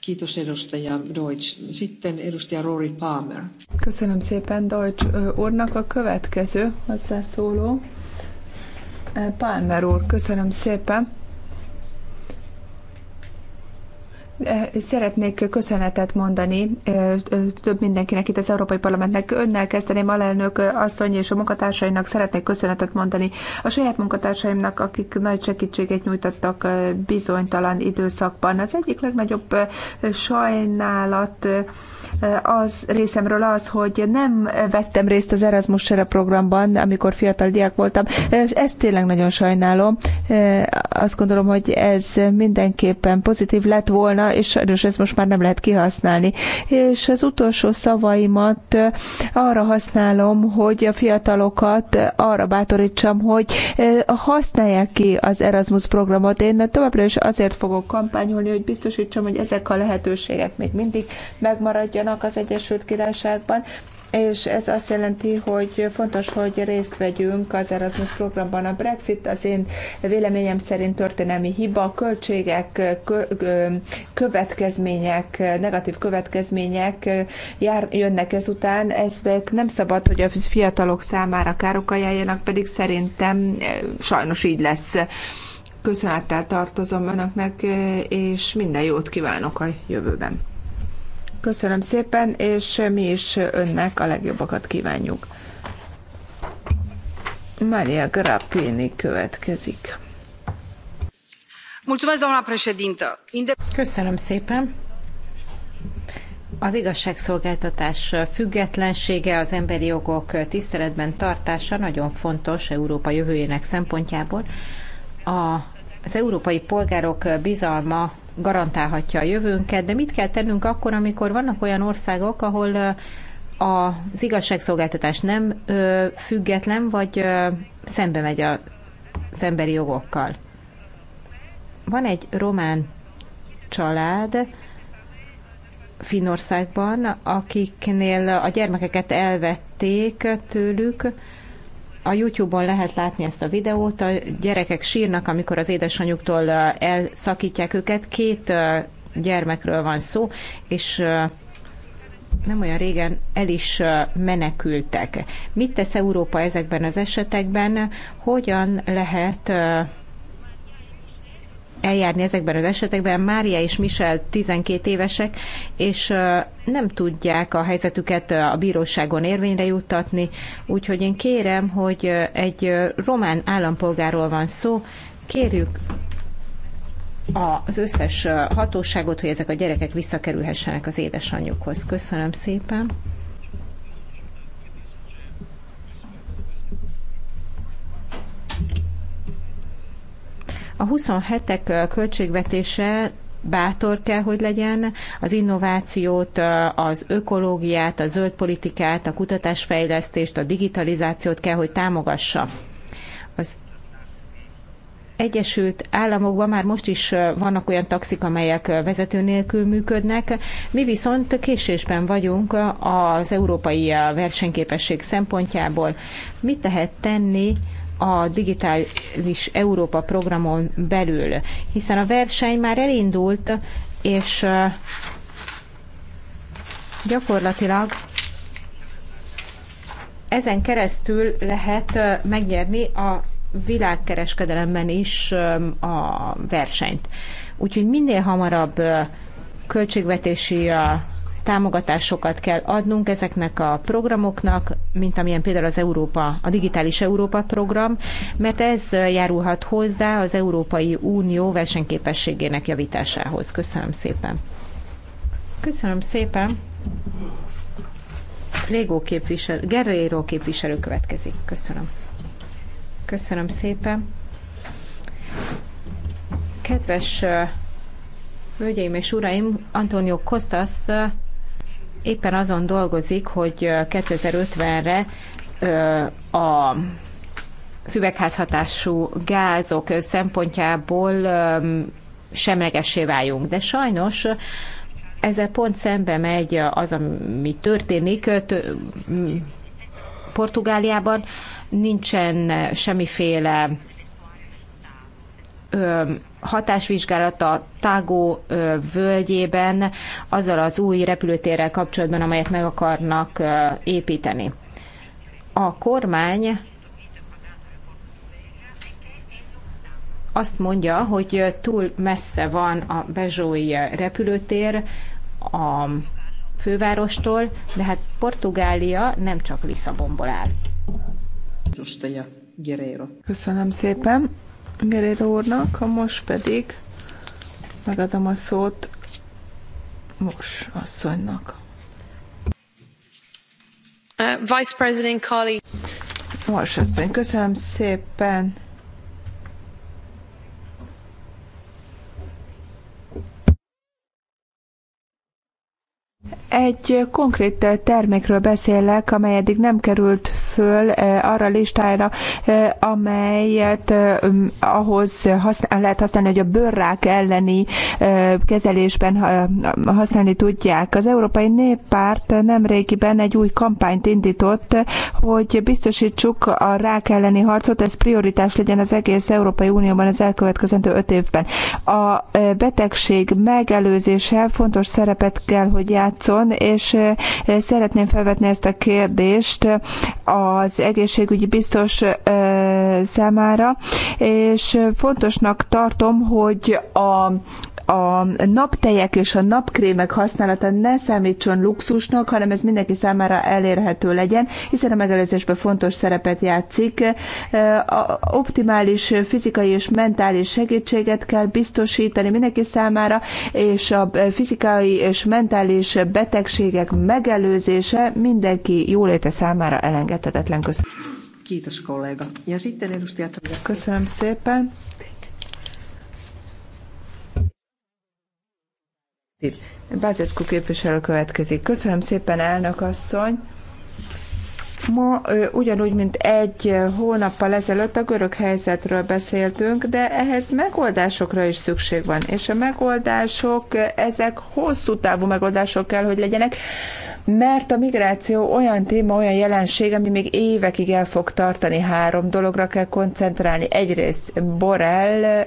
Kiitos edustaja Deutsch. Sitten edustaja Rory Palmer. Köszönöm szépen Deutsch úrnak. A következő hozzászóló. Palmer úr, köszönöm szépen. Szeretnék köszönetet mondani több mindenkinek itt az Európai Parlamentnek. Önnel kezdeném, alelnök asszony és a munkatársainak szeretnék köszönetet mondani. A saját munkatársaimnak, akik nagy segítséget nyújtottak bizonytalan időszakban. Az egyik legnagyobb sajnálat az részemről az, hogy nem vettem részt az Erasmus Sere programban, amikor fiatal diák voltam. Ezt tényleg nagyon sajnálom. Azt gondolom, hogy ez mindenképpen pozitív lett volna, és sajnos ezt most már nem lehet kihasználni. És az utolsó szavaimat eh, arra használom, hogy a fiatalokat arra bátorítsam, hogy eh, használják ki az Erasmus programot. Én továbbra is azért fogok kampányolni, hogy biztosítsam, hogy ezek a lehetőségek még mindig megmaradjanak az Egyesült Királyságban, és ez azt jelenti, hogy fontos, hogy részt vegyünk az Erasmus programban. A Brexit az én véleményem szerint történelmi hiba, költségek, következmények, negatív következmények jár, jönnek ezután. Ezek nem szabad, hogy a fiatalok számára károk ajánljanak, pedig szerintem sajnos így lesz. Köszönettel tartozom önöknek, és minden jót kívánok a jövőben. Köszönöm szépen, és mi is önnek a legjobbakat kívánjuk. Maria Grappini következik. Köszönöm szépen. Az igazságszolgáltatás függetlensége, az emberi jogok tiszteletben tartása nagyon fontos Európa jövőjének szempontjából. A, az európai polgárok bizalma garantálhatja a jövőnket, de mit kell tennünk akkor, amikor vannak olyan országok, ahol az igazságszolgáltatás nem független, vagy szembe megy az emberi jogokkal. Van egy román család Finnországban, akiknél a gyermekeket elvették tőlük, a YouTube-on lehet látni ezt a videót, a gyerekek sírnak, amikor az édesanyjuktól elszakítják őket. Két gyermekről van szó, és nem olyan régen el is menekültek. Mit tesz Európa ezekben az esetekben? Hogyan lehet eljárni ezekben az esetekben. Mária és Michel 12 évesek, és nem tudják a helyzetüket a bíróságon érvényre juttatni, úgyhogy én kérem, hogy egy román állampolgáról van szó, kérjük az összes hatóságot, hogy ezek a gyerekek visszakerülhessenek az édesanyjukhoz. Köszönöm szépen! A 27-ek költségvetése bátor kell, hogy legyen, az innovációt, az ökológiát, a zöld politikát, a kutatásfejlesztést, a digitalizációt kell, hogy támogassa. Az Egyesült Államokban már most is vannak olyan taxik, amelyek vezető nélkül működnek. Mi viszont késésben vagyunk az európai versenyképesség szempontjából. Mit tehet tenni a digitális Európa programon belül, hiszen a verseny már elindult, és gyakorlatilag ezen keresztül lehet megnyerni a világkereskedelemben is a versenyt. Úgyhogy minél hamarabb költségvetési támogatásokat kell adnunk ezeknek a programoknak, mint amilyen például az Európa, a Digitális Európa program, mert ez járulhat hozzá az Európai Unió versenyképességének javításához. Köszönöm szépen. Köszönöm szépen. Régó képviselő, Guerrero képviselő következik. Köszönöm. Köszönöm szépen. Kedves uh, Hölgyeim és Uraim, Antonio Kostas uh, éppen azon dolgozik, hogy 2050-re a szüvegházhatású gázok szempontjából semlegessé váljunk. De sajnos ezzel pont szembe megy az, ami történik. Portugáliában nincsen semmiféle hatásvizsgálata Tágó völgyében azzal az új repülőtérrel kapcsolatban, amelyet meg akarnak építeni. A kormány azt mondja, hogy túl messze van a Bezsói repülőtér a fővárostól, de hát Portugália nem csak Lisszabonból áll. Köszönöm szépen. Gerér úrnak, most pedig megadom a szót Mos asszonynak. Uh, Vice President Kali. Mos asszony, köszönöm szépen. Egy konkrét termékről beszélek, amely eddig nem került föl eh, arra a listára, eh, amelyet eh, ahhoz használ, lehet használni, hogy a bőrrák elleni kezelésben használni tudják. Az Európai Néppárt nemrégiben egy új kampányt indított, hogy biztosítsuk a rák elleni harcot, ez prioritás legyen az egész Európai Unióban az elkövetkezendő öt évben. A betegség megelőzése fontos szerepet kell, hogy játszon, módon, és szeretném felvetni ezt a kérdést az egészségügyi biztos számára, és fontosnak tartom, hogy a a naptejek és a napkrémek használata ne számítson luxusnak, hanem ez mindenki számára elérhető legyen, hiszen a megelőzésben fontos szerepet játszik. E, a optimális fizikai és mentális segítséget kell biztosítani mindenki számára, és a fizikai és mentális betegségek megelőzése mindenki jóléte számára elengedhetetlen. Köszönöm. Kiitos kollega. Ja Köszönöm szépen. Bázeszkú képviselő következik. Köszönöm szépen, elnök asszony! Ma ugyanúgy, mint egy hónappal ezelőtt a görög helyzetről beszéltünk, de ehhez megoldásokra is szükség van. És a megoldások, ezek hosszú távú megoldások kell, hogy legyenek, mert a migráció olyan téma, olyan jelenség, ami még évekig el fog tartani. Három dologra kell koncentrálni. Egyrészt Borrell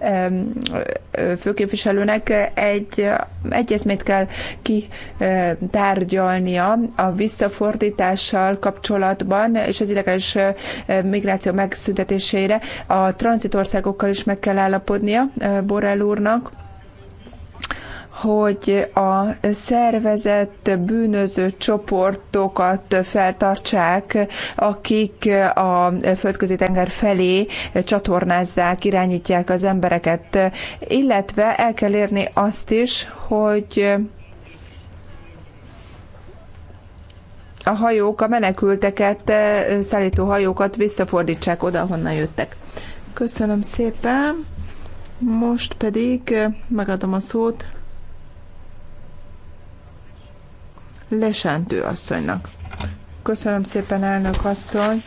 főképviselőnek egy egyezményt kell kitárgyalnia a visszafordítással kapcsolatban, és az illegális migráció megszüntetésére a tranzitországokkal is meg kell állapodnia Borrell úrnak hogy a szervezett bűnöző csoportokat feltartsák, akik a földközi tenger felé csatornázzák, irányítják az embereket, illetve el kell érni azt is, hogy a hajók, a menekülteket, eh, szállító hajókat visszafordítsák oda, honnan jöttek. Köszönöm szépen, most pedig eh, megadom a szót Lesántő asszonynak. Köszönöm szépen, elnök asszony.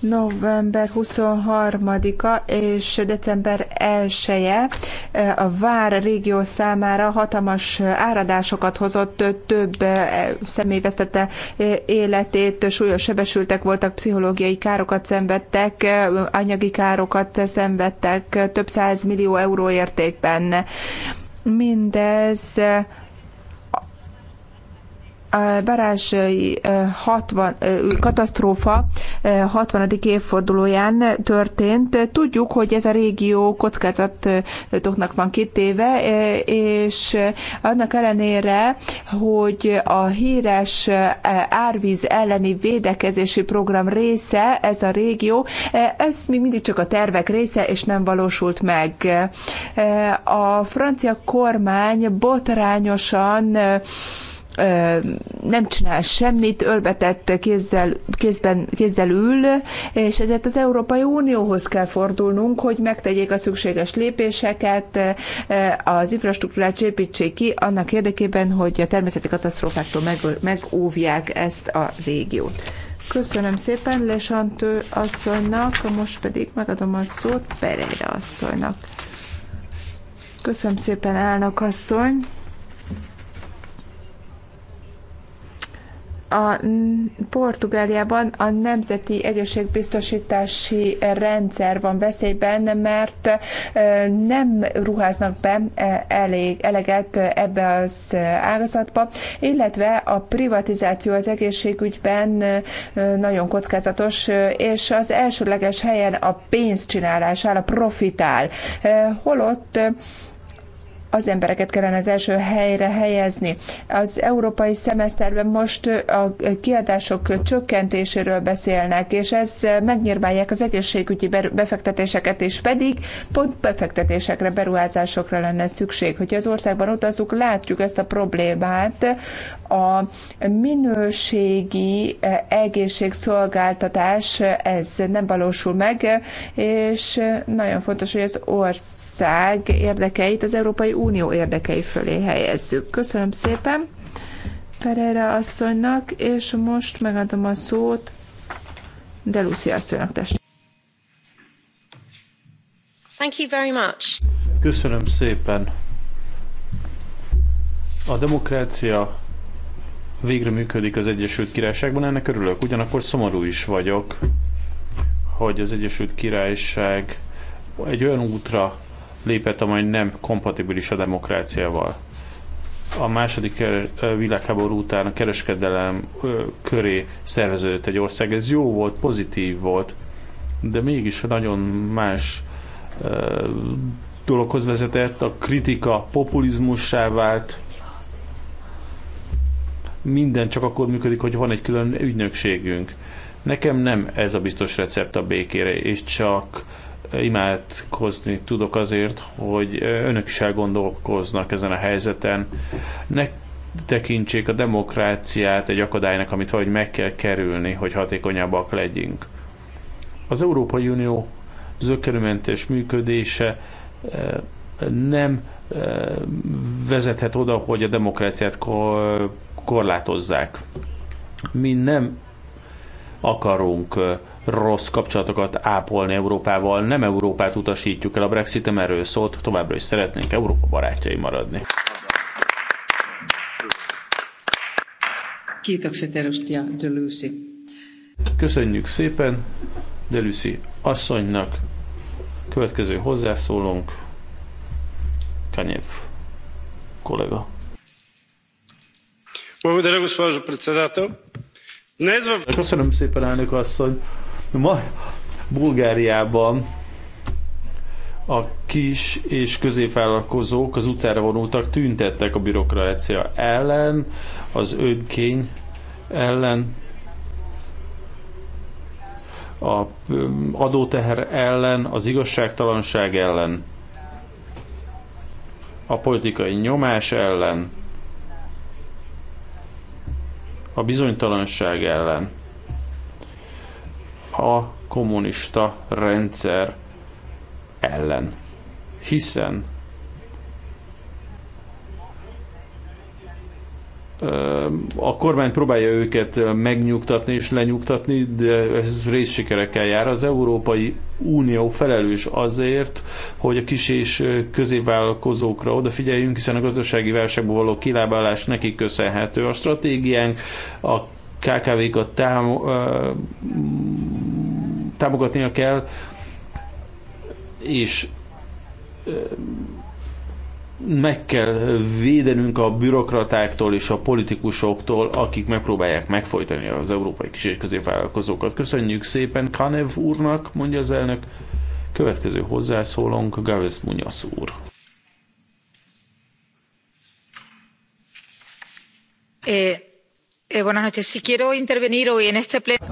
November 23-a és december 1-e e, a Vár régió számára hatalmas áradásokat hozott, több e, személy vesztette e, életét, súlyos sebesültek voltak, pszichológiai károkat szenvedtek, anyagi károkat szenvedtek, több száz millió euró értékben. Mindez Barázsai 60, katasztrófa 60. évfordulóján történt. Tudjuk, hogy ez a régió kockázatoknak van kitéve, és annak ellenére, hogy a híres árvíz elleni védekezési program része ez a régió, ez még mindig csak a tervek része, és nem valósult meg. A francia kormány botrányosan nem csinál semmit, ölbetett kézzel, kézben, kézzel ül, és ezért az Európai Unióhoz kell fordulnunk, hogy megtegyék a szükséges lépéseket, az infrastruktúrát építsék ki annak érdekében, hogy a természeti katasztrófáktól meg, megóvják ezt a régiót. Köszönöm szépen Lesantő asszonynak, most pedig megadom a szót Pereira asszonynak. Köszönöm szépen, elnök asszony! a Portugáliában a Nemzeti Egészségbiztosítási Rendszer van veszélyben, mert nem ruháznak be elég, eleget ebbe az ágazatba, illetve a privatizáció az egészségügyben nagyon kockázatos, és az elsőleges helyen a pénzcsinálás áll, a profitál. Holott az embereket kellene az első helyre helyezni. Az európai szemeszterben most a kiadások csökkentéséről beszélnek, és ez megnyírválják az egészségügyi befektetéseket, és pedig pont befektetésekre, beruházásokra lenne szükség. Hogyha az országban utazunk, látjuk ezt a problémát, a minőségi e, egészségszolgáltatás ez nem valósul meg, és nagyon fontos, hogy az ország érdekeit az Európai Unió érdekei fölé helyezzük. Köszönöm szépen Pereira asszonynak, és most megadom a szót Delúcia asszonynak test. Thank you very much. Köszönöm szépen. A demokrácia végre működik az Egyesült Királyságban, ennek örülök. Ugyanakkor szomorú is vagyok, hogy az Egyesült Királyság egy olyan útra lépett, amely nem kompatibilis a demokráciával. A második eh, világháború után a kereskedelem eh, köré szerveződött egy ország. Ez jó volt, pozitív volt, de mégis nagyon más eh, dologhoz vezetett, a kritika populizmussá vált, minden csak akkor működik, hogy van egy külön ügynökségünk. Nekem nem ez a biztos recept a békére, és csak imádkozni tudok azért, hogy önök is elgondolkoznak ezen a helyzeten. Ne tekintsék a demokráciát egy akadálynak, amit vagy meg kell kerülni, hogy hatékonyabbak legyünk. Az Európai Unió zökkenőmentes működése nem vezethet oda, hogy a demokráciát korlátozzák. Mi nem akarunk rossz kapcsolatokat ápolni Európával, nem Európát utasítjuk el, a Brexit nem erről szólt, továbbra is szeretnénk Európa barátjai maradni. Köszönjük szépen Delusi asszonynak. Következő hozzászólónk Kanyev kollega. Köszönöm szépen, elnök asszony. Ma Bulgáriában a kis és középvállalkozók az utcára vonultak, tüntettek a bürokrácia ellen, az önkény ellen, a adóteher ellen, az igazságtalanság ellen, a politikai nyomás ellen, a bizonytalanság ellen. A kommunista rendszer ellen. Hiszen a kormány próbálja őket megnyugtatni és lenyugtatni, de ez részsikerekkel jár. Az Európai Unió felelős azért, hogy a kis és középvállalkozókra odafigyeljünk, hiszen a gazdasági válságból való kilábalás nekik köszönhető. A stratégiánk a KKV-kat támogatnia kell, és meg kell védenünk a bürokratáktól és a politikusoktól, akik megpróbálják megfojtani az európai kis- és középvállalkozókat. Köszönjük szépen Kanev úrnak, mondja az elnök. Következő hozzászólónk Gávez Munyasz úr. É. Eh,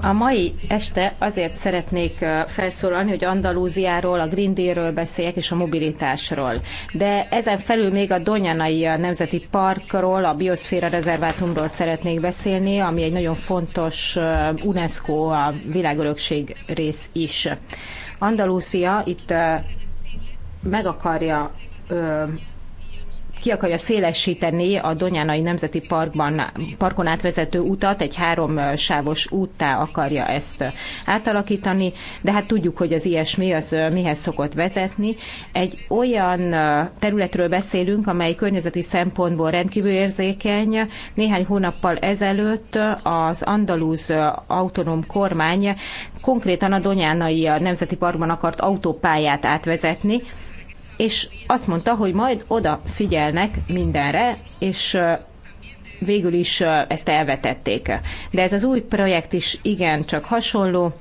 a mai este azért szeretnék eh, felszólalni, hogy Andalúziáról, a Green Deal-ről beszéljek és a mobilitásról. De ezen felül még a Donyanai eh, Nemzeti Parkról, a Bioszféra Rezervátumról szeretnék beszélni, ami egy nagyon fontos eh, UNESCO a világörökség rész is. Andalúzia itt meg akarja ki akarja szélesíteni a Donyánai Nemzeti Parkban, parkon átvezető utat, egy háromsávos úttá akarja ezt átalakítani, de hát tudjuk, hogy az ilyesmi az mihez szokott vezetni. Egy olyan területről beszélünk, amely környezeti szempontból rendkívül érzékeny. Néhány hónappal ezelőtt az andalúz autonóm kormány konkrétan a Donyánai Nemzeti Parkban akart autópályát átvezetni, és azt mondta, hogy majd oda figyelnek mindenre, és végül is ezt elvetették. De ez az új projekt is igen csak hasonló,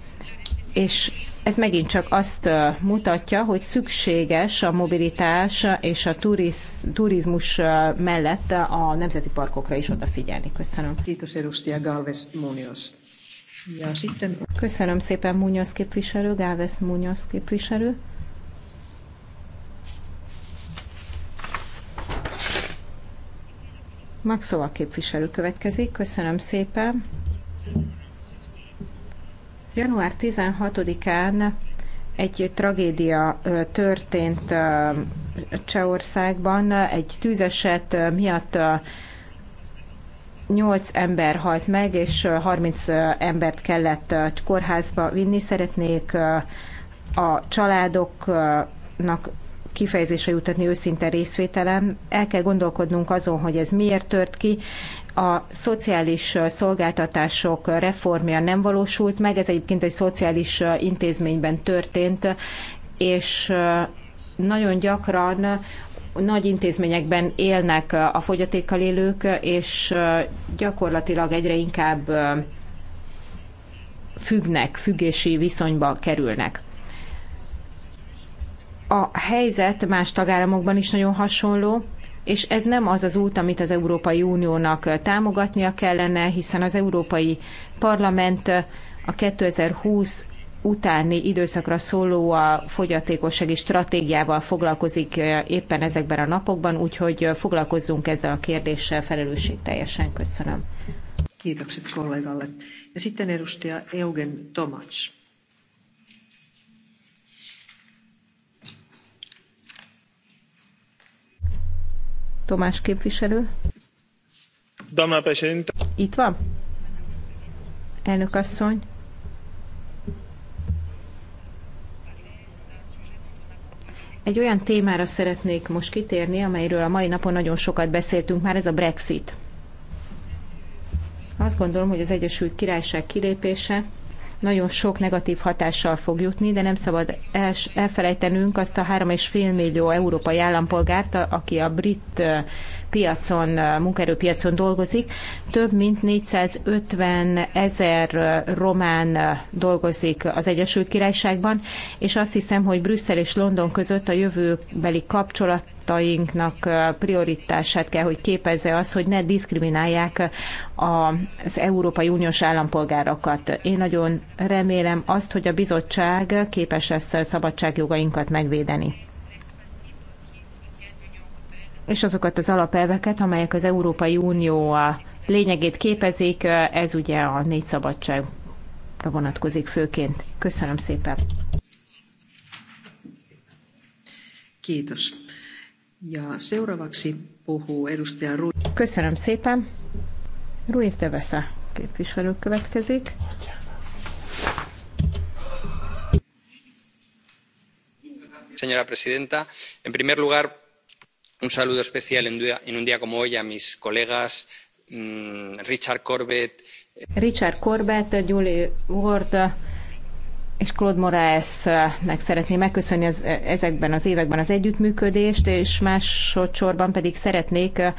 és ez megint csak azt mutatja, hogy szükséges a mobilitás és a turiz, turizmus mellett a nemzeti parkokra is odafigyelni. Köszönöm. Köszönöm szépen Munoz képviselő, Gálvesz Munoz képviselő. Maxova képviselő következik. Köszönöm szépen. Január 16-án egy tragédia történt Csehországban. Egy tűzeset miatt 8 ember halt meg, és 30 embert kellett kórházba vinni. Szeretnék a családoknak kifejezésre jutatni őszinte részvételem. El kell gondolkodnunk azon, hogy ez miért tört ki. A szociális szolgáltatások reformja nem valósult meg, ez egyébként egy szociális intézményben történt, és nagyon gyakran nagy intézményekben élnek a fogyatékkal élők, és gyakorlatilag egyre inkább függnek, függési viszonyba kerülnek a helyzet más tagállamokban is nagyon hasonló, és ez nem az az út, amit az Európai Uniónak támogatnia kellene, hiszen az Európai Parlament a 2020 utáni időszakra szóló a fogyatékossági stratégiával foglalkozik éppen ezekben a napokban, úgyhogy foglalkozzunk ezzel a kérdéssel felelősségteljesen. Köszönöm. Kiitokset kollégalle. Ja sitten edustaja Eugen Tomacs. Tomás képviselő. Doamna președinte. Itt van? Elnök asszony. Egy olyan témára szeretnék most kitérni, amelyről a mai napon nagyon sokat beszéltünk már, ez a Brexit. Azt gondolom, hogy az Egyesült Királyság kilépése nagyon sok negatív hatással fog jutni, de nem szabad elfelejtenünk azt a 3,5 millió európai állampolgárt, aki a brit piacon, munkaerőpiacon dolgozik. Több mint 450 ezer román dolgozik az Egyesült Királyságban, és azt hiszem, hogy Brüsszel és London között a jövőbeli kapcsolat prioritását kell, hogy képezze az, hogy ne diszkriminálják az Európai Uniós állampolgárokat. Én nagyon remélem azt, hogy a bizottság képes lesz szabadságjogainkat megvédeni és azokat az alapelveket, amelyek az Európai Unió a lényegét képezik, ez ugye a négy szabadságra vonatkozik főként. Köszönöm szépen! Kiitos. Ja seuraavaksi puhuu edustaja Köszönöm szépen. Ruiz de Vesa képviselő következik. Señora presidenta, en primer lugar un saludo especial en un día como hoy a mis colegas mm, Richard Corbett. Eh, Richard Corbett, Julie Ward és Claude Moraesnek szeretném megköszönni az, eh, ezekben az években az együttműködést, és másodszorban pedig szeretnék eh,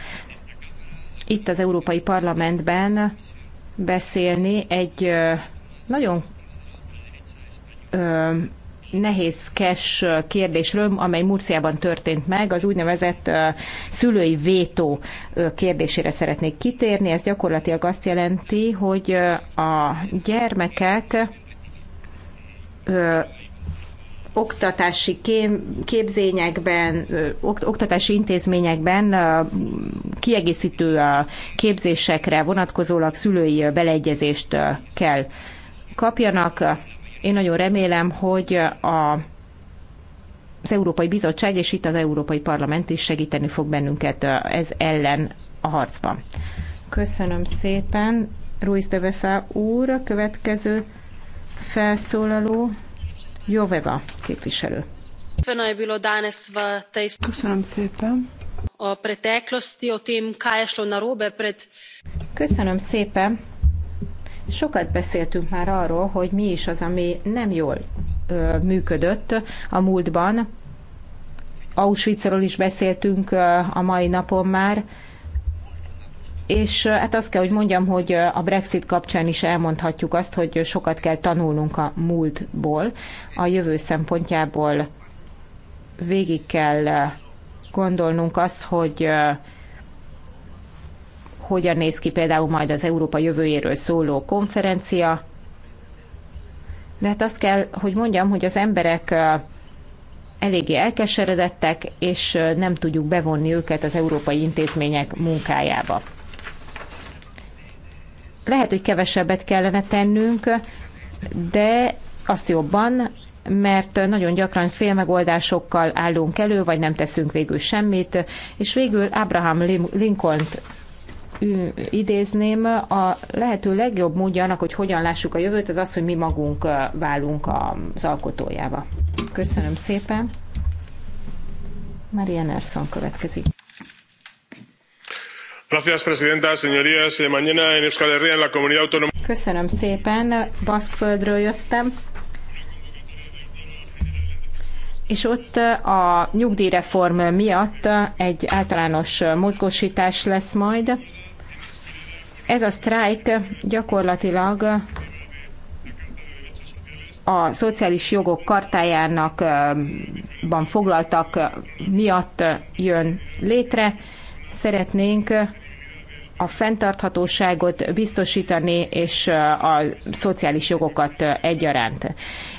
itt az Európai Parlamentben beszélni egy nagyon nehézkes kérdésről, amely Murciában történt meg, az úgynevezett szülői vétó kérdésére szeretnék kitérni. Ez gyakorlatilag azt jelenti, hogy a gyermekek oktatási képzényekben, oktatási intézményekben kiegészítő képzésekre vonatkozólag szülői beleegyezést kell kapjanak én nagyon remélem, hogy a az Európai Bizottság és itt az Európai Parlament is segíteni fog bennünket ez ellen a harcban. Köszönöm szépen. Ruiz de Vesa úr, következő felszólaló, Joveva képviselő. Köszönöm szépen. A preteklosti o tem, narobe pred... Köszönöm szépen. Sokat beszéltünk már arról, hogy mi is az, ami nem jól ö, működött a múltban. Auschwitzról is beszéltünk ö, a mai napon már, és hát azt kell, hogy mondjam, hogy a Brexit kapcsán is elmondhatjuk azt, hogy sokat kell tanulnunk a múltból, a jövő szempontjából végig kell gondolnunk azt, hogy hogyan néz ki például majd az Európa jövőjéről szóló konferencia. De hát azt kell, hogy mondjam, hogy az emberek eléggé elkeseredettek, és nem tudjuk bevonni őket az európai intézmények munkájába. Lehet, hogy kevesebbet kellene tennünk, de azt jobban, mert nagyon gyakran félmegoldásokkal állunk elő, vagy nem teszünk végül semmit, és végül Abraham lincoln idézném, a lehető legjobb módja annak, hogy hogyan lássuk a jövőt, az az, hogy mi magunk válunk az alkotójába. Köszönöm szépen. Maria Nerson következik. Gracias, presidenta, señorías. Eh, mañana en Euskal Herria, en la comunidad autónoma. Köszönöm szépen, Baszkföldről jöttem. És ott a nyugdíjreform miatt egy általános mozgósítás lesz majd ez a sztrájk gyakorlatilag a szociális jogok kartájának van foglaltak miatt jön létre. Szeretnénk a fenntarthatóságot biztosítani és a szociális jogokat egyaránt.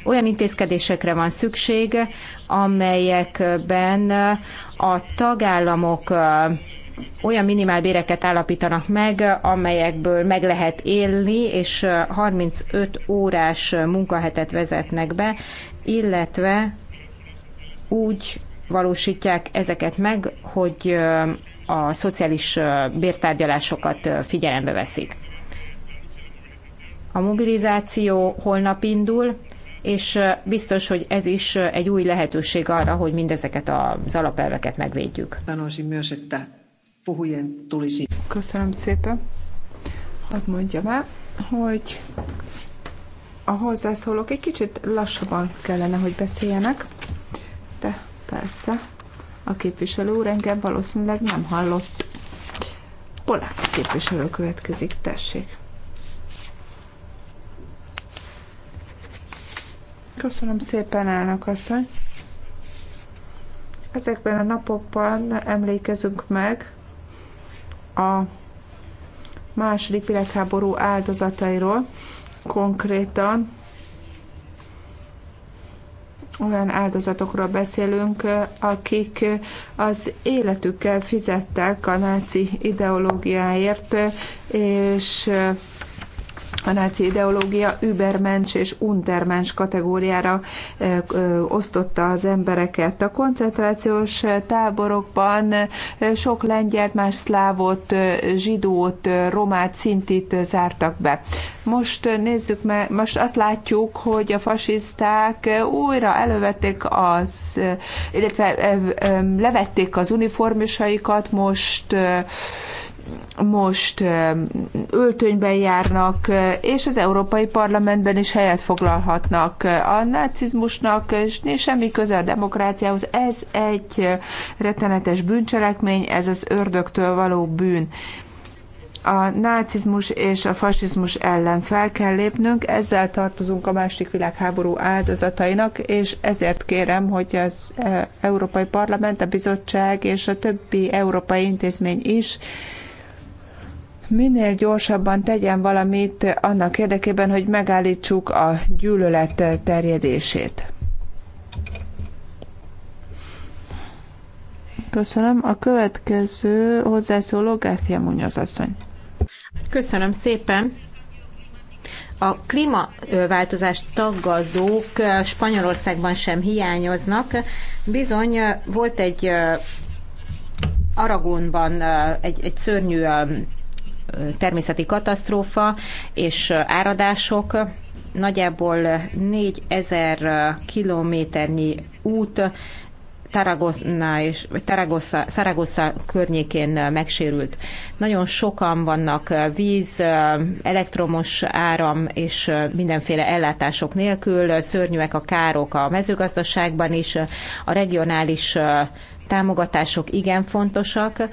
Olyan intézkedésekre van szükség, amelyekben a tagállamok olyan minimálbéreket állapítanak meg, amelyekből meg lehet élni, és 35 órás munkahetet vezetnek be, illetve úgy valósítják ezeket meg, hogy a szociális bértárgyalásokat figyelembe veszik. A mobilizáció holnap indul, és biztos, hogy ez is egy új lehetőség arra, hogy mindezeket az alapelveket megvédjük. Tanulsi, tulisi... Köszönöm szépen. Hadd mondjam el, hogy a hozzászólók egy kicsit lassabban kellene, hogy beszéljenek, de persze a képviselő úr engem valószínűleg nem hallott. Polák képviselő következik, tessék. Köszönöm szépen, elnök asszony. Ezekben a napokban emlékezünk meg a második világháború áldozatairól, konkrétan olyan áldozatokról beszélünk, akik az életükkel fizettek a náci ideológiáért, és a náci ideológia übermens és untermens kategóriára osztotta az embereket. A koncentrációs táborokban sok lengyelt, más szlávot, zsidót, romát, szintit zártak be. Most nézzük meg, most azt látjuk, hogy a fasizták újra elővették az, illetve levették az uniformisaikat, most most öltönyben járnak, és az Európai Parlamentben is helyet foglalhatnak a nácizmusnak, és nincs semmi köze a demokráciához. Ez egy rettenetes bűncselekmény, ez az ördögtől való bűn a nácizmus és a fasizmus ellen fel kell lépnünk, ezzel tartozunk a második világháború áldozatainak, és ezért kérem, hogy az Európai Parlament, a Bizottság és a többi európai intézmény is minél gyorsabban tegyen valamit annak érdekében, hogy megállítsuk a gyűlölet terjedését. Köszönöm. A következő hozzászóló Gáfia Munoz asszony. Köszönöm szépen. A klímaváltozást taggazdók Spanyolországban sem hiányoznak. Bizony volt egy Aragonban egy, egy szörnyű természeti katasztrófa és áradások. Nagyjából 4000 kilométernyi út Taragosna és vagy környékén megsérült. Nagyon sokan vannak víz, elektromos áram és mindenféle ellátások nélkül, szörnyűek a károk a mezőgazdaságban is, a regionális támogatások igen fontosak,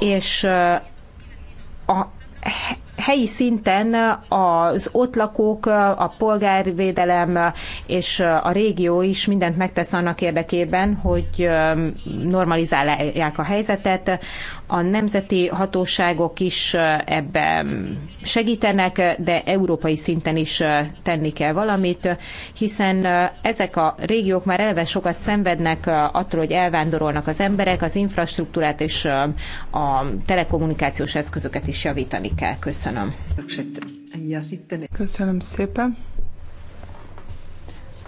és a helyi szinten az ott lakók, a polgárvédelem és a régió is mindent megtesz annak érdekében, hogy normalizálják a helyzetet a nemzeti hatóságok is ebben segítenek, de európai szinten is tenni kell valamit, hiszen ezek a régiók már eleve sokat szenvednek attól, hogy elvándorolnak az emberek, az infrastruktúrát és a telekommunikációs eszközöket is javítani kell. Köszönöm. Köszönöm szépen.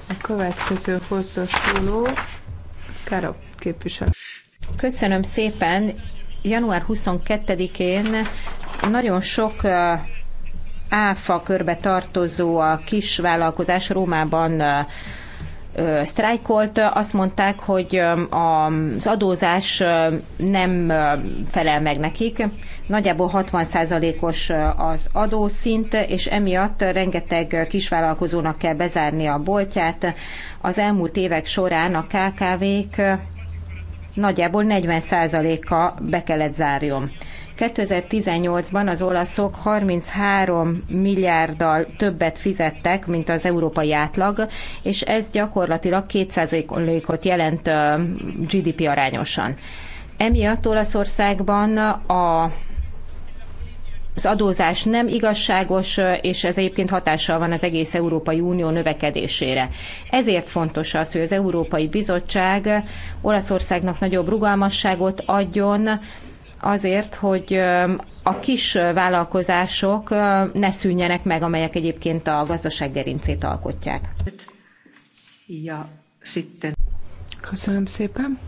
A következő hozzászóló Károk képviselő. Köszönöm szépen január 22-én nagyon sok áfa körbe tartozó a vállalkozás Rómában sztrájkolt, azt mondták, hogy az adózás nem felel meg nekik. Nagyjából 60%-os az adószint, és emiatt rengeteg kisvállalkozónak kell bezárni a boltját. Az elmúlt évek során a KKV-k nagyjából 40%-a be kellett zárjon. 2018-ban az olaszok 33 milliárddal többet fizettek, mint az európai átlag, és ez gyakorlatilag 2%-ot jelent GDP arányosan. Emiatt Olaszországban a az adózás nem igazságos, és ez egyébként hatással van az egész Európai Unió növekedésére. Ezért fontos az, hogy az Európai Bizottság Olaszországnak nagyobb rugalmasságot adjon, azért, hogy a kis vállalkozások ne szűnjenek meg, amelyek egyébként a gazdaság gerincét alkotják. Ja, sitten. Köszönöm szépen.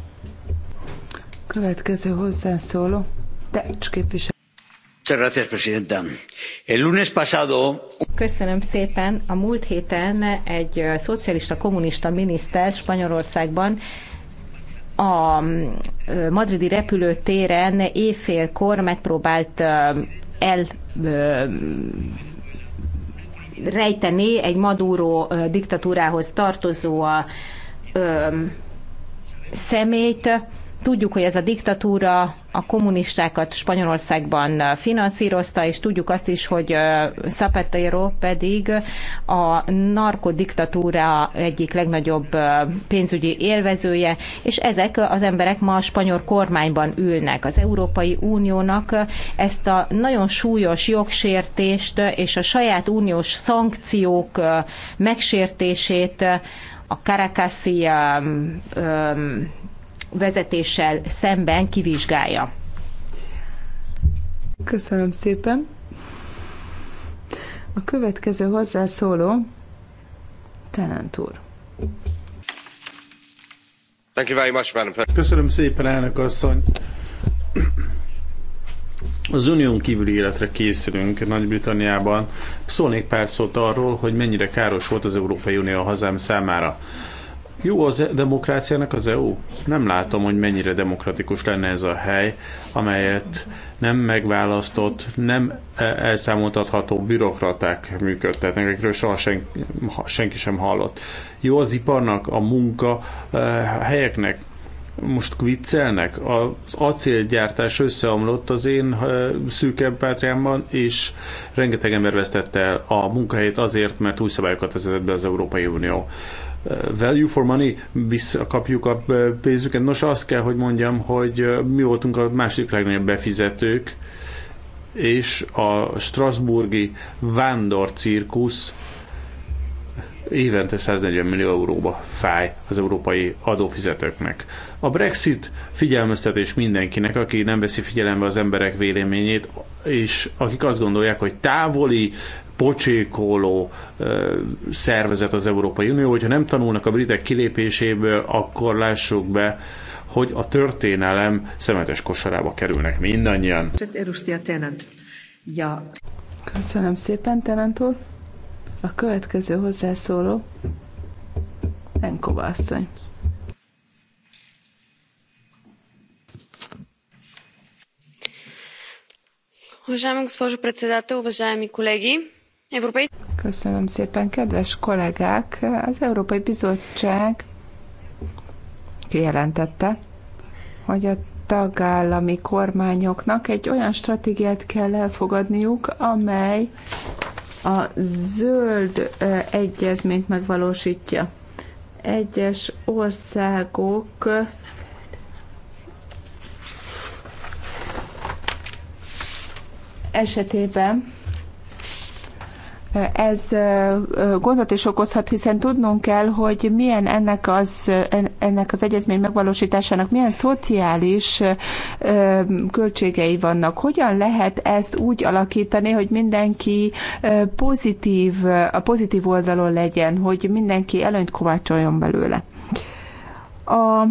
Következő hozzászóló, Köszönöm szépen. A múlt héten egy szocialista-kommunista miniszter Spanyolországban a madridi repülőtéren éjfélkor megpróbált el rejteni egy Maduro diktatúrához tartozó a, ö, személyt, Tudjuk, hogy ez a diktatúra a kommunistákat Spanyolországban finanszírozta, és tudjuk azt is, hogy Zapatero pedig a narkodiktatúra egyik legnagyobb pénzügyi élvezője, és ezek az emberek ma a spanyol kormányban ülnek. Az Európai Uniónak ezt a nagyon súlyos jogsértést és a saját uniós szankciók megsértését a Caracaszi vezetéssel szemben kivizsgálja. Köszönöm szépen. A következő hozzászóló Tenant úr. Köszönöm szépen, elnök asszony. Az unión kívüli életre készülünk Nagy-Britanniában. Szólnék pár szót arról, hogy mennyire káros volt az Európai Unió a hazám számára. Jó az e- demokráciának az EU? Nem látom, hogy mennyire demokratikus lenne ez a hely, amelyet nem megválasztott, nem e- elszámoltatható bürokraták működtetnek, akikről soha sen, senki sem hallott. Jó az iparnak, a munka, a e, helyeknek, most viccelnek? Az acélgyártás összeomlott az én szűkebb pátriámban, és rengeteg ember vesztette el a munkahelyét azért, mert új szabályokat vezetett be az Európai Unió value for money, visszakapjuk a pénzüket. Nos, azt kell, hogy mondjam, hogy mi voltunk a második legnagyobb befizetők, és a Strasburgi cirkusz évente 140 millió euróba fáj az európai adófizetőknek. A Brexit figyelmeztetés mindenkinek, aki nem veszi figyelembe az emberek véleményét, és akik azt gondolják, hogy távoli pocsékoló szervezet az Európai Unió. Hogyha nem tanulnak a britek kilépéséből, akkor lássuk be, hogy a történelem szemetes kosarába kerülnek mindannyian. Köszönöm szépen, Tenant úr. A következő hozzászóló Enkova asszony. Уважаема госпожо председател, уважаеми колеги! Európai... Köszönöm szépen, kedves kollégák! Az Európai Bizottság kijelentette, hogy a tagállami kormányoknak egy olyan stratégiát kell elfogadniuk, amely a zöld egyezményt megvalósítja. Egyes országok esetében ez gondot is okozhat, hiszen tudnunk kell, hogy milyen ennek az, ennek az egyezmény megvalósításának milyen szociális költségei vannak. Hogyan lehet ezt úgy alakítani, hogy mindenki pozitív, a pozitív oldalon legyen, hogy mindenki előnyt kovácsoljon belőle. A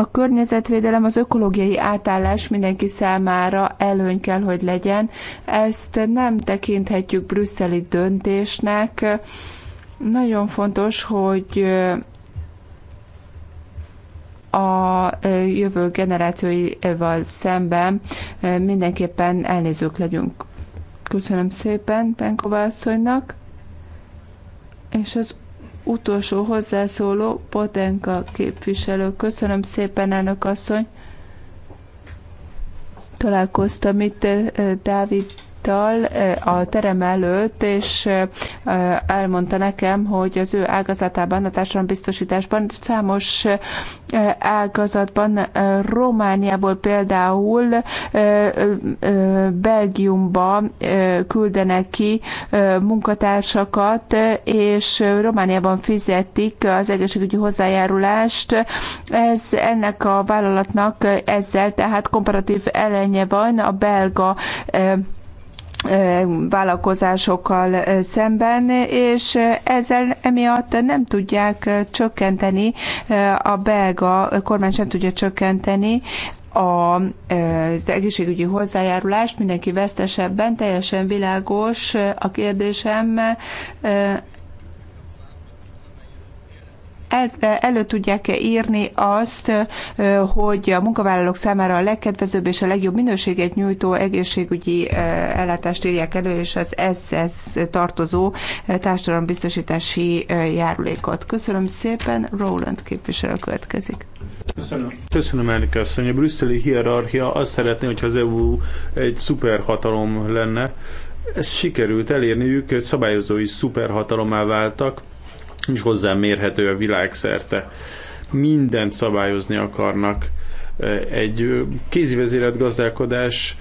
a környezetvédelem, az ökológiai átállás mindenki számára előny kell, hogy legyen. Ezt nem tekinthetjük brüsszeli döntésnek. Nagyon fontos, hogy a jövő generációival szemben mindenképpen elnézők legyünk. Köszönöm szépen Penkova asszonynak, és az utolsó hozzászóló Potenka képviselő. Köszönöm szépen, elnök asszony. Találkoztam itt eh, Dávid Tal a terem előtt, és elmondta nekem, hogy az ő ágazatában, a társadalombiztosításban számos ágazatban, Romániából például Belgiumba küldenek ki munkatársakat, és Romániában fizetik az egészségügyi hozzájárulást. Ez ennek a vállalatnak ezzel tehát komparatív elenye van a belga vállalkozásokkal szemben, és ezzel emiatt nem tudják csökkenteni, a belga kormány sem tudja csökkenteni az egészségügyi hozzájárulást, mindenki vesztesebben, teljesen világos a kérdésem, el, elő tudják -e írni azt, hogy a munkavállalók számára a legkedvezőbb és a legjobb minőséget nyújtó egészségügyi ellátást írják elő, és az ezhez tartozó társadalombiztosítási járulékot. Köszönöm szépen, Roland képviselő következik. Köszönöm. Köszönöm, Erika asszony. A brüsszeli hierarchia azt szeretné, hogyha az EU egy szuperhatalom lenne, ezt sikerült elérniük, szabályozói szuperhatalomá váltak, nincs hozzá mérhető a világszerte. Mindent szabályozni akarnak. Egy kézivezérelt gazdálkodás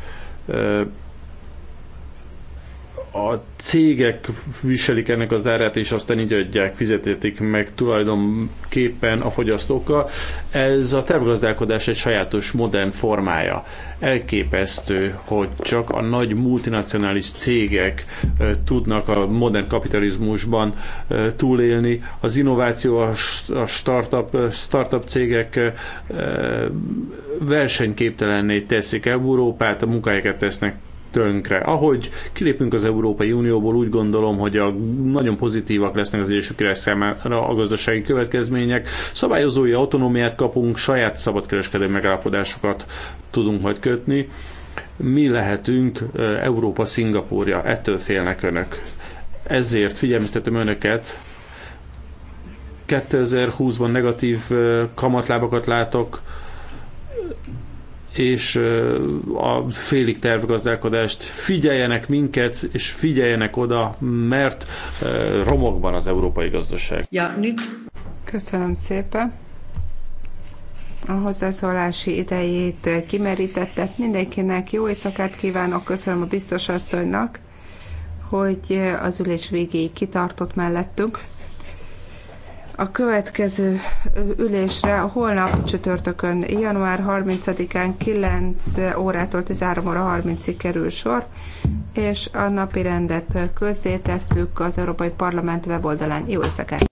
a cégek viselik ennek az árát, és aztán így adják, fizetetik meg tulajdonképpen a fogyasztókkal. Ez a tervgazdálkodás egy sajátos modern formája. Elképesztő, hogy csak a nagy multinacionális cégek tudnak a modern kapitalizmusban túlélni. Az innováció, a startup, startup cégek versenyképtelenné teszik Európát, a munkahelyeket tesznek tönkre. Ahogy kilépünk az Európai Unióból, úgy gondolom, hogy a, nagyon pozitívak lesznek az Egyesült Királyság számára a gazdasági következmények. Szabályozói autonómiát kapunk, saját szabadkereskedelmi megállapodásokat tudunk majd kötni. Mi lehetünk Európa Szingapúrja, ettől félnek önök. Ezért figyelmeztetem önöket, 2020-ban negatív kamatlábakat látok, és a félig tervgazdálkodást figyeljenek minket, és figyeljenek oda, mert romokban az európai gazdaság. Ja, nüt. Köszönöm szépen. A hozzászólási idejét kimerítette. Mindenkinek jó éjszakát kívánok, köszönöm a biztos asszonynak, hogy az ülés végéig kitartott mellettünk a következő ülésre holnap csütörtökön, január 30-án 9 órától 13 óra 30-ig kerül sor, és a napi rendet közzétettük az Európai Parlament weboldalán. Jó éjszakát!